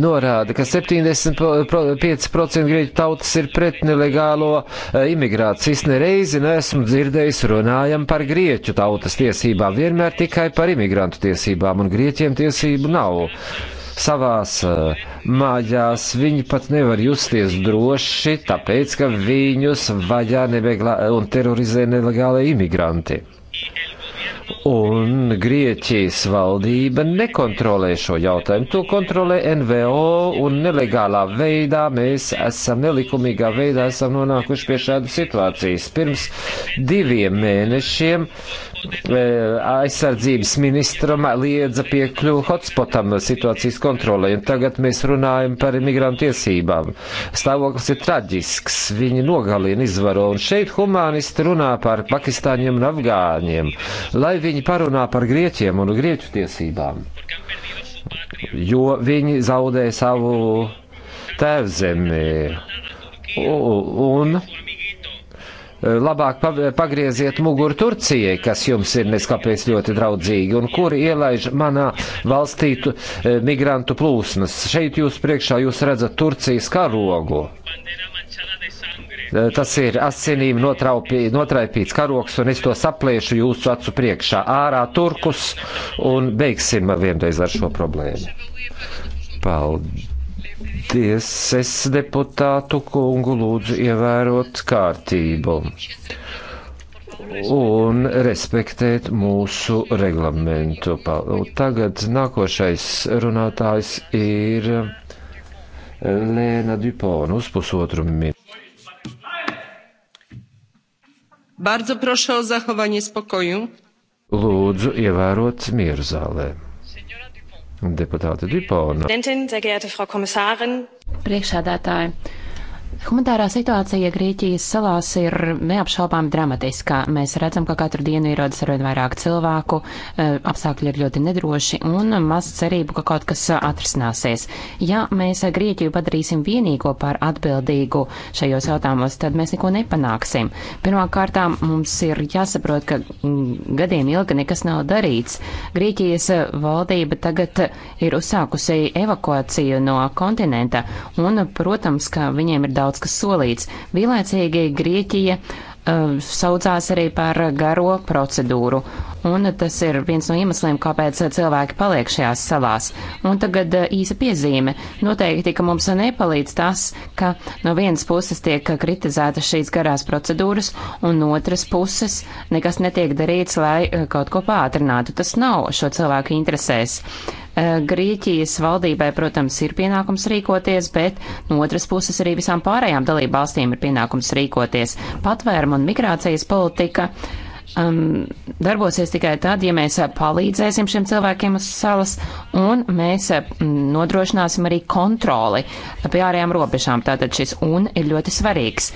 norāda, ka 75% grieķu tautas ir pret nelegālo eh, imigrāciju. Es nereizi neesmu dzirdējis runājam par grieķu tautas tiesībām, vienmēr tikai par imigrantu tiesībām, un grieķiem tiesību nav savās eh, mājās. Viņi pat nevar justies droši, tāpēc, ka viņus vajā nebeglā un terorizē nelegālai imigranti. Un Grieķijas valdība nekontrolē šo jautājumu. To kontrolē NVO un nelegālā veidā mēs esam, nelikumīgā veidā esam nonākuši pie šādas situācijas. Pirms diviem mēnešiem uh, Eh, aizsardzības ministram liedza piekļuvu hotspotam situācijas kontrolē, un tagad mēs runājam par imigrantu tiesībām. Stāvoklis ir traģisks, viņi nogalina izvaro, un šeit humānisti runā par pakistāņiem un afgāņiem, lai viņi parunā par grieķiem un grieķu tiesībām, jo viņi zaudē savu tēvzemi. Un, un Eh, labāk eh, pagrieziet muguru Turcijai, kas jums ir neskapēc ļoti draudzīgi, un kuri ielaiž manā valstī eh, migrantu plūsmas. Šeit jūs priekšā jūs redzat Turcijas karogu. Tas ir asinīm notraipīts karoks, un es to sapliešu jūsu acu priekšā. Ārā turkus, un beigsim vienreiz ar šo problēmu. Paldies! Paldies, es deputātu kungu lūdzu ievērot kārtību un respektēt mūsu reglamentu. Tagad nākošais runātājs ir eh, Lēna Dupona uz pusotru minūti. Bardzo proszę o zachowanie spokoju. Lūdzu, ievērot mieru zālē deputāte Džipona. Priekšādātāji, Humanitārā situācija Grieķijas salās ir neapšaubām dramatiskā. Mēs redzam, ka katru dienu ierodas arvien vairāk cilvēku, e, apstākļi ir ļoti nedroši un maz cerību, ka kaut kas atrisināsies. Ja mēs Grieķiju padarīsim vienīgo par atbildīgu šajos jautājumos, tad mēs neko nepanāksim. Pirmkārtām mums ir jāsaprot, ka mm, gadiem ilgi nekas nav darīts. Grieķijas valdība tagad ir uzsākusi evakuāciju no kontinenta un, protams, ka viņiem ir daudz daudz kas solīts. Vienlaicīgi Grieķija uh, saucās arī par garo procedūru, un tas ir viens no iemesliem, kāpēc cilvēki paliek šajās salās. Un tagad uh, īsa piezīme. Noteikti, ka mums nepalīdz tas, ka no vienas puses tiek kritizētas šīs garās procedūras, un no otras puses nekas netiek darīts, lai uh, kaut ko pātrinātu. Tas nav šo cilvēku interesēs. Uh, Eh, Grieķijas valdībai, protams, ir pienākums rīkoties, bet no otras puses arī visām pārējām dalību valstīm ir pienākums rīkoties. Patvērumu un migrācijas politika um, darbosies tikai tad, ja mēs palīdzēsim šiem cilvēkiem uz salas un mēs eh, nodrošināsim arī kontroli pie ārējām robežām. Tātad šis un ir ļoti svarīgs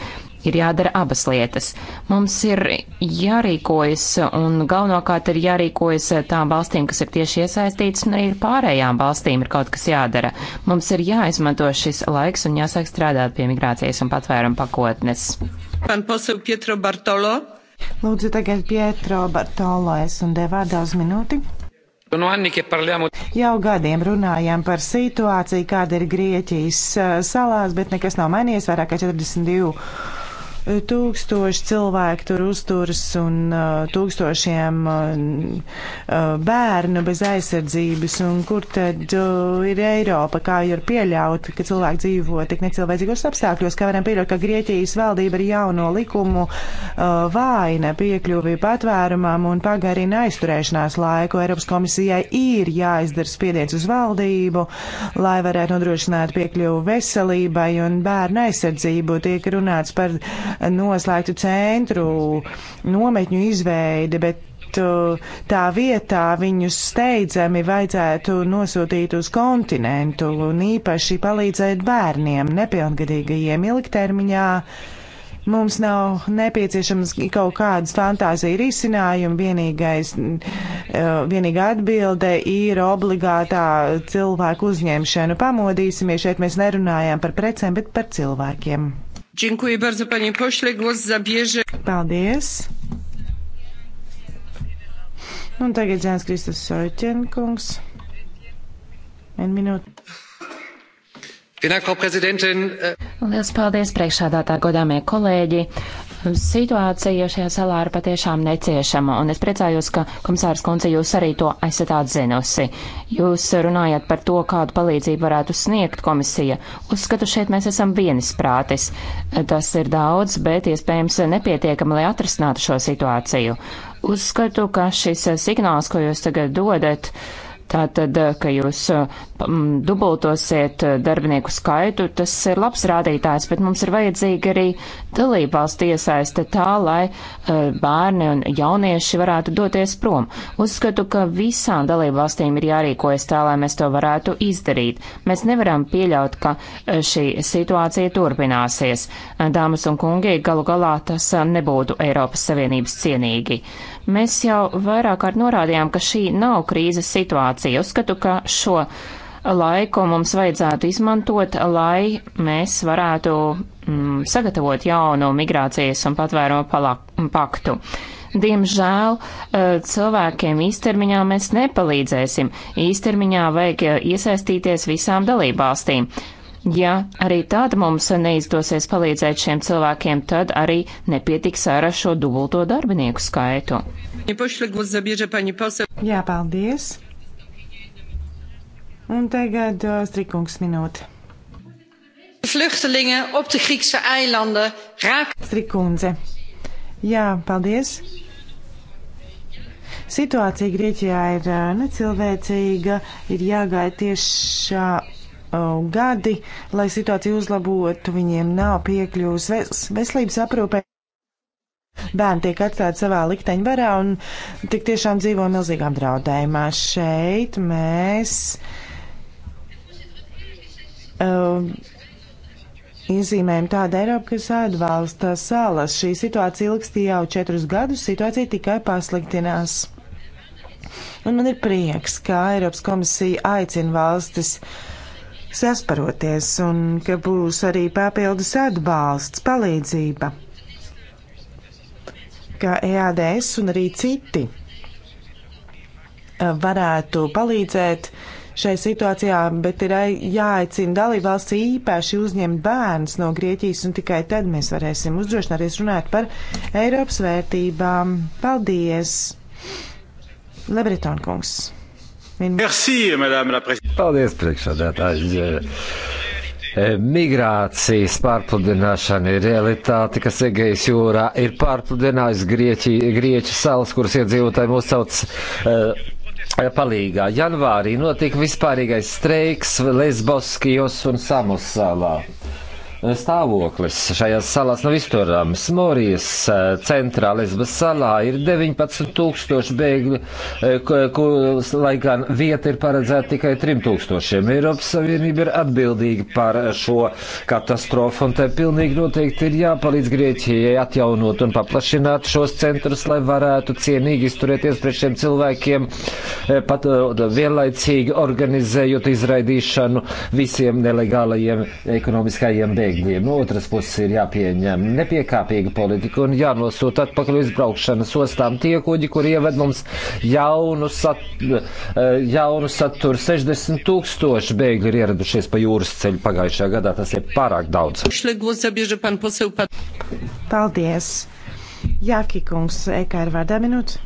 ir jādara abas lietas. Mums ir jārīkojas un galvenokārt ir jārīkojas tām valstīm, kas ir tieši iesaistītas, un arī pārējām valstīm ir kaut kas jādara. Mums ir jāizmanto šis laiks un jāsāk strādāt pie migrācijas un patvērumu pakotnes. Lūdzu, tagad Pietro Bartolo es un devu vārdā uz minūti. Jau gadiem runājam par situāciju, kāda ir Grieķijas eh, salās, bet nekas nav mainījies. Vairāk kā 42 Tūkstoši cilvēki tur uzturas un uh, tūkstošiem uh, uh, bērnu bez aizsardzības. Un kur tad uh, ir Eiropa? Kā ir pieļaut, ka cilvēki dzīvo tik necilvēcīgos apstākļos? Kā varam pieļaut, ka Grieķijas valdība ar jauno likumu uh, vaina piekļuvi patvērumam un pagarina aizturēšanās laiku? Eiropas komisijai ir jāizdara spiediens uz valdību, lai varētu nodrošināt piekļuvi veselībai un bērnu aizsardzību. Tiek runāts par noslēgtu centru nometņu izveidi, bet uh, tā vietā viņus steidzami vajadzētu nosūtīt uz kontinentu un īpaši palīdzēt bērniem, nepilngadīgajiem ilgtermiņā. Mums nav nepieciešams kaut kādas fantāzija risinājumi, vienīgais, uh, vienīgā atbilde ir obligātā cilvēku uzņemšana. Pamodīsimies, šeit mēs nerunājām par precēm, bet par cilvēkiem. Dziękuję bardzo, panie pośle. Głos zabierze. Paldies. Un tagad Zēns Kristofs Soļķenkungs. Vienu minūti. Liels paldies priekšādātā godāmie kolēģi. Situācija šajā salā ir patiešām neciešama, un es priecājos, ka komisārs Kunce jūs arī to esat atzinusi. Jūs runājat par to, kādu palīdzību varētu sniegt komisija. Uzskatu, šeit mēs esam vienisprātis. Tas ir daudz, bet iespējams nepietiekami, lai atrastinātu šo situāciju. Uzskatu, ka šis signāls, ko jūs tagad dodat, uh, Tātad, eh, ka jūs eh, dubultosiet eh, darbinieku skaitu, tas ir labs rādītājs, bet mums ir vajadzīga arī dalībvalsts iesaiste tā, lai bērni un jaunieši varētu doties prom. Uzskatu, ka visām dalībvalstīm ir jārīkojas tā, lai mēs to varētu izdarīt. Mēs nevaram pieļaut, ka šī situācija turpināsies. Dāmas un kungi, galu galā tas nebūtu Eiropas Savienības cienīgi. Uh, Mēs jau vairāk kārt norādījām, ka šī nav krīzes situācija. Uzskatu, ka šo laiku mums vajadzētu izmantot, lai mēs varētu mm, sagatavot jaunu migrācijas un patvērumu paktu. Diemžēl e, cilvēkiem īstermiņā mēs nepalīdzēsim. Īstermiņā vajag e, iesaistīties visām dalībvalstīm. Ja arī tāda mums neizdosies palīdzēt šiem cilvēkiem, tad arī nepietiks ar šo dubulto darbinieku skaitu. Jā, paldies. Un tagad uh, strikungs minūte. Vluchtelingen op de Griekse eilanden raken. Strikundze. Jā, paldies. Situācija Grieķijā ir uh, necilvēcīga, ir jāgaida tiešā Uh, gadi, lai situāciju uzlabotu, viņiem nav piekļuvis ves veselības aprūpē. Bērni tiek atstāti savā likteņvarā un tik tiešām dzīvo milzīgā draudējumā. Šeit mēs uh, iezīmējam tādu Eiropu, kas atbalsta salas. Šī situācija ilgstīja jau četrus gadus, situācija tikai pasliktinās. Un man ir prieks, ka Eiropas komisija aicina valstis uh, sasparoties un ka būs arī papildus atbalsts, palīdzība, kā EADS un arī citi eh, varētu palīdzēt šai situācijā, bet ir jāaicina dalībvalsts īpaši uzņemt bērns no Grieķijas, un tikai tad mēs varēsim uzdrošināties runāt par Eiropas vērtībām. Paldies! Lebretonkungs! Merci, madame la prezidente. Paldies, priekšsādātāji. Eh, migrācijas pārpludināšana ir realitāte, kas Egejas jūrā ir pārpludinājusi Grieķi, Grieķu salas, kuras iedzīvotāji mūs sauc. Uh, eh, Palīgā janvārī notika vispārīgais streiks Lesboskijos un Samus salā stāvoklis šajās salās nav izturams. Morijas eh, centrā Lesbas salā ir 19 tūkstoši bēgļu, eh, lai gan vieta ir paredzēta tikai 3 tūkstošiem. Eiropas Savienība ir atbildīga par šo katastrofu un te pilnīgi noteikti ir jāpalīdz Grieķijai atjaunot un paplašināt šos centrus, lai varētu cienīgi izturēties pret šiem cilvēkiem, eh, pat vienlaicīgi organizējot izraidīšanu visiem nelegālajiem ekonomiskajiem bēgļiem viegli. No otras puses ir jāpieņem nepiekāpīga politika un jānosūta atpakaļ izbraukšanas ostām tie kuģi, kur ieved mums jaunu, sat, eh, jaunu saturu. 60 tūkstoši bēgļi ir ieradušies pa jūras ceļu pagājušajā gadā. Tas ir pārāk daudz. Paldies! Jāki kungs, EKR vārdā minūte.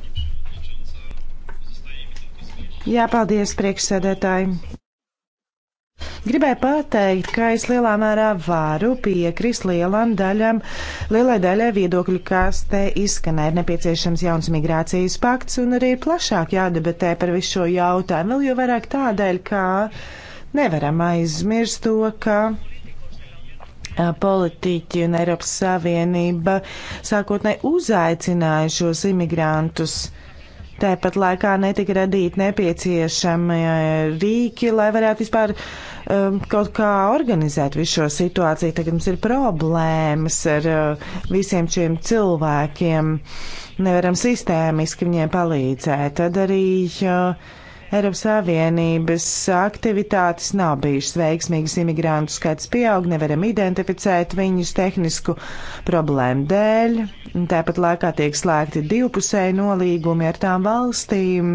Jā, paldies priekšsēdētāji. Gribēju pateikt, ka es lielā mērā varu piekrist lielam daļam, lielai daļai viedokļu, kas te izskanē. Ir nepieciešams jauns migrācijas pakts un arī plašāk jādebatē par visu šo jautājumu, vēl jo vairāk tādēļ, ka nevaram aizmirst to, ka politiķi un Eiropas Savienība sākotnēji uzaicināja šos imigrantus Tāpat laikā netika radīti nepieciešami e, rīki, lai varētu vispār um, kaut kā organizēt visu šo situāciju. Tagad mums ir problēmas ar uh, visiem šiem cilvēkiem. Nevaram sistēmiski viņiem palīdzēt. Tad arī uh, Eiropas Savienības aktivitātes nav bijušas veiksmīgas. Imigrantu skaits pieaug, nevaram identificēt viņus tehnisku problēmu dēļ. Tāpat laikā tiek slēgti divpusēji nolīgumi ar tām valstīm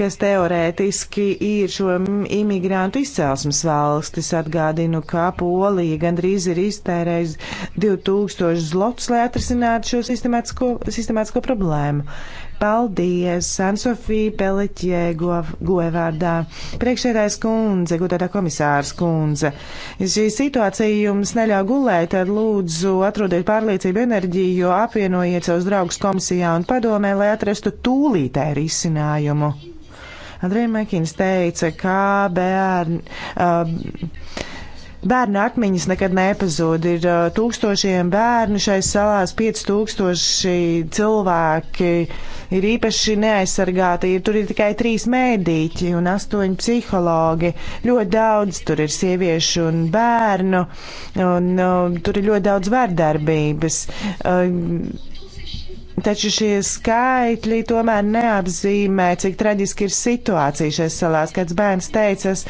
kas teorētiski ir šo imigrantu izcelsmes valstis. Atgādinu, ka Polija gandrīz ir iztērējusi 2000 zlotus, lai atrisinātu šo sistemātisko, sistemātisko problēmu. Paldies, Ansofija Peleķie Govārdā, priekšēdājas kundze, gudrā komisārs kundze. Ja šī situācija jums neļauj gulēt, tad lūdzu atrodiet pārliecību enerģiju, jo apvienojiet savus draugus komisijā un padomē, lai atrastu tūlītē risinājumu. Andrija Mekins teica, kā bērni. Uh, um, Bērnu atmiņas nekad nepazūd. Ir uh, tūkstošiem bērnu šai salās, 5000 cilvēki ir īpaši neaizsargāti. Tur ir tikai trīs mēdīķi un astoņi psihologi. Ļoti daudz tur ir sieviešu un bērnu, un, un nu, tur ir ļoti daudz vardarbības. Uh, Taču šie skaitļi tomēr neapzīmē, cik traģiski ir situācija šajās salās. Kad bērns teica, es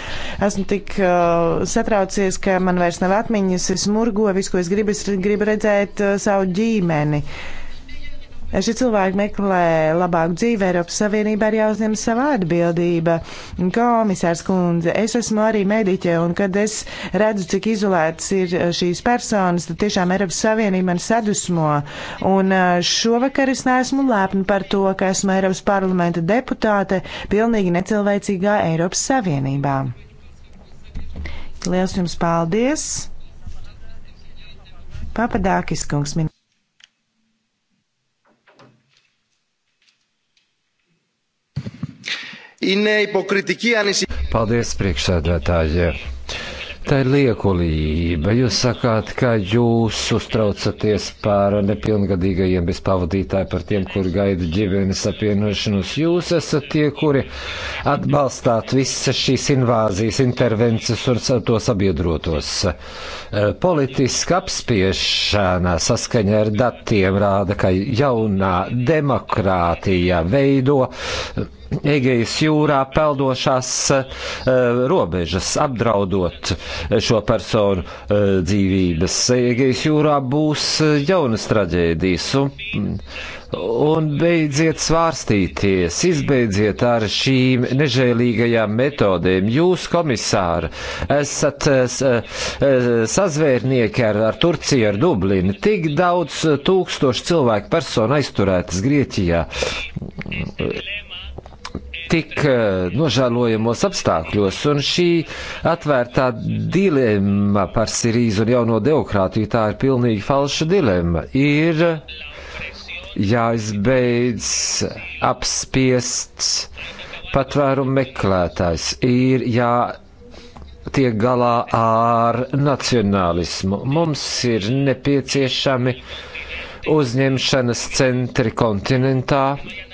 esmu tik uh, satraucies, ka man vairs nav atmiņas, es murgoju, visu, ko es gribu, es gribu redzēt uh, savu ģimeni. Uh, šie cilvēki meklē labāku dzīvi Eiropas Savienībā, ir jāuzņem savā atbildība. Komisārs kundze, es esmu arī mediķe, un kad es redzu, cik izolētas ir eh, šīs personas, tad tiešām Eiropas Savienība man sadusmo. Un eh, šovakar es neesmu lēpni par to, ka esmu Eiropas parlamenta deputāte pilnīgi necilvēcīgā Eiropas Savienībā. Liels jums paldies! Papadākis kungs min. Είναι υποκριτική ανησυχία. Paldies, priekšsēdētāji. Tā ir liekulība. Jūs sakāt, ka jūs uztraucaties par nepilngadīgajiem bez pavadītāja, par tiem, kuri gaida ģimenes apvienošanos. Jūs esat tie, kuri atbalstāt visas šīs invāzijas, intervences un to sabiedrotos. E, politiska apspiešana saskaņa ar datiem rāda, ka jaunā demokrātija veido Egejas jūrā peldošās eh, robežas, apdraudot eh, šo personu eh, dzīvības. Egejas jūrā būs jaunas traģēdijas. Un, un beidziet svārstīties, izbeidziet ar šīm nežēlīgajām metodēm. Jūs, komisāri, esat sazvērnieki ar, ar Turciju, ar Dublinu. Tik daudz tūkstoši cilvēku personu aizturētas Grieķijā tik eh, nožēlojamos apstākļos, un šī atvērtā dilemma par Sirīzu un jauno demokrātiju, tā ir pilnīgi falša dilemma, ir jāizbeidz apspiest patvērumu meklētājs, ir jā tiek galā ar nacionālismu. Mums ir nepieciešami uh, uzņemšanas centri kontinentā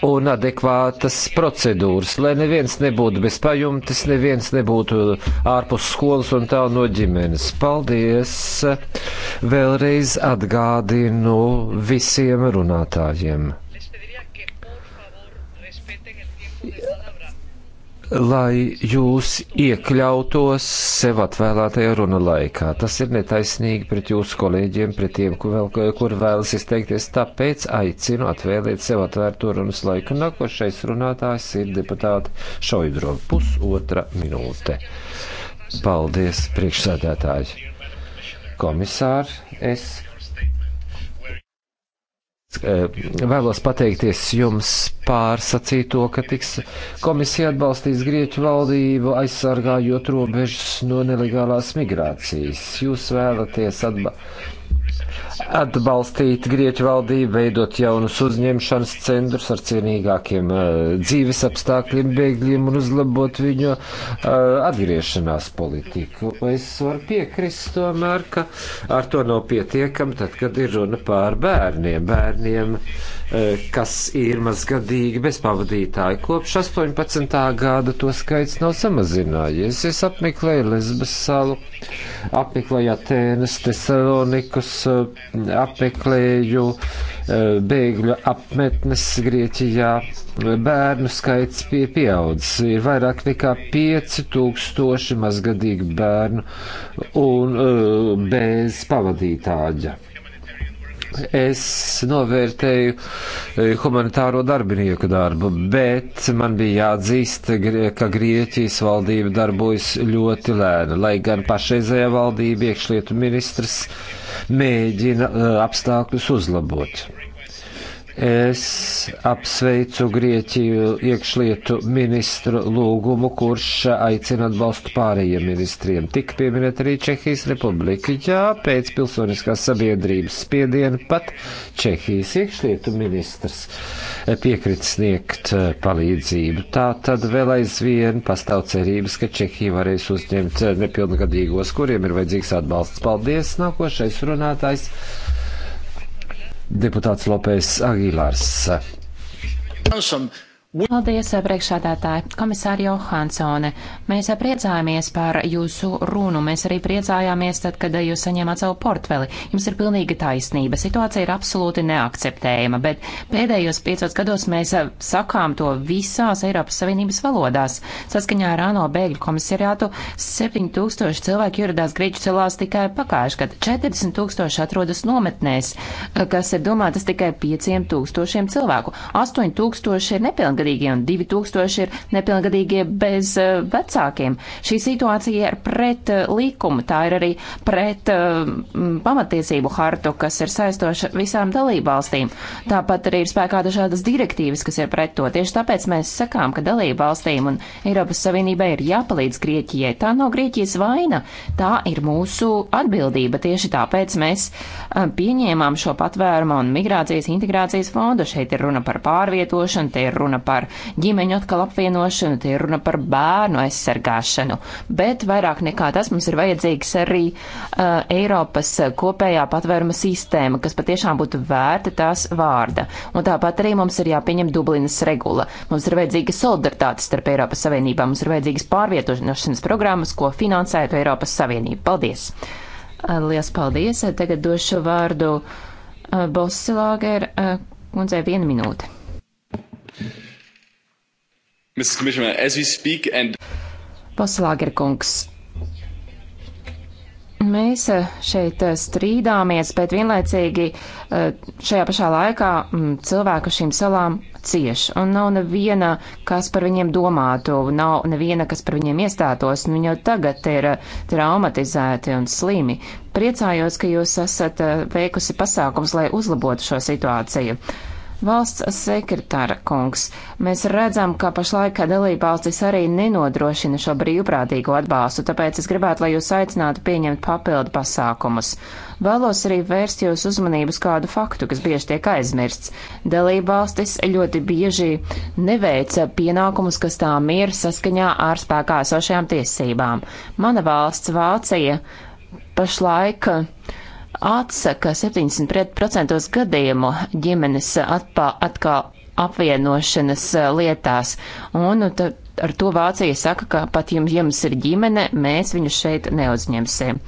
un adekvātas procedūras, lai neviens nebūtu bez pajumtes, neviens nebūtu ārpus skolas un tā no ģimenes. Paldies! Vēlreiz atgādinu visiem runātājiem. lai jūs iekļautos sev atvēlētajā runa laikā. Tas ir netaisnīgi pret jūsu kolēģiem, pret tiem, kur, vēl, kur vēlas izteikties. Tāpēc aicinu atvēlēt sev atvērto runas laiku. Nākošais runātājs ir deputāta Šoidrova pusotra minūte. Paldies, priekšsēdētāji! Komisāri, es Eh, vēlos pateikties jums pār sacīto, ka tiks komisija atbalstīs Grieķu valdību aizsargājot robežas no nelegālās migrācijas. Jūs vēlaties atbalstīt atbalstīt Grieķu valdību, veidot jaunus uzņemšanas centrus ar cienīgākiem uh, dzīves apstākļiem bēgļiem un uzlabot viņu uh, atgriešanās politiku. Es varu piekrist tomēr, ka ar to nav pietiekami, tad, kad ir runa pār bērniem, bērniem, uh, kas ir mazgadīgi bez pavadītāja. Kopš 18. gada to skaits nav samazinājies. Es apmeklēju Lesbas salu, apmeklēju Atēnas, Tesalonikus, apmeklēju eh, bēgļu apmetnes Grieķijā. Bērnu skaits pie pieaudzis. Ir vairāk nekā 5000 mazgadīgu bērnu un eh, bez pavadītāja. Es novērtēju eh, humanitāro darbinieku darbu, bet man bija jāatzīst, ka Grieķijas valdība darbojas ļoti lēni, lai gan pašreizējā valdība iekšlietu ministrs mēģina eh, apstākļus uzlabot. Es apsveicu Grieķiju iekšlietu ministru lūgumu, kurš aicina atbalstu pārējiem ministriem. Tik pieminēt arī Čehijas republika. Jā, pēc pilsoniskās sabiedrības spiediena pat Čehijas iekšlietu ministrs piekrit sniegt palīdzību. Tā tad vēl aizvien pastāv cerības, ka Čehija varēs uzņemt nepilngadīgos, kuriem ir vajadzīgs atbalsts. Paldies! Nākošais runātājs deputāts Lopēs Agilārs. Awesome. Paldies, priekšādātāji, komisāri Johansone. Mēs priecājāmies par jūsu runu. Mēs arī priecājāmies tad, kad jūs saņēmāt savu portfeli. Jums ir pilnīga taisnība. Situācija ir absolūti neakceptējama, bet pēdējos piecos gados mēs sakām to visās Eiropas Savienības valodās. Saskaņā ar ANO bēgļu komisariātu 7000 cilvēku ieradās Grieķu celās tikai pagājuši gadu. 40 tūkstoši atrodas nometnēs, kas ir domātas tikai 5000 cilvēku. 8000 ir nepilngadīgi nepilngadīgie un 2000 ir nepilngadīgie bez eh, vecākiem. Šī situācija ir pret eh, likumu, tā ir arī pret eh, pamatiesību hartu, kas ir saistoša visām dalībvalstīm. Tāpat arī ir spēkā dažādas direktīvas, kas ir pret to. Tieši tāpēc mēs sakām, ka dalībvalstīm un Eiropas Savienībai ir jāpalīdz Grieķijai. Tā nav Grieķijas vaina, tā ir mūsu atbildība. Tieši tāpēc mēs pieņēmām šo patvēruma un migrācijas integrācijas fondu. Šeit ir runa par pārvietošanu, te ir runa par par ģimeņu atkal apvienošanu, tie ir runa par bērnu aizsargāšanu, bet vairāk nekā tas mums ir vajadzīgs arī uh, Eiropas kopējā patvēruma sistēma, kas patiešām būtu vērta tās vārda. Un tāpat arī mums ir jāpieņem Dublinas regula. Mums ir vajadzīga solidaritāte starp Eiropas Savienībā, mums ir vajadzīgas pārvietošanas programmas, ko finansētu Eiropas Savienība. Paldies! Lielas paldies! Tagad došu vārdu Bosilāgeru kundzei vienu minūti. Mrs. Commissioner, as we speak and... Poslāgerkungs. Mēs eh, šeit eh, strīdāmies, bet vienlaicīgi eh, šajā pašā laikā mm, cilvēku šīm salām cieš, un nav neviena, kas par viņiem domātu, nav neviena, kas par viņiem iestātos, un nu, viņi jau tagad ir traumatizēti un slimi. Priecājos, ka jūs esat veikusi pasākums, lai uzlabotu šo situāciju. Valsts sekretāra kungs, mēs redzam, ka pašlaik dalībvalstis arī nenodrošina šo brīvprātīgo atbalstu, tāpēc es gribētu, lai jūs aicinātu pieņemt papildu pasākumus. Vēlos arī vērst jūs uzmanības kādu faktu, kas bieži tiek aizmirsts. Dalībvalstis ļoti bieži neveica pienākumus, kas tām ir saskaņā ar spēkā esošajām tiesībām. Mana valsts Vācija pašlaik uh, atsaka 70% gadījumu ģimenes atpā, atkal apvienošanas eh, lietās. Un nu, tad, ar to Vācija saka, ka pat jums, ja jums ir ģimene, mēs viņu šeit neuzņemsim.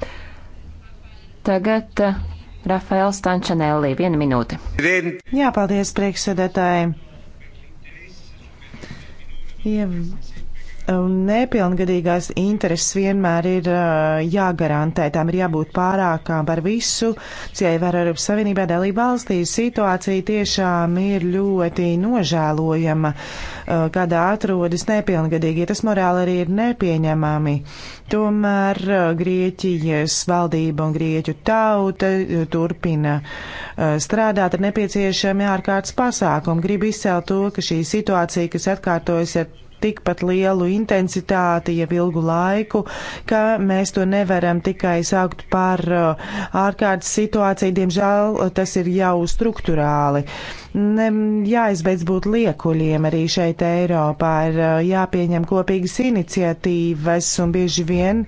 Tagad uh, eh, Rafaels Tančanēlī, viena minūte. Jā, paldies priekšsēdētāji. Ja Um, nepilngadīgās intereses vienmēr ir uh, jāgarantē. Tām ir jābūt pārākām par visu. Cieņa var Eiropas Savienībā dalību valstīs. Situācija tiešām ir ļoti nožēlojama, kādā uh, atrodas nepilngadīgi. Tas morāli arī ir nepieņemami. Tomēr uh, Grieķijas valdība un Grieķu tauta turpina strādāt ar nepieciešami ārkārtas pasākumu. Gribu izcelt to, ka šī situācija, kas atkārtojas ar tikpat lielu intensitāti jau ilgu laiku, ka mēs to nevaram tikai saukt par uh, ārkārtas situāciju. Diemžēl uh, tas ir jau struktūrāli. Ne, jāizbeidz būt liekuļiem arī šeit Eiropā, ir uh, jāpieņem kopīgas iniciatīvas un bieži vien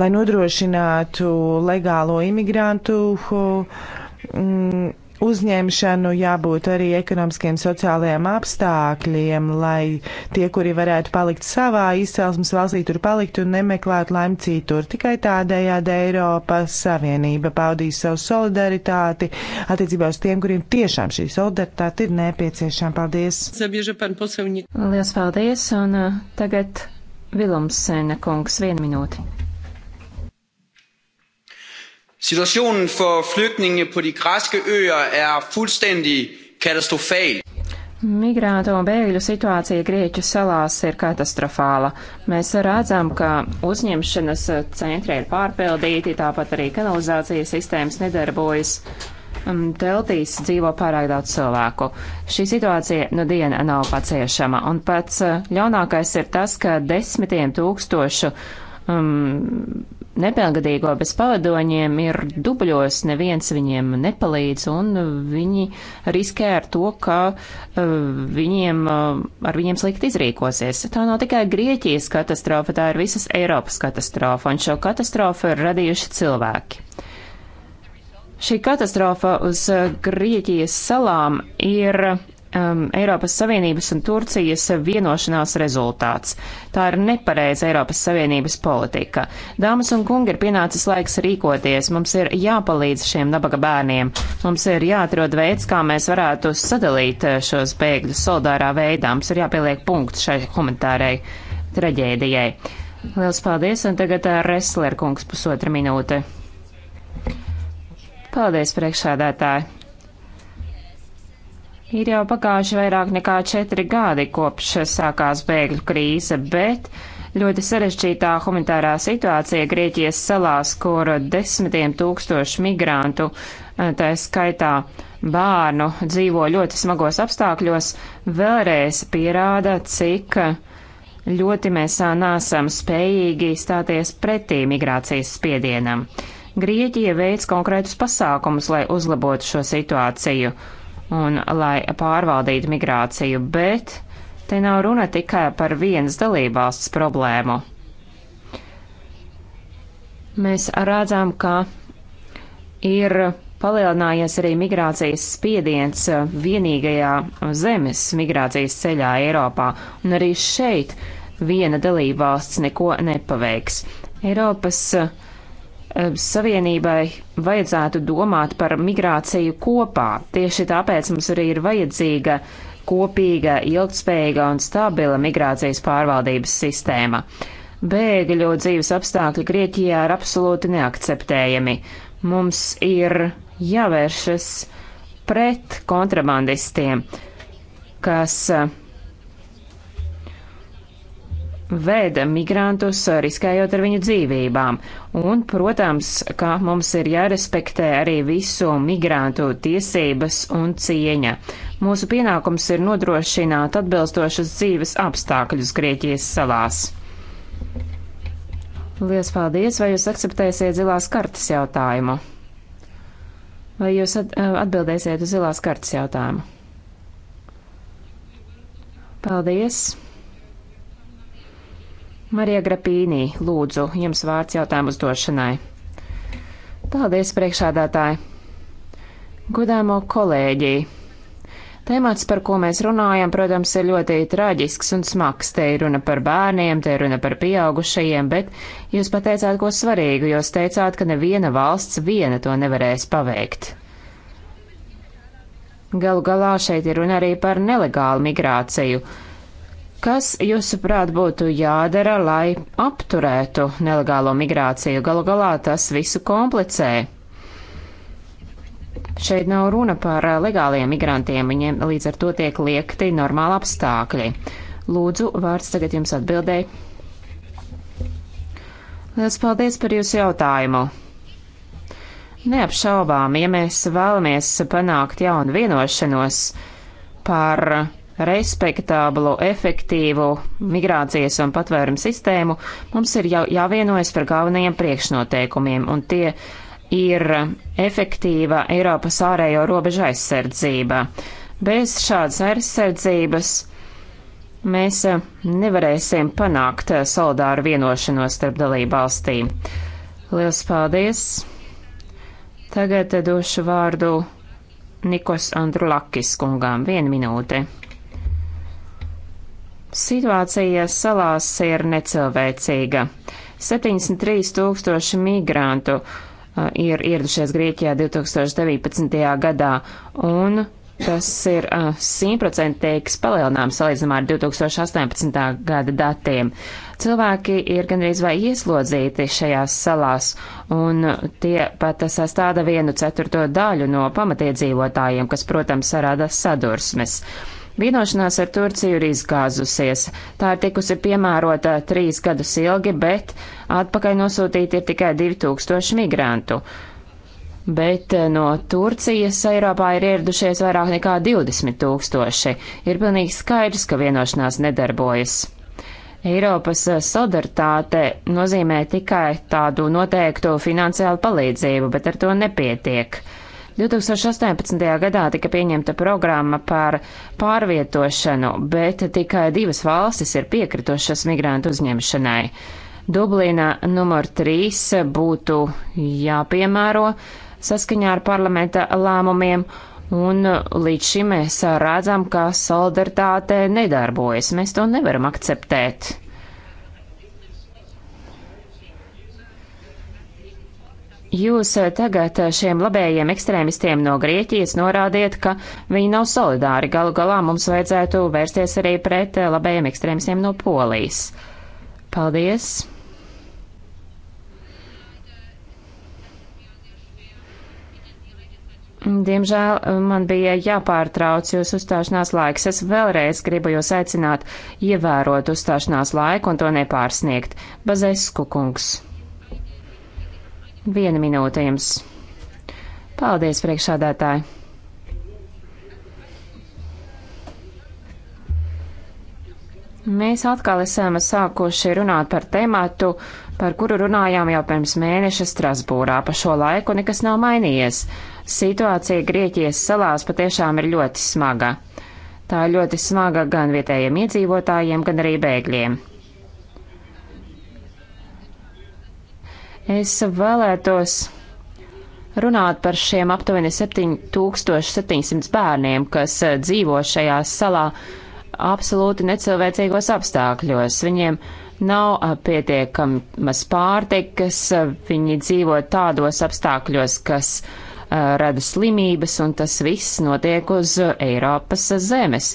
lai nodrošinātu legālo imigrantu mm, uzņemšanu, jābūt arī ekonomiskiem sociālajiem apstākļiem, lai tie, kuri varētu palikt savā izcelsmes valstī, tur palikt un nemeklētu laimi citur. Tikai tādējādi Eiropas Savienība paudīs savu solidaritāti attiecībā uz tiem, kuriem tiešām šī solidaritāte ir nepieciešama. Paldies! Liels paldies! Un uh, tagad Vilums Sēna kungs, vienu minūti. Situationen for flygtninge på de græske øer er fuldstændig katastrofal. Migrāntu un bēgļu situācija Grieķu salās ir katastrofāla. Mēs redzam, ka uzņemšanas centri ir pārpildīti, tāpat arī kanalizācijas sistēmas nedarbojas. Mm, teltīs dzīvo pārāk daudz cilvēku. Šī situācija nu diena nav paciešama, un pats eh, ļaunākais ir tas, ka desmitiem tūkstošu um, nepilngadīgo bez pavadoņiem ir dubļos, neviens viņiem nepalīdz, un viņi riskē ar to, ka uh, viņiem, uh, ar viņiem slikti izrīkosies. Tā nav tikai Grieķijas katastrofa, tā ir visas Eiropas katastrofa, un šo katastrofu ir radījuši cilvēki. Šī katastrofa uz uh, Grieķijas salām ir um, Eiropas Savienības un Turcijas vienošanās rezultāts. Tā ir nepareiza Eiropas Savienības politika. Dāmas un kungi, ir pienācis laiks rīkoties. Mums ir jāpalīdz šiem nabaga bērniem. Mums ir jāatrod veids, kā mēs varētu sadalīt uh, šos bēgļus solidārā veidā. Mums ir jāpieliek punkts šai humanitārai traģēdijai. Liels paldies, un tagad uh, Resler kungs pusotra minūte. Paldies, priekšsādātāji! Ir jau pagājuši vairāk nekā četri gadi kopš sākās bēgļu krīze, bet ļoti sarežģītā humanitārā situācija Grieķijas salās, kur desmitiem tūkstoši migrantu, eh, tā skaitā bērnu, dzīvo ļoti smagos apstākļos, vēlreiz pierāda, cik ļoti mēs nesam spējīgi stāties pretī migrācijas spiedienam. Grieķija veids konkrētus pasākumus, lai uzlabotu šo situāciju un lai pārvaldītu migrāciju, bet te nav runa tikai par vienas dalībvalsts problēmu. Mēs redzam, ka ir palielinājies arī migrācijas spiediens vienīgajā zemes migrācijas ceļā Eiropā, un arī šeit viena dalībvalsts neko nepaveiks. Eiropas uh, Ehm, savienībai vajadzētu domāt par migrāciju kopā. Tieši tāpēc mums arī ir vajadzīga kopīga, ilgtspējīga un stabila migrācijas pārvaldības sistēma. Bēgļu dzīves apstākļi Grieķijā ir absolūti neakceptējami. Mums ir jāvēršas pret kontrabandistiem, kas uh, veda migrantus, eh, riskējot ar viņu dzīvībām. Un, protams, kā mums ir jārespektē arī visu migrantu tiesības un cieņa. Mūsu pienākums ir nodrošināt atbilstošas dzīves apstākļus Grieķijas salās. Lielas paldies, vai jūs akceptēsiet zilās kartas jautājumu? Vai jūs eh, atbildēsiet uz zilās kartas jautājumu? Paldies! Marija Grapīnī, lūdzu, jums vārds jautājumu uzdošanai. Paldies, priekšādātāji! Godāmo kolēģi! Temats, par ko mēs runājam, protams, ir ļoti traģisks un smags. Te ir runa par bērniem, te ir runa par pieaugušajiem, bet jūs pateicāt ko svarīgu, jūs teicāt, ka neviena valsts viena to nevarēs paveikt. Galu galā šeit ir runa arī par nelegālu migrāciju. Kas, jūsuprāt, būtu jādara, lai apturētu nelegālo migrāciju? Galu galā tas visu komplicē. Šeit nav runa par legāliem migrantiem, viņiem līdz ar to tiek liekti normāli apstākļi. Lūdzu, vārds tagad jums atbildēja. Lielas paldies par jūsu jautājumu! Neapšaubām, ja mēs vēlamies panākt jaunu vienošanos par respektāblu, efektīvu migrācijas un patvērumu sistēmu, mums ir jau jāvienojas par galvenajiem priekšnoteikumiem, un tie ir efektīva Eiropas ārējo robežu aizsardzība. Bez šādas aizsardzības mēs nevarēsim panākt solidāru vienošanos starp dalību valstīm. Lielas paldies! Tagad došu vārdu Nikos Andrulakis kungām. Vienu minūti. Situācija salās ir necilvēcīga. 73 tūkstoši migrantu uh, ir ieradušies Grieķijā 2019. gadā, un tas ir uh, simtprocentīgs palielinājums salīdzinājumā ar 2018. gada datiem. Cilvēki ir gandrīz vai ieslodzīti šajās salās, un tie pat sastāda vienu ceturto daļu no pamatiedzīvotājiem, kas, protams, rada sadursmes. Vienošanās ar Turciju ir izgāzusies. Tā ir tikusi piemērota trīs gadus ilgi, bet atpakaļ nosūtīti ir tikai 2000 migrantu. Bet eh, no Turcijas Eiropā ir ieradušies vairāk nekā 20 tūkstoši. Ir pilnīgi skaidrs, ka vienošanās nedarbojas. Eiropas eh, solidaritāte nozīmē tikai tādu noteiktu finansiālu palīdzību, bet ar to nepietiek. 2018. gadā tika pieņemta programma par pārvietošanu, bet tikai divas valstis ir piekritušas migrantu uzņemšanai. Dublīna numur 3 būtu jāpiemēro saskaņā ar parlamenta lēmumiem. Un līdz šim mēs redzam, ka solidaritāte nedarbojas. Mēs to nevaram akceptēt. Jūs eh, tagad eh, šiem labējiem ekstrēmistiem no Grieķijas norādiet, ka viņi nav solidāri. Galu galā mums vajadzētu vērsties arī pret eh, labējiem ekstrēmistiem no Polijas. Paldies! Diemžēl man bija jāpārtrauc jūs uzstāšanās laiks. Es vēlreiz gribu jūs aicināt ievērot uzstāšanās laiku un to nepārsniegt. Bazēsku kungs. Viena minūte jums. Paldies, priekšādātāji! Mēs atkal esam sākuši runāt par tēmātu, par kuru runājām jau pirms mēneša Strasbūrā. Pa šo laiku nekas nav mainījies. Situācija Grieķijas salās patiešām ir ļoti smaga. Tā ir ļoti smaga gan vietējiem iedzīvotājiem, gan arī bēgļiem. Es vēlētos runāt par šiem aptuveni 7700 bērniem, kas eh, dzīvo šajā salā absolūti necilvēcīgos apstākļos. Viņiem nav eh, pietiekamas pārtikas, viņi dzīvo tādos apstākļos, kas uh, rada slimības, un tas viss notiek uz Eiropas zemes.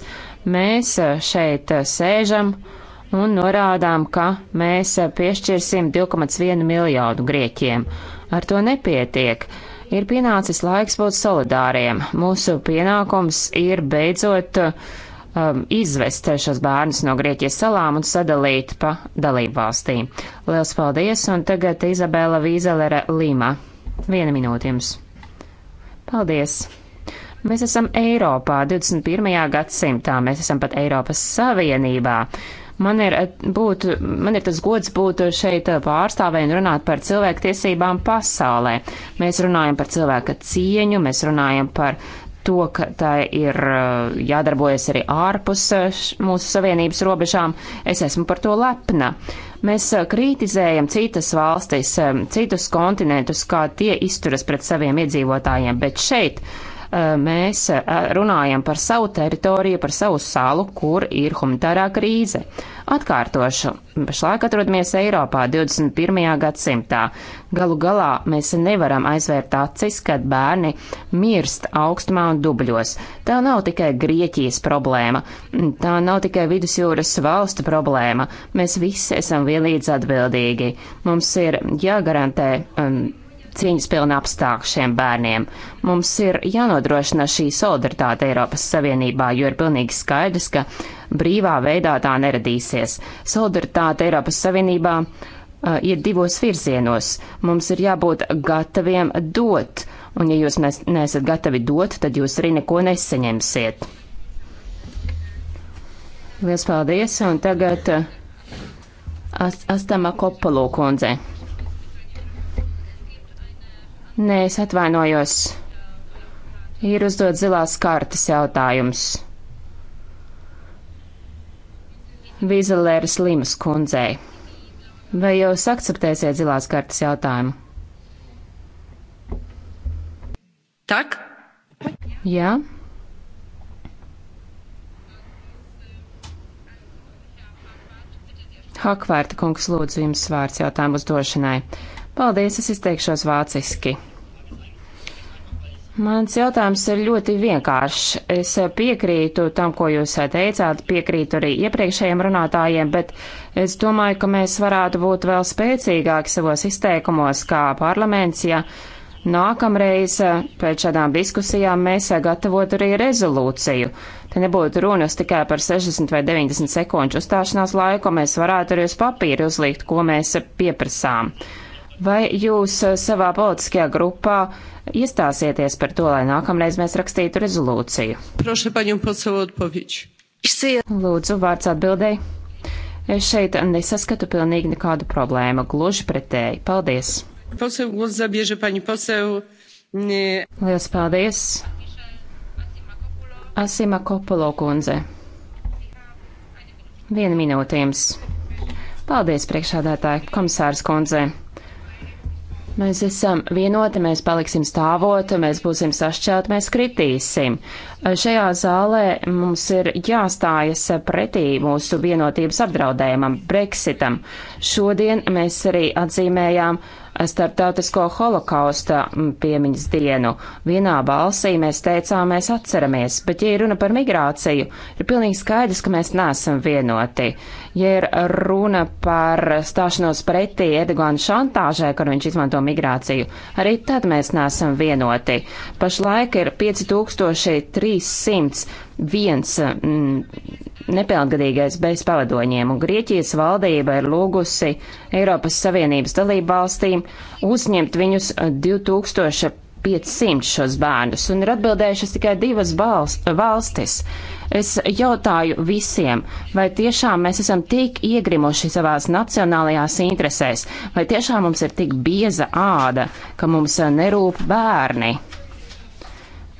Mēs šeit sēžam uh, un norādām, ka mēs piešķirsim 2,1 miljārdu Grieķiem. Ar to nepietiek. Ir pienācis laiks būt solidāriem. Mūsu pienākums ir beidzot um, izvest šos bērnus no Grieķijas salām un sadalīt pa dalību valstīm. Liels paldies, un tagad Izabela Vīzelera Lima. Viena minūte jums. Paldies! Mēs esam Eiropā 21. gadsimtā, mēs esam pat Eiropas Savienībā. Man ir, būt, man ir tas gods būt šeit pārstāvē un runāt par cilvēktiesībām pasaulē. Mēs runājam par cilvēka cieņu, mēs runājam par to, ka tā ir jādarbojas arī ārpus mūsu savienības robežām, es esmu par to lepna. Mēs kritizējam citas valstis, citus kontinentus, kā tie izturas pret saviem iedzīvotājiem, bet šeit Eh, mēs eh, runājam par savu teritoriju, par savu salu, kur ir humanitārā krīze. Atkārtošu, pašlaik atrodamies Eiropā 21. gadsimtā. Galu galā mēs nevaram aizvērt acis, kad bērni mirst augstumā un dubļos. Tā nav tikai Grieķijas problēma, tā nav tikai vidusjūras valstu problēma. Mēs visi esam vienlīdz atbildīgi. Mums ir jāgarantē. Um, cieņas pilna apstākļa šiem bērniem. Mums ir jānodrošina šī solidaritāte Eiropas Savienībā, jo ir pilnīgi skaidrs, ka brīvā veidā tā neradīsies. Solidaritāte Eiropas Savienībā uh, ir divos virzienos. Mums ir jābūt gataviem dot, un ja jūs nes nesat gatavi dot, tad jūs arī neko nesaņemsiet. Lielas paldies, un tagad uh, Astama Kopalo kundze. Nē, es atvainojos. Ir uzdot zilās kartas jautājums. Vīzelēras Limas kundzei. Vai jūs akceptēsiet zilās kartas jautājumu? Tak? Jā. Hakvārta kungs lūdzu jums vārds jautājumu uzdošanai. Paldies, es izteikšos vāciski. Mans jautājums ir ļoti vienkāršs. Es piekrītu tam, ko jūs teicāt, piekrītu arī iepriekšējiem runātājiem, bet es domāju, ka mēs varētu būt vēl spēcīgāki savos izteikumos kā parlaments, ja nākamreiz eh, pēc šādām diskusijām mēs eh, gatavotu arī rezolūciju. Te nebūtu runas tikai par 60 vai 90 sekundžu uzstāšanās laiku, mēs varētu arī uz papīru uzlikt, ko mēs pieprasām. Vai jūs eh, savā politiskajā grupā iestāsieties par to, lai nākamreiz mēs rakstītu rezolūciju? Prošu, paņem pat savu atpaviču. Lūdzu, vārds atbildēji. Es šeit nesaskatu pilnīgi nekādu problēmu, gluži pretēji. Paldies! Poseł głos zabierze pani poseł. Nie. Lielas paldies. Asima Kopolo kundze. Viena minūte jums. Paldies, priekšādātāji, komisārs kundze. Mēs esam vienoti, mēs paliksim stāvot, mēs būsim sašķelti, mēs kritīsim. Šajā zālē mums ir jāstājas pretī mūsu vienotības apdraudējumam, Brexitam. Šodien mēs arī atzīmējām uh, starptautisko holokausta mm, piemiņas dienu. Vienā balsī mēs teicām, mēs atceramies, bet, ja ir runa par migrāciju, ir pilnīgi skaidrs, ka mēs neesam vienoti. Ja ir runa par stāšanos pretī Erdogana šantāžai, kur viņš izmanto migrāciju, arī tad mēs neesam vienoti. Pašlaik ir 5301 viens mm, nepilngadīgais bez pavadoņiem, un Grieķijas valdība ir lūgusi Eiropas Savienības dalību valstīm uzņemt viņus 2500 eh, šos bērnus, un ir atbildējušas tikai divas balst, valstis. Es jautāju visiem, vai tiešām mēs esam tik iegrimuši savās nacionālajās interesēs, vai tiešām mums ir tik bieza āda, ka mums eh, nerūp bērni.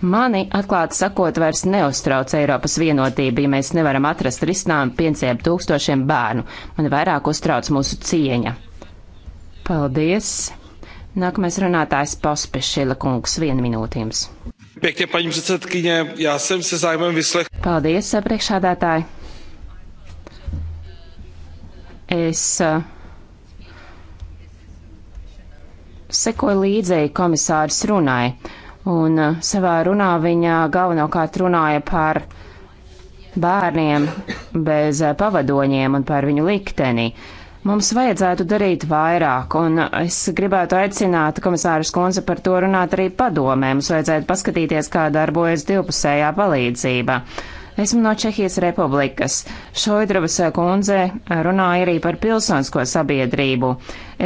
Mani, atklāti sakot, vairs neuztrauc Eiropas vienotība, ja mēs nevaram atrast risinājumu pieciem tūkstošiem bērnu. Mani vairāk uztrauc mūsu cieņa. Paldies! Nākamais runātājs Pospešila kungs, viena minūte jums. Pēkņē, paņem sacetkiņē, jāsam se zaimam vislek. Paldies, priekšādātāji! Es uh, sekoju līdzēji komisārs runai. Un uh, savā runā viņa galvenokārt runāja par bērniem bez uh, pavadoņiem un par viņu likteni. Mums vajadzētu darīt vairāk, un es gribētu aicināt komisāras konza par to runāt arī padomē. Mums vajadzētu paskatīties, kā darbojas divpusējā palīdzība. Uh, Esmu no Čehijas Republikas. Šoidravas kundze runāja arī par pilsonsko sabiedrību.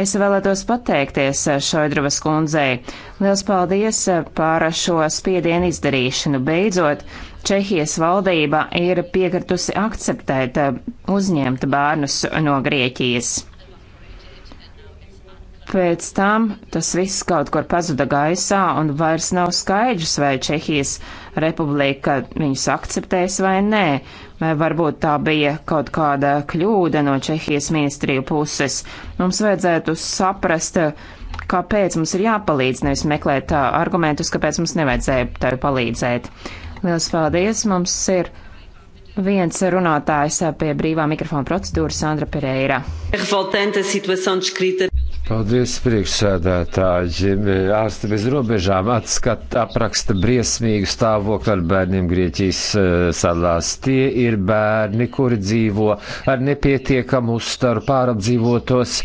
Es vēlētos pateikties Šoidravas kundzei. Liels paldies par šo spiedienu izdarīšanu. Beidzot, Čehijas valdība ir piekritusi akceptēt uzņemt bērnus no Grieķijas. Pēc tam tas viss kaut kur pazuda gaisā un vairs nav skaidrs, vai Čehijas republika viņus akceptēs vai nē, vai varbūt tā bija kaut kāda kļūda no Čehijas ministriju puses. Mums vajadzētu saprast, kāpēc mums ir jāpalīdz, nevis meklēt uh, argumentus, kāpēc mums nevajadzēja tev palīdzēt. Lielas paldies! Mums ir Viens runātājs uh, pie brīvā mikrofona procedūras Sandra Pereira. Paldies, priekšsēdētāji. Ārsti bez robežām atskata apraksta briesmīgu stāvokli ar bērniem Grieķijas eh, salās. Tie ir bērni, kuri dzīvo ar nepietiekamu uztaru pārapdzīvotos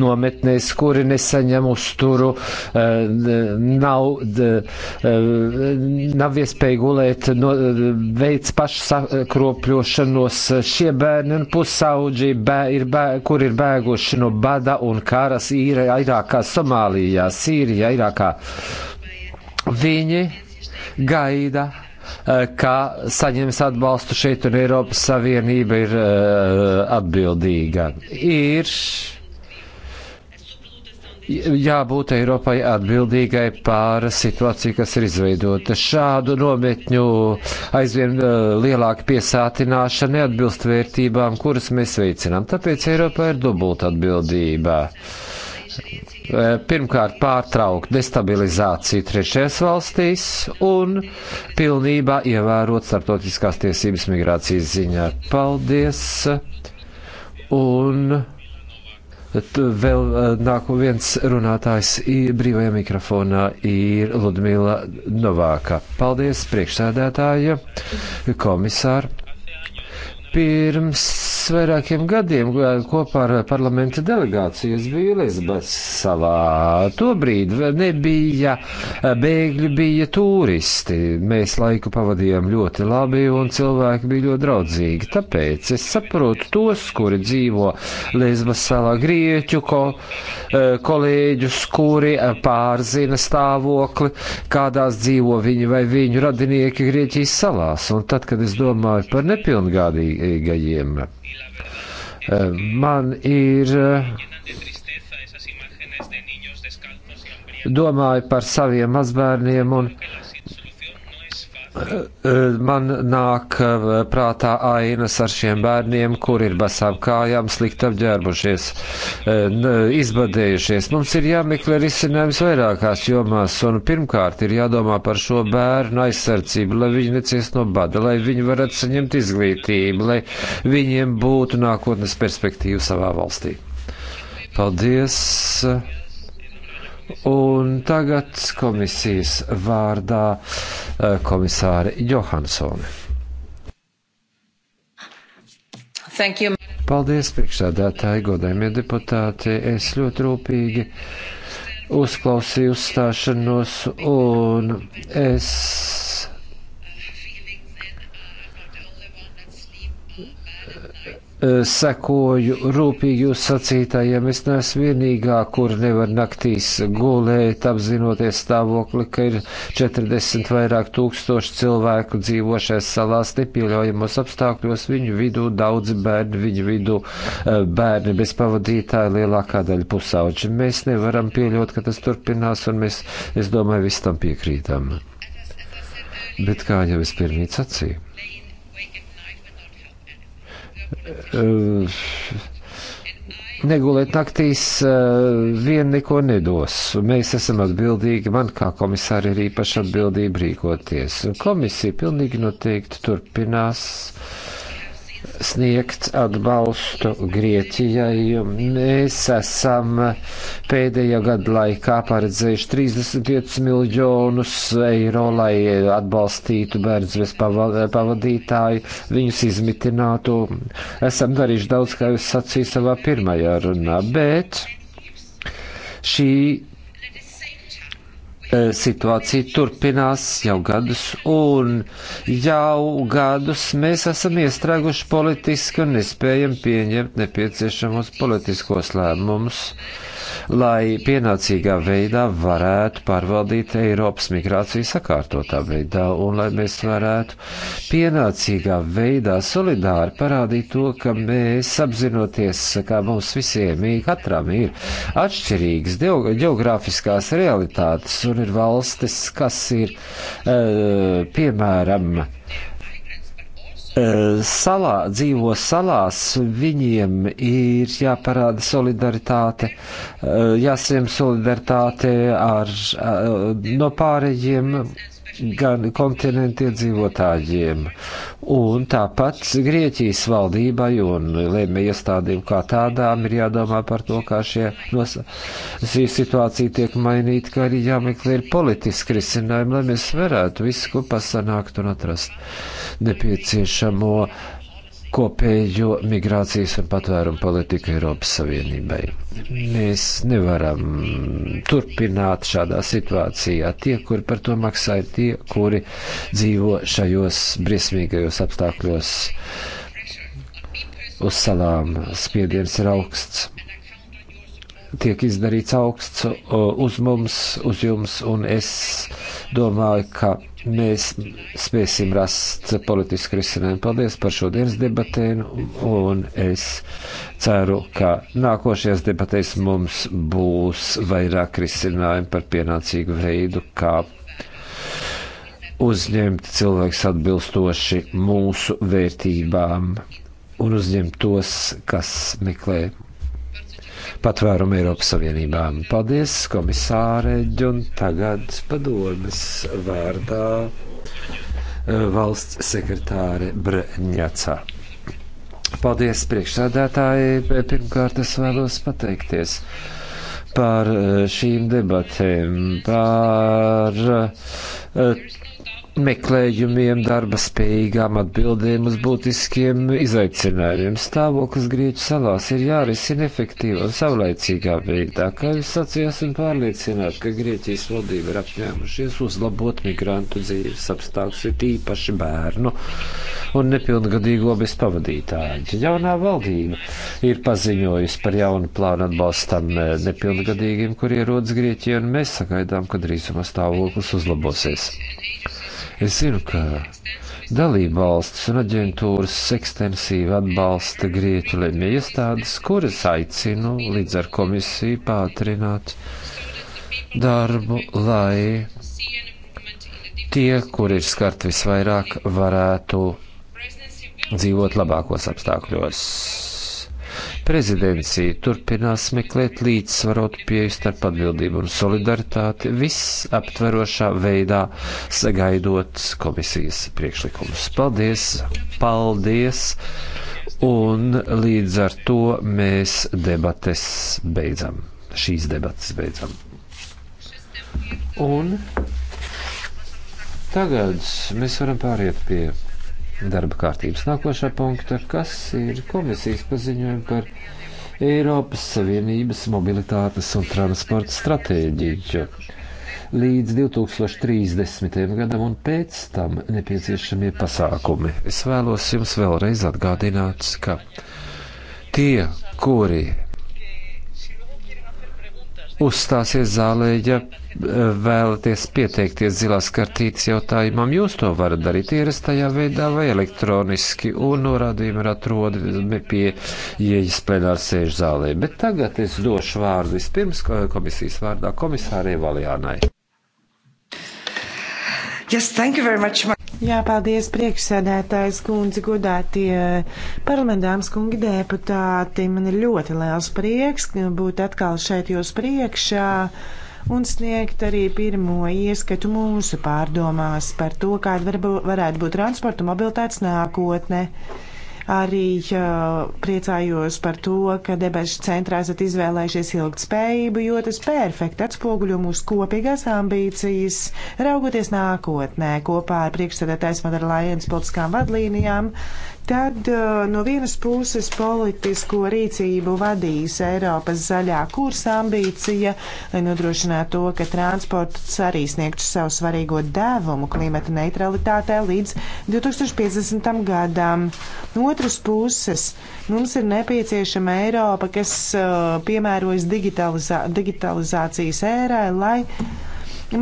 nometnēs, kuri nesaņem uzturu, eh, nav, eh, nav iespēja gulēt, no, veids pašsakropļošanos. Šie bērni un pusauģi, bē, ir bē, kur ir bēguši no bada un karas īstenībā Sīrijā, Irākā, Somālijā, Sīrijā, Irākā. Viņi gaida eh, kā saņems atbalstu šeit un Eiropas Savienība ir uh, atbildīga. Ir jābūt Eiropai atbildīgai pār situāciju, kas ir izveidota. Šādu nometņu aizvien uh, lielāka piesātināšana neatbilst vērtībām, kuras mēs veicinām. Tāpēc Eiropā ir dubulta atbildība. Uh, pirmkārt pārtraukt destabilizāciju trešajās valstīs un pilnībā ievērot starptautiskās tiesības migrācijas ziņā. Paldies! Un vēl eh, nāk viens runātājs brīvajā mikrofonā ir Ludmila Novāka. Paldies, priekšsēdētāja, komisāra! Pirms vairākiem gadiem kopā ar parlamenta delegāciju es biju Lesbas salā. Tobrīd nebija bēgļi, bija turisti. Mēs laiku pavadījām ļoti labi un cilvēki bija ļoti draudzīgi. Tāpēc es saprotu tos, kuri dzīvo Lesbas salā, grieķu ko, e, kolēģus, kuri pārzina stāvokli, kādās dzīvo viņi vai viņu radinieki Grieķijas salās. Un tad, kad es domāju par nepilngadīgu, nabadzīgajiem. Eh, man ir eh, domāju par saviem mazbērniem un uh, man nāk eh, prātā ainas ar šiem bērniem, kur ir basām kājām, slikti apģērbušies, eh, eh, izbadējušies. Mums ir jāmeklē risinājums vairākās jomās, un pirmkārt ir jādomā par šo bērnu aizsardzību, lai viņi neciest no bada, lai viņi varētu saņemt izglītību, lai viņiem būtu nākotnes perspektīva savā valstī. Paldies! Un tagad komisijas vārdā eh, komisāri Johansone. Paldies, priekšsādātāji, godējumie deputāti. Es ļoti rūpīgi uzklausīju uzstāšanos un es Eh, sekoju rūpīgi jūs sacītājiem. Es neesmu vienīgā, kur nevar naktīs gulēt, apzinoties stāvokli, ka ir 40 vairāk tūkstoši cilvēku dzīvošais salās nepieļaujamos apstākļos. Viņu vidū daudzi bērni, viņu vidū eh, bērni bez pavadītāja lielākā daļa pusauģi. Mēs nevaram pieļaut, ka tas turpinās, un mēs, es domāju, viss tam piekrītam. Bet kā jau es pirmīt sacīju? Negulēt naktīs vien neko nedos. Mēs esam atbildīgi, man kā komisāri ir īpaša atbildība rīkoties. Komisija pilnīgi noteikti turpinās uh, sniegt atbalstu Grieķijai. Mēs esam pēdējo gadu laikā paredzējuši 35 miljonus eiro, lai atbalstītu bērns bez pavadītāju, viņus izmitinātu. Esam darījuši daudz, kā jūs sacījāt savā pirmajā runā, bet šī Eh, situācija turpinās jau gadus, un jau gadus mēs esam iestrēguši politiski un nespējam pieņemt nepieciešamos politiskos lēmumus. Uh, lai pienācīgā veidā varētu pārvaldīt Eiropas migrāciju sakārtotā veidā un lai mēs varētu pienācīgā veidā solidāri parādīt to, ka mēs apzinoties, ka mums visiem ir katram ir atšķirīgas geogrāfiskās realitātes un ir valstis, kas ir, eh, piemēram, Eh, salā, dzīvo salās, viņiem ir jāparāda solidaritāte, eh, jāsiem solidaritāte ar, eh, no pārējiem gan kontinentu iedzīvotājiem. Un tāpat Grieķijas valdībai un lēmē iestādēm kā tādām ir jādomā par to, kā šie, no, šī situācija tiek mainīta, kā arī jāmeklē ir politiski risinājumi, lai mēs varētu visu, ko pasanākt un atrast nepieciešamo. Uh, kopējo migrācijas un patvērumu politiku Eiropas Savienībai. Mēs nevaram turpināt šādā situācijā. Tie, kuri par to maksā, ir tie, kuri dzīvo šajos briesmīgajos apstākļos uz salām. Spiediens ir augsts tiek izdarīts augsts uz mums, uz jums, un es domāju, ka mēs spēsim rast politisku risinājumu. Paldies par šodienas debatēm, un es ceru, ka nākošajās debatēs mums būs vairāk risinājumu par pienācīgu veidu, kā uzņemt cilvēks atbilstoši mūsu vērtībām un uzņemt tos, kas meklē patvērumu Eiropas Savienībām. Paldies, komisāreģi, un tagad padomas vārdā eh, valsts sekretāre Breņacā. Paldies, priekšsēdētāji. Pirmkārt, es vēlos pateikties par eh, šīm debatēm, par eh, meklējumiem, darba spējīgām atbildēm uz būtiskiem izaicinājumiem. Stāvoklis Grieķu salās ir jārisina efektīvā un savlaicīgā veidā. Kā jūs sacījāt, esmu pārliecināts, ka Grieķijas valdība ir apņēmušies uzlabot migrantu dzīves apstākļus, ir īpaši bērnu un nepilngadīgo bezpavadītāju. Jaunā valdība ir paziņojusi par jaunu plānu atbalstam eh, nepilngadīgiem, kuri ierodas Grieķijā, un mēs sagaidām, ka drīzumā stāvoklis uzlabosies. Es zinu, ka dalība valstis un aģentūras ekstensīvi atbalsta Grieķu lemja iestādes, kuras aicinu līdz ar komisiju pātrināt darbu, lai tie, kur ir skart visvairāk, varētu dzīvot labākos apstākļos. Prezidencija turpinās meklēt līdzsvarot pieeju starp atbildību un solidaritāti visaptverošā veidā, sagaidot komisijas priekšlikumus. Paldies! Paldies! Un līdz ar to mēs debates beidzam. Šīs debates beidzam. Un tagad mēs varam pāriet pie darba kārtības nākošā punkta, kas ir komisijas paziņojumi par Eiropas Savienības mobilitātes un transporta stratēģiju līdz 2030. gadam un pēc tam nepieciešamie pasākumi. Es vēlos jums vēlreiz atgādināt, ka tie, kuri uzstāsies zālē, ja e, vēlaties pieteikties zilās kartītes jautājumam. Jūs to varat darīt ierastajā veidā vai elektroniski, un norādījumi ir atrodami pie ieejas plenāra sēžu zālē. Bet tagad es došu vārdu vispirms komisijas vārdā komisārei Valjānai. Yes, thank you very much. Jā, paldies priekšsēdētājs kundze, godātie parlamentāms kungi deputāti. Man ir ļoti liels prieks būt atkal šeit jūs priekšā un sniegt arī pirmo ieskatu mūsu pārdomās par to, kāda var, varētu būt transporta mobilitātes nākotne. Arī uh, priecājos par to, ka debešu centrā esat izvēlējušies ilgtspējību, jo tas perfekti atspoguļo mūsu kopīgās ambīcijas, raugoties nākotnē kopā ar priekšsēdētājs Madara Lajens politiskām vadlīnijām. Tad eh, no vienas puses politisko rīcību vadīs Eiropas zaļā kursa ambīcija, lai nodrošinātu to, ka transports arī sniegtu savu svarīgo devumu klimata neutralitātē līdz 2050. gadam. No otras puses mums ir nepieciešama Eiropa, kas eh, piemērojas digitalizā digitalizācijas ērē, lai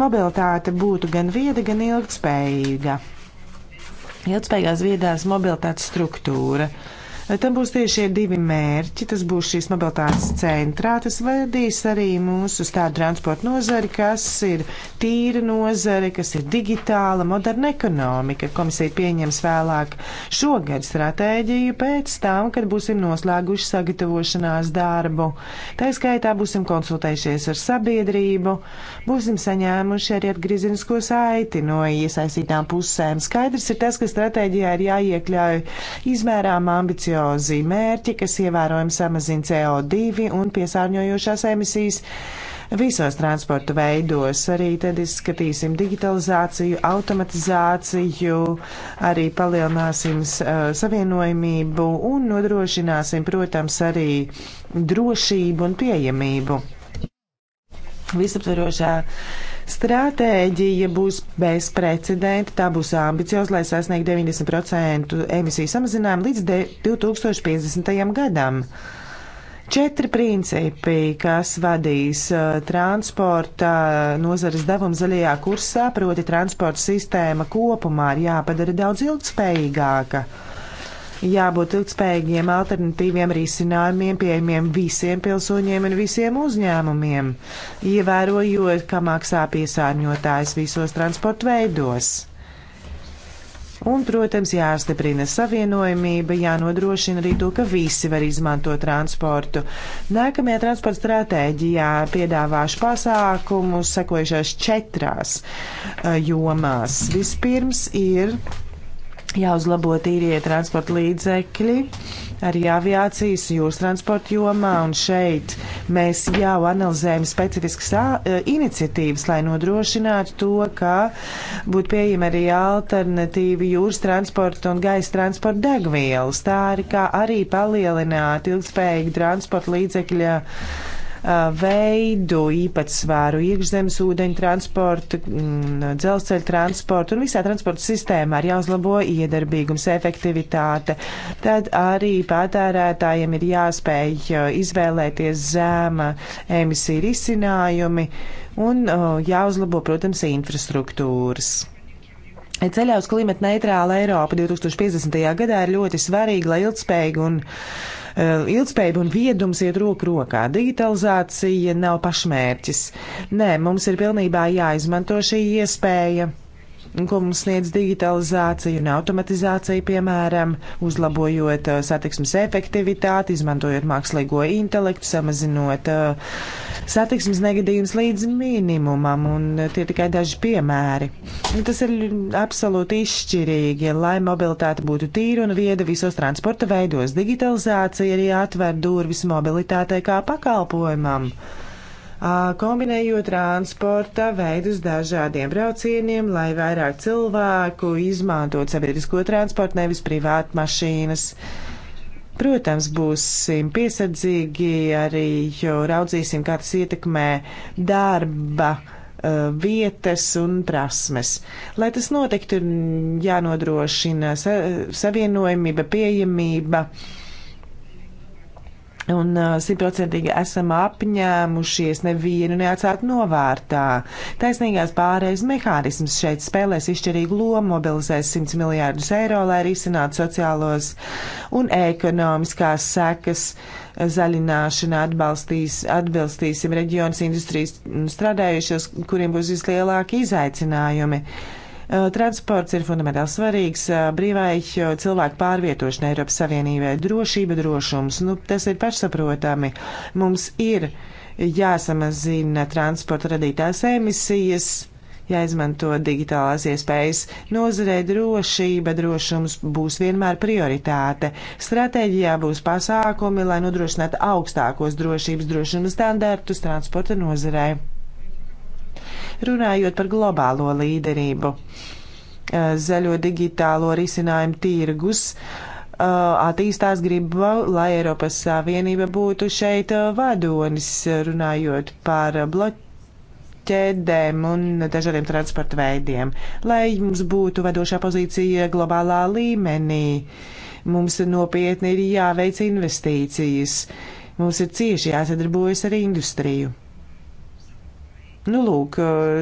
mobilitāte būtu gan vieda, gan ilgspējīga. Ilgspējīgās viedās mobilitātes struktūra. Uh, Tam būs tieši šie divi mērķi. Tas būs šīs mobilitātes centrā. Tas vadīs arī mūsu uz tādu transportu nozari, kas ir tīra nozare, kas ir digitāla, moderna ekonomika. Komisija pieņems vēlāk šogad stratēģiju pēc tam, kad būsim noslēguši sagatavošanās darbu. Tā skaitā būsim konsultējušies ar sabiedrību, būsim saņēmuši arī atgriezinisko saiti no iesaistītām pusēm. Skaidrs ir tas, ka stratēģijā ir jāiekļauj izmērām ambiciozi ambiciozi mērķi, kas ievērojami samazina CO2 un piesārņojošās emisijas visos transporta veidos. Arī tad izskatīsim digitalizāciju, automatizāciju, arī palielināsim uh, savienojumību un nodrošināsim, protams, arī drošību un pieejamību. Visaptverošā Stratēģija būs bez precedenta, tā būs ambicioza, lai sasniegtu 90% emisiju samazinājumu līdz 2050. gadam. Četri principi, kas vadīs uh, transporta uh, nozares devumu zaļajā kursā, proti transporta sistēma kopumā ir jāpadara daudz ilgspējīgāka. Uh, jābūt ilgspējīgiem alternatīviem risinājumiem pieejamiem visiem pilsoņiem un visiem uzņēmumiem, ievērojot, ka maksā piesārņotājs visos transporta veidos. Un, protams, jāstiprina savienojamība, jānodrošina arī to, ka visi var izmantot transportu. Nākamajā transporta stratēģijā piedāvāšu pasākumus sekojušās četrās eh, jomās. Vispirms ir jāuzlabo tīrie transporta līdzekļi, arī aviācijas jūras transporta jomā, un šeit mēs jau analizējam specifiskas iniciatīvas, lai nodrošinātu to, ka būtu pieejama arī alternatīva jūras transporta un gaisa transporta degvielas, tā arī kā arī palielināt ilgspējīgi transporta līdzekļa uh, veidu īpatsvāru iekšzemes ūdeņu transportu, mm, dzelzceļu transportu un visā transporta sistēmā ir jāuzlabo iedarbīgums, efektivitāte. Tad arī patērētājiem ir jāspēj izvēlēties zēma emisiju risinājumi un jāuzlabo, protams, infrastruktūras. Ceļā uz klimata neitrālu Eiropu 2050. gadā ir ļoti svarīgi, lai ilgspējīgi un Eh, ilgspējība un viedums iet roku rokā. Digitalizācija nav pašmērķis. Nē, mums ir pilnībā jāizmanto šī iespēja ko mums sniedz digitalizācija un automatizācija, piemēram, uzlabojot uh, satiksmes efektivitāti, izmantojot mākslīgo intelektu, samazinot uh, satiksmes negadījums līdz minimumam, un uh, tie tikai daži piemēri. Tas ir absolūti izšķirīgi, lai mobilitāte būtu tīra un vieda visos transporta veidos. Digitalizācija arī atver durvis mobilitātei kā pakalpojumam kombinējot transporta veidus dažādiem braucieniem, lai vairāk cilvēku izmantot sabiedrisko transportu, nevis privātu mašīnas. Protams, būsim piesardzīgi, arī raudzīsim, kā tas ietekmē darba vietas un prasmes. Lai tas notiktu, ir jānodrošina savienojamība, pieejamība. Uh, Un simtprocentīgi uh, esam apņēmušies nevienu neatstāt novārtā. Taisnīgās pārējais mehānisms šeit spēlēs izšķirīgu lomu, mobilizēs 100 miljārdus eiro, lai risinātu sociālos un ekonomiskās sekas zaļināšanā, atbalstīs, atbilstīsim reģionas industrijas strādājušos, kuriem būs vislielākie izaicinājumi. Uh, Eh, transports ir fundamentāli svarīgs eh, brīvai eh, cilvēku pārvietošanai Eiropas Savienībai. Drošība, drošums, nu, tas ir pašsaprotami. Mums ir jāsamazina transporta radītās emisijas, jāizmanto digitālās iespējas. Nozarē drošība, drošums būs vienmēr prioritāte. Stratēģijā būs pasākumi, lai nodrošinātu augstākos drošības drošuma standartus transporta nozarē. Runājot par globālo līderību, eh, zaļo digitālo risinājumu tirgus eh, attīstās gribu, lai Eiropas Savienība būtu šeit eh, vadonis, runājot par bloķēdēm un dažādiem transporta veidiem, lai mums būtu vadošā pozīcija globālā līmenī. Mums nopietni ir jāveic investīcijas mums ir cieši jāsadarbojas ar industriju. Nu, lūk,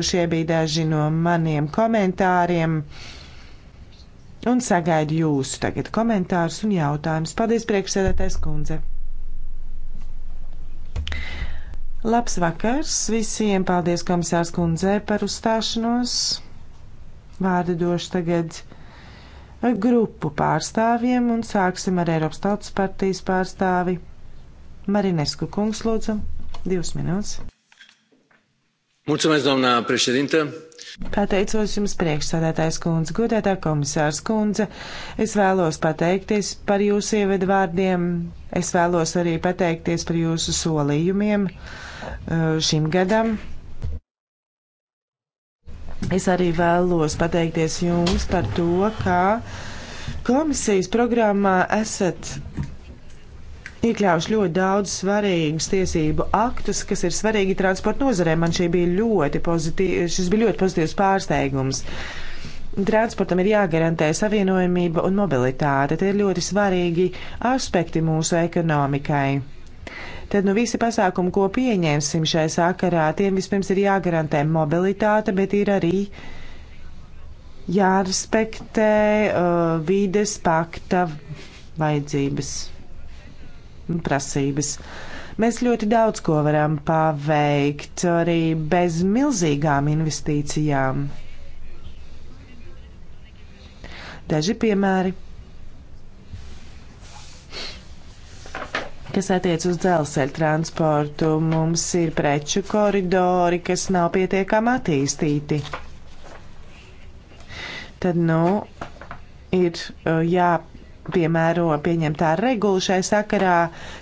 šie bija daži no maniem komentāriem. Un sagaidu jūsu tagad komentārus un jautājumus. Paldies, priekšsēdētājs kundze! Labs vakars visiem! Paldies, komisārs kundzei, par uzstāšanos. Vārdu došu tagad grupu pārstāvjiem un sāksim ar Eiropas Tautas partijas pārstāvi Marinesku kungs, lūdzu, divas minūtes. Mulțumesc, doamna președintă! Pateicos jums priekšsādātājs kundze, godētā komisārs kundze, es vēlos pateikties par jūsu ievedu vārdiem, es vēlos arī pateikties par jūsu solījumiem uh, šim gadam. Es arī vēlos pateikties jums par to, ka komisijas programmā esat iekļāvuši ļoti daudz svarīgus tiesību aktus, kas ir svarīgi transporta nozarē. Man šī bija ļoti pozitīva, šis bija ļoti pozitīvs pārsteigums. Transportam ir jāgarantē savienojamība un mobilitāte. Tie ir ļoti svarīgi aspekti mūsu ekonomikai. Tad nu visi pasākumi, ko pieņemsim šai sakarā, tiem vispirms ir jāgarantē mobilitāte, bet ir arī jārespektē uh, vides pakta vajadzības prasības. Mēs ļoti daudz ko varam paveikt arī bez milzīgām investīcijām. Daži piemēri, kas attiec uz dzelzceļa transportu, mums ir preču koridori, kas nav pietiekami attīstīti. Tad, nu, ir uh, jā piemēro pieņemtā regula šai sakarā,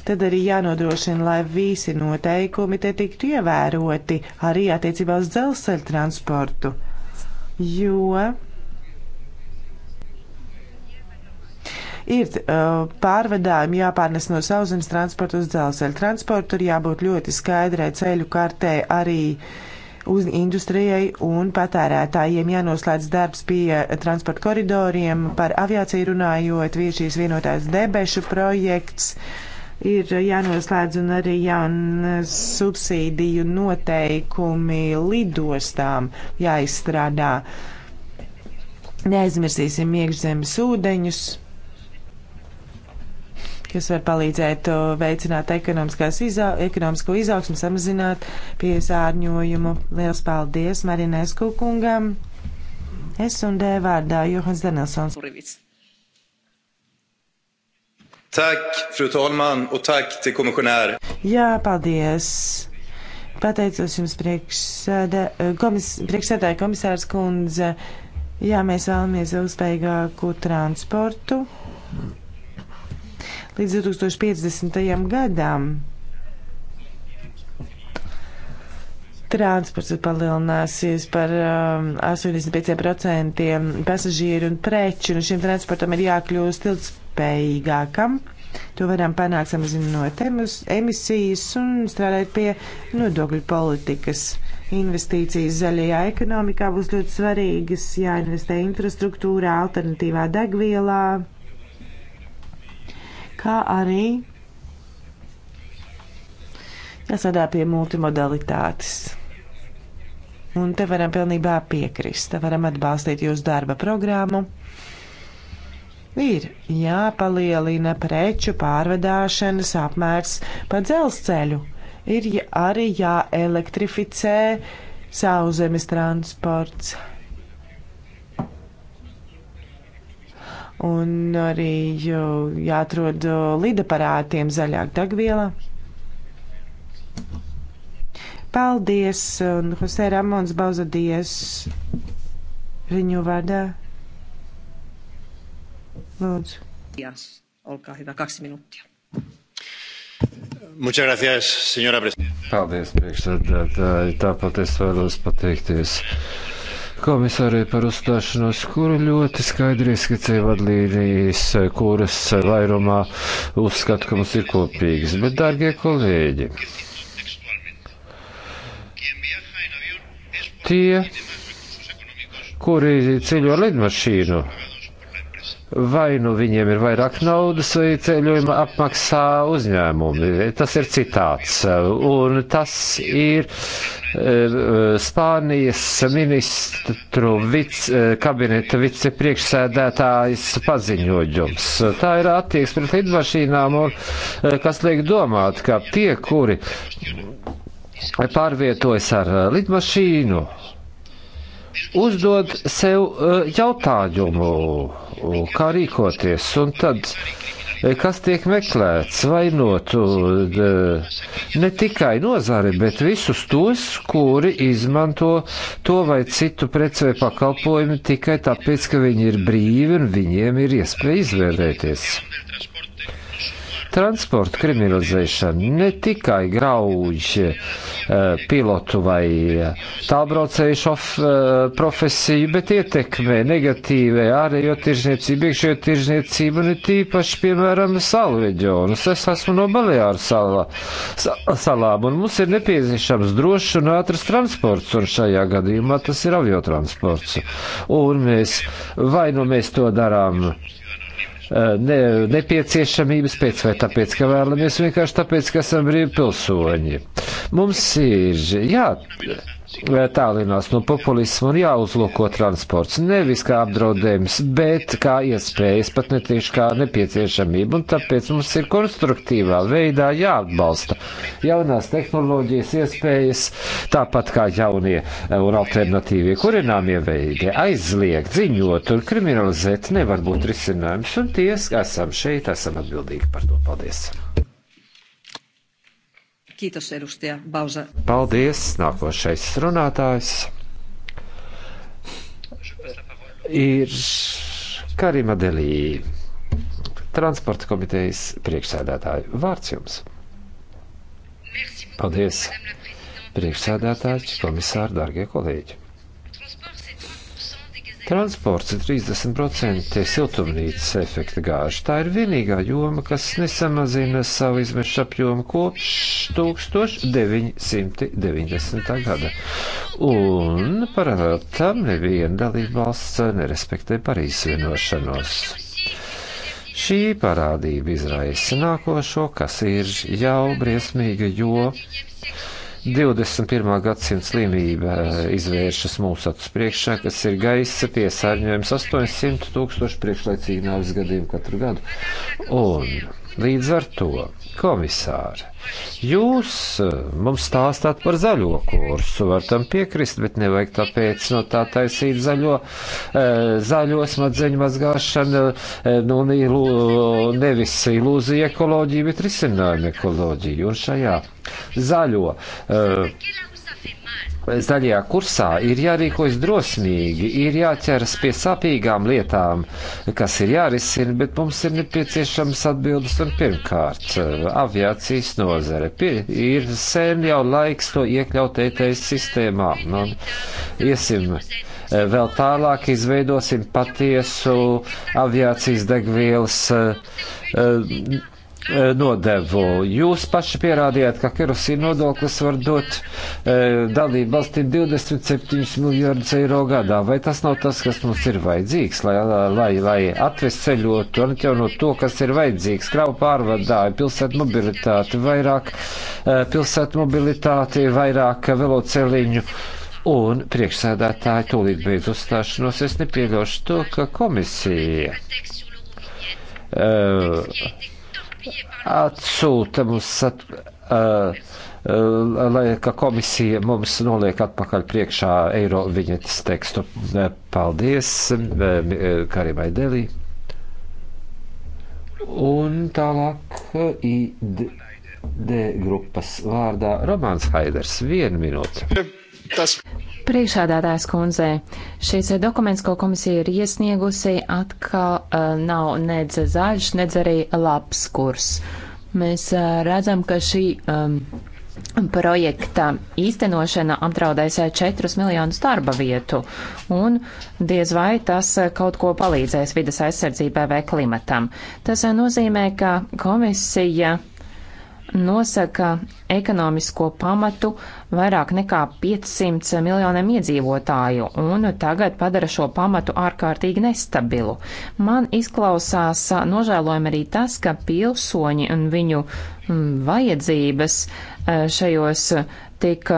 tad arī jānodrošina, lai visi noteikumi te tiktu ievēroti arī attiecībā uz dzelzceļa transportu. Jo ir uh, pārvedājumi jāpārnes no sauszemes transporta uz dzelzceļa transportu, ir jābūt ļoti skaidrai ceļu kartē arī uh, uz industrijai un patērētājiem jānoslēdz darbs pie transporta koridoriem. Par aviāciju runājot, šīs vienotās debešu projekts ir jānoslēdz un arī jaunas subsīdiju noteikumi lidostām jāizstrādā. Neaizmirsīsim iekšzemes ūdeņus kas var palīdzēt uh, veicināt izā, ekonomisko izaugsmu, samazināt piesārņojumu. Liels paldies Marinesku kungam! Es un D vārdā Johans Danielsons. Tack, fru talman, och tack till kommissionär. Jā, paldies. Pateicos jums priekšsēdē, komis, priekšsēdē komisārs kundze. Jā, mēs vēlamies ilgspējīgāku transportu. Mm līdz 2050. gadam. Transports palielināsies par um, 85% pasažieru un preču, un šim transportam ir jākļūst ilgspējīgākam. To varam panākt samazinot emisijas un strādāt pie nodokļu politikas. Investīcijas zaļajā ekonomikā būs ļoti svarīgas, jāinvestē infrastruktūrā, alternatīvā degvielā kā arī jāsadā pie multimodalitātes. Un te varam pilnībā piekrist, te varam atbalstīt jūsu darba programmu. Ir jāpalielina preču pārvedāšanas apmērs pa dzelzceļu, ir arī jāelektrificē sauszemes transports un arī jāatrod lidaparātiem zaļāk degviela. Paldies, un Jose Ramons Bauzadies viņu vārdā. Lūdzu. Jās, olkā hyvä, kaksi minūttia. Muchas gracias, señora presidenta. Paldies, priekšsēdētāji. Tāpat es vēlos pateikties. Uh, komisārei par uzstāšanos, kura ļoti skaidri ieskicēja vadlīnijas, kuras vairumā uzskata, ka mums ir kopīgas. Bet, dārgie kolēģi, tie, kuri ceļo ar lidmašīnu, vai nu viņiem ir vairāk naudas, vai ceļojuma apmaksā uzņēmumi. Tas ir citāts. Un tas ir Eh, Spānijas ministru vic, eh, kabineta vicepriekšsēdētājs paziņojums. Tā ir attieksme pret lidmašīnām, un, eh, kas liek domāt, ka tie, kuri pārvietojas ar lidmašīnu, uzdod sev jautājumu, kā rīkoties, un tad kas tiek meklēts, vainot ne tikai nozari, bet visus tos, kuri izmanto to vai citu preci vai pakalpojumu tikai tāpēc, ka viņi ir brīvi un viņiem ir iespēja izvēlēties. Transporta kriminalizēšana ne tikai grauž uh, pilotu vai eh, tālbraucēju šof, uh, profesiju, bet ietekmē negatīvē ārējo tirzniecību, iekšējo tirzniecību un tīpaši, piemēram, salu reģionus. Es esmu no Baleāru salā, salām un mums ir nepieciešams drošs un ātrs transports un šajā gadījumā tas ir aviotransports. Un mēs vai nu mēs to darām Eh, ne, nepieciešamības pēc vai tāpēc, ka vēlamies vienkārši tāpēc, ka esam brīvi pilsoņi. Mums ir jā tālinās no populismu un jāuzlūko transports. Nevis kā apdraudējums, bet kā iespējas, pat ne tieši kā nepieciešamība. Un tāpēc mums ir konstruktīvā veidā jāatbalsta jaunās tehnoloģijas iespējas, tāpat kā jaunie un alternatīvie kurināmie veidi. Aizliegt, ziņot un kriminalizēt nevar būt risinājums. Un ties, esam šeit, esam atbildīgi par to. Paldies! Kītos, Erustijā, Bauza. Paldies, nākošais runātājs. Ir Karima Delī, transporta komitejas priekšsēdētāja. Vārds jums. Paldies, priekšsēdētāji, komisāri, dārgie kolēģi. Transports ir 30% siltumnīcas efekta gāža. Tā ir vienīgā joma, kas nesamazina savu izmešu apjomu kopš 1990. gada. Un paralēli tam neviena dalība valsts nerespektē Parīzes vienošanos. Šī parādība izraisa nākošo, kas ir jau briesmīga, jo 21. gadsimta slimība eh, izvēršas mūsu acu priekšā, kas ir gaisa piesārņojums 800 tūkstoši priekšlaicīgi nāves gadījumu katru gadu. Un Līdz ar to, komisāri, jūs eh, mums stāstāt par zaļo kursu, var tam piekrist, bet nevajag tāpēc no tā taisīt zaļo, eh, zaļo smadzeņu mazgāšanu, eh, nu, ilū, nevis ilūzija ekoloģija, bet risinājuma ekoloģija. Un šajā zaļo. Uh, zaļajā kursā ir jārīkojas drosmīgi, ir jāķeras pie sapīgām lietām, kas ir jārisina, bet mums ir nepieciešams atbildes un pirmkārt eh, aviācijas nozare. Pir, ir sen jau laiks to iekļaut ETS sistēmā. Nu, iesim eh, vēl tālāk izveidosim patiesu aviācijas degvielas uh, Eh, nodevu. Jūs paši pierādījāt, ka kerosīna nodoklis var dot eh, dalību valstīm 27 miljardus eiro gadā. Vai tas nav tas, kas mums ir vajadzīgs, lai, lai, lai atvesceļotu un atjaunot to, kas ir vajadzīgs? Kravu pārvadāju, pilsētu mobilitāti, vairāk eh, pilsētu mobilitāti, vairāk veloceliņu. Un priekšsēdētāji tūlīt beidz uzstāšanos. Es nepieļaušu to, ka komisija. Uh, atsūta mums, at, uh, uh, lai ka komisija mums noliek atpakaļ priekšā eiro viņetes tekstu. Uh, paldies, uh, uh Karimai Delī. Un tālāk uh, ID grupas vārdā Romāns Haiders. Vienu minūti tas. Priekšādātājs kundzē, šīs dokuments, ko komisija ir iesniegusi, atkal uh, nav nedz zaļš, nedz arī labs kurs. Mēs uh, redzam, ka šī um, projekta īstenošana apdraudēs 4 uh, miljonus darba vietu, un diez vai tas uh, kaut ko palīdzēs vidas aizsardzībai vai klimatam. Tas uh, nozīmē, ka komisija nosaka ekonomisko pamatu vairāk nekā 500 miljoniem iedzīvotāju un tagad padara šo pamatu ārkārtīgi nestabilu. Man izklausās nožēlojami arī tas, ka pilsoņi un viņu mm, vajadzības e, šajos tik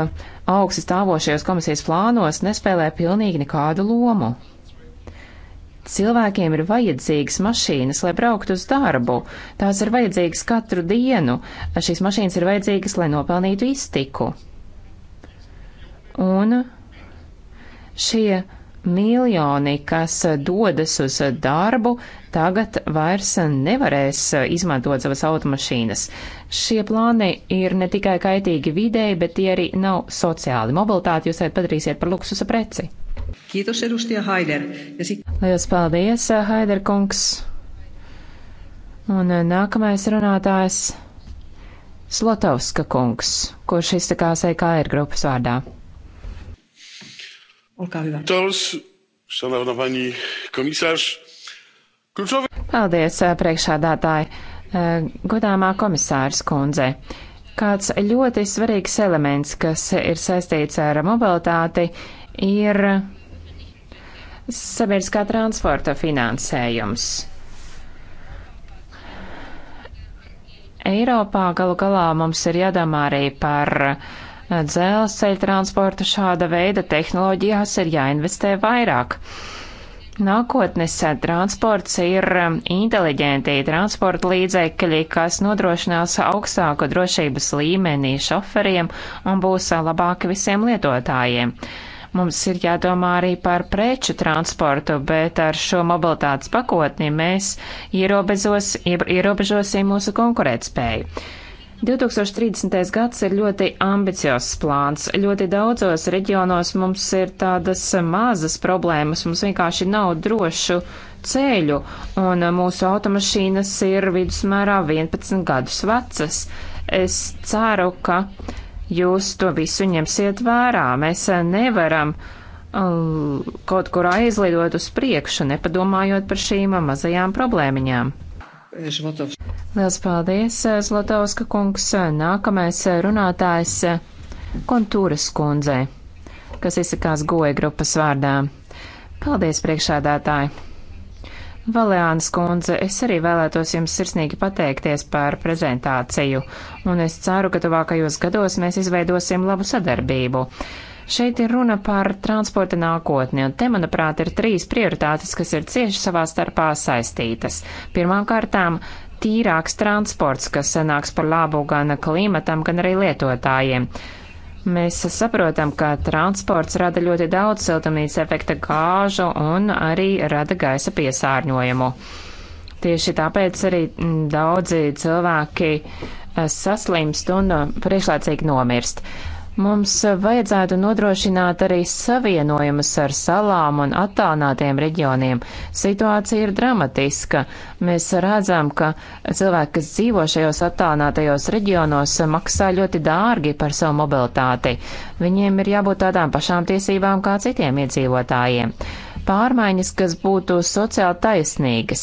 augsti stāvošajos komisijas plānos nespēlē pilnīgi nekādu lomu. Cilvēkiem ir vajadzīgas mašīnas, lai brauktu uz darbu. Tās ir vajadzīgas katru dienu. Šīs mašīnas ir vajadzīgas, lai nopelnītu iztiku. Un šie miljoni, kas dodas uz darbu, tagad vairs nevarēs izmantot savas automašīnas. Šie plāni ir ne tikai kaitīgi videi, bet tie arī nav sociāli. Mobilitāti jūs tagad padarīsiet par luksusa preci. Kiitos, edustaja Haider. Ja sit... Lielas paldies, eh, Haider kungs. Un eh, nākamais runātājs - Slotovska kungs, kurš izsakās EKR grupas vārdā. Olkā hyvä. Tals, šanavna pani komisārs. Klučovi... Paldies, eh, priekšādātāji. Godāmā komisārs kundze. Kāds ļoti svarīgs elements, kas ir saistīts ar mobilitāti, ir sabiedriskā transporta finansējums. Eiropā galu galā mums ir jādomā arī par eh, dzelzceļa transportu. Šāda veida tehnoloģijās ir jāinvestē vairāk. Nākotnes eh, transports ir eh, inteliģenti transporta līdzekļi, kas nodrošinās augstāku drošības līmenī šoferiem un būs labāki visiem lietotājiem. Mums ir jādomā arī par preču transportu, bet ar šo mobilitātes pakotni mēs ierobežosim mūsu konkurētspēju. 2030. gads ir ļoti ambiciozs plāns. Ļoti daudzos reģionos mums ir tādas mazas problēmas, mums vienkārši nav drošu ceļu, un mūsu automašīnas ir vidusmērā 11 gadus vecas. Es ceru, ka jūs to visu ņemsiet vērā. Mēs eh, nevaram eh, kaut kur aizlidot uz priekšu, nepadomājot par šīm eh, mazajām problēmiņām. Žlotovs. Lielas paldies, Zlotovska kungs. Nākamais runātājs Kontūras kundzei, kas izsakās goja grupas vārdā. Paldies, priekšādātāji! Valēāns kundze, es arī vēlētos jums sirsnīgi pateikties par prezentāciju, un es ceru, ka tuvākajos gados mēs izveidosim labu sadarbību. Šeit ir runa par transporta nākotni, un te, manuprāt, ir trīs prioritātes, kas ir cieši savā starpā saistītas. Pirmkārtām, tīrāks transports, kas nāks par labu gan klimatam, gan arī lietotājiem. Mēs saprotam, ka transports rada ļoti daudz siltumnīca efekta gāžu un arī rada gaisa piesārņojumu. Tieši tāpēc arī mm, daudzi cilvēki eh, saslimst un eh, priekšlaicīgi nomirst. Mums vajadzētu nodrošināt arī savienojumus ar salām un attālinātiem reģioniem. Situācija ir dramatiska. Mēs redzam, ka cilvēki, kas dzīvo šajos attālinātajos reģionos, maksā ļoti dārgi par savu mobilitāti. Viņiem ir jābūt tādām pašām tiesībām kā citiem iedzīvotājiem pārmaiņas, kas būtu sociāli taisnīgas.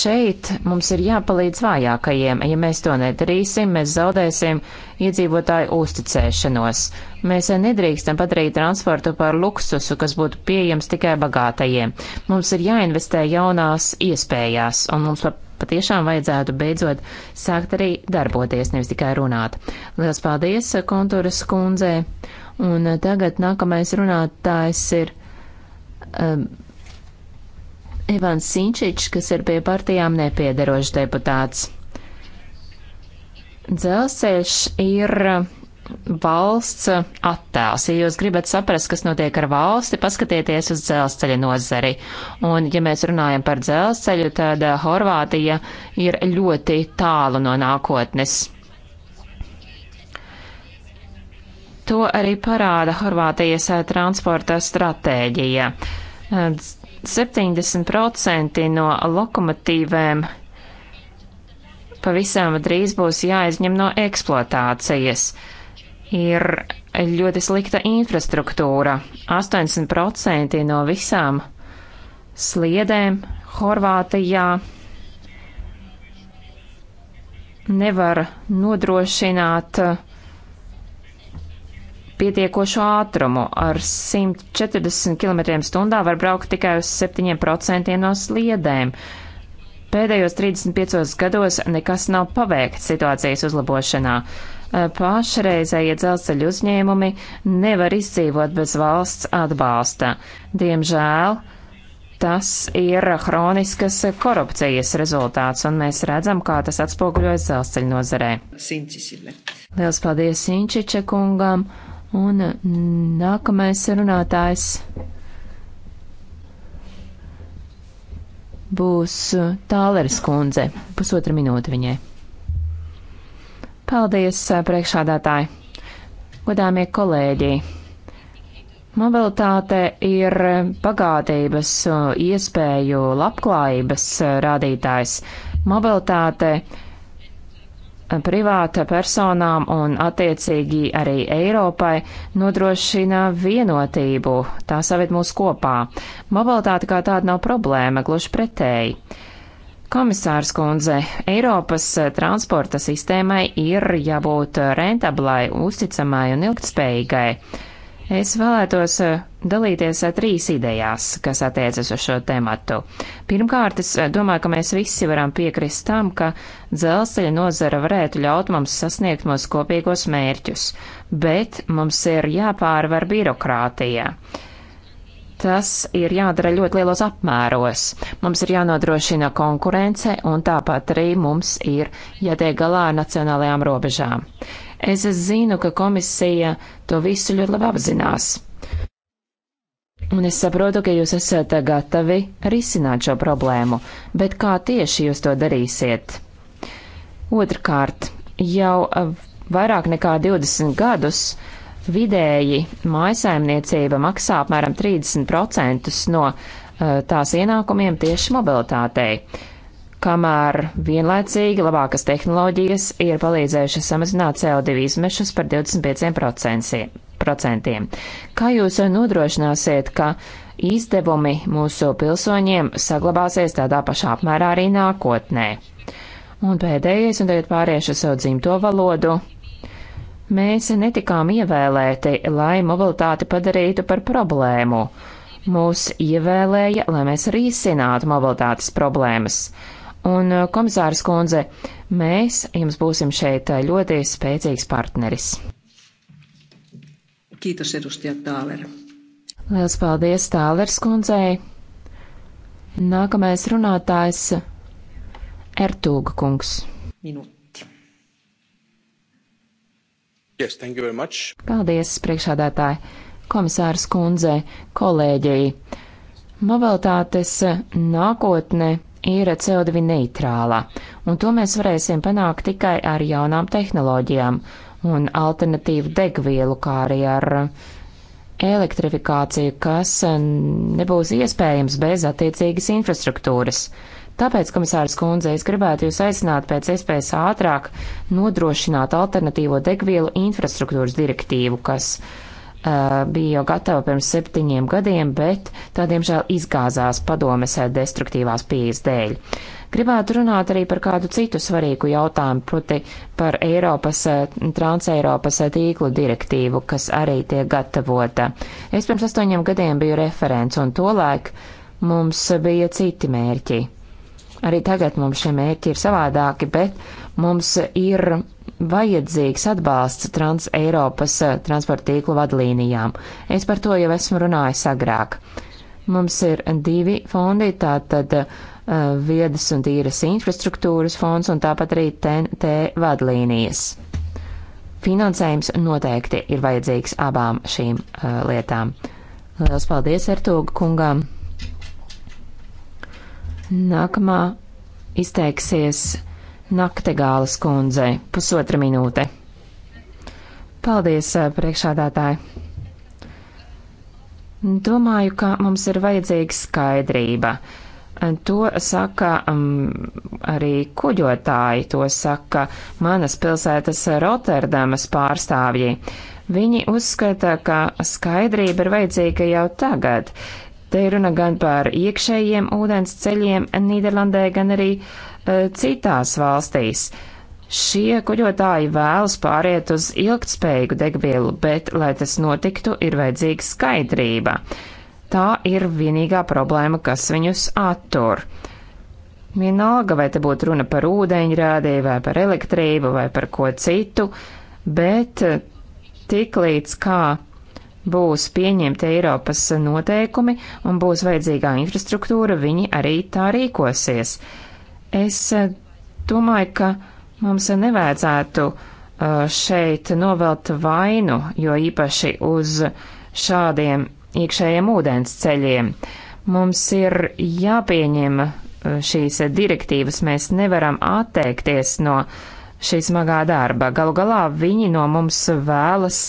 Šeit mums ir jāpalīdz vājākajiem. Ja mēs to nedarīsim, mēs zaudēsim iedzīvotāju uzticēšanos. Mēs nedrīkstam padarīt transportu par luksusu, kas būtu pieejams tikai bagātajiem. Mums ir jāinvestē jaunās iespējās, un mums patiešām vajadzētu beidzot sākt arī darboties, nevis tikai runāt. Lielas paldies, kontūras kundzē! Un tagad nākamais runātājs ir um, Ivans Sinčičs, kas ir pie partijām nepiedarošs deputāts. Dzelzceļš ir valsts attēls. Ja jūs gribat saprast, kas notiek ar valsti, paskatieties uz dzelzceļa nozari. Un, ja mēs runājam par dzelzceļu, tad Horvātija ir ļoti tālu no nākotnes. To arī parāda Horvātijas eh, transporta stratēģija. 70% eh, no lokomotīvēm pavisam drīz būs jāizņem no eksploatācijas. Ir ļoti slikta infrastruktūra. 80% no visām sliedēm Horvātijā nevar nodrošināt uh, pietiekošu ātrumu. Ar 140 km/h var braukt tikai uz 7% no sliedēm. Pēdējos 35 gados nekas nav paveikts situācijas uzlabošanā. Eh, pašreizējie dzelzceļu uzņēmumi nevar izdzīvot bez valsts atbalsta. Diemžēl tas ir hroniskas korupcijas rezultāts, un mēs redzam, kā tas atspoguļojas dzelzceļu nozarē. Liels paldies Sinčiče kungam! Un mm, nākamais runātājs būs uh, Tāleris kundze. Pusotra minūte viņai. Paldies, uh, priekšādātāji! Godāmie kolēģi! Mobilitāte ir pagātības, uh, iespēju, labklājības rādītājs. Mobilitāte ir privāta personām un attiecīgi arī Eiropai nodrošina vienotību, tā saved mūs kopā. Mobilitāte kā tāda nav problēma, gluži pretēji. Komisārs kundze, Eiropas transporta sistēmai ir jābūt rentablai, uzticamai un ilgtspējīgai. Es vēlētos eh, dalīties eh, trīs idejās, kas attiecas uz šo tematu. Pirmkārt, es eh, domāju, ka mēs visi varam piekrist tam, ka dzelzceļa nozara varētu ļaut mums sasniegt mūsu kopīgos mērķus, bet mums ir jāpārvar birokrātija. Tas ir jādara ļoti lielos apmēros. Mums ir jānodrošina konkurence, un tāpat arī mums ir jātiek galā ar nacionālajām robežām. Es zinu, ka komisija to visu ļoti labi apzinās. Un es saprotu, ka jūs esat gatavi risināt šo problēmu, bet kā tieši jūs to darīsiet? Otrkārt, jau vairāk nekā 20 gadus vidēji mājasaimniecība maksā apmēram 30% no uh, tās ienākumiem tieši mobilitātei kamēr vienlaicīgi labākas tehnoloģijas ir palīdzējušas samazināt CO2 izmešus par 25%. Kā jūs nodrošināsiet, ka izdevumi mūsu pilsoņiem saglabāsies tādā pašā apmērā arī nākotnē? Un pēdējais, un tagad pāriešu savu dzimto valodu. Mēs netikām ievēlēti, lai mobilitāti padarītu par problēmu. Mūs ievēlēja, lai mēs risinātu mobilitātes problēmas. Un, eh, komisārs Kundze, mēs jums būsim šeit eh, ļoti spēcīgs partneris. Kītas, Edustija Tāler. Lielas paldies Tālers Kundzei. Nākamais runātājs Ertūga kungs. Minūti. Yes, thank you very much. Paldies, priekšādātāji, komisārs Kundzei, kolēģei. Mobilitātes nākotne ir CO2 neitrālā, un to mēs varēsim panākt tikai ar jaunām tehnoloģijām un alternatīvu degvielu, kā arī ar elektrifikāciju, kas nebūs iespējams bez attiecīgas infrastruktūras. Tāpēc, komisārs kundze, es gribētu jūs aicināt pēc iespējas ātrāk nodrošināt alternatīvo degvielu infrastruktūras direktīvu, kas uh, Eh, bija jau gatava pirms septiņiem gadiem, bet tā diemžēl izgāzās padomes eh, destruktīvās pieejas dēļ. Gribētu runāt arī par kādu citu svarīgu jautājumu, proti par Eiropas, eh, Transeiropas tīklu direktīvu, kas arī tiek gatavota. Es pirms astoņiem gadiem biju referents, un tolaik mums bija citi mērķi. Arī tagad mums šie mērķi ir savādāki, bet mums ir vajadzīgs atbalsts trans Eiropas eh, transporta tīklu vadlīnijām. Es par to jau esmu runājis agrāk. Mums ir divi fondi, tātad uh, viedas un tīras infrastruktūras fonds un tāpat arī TNT vadlīnijas. Finansējums noteikti ir vajadzīgs abām šīm uh, lietām. Lielas paldies, Ertūga kungām! Nākamā izteiksies Naktegālas kundzei. Pusotra minūte. Paldies, eh, priekšādātāji. Domāju, ka mums ir vajadzīga skaidrība. Eh, to saka um, arī kuģotāji, to saka manas pilsētas Rotterdamas pārstāvji. Viņi uzskata, ka skaidrība ir vajadzīga jau tagad. Te ir runa gan par iekšējiem ūdens ceļiem Nīderlandē, gan arī uh, E, citās valstīs. Šie kuģotāji vēlas pāriet uz ilgtspējīgu degvielu, bet, lai tas notiktu, ir vajadzīga skaidrība. Tā ir vienīgā problēma, kas viņus attur. Vienalga, vai te būtu runa par ūdeņrādī, vai par elektrību, vai par ko citu, bet e, tiklīdz kā būs pieņemti Eiropas noteikumi un būs vajadzīgā infrastruktūra, viņi arī tā rīkosies. Es eh, domāju, ka mums nevajadzētu eh, šeit novelt vainu, jo īpaši uz šādiem iekšējiem ūdens ceļiem. Mums ir jāpieņem eh, šīs direktīvas, mēs nevaram atteikties no šī smagā darba. Galu galā viņi no mums vēlas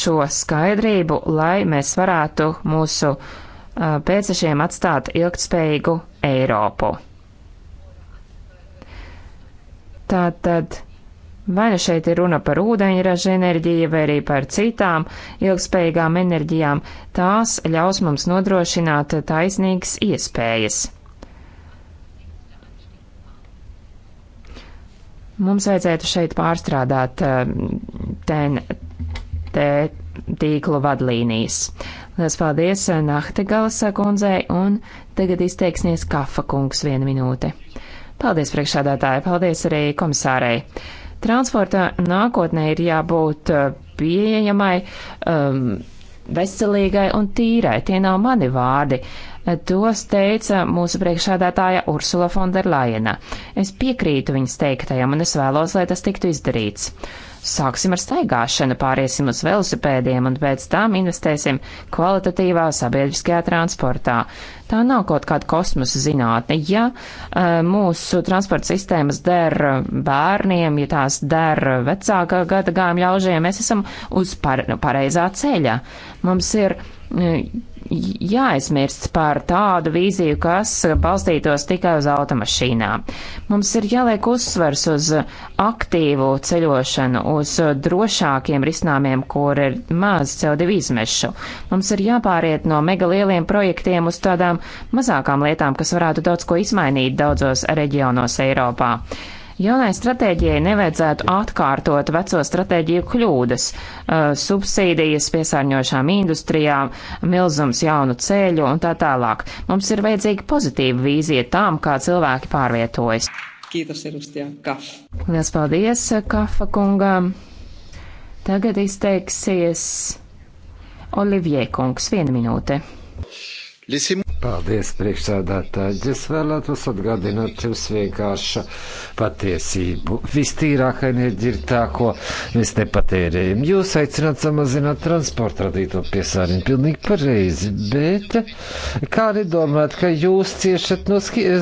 šo skaidrību, lai mēs varētu mūsu pēcešiem atstāt ilgtspējīgu Eiropu. Tātad vai nu šeit ir runa par ūdeņraža enerģiju vai arī par citām ilgspējīgām enerģijām, tās ļaus mums nodrošināt taisnīgas iespējas. Mums vajadzētu šeit pārstrādāt TNT um, tīklu vadlīnijas. Lielas paldies Nahtegala kundzei un tagad izteiksies Kafa kungs vienu minūti. Paldies, priekšsādātāji, paldies arī komisārei. Transporta nākotnē ir jābūt uh, pieejamai, um, veselīgai un tīrai. Tie nav mani vārdi. Uh, Tos teica mūsu priekšādātāja Ursula Fonderlajena. Es piekrītu viņas teiktajam un es vēlos, lai tas tiktu izdarīts. Sāksim ar staigāšanu, pāriesim uz velosipēdiem un pēc tam investēsim kvalitatīvā sabiedriskajā transportā. Tā nav kaut kāda kosmosa zinātne. Ja e, mūsu transporta sistēmas der bērniem, ja tās der vecākā gada gājuma ļaužiem, mēs esam uz par, nu, pareizā ceļa. Mums ir e, jāaizmirst par tādu vīziju, kas balstītos tikai uz automašīnām. Mums ir jāliek uzsvers uz aktīvu ceļošanu, uz drošākiem risinājumiem, kur ir maz CO2 izmešu. Mums ir jāpāriet no mega lieliem projektiem uz tādām mazākām lietām, kas varētu daudz ko izmainīt daudzos reģionos Eiropā. Jaunai stratēģijai nevajadzētu atkārtot veco stratēģiju kļūdas uh, - subsīdijas piesārņošām industrijām, milzums jaunu ceļu un tā tālāk. Mums ir vajadzīga pozitīva vīzija tām, kā cilvēki pārvietojas. Kītos, Erustijā, Kaf. Lielas paldies, uh, Kafa kungam. Tagad izteiksies Olivier kungs, viena minūte. Lisim. Paldies, priekšsēdētāji. Es vēlētos atgādināt jums vienkāršu patiesību. Vistīrākā enerģija ir tā, ko mēs nepatērējam. Jūs aicināt samazināt transporta radīto piesārņojumu. Pilnīgi pareizi. Bet kā nedomāt, ka jūs ciešat no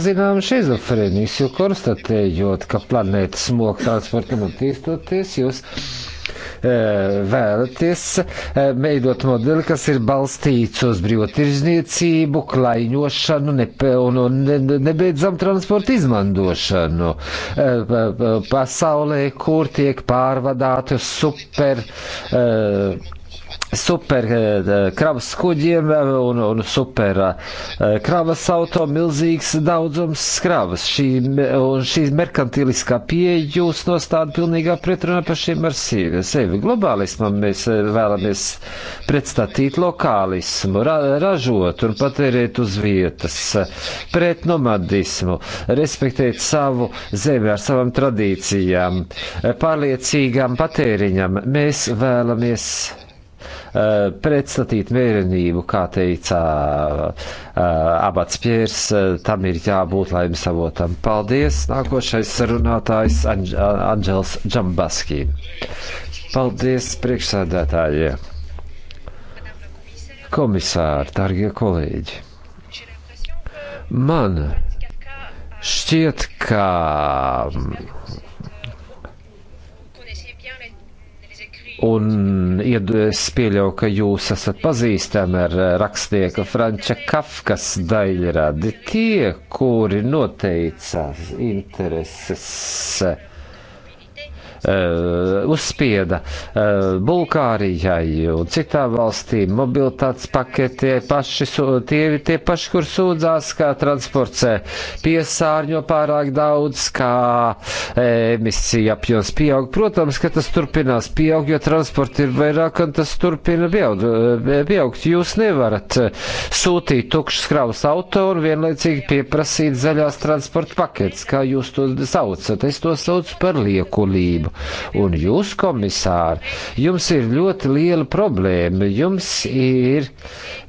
zinām šizofrēnijas, jo konstatējot, ka planēta smog transportam attīstoties, jūs Eh, vēlaties eh, veidot modeli, kas ir balstīts uz brīvotirzniecību, klaiņošanu nepe, un, un ne, nebeidzam transporta izmantošanu eh, pasaulē, kur tiek pārvadāti super uh, super eh, eh, kravas kuģiem eh, un, un super kravas auto milzīgs daudzums skravas. Šī, un šī merkantiliskā pieeja jūs nostāda pilnīgā pretrunā pašiem ar sevi. Globālismam mēs vēlamies pretstatīt lokālismu, ra, ražot un patērēt uz vietas, pret nomadismu, respektēt savu zemi ar savām tradīcijām, pārliecīgām patēriņam. Mēs vēlamies Eh, pretstatīt mērenību, kā teica eh, abats Piers, eh, tam ir jābūt laimes avotam. Paldies! Nākošais sarunātājs Anž Anžels Džambaskī. Paldies priekšsēdētājie! Komisāri, dārgie kolēģi! Man šķiet, ka Un ja es pieļauju, ka jūs esat pazīstami ar eh, rakstnieka Franča Kafkas daļradi. Tie, kuri noteica intereses Eh, uzspieda eh, Bulgārijai un citām valstīm mobilitātes paketē paši, tie ir tie paši, kur sūdzās, kā transports piesārņo pārāk daudz, kā eh, emisija apjoms pieaug. Protams, ka tas turpinās pieaug, jo transporta ir vairāk un tas turpina pieaug, pieaugt. Jūs nevarat sūtīt tukšas kravas auto un vienlaicīgi pieprasīt zaļās transporta paketes, kā jūs to saucat. Es to saucu par liekulību atbildību. Un jūs, komisāri, jums ir ļoti liela problēma. Jums ir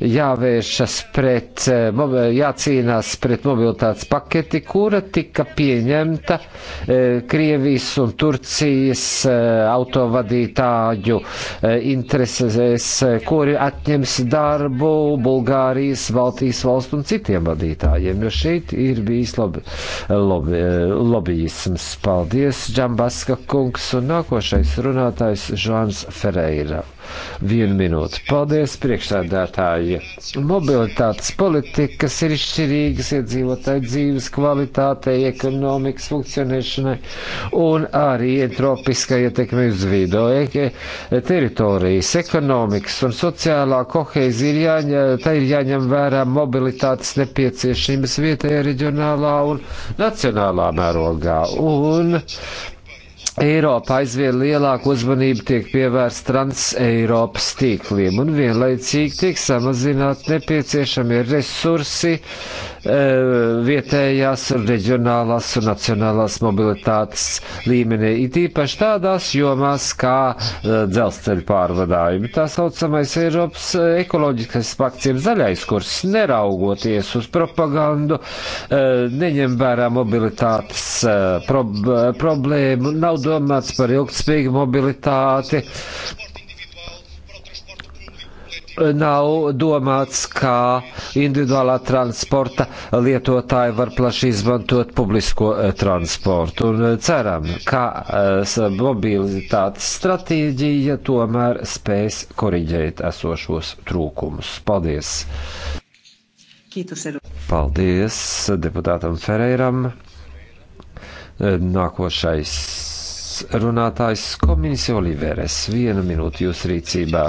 jāvēršas pret, eh, jācīnās pret mobilitātes paketi, kura tika pieņemta eh, Krievijas un Turcijas eh, autovadītāju interesēs, kuri atņems darbu Bulgārijas, Baltijas valstu un citiem vadītājiem, jo šeit ir bijis lobby, lobby, lobbyisms. Paldies, Džambaska kungs! kungs un nākošais runātājs Žāns Ferreira. Vienu minūti. Paldies, priekšsēdētāji. Mobilitātes politikas ir izšķirīgas iedzīvotāju dzīves kvalitātei, ekonomikas funkcionēšanai un arī entropiskai ietekmei uz vido, e, e teritorijas, ekonomikas un sociālā koheizija ir jāņem, tā ir jāņem vērā mobilitātes nepieciešības vietējā, reģionālā un nacionālā mērogā. Un Eiropā aizvien lielāku uzmanību tiek pievērsta trans-Eiropas tīkliem un vienlaicīgi tiek samazināt nepieciešamie resursi Eh, vietējās, reģionālās un nacionālās mobilitātes līmenī, it īpaši tādās jomās kā eh, dzelzceļa pārvadājumi. Tā saucamais Eiropas eh, ekoloģiskais pakts, jeb zaļais kurs, neraugoties uz propagandu, neņem vērā mobilitātes prob problēmu, nav domāts par ilgtspīgu mobilitāti nav domāts, kā individuālā transporta lietotāji var plaši izmantot publisko eh, transportu. Un eh, ceram, ka eh, mobilitātes stratēģija tomēr spēs koriģēt esošos trūkumus. Paldies! Paldies deputātam Ferreiram. Nākošais runātājs Komins Oliveres. Viena minūte jūsu rīcībā.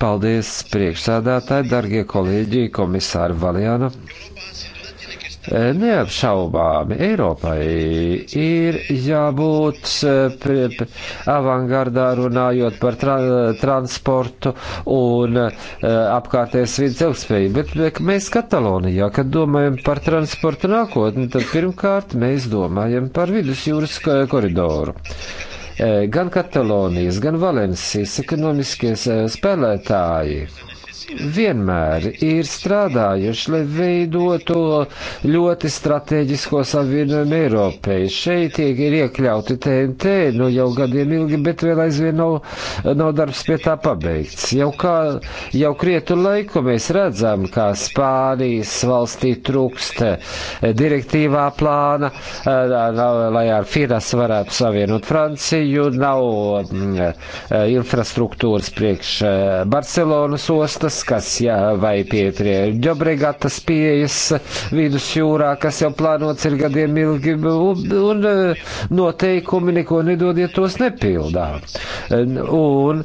Paldies priekšsādātāji, dargie kolēģi, komisāri Valjana. E, neapšaubāmi Eiropai ir jābūt e, avangardā runājot par tra transportu un e, apkārtējas vidas ilgspējību, bet mēs Katalonijā, kad domājam par transportu nākotni, tad pirmkārt mēs domājam par vidus jūras koridoru. Eh, gan Katalonijas, gan Valencijas ekonomiskie eh, spēlētāji vienmēr ir strādājuši, lai veidotu ļoti strateģisko savienojumu Eiropai. Šeit ir iekļauti TNT, nu jau gadiem ilgi, bet vēl aizvien nav, nav darbs pie tā pabeigts. Jau, kā, jau krietu laiku mēs redzam, kā Spānijas valstī trūkst eh, direktīvā plāna, eh, lai ar Firas varētu savienot Franciju, nav mm, eh, infrastruktūras priekš Barcelonas ostas flotas, kas jāvai pie, pie Džobregatas pieejas vidusjūrā, kas jau plānots ir gadiem ilgi, un, un noteikumi neko nedod, ja tos nepildā. Un, un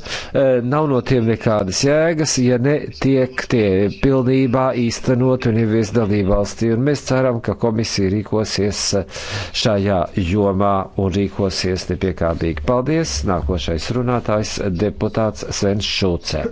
nav no tiem nekādas jēgas, ja netiek tie pilnībā īstenot un ievies dalībvalstī, un mēs ceram, ka komisija rīkosies šajā jomā un rīkosies nepiekāpīgi. Paldies! Nākošais runātājs deputāts Svens Šulce.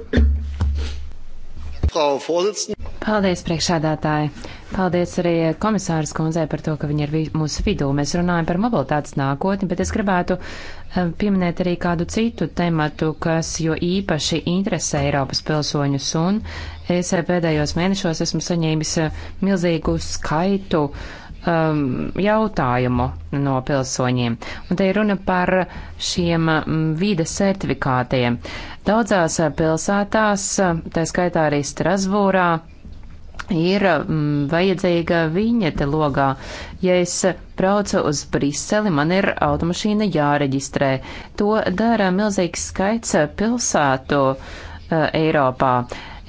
Paldies, priekšādātāji! Paldies arī komisāras kundzei par to, ka viņa ir vi mūsu vidū. Mēs runājam par mobilitātes nākotni, bet es gribētu eh, pieminēt arī kādu citu tematu, kas jo īpaši interesē Eiropas pilsoņus. Un es eh, pēdējos mēnešos esmu saņēmis eh, milzīgu skaitu uh, um, jautājumu no pilsoņiem. Un te ir runa par šiem mm, vīdes certifikātiem. Daudzās pilsētās, tā skaitā arī Strasbūrā, ir mm, vajadzīga viņete logā. Ja es braucu uz Briseli, man ir automašīna jāreģistrē. To dara milzīgs skaits pilsētu uh, Eiropā.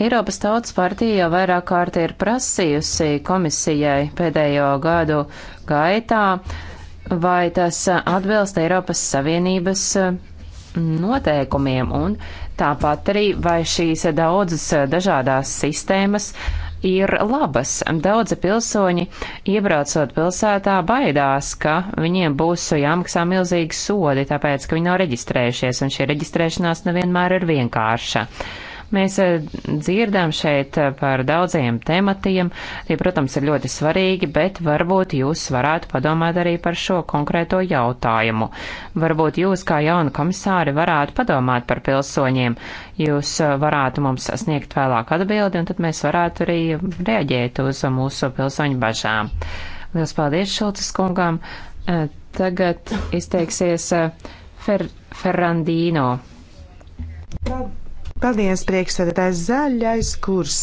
Eiropas Tautas partija jau vairāk kārtī ir prasījusi komisijai pēdējo gadu gaitā, vai tas atbilst Eiropas Savienības mm, noteikumiem, un tāpat arī vai šīs daudzas dažādās sistēmas ir labas. Daudzi pilsoņi, iebraucot pilsētā, baidās, ka viņiem būs jāmaksā milzīgi sodi, tāpēc, ka viņi nav reģistrējušies, un šī reģistrēšanās nevienmēr ir vienkārša. Mēs eh, dzirdam šeit eh, par daudziem tematiem, tie, protams, ir ļoti svarīgi, bet varbūt jūs varētu padomāt arī par šo konkrēto jautājumu. Varbūt jūs, kā jauna komisāri, varētu padomāt par pilsoņiem. Jūs eh, varētu mums sniegt vēlāk atbildi, un tad mēs varētu arī reaģēt uz mūsu pilsoņu bažām. Lielas paldies Šulcis kungām. Tagad izteiksies Fer Ferrandīno. Tad. Paldies, priekšsēdētājs Zaļais kurs.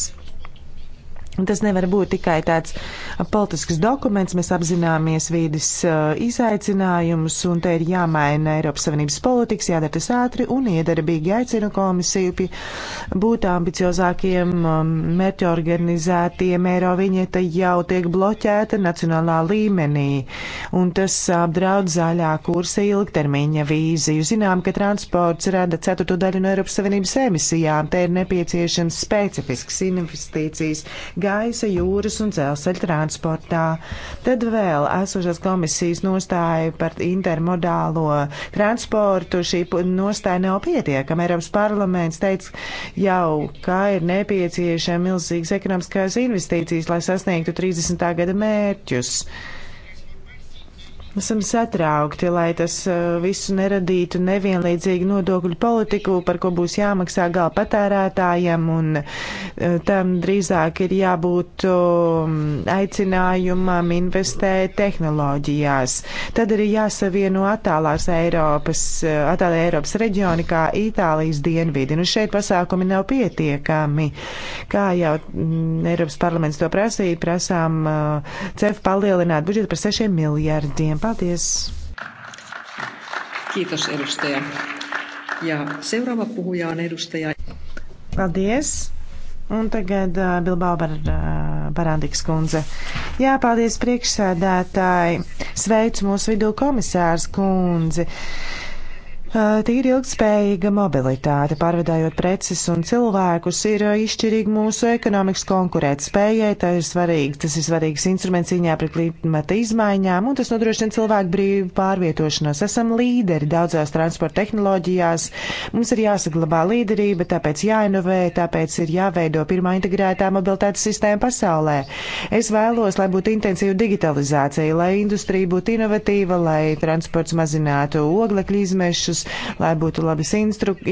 Tas nevar būt tikai tāds politisks dokuments. Mēs apzināmies vīdes uh, izaicinājumus, un te ir jāmaina Eiropas Savienības politikas, jādara tas ātri un iedarbīgi. Aicinu komisiju pie būt ambiciozākiem, um, mērķi organizētiem. Eiro viņieta jau tiek bloķēta nacionālā līmenī, un tas apdraud zaļā kursa ilgtermiņa vīziju. Zinām, ka transports rada ceturto daļu no Eiropas Savienības emisijām. Te ir nepieciešams specifisks investīcijas gaisa, jūras un dzelzceļa transportā. Tad vēl esošās komisijas nostāja par intermodālo transportu. Šī nostāja nav pietiekama. Eiropas parlaments teica jau, ka ir nepieciešama milzīgas ekonomiskās investīcijas, lai sasniegtu 30. gada mērķus. Yeah esam satraukti, lai tas eh, visu neradītu nevienlīdzīgu nodokļu politiku, par ko būs jāmaksā gal patērētājiem, un eh, tam drīzāk ir jābūt aicinājumam investēt tehnoloģijās. Tad arī jāsavieno attālās Eiropas, eh, attālē Eiropas reģioni kā Itālijas dienvidi. Nu, šeit pasākumi nav pietiekami. Kā jau mm, Eiropas parlaments to prasīja, prasām CEF palielināt budžetu par 6 miljardiem. Paldies! Kiitos edustaja. Ja seuraava puhuja on edustaja. Paldies! Un tagad uh, Bilbao Bar, uh, Barandiks kundze. Jā, paldies priekšsēdētāji. Sveicu mūsu vidū komisārs kundzi. Uh, Tīri ilgspējīga mobilitāte, pārvedājot preces un cilvēkus, ir izšķirīga mūsu ekonomikas konkurētspējai. Tas ir svarīgs, tas ir svarīgs instruments cīņā pret klimata izmaiņām, un tas nodrošina cilvēku brīvu pārvietošanos. Esam līderi daudzās transporta tehnoloģijās. Mums ir jāsaglabā līderība, tāpēc jāinovē, tāpēc ir jāveido pirmā integrētā mobilitātes sistēma pasaulē. Es vēlos, lai būtu intensīva digitalizācija, lai industrija būtu inovatīva, lai transports mazinātu oglekļu izmešus resursus, lai būtu labas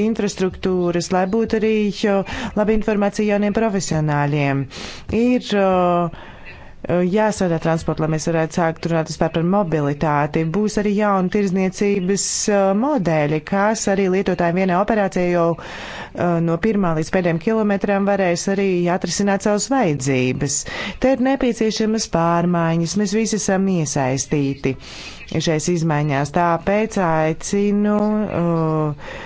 infrastruktūras, lai būtu arī laba informācija jauniem profesionāļiem. Ir uh, Eh, jāstrādā transporta, lai mēs varētu sākt runāt vispār par mobilitāti. Būs arī jauni tirzniecības eh, modeļi, kas arī lietotājiem vienā operācijā jau eh, no pirmā līdz pēdējiem kilometram varēs arī atrisināt savas vajadzības. Te ir nepieciešamas pārmaiņas, mēs visi esam iesaistīti šais izmaiņās, tāpēc aicinu. Uh,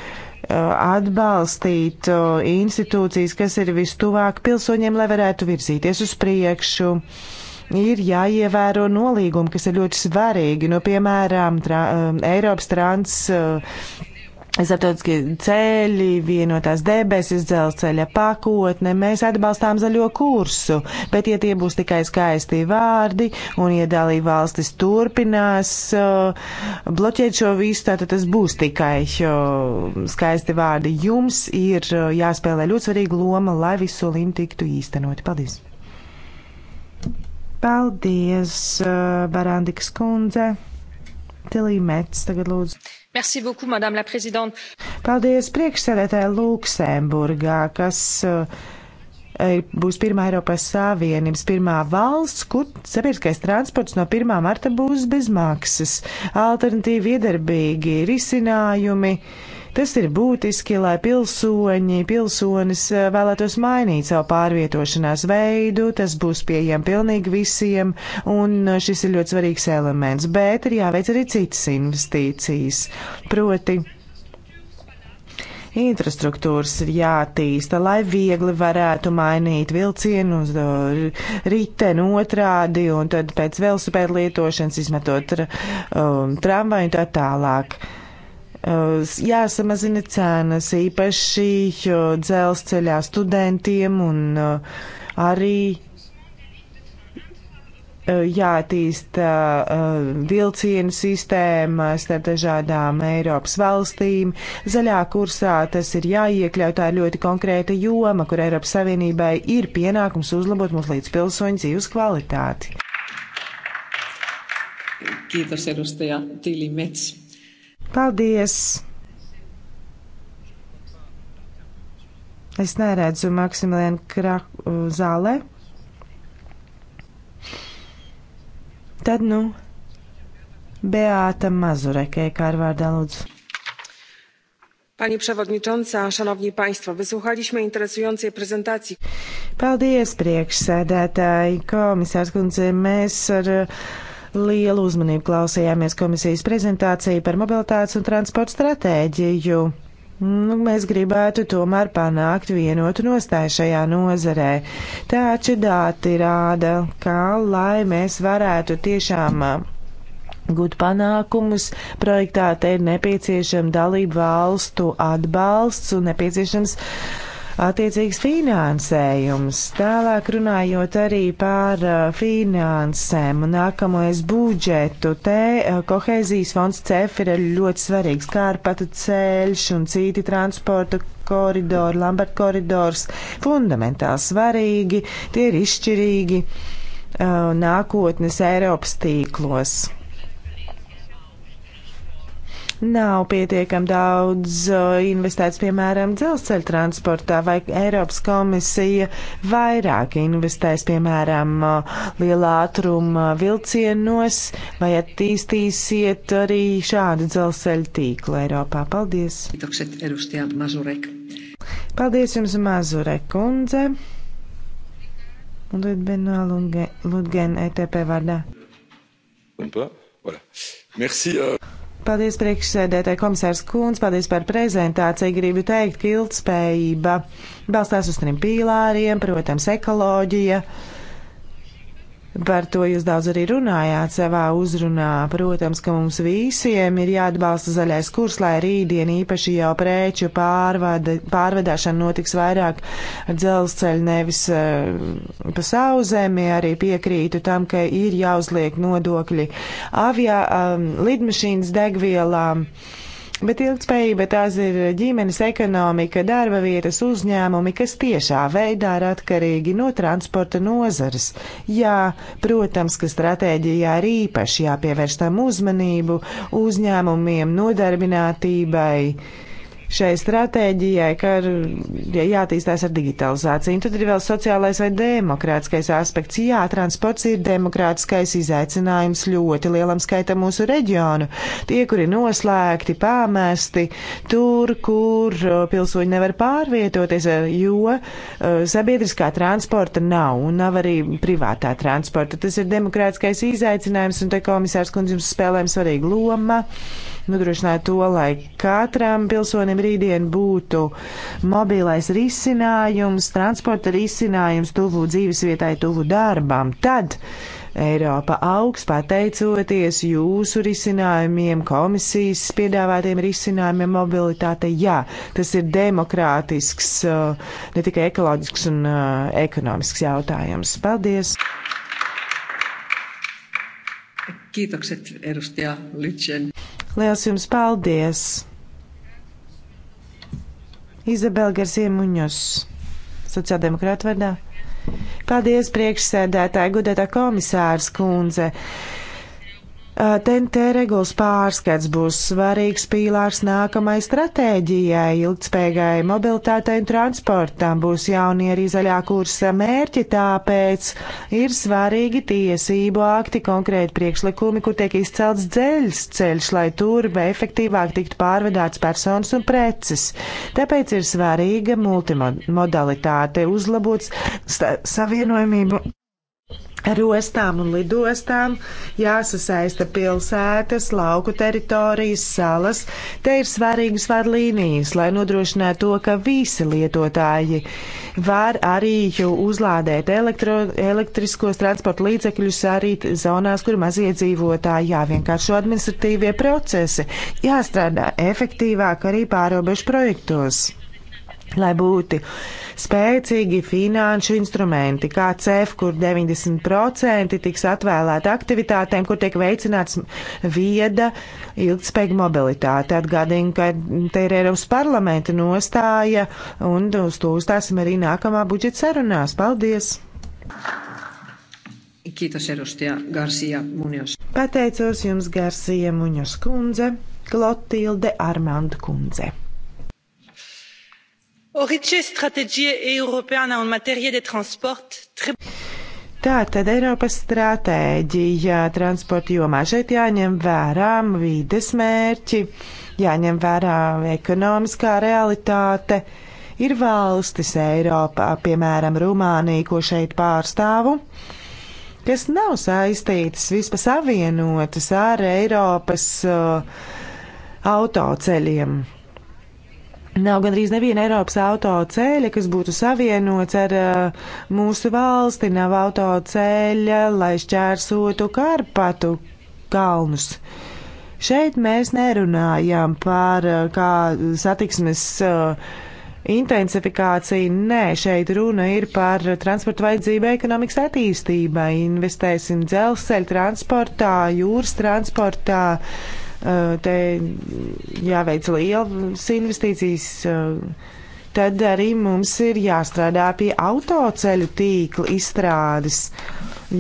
atbalstīt institūcijas, kas ir vistuvāk pilsoņiem, lai varētu virzīties uz priekšu. Uh, ir jāievēro nolīgumi, kas ir ļoti svarīgi, nu, piemēram, tra, um, Eiropas trans. Uh, Startautiskie ceļi, vienotās debesis, dzelzceļa pakotne, mēs atbalstām zaļo kursu, bet ja tie būs tikai skaisti vārdi un ja dalība valstis turpinās uh, bloķēt šo visu, tad tas būs tikai uh, skaisti vārdi. Jums ir uh, jāspēlē ļoti svarīga loma, lai visu solim tiktu īstenoti. Paldies! Paldies, eh, Barandikas kundze. Tilīmets tagad lūdzu. Merci beaucoup, madame la présidente. Paldies priekšsēdētāja Luksemburgā, kas. Uh, būs pirmā Eiropas Savienības pirmā valsts, kur sabiedriskais transports no 1. marta būs bez maksas. Alternatīvi iedarbīgi risinājumi. Uh, Tas ir būtiski, lai pilsoņi, pilsonis eh, vēlētos mainīt savu pārvietošanās veidu, tas būs pieejam pilnīgi visiem, un eh, šis ir ļoti svarīgs elements, bet ir jāveic arī citas investīcijas. Proti, infrastruktūras ir jātīsta, lai viegli varētu mainīt vilcienu uz ritenu otrādi un tad pēc velosipēdu lietošanas izmetot um, tramvaju un tā tālāk. Uh, Eh, jāsamazina cenas, īpaši dzelzceļā studentiem un eh, arī eh, jātīsta vilcienu sistēma starp dažādām Eiropas valstīm. Zaļā kursā tas ir jāiekļaut, tā ir ļoti konkrēta joma, kur Eiropas Savienībai ir pienākums uzlabot mūsu līdzpilsoņu dzīves kvalitāti. Kiitos edustaja Tili Mets. Paldies! Es neredzu Maksimilienu Kraku zālē. Tad, nu, Beāta Mazurekē, kā ir vārdā lūdzu. Pani przewodnicząca, szanowni państwo, wysłuchaliśmy interesującej prezentacji. Paldies, priekšsēdētāji, komisārs kundze, mēs ar uh, lielu uzmanību klausījāmies komisijas prezentāciju par mobilitātes un transporta stratēģiju. Nu, mēs gribētu tomēr panākt vienotu nostāju šajā nozarē. Taču dāti rāda, kā lai mēs varētu tiešām gūt panākumus, projektā te ir nepieciešama dalību valstu atbalsts un nepieciešams uh, attiecīgs finansējums. Tālāk runājot arī par uh, finansēm un nākamojas budžetu, te uh, kohēzijas fonds CEF ir ļoti svarīgs, kā ar patu ceļš un citi transporta koridori, Lambert koridors, fundamentāli svarīgi, tie ir izšķirīgi uh, nākotnes Eiropas tīklos nav pietiekami daudz uh, investēts, piemēram, dzelzceļa transportā, vai Eiropas komisija vairāk investēs, piemēram, uh, lielā ātruma vilcienos, vai attīstīsiet arī šādu dzelzceļa tīklu Eiropā. Paldies! Paldies jums, Mazure kundze! Un tad Benoā Lundgen, ETP vārdā. Un pa, voilà. Merci. Uh... Paldies priekšsēdētāji komisārs Kunz, paldies par prezentāciju. Gribu teikt, ka ilgspējība balstās uz trim pīlāriem, protams, ekoloģija. Uh, Par to jūs daudz arī runājāt savā uzrunā. Protams, ka mums visiem ir jāatbalsta zaļais kurs, lai rītdien īpaši jau prēču pārvada, pārvedāšana notiks vairāk dzelzceļa nevis uh, pa sauzemi. Arī piekrītu tam, ka ir jāuzliek nodokļi avia, um, lidmašīnas degvielām. Uh, Bet ilgspējība tās ir ģimenes ekonomika, darba vietas uzņēmumi, kas tiešā veidā ir atkarīgi no transporta nozares. Jā, protams, ka stratēģijā ir īpaši jāpievērš tam uzmanību uzņēmumiem, nodarbinātībai šai stratēģijai, ka ir jātīstās ar digitalizāciju. Un tad ir vēl sociālais vai demokrātiskais aspekts. Jā, transports ir demokrātiskais izaicinājums ļoti lielam skaitam mūsu reģionu. Tie, kuri noslēgti, pāmesti, tur, kur uh, pilsoņi nevar pārvietoties, uh, jo uh, sabiedriskā transporta nav un nav arī privātā transporta. Tas ir demokrātiskais izaicinājums, un te komisārs kundze jums spēlēm svarīga loma nodrošināt to, lai katram pilsonim rītdien būtu mobilais risinājums, transporta risinājums tuvu dzīves vietai, tuvu darbam. Tad Eiropa augs pateicoties jūsu risinājumiem, komisijas piedāvātiem risinājumiem mobilitāte. Jā, tas ir demokrātisks, uh, ne tikai ekoloģisks un uh, ekonomisks jautājums. Paldies! Kiitokset edustaja Lytsen. Liels jums paldies! Izabela Garsija Muņos, sociāldemokrāta vārdā. Paldies, priekšsēdētāji, gudētā komisārs kundze. TNT eh, regulas pārskats būs svarīgs pīlārs nākamai stratēģijai, ilgtspējai mobilitātei un transportam. Būs jaunie arī zaļā kursa mērķi, tāpēc ir svarīgi tiesību akti, konkrēti priekšlikumi, kur tiek izcelts dzeļs ceļš, lai tur efektīvāk tiktu pārvedāts personas un preces. Tāpēc ir svarīga multimodalitāte, uzlabots savienojumību Ar ostām un lidostām jāsasaista pilsētas, lauku teritorijas, salas. Te ir svarīgas vadlīnijas, lai nodrošinātu to, ka visi lietotāji var arī uzlādēt elektro, elektriskos transporta līdzekļus arī zonās, kur mazie dzīvotāji jāvienkāršo administratīvie procesi, jāstrādā efektīvāk arī pārobežu projektos lai būtu spēcīgi finanšu instrumenti, kā CEF, kur 90% tiks atvēlēta aktivitātēm, kur tiek veicināts vieda ilgspējīga mobilitāte. Atgādīju, ka te ir Eiropas parlamenta nostāja, un uz to uzstāsim arī nākamā budžeta sarunās. Paldies! Kiitos edustaja Garcia Munoz. Pateicos jums Garcia Munoz kundze, Klotilde Armand kundze. Orice strateģija Eiropēna un matērija de transporta. Tre... Tā tad Eiropas stratēģija transporta jomā šeit jāņem vērā vides mērķi, jāņem vērā ekonomiskā realitāte. Ir valstis Eiropā, piemēram, Rumānija, ko šeit pārstāvu, kas nav saistītas vispār savienotas ar Eiropas uh, autoceļiem. Nav gandrīz neviena Eiropas autoceļa, kas būtu savienots ar uh, mūsu valsti, nav autoceļa, lai šķērsotu Karpatu kalnus. Šeit mēs nerunājam par uh, kā satiksmes uh, intensifikāciju. Nē, šeit runa ir par transporta vajadzību ekonomikas attīstībai. Investēsim dzelzceļa transportā, jūras transportā, Eh, te jāveic lielas investīcijas. Eh, tad arī mums ir jāstrādā pie autoceļu tīkla izstrādes,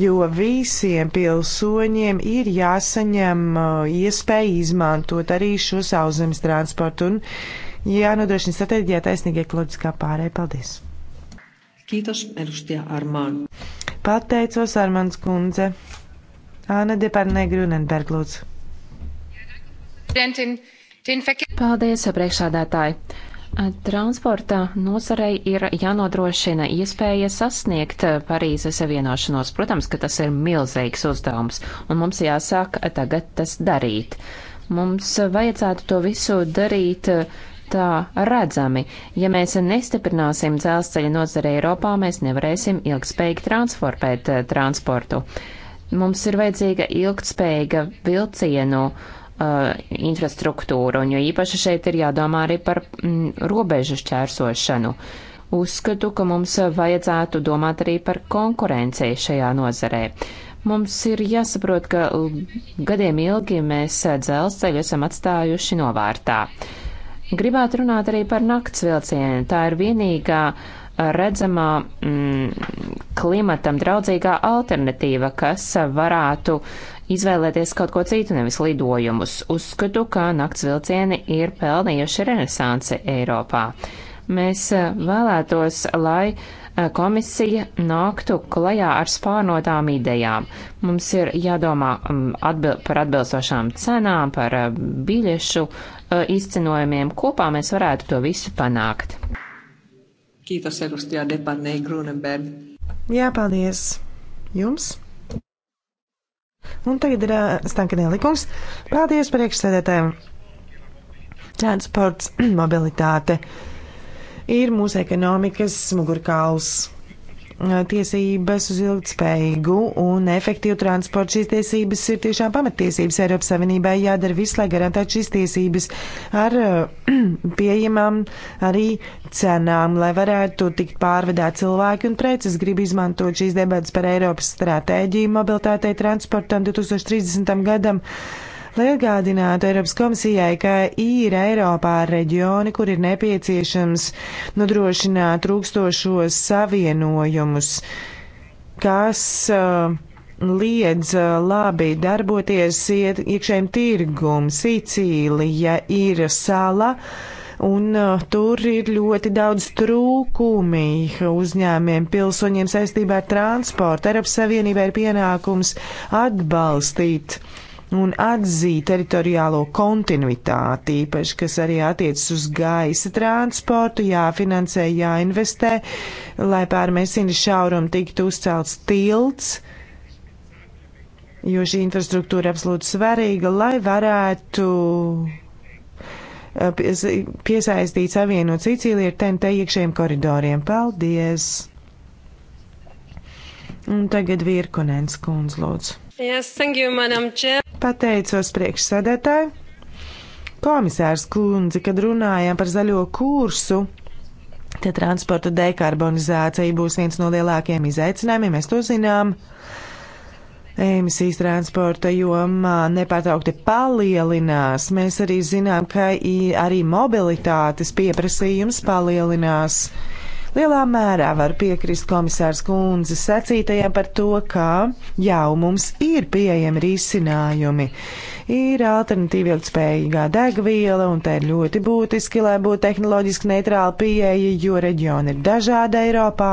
jo visiem pilsoņiem ir jāsaņem eh, iespēja izmantot arī šo sauszemes transportu un jānodrošina strateģijā taisnīgi ekoloģiskā pārēja. Paldies! Kītos, Erustija Armāna. Pateicos, Armāns kundze. Āna Deparnē Grunenberg, lūdzu. Paldies, priekšādātāji! Transporta nozarei ir jānodrošina iespēja sasniegt Parīzes vienošanos. Protams, ka tas ir milzīgs uzdevums, un mums jāsāk tagad tas darīt. Mums vajadzētu to visu darīt eh, tā redzami. Ja mēs nestiprināsim dzelzceļa nozare Eiropā, mēs nevarēsim ilgspējīgi transformēt eh, transportu. Mums ir vajadzīga ilgspējīga vilcienu uh, Uh, infrastruktūru, un jo īpaši šeit ir jādomā arī par m, mm, robežu šķērsošanu. Uzskatu, ka mums vajadzētu domāt arī par konkurenciju šajā nozarē. Mums ir jāsaprot, ka gadiem ilgi mēs dzelzceļu esam atstājuši novārtā. Gribētu runāt arī par nakts vilcienu. Tā ir vienīgā redzamā mm, klimatam draudzīgā alternatīva, kas varētu izvēlēties kaut ko citu, nevis lidojumus. Uzskatu, ka nakts vilcieni ir pelnījuši renesansi Eiropā. Mēs eh, vēlētos, lai eh, komisija nāktu klajā ar spārnotām idejām. Mums ir jādomā mm, atbil par atbilstošām cenām, par eh, biļešu izcenojumiem. Kopā mēs varētu to visu panākt. Kītos, Erustijā, Depanē, Grunenberg. Jā, paldies jums! Un tagad ir Stankanēli kungs. Paldies priekšsēdētājiem. Transports, mobilitāte ir mūsu ekonomikas mugurkauls tiesības uz ilgtspējīgu un efektīvu transportu. Šīs tiesības ir tiešām pamatiesības Eiropas Savienībai jādara viss, lai garantētu šīs tiesības ar pieejamām arī cenām, lai varētu tikt pārvedāt cilvēki un preces. Gribu izmantot šīs debatas par Eiropas stratēģiju mobilitātei transportam 2030. gadam lai atgādinātu Eiropas komisijai, ka ir Eiropā reģioni, kur ir nepieciešams nodrošināt trūkstošos savienojumus, kas uh, liedz uh, labi darboties iekšējiem tirgum. Sicīlija ir sala. Un uh, tur ir ļoti daudz trūkumi uzņēmiem, pilsoņiem saistībā ar transportu. Eiropas Savienībā ir pienākums atbalstīt uh, un atzīt teritoriālo kontinuitāti, īpaši, kas arī attiecas uz gaisa transportu, jāfinansē, jāinvestē, lai pār mesīnu šaurumu tiktu uzcelts tilts, jo šī infrastruktūra absolūti svarīga, lai varētu eh, piesaistīt savienot Sicīliju ar TNT iekšējiem koridoriem. Paldies! Un tagad Virkonens kundz lūdzu. Yes, thank you, madam chair. Pateicos priekšsēdētāji. Komisārs kundze, kad runājām par zaļo kursu, tad transporta dekarbonizācija būs viens no lielākajiem izaicinājumiem, mēs to zinām. Emisijas transporta jomā nepārtraukti palielinās. Mēs arī zinām, ka arī mobilitātes pieprasījums palielinās. Lielā mērā var piekrist komisārs kundze sacītajam par to, ka jau mums ir pieejami risinājumi. Ir alternatīva ilgspējīgā degviela, un tā ir ļoti būtiski, lai būtu tehnoloģiski neitrāla pieeja, jo reģioni ir dažādi Eiropā,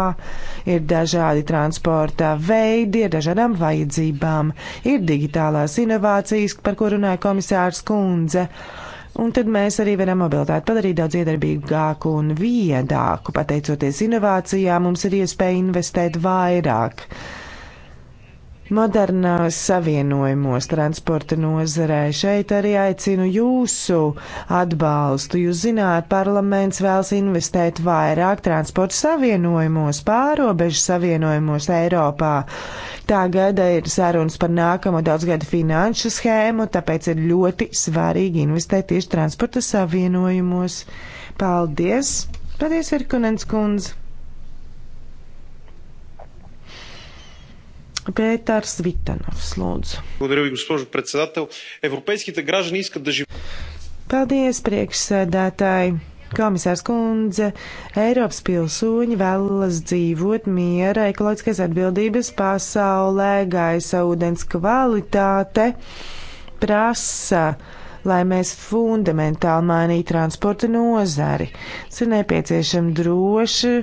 ir dažādi transporta veidi, ir dažādām vajadzībām, ir digitālās inovācijas, par ko runāja komisārs kundze. Un tad mēs arī varam mobilitāti padarīt daudz iedarbīgāku un viedāku. Pateicoties inovācijām, mums ir iespēja investēt vairāk. Uh, modernās savienojumos transporta nozarē. Šeit arī aicinu jūsu atbalstu. Jūs zināt, parlaments vēlas investēt vairāk transporta savienojumos, pārobežu savienojumos Eiropā. Tā gada ir sarunas par nākamo daudzgadu finanšu schēmu, tāpēc ir ļoti svarīgi investēt tieši transporta savienojumos. Paldies! Paldies, Virkunens kundze! Pēters Vitanovs, lūdzu. Paldies, priekšsēdētāji! Komisārs kundze, Eiropas pilsoņi vēlas dzīvot miera, ekoloģiskais atbildības pasaulē, gaisa, ūdens kvalitāte prasa, lai mēs fundamentāli mainītu transporta nozari. Tas ir nepieciešama droša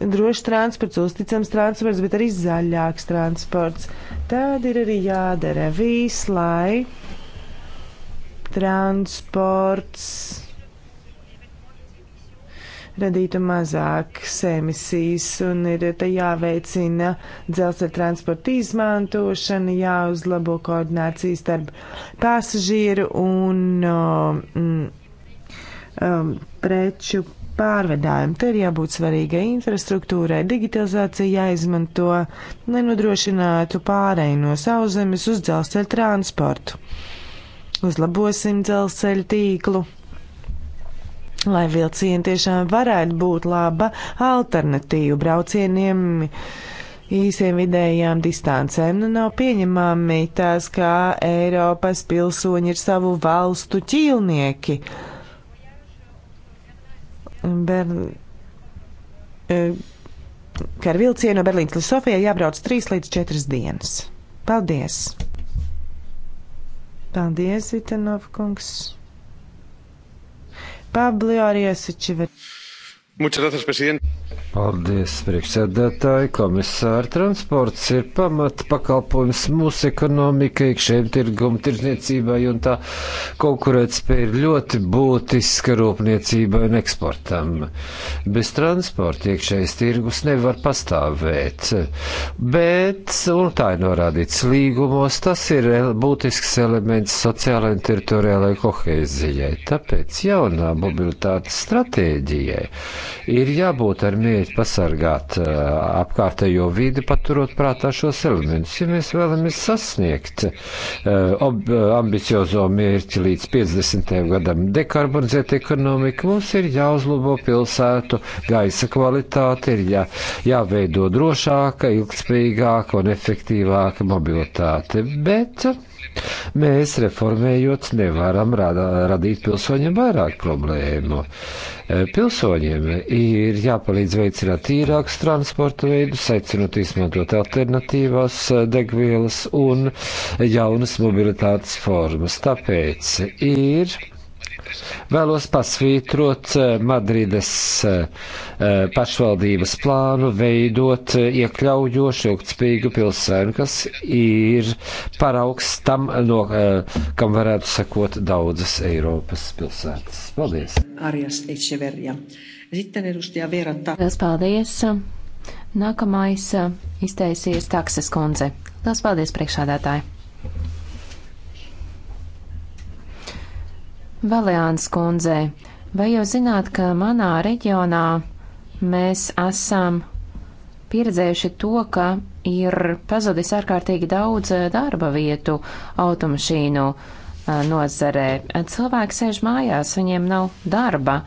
drošs transports, uzticams transports, bet arī zaļāks transports. Tāda ir arī jādara viss, lai transports radītu mazākas emisijas un ir te jāveicina dzelzceļa transporta izmantošana, jāuzlabo koordinācijas starp pasažieru un um, um, preču pārvedājumu. Te ir jābūt svarīgai infrastruktūrai, digitalizācija jāizmanto, lai nodrošinātu pārēju no sauszemes uz dzelzceļa transportu. Uzlabosim dzelzceļa tīklu, lai vilcieni tiešām varētu būt laba alternatīva braucieniem īsiem vidējām distancēm. Nu, nav pieņemami tās, kā Eiropas pilsoņi ir savu valstu ķīlnieki. Uh, Bern... E, ka ar vilcienu no Berlīnas līdz Sofijai jābrauc 3 līdz 4 dienas. Paldies! Paldies, Vitanov kungs! Pablo Arias Echeverría. Muchas presidente. Paldies, priekšsēdētāji, komisāri. Transports ir pamat pakalpojums mūsu ekonomikai, iekšējiem tirgumu tirzniecībai un tā konkurētspēja ir ļoti būtiska rūpniecībai un eksportam. Bez transporta iekšējais tirgus nevar pastāvēt, bet, un tā ir norādīts līgumos, tas ir būtisks elements sociālajai un teritoriālajai kohēzijai. Tāpēc jaunā mobilitātes stratēģijai ir jābūt ar mērķi pasargāt eh, apkārtējo vidi, paturot prātā šos elementus. Ja mēs vēlamies sasniegt eh, ob, ambiciozo mērķi līdz 50. gadam dekarbonizēt ekonomiku, mums ir jāuzlabo pilsētu gaisa kvalitāte, ir jā, jāveido drošāka, ilgspējīgāka un efektīvāka mobilitāte. Bet Mēs reformējot nevaram rada, radīt pilsoņiem vairāk problēmu. E, pilsoņiem ir jāpalīdz veicināt tīrākus transporta veidus, aicinot izmantot alternatīvās e, degvielas un jaunas mobilitātes formas. Tāpēc ir Vēlos pasvītrot eh, Madrides eh, eh, pašvaldības plānu veidot iekļaujošu ilgtspīgu pilsēnu, kas ir paraugs tam, no kam varētu sekot daudzas Eiropas pilsētas. Paldies! Arjas Echeverja. Sitten edustaja Vera Tāks. Paldies! Nākamais izteisies Taksas kundze. Lielas paldies priekšādātāji! Valēāns kundzei, vai jau zināt, ka manā reģionā mēs esam pieredzējuši to, ka ir pazudis ārkārtīgi daudz eh, darba vietu automašīnu eh, nozarē. Cilvēki sēž mājās, viņiem nav darba.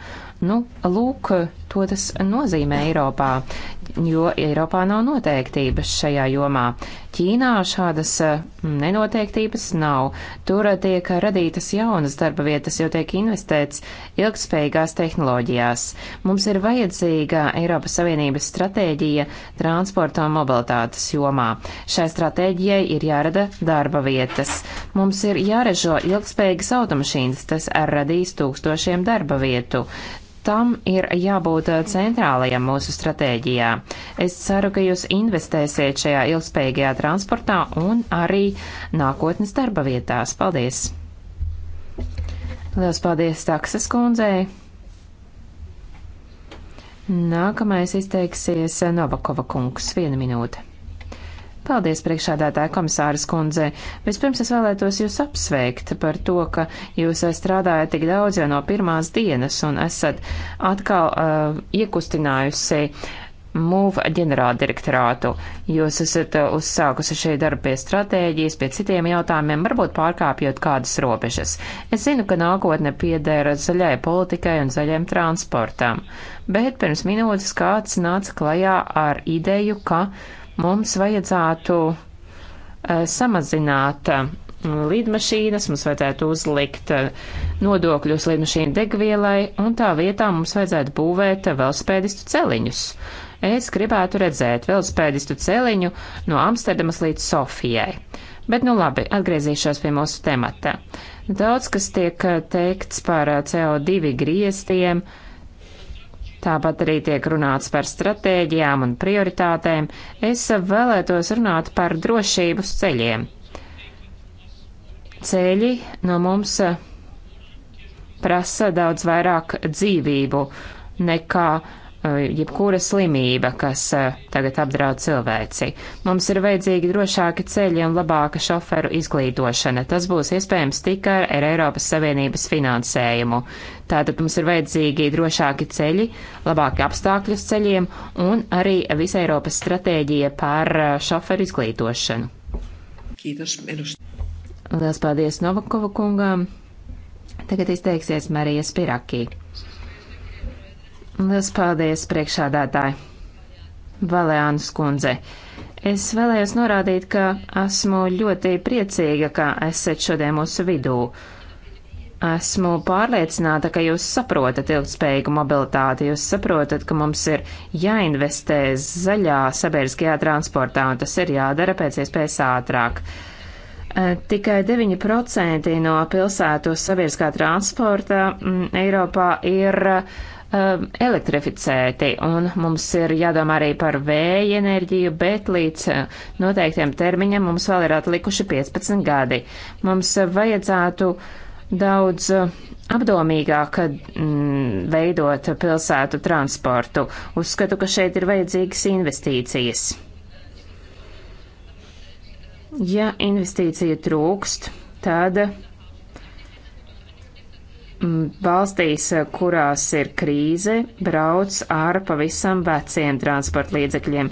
Nu, lūk, ko tas nozīmē Eiropā, jo Eiropā nav noteiktības šajā jomā. Ķīnā šādas mm, nenoteiktības nav. Tur tiek radītas jaunas darba vietas, jo tiek investēts ilgspējīgās tehnoloģijās. Mums ir vajadzīga Eiropas Savienības stratēģija transporta un mobilitātes jomā. Šai stratēģijai ir jārada darba vietas. Mums ir jāražo ilgspējīgas automašīnas, tas radīs tūkstošiem darba vietu. Tam ir jābūt eh, centrālajam mūsu stratēģijā. Es ceru, ka jūs investēsiet šajā ilgspējīgajā transportā un arī nākotnes darba vietās. Paldies! Lielas paldies taksas kundzei! Nākamais izteiksies Novakova kungs. Viena minūte. Paldies, priekšādātāja komisāras kundze. Vispirms es vēlētos jūs apsveikt par to, ka jūs strādājat tik daudz jau no pirmās dienas un esat atkal uh, iekustinājusi MUV ģenerāldirektorātu. Jūs esat uh, uzsākusi šī darba pie stratēģijas, pie citiem jautājumiem, varbūt pārkāpjot kādas robežas. Es zinu, ka nākotne piedēra zaļai politikai un zaļajam transportam, bet pirms minūtes kāds nāca klajā ar ideju, ka mums vajadzētu eh, samazināt eh, lidmašīnas, mums vajadzētu uzlikt eh, nodokļus lidmašīnu degvielai, un tā vietā mums vajadzētu būvēt velospēdistu celiņus. Es gribētu redzēt velospēdistu celiņu no Amsterdamas līdz Sofijai. Bet nu labi, atgriezīšos pie mūsu temata. Daudz kas tiek teikts par CO2 griestiem, uh, Tāpat arī tiek runāts par stratēģijām un prioritātēm. Es vēlētos runāt par drošību ceļiem. Ceļi no mums prasa daudz vairāk dzīvību nekā uh, Eh, jebkura slimība, kas eh, tagad apdraud cilvēci. Mums ir vajadzīgi drošāki ceļi un labāka šoferu izglītošana. Tas būs iespējams tikai ar Eiropas Savienības finansējumu. Tātad mums ir vajadzīgi drošāki ceļi, labāki apstākļi uz ceļiem un arī visa Eiropas stratēģija par eh, šoferu izglītošanu. Kītos, Lielas paldies Novakova kungām. Tagad izteiksies Marija Spirakī. Lielas paldies, priekšādātāji! Valēānas kundze. Es vēlējos norādīt, ka esmu ļoti priecīga, ka esat šodien mūsu vidū. Esmu pārliecināta, ka jūs saprotat ilgspējīgu mobilitāti, jūs saprotat, ka mums ir jāinvestē zaļā sabiedriskajā transportā, un tas ir jādara pēc iespējas ātrāk. Eh, tikai 9% no pilsētu sabiedriskā transporta mm, Eiropā ir uh, Um, elektrificēti, un mums ir jādomā arī par vēja enerģiju, bet līdz uh, noteiktiem termiņam mums vēl ir atlikuši 15 gadi. Mums uh, vajadzētu daudz uh, apdomīgāk mm, veidot pilsētu transportu. Uzskatu, ka šeit ir vajadzīgas investīcijas. Ja investīcija trūkst, tad valstīs, eh, kurās ir krīze, brauc ar pavisam veciem transporta līdzekļiem.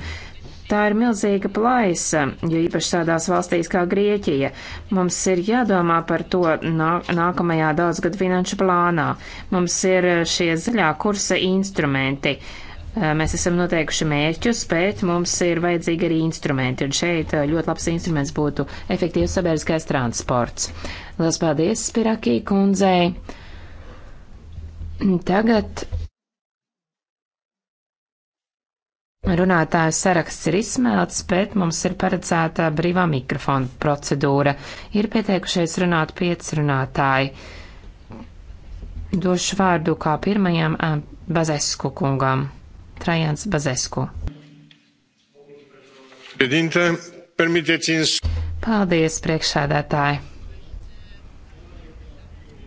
Tā ir milzīga plaisa, jo īpaši tādās valstīs kā Grieķija. Mums ir jādomā par to nākamajā daudzgad finanšu plānā. Mums ir eh, šie zaļā kursa instrumenti. Eh, mēs esam noteikuši mērķus, bet mums ir vajadzīgi arī instrumenti, un šeit ļoti labs instruments būtu efektīvs sabiedriskais transports. Lielas paldies, Spirakī kundzei! Tagad runātājs saraksts ir izsmelts, bet mums ir paredzēta brīvā mikrofona procedūra. Ir pieteikušies runāt pieci runātāji. Došu vārdu kā pirmajam eh, Bazesku kungam. Trajans Bazesku. Paldies, priekšsēdētāji!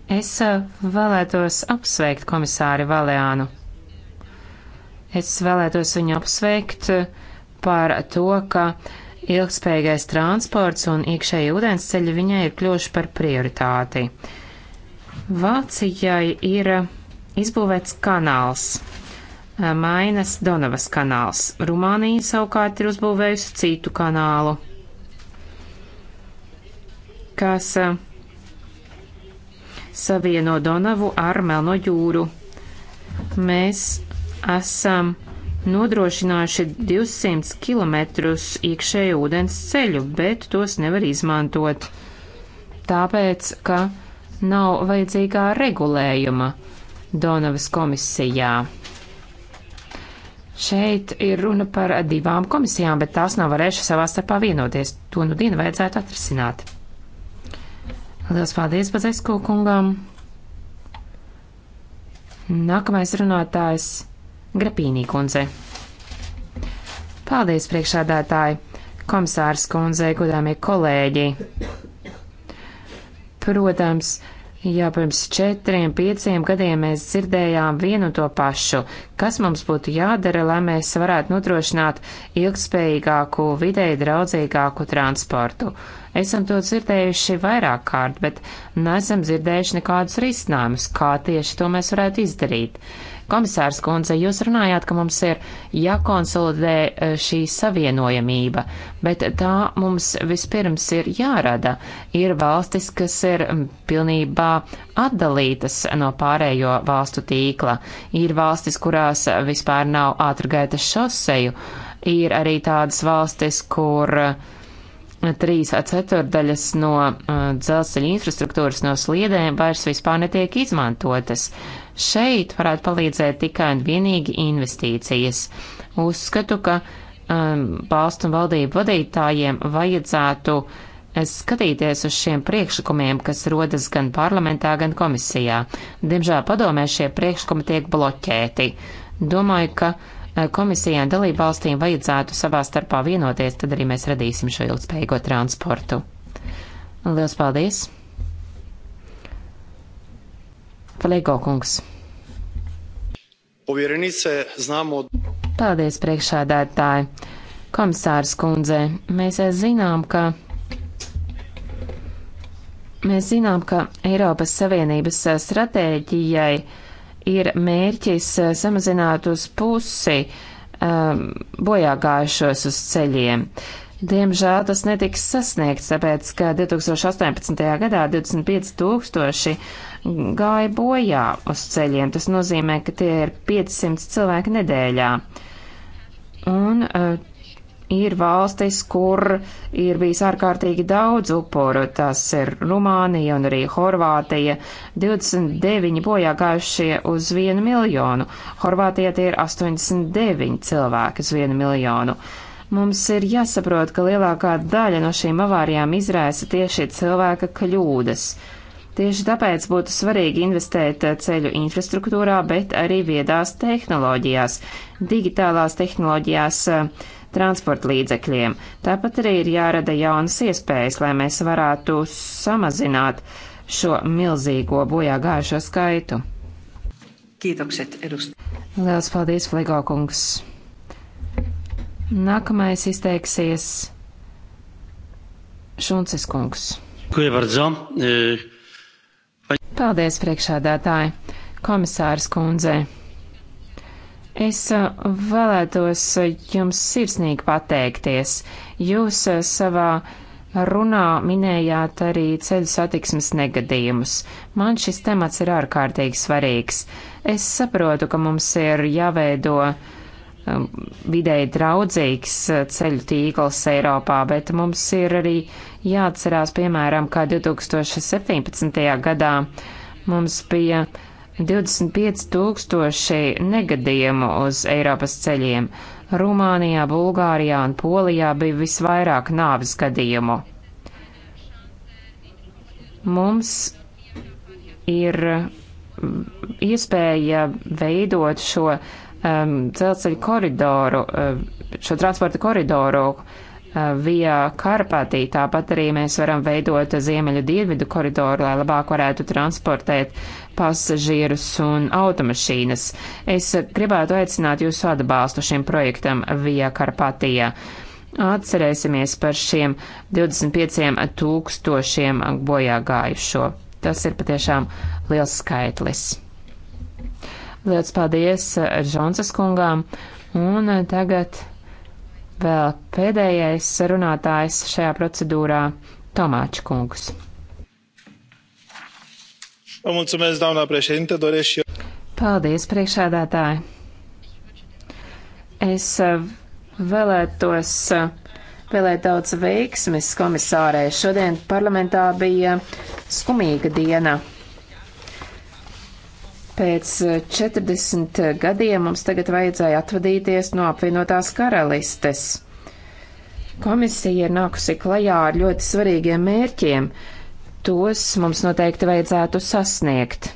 Es eh, vēlētos apsveikt komisāri Valēānu. Es vēlētos viņu apsveikt eh, par to, ka ilgspējīgais transports un iekšēji ūdensceļi viņai ir kļuvuši par prioritāti. Vācijai ir eh, izbūvēts kanāls, mainas Donavas kanāls. Rumānija savukārt ir uzbūvējusi citu kanālu, kas uh, savieno Donavu ar Melno jūru. Mēs esam nodrošinājuši 200 km iekšēju ūdens ceļu, bet tos nevar izmantot. Tāpēc, ka nav vajadzīgā regulējuma Donavas komisijā. Šeit ir runa par divām komisijām, bet tās nav varējušas savā starpā vienoties. To nu dienu vajadzētu atrisināt. Lielas paldies, Bazesko kungam. Nākamais runātājs - Grapīnī kundze. Paldies, priekšādātāji, komisārs kundze, godāmie kolēģi. Protams, Jā, pirms četriem, pieciem gadiem mēs dzirdējām vienu to pašu, kas mums būtu jādara, lai mēs varētu nodrošināt ilgspējīgāku, videi draudzīgāku transportu. Esam to dzirdējuši vairāk kārt, bet neesam dzirdējuši nekādus risinājumus, kā tieši to mēs varētu izdarīt. Komisārs Kundze, jūs runājāt, ka mums ir jākonsolidē eh, šī savienojamība, bet tā mums vispirms ir jārada. Ir valstis, kas ir mm, pilnībā atdalītas no pārējo valstu tīkla, ir valstis, kurās vispār nav ātrgaitas šoseju, ir arī tādas valstis, kur uh, trīs ceturdaļas no uh, dzelzceļa infrastruktūras no sliedēm vairs vispār netiek izmantotas. Šeit varētu palīdzēt tikai un vienīgi investīcijas. Uzskatu, ka um, valstu un valdību vadītājiem vajadzētu uh, skatīties uz šiem priekšlikumiem, kas rodas gan parlamentā, gan komisijā. Diemžēl padomē šie priekšlikumi tiek bloķēti. Domāju, ka uh, komisijai un dalībvalstīm vajadzētu savā starpā vienoties, tad arī mēs radīsim šo ilgspējīgo transportu. Lielas paldies! Palīgo kungs! Povjerenice, znamo. Paldies, priekšādātāji. Komisārs kundze, mēs zinām, ka. Mēs zinām, ka Eiropas Savienības stratēģijai ir mērķis eh, samazināt uz pusi um, ehm, bojāgājušos uz ceļiem. Diemžēl tas netiks sasniegts, tāpēc, ka 2018. gadā 25 tūkstoši gāja bojā uz ceļiem. Tas nozīmē, ka tie ir 500 cilvēki nedēļā. Un uh, ir valstis, kur ir bijis ārkārtīgi daudz upuru. Tas ir Rumānija un arī Horvātija. 29 bojā gājušie uz 1 miljonu. Horvātija tie ir 89 cilvēki uz 1 miljonu. Mums ir jāsaprot, ka lielākā daļa no šīm avārijām izraisa tieši cilvēka kļūdas. Tieši tāpēc būtu svarīgi investēt ceļu infrastruktūrā, bet arī viedās tehnoloģijās, digitālās tehnoloģijās, transporta līdzekļiem. Tāpat arī ir jārada jaunas iespējas, lai mēs varētu samazināt šo milzīgo bojā gājušo skaitu. Kītokset, Erust. Lielas paldies, Fligo kungs. Nākamais izteiksies Šunces kungs. E, paldies, priekšādātāji, komisārs kundzei. Es uh, vēlētos uh, jums sirsnīgi pateikties. Jūs uh, savā runā minējāt arī ceļu satiksmes negadījumus. Man šis temats ir ārkārtīgi svarīgs. Es saprotu, ka mums ir jāveido um, vidēji draudzīgs ceļu tīkls Eiropā, bet mums ir arī jāatcerās, piemēram, kā 2017. gadā mums bija 25 tūkstoši negadījumu uz Eiropas ceļiem. Rumānijā, Bulgārijā un Polijā bija visvairāk nāvis gadījumu. Mums ir mm, iespēja veidot šo um, dzelzceļa koridoru, um, šo transporta koridoru, uh, Uh, via Karpatī. Tāpat arī mēs varam veidot ziemeļu dienvidu koridoru, lai labāk varētu transportēt pasažierus un automašīnas. Es gribētu aicināt jūsu atbalstu šim projektam via Karpatija. Atcerēsimies par šiem 25 tūkstošiem bojā gājušo. Tas ir patiešām liels skaitlis. Liels paldies uh, Žonsas kungām, un uh, tagad Vēl pēdējais runātājs šajā procedūrā - Tomāča kungs. Mulțumesc, doamna președinte, doresc și eu. Paldies, priekšādātāji. Es uh, vēlētos uh, vēlēt daudz veiksmes komisārē. Šodien parlamentā bija skumīga diena. Pēc 40 eh, gadiem mums tagad vajadzēja atvadīties no apvienotās karalistes. Komisija ir nākusi klajā ar ļoti svarīgiem mērķiem. Tos mums noteikti vajadzētu sasniegt.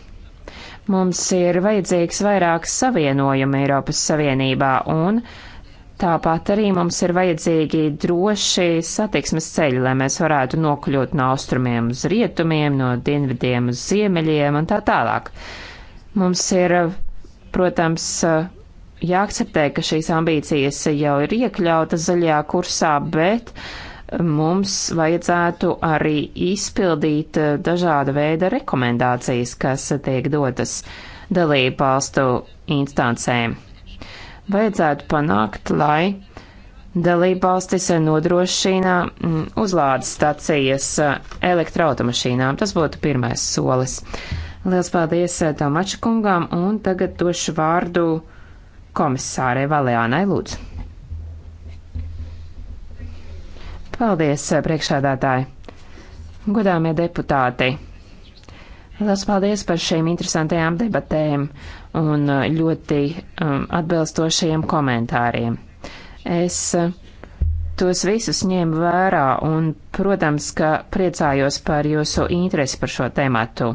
Mums ir vajadzīgs vairāk savienojuma Eiropas Savienībā, un tāpat arī mums ir vajadzīgi droši satiksmes ceļi, lai mēs varētu nokļūt no austrumiem uz rietumiem, no dienvidiem uz ziemeļiem un tā tālāk. Mums ir, eh, protams, eh, jāakceptē, ka šīs ambīcijas jau ir iekļautas zaļajā kursā, bet eh, mums vajadzētu arī izpildīt dažāda veida rekomendācijas, kas tiek dotas dalību valstu instancēm. Vajadzētu panākt, lai dalību valstis nodrošina mm, uzlādes stacijas elektroautomašīnām. Tas būtu pirmais solis. Liels paldies eh, Tomača kungām, un tagad došu vārdu komisārei Valēānai Lūdzu. Paldies, eh, priekšādātāji! Godāmie deputāti! Lielas paldies par šīm interesantajām debatēm un eh, ļoti um, atbilstošajiem komentāriem. Es uh, tos visus ņēmu vērā un, protams, ka priecājos par jūsu interesi par šo tematu.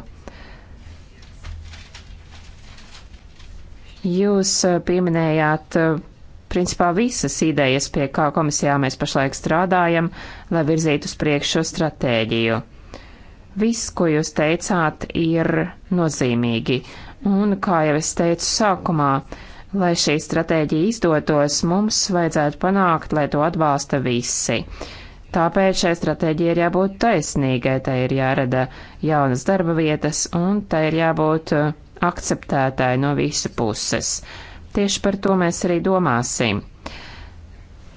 Jūs eh, pieminējāt eh, principā visas idejas, pie kā komisijā mēs pašlaik strādājam, lai virzītu uz priekšu šo stratēģiju. Viss, ko jūs teicāt, ir nozīmīgi. Un, kā jau es teicu sākumā, lai šī stratēģija izdotos, mums vajadzētu panākt, lai to atbalsta visi. Tāpēc šai stratēģijai ir jābūt taisnīgai, tai ir jārada jaunas darba vietas un tai ir jābūt uh, akceptētāji no visu puses. Tieši par to mēs arī domāsim.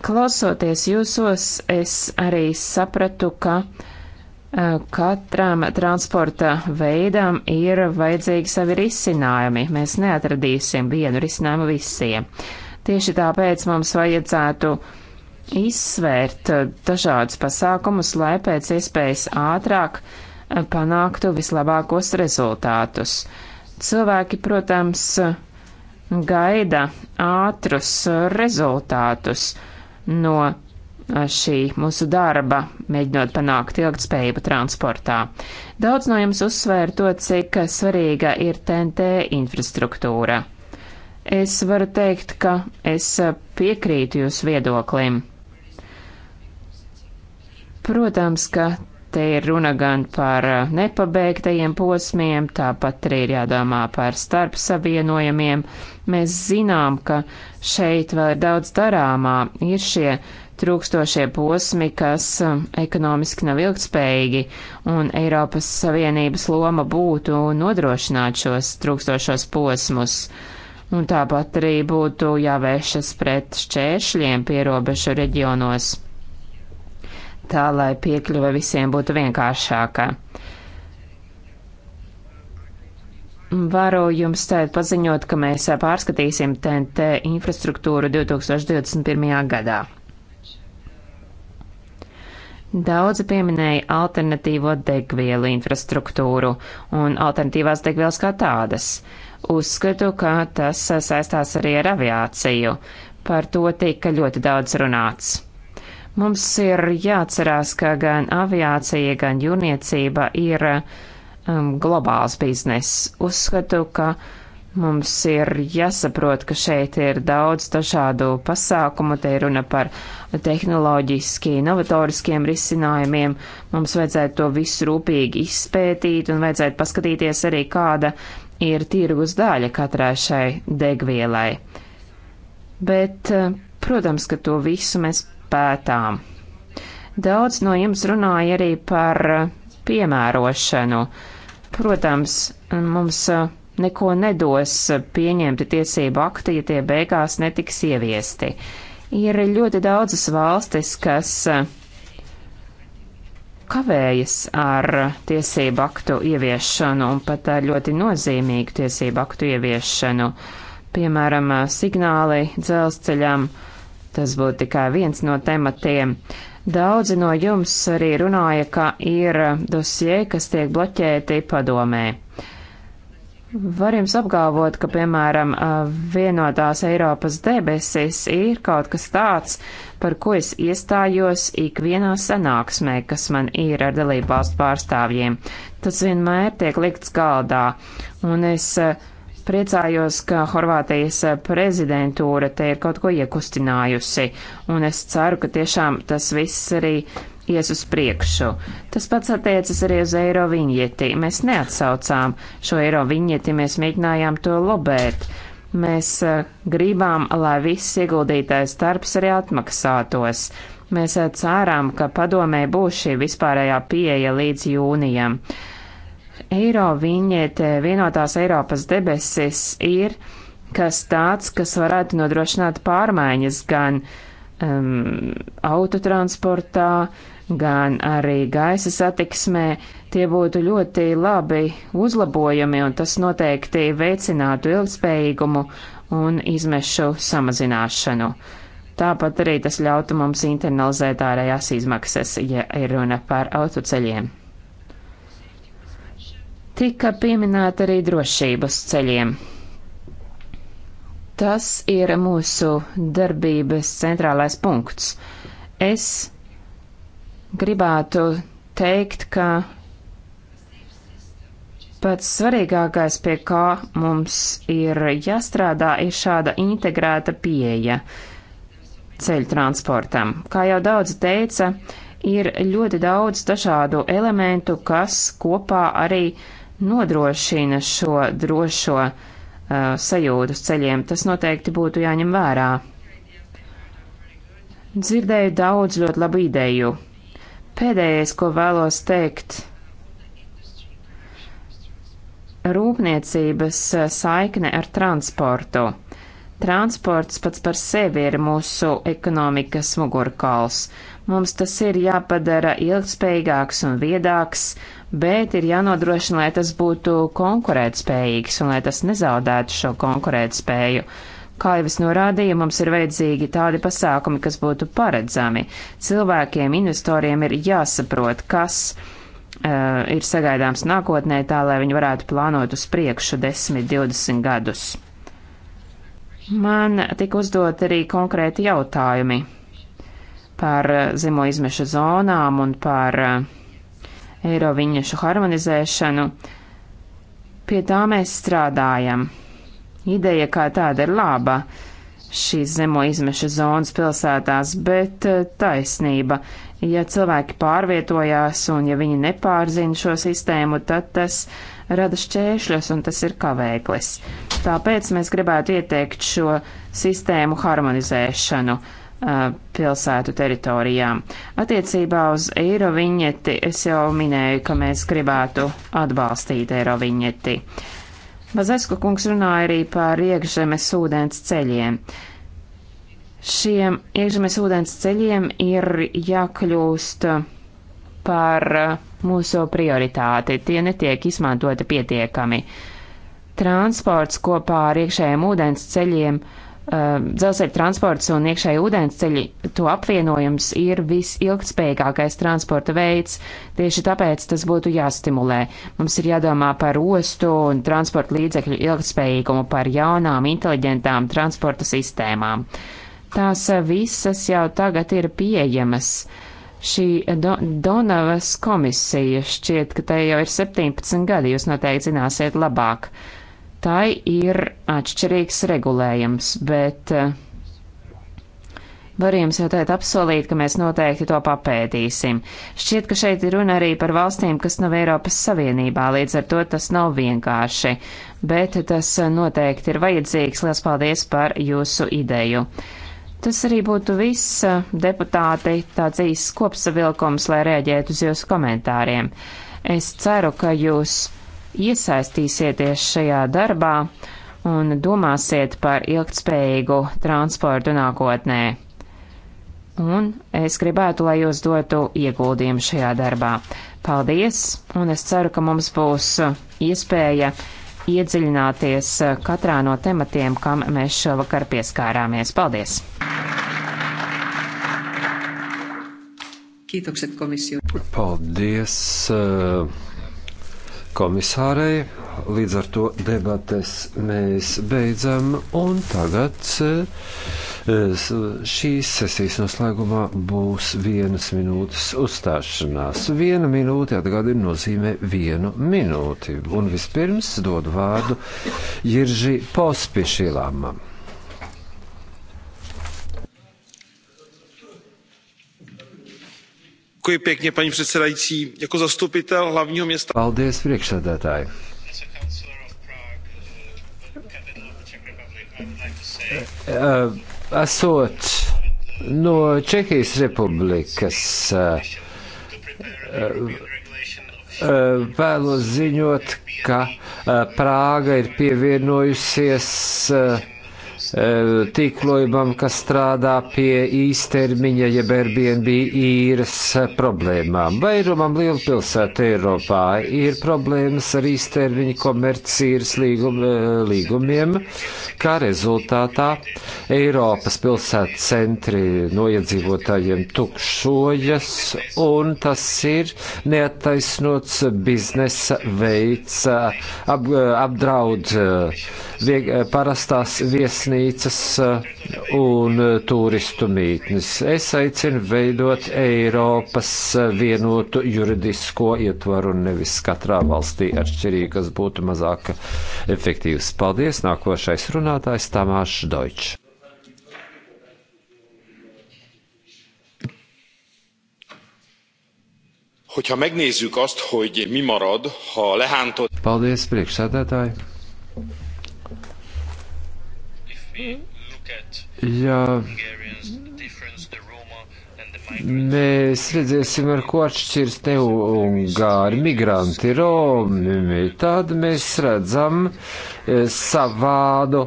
Klausoties jūsos, es arī sapratu, ka eh, katram transporta veidam ir vajadzīgi savi risinājumi. Mēs neatradīsim vienu risinājumu visiem. Tieši tāpēc mums vajadzētu izsvērt eh, dažādus pasākumus, lai pēc iespējas ātrāk eh, panāktu vislabākos rezultātus. Uh, Cilvēki, protams, gaida ātrus rezultātus no šī mūsu darba, mēģinot panākt ilgtspējību transportā. Daudz no jums uzsvēra to, cik svarīga ir TNT infrastruktūra. Es varu teikt, ka es piekrītu jūsu viedoklim. Protams, ka Te ir runa gan par uh, nepabeigtajiem posmiem, tāpat arī ir jādomā par starp savienojumiem. Mēs zinām, ka šeit vēl ir daudz darāmā. Ir šie trūkstošie posmi, kas um, ekonomiski nav ilgtspējīgi, un Eiropas Savienības loma būtu nodrošināt šos trūkstošos posmus. Un tāpat arī būtu jāvēršas pret šķēršļiem pierobežu reģionos tā, lai piekļuve visiem būtu vienkāršāka. Varu jums tagad paziņot, ka mēs pārskatīsim TNT infrastruktūru 2021. gadā. Daudzi pieminēja alternatīvo degvielu infrastruktūru un alternatīvās degvielas kā tādas. Uzskatu, ka tas saistās arī ar aviāciju. Par to tika ļoti daudz runāts. Mums ir jāatcerās, ka gan aviācija, gan jūrniecība ir um, globāls bizness. Uzskatu, ka mums ir jāsaprot, ka šeit ir daudz dažādu pasākumu, te ir runa par tehnoloģiski novatoriskiem risinājumiem. Mums vajadzētu to visu rūpīgi izpētīt un vajadzētu paskatīties arī, kāda ir tirgus daļa katrai šai degvielai. Bet, eh, protams, ka to visu mēs pētām. Daudz no jums runāja arī par piemērošanu. Protams, mums uh, neko nedos pieņemti tiesību akti, ja tie beigās netiks ieviesti. Ir ļoti daudzas valstis, kas uh, kavējas ar tiesību aktu ieviešanu un pat ar ļoti nozīmīgu tiesību aktu ieviešanu. Piemēram, uh, signāli dzelzceļam Tas būtu tikai viens no tematiem. Daudzi no jums arī runāja, ka ir dosie, kas tiek bloķēti padomē. Var jums apgalvot, ka, piemēram, vienotās Eiropas debesis ir kaut kas tāds, par ko es iestājos ikvienā sanāksmē, kas man ir ar dalībvalstu pārstāvjiem. Tas vienmēr tiek likts galdā, un es uh, Priecājos, ka Horvātijas prezidentūra te ir kaut ko iekustinājusi, un es ceru, ka tiešām tas viss arī ies uz priekšu. Tas pats attiecas arī uz eiro viņieti. Mēs neatsaucām šo eiro viņieti, mēs mēģinājām to lobēt. Mēs eh, gribām, lai viss ieguldītais darbs arī atmaksātos. Mēs eh, cerām, ka padomē būs šī vispārējā pieeja līdz jūnijam. Eiro viņietē eh, vienotās Eiropas debesis ir kas tāds, kas varētu nodrošināt pārmaiņas gan um, autotransportā, gan arī gaisa satiksmē. Tie būtu ļoti labi uzlabojumi, un tas noteikti veicinātu ilgspējīgumu un izmešu samazināšanu. Tāpat arī tas ļautu mums internalizēt ārējās izmaksas, ja ir runa par autoceļiem. Tika pieminēta arī drošības ceļiem. Tas ir mūsu darbības centrālais punkts. Es gribētu teikt, ka pats svarīgākais, pie kā mums ir jāstrādā, ir šāda integrēta pieeja ceļu transportam. Kā jau daudz teica, ir ļoti daudz dažādu elementu, kas kopā arī uh, nodrošina šo drošo uh, sajūtu uz ceļiem. Tas noteikti būtu jāņem vērā. Dzirdēju daudz ļoti labu ideju. Pēdējais, ko vēlos teikt, rūpniecības uh, saikne ar transportu. Transports pats par sevi ir mūsu ekonomikas mugurkauls. Mums tas ir jāpadara ilgspējīgāks un viedāks, bet ir jānodrošina, lai tas būtu konkurētspējīgs un lai tas nezaudētu šo konkurētspēju. Kā jau es norādīju, mums ir vajadzīgi tādi pasākumi, kas būtu paredzami. Cilvēkiem, investoriem ir jāsaprot, kas uh, ir sagaidāms nākotnē, tā lai viņi varētu plānot uz priekšu 10, 20 gadus. Man tika uzdot arī konkrēti jautājumi par eh, zemo izmešu zonām un par eh, eiro viņešu harmonizēšanu. Pie tā mēs strādājam. Ideja kā tāda ir laba šīs zemo izmešu zonas pilsētās, bet eh, taisnība. Ja cilvēki pārvietojās un ja viņi nepārzina šo sistēmu, tad tas rada šķēršļus un tas ir kavēklis. Tāpēc mēs gribētu ieteikt šo sistēmu harmonizēšanu. Uh, pilsētu teritorijām. Attiecībā uz eiroviņeti es jau minēju, ka mēs gribētu atbalstīt eiroviņeti. Bazesku kungs runāja arī par iekšzemes ūdens ceļiem. Šiem iekšzemes ūdens ceļiem ir jākļūst par mūsu prioritāti. Tie netiek izmantoti pietiekami. Transports kopā ar iekšējiem ūdens ceļiem uh, Ehm, dzelzceļa transports un iekšēji ūdensceļi, to apvienojums ir visilgtspējīgākais transporta veids, tieši tāpēc tas būtu jāstimulē. Mums ir jādomā par ostu un transporta līdzekļu ilgtspējīgumu, par jaunām, inteliģentām transporta sistēmām. Tās visas jau tagad ir pieejamas. Šī Do Donavas komisija šķiet, ka tai jau ir 17 gadi, jūs noteikti zināsiet labāk. Uh, Tai ir atšķirīgs regulējums, bet eh, varu jums jau tagad apsolīt, ka mēs noteikti to papētīsim. Šķiet, ka šeit ir runa arī par valstīm, kas nav Eiropas Savienībā, līdz ar to tas nav vienkārši, bet tas noteikti ir vajadzīgs. Lielas paldies par jūsu ideju! Tas arī būtu viss, eh, deputāti, tāds īsts kopsavilkums, lai rēģētu uz jūsu komentāriem. Es ceru, ka jūs iesaistīsieties šajā darbā un domāsiet par ilgtspējīgu transportu nākotnē. Un es gribētu, lai jūs dotu ieguldījumu šajā darbā. Paldies, un es ceru, ka mums būs iespēja iedziļināties katrā no tematiem, kam mēs šovakar pieskārāmies. Paldies! Kiitokset komisiju. Paldies! Uh komisārei. Līdz ar to debates mēs beidzam, un tagad eh, šīs sesijas noslēgumā būs vienas minūtes uzstāšanās. Viena minūte atgādina nozīmē vienu minūti, un vispirms dodu vārdu Jirži Pospišilamam. paní předsedající jako zastupitel hlavního města. Paldies, priekšsēdētāji. Eh, esot no Čehijas republikas eh, eh, vēlos ziņot, ka Prāga ir pievienojusies Eh, tīklojumam, kas strādā pie īstermiņa jeb Airbnb īres problēmām. Vairumam lielpilsētu Eiropā ir problēmas ar īstermiņa komercīras līgum, eh, līgumiem, kā rezultātā Eiropas pilsētu centri no iedzīvotājiem tukšojas, un tas ir neattaisnots biznesa veids, eh, ap, apdraud vieg, parastās viesnības baznīcas un turistu mītnes. Es aicinu veidot Eiropas vienotu juridisko ietvaru un nevis katrā valstī atšķirīgi, kas būtu mazāk efektīvs. Paldies! Nākošais runātājs Tamāšs Deutsch. Hogyha megnézzük azt, hogy mi marad, ha lehántott... Paldies, priekšsēdētāji! Ja mēs redzēsim, ar ko atšķirs ne ungāri, migranti, romi, tad mēs redzam eh, savādu.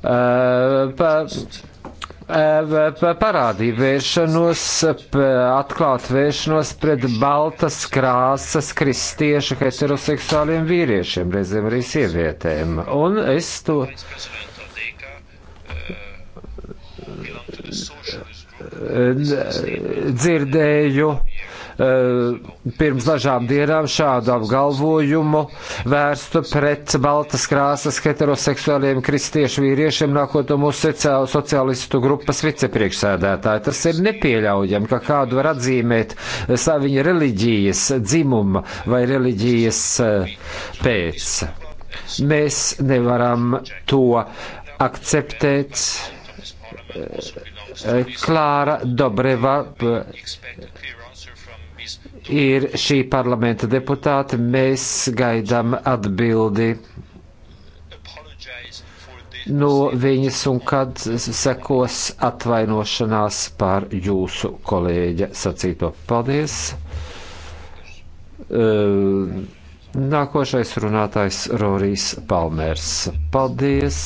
Uh, pa, parādīja vēršanos, atklāt vēršanos pret baltas krāsas kristiešu heteroseksuāliem vīriešiem, reizēm arī sievietēm. Un es to. dzirdēju Eh, pirms dažām dienām šādu apgalvojumu vērstu pret baltas krāsas heteroseksuāliem kristiešu vīriešiem, nākot no mūsu sociālistu grupas vicepriekšsēdētāja. Tas ir nepieļaujami, ka kādu var atzīmēt saviņa reliģijas dzimuma vai reliģijas eh, pēc. Mēs nevaram to akceptēt. Eh, Klāra Dobreva ir šī parlamenta deputāte. Mēs gaidām atbildi no viņas un kad sekos atvainošanās par jūsu kolēģa sacīto. Paldies! Uh, Nākošais runātājs Rorijs Palmērs. Paldies!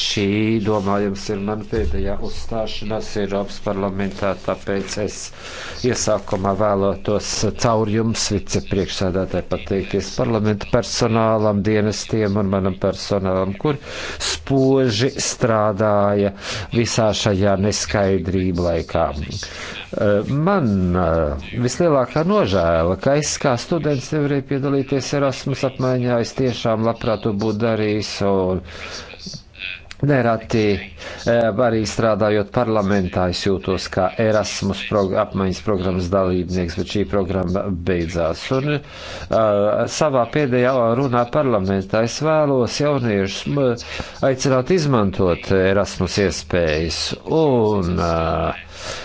Šī, domājams, ir man pēdējā uzstāšanās Eiropas parlamentā, tāpēc es iesākumā vēlētos caur jums, vicepriekšsēdētāji, pateikties parlamenta personālam, dienestiem un manam personālam, kur spoži strādāja visā šajā neskaidrību laikā. Eh, man eh, vislielākā nožēla, ka es kā students nevarēju piedalīties Erasmus apmaiņā, es tiešām labprāt to būtu darījis. Un, Nereti eh, arī strādājot parlamentā, es jūtos kā Erasmus prog apmaiņas programmas dalībnieks, bet šī programma beidzās. Un uh, savā pēdējā runā parlamentā es vēlos jauniešus aicināt izmantot Erasmus iespējas. Un, uh,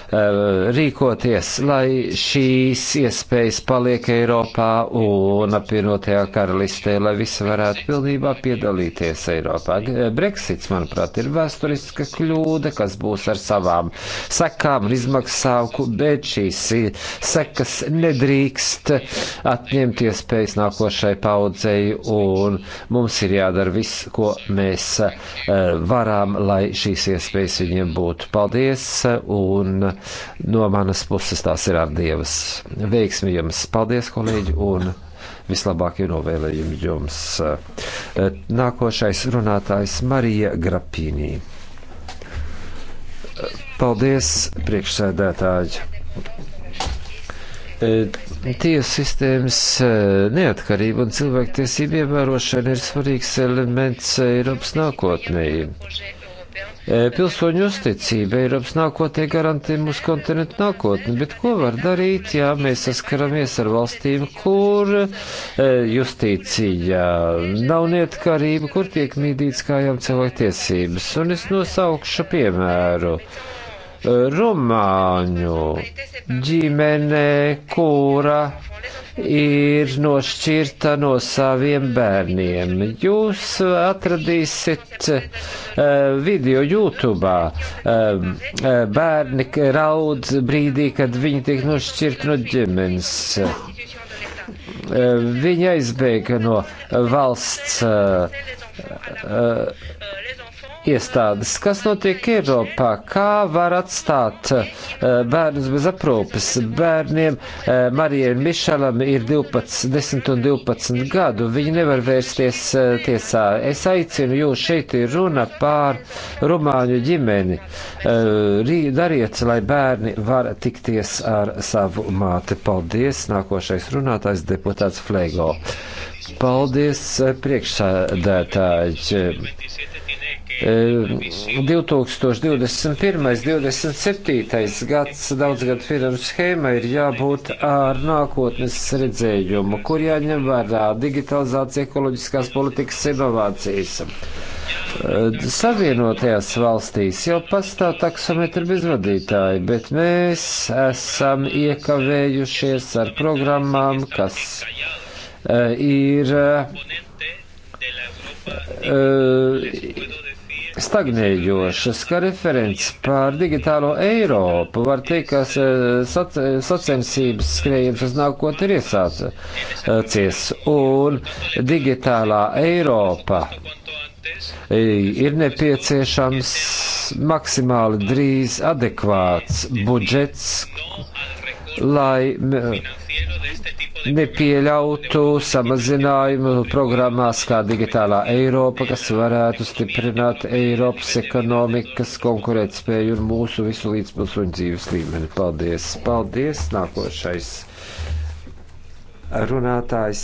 Eh, rīkoties, lai šīs iespējas paliek Eiropā un apvienotajā karalistē, lai visi varētu pilnībā piedalīties Eiropā. Eh, Brexits, manuprāt, ir vēsturiska kļūda, kas būs ar savām sekām un izmaksām, bet šīs eh, sekas nedrīkst atņemt iespējas nākošai paudzei, un mums ir jādara viss, ko mēs varam, lai šīs iespējas viņiem būtu. Paldies! Un un uh, no manas puses tās ir ar Dievas. Veiksmi jums! Paldies, kolēģi! Un vislabākie novēlējumi jums! Uh, nākošais runātājs Marija Grapīnī. Uh, paldies, priekšsēdētāji! Tiesu sistēmas neatkarība un cilvēktiesība ievērošana ir svarīgs elements Eiropas nākotnē. E, pilsoņu uzticība Eiropas nākotnē garantē mūsu kontinentu nākotni, bet ko var darīt, ja mēs saskaramies ar valstīm, kur e, justīcija nav neatkarība, kur tiek mīdīts kājām cilvēktiesības? Un es nosaukšu piemēru. Rumāņu ģimene, kura ir nošķirta no saviem bērniem. Jūs atradīsiet uh, video YouTube. Uh, eh, bērni raud brīdī, kad viņi tiek nošķirti no ģimenes. Uh, viņi aizbēga no valsts. Uh, uh, iestādes, kas notiek Eiropā, kā var atstāt eh, bērnus bez aprūpes. Bērniem eh, Marijai un Mišelam ir 12, 10 un 12 gadu, viņi nevar vērsties eh, tiesā. Es aicinu jūs, šeit ir runa pār rumāņu ģimeni. Dariet, lai bērni var tikties ar savu māti. Paldies! Nākošais runātājs deputāts Flego. Paldies, priekšsēdētāji! 2021. Eh, 27. gads daudzgad finanšu schēma ir jābūt ar nākotnes redzējumu, kur jāņem vērā digitalizācija, ekoloģiskās politikas inovācijas. Eh, savienotajās valstīs jau pastāv taksometri bezvadītāji, bet mēs esam iekavējušies ar programmām, kas eh, ir. Uh, stagnējošas, kā referents pār digitālo Eiropu. Var teikt, ka eh, sac, sacensības skrējums uz nākotni ir iesācies, un digitālā Eiropa eh, ir nepieciešams maksimāli drīz adekvāts budžets, lai nepieļautu samazinājumu programmās kā Digitālā Eiropa, kas varētu stiprināt Eiropas ekonomikas konkurētspēju un mūsu visu līdzpilsoņu dzīves līmeni. Paldies! Paldies! Nākošais runātājs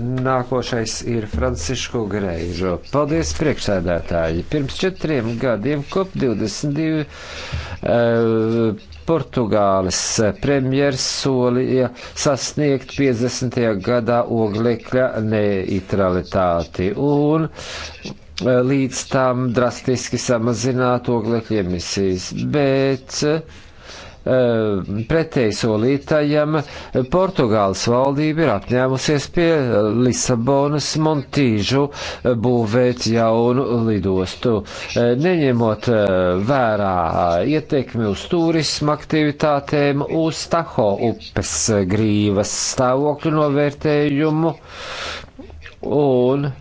nākošais ir Francisko Greižo. Paldies, priekšsēdētāji! Pirms četriem gadiem COP22 uh, Portugāles premjers solīja sasniegt 50. gadā oglekļa neutralitāti un e, līdz tam drastiski samazināt oglekļa emisijas, bet Eh, pretēji solītajam Portugāles valdība ir apņēmusies pie Lisabonas montīžu eh, būvēt jaunu lidostu, eh, neņemot vērā ietekmi uz turismu aktivitātēm, uz Taho upes grīvas stāvokļu novērtējumu un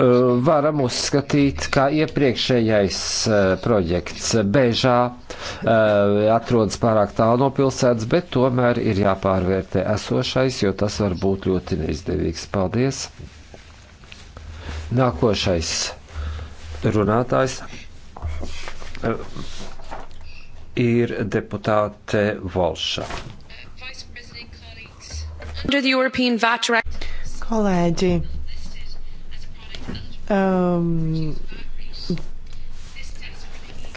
Eh, varam uzskatīt, ka iepriekšējais eh, projekts Bežā eh, atrodas pārāk tālu no pilsētas, bet tomēr ir jāpārvērtē esošais, jo tas var būt ļoti neizdevīgs. Paldies! Nākošais runātājs ir deputāte Volša. Kolēģi, um,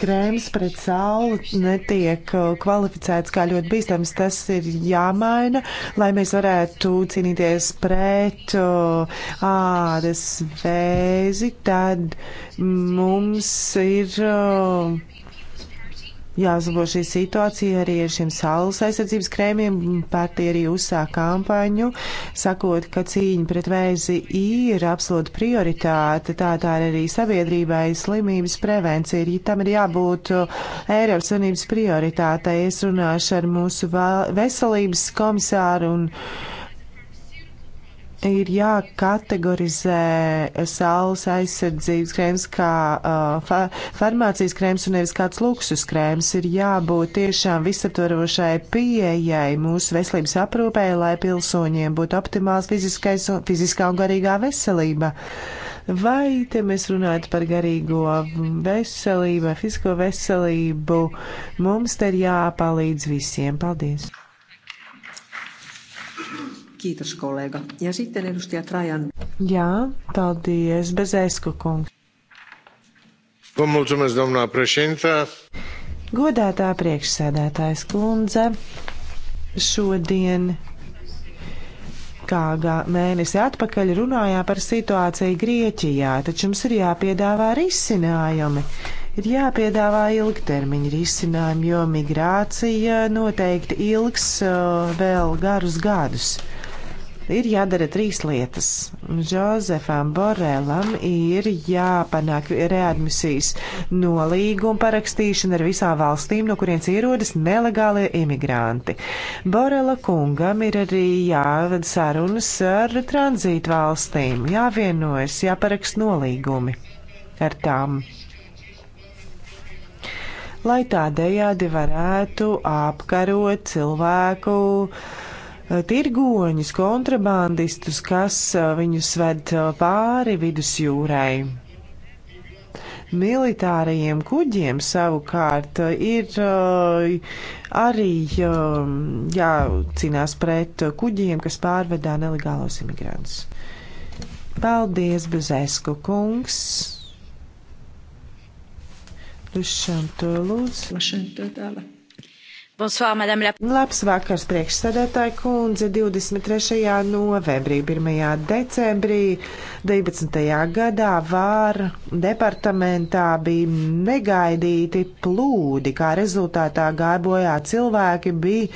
krēms pret sauli netiek eh, kvalificēts kā ļoti bīstams. Tas ir jāmaina, lai mēs varētu cīnīties pret eh, ādas vēzi. Tad mums ir eh, Jāuzlabo šī situācija arī ar šiem saules aizsardzības krēmiem. Partija arī uzsāk kampaņu, sakot, ka cīņa pret vēzi ir absolūta prioritāte. Tā tā ir arī sabiedrībai slimības prevencija. Ja tam ir jābūt Eiropas Savienības prioritātei. Es runāšu ar mūsu veselības komisāru un ir jākategorizē saules aizsardzības krēms kā uh, fa farmācijas krēms un nevis kāds luksus krēms. Ir jābūt tiešām visaptvarošai pieejai mūsu veselības aprūpē, lai pilsoņiem būtu optimāls fiziskais un fiziskā un garīgā veselība. Vai te mēs runājam par garīgo veselību, fizisko veselību? Mums te ir jāpalīdz visiem. Paldies! Kiitos kollega. Ja sitten edustaja Trajan. Jā, paldies, Bezēsku kungs. Vă mulțumesc, doamna președintă. Godātā priekšsēdētājs kundze, šodien kā mēnesi atpakaļ runājā par situāciju Grieķijā, taču mums ir jāpiedāvā risinājumi. Ir jāpiedāvā ilgtermiņa risinājumi, jo migrācija noteikti ilgs uh, vēl garus gadus ir jādara trīs lietas. Žozefam Borelam ir jāpanāk readmisijas nolīguma parakstīšana ar visām valstīm, no kurienes ierodas nelegālie imigranti. Borela kungam ir arī jāved sarunas ar tranzītu valstīm, jāvienojas, jāparakst nolīgumi ar tām lai tādējādi varētu apkarot cilvēku uh, Eh, tirgoņus, kontrabandistus, kas eh, viņus ved eh, pāri vidusjūrai. Militārajiem kuģiem savukārt ir arī jācīnās pret kuģiem, kas pārvedā nelegālos imigrantus. Paldies, Bezesku kungs! Lušanto lūdzu. Lušanto tālāk. Bonsoir, madame la. Labs vakars, priekšsēdētāji kundze. 23. novembrī, 1. decembrī 19. gadā var departamentā bija negaidīti plūdi, kā rezultātā gārbojā cilvēki, bija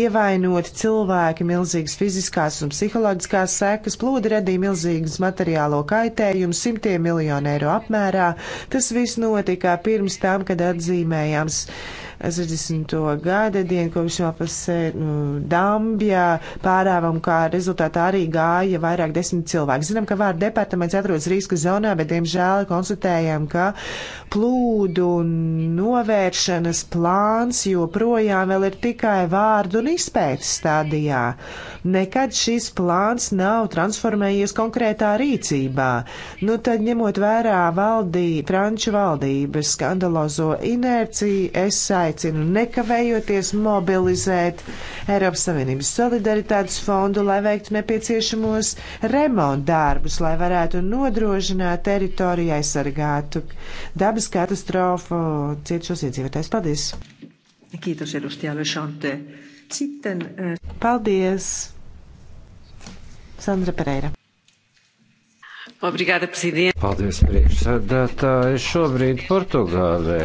ievainoti cilvēki, milzīgas fiziskās un psiholoģiskās sekas. Plūdi radīja milzīgas materiālo kaitējumu simtiem miljonu eiro apmērā. Tas viss notika pirms tam, kad atzīmējams 60. gada dienu, kopš apasē nu, Dambja pārāvam, kā rezultātā arī gāja vairāk desmit cilvēku. Zinām, ka vārda departaments atrodas riska zonā, bet, diemžēl, konstatējam, ka plūdu novēršanas plāns joprojām vēl ir tikai vārdu un izpētes stadijā. Nekad šis plāns nav transformējies konkrētā rīcībā. Nu, tad, ņemot vērā valdī, Franču valdības skandalozo inerciju, es aicinu nekavējoties mobilizēt Eiropas Savienības solidaritātes fondu, lai veiktu nepieciešamos remontu darbus, lai varētu nodrošināt teritoriju aizsargātu dabas katastrofu cietušos iedzīvotājs. Paldies! Kiitos, edustaja Lešante. Sitten, äh... Paldies! Sandra Pereira. Obrigada, presidente. Paldies, priekšsēdētāji. Šobrīd Portugālē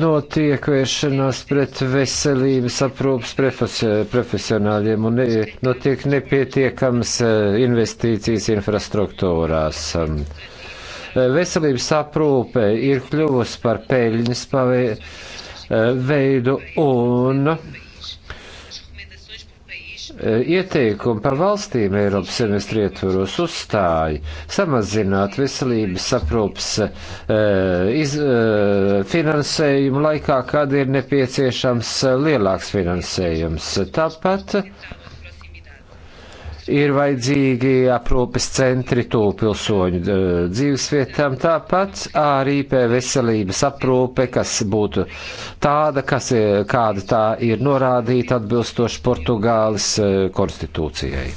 notiek vēršanās pret veselības aprūpas profesionāļiem un notiek nepietiekams eh, investīcijas infrastruktūrās. Eh, veselības aprūpe ir kļuvusi par peļņas paveidu eh, un Eh, ieteikumi par valstīm Eiropas semestri ietvaros uzstāja samazināt veselības aprūpas e, iz, e, finansējumu laikā, kad ir nepieciešams lielāks finansējums. Tāpat ir vajadzīgi aprūpes centri tuvu pilsoņu dzīvesvietām, tāpat arī veselības aprūpe, kas būtu tāda, kas, e, kāda tā ir norādīta atbilstoši Portugāles e, konstitūcijai.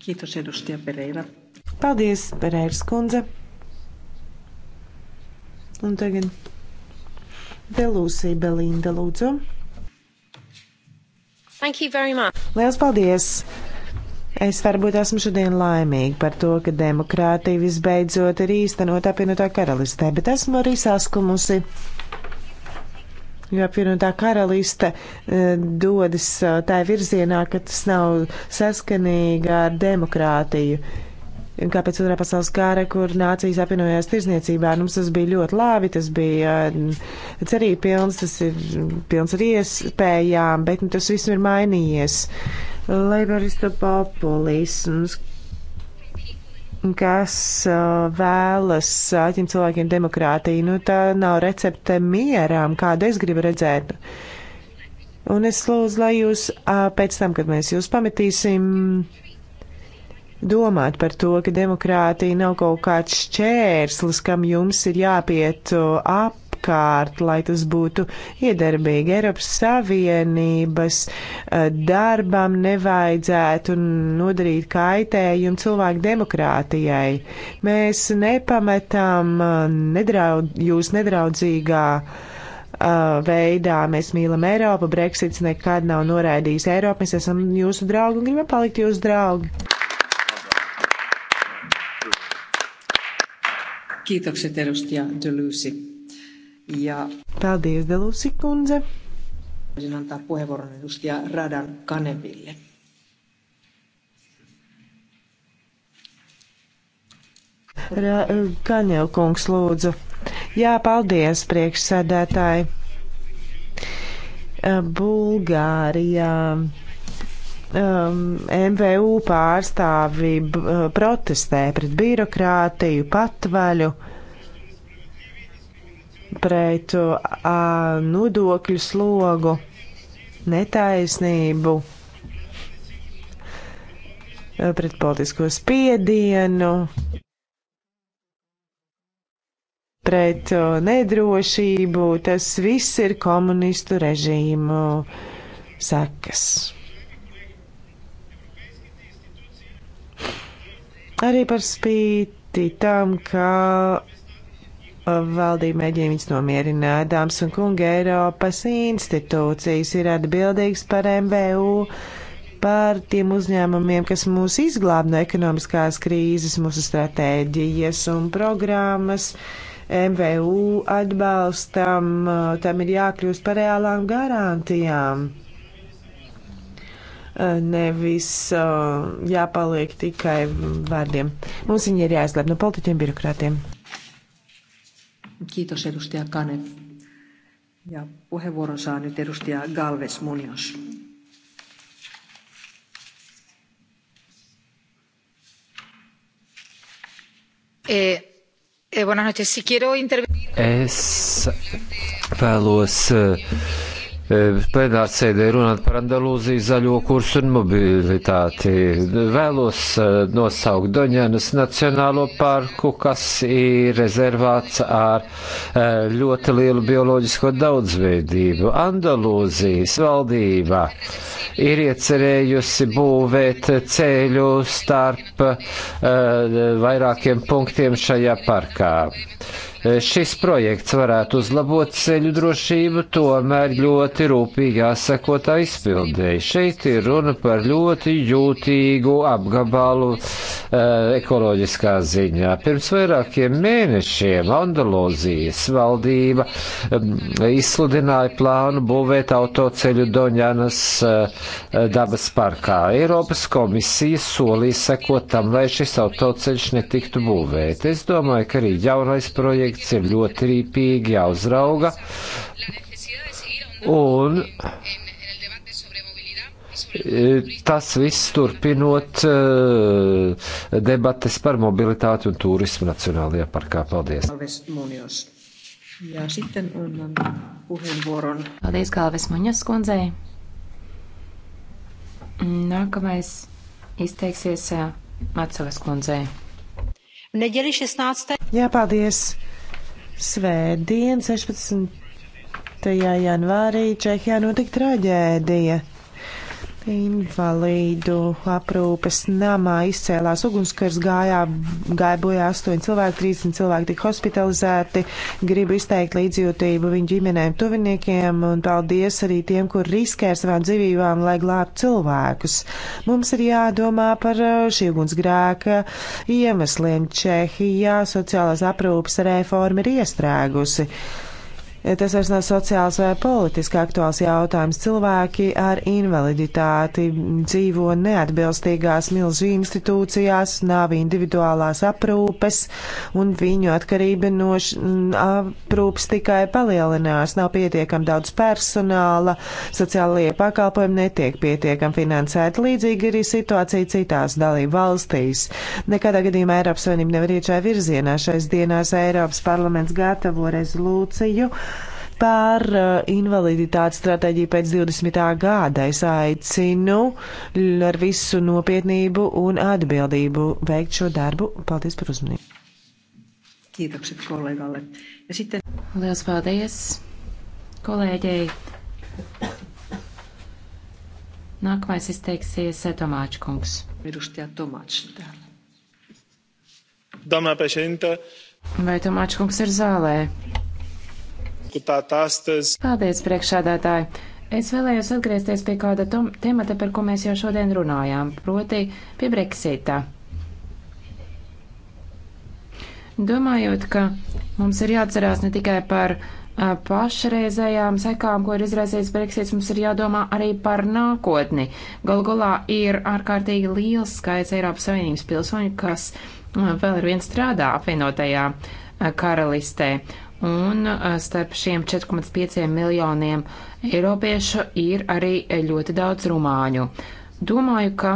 Kiitos edustaja Pereira. Paldies, Pereiras kundze. Un tagad Belūsija Belinda lūdzu. Lielas paldies! Es varbūt esmu šodien laimīga par to, ka demokrātija visbeidzot ir īstenot apvienotā karalistē, bet esmu arī saskumusi. Jo apvienotā karaliste eh, dodas e, tā virzienā, ka tas nav saskanīgi ar demokrātiju. Eh, kā pēc otrā pasaules kāra, kur nācijas apvienojās tirzniecībā. Nu, tas bija ļoti labi, tas bija mm, cerība pilns, tas ir mm, pilns ar iespējām, bet nu, tas viss ir mainījies. Leiboristu populisms, kas vēlas āķim cilvēkiem demokrātiju, nu tā nav recepte mierām, kādu es gribu redzēt. Un es lūdzu, lai jūs pēc tam, kad mēs jūs pametīsim, domāt par to, ka demokrātija nav kaut kāds šķērslis, kam jums ir jāpiet apkārt, lai tas būtu iedarbīgi. Eiropas Savienības e, darbam nevajadzētu nodarīt kaitējumu cilvēku demokrātijai. Mēs nepametam e, nedraud, jūs nedraudzīgā e, veidā. Mēs mīlam Eiropu, Brexits nekad nav noraidījis Eiropu, mēs esam jūsu draugi un gribam palikt jūsu draugi. Kiitokset edustaja Delusi. Ja... Paldies, Delusi kundze. Voisin antaa puheenvuoron edustaja Radan Kaneville. Ra eh, Kaņev kungs, lūdzu. Jā, paldies, priekšsēdētāji. Eh, Bulgārijā um, MVU pārstāvi uh, protestē pret birokrātiju, patvaļu, pret uh, nodokļu slogu, netaisnību, uh, pret politisko spiedienu, pret uh, nedrošību. Tas viss ir komunistu režīmu sekas. Arī par spīti tam, ka uh, valdība mēģina viņus nomierināt. Dāmas un kungi, Eiropas institūcijas ir atbildīgas par MVU, par tiem uzņēmumiem, kas mūs izglāb no ekonomiskās krīzes, mūsu stratēģijas un programmas. MVU atbalstam, uh, tam ir jākļūst par reālām garantijām nevis jāpaliek tikai vārdiem. Mums viņi ir jāizglāb no politiķiem, birokrātiem. Kiitos edustaja Kane. Ja puheenvuoron saa nyt edustaja Galves Munios. Eh, eh, buenas noches. Si quiero intervenir. Es vēlos. Uh, E, plenārs sēdē runāt par Andalūziju zaļo kursu un mobilitāti. Vēlos e, nosaukt Doņanas Nacionālo parku, kas ir rezervāts ar e, ļoti lielu bioloģisko daudzveidību. Andalūzijas valdība ir iecerējusi būvēt ceļu starp vairākiem punktiem šajā parkā. Eh, šis projekts varētu uzlabot ceļu drošību, tomēr ļoti rūpīgi jāsako tā izpildēji. Šeit ir runa par ļoti jūtīgu apgabalu uh, ekoloģiskā ziņā. Pirms vairākiem mēnešiem Andalūzijas valdība um, izsludināja plānu būvēt autoceļu Doņanas uh, dabas parkā. Eiropas komisija solīja sekot tam, lai šis autoceļš netiktu būvēt. Es domāju, ka arī jaunais projekts veikts, ir ļoti rīpīgi jāuzrauga. Un eh, tas viss turpinot eh, debates par mobilitāti un turismu Nacionālajā parkā. Paldies! Ja sitten annan puheenvuoron. Paldies Kalves Muņas kundzei. Nākamais izteiksies eh, Macovas kundzei. Neģeli 16. Jā, paldies. Svētdien, 16. janvārī, Čehijā notika traģēdija. Invalīdu aprūpes namā izcēlās ugunskars, gājā, gāja bojā 8 cilvēki, 30 cilvēki tika hospitalizēti. Gribu izteikt līdzjūtību viņu ģimenēm, tuviniekiem un paldies arī tiem, kur riskē ar savām dzīvībām, lai glābtu cilvēkus. Mums ir jādomā par eh, šī ugunsgrēka iemesliem. Čehijā sociālās aprūpes reforma ir iestrēgusi. Eh, tas vairs nav sociāls vai politiski aktuāls jautājums. Cilvēki ar invaliditāti dzīvo neatbilstīgās milzu institūcijās, nav individuālās aprūpes, un viņu atkarība no aprūpes tikai palielinās. Nav pietiekam daudz personāla, sociālajie pakalpojumi netiek pietiekam finansēti. Līdzīgi arī situācija citās dalību valstīs. Nekādā gadījumā Eiropas Savienība nevar iet šajā virzienā. Šais dienās Eiropas parlaments gatavo rezolūciju par uh, invaliditātes stratēģiju pēc 20. gada. Es aicinu ar visu nopietnību un atbildību veikt šo darbu. Paldies par uzmanību. Kiitokset kollegalle. Ja sitten... Liels paldies kolēģei. Nākamais izteiksies eh, Tomāčs kungs. Miruštajā Tomāčs täällä. Domnā președintă. Vai Tomāčs kungs ir zālē? Paldies, priekšādātāji! Es vēlējos atgriezties pie kāda temata, par ko mēs jau šodien runājām, proti pie Brexita. Domājot, ka mums ir jāatcerās ne tikai par pašreizējām sekām, ko ir izraisījis Brexits, mums ir jādomā arī par nākotni. Galgulā ir ārkārtīgi liels skaits Eiropas Savienības pilsoņu, kas vēl ir viens strādā apvienotajā karalistē. Un starp šiem 4,5 miljoniem eiropiešu ir arī ļoti daudz rumāņu. Domāju, ka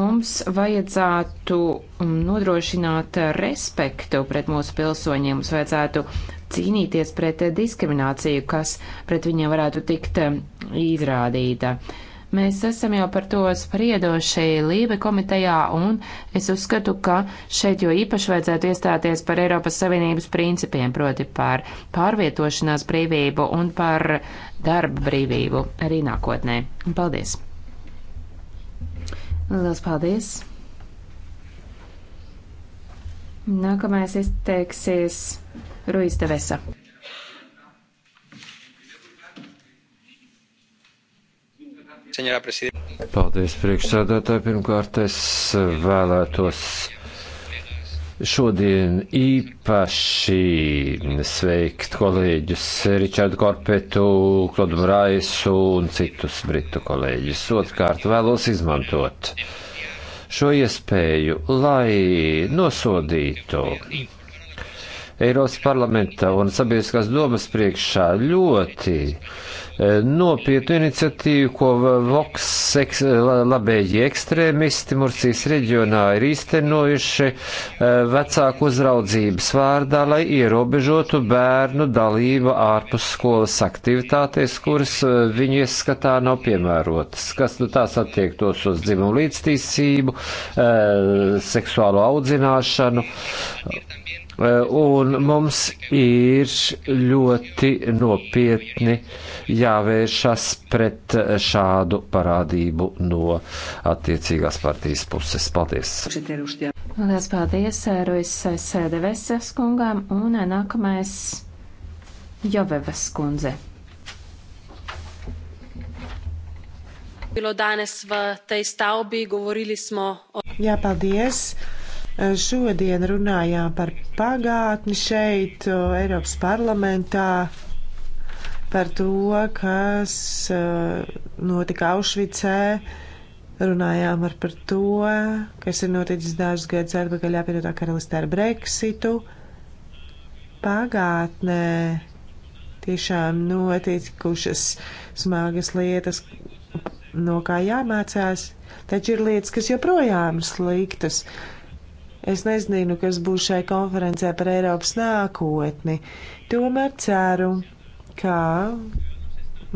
mums vajadzētu nodrošināt respektu pret mūsu pilsoņiem, mums vajadzētu cīnīties pret diskrimināciju, kas pret viņiem varētu tikt izrādīta. Uh, Mēs esam jau par to spriedoši Lībe komitejā, un es uzskatu, ka šeit jo īpaši vajadzētu iestāties par Eiropas Savienības principiem, proti par pārvietošanās brīvību un par darba brīvību arī nākotnē. Un paldies! Lielas paldies! Nākamais izteiksies Ruiz Devesa. Paldies, priekšsādātāji. Pirmkārt, es vēlētos šodien īpaši sveikt kolēģus Ričardu Korpetu, Klodu Mraisu un citus britu kolēģus. Otrkārt, vēlos izmantot šo iespēju, lai nosodītu Eiropas parlamenta un sabiedriskās domas priekšā ļoti nopietnu iniciatīvu, ko Vox eks, labēji ekstrēmisti Murcijas reģionā ir īstenojuši e, vecāku uzraudzības vārdā, lai ierobežotu bērnu dalību ārpus skolas aktivitātēs, kuras e, viņu ieskatā nav piemērotas, kas nu, tās attiektos uz dzimumu līdztīstību, e, seksuālo audzināšanu. Eh, un mums ir ļoti nopietni jāvēršas pret šādu parādību no attiecīgās partijas puses. Paldies! Lielas paldies eh, Ruisas Devesas kungām un eh, nākamais Jovevas kundze. Bilo danes v tej stavbi, govorili smo o. Ja, paldies! Šodien runājām par pagātni šeit, Eiropas parlamentā, par to, kas uh, notika Aušvicē. Runājām ar par to, kas ir noticis dažus gadus atpakaļ apvienotā karalistē ar Brexitu. Pagātnē tiešām notikušas smagas lietas, no kā jāmācās, taču ir lietas, kas joprojām sliktas. Uh, Es nezinu, kas būs šai konferencē par Eiropas nākotni. Tomēr ceru, ka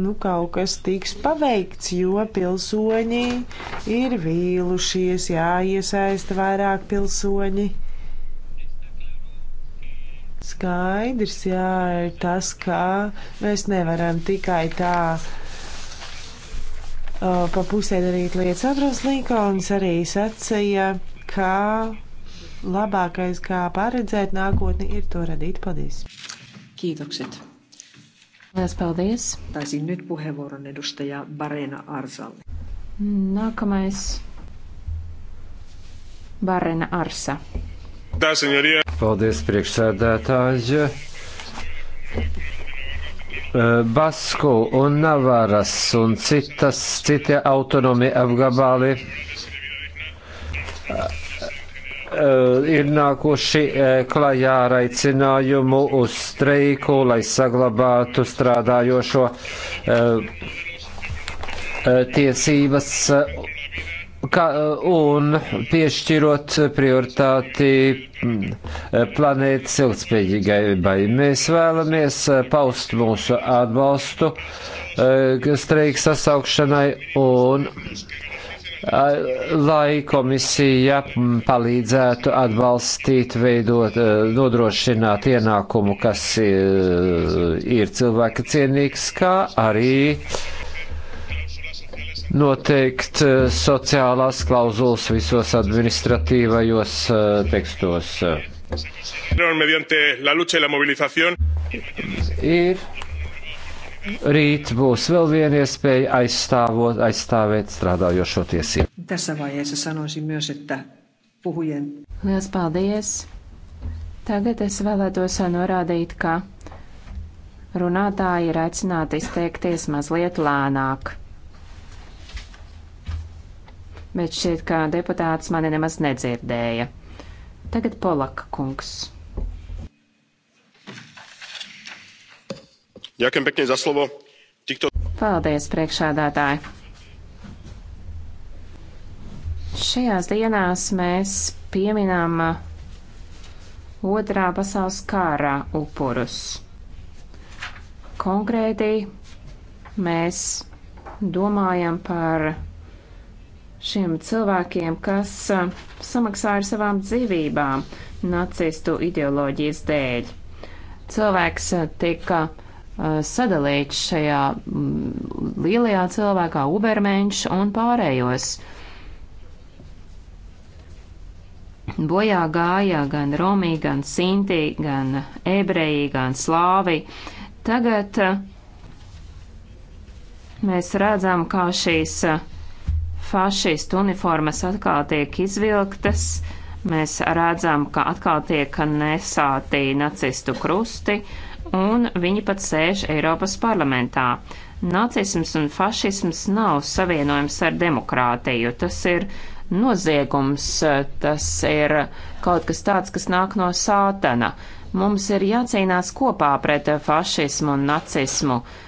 nu, kaut kas tiks paveikts, jo pilsoņi ir vīlušies, jāiesaista vairāk pilsoņi. Skaidrs, jā, ir tas, ka mēs nevaram tikai tā o, pa pusē darīt lietas. Abrams Līkons arī sacīja, ka labākais, kā paredzēt nākotni, ir to radīt. Paldies! Kiitokset. Lielas paldies! Taisin nyt puheenvuoron edustaja Barena Arsalle. Nākamais Barena Arsa. Paldies, priekšsēdētāji! Basku un Navaras un citas, citi autonomi apgabali Eh, ir nākuši eh, klajā ar aicinājumu uz streiku, lai saglabātu strādājošo eh, tiesības ka, un piešķirot prioritāti mm, planētas ilgspējīgai bai. Mēs vēlamies paust mūsu atbalstu streika sasaukšanai un lai komisija palīdzētu atbalstīt, veidot, e, nodrošināt ienākumu, kas ir, e, ir cilvēka cienīgs, kā arī noteikt e, sociālās klauzulas visos administratīvajos tekstos. Ir Rīt būs vēl viena iespēja aizstāvot, aizstāvēt strādājošo tiesību. Tässä vaiheessa sanoisin myös, että puhujen. Lielas paldies! Tagad es vēlētos norādīt, ka runātāji ir aicināti izteikties mazliet lēnāk. Bet šķiet, ka deputāts mani nemaz nedzirdēja. Tagad Polaka kungs. Ďakujem pekne za slovo. Tikto... Paldies, priekšādātāji. Šajās dienās mēs pieminām otrā pasaules kārā upurus. Konkrēti mēs domājam par šiem cilvēkiem, kas samaksāja ar savām dzīvībām nacistu ideoloģijas dēļ. Cilvēks tika Uh, sadalīts šajā mm, lielajā cilvēkā, ubermenš un pārējos. Bojā gāja gan romī, gan sintī, gan ebreji, gan slāvi. Tagad uh, mēs redzam, kā šīs uh, fašistu uniformas atkal tiek izvilktas. Mēs redzam, ka atkal tiek nesātī nacistu krusti. Uh, un viņi pat sēž Eiropas parlamentā. Nacisms un fašisms nav savienojams ar demokrātiju. Tas ir noziegums, tas ir kaut kas tāds, kas nāk no sātana. Mums ir jācīnās kopā pret fašismu un nacismu. Uh,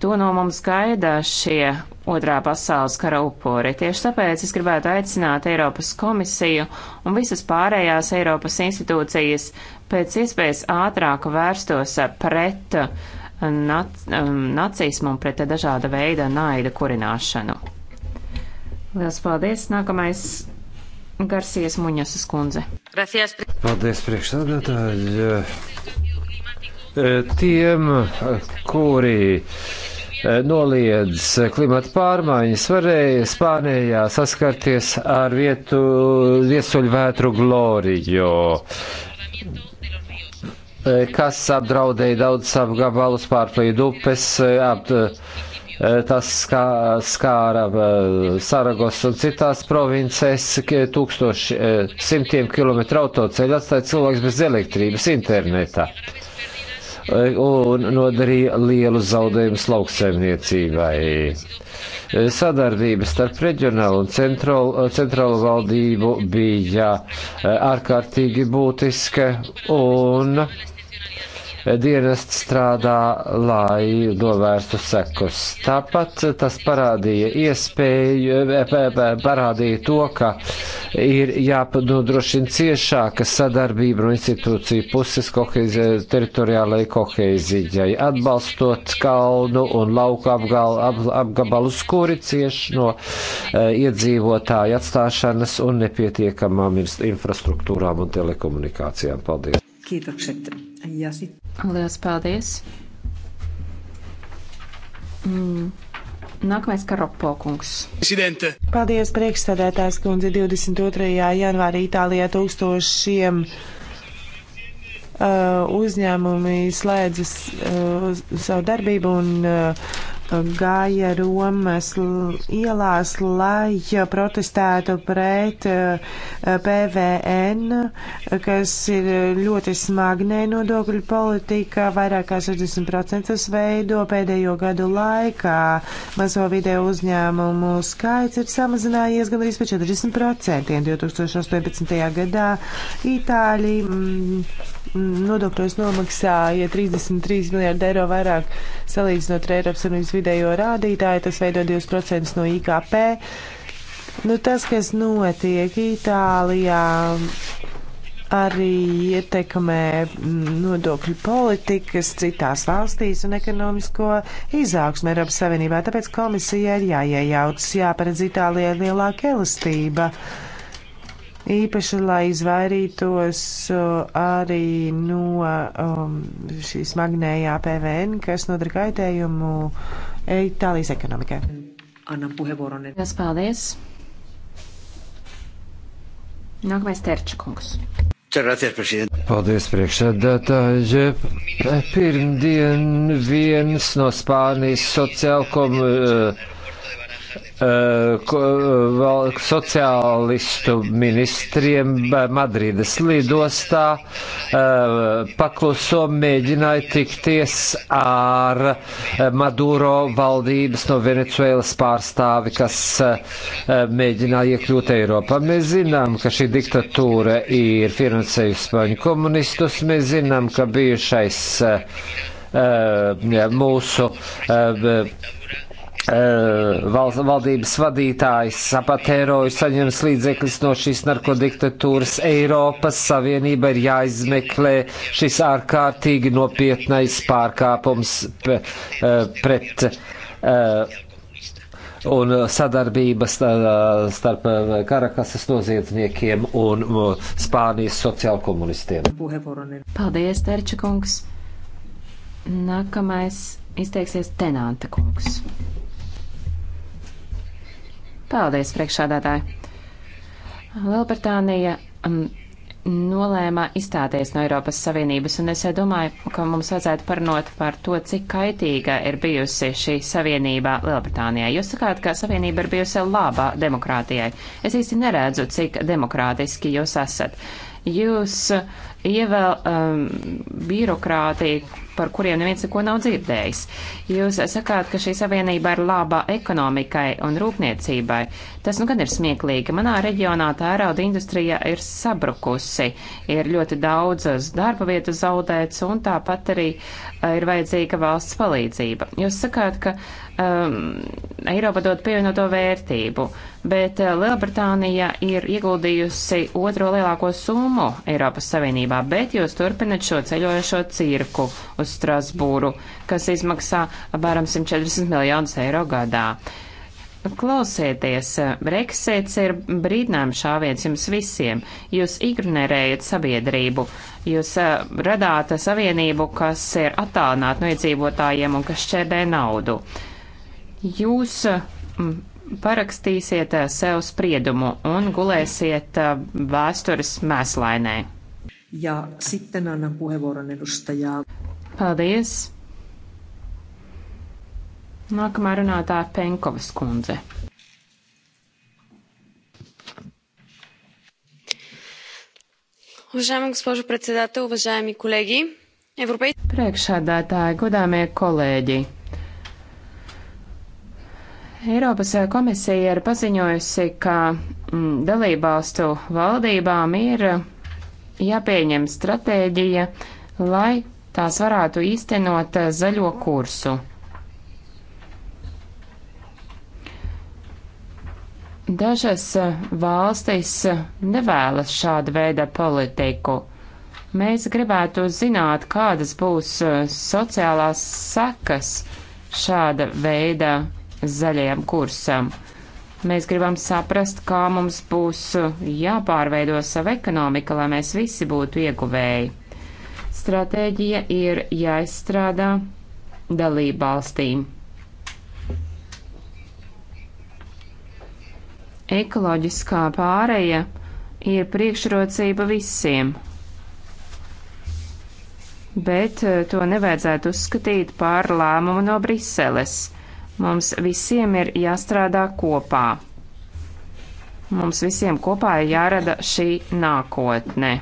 To no mums gaida šie otrā pasaules kara upuri. Tieši tāpēc es gribētu aicināt Eiropas komisiju un visas pārējās Eiropas institūcijas pēc iespējas ātrāk vērstos pret eh, nac, eh, nacismu un pret dažāda veida naida kurināšanu. Lielas paldies! Nākamais Garsies Muņas skundze. Paldies, priekšsādātāji! tiem, kuri eh, noliedz klimata pārmaiņas, varēja Spānijā saskarties ar vietu viesuļvētru gloriju eh, kas apdraudēja daudz apgabalus pārplīd upes, eh, ap, tas skā, skāra Saragos un citās provincēs, tūkstoši simtiem kilometru autoceļu atstāja cilvēks bez elektrības internetā. Eh, un nodarīja lielu zaudējumus lauksaimniecībai. Eh, sadarbība starp reģionālu un centrālu, eh, centrālu valdību bija ārkārtīgi būtiska un dienests strādā, lai novērstu sekus. Tāpat tas parādīja iespēju, eh, eh, eh, parādīja to, ka ir jāpadodrošina ciešāka sadarbība no institūciju puses koheizi, teritoriālai koheizijai, atbalstot kalnu un lauku apgal, ap, apgabalus, kuri cieši no uh, iedzīvotāju atstāšanas un nepietiekamām infrastruktūrām un telekomunikācijām. Paldies! Kiitokset Lielas paldies! Mm. Nākamais Karopo kungs. Presidente. Paldies, priekšstādētājs kundze. 22. janvārī Itālijā tūkstošiem uh, uzņēmumi slēdzas uh, savu darbību un uh, gāja Romas ielās, lai protestētu pret eh, PVN, kas ir ļoti smagnē nodokļu politika, vairāk kā 60% veido pēdējo gadu laikā. Mazo video uzņēmumu skaits ir samazinājies gandrīz par 40% 2018. gadā. Itāļi. Mm, nodokļos nomaksāja 33 miljārdu eiro vairāk salīdzinot ar Eiropas Savienības vidējo rādītāju, tas veido 2% no IKP. Nu, tas, kas notiek Itālijā, arī ietekmē mm, nodokļu politikas citās valstīs un ekonomisko izaugsmu Eiropas Savienībā. Tāpēc komisija ir jāiejaucas, jāparedz Itālijai lielāka elastība. Uh, īpaši, lai izvairītos arī no um, šīs magnējā PVN, kas nodara kaitējumu Itālijas ekonomikai. Annan puheenvuoron. Yes, paldies. Nākamais Terčakungs. Paldies, priekšsēdētāji. Pirmdien viens no Spānijas sociālkomu. Uh, uh, sociālistu ministriem eh, Madrides lidostā uh, pakluso mēģināja tikties ar Maduro valdības no Venecuēlas pārstāvi, kas uh, mēģināja iekļūt Eiropā. Mēs zinām, ka šī diktatūra ir finansējusi spāņu komunistus, mēs zinām, ka bijušais uh, uh, mūsu uh, Eh, val, valdības vadītājs Zapatēroju saņems līdzekļus no šīs narkotiktatūras. Eiropas Savienība ir jāizmeklē šis ārkārtīgi nopietnais pārkāpums eh, pret eh, un sadarbības starp Karakasas noziedzniekiem un Spānijas sociālkomunistiem. Paldies, Terčakungs! Nākamais izteiksies Tenanta kungs. Paldies, priekšādātāji! Lielbritānija um, nolēma izstāties no Eiropas Savienības, un es domāju, ka mums vajadzētu parunot par to, cik kaitīga ir bijusi šī savienība Lielbritānijai. Jūs sakāt, ka savienība ir bijusi labā demokrātijai. Es īsti neredzu, cik demokrātiski jūs esat. Jūs ievēl um, birokrātiju par kuriem neviens neko nav dzirdējis. Jūs sakāt, ka šī savienība ir laba ekonomikai un rūpniecībai. Tas nu gan ir smieklīgi. Manā reģionā tērauda industrija ir sabrukusi, ir ļoti daudzas darba vietas zaudēts un tāpat arī ir vajadzīga valsts palīdzība. Jūs sakāt, ka um, Eiropa dod pievienoto vērtību, bet uh, Lielbritānija ir ieguldījusi otro lielāko summu Eiropas Savienībā, bet jūs turpinat šo ceļojošo cirku uz Strasbūru, kas izmaksā apmēram 140 miljonus eiro gadā. Klausieties, Brexits ir brīdinājums šāviens jums visiem. Jūs ignorējat sabiedrību, jūs uh, radāt savienību, kas ir attālināta no iedzīvotājiem un kas šķērdē naudu. Uh, jūs mm, parakstīsiet eh, sev spriedumu un gulēsiet eh, vēstures mēslainē. Ja sitten annan puheenvuoron edustajaa. Paldies. Nākamā runātāja Penkovas kundze. Уважаема госпожо председател, уважаеми колеги, Европейски... Прекшадатая, годаме колеги. Eiropas eh, komisija ir paziņojusi, ka mm, dalībvalstu valdībām ir eh, jāpieņem stratēģija, lai tās varētu īstenot eh, zaļo kursu. Dažas valstis nevēlas šādu veidu politiku. Mēs gribētu zināt, kādas būs sociālās sekas šāda veida zaļajam kursam. Mēs gribam saprast, kā mums būs jāpārveido sava ekonomika, lai mēs visi būtu ieguvēji. Stratēģija ir jāizstrādā dalību valstīm. Ekoloģiskā pāreja ir priekšrocība visiem, bet eh, to nevajadzētu uzskatīt par lēmumu no Briseles. Mums visiem ir jāstrādā kopā. Mums visiem kopā ir jārada šī nākotne.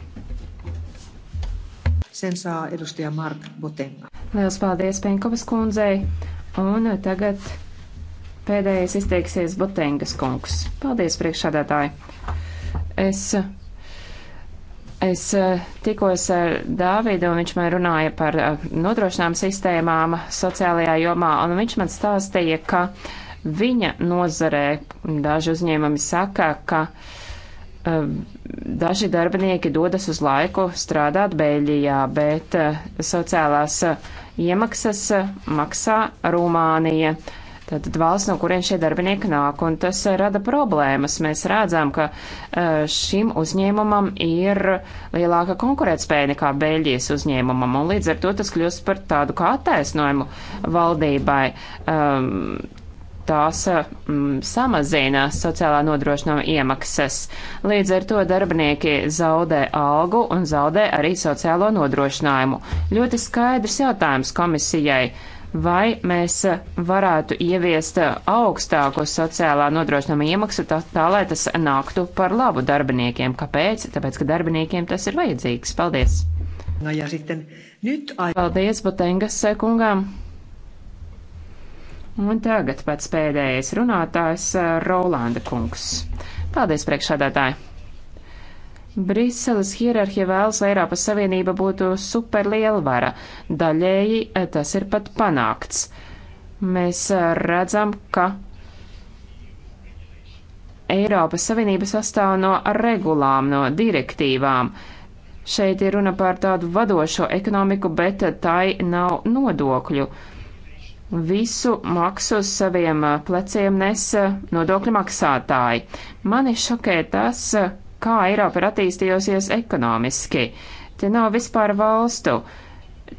Sensā edustaja Marta Botenga. Liels paldies Penkovas kundzei. Un tagad pēdējais izteiksies Botengas kungs. Paldies priekšādātāji. Es Es eh, tikos ar eh, Dāvidu, un viņš man runāja par eh, nodrošinām sistēmām sociālajā jomā, un viņš man stāstīja, ka viņa nozarē daži uzņēmumi saka, ka daži darbinieki dodas uz laiku strādāt Beļģijā, bet sociālās iemaksas maksā Rumānija. Tātad valsts, no kuriem šie darbinieki nāk, un tas eh, rada problēmas. Mēs redzam, ka eh, šim uzņēmumam ir lielāka konkurētspēja nekā Beļģijas uzņēmumam, un līdz ar to tas kļūst par tādu kā attaisnojumu valdībai. Um, tās mm, samazinās sociālā nodrošinājuma iemaksas. Līdz ar to darbinieki zaudē algu un zaudē arī sociālo nodrošinājumu. Ļoti skaidrs jautājums komisijai vai mēs varētu ieviest augstāko sociālā nodrošinājuma iemaksu tā, tā, lai tas nāktu par labu darbiniekiem. Kāpēc? Tāpēc, ka darbiniekiem tas ir vajadzīgs. Paldies! Paldies, Botengas sekungām! Un tagad pats pēdējais runātājs Rolanda kungs. Paldies, priekšādātāji! Briseles hierarhija vēlas, lai Eiropas Savienība būtu superlielvara. Daļēji eh, tas ir pat panākts. Mēs eh, redzam, ka Eiropas Savienība sastāv no regulām, no direktīvām. Šeit ir runa par tādu vadošo ekonomiku, bet eh, tai nav nodokļu. Visu maksu uz saviem pleciem nes nodokļu maksātāji. Mani šokē tas, kā Eiropa ir attīstījusies ekonomiski. Te nav vispār valstu.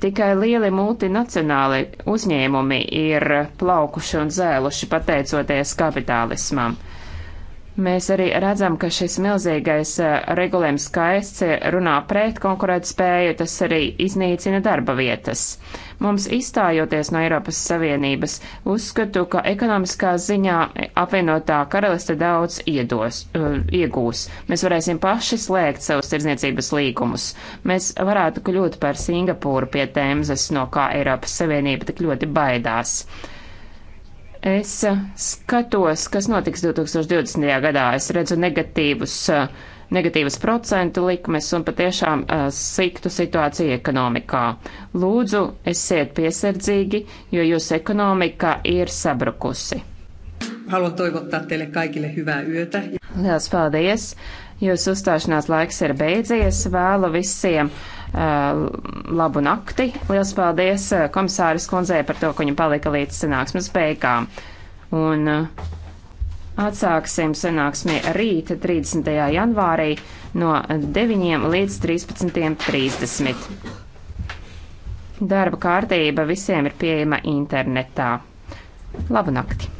Tikai lieli multinacionāli uzņēmumi ir plaukuši un zēluši pateicoties kapitālismam. Mēs arī redzam, ka šis milzīgais eh, regulējums skaists runā pret konkurētspēju, tas arī iznīcina darba vietas. Mums izstājoties no Eiropas Savienības, uzskatu, ka ekonomiskā ziņā apvienotā karaliste daudz iedos, uh, iegūs. Mēs varēsim paši slēgt savus tirdzniecības līgumus. Mēs varētu kļūt par Singapūru pie tēmzes, no kā Eiropas Savienība tik ļoti baidās. Es skatos, kas notiks 2020. gadā. Es redzu negatīvus uh, negatīvas procentu likmes un patiešām uh, siktu situāciju ekonomikā. Lūdzu, esiet piesardzīgi, jo jūsu ekonomika ir sabrukusi. Haluan toivottaa teille kaikille hyvää yötä. Lielas paldies! Jūsu uzstāšanās laiks ir beidzies. Vēlu visiem uh, labu nakti. Lielas paldies komisāris kundzei par to, ka viņa palika līdz sanāksmes beigām. Un, uh, Atsāksim sanāksmi rīt 30. janvārī no 9 līdz 13.30. Darba kārtība visiem ir pieejama internetā. Labu nakti!